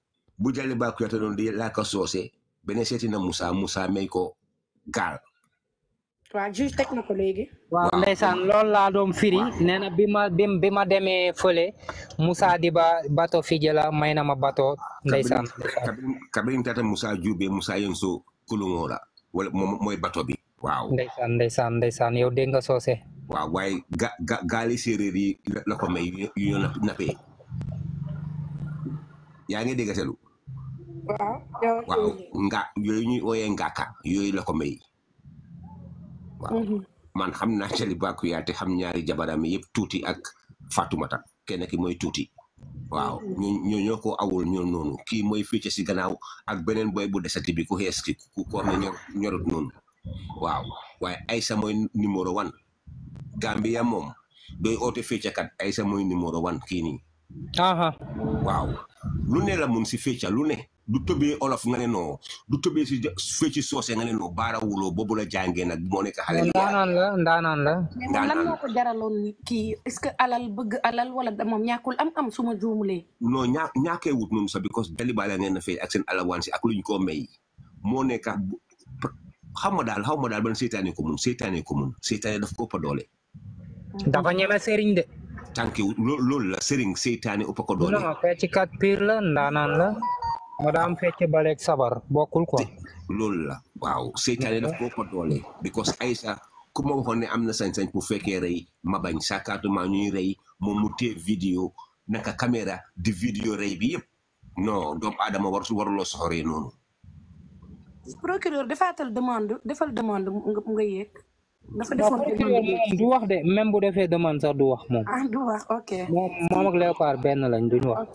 bu Jaliba Kuyate doon di laaka soose beneen seeti na musa Moussa may ko gaal. waaw juge teg firi nee na ma ma demee fële Moussa Diba bato fi la may na ma bato ndeysaan. kabini kabini tata Moussa Diouf Yenso Kolongo la bato bi. waaw ndeysaan ndeysaan ndeysaan yow dégg nga soose waaw waaye ga ga gaali séeréer yi la ko may yu ñu nappee yaa ngi dégg selu waaw nga yooyu ñuy ooyee ngaaka yooyu la ko may mhm. man xam naa Saliba Kuyaate xam ñaari jabaram yëpp tuuti ak Fatoumata kenn ki mooy tuuti waaw mhm. ñoo ñoo ko awul ñoom noonu kii mooy féete si gannaaw ak beneen boy bu desati bi ku xees ki ku ko ne ñorut noonu waaw waaye Aïssa mooy numéro one Gambia moom doy oote feccakat Aïssa mooy numéro one kii nii waaw lu ne la mun si fecca lu ne du tëbee olof nga ne noo du tëbee si fecci soose nga ne noo baara wuloo boobu la jàngee nag moo nekk xale ndaanaan la ndaanaan la mais moom lan moo ko jaraloon kii est-ce que alal bëgg alal wala moom ñàkkul am am suma juumulee non ñaa ñaakee wut noonu sax because dali baa la ngeen na fee ak seen alawaan si ak lu ñu koo may moo nekk xam ma daal xaw ma daal ban seytaane ko mun seytaane ko mun seytaane daf ko ëpp doole. dafa ñeme sëriñ de. tànk loolu la sëriñ seytaane ëpp ko doole. non fecckat piir la ndaanaan la. ma daam fecc baleeg sabar bokkul ko loolu la waaw seytaane daf ko ëpp doole. because Aïssa ku ma waxoon am na sañ-sañ pour fekkee rey ma bañ sàkkaatuma ñuy rey moom mu te vidéo naka caméra di vidéo rey bi yëpp non doomu aadama war waruloo soxoree noonu. procureur defatal demande defal demande nga yek dafa defoon demande du wax de même bu defé demande sax du wax mom ah du wax ok. mom ak Léopard ben lañ duñ wax.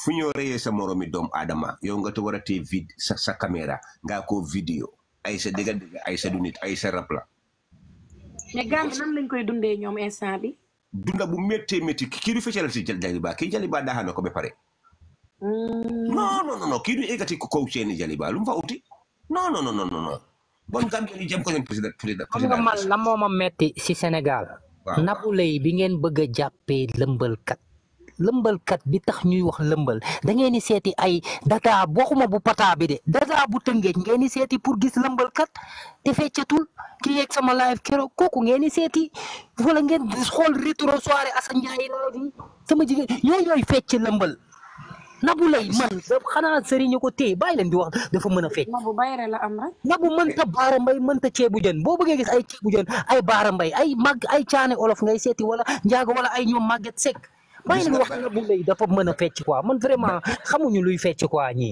fu ñu reyee sa moromi dom adama yow nga te war a vide sa sa caméra nga ko vidéo ay sa dëgg dëgg ay sa du nit ay sa rap la. mais gam nan lañ koy dundé ñom instant bi. dunda bu méttee métti kii du feccal si ki kii ba da na ko be paré Hmm. No, no, no, no. Kidu gati eh, ko ko ucheni jali ba. lum fauti No, no, no, no, no, no. Bon kam ni jam ko sen president president Xam nga man la moma metti ci senegal Napulay bi ngeen beug jappé jàppee kat. lëmbal kat bi tax ñuy wax lëmbal da ngeen ni seti ay data waxuma bu pata bi de data bu tëngeej ngeen ni seti pour gis lëmbal kat te feccatul ki yeeg sama live kero koku ngeen di seti wala ngeen xol retro soirée asa ñay live sama jigéen yoy yoy fecc lëmbal Nabou lay man xanaa sëriñ ko téye bay leen di wax dafa mën a fecc. Nabou bayre la am rek. Nabou mënta baara mbay mënta ceebu jën boo bëggee gis ay ceebu jën ay baara mbay ay màgg ay caane olof ngay seeti wala njaago wala ay ñoom màgget sekk. bàyyi leen wax Nabou lay dafa mën a fecc quoi man vraiment xamuñu luy fecc quoi ñii.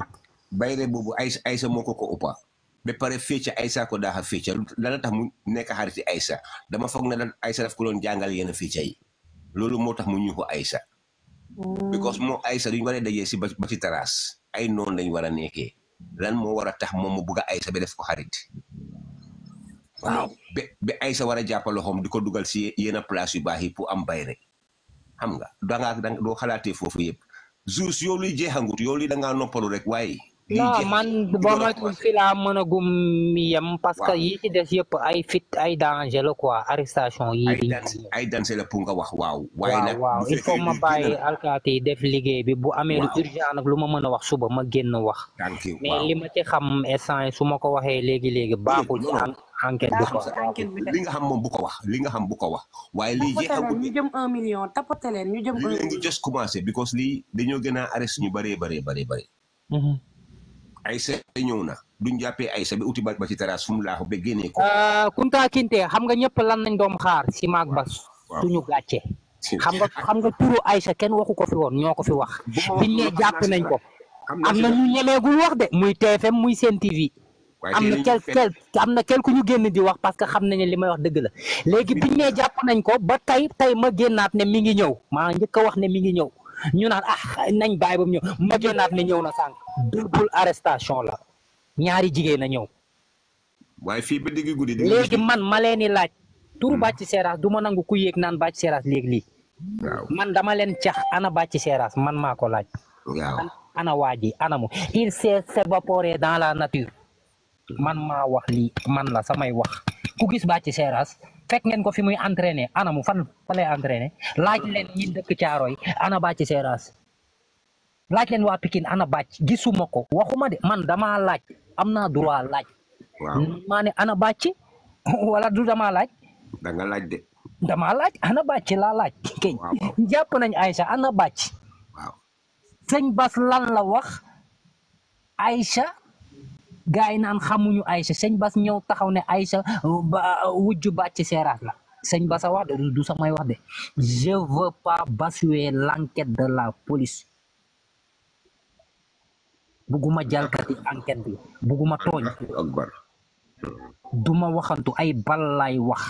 bayre boobu Aïssa Aïssa moo ko ko uppa ah. ba pare fecca Aïssa daax a fecca dana tax mu nekk xariti Aïssa dama foog ne daan Aïssa daf ko jàngal yenn fecca yi loolu moo tax mu ñu ko Aïssa because moom Aïssa duñ war a dajee si ba ci terrasse ay noonu lañ war a nekkee lan moo war a tax moom mu bugg a Aïssa ba def ko xarit waaw ba ba Aïssa war a jàppale loxoom di ko dugal si yenn place yu baax yi pour am bayre xam nga dangaa doo xalaatee foofu yëpp jours yoolu jeexangut yoolu da ngaa noppalu rek waaye non man ba moytuwul fii laa mën a gum yem parce que yi ci des yëpp ay fit ay danger la quoi arrestation yi di ay danger la pour nga wax waaw waaye nag waaw il faut ma bàyyi alkaati yi def liggéey bi bu amee lu urgent nag lu ma mën a wax suba ma génn wax mais li ma ci xam essence su ma ko waxee léegi-léegi baaxul ci enquête bi quoi li nga xam moom bu ko wax li nga xam bu ko wax waaye lii jeexagul ñu jëm un million tapote leen ñu jëm gën a arrest ñu bëree bëree bëree bëri mm-hmm. Aïssa ñëw na duñ jàppee Aïssa bi uti ba ci terrasse fu mu laaxu ba génnee ko. Euh, Kunta Kinte xam nga ñëpp lan nañ doom xaar si maag ba suñu gàcce. xam nga xam nga turu Aïssa kenn waxu ko fi woon ñoo ko fi wax. biñ ne jàpp nañ ko. am na ñu ñemeegul wax de muy TFM muy Sen TV. am na quel quel am na quelque ñu génn di wax parce que xam nañu li may wax dëgg la léegi biñ ne jàpp nañ ko ba tey tey ma génnaat ne mi ngi ñëw maa njëkk wax ne mi ngi ñëw. ñu naan ah nañ bàyyi ba mu ñëw mbajo naat ne ñëw na sànq double arrestation la ñaari jigéen a ñëw. waaye fii ba digg léegi man ma leen di laaj. tur hmm. Bathie Seras du ma nangu ku yéeg naan Bathie Seras léegi lii. man dama leen cax ana Bathie seeraas man maa ko laaj. ana waa ji ana mu il s'est évaporé dans la nature. man maa wax lii man la samay wax ku gis Bathie Seras fekk ngeen ko fi muy entraîner ana mu fan fa lay entraîner laaj leen ñi dëkk Caaroy ana bàcc Seeraas laaj leen waa Pikine ana bàcc gisuma ko waxuma de man dama laaj am na droit laaj. waaw maa ana bàcc wala du dama laaj. da laaj de. damaa laaj ana bàcc laa laaj. keñ jàpp nañ Aïcha ana bàcc. waaw Bas lan la wax Aïcha gaa nan naan xamuñu Aïcha señ Bas ñew taxaw ne Aïcha ba wujju bàcc seeraat la señ Bas wax de du samay wax de je veux pas basuer l'enquête de la police buguma jalkati enquête bi togn akbar duma waxantu ay ballay wax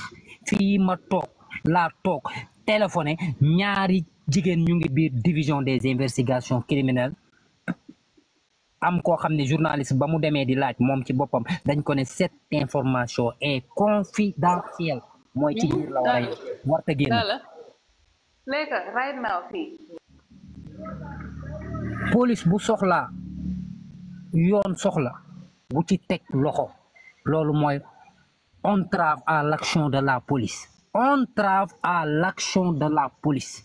fi ma tok la tok téléphoner ñaari jigen ñu ngi bir division des investigations criminelles am ko xamné journaliste ba mu di laaj mom ci des dañ ko cette information est confidentielle ci la génn. right now fi police bu soxla yoon soxla bu ci loxo lolu moy entrave à l'action de la police entrave à l'action de la police.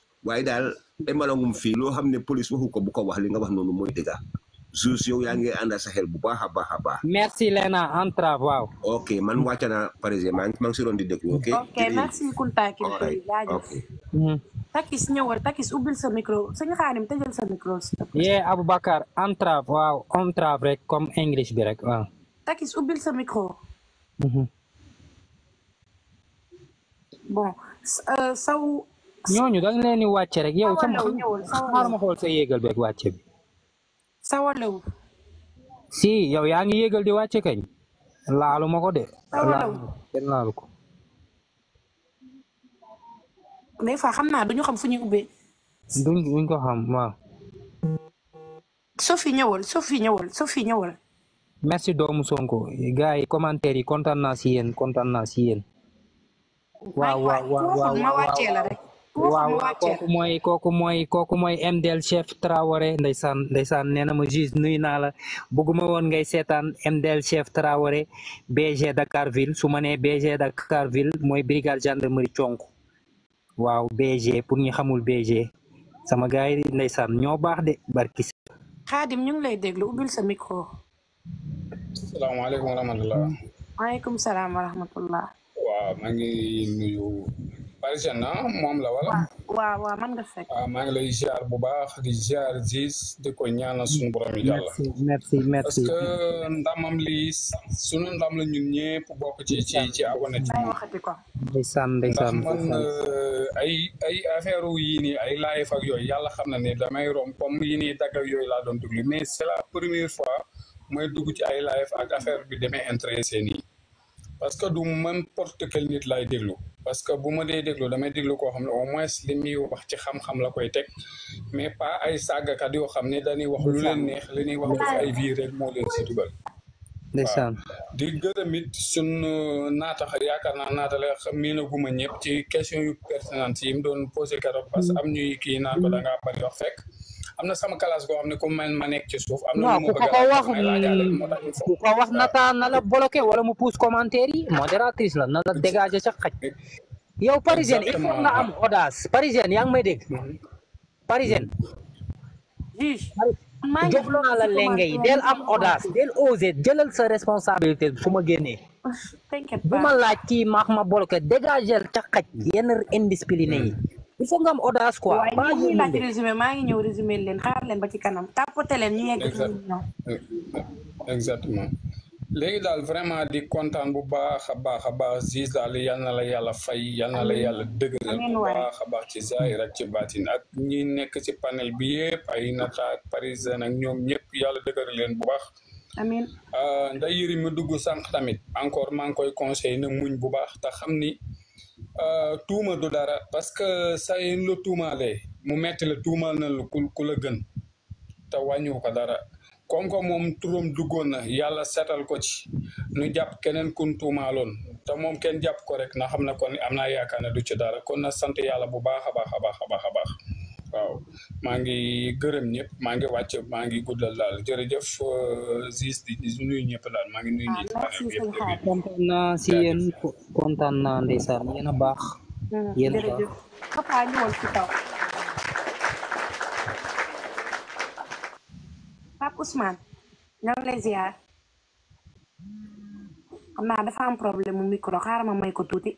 waaye daal emalangum fii loo xam ne police waxu ko bu ko wax li nga wax noonu mooy dëgga jus yow yaa ngi ànd sa xel bu baax a baax a baax. merci Lena Entra waaw. ok man wàcc naa par exemple maa si doon di déglu ok. ok merci Kunta Kinte jaajëf. Mhm. takis ñëwal takis ubbil sa micro sëñ Xaadim tëjal sa micro. yee Aboubacar Entra waaw Entra rek comme English bi rek waaw. takis ubbil sa micro. Mhm. bon euh, saw. ñooñu da leen di wàcce rek yow. sawalaw xool sa yéegal beeg wàcce bi. si yow yaa ngi yéegal di wàcce kañ. laaluma ko de. sawalaw laalu ko. mais fa xam naa duñu xam fu ñuy ubbee. duñ duñ ko xam waaw. Sophie ñëwal Sophie ñëwal fi ñëwal. merci doomu Sonko gars yi commentaire yi kontaan naa si yéen kontaan naa si yéen. waaw waaw waaw waaw waaw waaw kooku mooy kooku mooy kooku mooy MDL chef Traoré ndeysaan ndeysaan ma juge nuyu naa la bëgguma woon ngay seetaan MDL chef Traoré BG Dakarville su ma nee BG Dakarville mooy brigade gendarmerie conk waaw BG pour ñu xamul BG sama gars yi ndeysaan ñoo baax de barki Xaadim ñu ngi lay déglu ubbil sa micro salaamaaleykum wa salaam wa waaw maa Parisien na moom la wala. waaw waaw man nga fekk. waaw ah, maa ngi lay ziar bu baax di ziar gis di ko ñaanal suñu borom yi yàlla. merci merci merci. parce que ndamam lii sunu ndam la ñun ñëpp bokk ci ci ci abonné ci. ndeysaan ndeysaan ndax man euh, ay ay affaire yii nii ay live ak yooyu yàlla xam na ne damay rom comme yii nii dagg ak yooyu laa doon déglu mais c'est la première fois mooy dugg ci ay live ak affaire bi demee intéressé nii. parce que du n'importe quel nit laay déglu parce que bu ma dee déglu damay déglu koo xam ne au moins li muy wax ci xam-xam la koy teg mais pas ay sàggkat yoo xam ne dañuy wax lu leen neex li ñuy wax ay vie rek moo leen si dugal. ndeysaan di gërëm it sun naata yaakaar naa naata la mii na guma ñëpp ci question yu pertinente yi mu doon posé keroog parce que am ñuy kii naan ko da bari wax fekk. am na sama classe goo man ma nekk ci suuf. am na ku ko ko wax ku ko wax nata na la bloqué wala mu pousse commentaire yi modératrice la na la dégagé ca xaj. yow parisienne il faut nga am audace parisienne yaa ngi may dégg mm-hmm. parisienne. jox naa la lenge yi del am audace del oser jëlal sa responsabilité su ma génnee. bu ma laaj kii maax ma bloqué dégagé ca xaj yenn indiscipliné yi. Mm-hmm. il faut nga am ko quoi. waaye ñii laaj résumé maa ngi ñëw résumé leen xaar leen ba ci kanam tàppate leen ñu yegg. exactement léegi daal vraiment di kontaan bu baax a baax a baax Ziz daal yal na la yàlla fay yal la yàlla dëgëral bu baax a baax ci zaahir ak ci baatin ñi nekk ci panel bi yëpp ay nata ak parisien ak ñoom ñëpp yàlla dëgëral leen bu baax. amiin nda yëri mu dugg sànq tamit encore maa ngi koy conseil na muñ bu baax te xam ni. Euh, tuuma du dara parce que saa yu la tuumaalee mu metti la tuumaal na la ku ku la gën te wàññiwu ko dara comme que moom turam duggoon na yàlla seetal ko ci nu jàpp keneen kun tuumaaloon te moom kenn jàpp ko rek na xam ne kon am naa yaakaar ne du ci dara kon na sant yàlla bu baax a baax a baax a baax a baax. waaw maa ngi gërëm ñëpp maa ngi wàcc maa ngi guddal daal jërëjëf euh, Ziz di nuyu daal maa ngi nuyu ñëpp. Ah, naa si yéen kontaan naa ndeysaan yéen a baax. Hmm, yéen a baax papa ñëwal ci kaw. Pape Ousmane. ñoo ngi lay ziar. xam naa dafa problème mu micro xaaral ma may ko tuuti.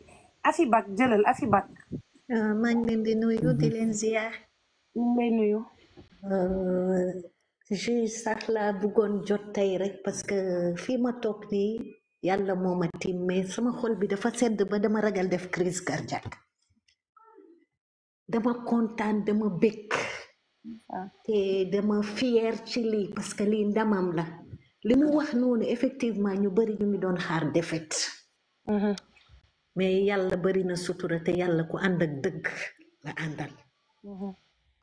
Afibak jëlal Afibak. Ah, maa ngi leen di leen ziar. ñu ngi lay nuyu. Euh, jot tey rek parce que fii ma toog nii yàlla moo ma tiim sama xol bi dafa sedd ba dama ragal def crise kontaan dama bëgg te dama fier ndamam la li mu wax noonu effectivement ñu bari ñu ngi doon xaar défaite mm-hmm. mais yàlla bari na sutura te yàlla ku ànd ak dëgg la àndal mm-hmm.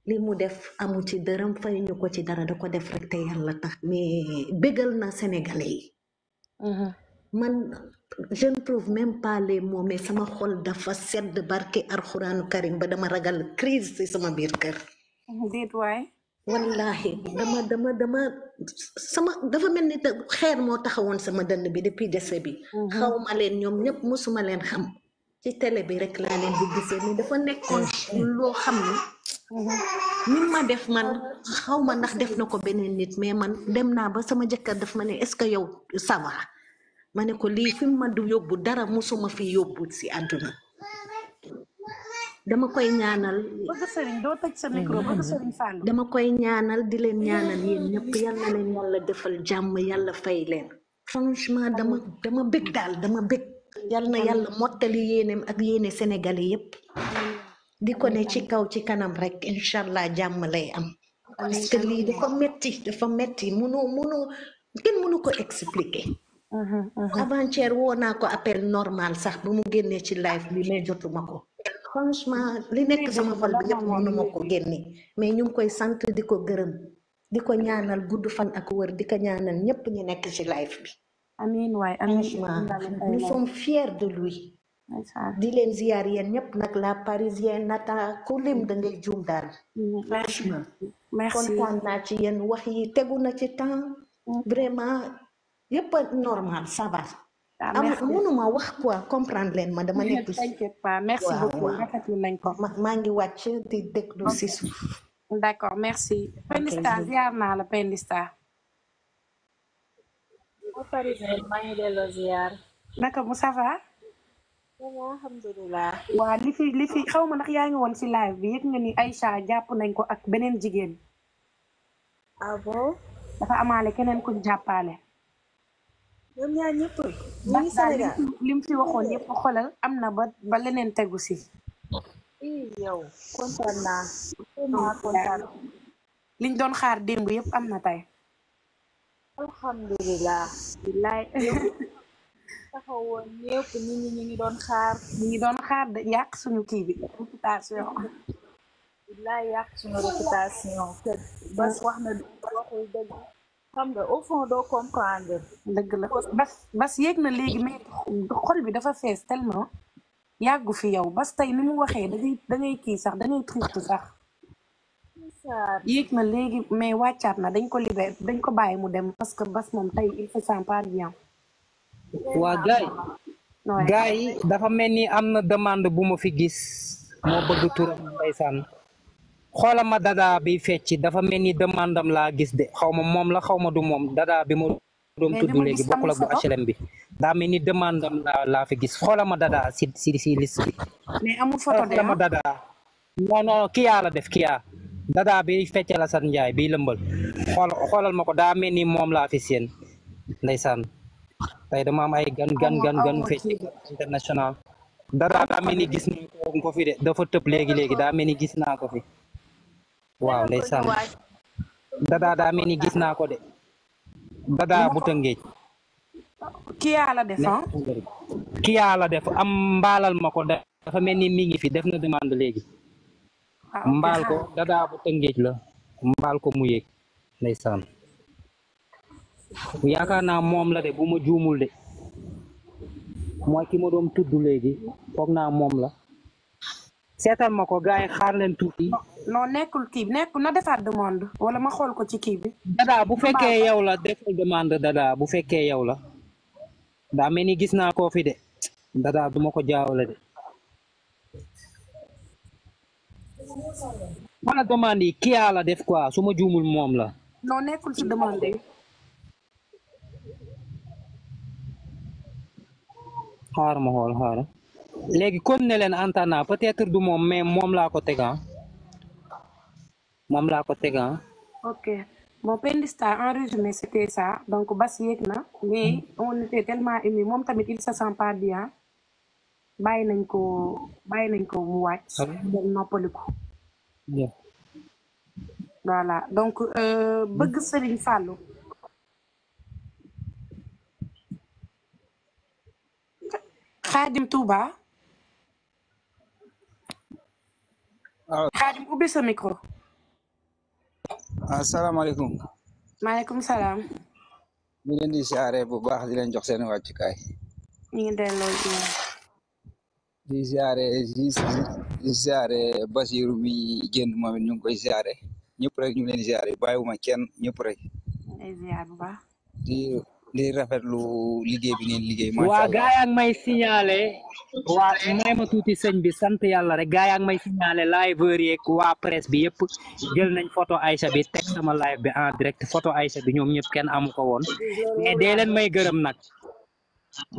li mu def amu ci dërëm fay ñu ko ci dara da ko def rek te yàlla tax mais bégal na Sénégalais yi mhm. man je ne trouve même pas les mots mais sama xol dafa sedd barke alxuraanu karim ba dama ragal crise ci sama biir kër déet waay wallahi dama dama dama sama dafa mel ni xeer moo taxawoon sama dënn bi depuis dese bi mhm. xawma leen ñoom ñëpp musuma leen xam ci télé bi rek la leen di gisee mais dafa nekkoon eh, eh. loo xam ne ni ma def man xaw ma ndax def na ko beneen nit mais man dem naa ba sama jëkkër daf ma ne est-ce que yow ça va ma ne ko lii fi ma du yóbbu dara musuma fi yóbbu si àdduna dama koy ñaanal mm-hmm. dama koy ñaanal di leen ñaanal yéen ñëpp yàlla leen yàlla defal jàmm yàlla fay leen franchement dama dama bëgg daal dama bëgg yal na yàlla mottali yéeneem ak yéene sénégalais yépp di ko ne ci kaw ci kanam rek incha allah jàmm lay am parce que lii dafa metti dafa metti munu munu kenn munu ko expliquer uh-huh, uh-huh. avant woo naa ko appel normal sax bu mu génnee ci live bi mais jotuma ko franchement li nekk sama xol bi yépp mënuma ko génne mais ñu ngi koy sant di ko gërëm di ko ñaanal gudd fan ak wër di ko ñaanal ñépp ñu nekk ci live bi amiin waay amiin nous sommes fiers de lui. di leen ziar yéen ñëpp nag la parisienne nata ku lim da ngay juum daal. Mm-hmm. merci kontaan naa ci yéen wax yi tegu na ci temps. Mm-hmm. vraiment yëpp a normal ça va. ah mënuma wax quoi comprendre leen ma dama nekk. merci beaucoup rafetlu nañ ko. maa ngi wàcc di déglu si suuf. d'accord merci. Pendista ziar naa la Pendista. maa ngi delloo ziar. naka mu ça waa li fi li fi xaw ma ndax yaa ngi woon ci live bi yëg nga ni Aïcha jàpp nañ ko ak beneen jigéen. Ah dafa amaale keneen kuñ jàppale ñoom ñaar ñëpp. li mu fi waxoon yëpp xoolal am na ba ba leneen tegu si. liñ doon xaar démb yëpp am na tey. alhamdulilah billaay taxawoon ñëpp nit ñi ñu ngi doon xaar ñu ngi doon xaar de yàq suñu kii bi réputation billaay yàq suñu réputation te bas wax na waxul dëgg xam nga au fond doo comprendre dëgg la bas bas yéeg na léegi mais xol bi dafa fees tellement yàggu fi yow bas tey ni mu waxee dangay dangay kii sax dangay triste sax yéeg na léegi mais wàccaat na dañ ko libéré dañ ko bàyyi mu dem parce que bas moom tey il se sent waa gars yi yi dafa mel ni am na demande bu ma fi gis moo bëgg turam ndeysaan xoola ma dadaa bi fecc dafa mel ni demandam laa gis de xaw ma moom la xaw ma du moom dadaa bi ma doon tudd léegi bokkul ak bu HLM bi daa mel ni demandam laa fi gis xoola ma dadaa si si si bi. mais ah? dadaa non non kii yaa def kii yaa dadaa bi fecc Alassane Ndiaye bi lëmbal xoolal ma ko daa mel ni moom laa fi seen ndeysaan tey dama am ay gan gan gan gan fecc international dadaa daa mel ni gis naa ko de dafa tëb léegi léegi daa mel ni gis naa ko fi waaw ndeysaan ni gis naa ko de bu tëngeej ki yàlla def ah? def am mbaalal ma ko dafa mel ni mi ngi fi def na demande léegi mbaal ko dadaa bu tëngéej la mbaal ko mu yéeg ndeysaan yaakaar naa moom la de bu ma juumul de mooy ki ma doom tudd léegi foog naa moom la seetal ma ko gars yi xaar leen tuuti. non nekkul kii bi na defaat demande wala ma xool ko ci kii bi. dadaa bu fekkee yow la defal demande dadaa bu fekkee yow la daa mel ni gis naa koo fi de dadaa du ma ko jaawale de. Mana demandé yi kii la def quoi suma djumul mom la. non nekul ci demandé Har mo hol har Légui kon ne len antana peut-être du mom mais mom la ko tega Mom la ko tega ok bon Pendista en résumé c'était ça donc bas yekna mais on était tellement aimé mom tamit il se sent pas bien. bàyyi nañ ko bàyyi nañ ko bu wàcc ah dem noppaliku voilà donc euh, bëgg sëriñ Fallou xaadim Touba xaadim ah. ubbi sa micro asalaamaaleykum ah, maaleykum salaam ñu leen di siyaare bu baax di leen jox seen wàccukaay ñu ngi delloo di ziare di ziare Basiru mi génn moom it koy ziare ñëpp rek ñu ngi leen ziare bàyyiwuma kenn ñëpp rek. di di rafetlu liggéey bi ngeen liggéey. macha allah waa gaa may signalé. waa may ma tuuti sëñ bi sant yàlla rek gaa yaa ngi may signalé live yeeg waa presse bi yëpp jël nañ photo Aïcha bi teg sama live bi en direct photo Aïcha bi ñoom ñëpp kenn amu ko woon mais may gërëm nag.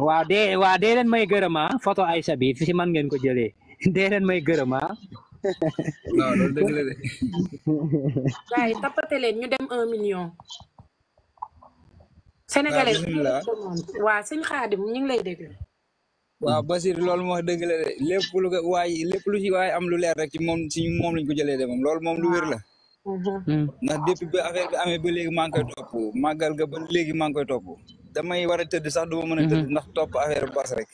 waa dee waa dee leen may gërëma ah, photo ay bi fi si man ngeen ko jëlee dee leen may gërëma ah. waaw loolu dëgg la de waaye tappate leen ñu dem un million sénégalais waa sëñ Xaadim ñu ngi lay déglu waaw Basir loolu moo dëgg la de lépp lu ko waaye lu ci waaye am lu leer rek ci moom si moom lañ ko jëlee de moom loolu moom lu wér la ndax depuis bi affaire bi amee ba léegi maa ngi koy topp màggal ga ba léegi maa ngi koy topp damay war a tëdd sax du ma mën a tëdd ndax topp affaire bas rek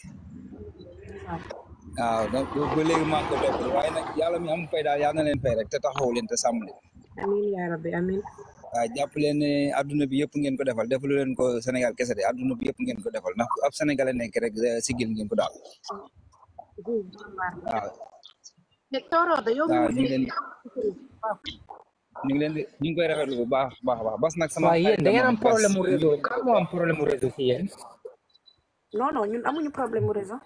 waaw donc ba léegi maa ngi koy topp waaye nag yàlla mi am fay da yàlla na leen fay rek te taxaw len te sàmm leen amiin yaa rabbi amiin waaw jàpp len ne adduna bi yëpp ngeen ko defal defalu len ko Sénégal kese de adduna bi yëpp ngeen ko defal ndax ab Sénégalais nekk rek eh, sigil ngeen ko daal waaw waaw ñu leen ñu ngi leen di ñu ngi koy rafetlu bu baax baax baax bas nag sama. waaw da ngeen am problème mu réseau kan am problème mu réseau fii yéen. ñun amuñu problème mu réseau.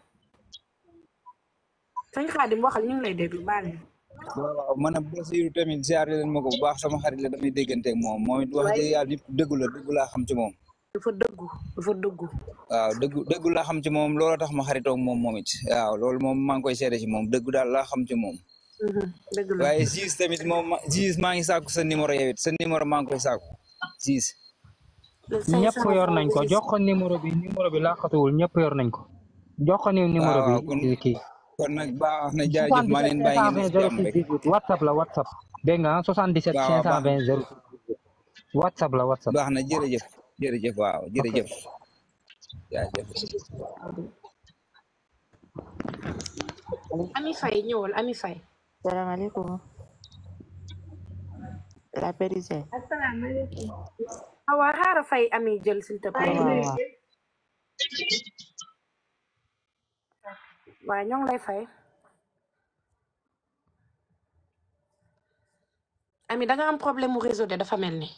sëñ Xaadim waxal ñu ngi lay déglu baale. waaw waaw tamit ziare leen ma ko bu baax sama xarit la damay dégganteeg moom moom it wax dëgg yàlla dëggu laa xam ci moom. dafa dëggu dafa dëggu. waaw dëggu dëggu laa xam ci moom looloo tax ma xaritoog moom moom it waaw loolu moom maa ngi koy seede ci moom dëgg daal laa xam ci moom. waaye Ziz tamit moom Ziz maa ngi sàkku sa numéro yow it sa numéro maa koy sàkku Ziz. ñëpp yor nañ ko jox ko bi numéro bi laaxatuwul ñëpp yor nañ ko. jox ko bi kii. nag baax na jaajëf maa leen bàyyi ngeen jàmm rek whatsapp la whatsapp. dégg nga 77 520 0 whatsapp la whatsapp. baax na jërëjëf jërëjëf waaw jërëjëf. jaajëf. Ami Faye ñëwal Ami Salam alaikum. La paix du fay ami jël s'il te plaît. waaw fay. ami da am problème mu réseau de dafa mel ni.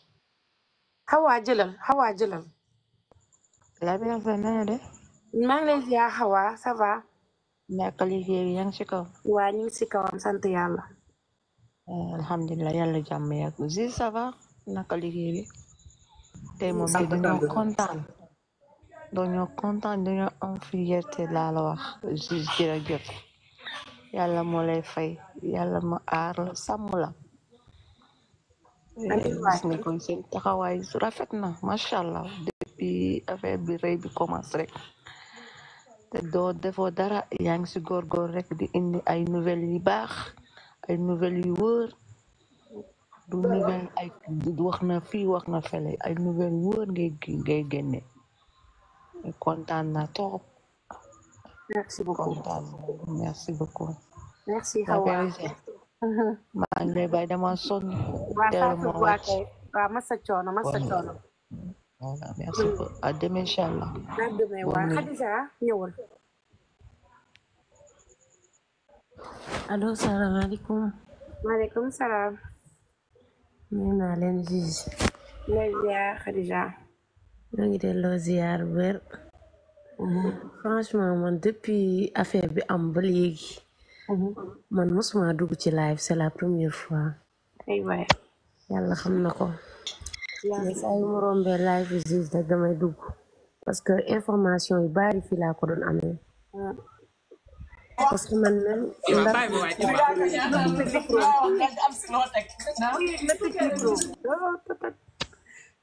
xawaa jëlal xawaa jëlal. la paix du Seigneur. maa naka liggéey bi yaa ngi ci kaw. waa ci kawam sant yàlla. alhamdulilah yàlla jàmm yàgg si ça naka liggéey bi. tey moom bi dañoo kontaan. dañoo kontaan dañoo am fierté laa la wax si jërëjëf. yàlla moo lay fay yàlla mu aar la sàmm la. gis rafet na macha allah depuis affaire bi rëy bi commencé doo defoo dara yaa ngi si góorgóor rek di indi ay nouvelle yu baax ay nouvelles yu wóor du nouvelle wax na fii wax na fele ay nouvelle wóor ngay ngay génne kontaan na trop merci beaucoup merci beaucoup merci Hawa maa ngi lay bàyyi voilà merci à demain incha allah. à demain waaw Khadija ñëwal. allo salam maaleykum salaam. nuyu naa leen Zizi. lay Khadija. maa ngi ziar mhm. franchement man depuis affaire bi am ba léegi. Mhm. man mosuma dugg ci live c'est la première fois. aywa yàlla xam na ko. mais saa yu ma rombee live Ziz rek damay dugg parce que information yu bari fii laa ko doon amee ah. parce que man même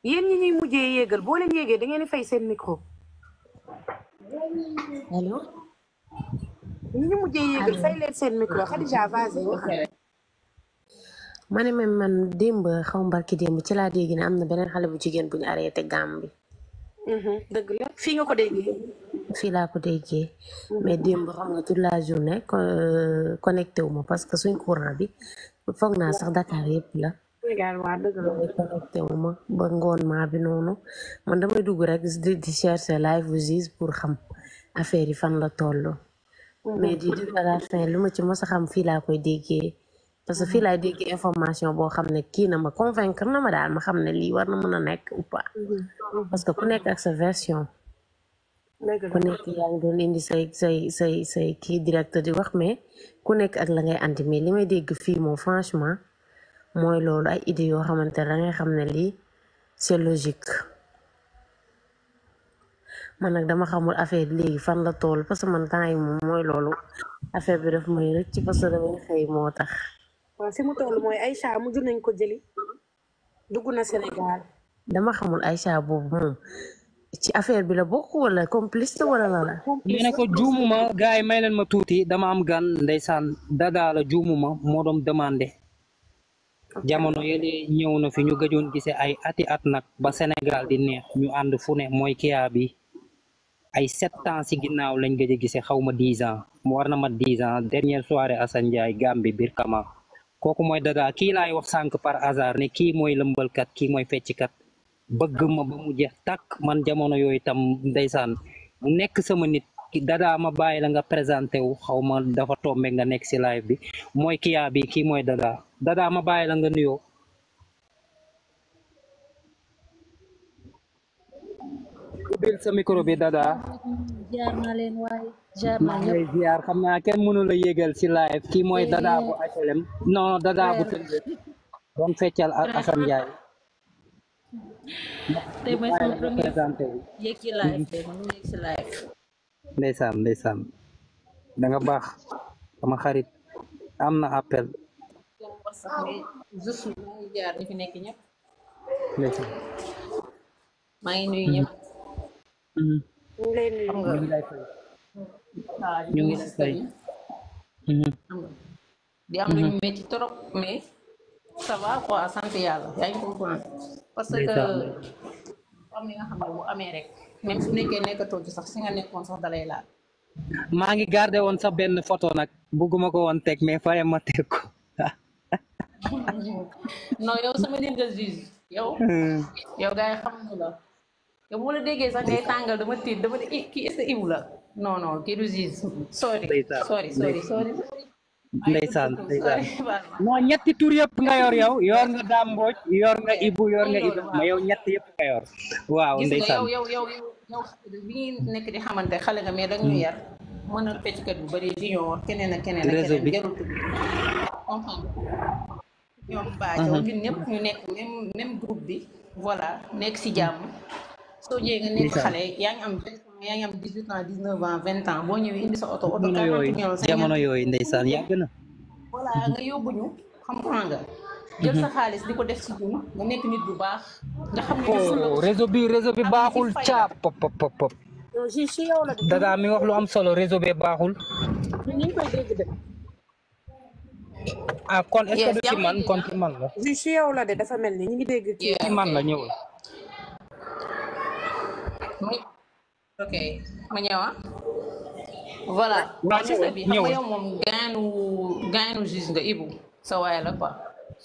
yéen ñi ñuy mujjee yéegal boo leen yéegee da ngeen di fay seen micro allo ñi ñu mujjee yéegal fay leen seen micro Khadija vase ma ne même man démb xaw mbarki démb ci laa dégg ne am na beneen xale bu jigéen bu ñu arrêté Gàmbi. laa ko déggee. mais démb xam nga toute la journée connecté parce que suñ courant bi foog naa sax Dakar yëpp la. ma ba ngoon maa bi noonu man damay dugg rek di di chercher live views pour xam affaire yi fan la toll. mais di di à fin lu ma ci mos xam fii laa koy déggee. parce que fii laay dégg information boo xam ne kii na ma convaincre na ma daal ma xam ne lii war na mën a nekk ou pas mhm. parce que ku nekk ak sa version ku nekk yaa ngi doon indi say say say say kii directeur di wax mais ku nekk ak la ngay andi mais li may dégg fii moom franchement mooy loolu ay idée yoo xamante ne da ngay xam ne lii c'est logique man nag dama xamul affaire bi léegi fan la tool parce que man temps yi moom mooy loolu affaire bi daf may rëcc parce que damay xëy waaw fi mu toll mooy Aïcha mujj nañ ko jëli dugg na Sénégal. dama xamul Aïcha boobu moom ci affaire bi la bokk wala complice la wala la la. ñu ne ko juumuma gars yi may leen ma tuuti dama am gan ndeysaan dadaa la juumuma moo doon demandé. jamono yële ñëw na fi ñu gëjoon gisee ay ati at nag ba Sénégal di neex ñu ànd fu ne mooy kiyaa bi ay set ans ci ginnaaw lañ gëj a gisee xaw ma dix ans mu war na ma dix ans dernière soirée Assane Ndiaye biir Kama. kooku mooy dadaa kii laay wax sànq par hasard ne kii mooy lëmbalkat kii mooy kat bëgg ma ba mu jeex tàkk man jamono yooyu tam ndeysaan nekk sama nit dadaa ma bàyyi la nga présenté wu xaw ma dafa tombe nga nekk si live bi mooy kiyaa bi kii mooy dadaa dadaa ma bàyyi la nga nuyoo bil sami micro bi dada jaar na leen waay jaar na lay ziar la ci live kii mooy dada bu HLM non dada bu tënk doon feccal ak Assane Ndiaye tey mooy sama premier yéeg ci live tey mënu yéeg ci live ndeysaan ndeysaan da nga sama xarit appel juste jaar ñi fi nekk ngi nuyu Hmm. xam nga ñu ngi lay fay. ñu ngi lay fay. di am lu métti trop mais ça va quoi sant yàlla yaa ngi comprendre parce que am li nga xam ne bu amee rek même su nekkee nekkatoo ci sax si nga nekkoon sax dalay laal. maa ngi gardé woon sax benn photo nag bugguma ko woon teg mais fare ma teg ko non yow sama nit nga juge yow yow gars yi xam nga la yow moo la déggee sax ngay tàngal dama tiit dama ne eh, kii est-ce que Ibou la non non kii du Ziz sorry sorry sorry sorry ndeysaan ndeysaan moo ñetti tur yëpp nga yor yow yor nga dàmbooj yor nga ibu yor nga ibu ma yow ñett yëpp nga yor waaw ndeysaan yow yow yow bi ñu bu bëri junior keneen ak keneen ak keneen jarul tudd ñoom baajow ñun ñu nekk même groupe bi voilà nekk ci jàmm soo jee nga nekk xale yaa ngi am vingt ans yaa ngi am dix huit ans dix neuf ans vingt ans boo ñëwee indi sa oto oto quarante millions jamono yooyu ndeysaan saan na voilà nga yóbbu ñu xam nga jël sa mhm. xaalis di ko def si dund nga nekk nit bu baax nga xam ne oh, réseau bi réseau bi baaxul caap pop pop pop pop mi wax lu am solo réseau bi baaxul ah kon est-ce que du man kon ci man la su yow la de dafa mel ni ñu ngi dégg ci man la ñëwul ok ma ñëw ah voilà juge bi xam nga moom gaanu gaanu juge nga Ibou sa la quoi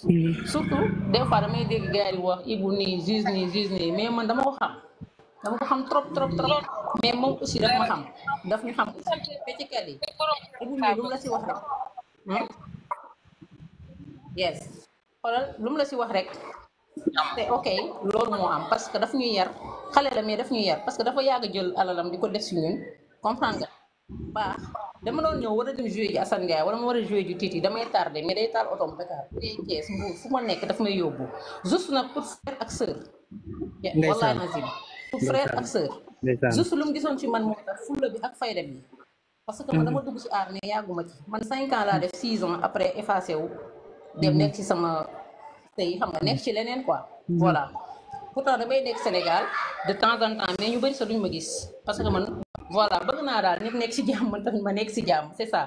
mm-hmm. surtout des fois damay dégg gars yi wax Ibou nii juge nii juge nii mais man dama ko xam dama ko xam trop trop trop mais moom aussi daf ma xam daf ñu xam feccikat yi Ibou nii lu mu la si wax rek hmm? yes lu mu la si wax rek te ok loolu moo am parce que daf ñuy yar xale la mais daf ñuy yar parce que dafa yàgg jël alalam di ko def si ñun comprendre nga baax dama doon ñëw war a dem jouer ji Assane Ndiaye wala ma war a jouer ji Titi damay tardé mais day taal otom fu ma nekk daf may yóbbu juste nag pour frère ak sœur wallahi nazim pour frère ak lu mu gisoon ci man moo tax fulla bi ak fayda bi parce que man mm-hmm. dama dugg ci aar mais yàgguma ci man cinq ans laa def six après effacé wu dem nekk ci sama tey xam nga nekk ci leneen quoi mm-hmm. voilà pourtant damay nek Sénégal de temps en temps mais ñu bari sa duñ ma gis parce que man voilà bëgg na dal nit nek ci jamm man tamit ma nek ci jamm c'est ça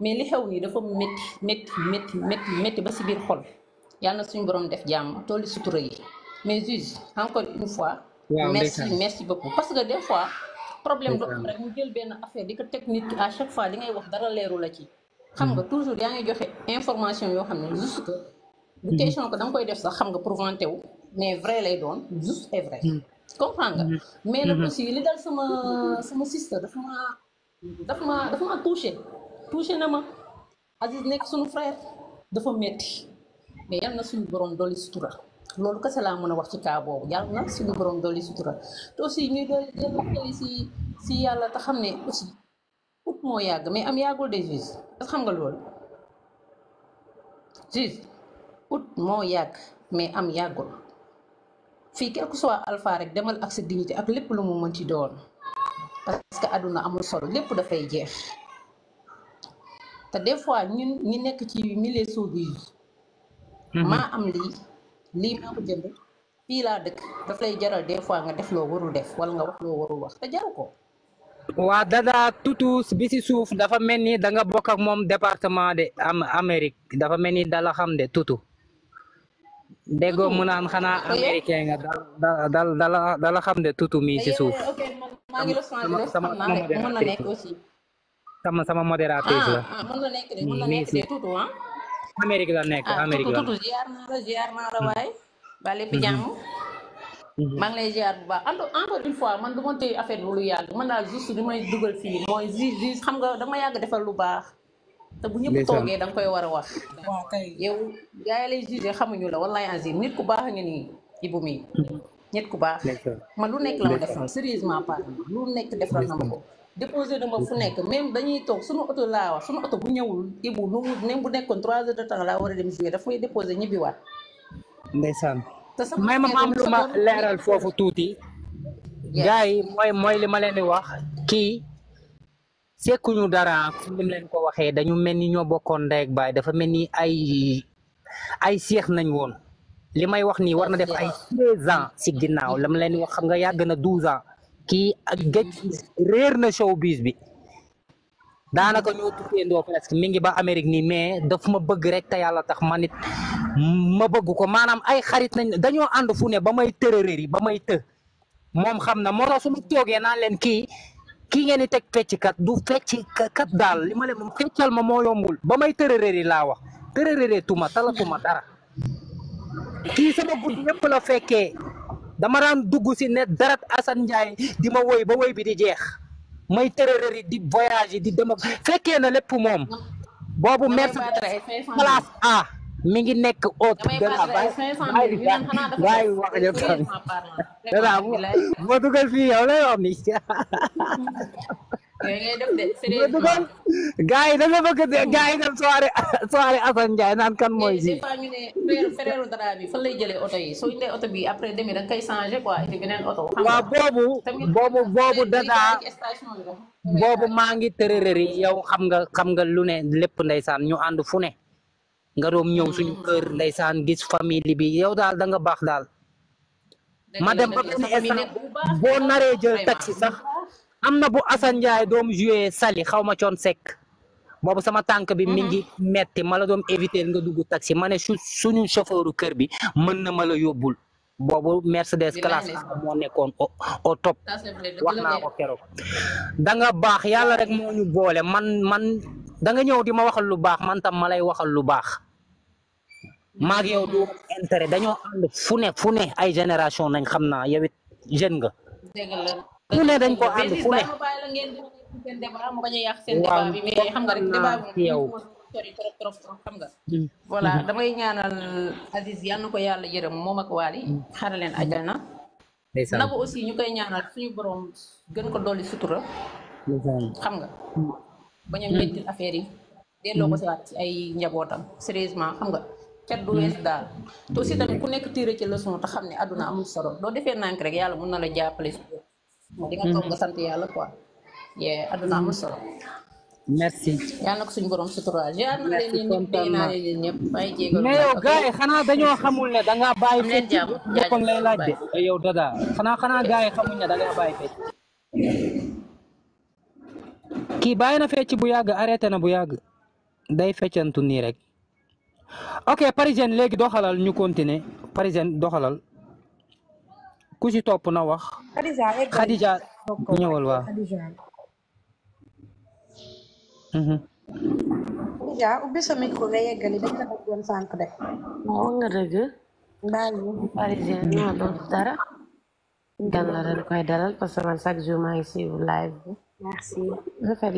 mais li xew ni dafa metti metti metti metti metti ba ci biir xol yalla suñu borom def jamm tolli sutura yi mais juge encore une fois merci merci beaucoup parce que des fois problème do rek mu jël ben affaire diko tek nit à chaque fois li ngay wax dara leeru la ci xam nga mm-hmm. toujours ya ngi joxe information yo xam juste que du question ko da koy def sax xam nga pour vanter wu mais vrai lay doon juste et vrai mm. comprends nga mm-hmm. mais nag mm-hmm. aussi li dal sama sama sister daf ma daf ma daf ma touché touché na ma Aziz nekk sunu frère dafa metti mais yal na suñu borom doli sutura loolu kese laa mën a wax ci cas boobu yal na suñu borom doli sutura te aussi ñuy dolli jël si si yàlla te xam ne aussi ut moo yàgg mais am yàggul des juges xam nga loolu juge ut mo yàgg mais am yagul fi quel que soit alpha rek demal ak sa dignité ak lepp lu mu ci doon parce que aduna amul solo da fay jeex ta des fois ñun ñi nekk ci milieu suuf yi mhm. maa am li li ma ko jënd fi la dëkk da fay jaral des fois nga def lo warul def wala nga wax lo warul wax ta jaru ko wa Dada Tutus bi si suuf dafa melni da nga bok ak mom département de am amerique dafa melni da la xam de tutu déggoo mu naan xanaa américain nga dal dal dala dala xam ne tutu mi si suuf sama sama sama modératrice la ah, ah, mi si Amérique la nekk ah, Amérique la tutu ziar naa la ziar naa la mm-hmm. waay ba lépp mm-hmm. jàmm mm-hmm. maa ngi lay ziar bu baax encore une fois man du ma téye affaire lu yàgg man daal juste li may dugal fii mooy juge xam nga dama yàgg defal lu baax te bu ñëpp toogee da nga koy war a wax. waaw kay yow gars yi lay jugé xamuñu la wallaay azim nit ku baax nga nii Ibou mii. nit ku baax. man lu nekk la ma defal sérieusement parle lu nekk defal na ma ko. déposé dama fu nekk même dañuy toog suñu oto laa wax suñu oto bu ñëwul Ibou lu même bu nekkoon trois heures de temps laa war a dem jugé daf may déposé ñibbiwaat. ndeysaan. may ma am lu ma leeral foofu tuuti. gars yi mooy mooy li ma leen di wax kii. sekkuñu dara comme ni leen ko waxee dañu mel ni ñoo bokkoon ndey ak baay dafa mel ni ay ay seex nañ woon li may wax nii war na def ay treize ans si ginnaaw la ma leen xam nga yàgg na douze ans kii ak géej réer na showbiz bi daanaka ñoo tukkeendoo presque mi ngi ba Amérique nii mais daf ma bëgg rek te yàlla tax ma nit ma bëgg ko maanaam ay xarit nañ dañoo ànd fu ne ba may tërëréer yi ba may të moom xam na moo tax su ma toogee leen kii kii ngeen di teg fecckat du fecckat daal li ma leen moom feccal ma moo yombul ba may tërërëri laa wax tërërëri tuma talatuma dara kii sama guddi yëpp la fekkee dama daan dugg si ne darat Assane Ndiaye di ma woy ba woy bi di jeex may tërërëri di voyage di dem fekkee na lépp moom boobu merci classe A mi ngi nekk haute. damay yi dafa bëgg gaa yi mooy eh, lay jëlee oto yi soo indee oto da nga koy changé boobu boobu boobu dadaa boobu maa ngi tërërëri yow xam nga xam nga lu ne lépp ndeysaan ñu ànd fu ne. nga room ñëw suñu mm. kër ndeysaan gis famille bi yow daal danga baax daal ma dem ba benn instant boo naree jël taxi sax am na bu Assane Ndiaye doom joué sali xaw ma coon sekk boobu sama tànk bi mi ngi mm-hmm. metti ma la doom éviter nga dugg taxi ma ne suñu chauffeuru kër bi mën na ma la yóbbul boobu Mercedes classe moo nekkoon au top wax naa ko keroog da baax yàlla rek moo ñu boole man man da nga ñëw di ma waxal lu baax man tam ma lay waxal lu baax maag yow du intérêt dañoo ànd fu ne fu ne ay génération nañ xam naa yow it nga. fu ne dañ ko ànd fu ne. waaw yow. Mm. voilà mm-hmm. damay ñaanal Aziz ko yàlla yërëm moom ak Waly mm. xare leen na naka aussi ñu koy ñaanal suñu borom gën ko dolli sutura. xam nga. Mm. bañ a affaire yi. delloo ko si waat ay njabootam sérieusement xam nga. cet du wess daal to si tamit ku nek tire ci leçon ta xamni aduna amul solo do defé nank rek yalla mën na la jàppale si mo di nga tok nga sant yalla quoi ye aduna amul solo merci yalla ko suñu borom sutural jaar na leen ni ñëpp tey naa leen ñep ñëpp bàyyi jéego mais yow gaay xana dañu xamul ne da ngaa bàyyi fecc boppam lay laaj de yow dada xana xana gaay yi xamuñ ne da nga bàyyi fecc ki bàyyi na fecc bu yag arrêté na bu yag day feccantu ni rek ok parisienne léegi doxalal ñu continuer parisienne doxalal ku ci topp na wax. Khadija ñëwal waaw. Khadija mhm. ubbi sànq de. nga dëgg. bàyyi parisien ñoo dara. gan la dañ koy dalal parce man chaque jour maa ngi suivre live bi. merci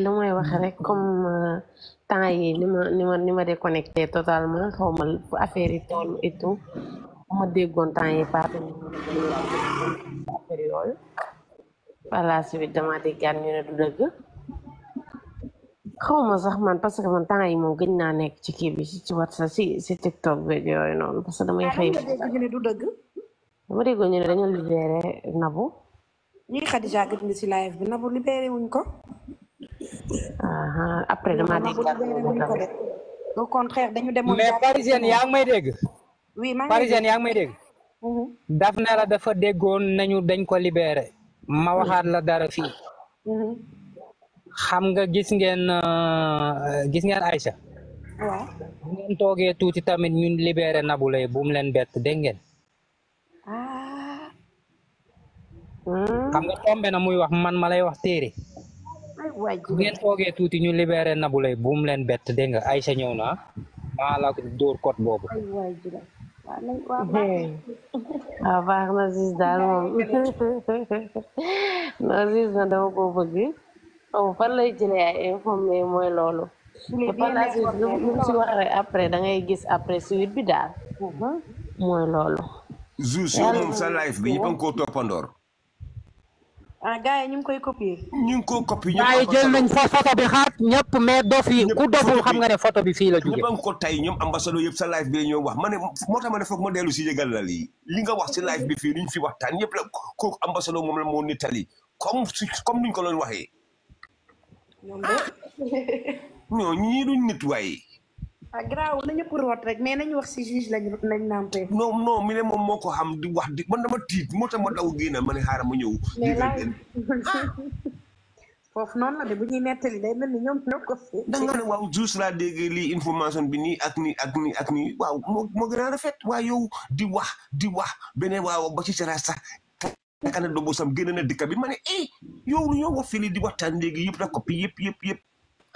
lu may wax rek comme. Euh, temps yi nima nima ni ma déconnecté totalement xawma fu affaire yi toll et tout ma déggoon temps yi parte yooyu par la suite dama déggaat ñu ne du dëgg xawma sax man parce que man temps yi moom gëj naa nekk ci kii bi ci WhatsApp si si TikTok beeg yooyu noonu parce damay xëy ah, ñu ne du dëgg dama déggoon ñu ne dañoo libéré Nabou ñuy Khadija gëj nga si live bi Nabou libéré wuñ ko après damaa dañu demoon. mais parisienne yaa ngi may dégg. oui yaa ngi may dégg. Mhm. daf ne la dafa déggoon nañu dañ ko libéré. ma mhm. waxaat la dara fii. Mhm. xam nga gis ngeen euh, gis ngeen Aïcha. ngeen toogee tuuti tamit ñun libéré Nabou Leye bu leen bett dégg ngeen. Ah. xam nga tombe na muy wax man ma lay wax téere. bu ngeen toogee tuuti ñu libéré na Leye bu mu leen bett dégg nga Aïcha ñëw naa maa la dóor code boobu. waaw ah, baax na Ziz daal moom non Ziz na dama ko bëgg xaw oh, mooy loolu. te wax rek après da ngay gis après suite bi daal. Mhm. mooy loolu. Zouz yow moom sa live bi ñu ngi ko toppandoor. ah gars yi ñu ngi koy copier. ñu ngi ko copier ñu ngi ko jël nañ fa photo bi xaar ñëpp mais dof yi ku doful xam nga ne photo bi fii la jógee. ñëpp ko tey ñoom ambassadeur yëpp sa live bi ñoo wax ma ne moo tax ma ne foog ma dellu si yëgal la lii li nga wax si live bi fii ni ñu fi waxtaan ñëpp la kooku ambassadeur moom la moo nettali comme comme ni ko doon waxee. ñoom de. ñoo ah! ñii duñ nit waaye. Ah, graaw nañu pour wat rek mais nañu wax ci juge lañ nañ nampé non non mi ne mom moko xam di wax di man dama tiit motax ma daw gëna mané xaara ma ñew fofu non la de bu ñuy netali day melni ñom ñoko fi da nga ne waaw juice la déggé li information bi ni ak ni ak ni ak ni waaw mo gëna rafet wa yow di wax di wax bene waaw ba ci sera sax takana do sam gëna na dikka bi mané eh yow yow fili di waxtaan légui yëpp da copie yëpp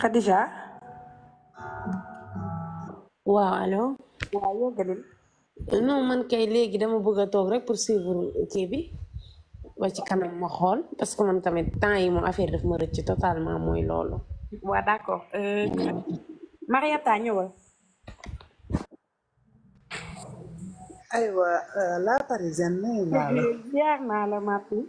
Khadija waaw allo waaw yeggalil non man kay léegi dama bëgg a toog rek pour suivre kii bi ba ci kanam ma xool parce que man tamit temps yi moom affaire daf ma rëcc totalement mooy loolu waaw d'accord euh, Mariata ñëwal aywa euh, la parisienne nuyu naa la ziar la Matou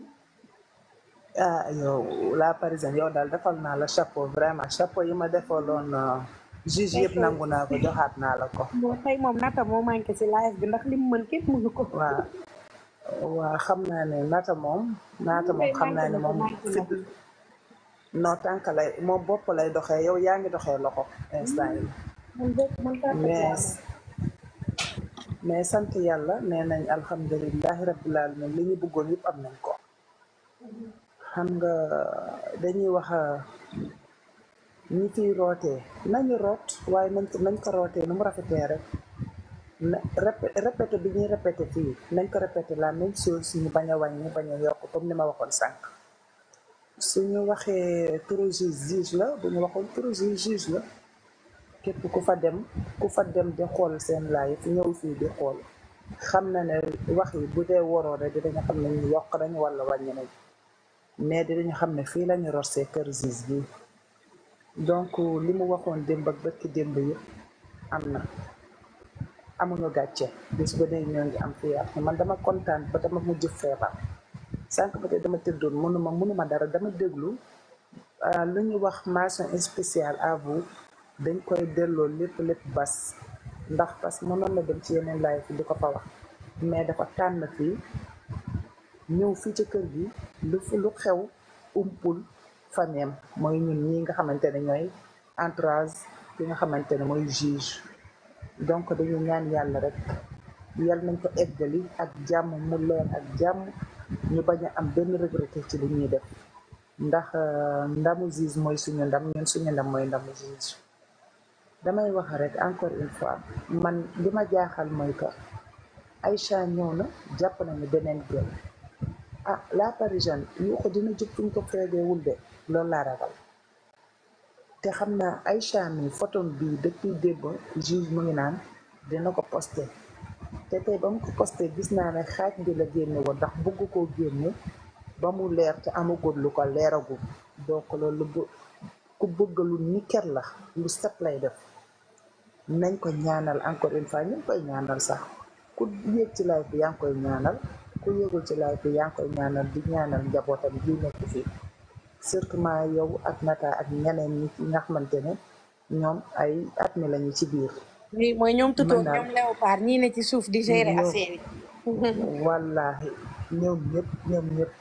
ah yow la parisienne yow daal defal naa la chapeau vraiment chapeau yi ma defaloon ah, juge yëpp nangu naa ko joxaat naa la ko. bon tey moom nata bi ndax li mu mën xam naa ne nata moom. nata moom xam naa ne moom fit non tànk lay moom bopp lay doxee yow yaa ngi doxe loxo instant yi. mais sant yàlla nee nañ alhamdulilahi rabbil alamin li ñu bëggoon yëpp am nañ ko. xam nga dañuy wax euh, ñi ciy rootee nañu root waaye nañ nañ ko rootee nu mu rafetee rek na répété bi ñuy répété fii nañ ko répété la même chose ñu bañ a wàññi bañ a yokk comme ni ma waxoon sànq suñu waxee turu juge la bu ñu waxoon turu juge la képp ku fa dem ku fa dem di xool seen live ñëw fii di xool xam na ne wax yi bu dee waroon rek dinañ xam ne ñu yokk nañ wala wàññi nañ mais dinañu xam ne fii lañu rorsee kër juge bi donc li mu waxoon démb ak bërki démb yi am na amuñu gàcce bis ba ne ñoo ngi am fii ak man dama kontaan ba dama mujj feebar sànq ba tey dama tëddoon mënuma mënuma dara dama déglu ah, lu ñu wax mention spéciale à vous dañ koy delloo lépp lépp bas ndax parce que mënoon na dem ci yeneen live di ko fa wax mais dafa tànn fii ñëw fii ci kër gi lu lu xew umpul famem mooy ñun ñi nga xamante ne ñooy entourage bi nga xamante ne mooy juge donc dañu ñaan yàlla rek yal nañ ko eggali ak jàmm mu leer ak jàmm ñu bañ a am benn regretté ci li ñuy def ndax euh, ndamu juge mooy suñu ndam ñun suñu ndam mooy ndamu juge damay wax rek encore une fois man li ma jaaxal mooy que Aïcha ñëw na jàpp nañu beneen gën ah la parisienne yu ko dina jub fuñ ko feegeewul de loolu laa ragal te xam naa Aïcha mi photon bii depuis démb juge mu ngi naan dina ko posté te tey ba mu ko posté gis naa ne xaaj bi la génne woon ndax bëgg koo génne ba mu leer te amagul lu ko leeragul donc loolu ku bëgg lu nikel la lu set lay def nañ ko ñaanal encore une fois ñu ngi koy ñaanal sax ku yéeg live bi yaa ngi koy ñaanal ku yëgul ci live bi yaa ngi koy ñaanal di ñaanal njabootam gi nekk fii surtout ma yow ak Nata ak ñeneen ñi nga ne ñoom ay at mi lañu ci biir. mooy ñoom tutoo ñoom léopard ñii ne ci suuf di gérer affaire yi. wallaahi ñoom ñëpp ñoom ñëpp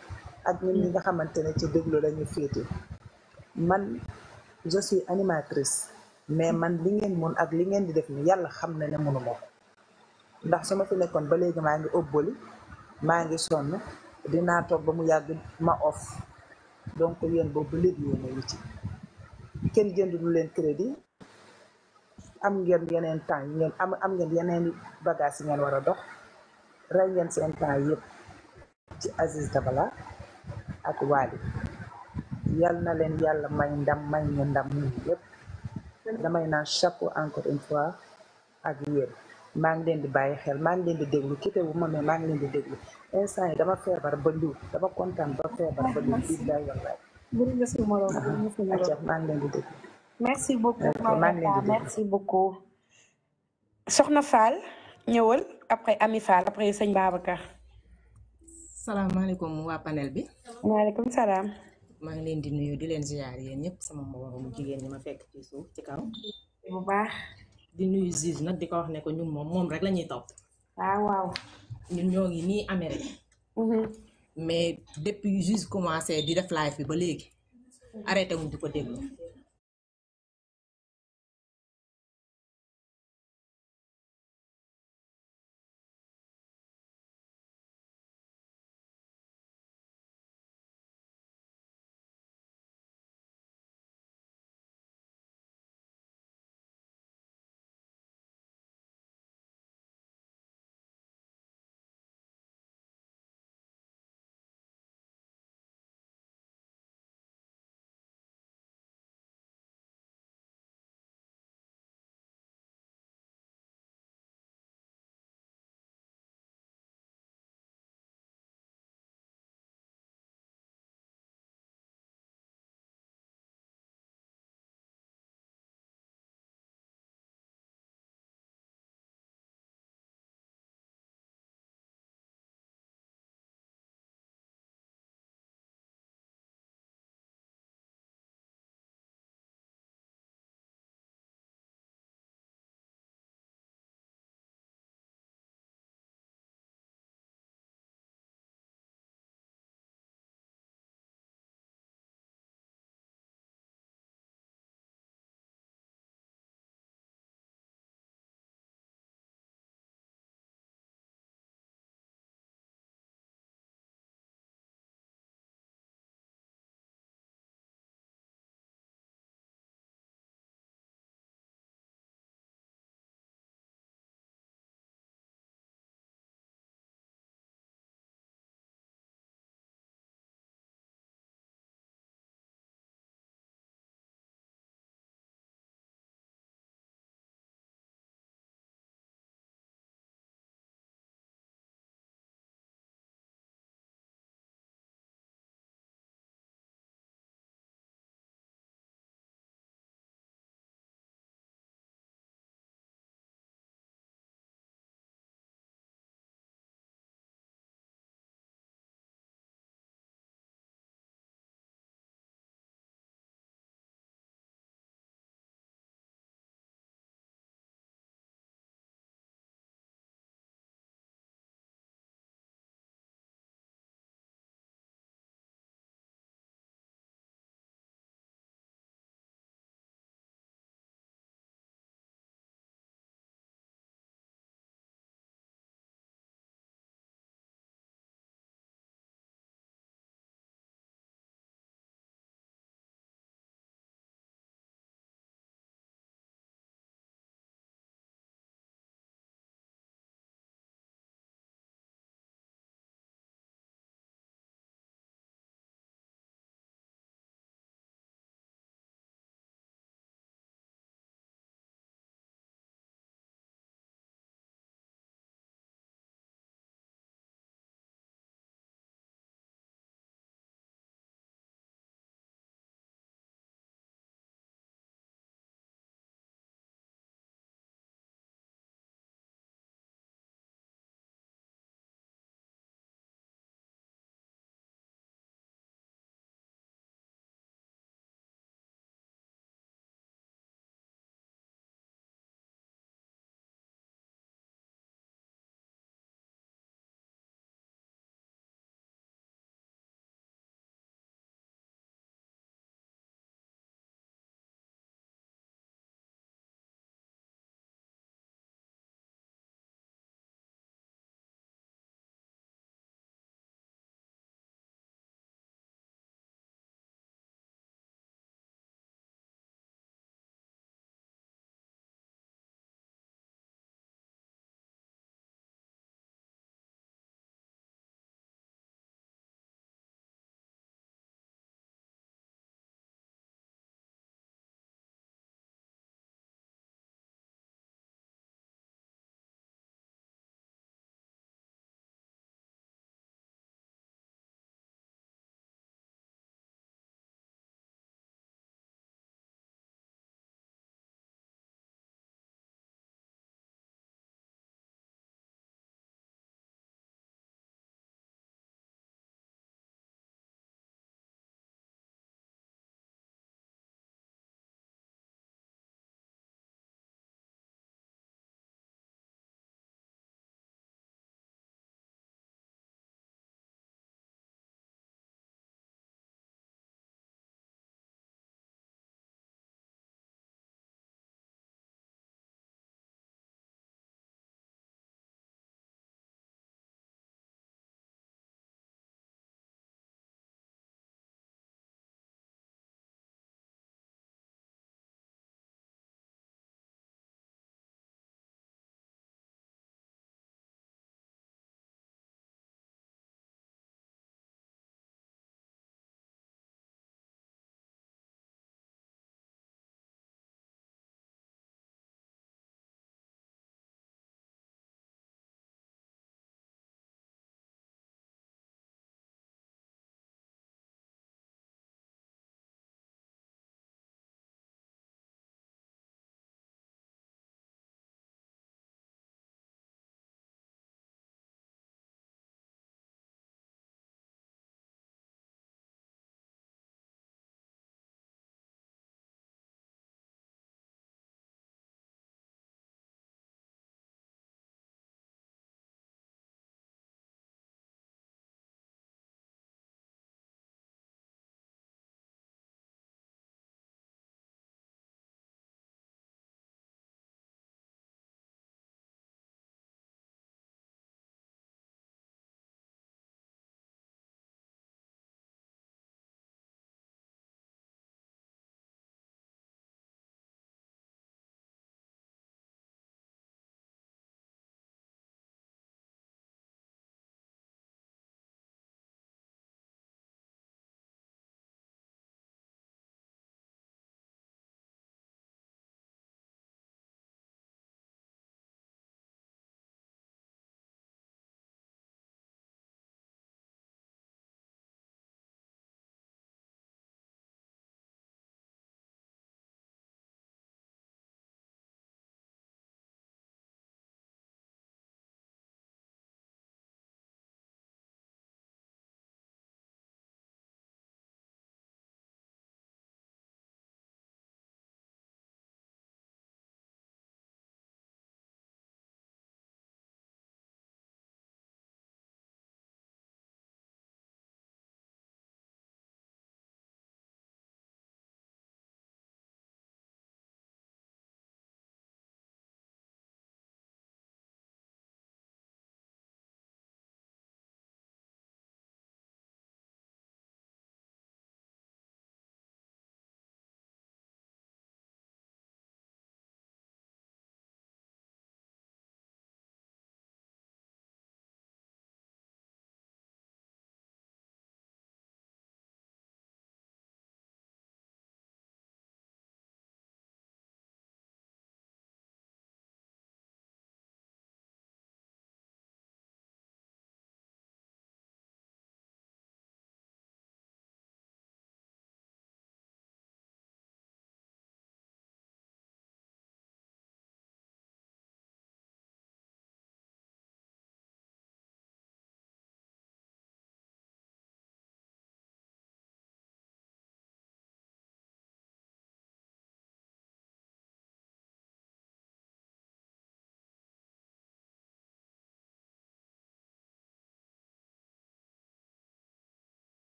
ak ñun ñi nga xamante ne ci déglu lañu féete man je animatrice mais man li ngeen mun ak li ngeen di def ni yàlla xam ne mënu ma ko ndax su ma fi nekkoon ba léegi maa ngi ëbbali maa ngi sonn dinaa toog ba mu yàgg ma off donc yéen boobu léegi yéen a ci kenn jënd lu leen crédit am ngeen yeneen temps yi ngeen am am ngeen yeneen bagage yi ngeen war a dox rey ngeen seen temps yëpp ci Aziz Dabala ak Wally yal na leen yàlla may ndam may ñu ndam ñun yëpp damay naan chapeau encore une fois ak yéen mang ngi leen di bàyyi xel mang ngi leen di déglu kite wu ma mais mang ngi leen di déglu instant yi dama feebar ba lu dama kontaan ba feebar ba lu di daay wallaay acca maa mang leen di déglu merci beaucoup Mang leen di déglu merci beaucoup soxna Fall ñëwal après Ami Fall après sëñ Babacar salaamaaleykum waa panel bi waaleykum salaam maa ngi leen di nuyu di leen ziar yéen ñëpp sama mbooloo mu jigéen ñi ma fekk ci suuf ci kaw bu baax di nuyu Ziz nag di ko wax ne ko ñun moom moom rek la ñuy topp. waaw ah, waaw. ñun ñoo ngi nii Amérique. Mm-hmm. mais depuis Ziz commencé di def live bi ba léegi. arrêté wuñ di ko déglu.